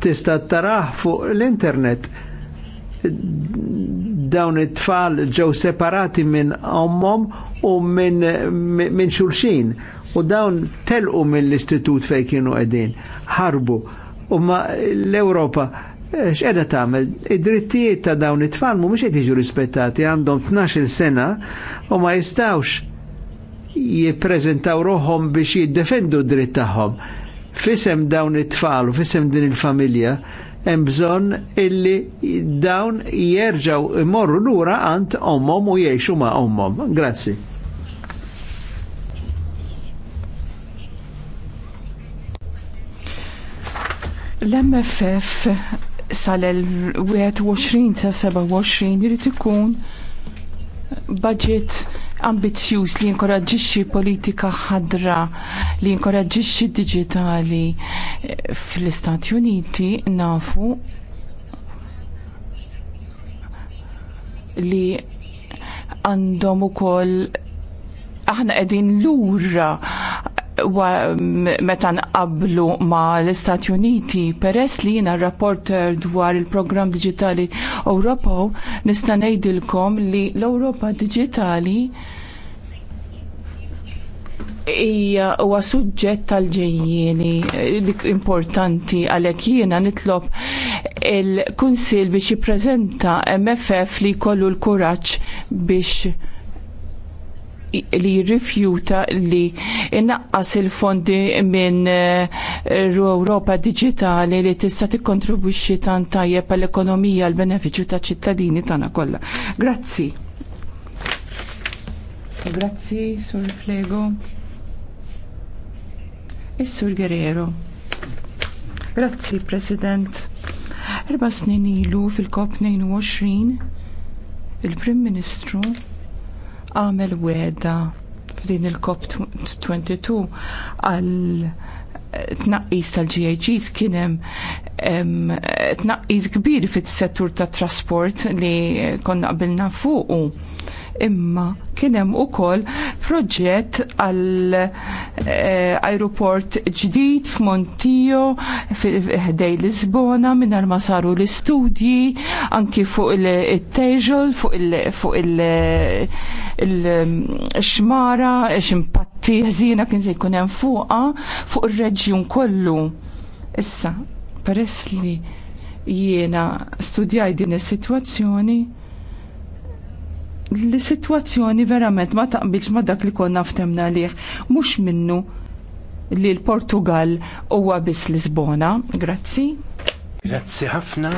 Tista' taraħ fuq l-internet dawn it-tfal ġew separati minn ommom u minn min xulxin. U dawn telqu mill-istitut fej kienu qegħdin, ħarbu. U ma l-Ewropa eh, x'qeda tagħmel, id-drittijiet ta' dawn it-tfal mhumiex qed jiġu rispettati għandhom 12 sena u ma jistgħux jippreżentaw ruħhom biex jiddefendu d-dritt tagħhom. Fisem dawn it-tfal u fisem din il-familja hemm bżonn illi dawn jerġgħu imorru lura għand ommhom u jgħixu ma' ommhom. Grazzi. L-MFF sal-21 ta' 27 jrid ikun budget ambizzjuż li jinkoraġġixxi politika ħadra li jinkoraġġixxi digitali fl-Istati Uniti nafu li għandhom ukoll aħna qegħdin lura meta nqablu ma l-Istati Uniti peress li jiena rapporter dwar il-programm Digitali Ewropew nista' ngħidilkom li l-Ewropa Digitali hija huwa suġġett tal-ġejjieni importanti għalhekk jiena nitlob il-Kunsill biex jippreżenta MFF li jkollu l-kuraġġ biex li jirrifjuta li innaqqas il-fondi minn eh, Europa Digitali li tista' tikkontribwixxi tant tajjeb għall-ekonomija għall benefiċċju ta' ċittadini tagħna kollha. Grazzi. Grazzi, Sur Flego. Is-Sur Guerrero. Grazzi, President. Erba snin ilu fil-COP 22 il-Prim Ministru għamel weda f'din il-COP 22 għal tnaqqis tal-GIGs kien hemm tnaqqis kbir fit-settur tat trasport li konna qabilna fuqu Imma kien hemm ukoll proġett għal eh, ajruport ġdid f'Montijo ħdej Lisbona mingħajr ma saru l-istudji anki fuq il-tejġol fuq il-xmara x'impatti ħżiena kien se jkun hemm fuqha fuq ir-reġjun kollu. Issa, peress li jiena studjaj din is-sitwazzjoni, li situazzjoni verament ma taqbilx ma dak li konna ftemna liħ. Mux minnu li l-Portugal huwa biss Lisbona. Grazzi. Grazzi ħafna.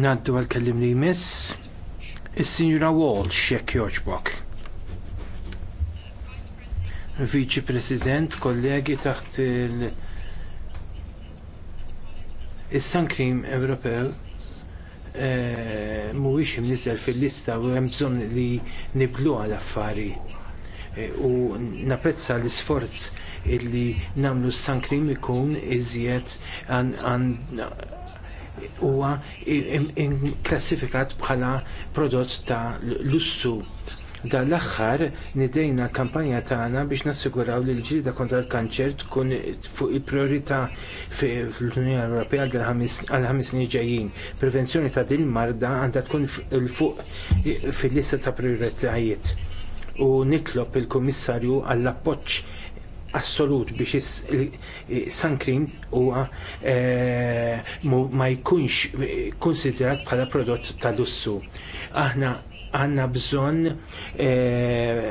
Naddu għal-kellim li jmiss. Is-Sinjura Walsh, jekk joġbok. Viċi President, kollegi taħt il- sankrim Ewropew Eh, mhuwiex imniżel fil-lista u hemm bżonn li niblu għal affari eh, u napprezza l-isforz illi nagħmlu s-sankrim ikun iżjed huwa klassifikat bħala prodott ta' lussu Dan l-aħħar nidejna kampanja tagħna biex nassiguraw li l-ġilda kontra l-kanċer tkun fuq il-priorità fl-Unjoni Ewropea għal ħames snin ġejjin. Prevenzjoni ta' din marda għandha tkun fuq fil-lista ta' prioritajiet. U nitlob il-Kummissarju għall-appoġġ assolut biex sankrin huwa eh, ma jkunx konsiderat bħala prodott ta' lussu. Aħna għanna bżonn eh,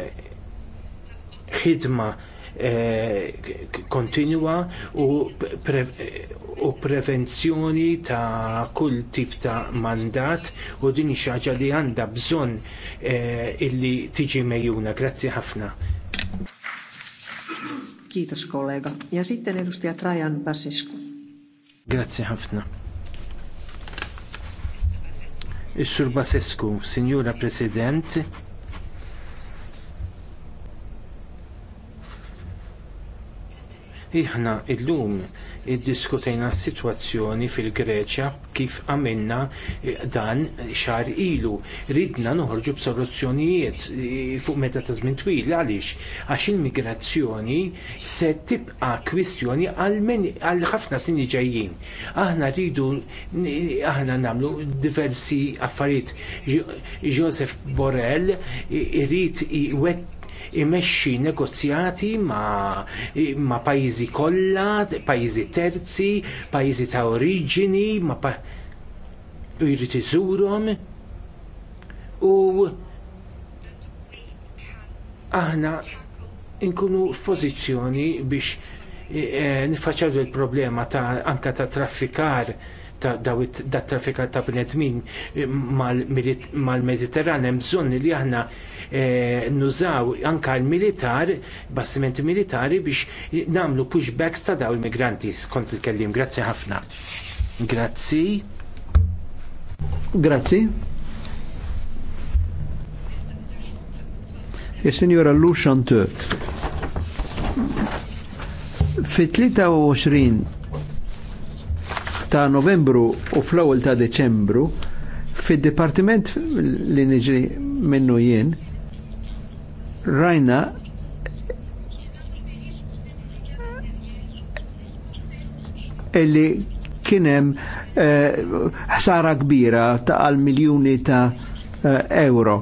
ħidma eh, kontinwa u prevenzjoni ta' kull tip ta' mandat u din xaġa li għandha bżonn eh, illi tiġi mejjuna. Grazzi ħafna. Kitas kollega. Ja sitten edustaja Trajan Basisku. Grazzi ħafna. Is-Sur Basescu, Sinjura President, Iħna illum iddiskutejna s-sitwazzjoni fil-Greċja kif għamilna dan xar ilu. Ridna noħorġu b'soluzzjonijiet fuq meta ta' żmien twil għaliex għax il-migrazzjoni se tibqa' kwistjoni għal ħafna snin ġejjin. Aħna rridu aħna nagħmlu diversi affarijiet. Joseph Borrell irid iwet imexxi negozjati ma, ma pajjiżi kollha, pajjiżi terzi, pajjiżi ta' oriġini, ma pa... jrid iżurhom u aħna inkunu f'pożizzjoni biex E, e nifaċadu il-problema ta' anka ta' traffikar ta' dawit da' traffikar ta' bnedmin mal-Mediterran mal bżonni bżonn li aħna E, nużaw anka l-militar, bastimenti militari biex namlu pushbacks ta' daw il-migranti skont il-kellim. Grazzi ħafna. Grazzi. Grazzi. Il-Sinjora e, Lu Chanteux. Fit-23 ta' novembru u fl-ewwel ta' deċembru fid-dipartiment li niġri minnu jien rajna illi kienem eh, ħsara uh, kbira ta' għal miljoni ta' uh, euro.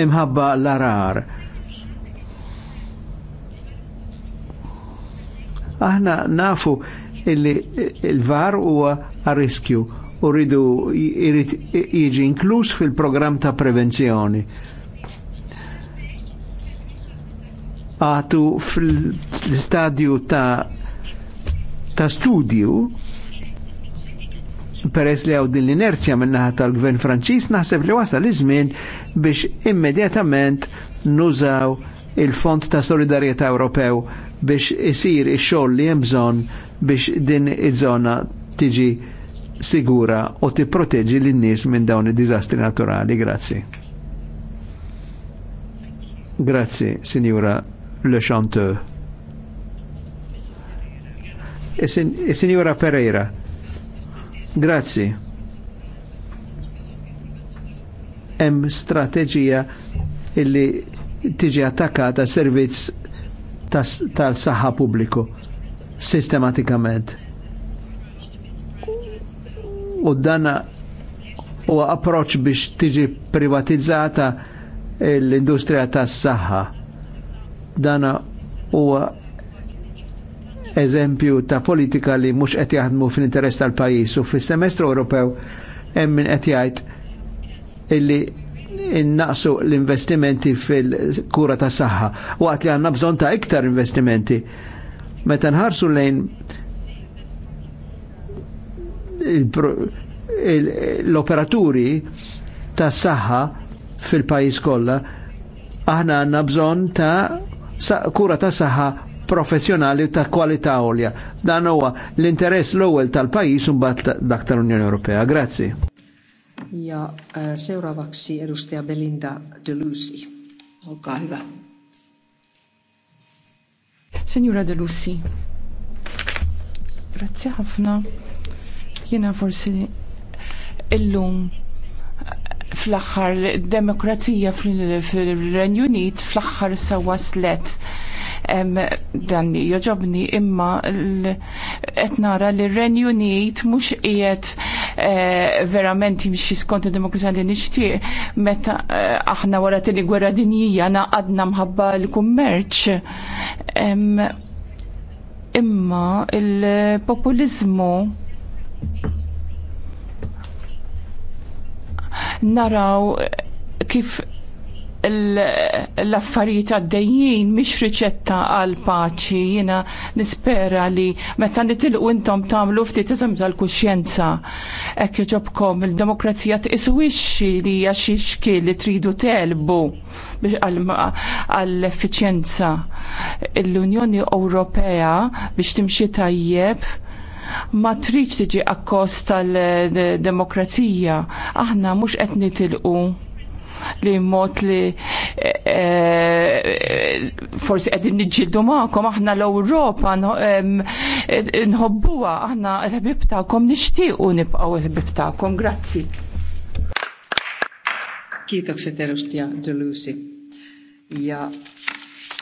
Imħabba l-arar. Aħna nafu illi il-var huwa a riskju u rridu jiġi inkluż fil-programm ta' prevenzjoni. Għatu fil-stadju ta', ta studju peress li għaw din l-inerzja minnaħa tal-gvern franċis, naħseb li wasal iż-żmien biex immedjatament nużaw il-Fond ta' Solidarieta Ewropew biex isir ix-xogħol li hemm bżonn biex din iż-żona tiġi sigura u tipproteġi l nies minn dawn id-diżastri naturali. Grazzi. Grazzi, Sinjura Le Chanteur. E Sinjura e Pereira. Grazzi. Hemm strateġija illi tiġi attakkata servizz tal-saħħa pubbliku sistematikament u dana u approċ biex tiġi privatizzata l-industrija tas saħħa Dana huwa eżempju ta' politika li mhux qed jaħdmu fl-interess tal pajis u fis-semestru Ewropew hemm min qed jgħid illi innaqsu l-investimenti fil-kura tas saħħa waqt li għandna bżonn ta' iktar investimenti. Meta nħarsu lejn l-operaturi ta' saħħa fil-pajis kollha aħna għandna bżonn ta' kura ta' saħħa professjonali ta' kwalità għolja. Dan huwa l-interess l-ewwel tal-pajjiż imbagħad dak tal-Unjoni Ewropea. Grazzi. Ja eh, vaksi edustaja Belinda Delusi. Olkaa hyvä. Signora Delusi. Grazzi ħafna. Jiena forsi illum fl-axħar demokrazija fil-Renju Unit fl-axħar sa waslet dan joġobni imma qed nara li r-Renju Unit mhux qiegħed eh, verament jimxi skont id-demokrazija li nixtieq meta eh, aħna wara tieni gwerra dinjija naqadna mħabba l-kummerċ imma il-populizmu Naraw kif l-affarijiet għaddejjin mhix riċetta għal paċi jiena nispera li meta nitilqu intom tagħmlu ftit iżem l-kuxjenza hekk jogħġobkom il-demokrazija tqisu li hija xi xkil li tridu telbu biex għall-effiċjenza. L-Unjoni Ewropea biex timxi tajjeb ma triċ tiġi akkos tal-demokrazija. Aħna mhux qed nitilqu li mod li e, e, forsi qed niġġieldu magħkom aħna l-Ewropa nħobbuha aħna l-ħbib tagħkom nixtiequ nibqgħu l-ħbib tagħkom. Grazzi. Kiitokset edustaja Delusi. Ja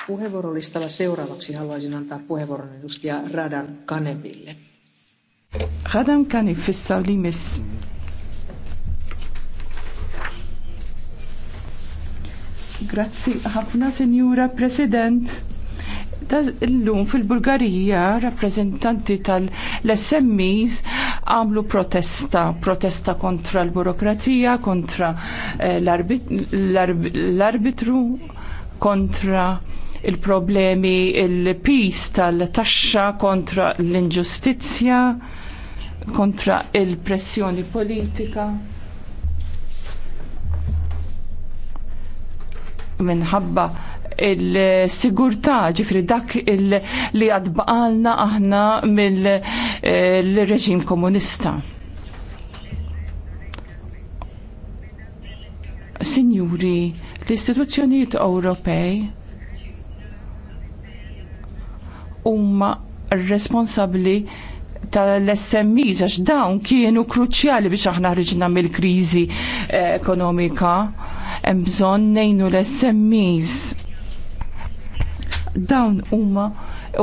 puheenvuorolistalla seuraavaksi haluaisin antaa puheenvuoron edustaja Radan Kaneville. Għadam kan ifissaw li miss. Grazzi ħafna, Sinjura President. Illum fil-Bulgarija rappresentanti tal-SMEs għamlu protesta, protesta kontra l-burokrazija, kontra eh, l-arbitru, kontra il-problemi, il tal-taxxa, kontra l-inġustizja. il problemi il pis tal taxxa kontra l inġustizzja kontra il-pressjoni politika minħabba il-sigurtà ġifri dak il li għadbaqalna aħna mill-reġim eh, komunista. Signuri, l-istituzzjonijiet Ewropej huma responsabbli tal-SMEs għax dawn kienu kruċjali biex aħna ħriġna mill-kriżi eh, ekonomika. Hemm bżonn ngħinu l-SMEs. Dawn huma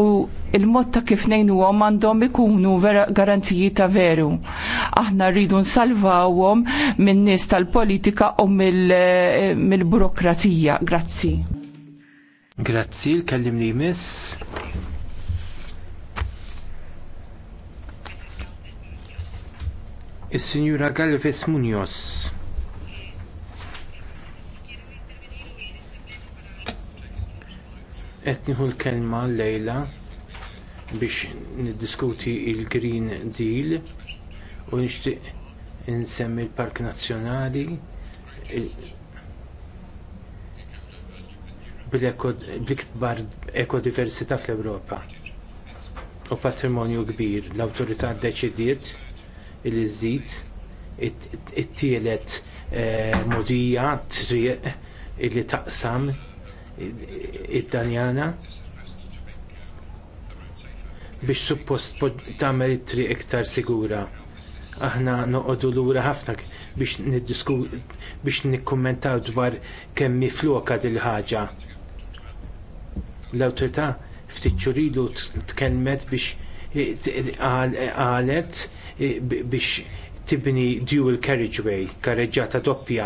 u il-mod ta' kif nejnu għom għandhom ikunu garanziji ta' veru. Aħna rridu nsalvawhom minn nies tal-politika u eh, mill-burokrazija. Grazzi. Grazzi, l-kellim li Is-Sinjura Galvez Munoz. Etniħu l-kelma lejla biex niddiskuti l green Deal u nixtieq insemmi l-Park Nazzjonali bil iktbar ekodiversità fl-Ewropa u patrimonju kbir. L-awtorità ddeċidiet li żid it-tielet eh, modija triq li taqsam id-Danjana biex suppost tagħmel it-triq iktar sigura. Aħna noqogħdu lura ħafna biex biex nikkummentaw dwar kemm mifluka il ħaġa L-awtorità ftit ċurilu tkellmet biex qalet biex tibni dual carriageway, karreġġata doppja.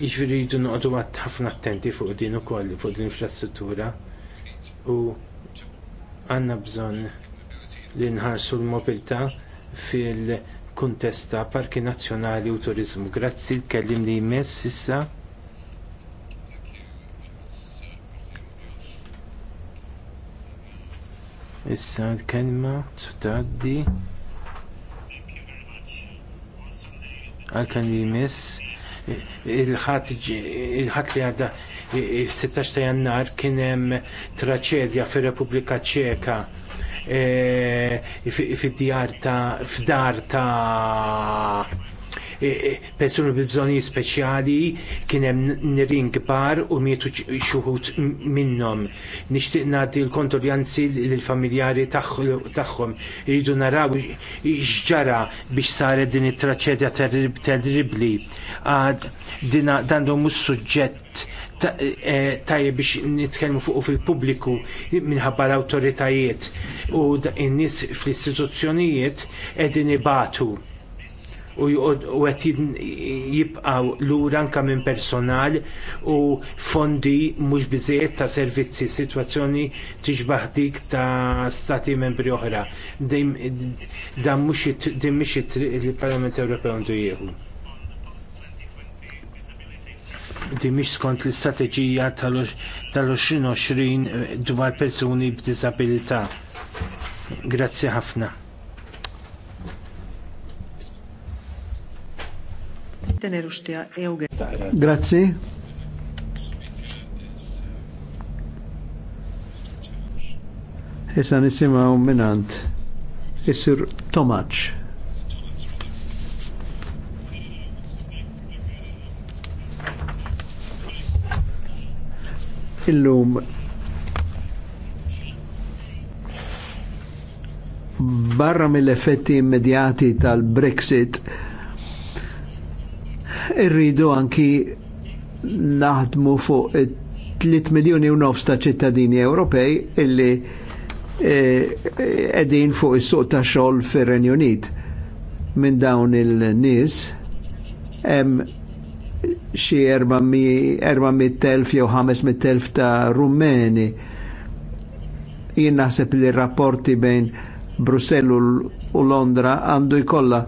Jiġifieri għadu noqogħdu ħafna attenti fuq din ukoll fuq din infrastruttura u għandna bżonn li nħarsu l-mobilità fil-kuntesta Parki Nazzjonali u Turiżmu. Grazzi l-kellim li jmess issa Issa l-kelma taddi għal li jmiss il-ħat li għadda il-16 ta' jannar kien hemm traċedja fir repubblika Ċeka fid-djar ta' fdar ta' E, e, persuni bi speċjali kien hemm nirin kbar u mietu xuħut minnhom. Nixtieq nagħti l-kontorjanzi lill-familjari tagħhom. Iridu naraw x'ġara biex saret din it-traċedja terribli. Għad dandhom mhux-suġġett e, tajjeb biex nitkellmu fuq fil-pubbliku minħabba l-awtoritajiet u n-nies fl-istituzzjonijiet qegħdin ibatu u qed jibqgħu lura anke minn personal u fondi mhux biżejjed ta' servizzi sitwazzjoni tiġbaħ dik ta' stati membri oħra. Din mhux il-Parlament Ewropew għandu jieħu. Din mhix skont l-istrateġija tal-2020 eh, dwar persuni b'diżabilità. Grazzi ħafna. Grazie. Issa nisimaw minant Isir Tomac. Illum barra mill-effetti immedjati tal-Brexit irridu anki naħdmu fuq 3 miljoni u nofs ta' ċittadini Ewropej illi e, e, edin fuq is-suq ta' xogħol fir-Renju Unit. Minn dawn il-nies hemm xi 400.000 jew 500.000 ta' Rumeni. Jien naħseb li rapporti bejn Brussell u Londra għandu jkollha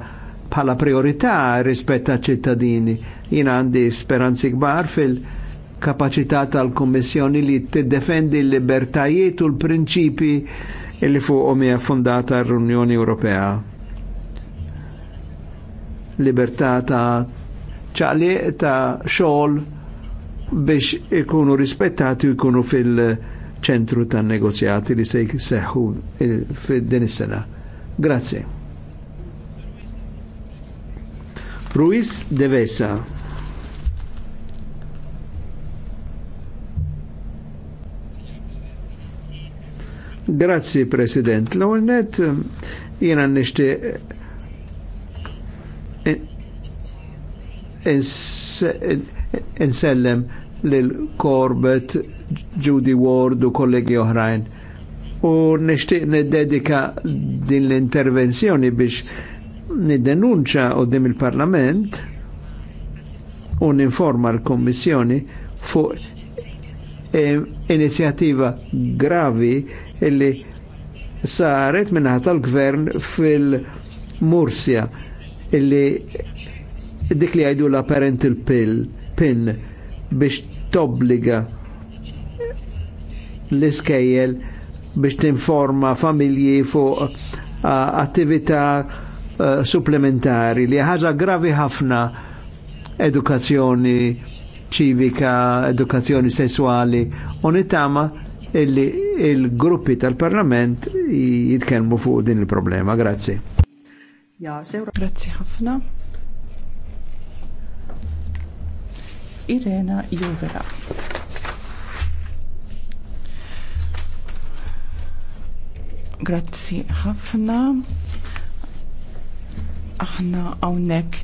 bħala priorità rispett għal ċittadini. Jina għandi speranzi kbar fil-kapacità tal-Kommissjoni li tiddefendi l-libertajiet u l-prinċipi li fuqhom hija fundata l-Unjoni Ewropea. Libertà ta' ċaqliq ta' xogħol biex ikunu rispettati u ikunu fil-ċentru tan negozjati li se seħħu fid-din is-sena. Grazie. Ruiz de Vesa. Grazzi, President. L-għol net jena nishti eh, insellem l-Korbet, Judy Ward u kollegi oħrajn. U nishtiq dedika din l-intervenzjoni biex u dim il-Parlament u ninforma l-Kommissjoni fuq eh, inizjativa gravi illi saret minna tal-gvern fil-Mursja illi dik li għajdu la parental pill, pin biex tobliga l-iskejjel biex tinforma familji fuq eh, attività Eh, supplementari li ħaġa gravi ħafna edukazzjoni ċivika, edukazzjoni sessuali u nittama illi il-gruppi tal-parlament jitkelmu fuq din il-problema. Grazzi. Grazzi ħafna. Irena Juvera. Grazzi ħafna aħna hawnhekk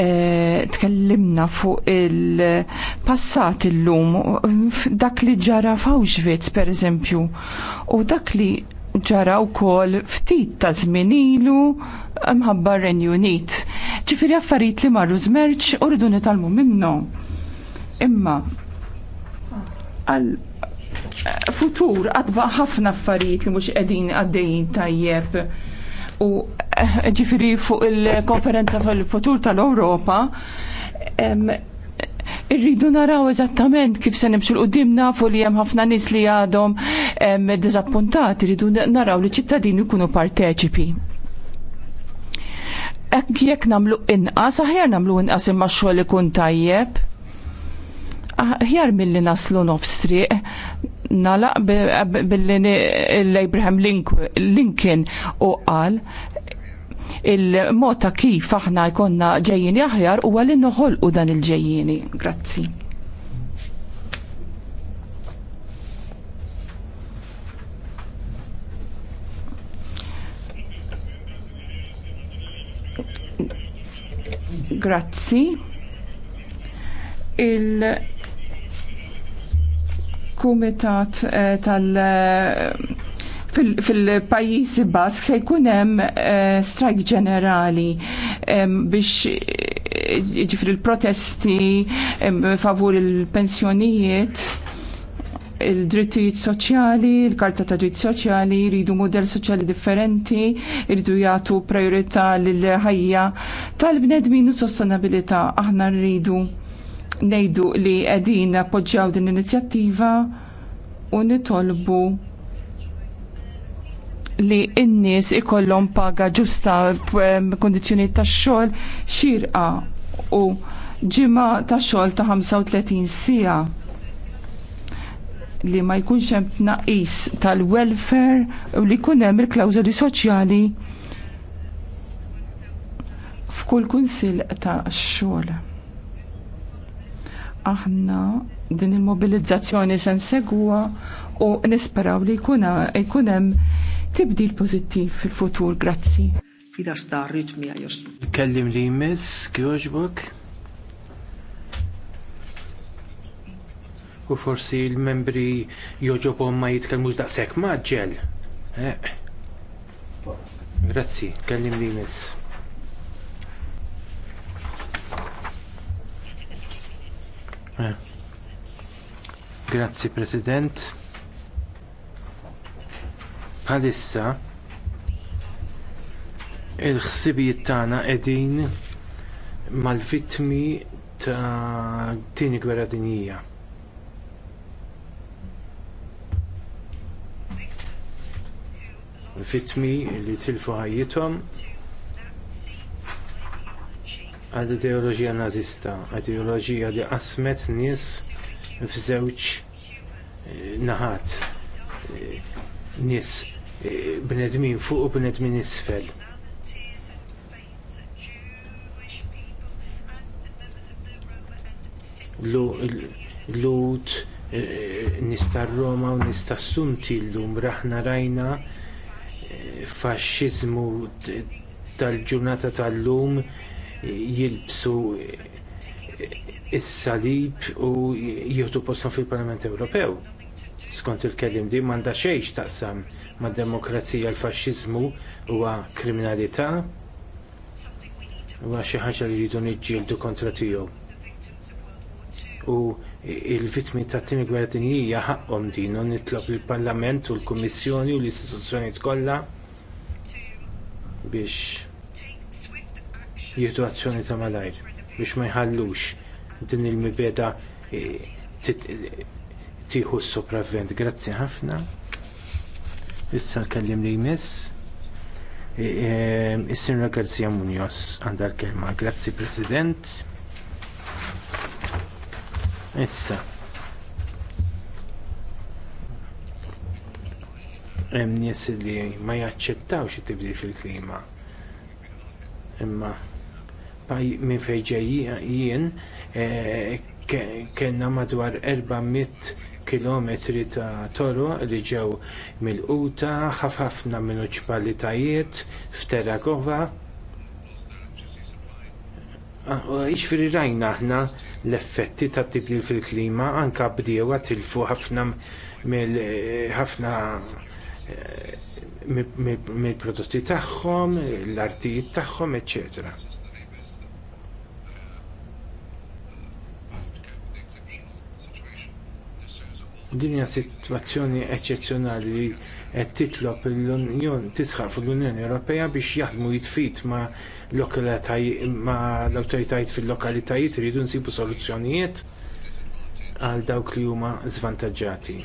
eh, tkellimna fuq il-passat illum, dak li ġara f'Auschwitz per eżempju, u dak li ġara wkoll ftit ta' zminilu ilu mħabba Renju Unit. Ġifieri affarijiet li marru zmerċ u rridu nitalmu minnhom. Imma għal eh, futur għadba ħafna affarijiet li mhux qegħdin għaddejjin tajjeb u ġifiri fuq il-konferenza fil-futur tal-Europa, irridu naraw eżattament kif se nimxu l-qoddim nafu li hemm ħafna nies li għadhom dizappuntati, irridu naraw li ċittadini jkunu parteċipi. Ek jekk namlu inqas, aħjar namlu inqas imma xogħol ikun tajjeb. Aħjar milli naslu nofstriq, nalaq billi l-Abraham Lincoln u qal il-mod ta' kif aħna jkollna ġejjin aħjar huwa li noħolqu dan il-ġejjini. Grazzi. Grazzi. Il kumitat eh, tal- fil-pajjiżi Bask se jkun hemm eh, strajk ġenerali biex eh, ġifri l-protesti favur il-pensjonijiet il-drittijiet soċjali, il-karta ta' dritt soċjali, jridu model soċjali differenti, jridu jagħtu priorità lill-ħajja tal-bnedmin u sostenabilità. Aħna rridu ngħidu li qegħdin nappoġġjaw din l-inizjattiva u nitolbu li n-nies ikollhom paga ġusta kondizzjonijiet tax-xogħol xirqa u ġimgħa tax-xogħol ta' 35 siegħa li ma jkunx hemm tnaqqis tal-welfare u li jkun hemm il-klawżoli soċjali f'kull kunsill ta' xogħol. Aħna din il-mobilizzazzjoni se nsegwa u nisperaw li jkun hemm tibdil pozittiv fil-futur. Grazzi. Fida star ritmija għajos. Kellim li jimmis, kjoġbok. U forsi l-membri joġobhom ma jitkellmux daqshekk maġġel. Eh. Grazzi, kellim li jimmis. Eh. Grazzi President għalissa il-ħsibijiet tagħna qegħdin mal-vittmi ta' tieni gwerra dinjija. Vittmi li tilfu ħajjithom għal ideoloġija nazista, ideoloġija li qasmet nies f'żewġ naħat nis e, bnedmin fuq u bnedmin isfel. Lut, e, nista Roma u nista Sunti l-lum raħna rajna e, faxxiżmu tal-ġurnata tal-lum jilbsu is-salib u jieħdu postan fil-Parlament Ewropew skont il-kellim di manda xejx taqsam mad demokrazija l-fasċizmu huwa kriminalità huwa xi ħaġa li jridu niġġieldu kontra tiegħu. U il-vittmi ta' tieni gwerra dinjija ħaqhom din u nitlob il-Parlament u l-Kummissjoni u l-istituzzjonijiet kollha biex jieħdu azzjoni ta' malajr biex ma jħallux din il-mibeda eh, tieħu s-sopravvent. Grazzi ħafna. Issa kellim li jmiss. E, e, Is-Sinra Garcia Munoz għandha l-kelma. Grazzi President. Issa. Hemm nies li ma jaċċettawx it-tibdil fil-klima. Imma minn fejn ġejjin e, kellna madwar 400 kilometri ta' toru li ġew mill-Uta, ħafna municipalitajiet f'Teragova. Ah, jiġifieri rajna aħna l-effetti ta' tibdil fil-klima anka bdiewa tilfu ħafna mill-ħafna eh, mill-prodotti tagħhom, l-artijiet tagħhom, eċċetera Dinja situazzjoni eċċezzjonali li qed titlob l-Unjoni tisħaq fl-Unjoni Ewropea biex jaħdmu jitfit ma' ma' l-awtoritajiet fil-lokalitajiet iridu nsibu soluzzjonijiet għal dawk li huma żvantaġġati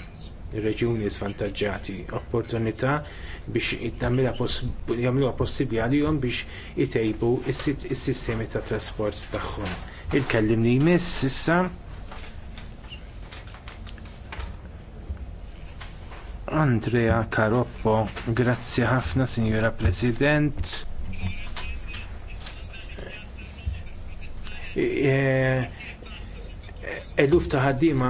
reġjuni svantaġġati opportunità biex jagħmluha possibbli għalihom biex itejbu is-sistemi tat trasport tagħhom. Il-kellimni jmiss issa Andrea Caroppo, grazzi ħafna, Signora President. E, eluf ta' ħaddiema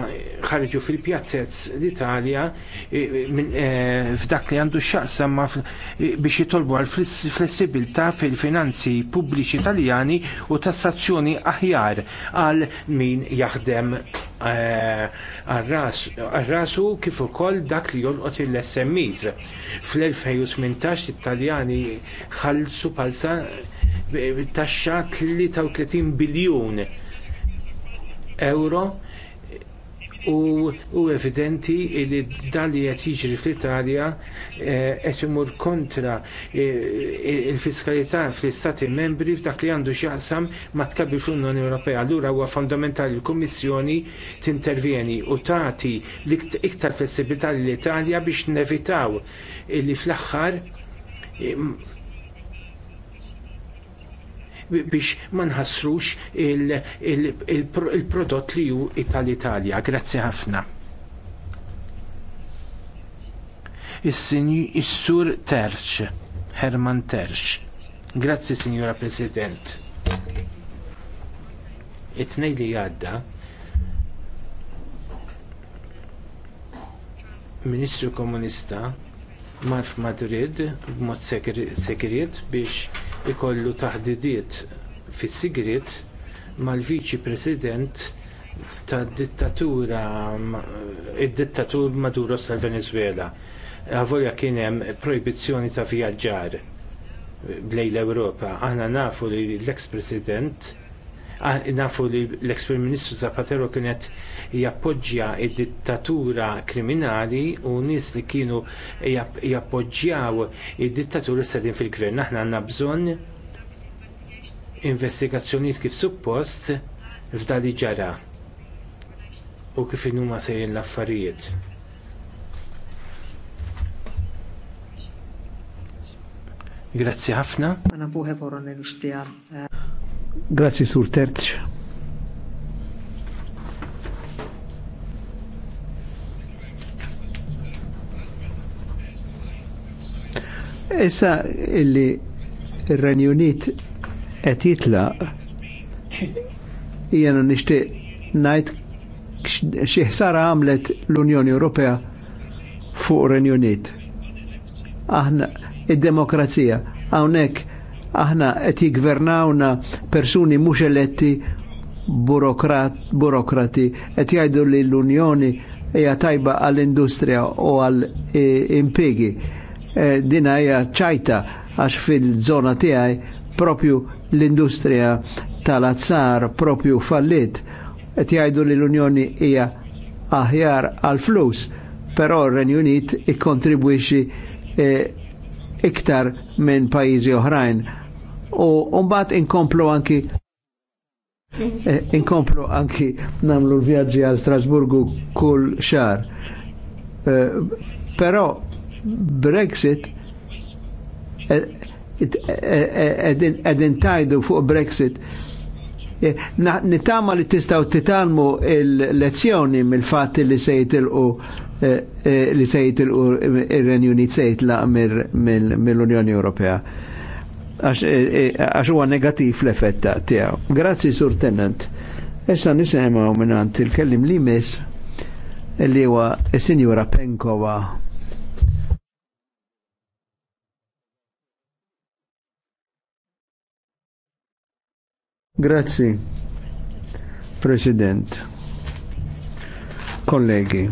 ħarġu fil-pjazzez l-Italja e, e, e, f'dak li għandu x'aqsam ma biex jitolbu għal flessibilità fil-finanzi pubbliċi Taljani u tassazzjoni aħjar għal min jaħdem għal-rasu kif ukoll dak li jolqot il-SMEs. Fl-2018 it-Taljani ħallsu palsa taxxa 33 biljun euro u, u evidenti li dan li qed jiġri fl-Italja eh, qed imur kontra eh, eh, il-fiskalità fl-Istati membri f'dak li għandu x'jaqsam ma tkabbi fl-Unjoni Ewropea. Allura huwa fondamentali l-Kummissjoni tintervjeni u tagħti iktar flessibilità lill-Italja biex nevitaw li fl-aħħar biex ma nħassrux il-prodott li ju tal-Italja. Grazzi ħafna. il sur Terċ, Herman Terċ. Grazzi, Signora President. it li għadda, Ministru Komunista Marf Madrid b'mod sekret biex ikollu taħdidiet fis-sigriet mal-Viċi President tad-dittatura id-dittatur Maduro tal-Venezuela. Għavolja kien hemm proibizzjoni ta' vjaġġar blej l-Ewropa. Aħna nafu li l-ex-President Ah, nafu li l-ex-Prim Ministru Zapatero kienet jappoġġja id-dittatura kriminali u nis li kienu jappoġġjaw id-dittatura sedin fil-gvern. Aħna għandna bżonn investigazzjonijiet kif suppost f'dali ġara u kif huma sejjin l-affarijiet. Grazzi ħafna. Għana buħe il-ġtija. Grazie sur terz. Issa illi il-Renju Unit qed jitlaq jiena nixtieq ngħid xi ħsara għamlet l-Unjoni Ewropea fuq Renju Unit. Aħna id-demokrazija hawnhekk aħna qed jigvernawna persuni mhux eletti burokrat, burokrati qed jgħidu li l-Unjoni hija tajba għall-industrija u għall impiegi E, Dina hija ċajta għax fil-żona tiegħi propju l-industrija tal-azzar propju fallit qed jgħidu li l-Unjoni hija aħjar għal-flus, però r-Renju Unit ikkontribwixxi e, iktar minn pajjiżi oħrajn u mbagħad inkomplu anki eh, inkomplu anki namlu l-vjaġġi għal Strasburgu kull xar. Eh, però Brexit eh, edin tajdu fuq Brexit nitama li tistaw titalmu il-lezzjoni mill-fatti li il-u li sejtilqu il il-Renjuni sejt sejtla mill-Unjoni Ewropea. E, e, għax huwa negativ l-effett tiegħu. Grazzi sur tenant. Issa nisimgħu minant il-kellim li miss li huwa is-Sinjura Penkova. Grazzi, President, kollegi.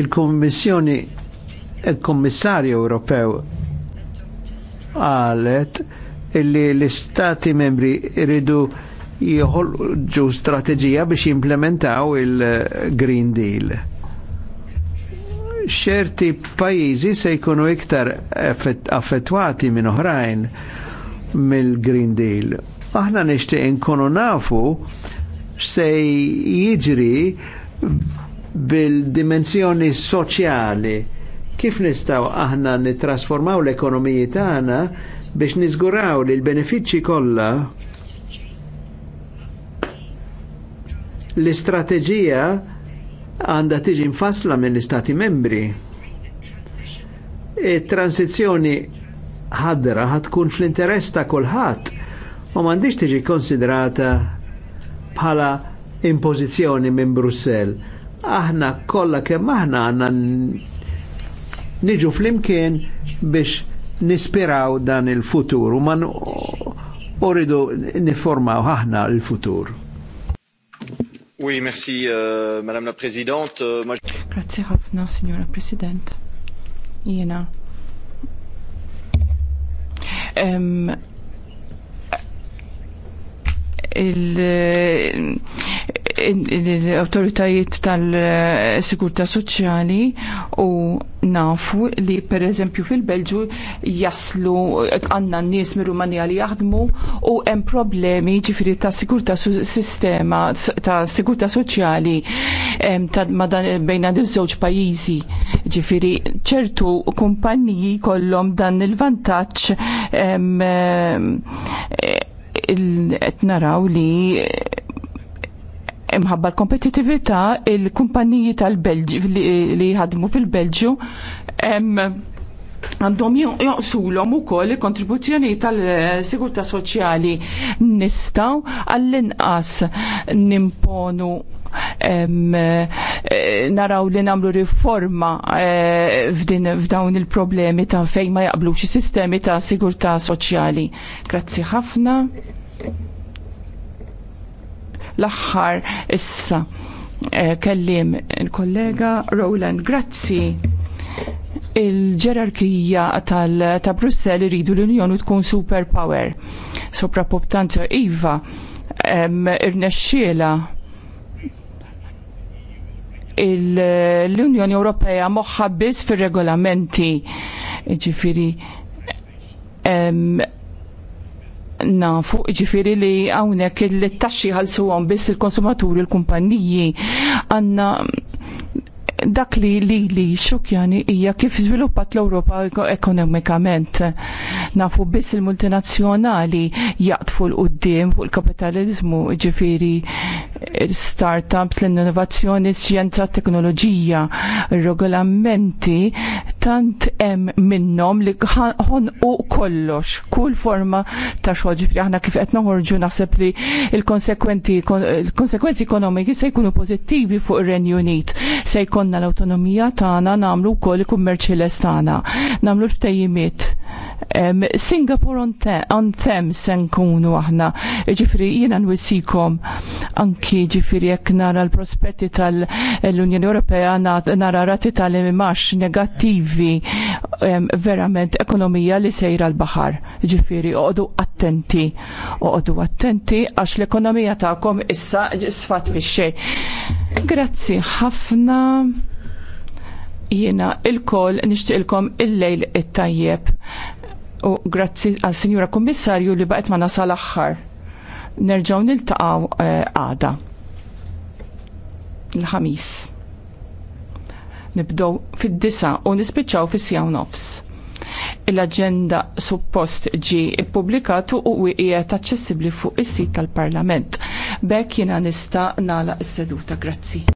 Il-Kommissjoni il-Kommissarju Ewropew għalet illi l-istati membri iridu jħolġu strategija biex jimplementaw il-Green Deal. ċerti pajizi se jkunu iktar affettwati minn oħrajn mill-Green Deal. Aħna nishtiq inkunu nafu se jiġri bil-dimensjoni soċjali Kif nistaw aħna nitrasformaw l-ekonomiji tagħna biex niżguraw li l-benefiċċji kollha l-istrateġija għandha tiġi mfassla mill-istati membri. Il-transizjoni ħadra ħatkun fl-interess ta' kulħadd u m'għandix tiġi konsidrata bħala impożizzjoni minn Brussell. Aħna kollha kemm aħna għandna niġu fl-imkien biex nispiraw dan il-futur u man uridu niformaw ħahna il-futur. Oui, merci, uh, Madame la Présidente. Uh, ma... Grazie ħafna, Signora President. Jena. Um, il, l-autoritajiet tal-sigurta soċjali u nafu li per eżempju fil-Belġu jaslu għanna n-nies mir rumanija li jaħdmu u hemm problemi ġifiri ta' sigurta sistema ta' sigurta soċjali bejna madan żewġ pajjiżi. Ġifiri ċertu kumpanniji kollom dan il-vantaġġ il naraw li imħabba l-kompetitività il-kumpaniji tal-Belġi li ħadmu fil-Belġu għandhom joqsulhom ukoll il-kontribuzzjoni tal-sigurtà soċjali nistgħu għall-inqas nimponu eh, naraw li nagħmlu riforma eh, f'dawn il-problemi ta' fejn ma jaqblux is-sistemi ta' sigurtà soċjali. Grazzi ħafna l-aħħar issa eh, kellim il-kollega Rowland, grazzi il-ġerarkija ta' Brussel iridu l-Unjoni tkun superpower. poptanza Iva, irnexxiela l-Unjoni Ewropea moħħa biss fir-regolamenti. Ġifiri, nafu ġifiri li għawnek il-taxxi għal suwom biss il-konsumaturi, il-kumpanniji, għanna dak li li li xukjani hija kif żviluppat l-Ewropa ekonomikament. Nafu biss il-multinazzjonali jaqtfu l-qoddim fuq il-kapitalizmu ġifiri startups, l-innovazzjoni, s xjenza, teknoloġija, regolamenti, tant hemm minnom li u kollox, kull forma ta' xogħol ġifri aħna kif qed noħorġu naħseb li l-konsekwenzi ekonomiki se jkunu pożittivi fuq ir-Renju Unit se għanna l-autonomija tagħna nagħmlu wkoll il-kummerċi tagħna. Nagħmlu ftejjimiet. Singapore on, te, on them se nkunu aħna. Ġifieri jiena nwissikom anki ġifri jek nara l-prospetti tal-Unjoni Ewropea nara rati tal-imax negattivi verament ekonomija li sejra l-baħar. Ġifri uqdu attenti, uqdu attenti għax l-ekonomija tagħkom issa sfat fix-xejn. Grazzi ħafna jiena il-kol nishtiqilkom il-lejl it-tajjeb. U grazzi għal Sinjura Kummissarju li baqgħet ma nasal aħħar. Nerġgħu niltaqgħu eh, għada. Il-ħamis. Nibdow fid-disa u nispiċċaw fis-sjaw nofs. L-aġenda suppost ġi ppubblikatu u qiegħed aċċessibbli fuq is-sit tal-Parlament. Bekk jiena nista' nagħlaq is-seduta. Grazzi.